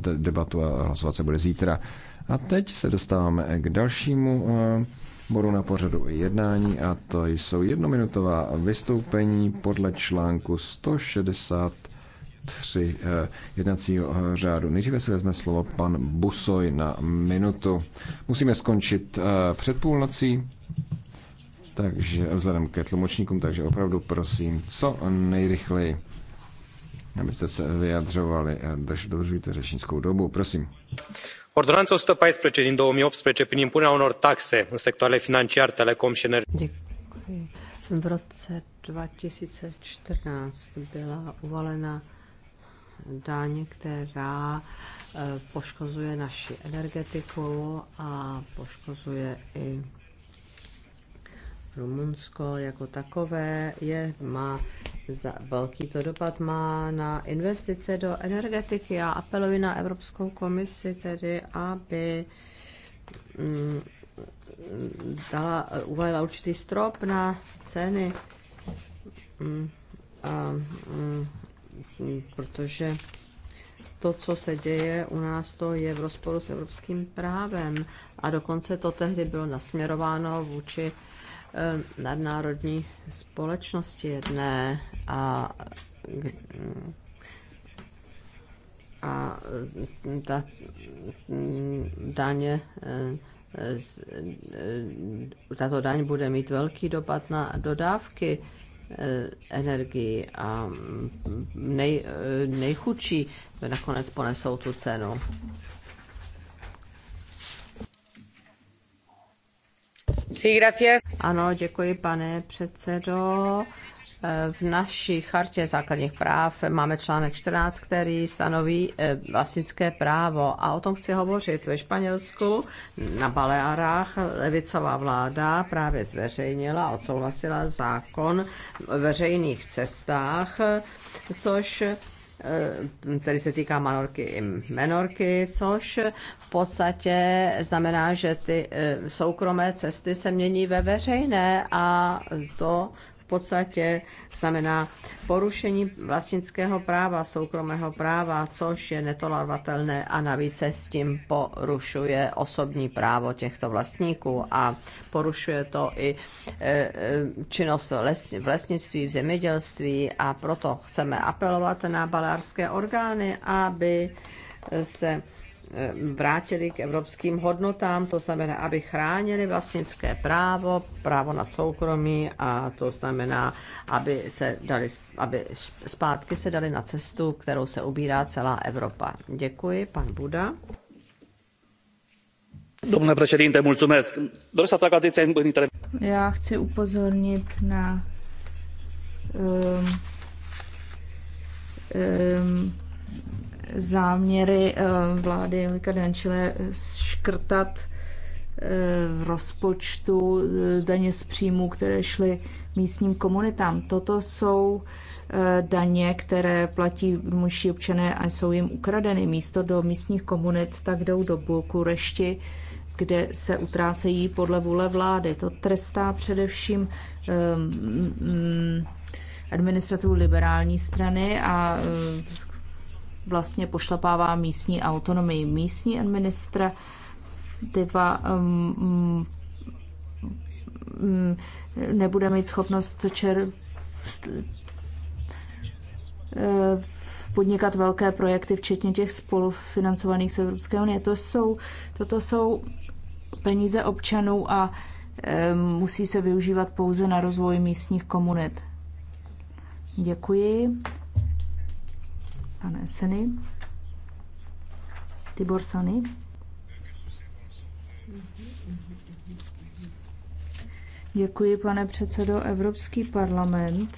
tedy debatu a hlasovat se bude zítra. A teď se dostáváme k dalšímu eh, bodu na pořadu jednání a to jsou jednominutová vystoupení podle článku 163 eh, jednacího eh, řádu. Nejdříve si vezme slovo pan Busoj na minutu. Musíme skončit před půlnocí, takže vzhledem ke tlumočníkům, takže opravdu prosím, co nejrychleji abyste se vyjadřovali a drž, dodržujte řečnickou dobu. Prosím ordonanța o sută paisprezece din două mii optsprezece prin impunerea unor taxe în sectoarele financiar telekom și energie v roce 2014 byla uvalena daň, která eh, poškozuje naši energetiku a poškozuje i Rumunsko jako takové je, má za velký to dopad má na investice do energetiky. a apeluji na Evropskou komisi tedy, aby mm, dala, uvalila určitý strop na ceny, mm, a, mm, protože to, co se děje u nás, to je v rozporu s evropským právem. A dokonce to tehdy bylo nasměrováno vůči Eh, nadnárodní společnosti jedné a, a eh, ta mm, daně eh, tato daň bude mít velký dopad na dodávky energii a mm, nej, nejchudší nakonec ponesou tu cenu. Sí, gracias. Ano, děkuji, pane předsedo. V naší chartě základních práv máme článek 14, který stanoví eh, vlastnické právo. A o tom chci hovořit. Ve Španělsku na Balearách levicová vláda právě zveřejnila, odsouhlasila zákon o veřejných cestách, což který eh, se týká manorky i menorky, což v podstatě znamená, že ty eh, soukromé cesty se mění ve veřejné a to podstatě znamená porušení vlastnického práva, soukromého práva, což je netolerovatelné a navíc se s tím porušuje osobní právo těchto vlastníků a porušuje to i e, e, činnost v lesnictví, v zemědělství a proto chceme apelovat na balárské orgány, aby se vrátili k evropským hodnotám, to znamená, aby chránili vlastnické právo, právo na soukromí a to znamená, aby, se dali, aby zpátky se dali na cestu, kterou se ubírá celá Evropa. Děkuji, pan Buda. Domnule președinte, mulțumesc. Doresc să atrag atenția în intervenție. Já chci upozornit na um, um, záměry eh, vlády Jelika Dančile škrtat eh, v rozpočtu eh, daně z příjmů, které šly místním komunitám. Toto jsou daně, které platí muši občané a jsou jim ukradeny. Místo do místních komunit tak jdou do bulku, rešti, kde se utrácejí podle vůle vlády. To trestá především um, um, administrativu liberální strany a um, vlastně pošlapává místní autonomii. Místní administrativa um, um, nebude mít schopnost čer, eh, podnikat velké projekty, včetně těch spolufinancovaných z Evropské unie. To jsou, toto jsou peníze občanů a eh, musí se využívat pouze na rozvoj místních komunit. Děkuji. Pane Seny. Tibor Sany. Děkuji, pane předsedo. Evropský parlament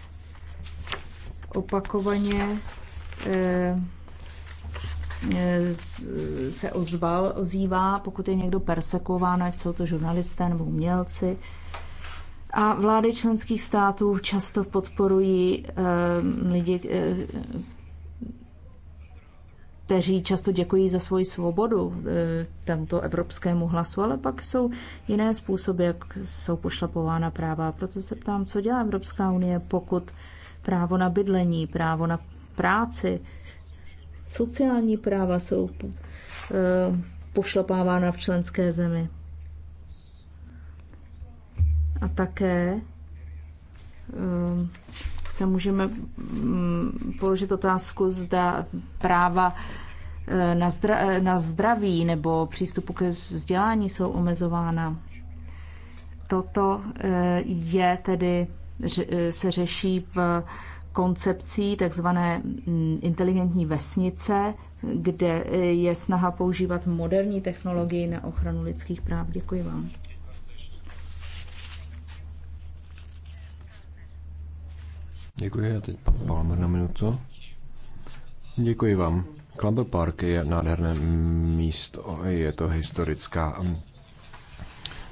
opakovaně eh, eh, se ozval, ozývá, pokud je někdo persekován, ať jsou to žurnalisté nebo umělci. A vlády členských států často podporují eh, lidi, kteří často děkují za svoji svobodu eh, tamto evropskému hlasu, ale pak jsou jiné způsoby, jak jsou pošlapována práva. Proto se ptám, co dělá Evropská unie, pokud právo na bydlení, právo na práci, sociální práva jsou eh, pošlapávána v členské zemi. A také eh, se můžeme mm, položit otázku, zda práva e, na, zdra, e, na zdraví nebo přístupu k vzdělání jsou omezována. Toto e, je tedy, se řeší v koncepcí takzvané mm, inteligentní vesnice, kde je snaha používat moderní technologii na ochranu lidských práv. Děkuji vám. Děkuji a teď pan Palmer na minutu. Děkuji vám. Clumber Park je nádherné místo, je to historická mm,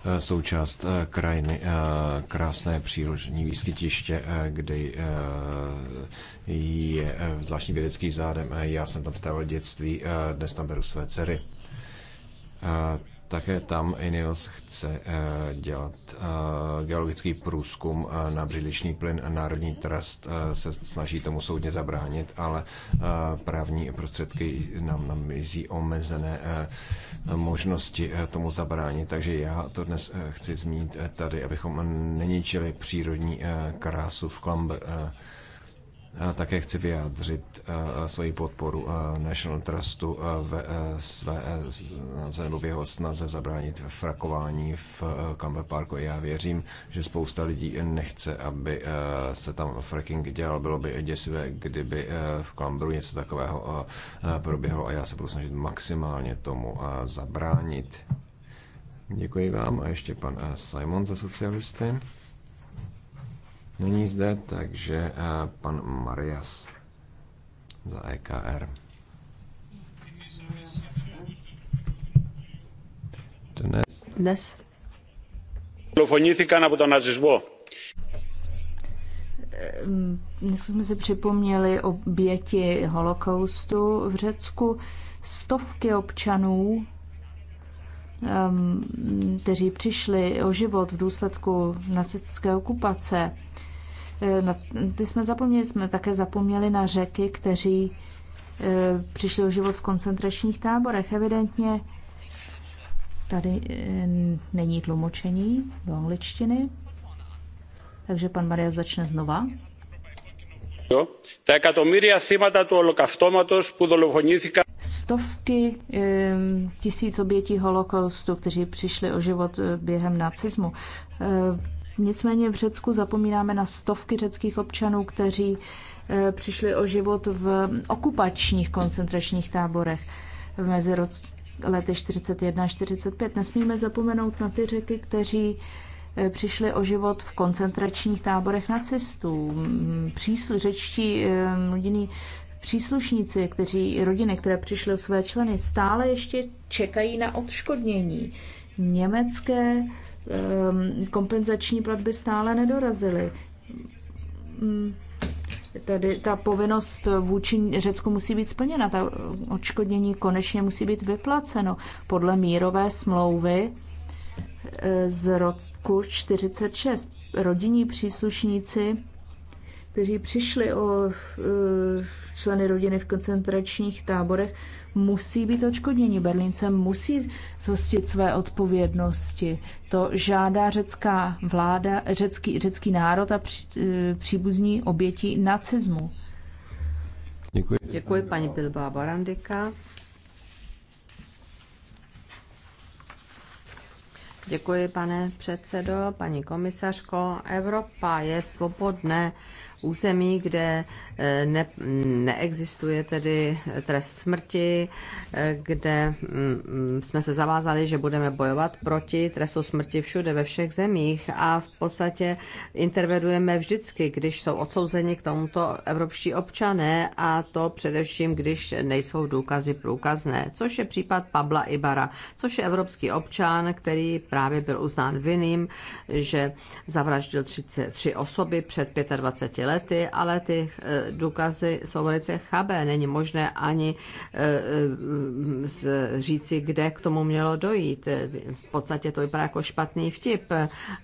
eh, součást eh, krajiny, eh, krásné přírodní výskytiště, kde je zvláštní vědecký zádem. Já jsem tam strávil dětství, dnes tam beru své dcery také tam INEOS chce eh, dělat eh, geologický průzkum eh, na břidliční plyn a Národní trust se snaží tomu soudně zabránit, ale právní prostředky nám namizí omezené možnosti tomu zabránit. Takže já to dnes chci zmínit tady, abychom neničili přírodní krásu v Klamber také chci vyjádřit eh, svoji podporu eh, National Trustu eh, ve své, nebo v jeho snaze zabránit frakování v Campbell Parku. Já věřím, že spousta lidí nechce, aby se tam fracking dělal. Bylo by děsivé, kdyby v Campbellu něco takového proběhlo a já se budu snažit maximálně tomu zabránit. Děkuji vám a ještě pan Simon za socialisty. Není zde, takže eh, pan Marias za EKR. Dnes. Dnes. Δολοφονήθηκαν από τον ναζισμό. Dnes jsme si připomněli oběti holokaustu v Řecku. Stovky občanů, ehm, kteří přišli o život v důsledku nacistické okupace, Eh, na ty jsme zapomněli, jsme také zapomněli na řeky, kteří eh, přišli o život v koncentračních táborech. Evidentně tady eh, není tlumočení do angličtiny, takže pan Maria začne znova. Τα εκατομμύρια θύματα του ολοκαυτώματος που δολοφονήθηκαν stovky tisíc obětí holokaustu, kteří přišli o život během nacismu. Nicméně v Řecku zapomínáme na stovky řeckých občanů, kteří eh, přišli o život v okupačních koncentračních táborech mezi lety 41 a 45. Nesmíme zapomenout na ty řeky, kteří eh, přišli o život v koncentračních táborech nacistů. Mm, Příslu, řečtí eh, rodiny příslušníci, kteří, rodiny, které přišly o své členy, stále ještě čekají na odškodnění. Německé Ehm, kompenzační platby stále nedorazily. Mm, tady ta povinnost vůči Řecku musí být splněna, ta odškodnění konečně musí být vyplaceno podle mírové smlouvy eh, z roku 46. Rodinní příslušníci, kteří přišli o eh, členy rodiny v koncentračních táborech, musí být odškodněni. Berlínce musí zhostit své odpovědnosti. To žádá řecká vláda, řecký, řecký národ a při, e, příbuzní oběti nacismu. Děkuji. Děkuji paní Bilba Barandika. Děkuji, pane předsedo, paní komisařko. Evropa je svobodné území, kde eh, ne, neexistuje tedy eh, trest smrti, eh, kde mm, mm, jsme se zavázali, že budeme bojovat proti trestu smrti všude, ve všech zemích a v podstatě intervenujeme vždycky, když jsou odsouzeni k tomuto evropští občané a to především, když nejsou důkazy průkazné, což je případ Pabla Ibara, což je evropský občan, který právě byl uznán vinným, že zavraždil 33 osoby před 25 lety lety, ale ty eh, důkazy jsou velice chabé. Není možné ani eh, eh, říci, kde k tomu mělo dojít. V podstatě to vypadá jako špatný vtip.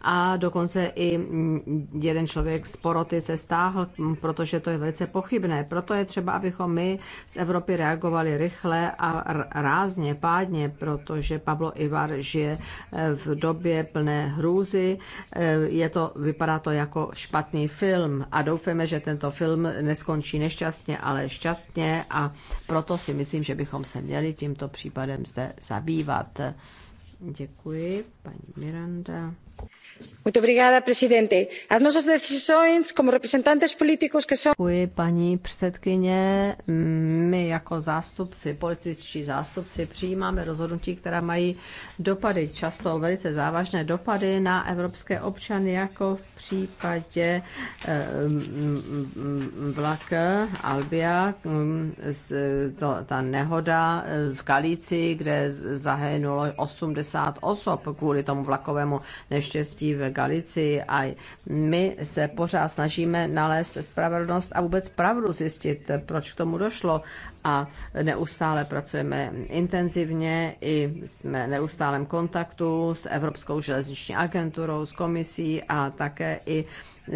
A dokonce i mm, jeden člověk z poroty se stáhl, mm, protože to je velice pochybné. Proto je třeba, abychom my z Evropy reagovali rychle a rázně, pádně, protože Pablo Ivar žije v době plné hrůzy. Je to, vypadá to jako špatný film a doufáme, že tento film neskončí nešťastně, ale šťastně a proto si myslím, že bychom se měli tímto případem zde zabývat. Děkuji, paní Miranda. Děkuji, paní předsedkyně. My jako zástupci, političtí zástupci, přijímáme rozhodnutí, která mají dopady, často velice závažné dopady na evropské občany, jako v případě eh, vlak Albia, mm, ta nehoda eh, v Kalíci, kde zahynulo 80 osob kvůli tomu vlakovému než neštěstí v Galicii a my se pořád snažíme nalézt spravedlnost a vůbec pravdu zjistit, proč k tomu došlo a neustále pracujeme intenzivně i jsme v neustálem kontaktu s Evropskou železniční agenturou, s komisí a také i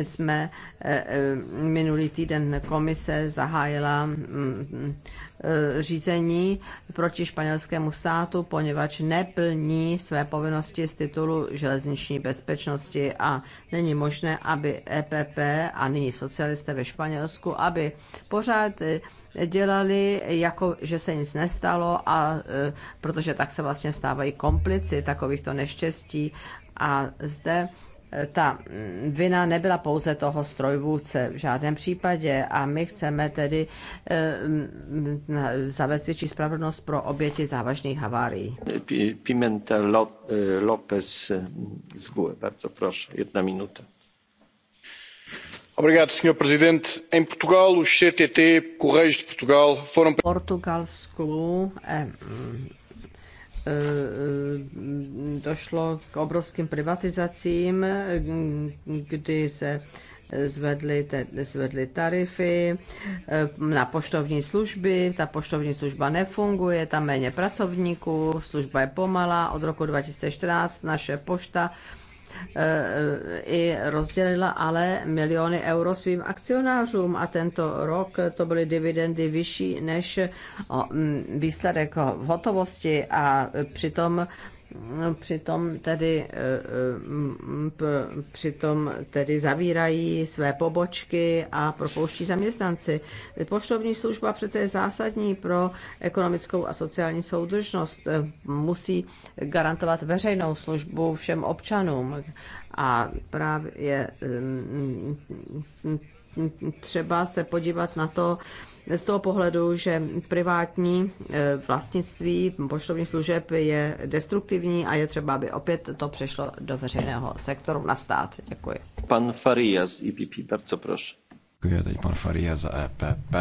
jsme eh, eh, minulý týden komise zahájila mm, E, řízení proti španělskému státu, poněvadž neplní své povinnosti z titulu železniční bezpečnosti a není možné, aby EPP a nyní socialisté ve Španělsku, aby pořád dělali, jako že se nic nestalo, a e, protože tak se vlastně stávají komplici takovýchto neštěstí. A zde ta vina nebyla pouze toho strojvůdce v žádném případě a my chceme tedy eh, zavést větší spravedlnost pro oběti závažných havárií. Pimenta eh, López eh, z GUE, bardzo proszę, jedna minuta. Obrigado, Sr. Presidente. Em Portugal, os CTT, Correios de Portugal, foram... Portugalsku, eh, Eh, došlo k obrovským privatizacím, kdy se zvedly, te, zvedly tarify eh, na poštovní služby, ta poštovní služba nefunguje, tam méně pracovníků, služba je pomalá, od roku 2014 naše pošta i rozdělila ale miliony euro svým akcionářům a tento rok to byly dividendy vyšší než výsledek hotovosti a přitom přitom tedy, eh, eh, přitom tedy zavírají své pobočky a propouští zaměstnanci. Poštovní služba přece je zásadní pro ekonomickou a sociální soudržnost. Eh, musí garantovat veřejnou službu všem občanům a právě třeba se podívat na to, z toho pohledu, že privátní e, vlastnictví poštovních služeb je destruktivní a je třeba, aby opět to přešlo do veřejného sektoru na stát. Děkuji. Pan Faria z IPP, bardzo proszę. Děkuji, teď pan Faria za EPP.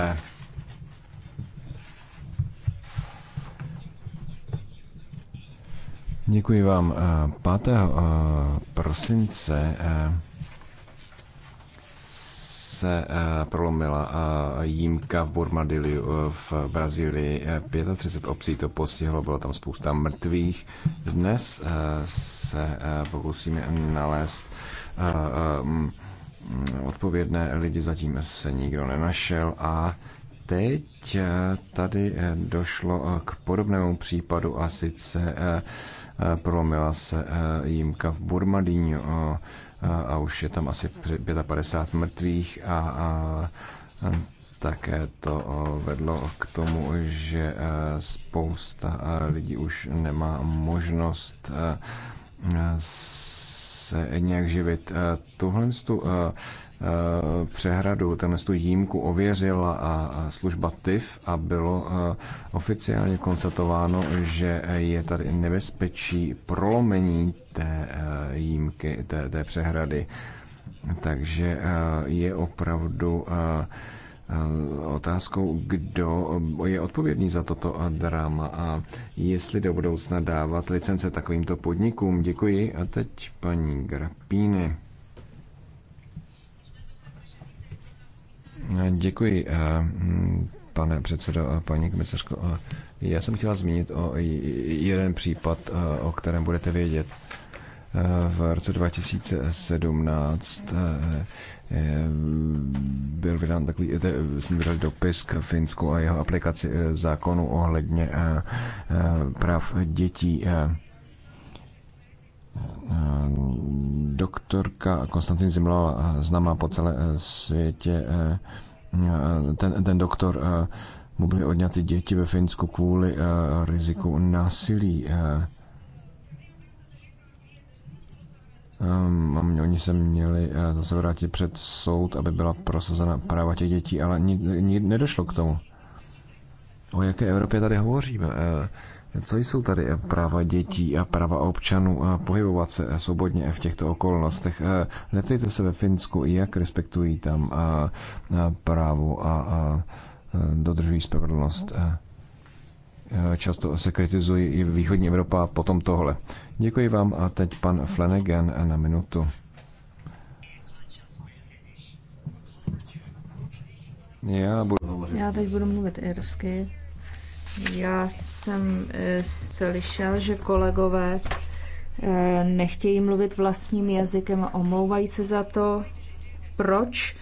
Děkuji vám. 5. E, e, prosince se eh, prolomila eh, jímka v Burmadili eh, v Brazílii. 35 obcí to postihlo, bylo tam spousta mrtvých. Dnes se pokusíme nalézt odpovědné lidi, zatím se nikdo nenašel a teď tady došlo k podobnému případu a sice prolomila se jímka v Burmadíňu a už je tam asi 55 mrtvých a, a také to vedlo k tomu, že e, spousta e, lidí už nemá možnost e, se nějak živit. Tuhle tu Eh, přehradu, tenhle tu jímku ověřila a služba TIF a bylo eh, oficiálně konstatováno, že je tady nebezpečí prolomení té eh, jímky, té, té přehrady. Takže je opravdu otázkou, kdo je odpovědný za toto drama a jestli do budoucna dávat licence takovýmto podnikům. Děkuji. A teď paní Grapíny. Děkuji, eh, pane předsedo a paní komisařko. Eh, já jsem chtěla zmínit o jeden případ, eh, o kterém budete vědět. V roce 2017 byl vydán takový, jsme vydali dopis k Finsku a jeho aplikaci zákonu ohledně práv dětí. Eh, doktorka Konstantin Zimlal eh, známá po celé eh, světě. Ten, ten doktor mu byly odňaty děti ve Finsku kvůli riziku násilí. Um, oni se měli zase vrátit před soud, aby byla prosazena práva těch dětí, ale ni, ni, nedošlo k tomu. O jaké Evropě tady hovoříme? Co jsou tady eh, práva dětí a práva občanů a eh, pohybovat se eh, svobodně v těchto okolnostech? Neptejte se ve Finsku, jak respektují tam právo a dodržují spravedlnost. Často se kritizují i východní Evropa potom tohle. Děkuji vám a teď pan Flanagan na minutu. Já, budu... Já teď budu mluvit irsky. Já jsem eh, slyšel, že kolegové eh, nechtějí mluvit vlastním jazykem a omlouvají se za to. Proč?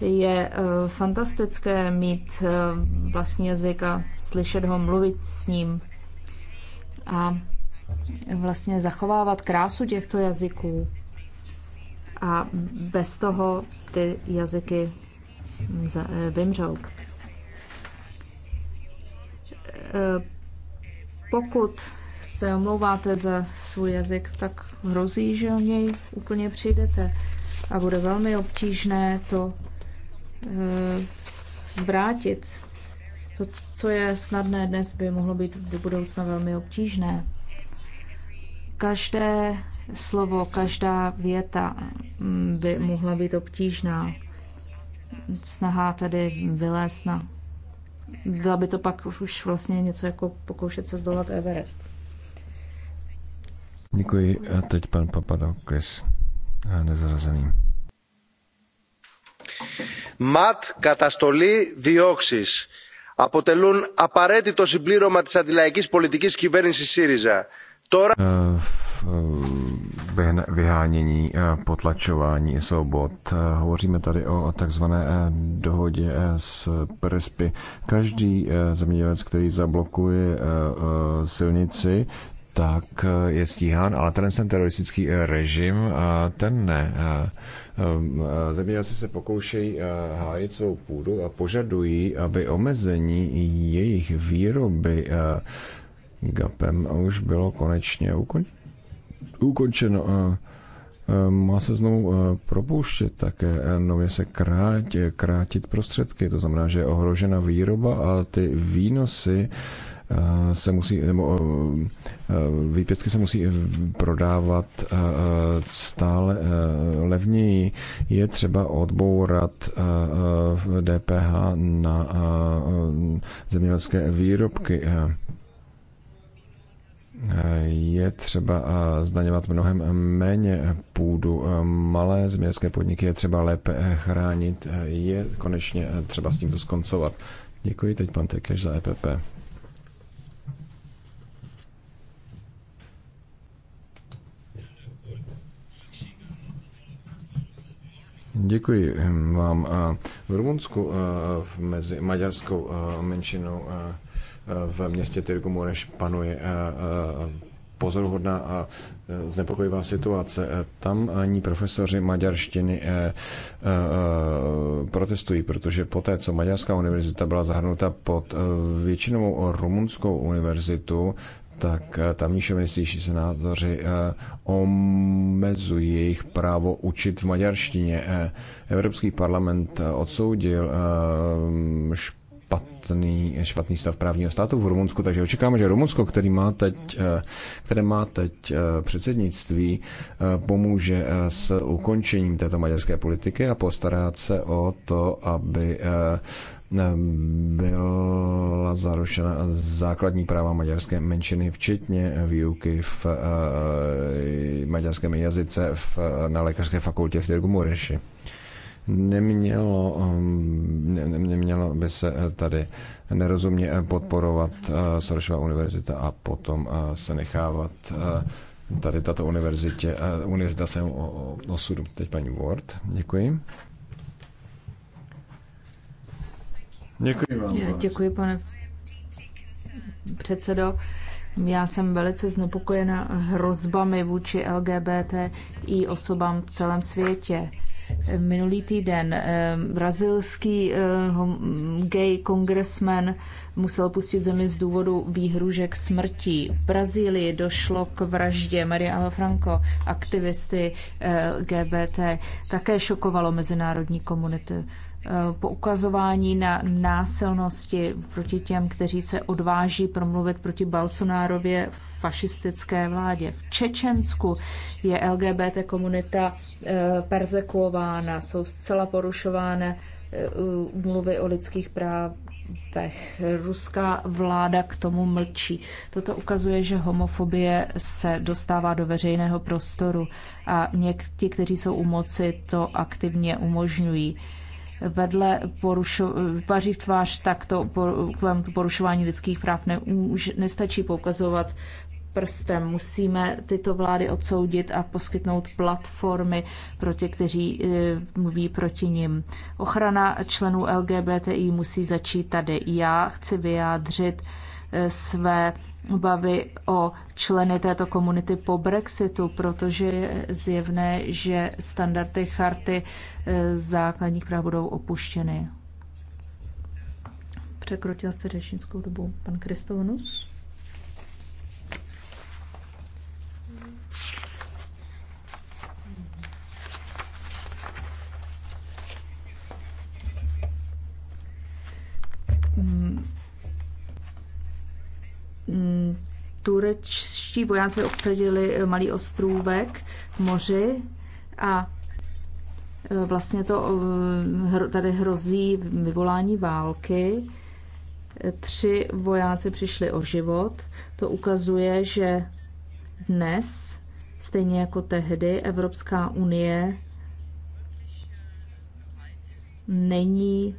Je eh, fantastické mít vlastní jazyk a slyšet ho, mluvit s ním a vlastně zachovávat krásu těchto jazyků. A bez toho ty jazyky mm, vymřou. Eh, pokud se omlouváte za svůj jazyk, tak hrozí, že o něj úplně přijdete. A bude velmi obtížné to eh, zvrátit. To, co je snadné dnes, by mohlo být do budoucna velmi obtížné. Každé slovo, každá věta mm, by mohla být obtížná. Snaha tedy vylézt na byla by to pak už vlastně něco jako pokoušet se zdolat Everest. Děkuji. A teď pan Papadokles, nezrazený. ΜΑΤ, καταστολή, διώξει. Αποτελούν απαραίτητο συμπλήρωμα τη αντιλαϊκή πολιτική κυβέρνηση ΣΥΡΙΖΑ. Τώρα. Uh... Eh, vyhánění, eh, potlačování svobod. Eh, hovoříme tady o takzvané dohodě s Prespy. Každý zemědělec, který zablokuje silnici, tak je stíhán, ale ten, ten teroristický režim, ten ne. Ehm, zemědělci se pokoušejí hájit svou půdu a požadují, aby omezení jejich výroby GAPem už bylo konečně ukončeno ukončeno. Má se znovu propouštět také, nově se krát, krátit prostředky, to znamená, že je ohrožena výroba a ty výnosy se musí, nebo výpětky se musí prodávat stále levněji. Je třeba odbourat DPH na zemědělské výrobky je třeba zdaňovat mnohem méně půdu. Malé zemědělské podniky je třeba lépe eh, chránit. Je konečně eh, třeba s tímto skoncovat. Děkuji teď pan Tekeš za EPP. Děkuji hm, vám. V Rumunsku eh, mezi maďarskou menšinou v městě Tyrgumu, než panuje eh, eh, pozoruhodná a eh, znepokojivá situace. Tam ani profesoři maďarštiny protestují, protože poté, co Maďarská univerzita byla zahrnuta pod většinovou rumunskou univerzitu, tak tamní šovinističtí senátoři omezují jejich právo učit v maďarštině. Evropský parlament odsoudil špatný, špatný stav právního státu v Rumunsku, takže očekáváme, že Rumunsko, který má teď, eh, které má teď eh, předsednictví, eh, pomůže s ukončením této maďarské politiky a postará se o to, aby byla zarušena základní práva maďarské menšiny, včetně výuky v maďarském jazyce v, na lékařské fakultě v Tyrgu Mureši. Nemělo, um, ne, nemělo by se eh, tady nerozumně eh, podporovat eh, Sorosova univerzita a potom se nechávat tady tato univerzitě, univerzita se o osudu. Teď paní Ward, děkuji. Děkuji vám. Děkuji, pane předsedo. Já jsem velice znepokojena hrozbami vůči LGBT i osobám v celém světě. Minulý týden eh, brazilský eh, gay kongresmen musel pustit zemi z důvodu výhružek smrti. V Brazílii došlo k vraždě Maria Franco, aktivisty eh, LGBT. Také šokovalo mezinárodní komunitu. Eh, poukazování na násilnosti proti těm, kteří se odváží promluvit proti Balsonárově fašistické vládě. V Čečensku je LGBT komunita eh, persekuována, jsou zcela porušovány umluvy eh, o lidských právech. Ruská vláda k tomu mlčí. Toto ukazuje, že homofobie se dostává do veřejného prostoru a někteří, kteří jsou u moci, to aktivně umožňují vedle porušo, tváří v tvář takto porušování lidských práv ne, už nestačí poukazovat prstem. Musíme tyto vlády odsoudit a poskytnout platformy pro ty, kteří e, mluví proti nim. Ochrana členů LGBTI musí začít tady. Já chci vyjádřit e, své obavy o členy této komunity po Brexitu, protože je zjevné, že standardy charty e, základních práv budou opuštěny. Překročila jste řečnickou dobu pan Kristovnus. Mm Mm, turečtí vojáci obsadili eh, malý ostrůvek v moři a eh, vlastně to eh, tady hrozí vyvolání války. Tři vojáci přišli o život. To ukazuje, že dnes, stejně jako tehdy, Evropská unie není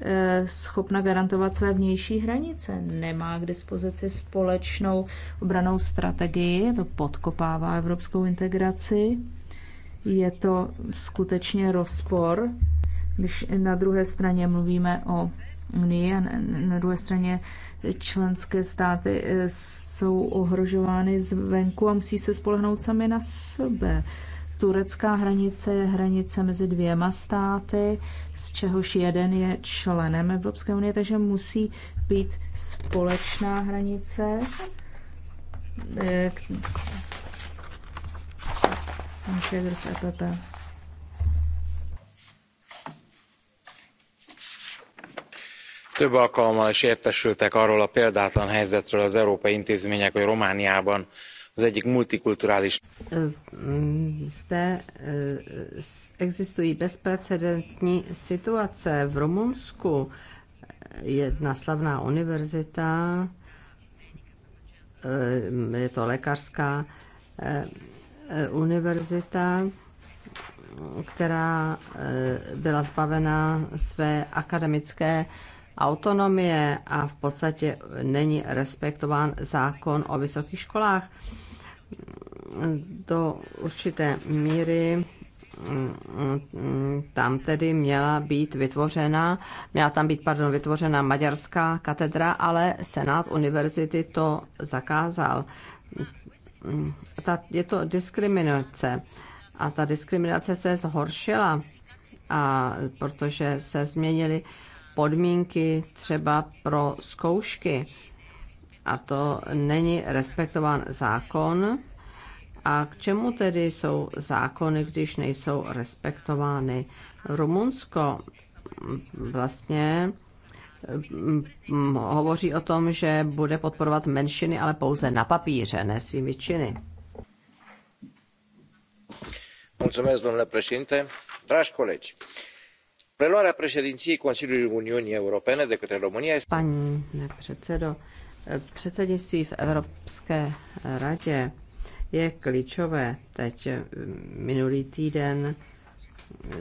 Eh, schopna garantovat své vnější hranice. Nemá k dispozici společnou obranou strategii, to podkopává evropskou integraci. Je to skutečně rozpor, když na druhé straně mluvíme o Unii a na druhé straně členské státy eh, jsou ohrožovány zvenku a musí se spolehnout sami na sebe. Turecká hranice je hranice mezi dvěma státy, z čehož jeden je členem Evropské unie, takže musí být společná hranice. Šegers eh, EPP. Több alkalommal is értesültek arról a példátlan helyzetről az európai intézmények, hogy Romániában az egyik multikulturális. Mm, zde existují bezprecedentní situace. V Rumunsku jedna slavná univerzita, je to lékařská univerzita, která byla zbavena své akademické autonomie a v podstatě není respektován zákon o vysokých školách do určité míry tam tedy měla být vytvořena, měla tam být, pardon, vytvořena maďarská katedra, ale Senát univerzity to zakázal. Ta, je to diskriminace a ta diskriminace se zhoršila, a protože se změnily podmínky třeba pro zkoušky a to není respektován zákon. A k čemu tedy jsou zákony, když nejsou respektovány? Rumunsko vlastně mm, hovoří o tom, že bude podporovat menšiny, ale pouze na papíře, ne svými činy. Mulțumesc, domnule președinte. Dragi colegi, preluarea președinției Consiliului Uniunii Europene de către România este... Pane předsedo, Předsednictví v Evropské radě je klíčové. Teď eh, minulý týden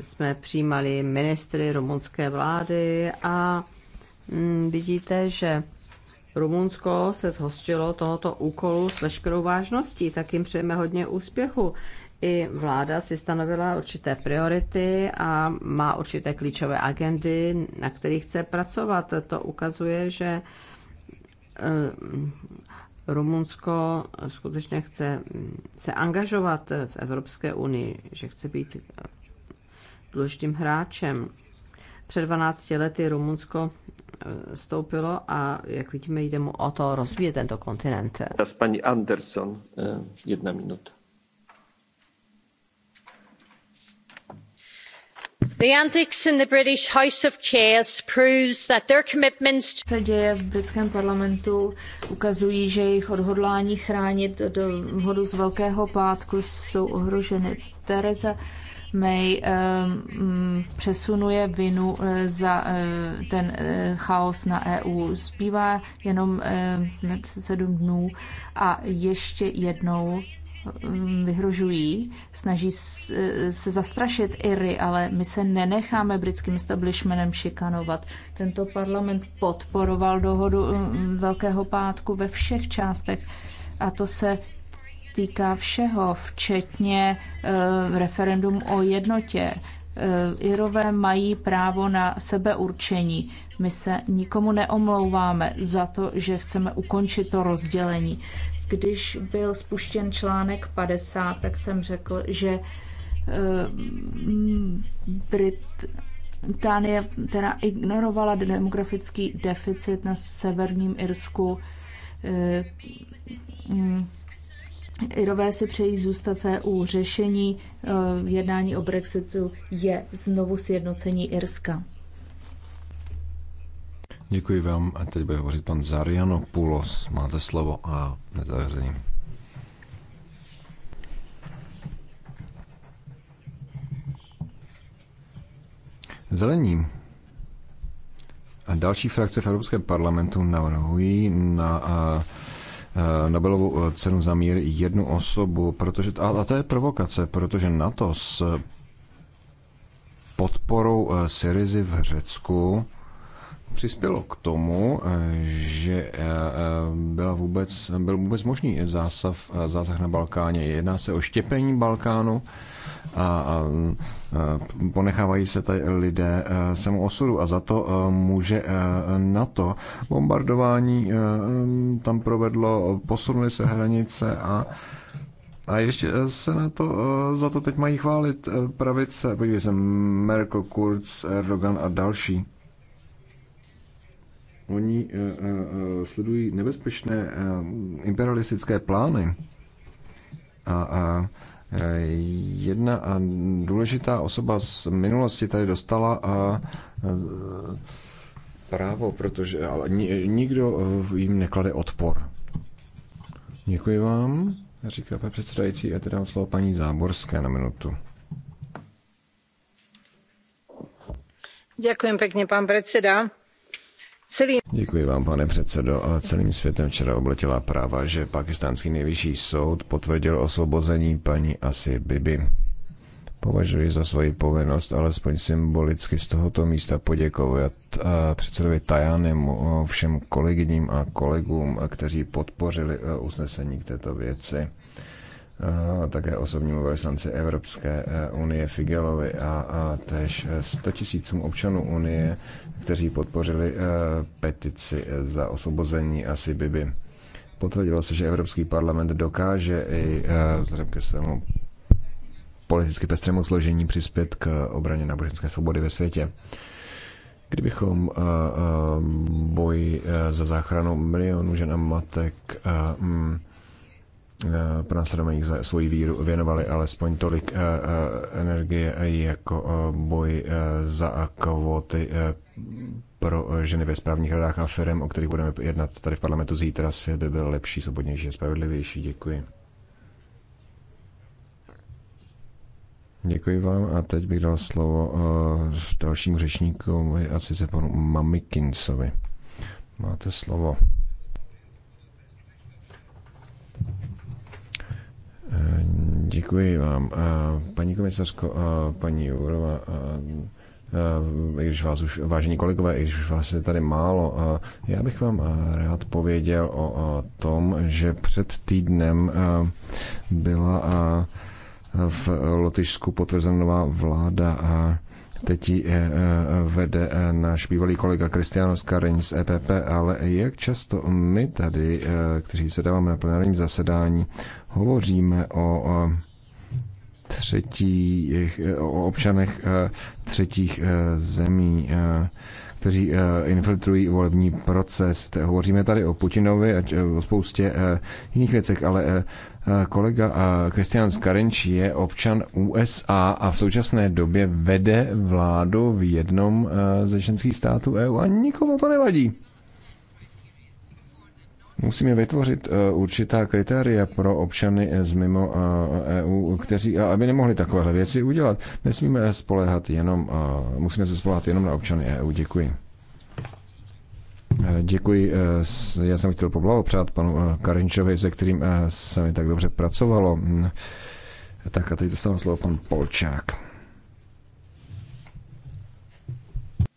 jsme přijímali ministry rumunské vlády a mm, vidíte, že Rumunsko se zhostilo tohoto úkolu s veškerou vážností, tak jim přejeme hodně úspěchu. I vláda si stanovila určité priority a má určité klíčové agendy, na kterých chce pracovat. To ukazuje, že Eh, Rumunsko skutečně chce mm, se angažovat v Evropské unii, že chce být důležitým hráčem. Před 12 lety Rumunsko eh, stoupilo a, jak vidíme, jde mu o to rozvíjet tento kontinent. paní Anderson, eh, jedna minuta. The antics in the British House of Chaos proves that their commitments se děje v britském parlamentu ukazují, že jejich odhodlání chránit do hodu z Velkého pátku jsou ohroženy. Tereza May um, přesunuje vinu uh, za uh, ten uh, chaos na EU. Zbývá jenom uh, dnů a ještě jednou Mm, vyhrožují, snaží se zastrašit Iry, ale my se nenecháme britským establishmentem šikanovat. Tento parlament podporoval dohodu mm, Velkého pátku ve všech částech a to se týká všeho, včetně eh, referendum o jednotě. Eh, Irové mají právo na sebeurčení. My se nikomu neomlouváme za to, že chceme ukončit to rozdělení. Když byl spuštěn článek 50, tak jsem řekl, že ehm, Británie teda ignorovala demografický deficit na severním Irsku. Ehm, mm, Irové si přejí zůstat v EU. Řešení eh, jednání o Brexitu je znovu sjednocení Irska. Děkuji vám a teď bude hovořit pan Zariano Pulos. Máte slovo a nezařazení. Zelení a další frakce v Evropském parlamentu navrhují na Nobelovou cenu za mír jednu osobu, protože, a, a to je provokace, protože NATO s podporou e, Syrizy v Řecku přispělo k tomu, eh, že eh, eh, byla vůbec, byl vůbec možný zásah, zásah na Balkáně. Jedná se o štěpení Balkánu a ponechávají se tady lidé samou osudu a za to může na to Bombardování tam provedlo, posunuly se hranice a a ještě se na to, za to teď mají chválit pravice, podívej se, Merkel, Kurz, Erdogan a další. Oni eh, eh, sledují nebezpečné eh, imperialistické plány. A, jedna důležitá osoba z minulosti tady dostala a, právo, protože ale nikdo jim neklade odpor. Děkuji vám, říká pan předsedající, a teda slovo paní Záborské na minutu. Děkuji pěkně, pan předseda celým... Děkuji vám, pane předsedo. A celým světem včera obletěla práva, že pakistánský nejvyšší soud potvrdil osvobození paní Asi Bibi. Považuji za svoji povinnost alespoň symbolicky z tohoto místa poděkovat eh, předsedovi Tajanemu, eh, všem kolegyním a kolegům, kteří podpořili eh, usnesení k této věci také osobnímu velvyslanci Evropské eh, unie Figelovi a, a též 100 eh, tisícům občanů unie, kteří podpořili eh, petici za osvobození Asi Bibi. Potvrdilo se, že Evropský parlament dokáže i vzhledem ke svému politicky pestrému složení přispět k obraně náboženské svobody ve světě. Kdybychom boj za záchranu milionů žen a matek mm, Eh, pronásledovaných za svoji víru věnovali alespoň tolik eh, eh, energie jako boj za kvóty pro ženy ve správních radách a firm, o kterých budeme jednat tady v parlamentu zítra. Svět by byl lepší, svobodnější a spravedlivější. Děkuji. Děkuji vám a teď bych dal slovo dalšímu řečníku, a se panu Mamikinsovi. Máte slovo. Eh, děkuji vám. Eh, paní komisařko, eh, paní Jurova, když vás už, vážení kolegové, když už vás je tady málo, já bych vám rád pověděl o tom, že před týdnem byla v Lotyšsku potvrzena nová vláda a Teď ji eh, eh, vede eh, náš bývalý kolega Kristiano Skarin z EPP, ale jak často my tady, kteří se dáváme na plenárním zasedání, hovoříme o třetích, o občanech třetích zemí, kteří eh, infiltrují volební proces. Hovoříme tady o Putinovi a eh, o spoustě eh, jiných věcech, ale kolega Kristian Skarenč je občan USA a v současné době vede vládu v jednom ze členských států EU a nikomu to nevadí. Musíme vytvořit eh, určitá kritéria pro občany eh, z mimo EU, eh, e kteří, aby nemohli takovéhle věci udělat. Nesmíme spolehat jenom, musíme se spolehat jenom na občany EU. Děkuji. Děkuji. Já jsem chtěl poblahopřát panu Karinčovi, se kterým se mi tak dobře pracovalo. Hm, tak a teď dostávám slovo pan Polčák.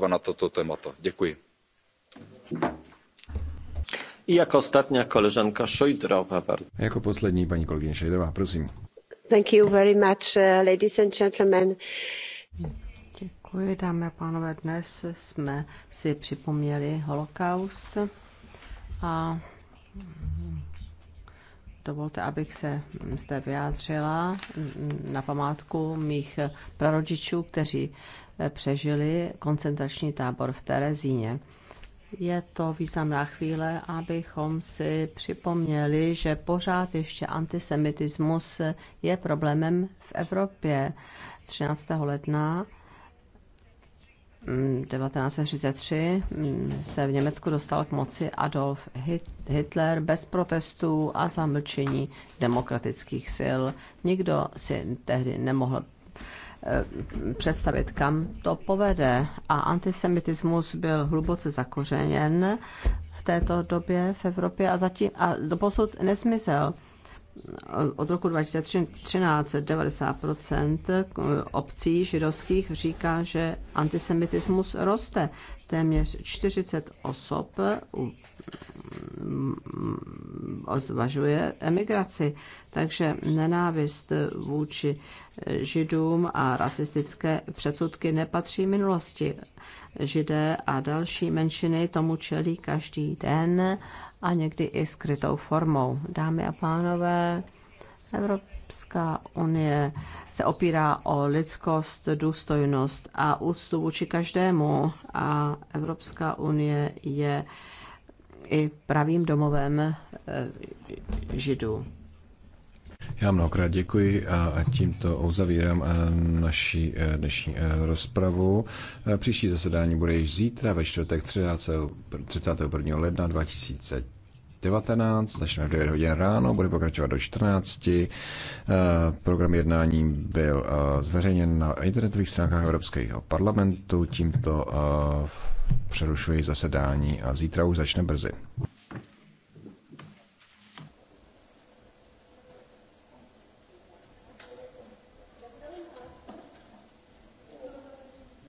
zpráva na tato témata. děkuji. I jako ostatní koleżanka Šojdrová. Jako poslední paní kolegyně Šojdrová, prosím. Thank you very much, uh, ladies and gentlemen. Děkuji, dámy a pánové. Dnes jsme si připomněli holokaust a mm, dovolte, abych se zde vyjádřila na památku mých prarodičů, kteří Eh, přežili koncentrační tábor v Terezíně. Je to významná chvíle, abychom si připomněli, že pořád ještě antisemitismus je problémem v Evropě. 13. ledna 1933 mm, mm, se v Německu dostal k moci Adolf Hitler bez protestů a zamlčení demokratických sil. Nikdo si tehdy nemohl Eh, představit, kam to povede. A antisemitismus byl hluboce zakořeněn v této době v Evropě a zatím a doposud nezmizel od roku 2013 90% obcí židovských říká, že antisemitismus roste. Téměř 40 osob zvažuje emigraci. Takže nenávist vůči židům a rasistické předsudky nepatří minulosti. Židé a další menšiny tomu čelí každý den a někdy i skrytou formou. Dámy a pánové, Evropská unie se opírá o lidskost, důstojnost a úctu vůči každému a Evropská unie je i pravým domovem eh, židů. Já mnohokrát děkuji a tímto uzavírám naši e, dnešní e, rozpravu. E, příští zasedání bude již zítra ve čtvrtek 31. ledna 2019. začneme v 9 hodin ráno, bude pokračovat do 14. Program jednání byl zveřejněn na internetových stránkách Evropského parlamentu. Tímto přerušuji zasedání a zítra už začne brzy.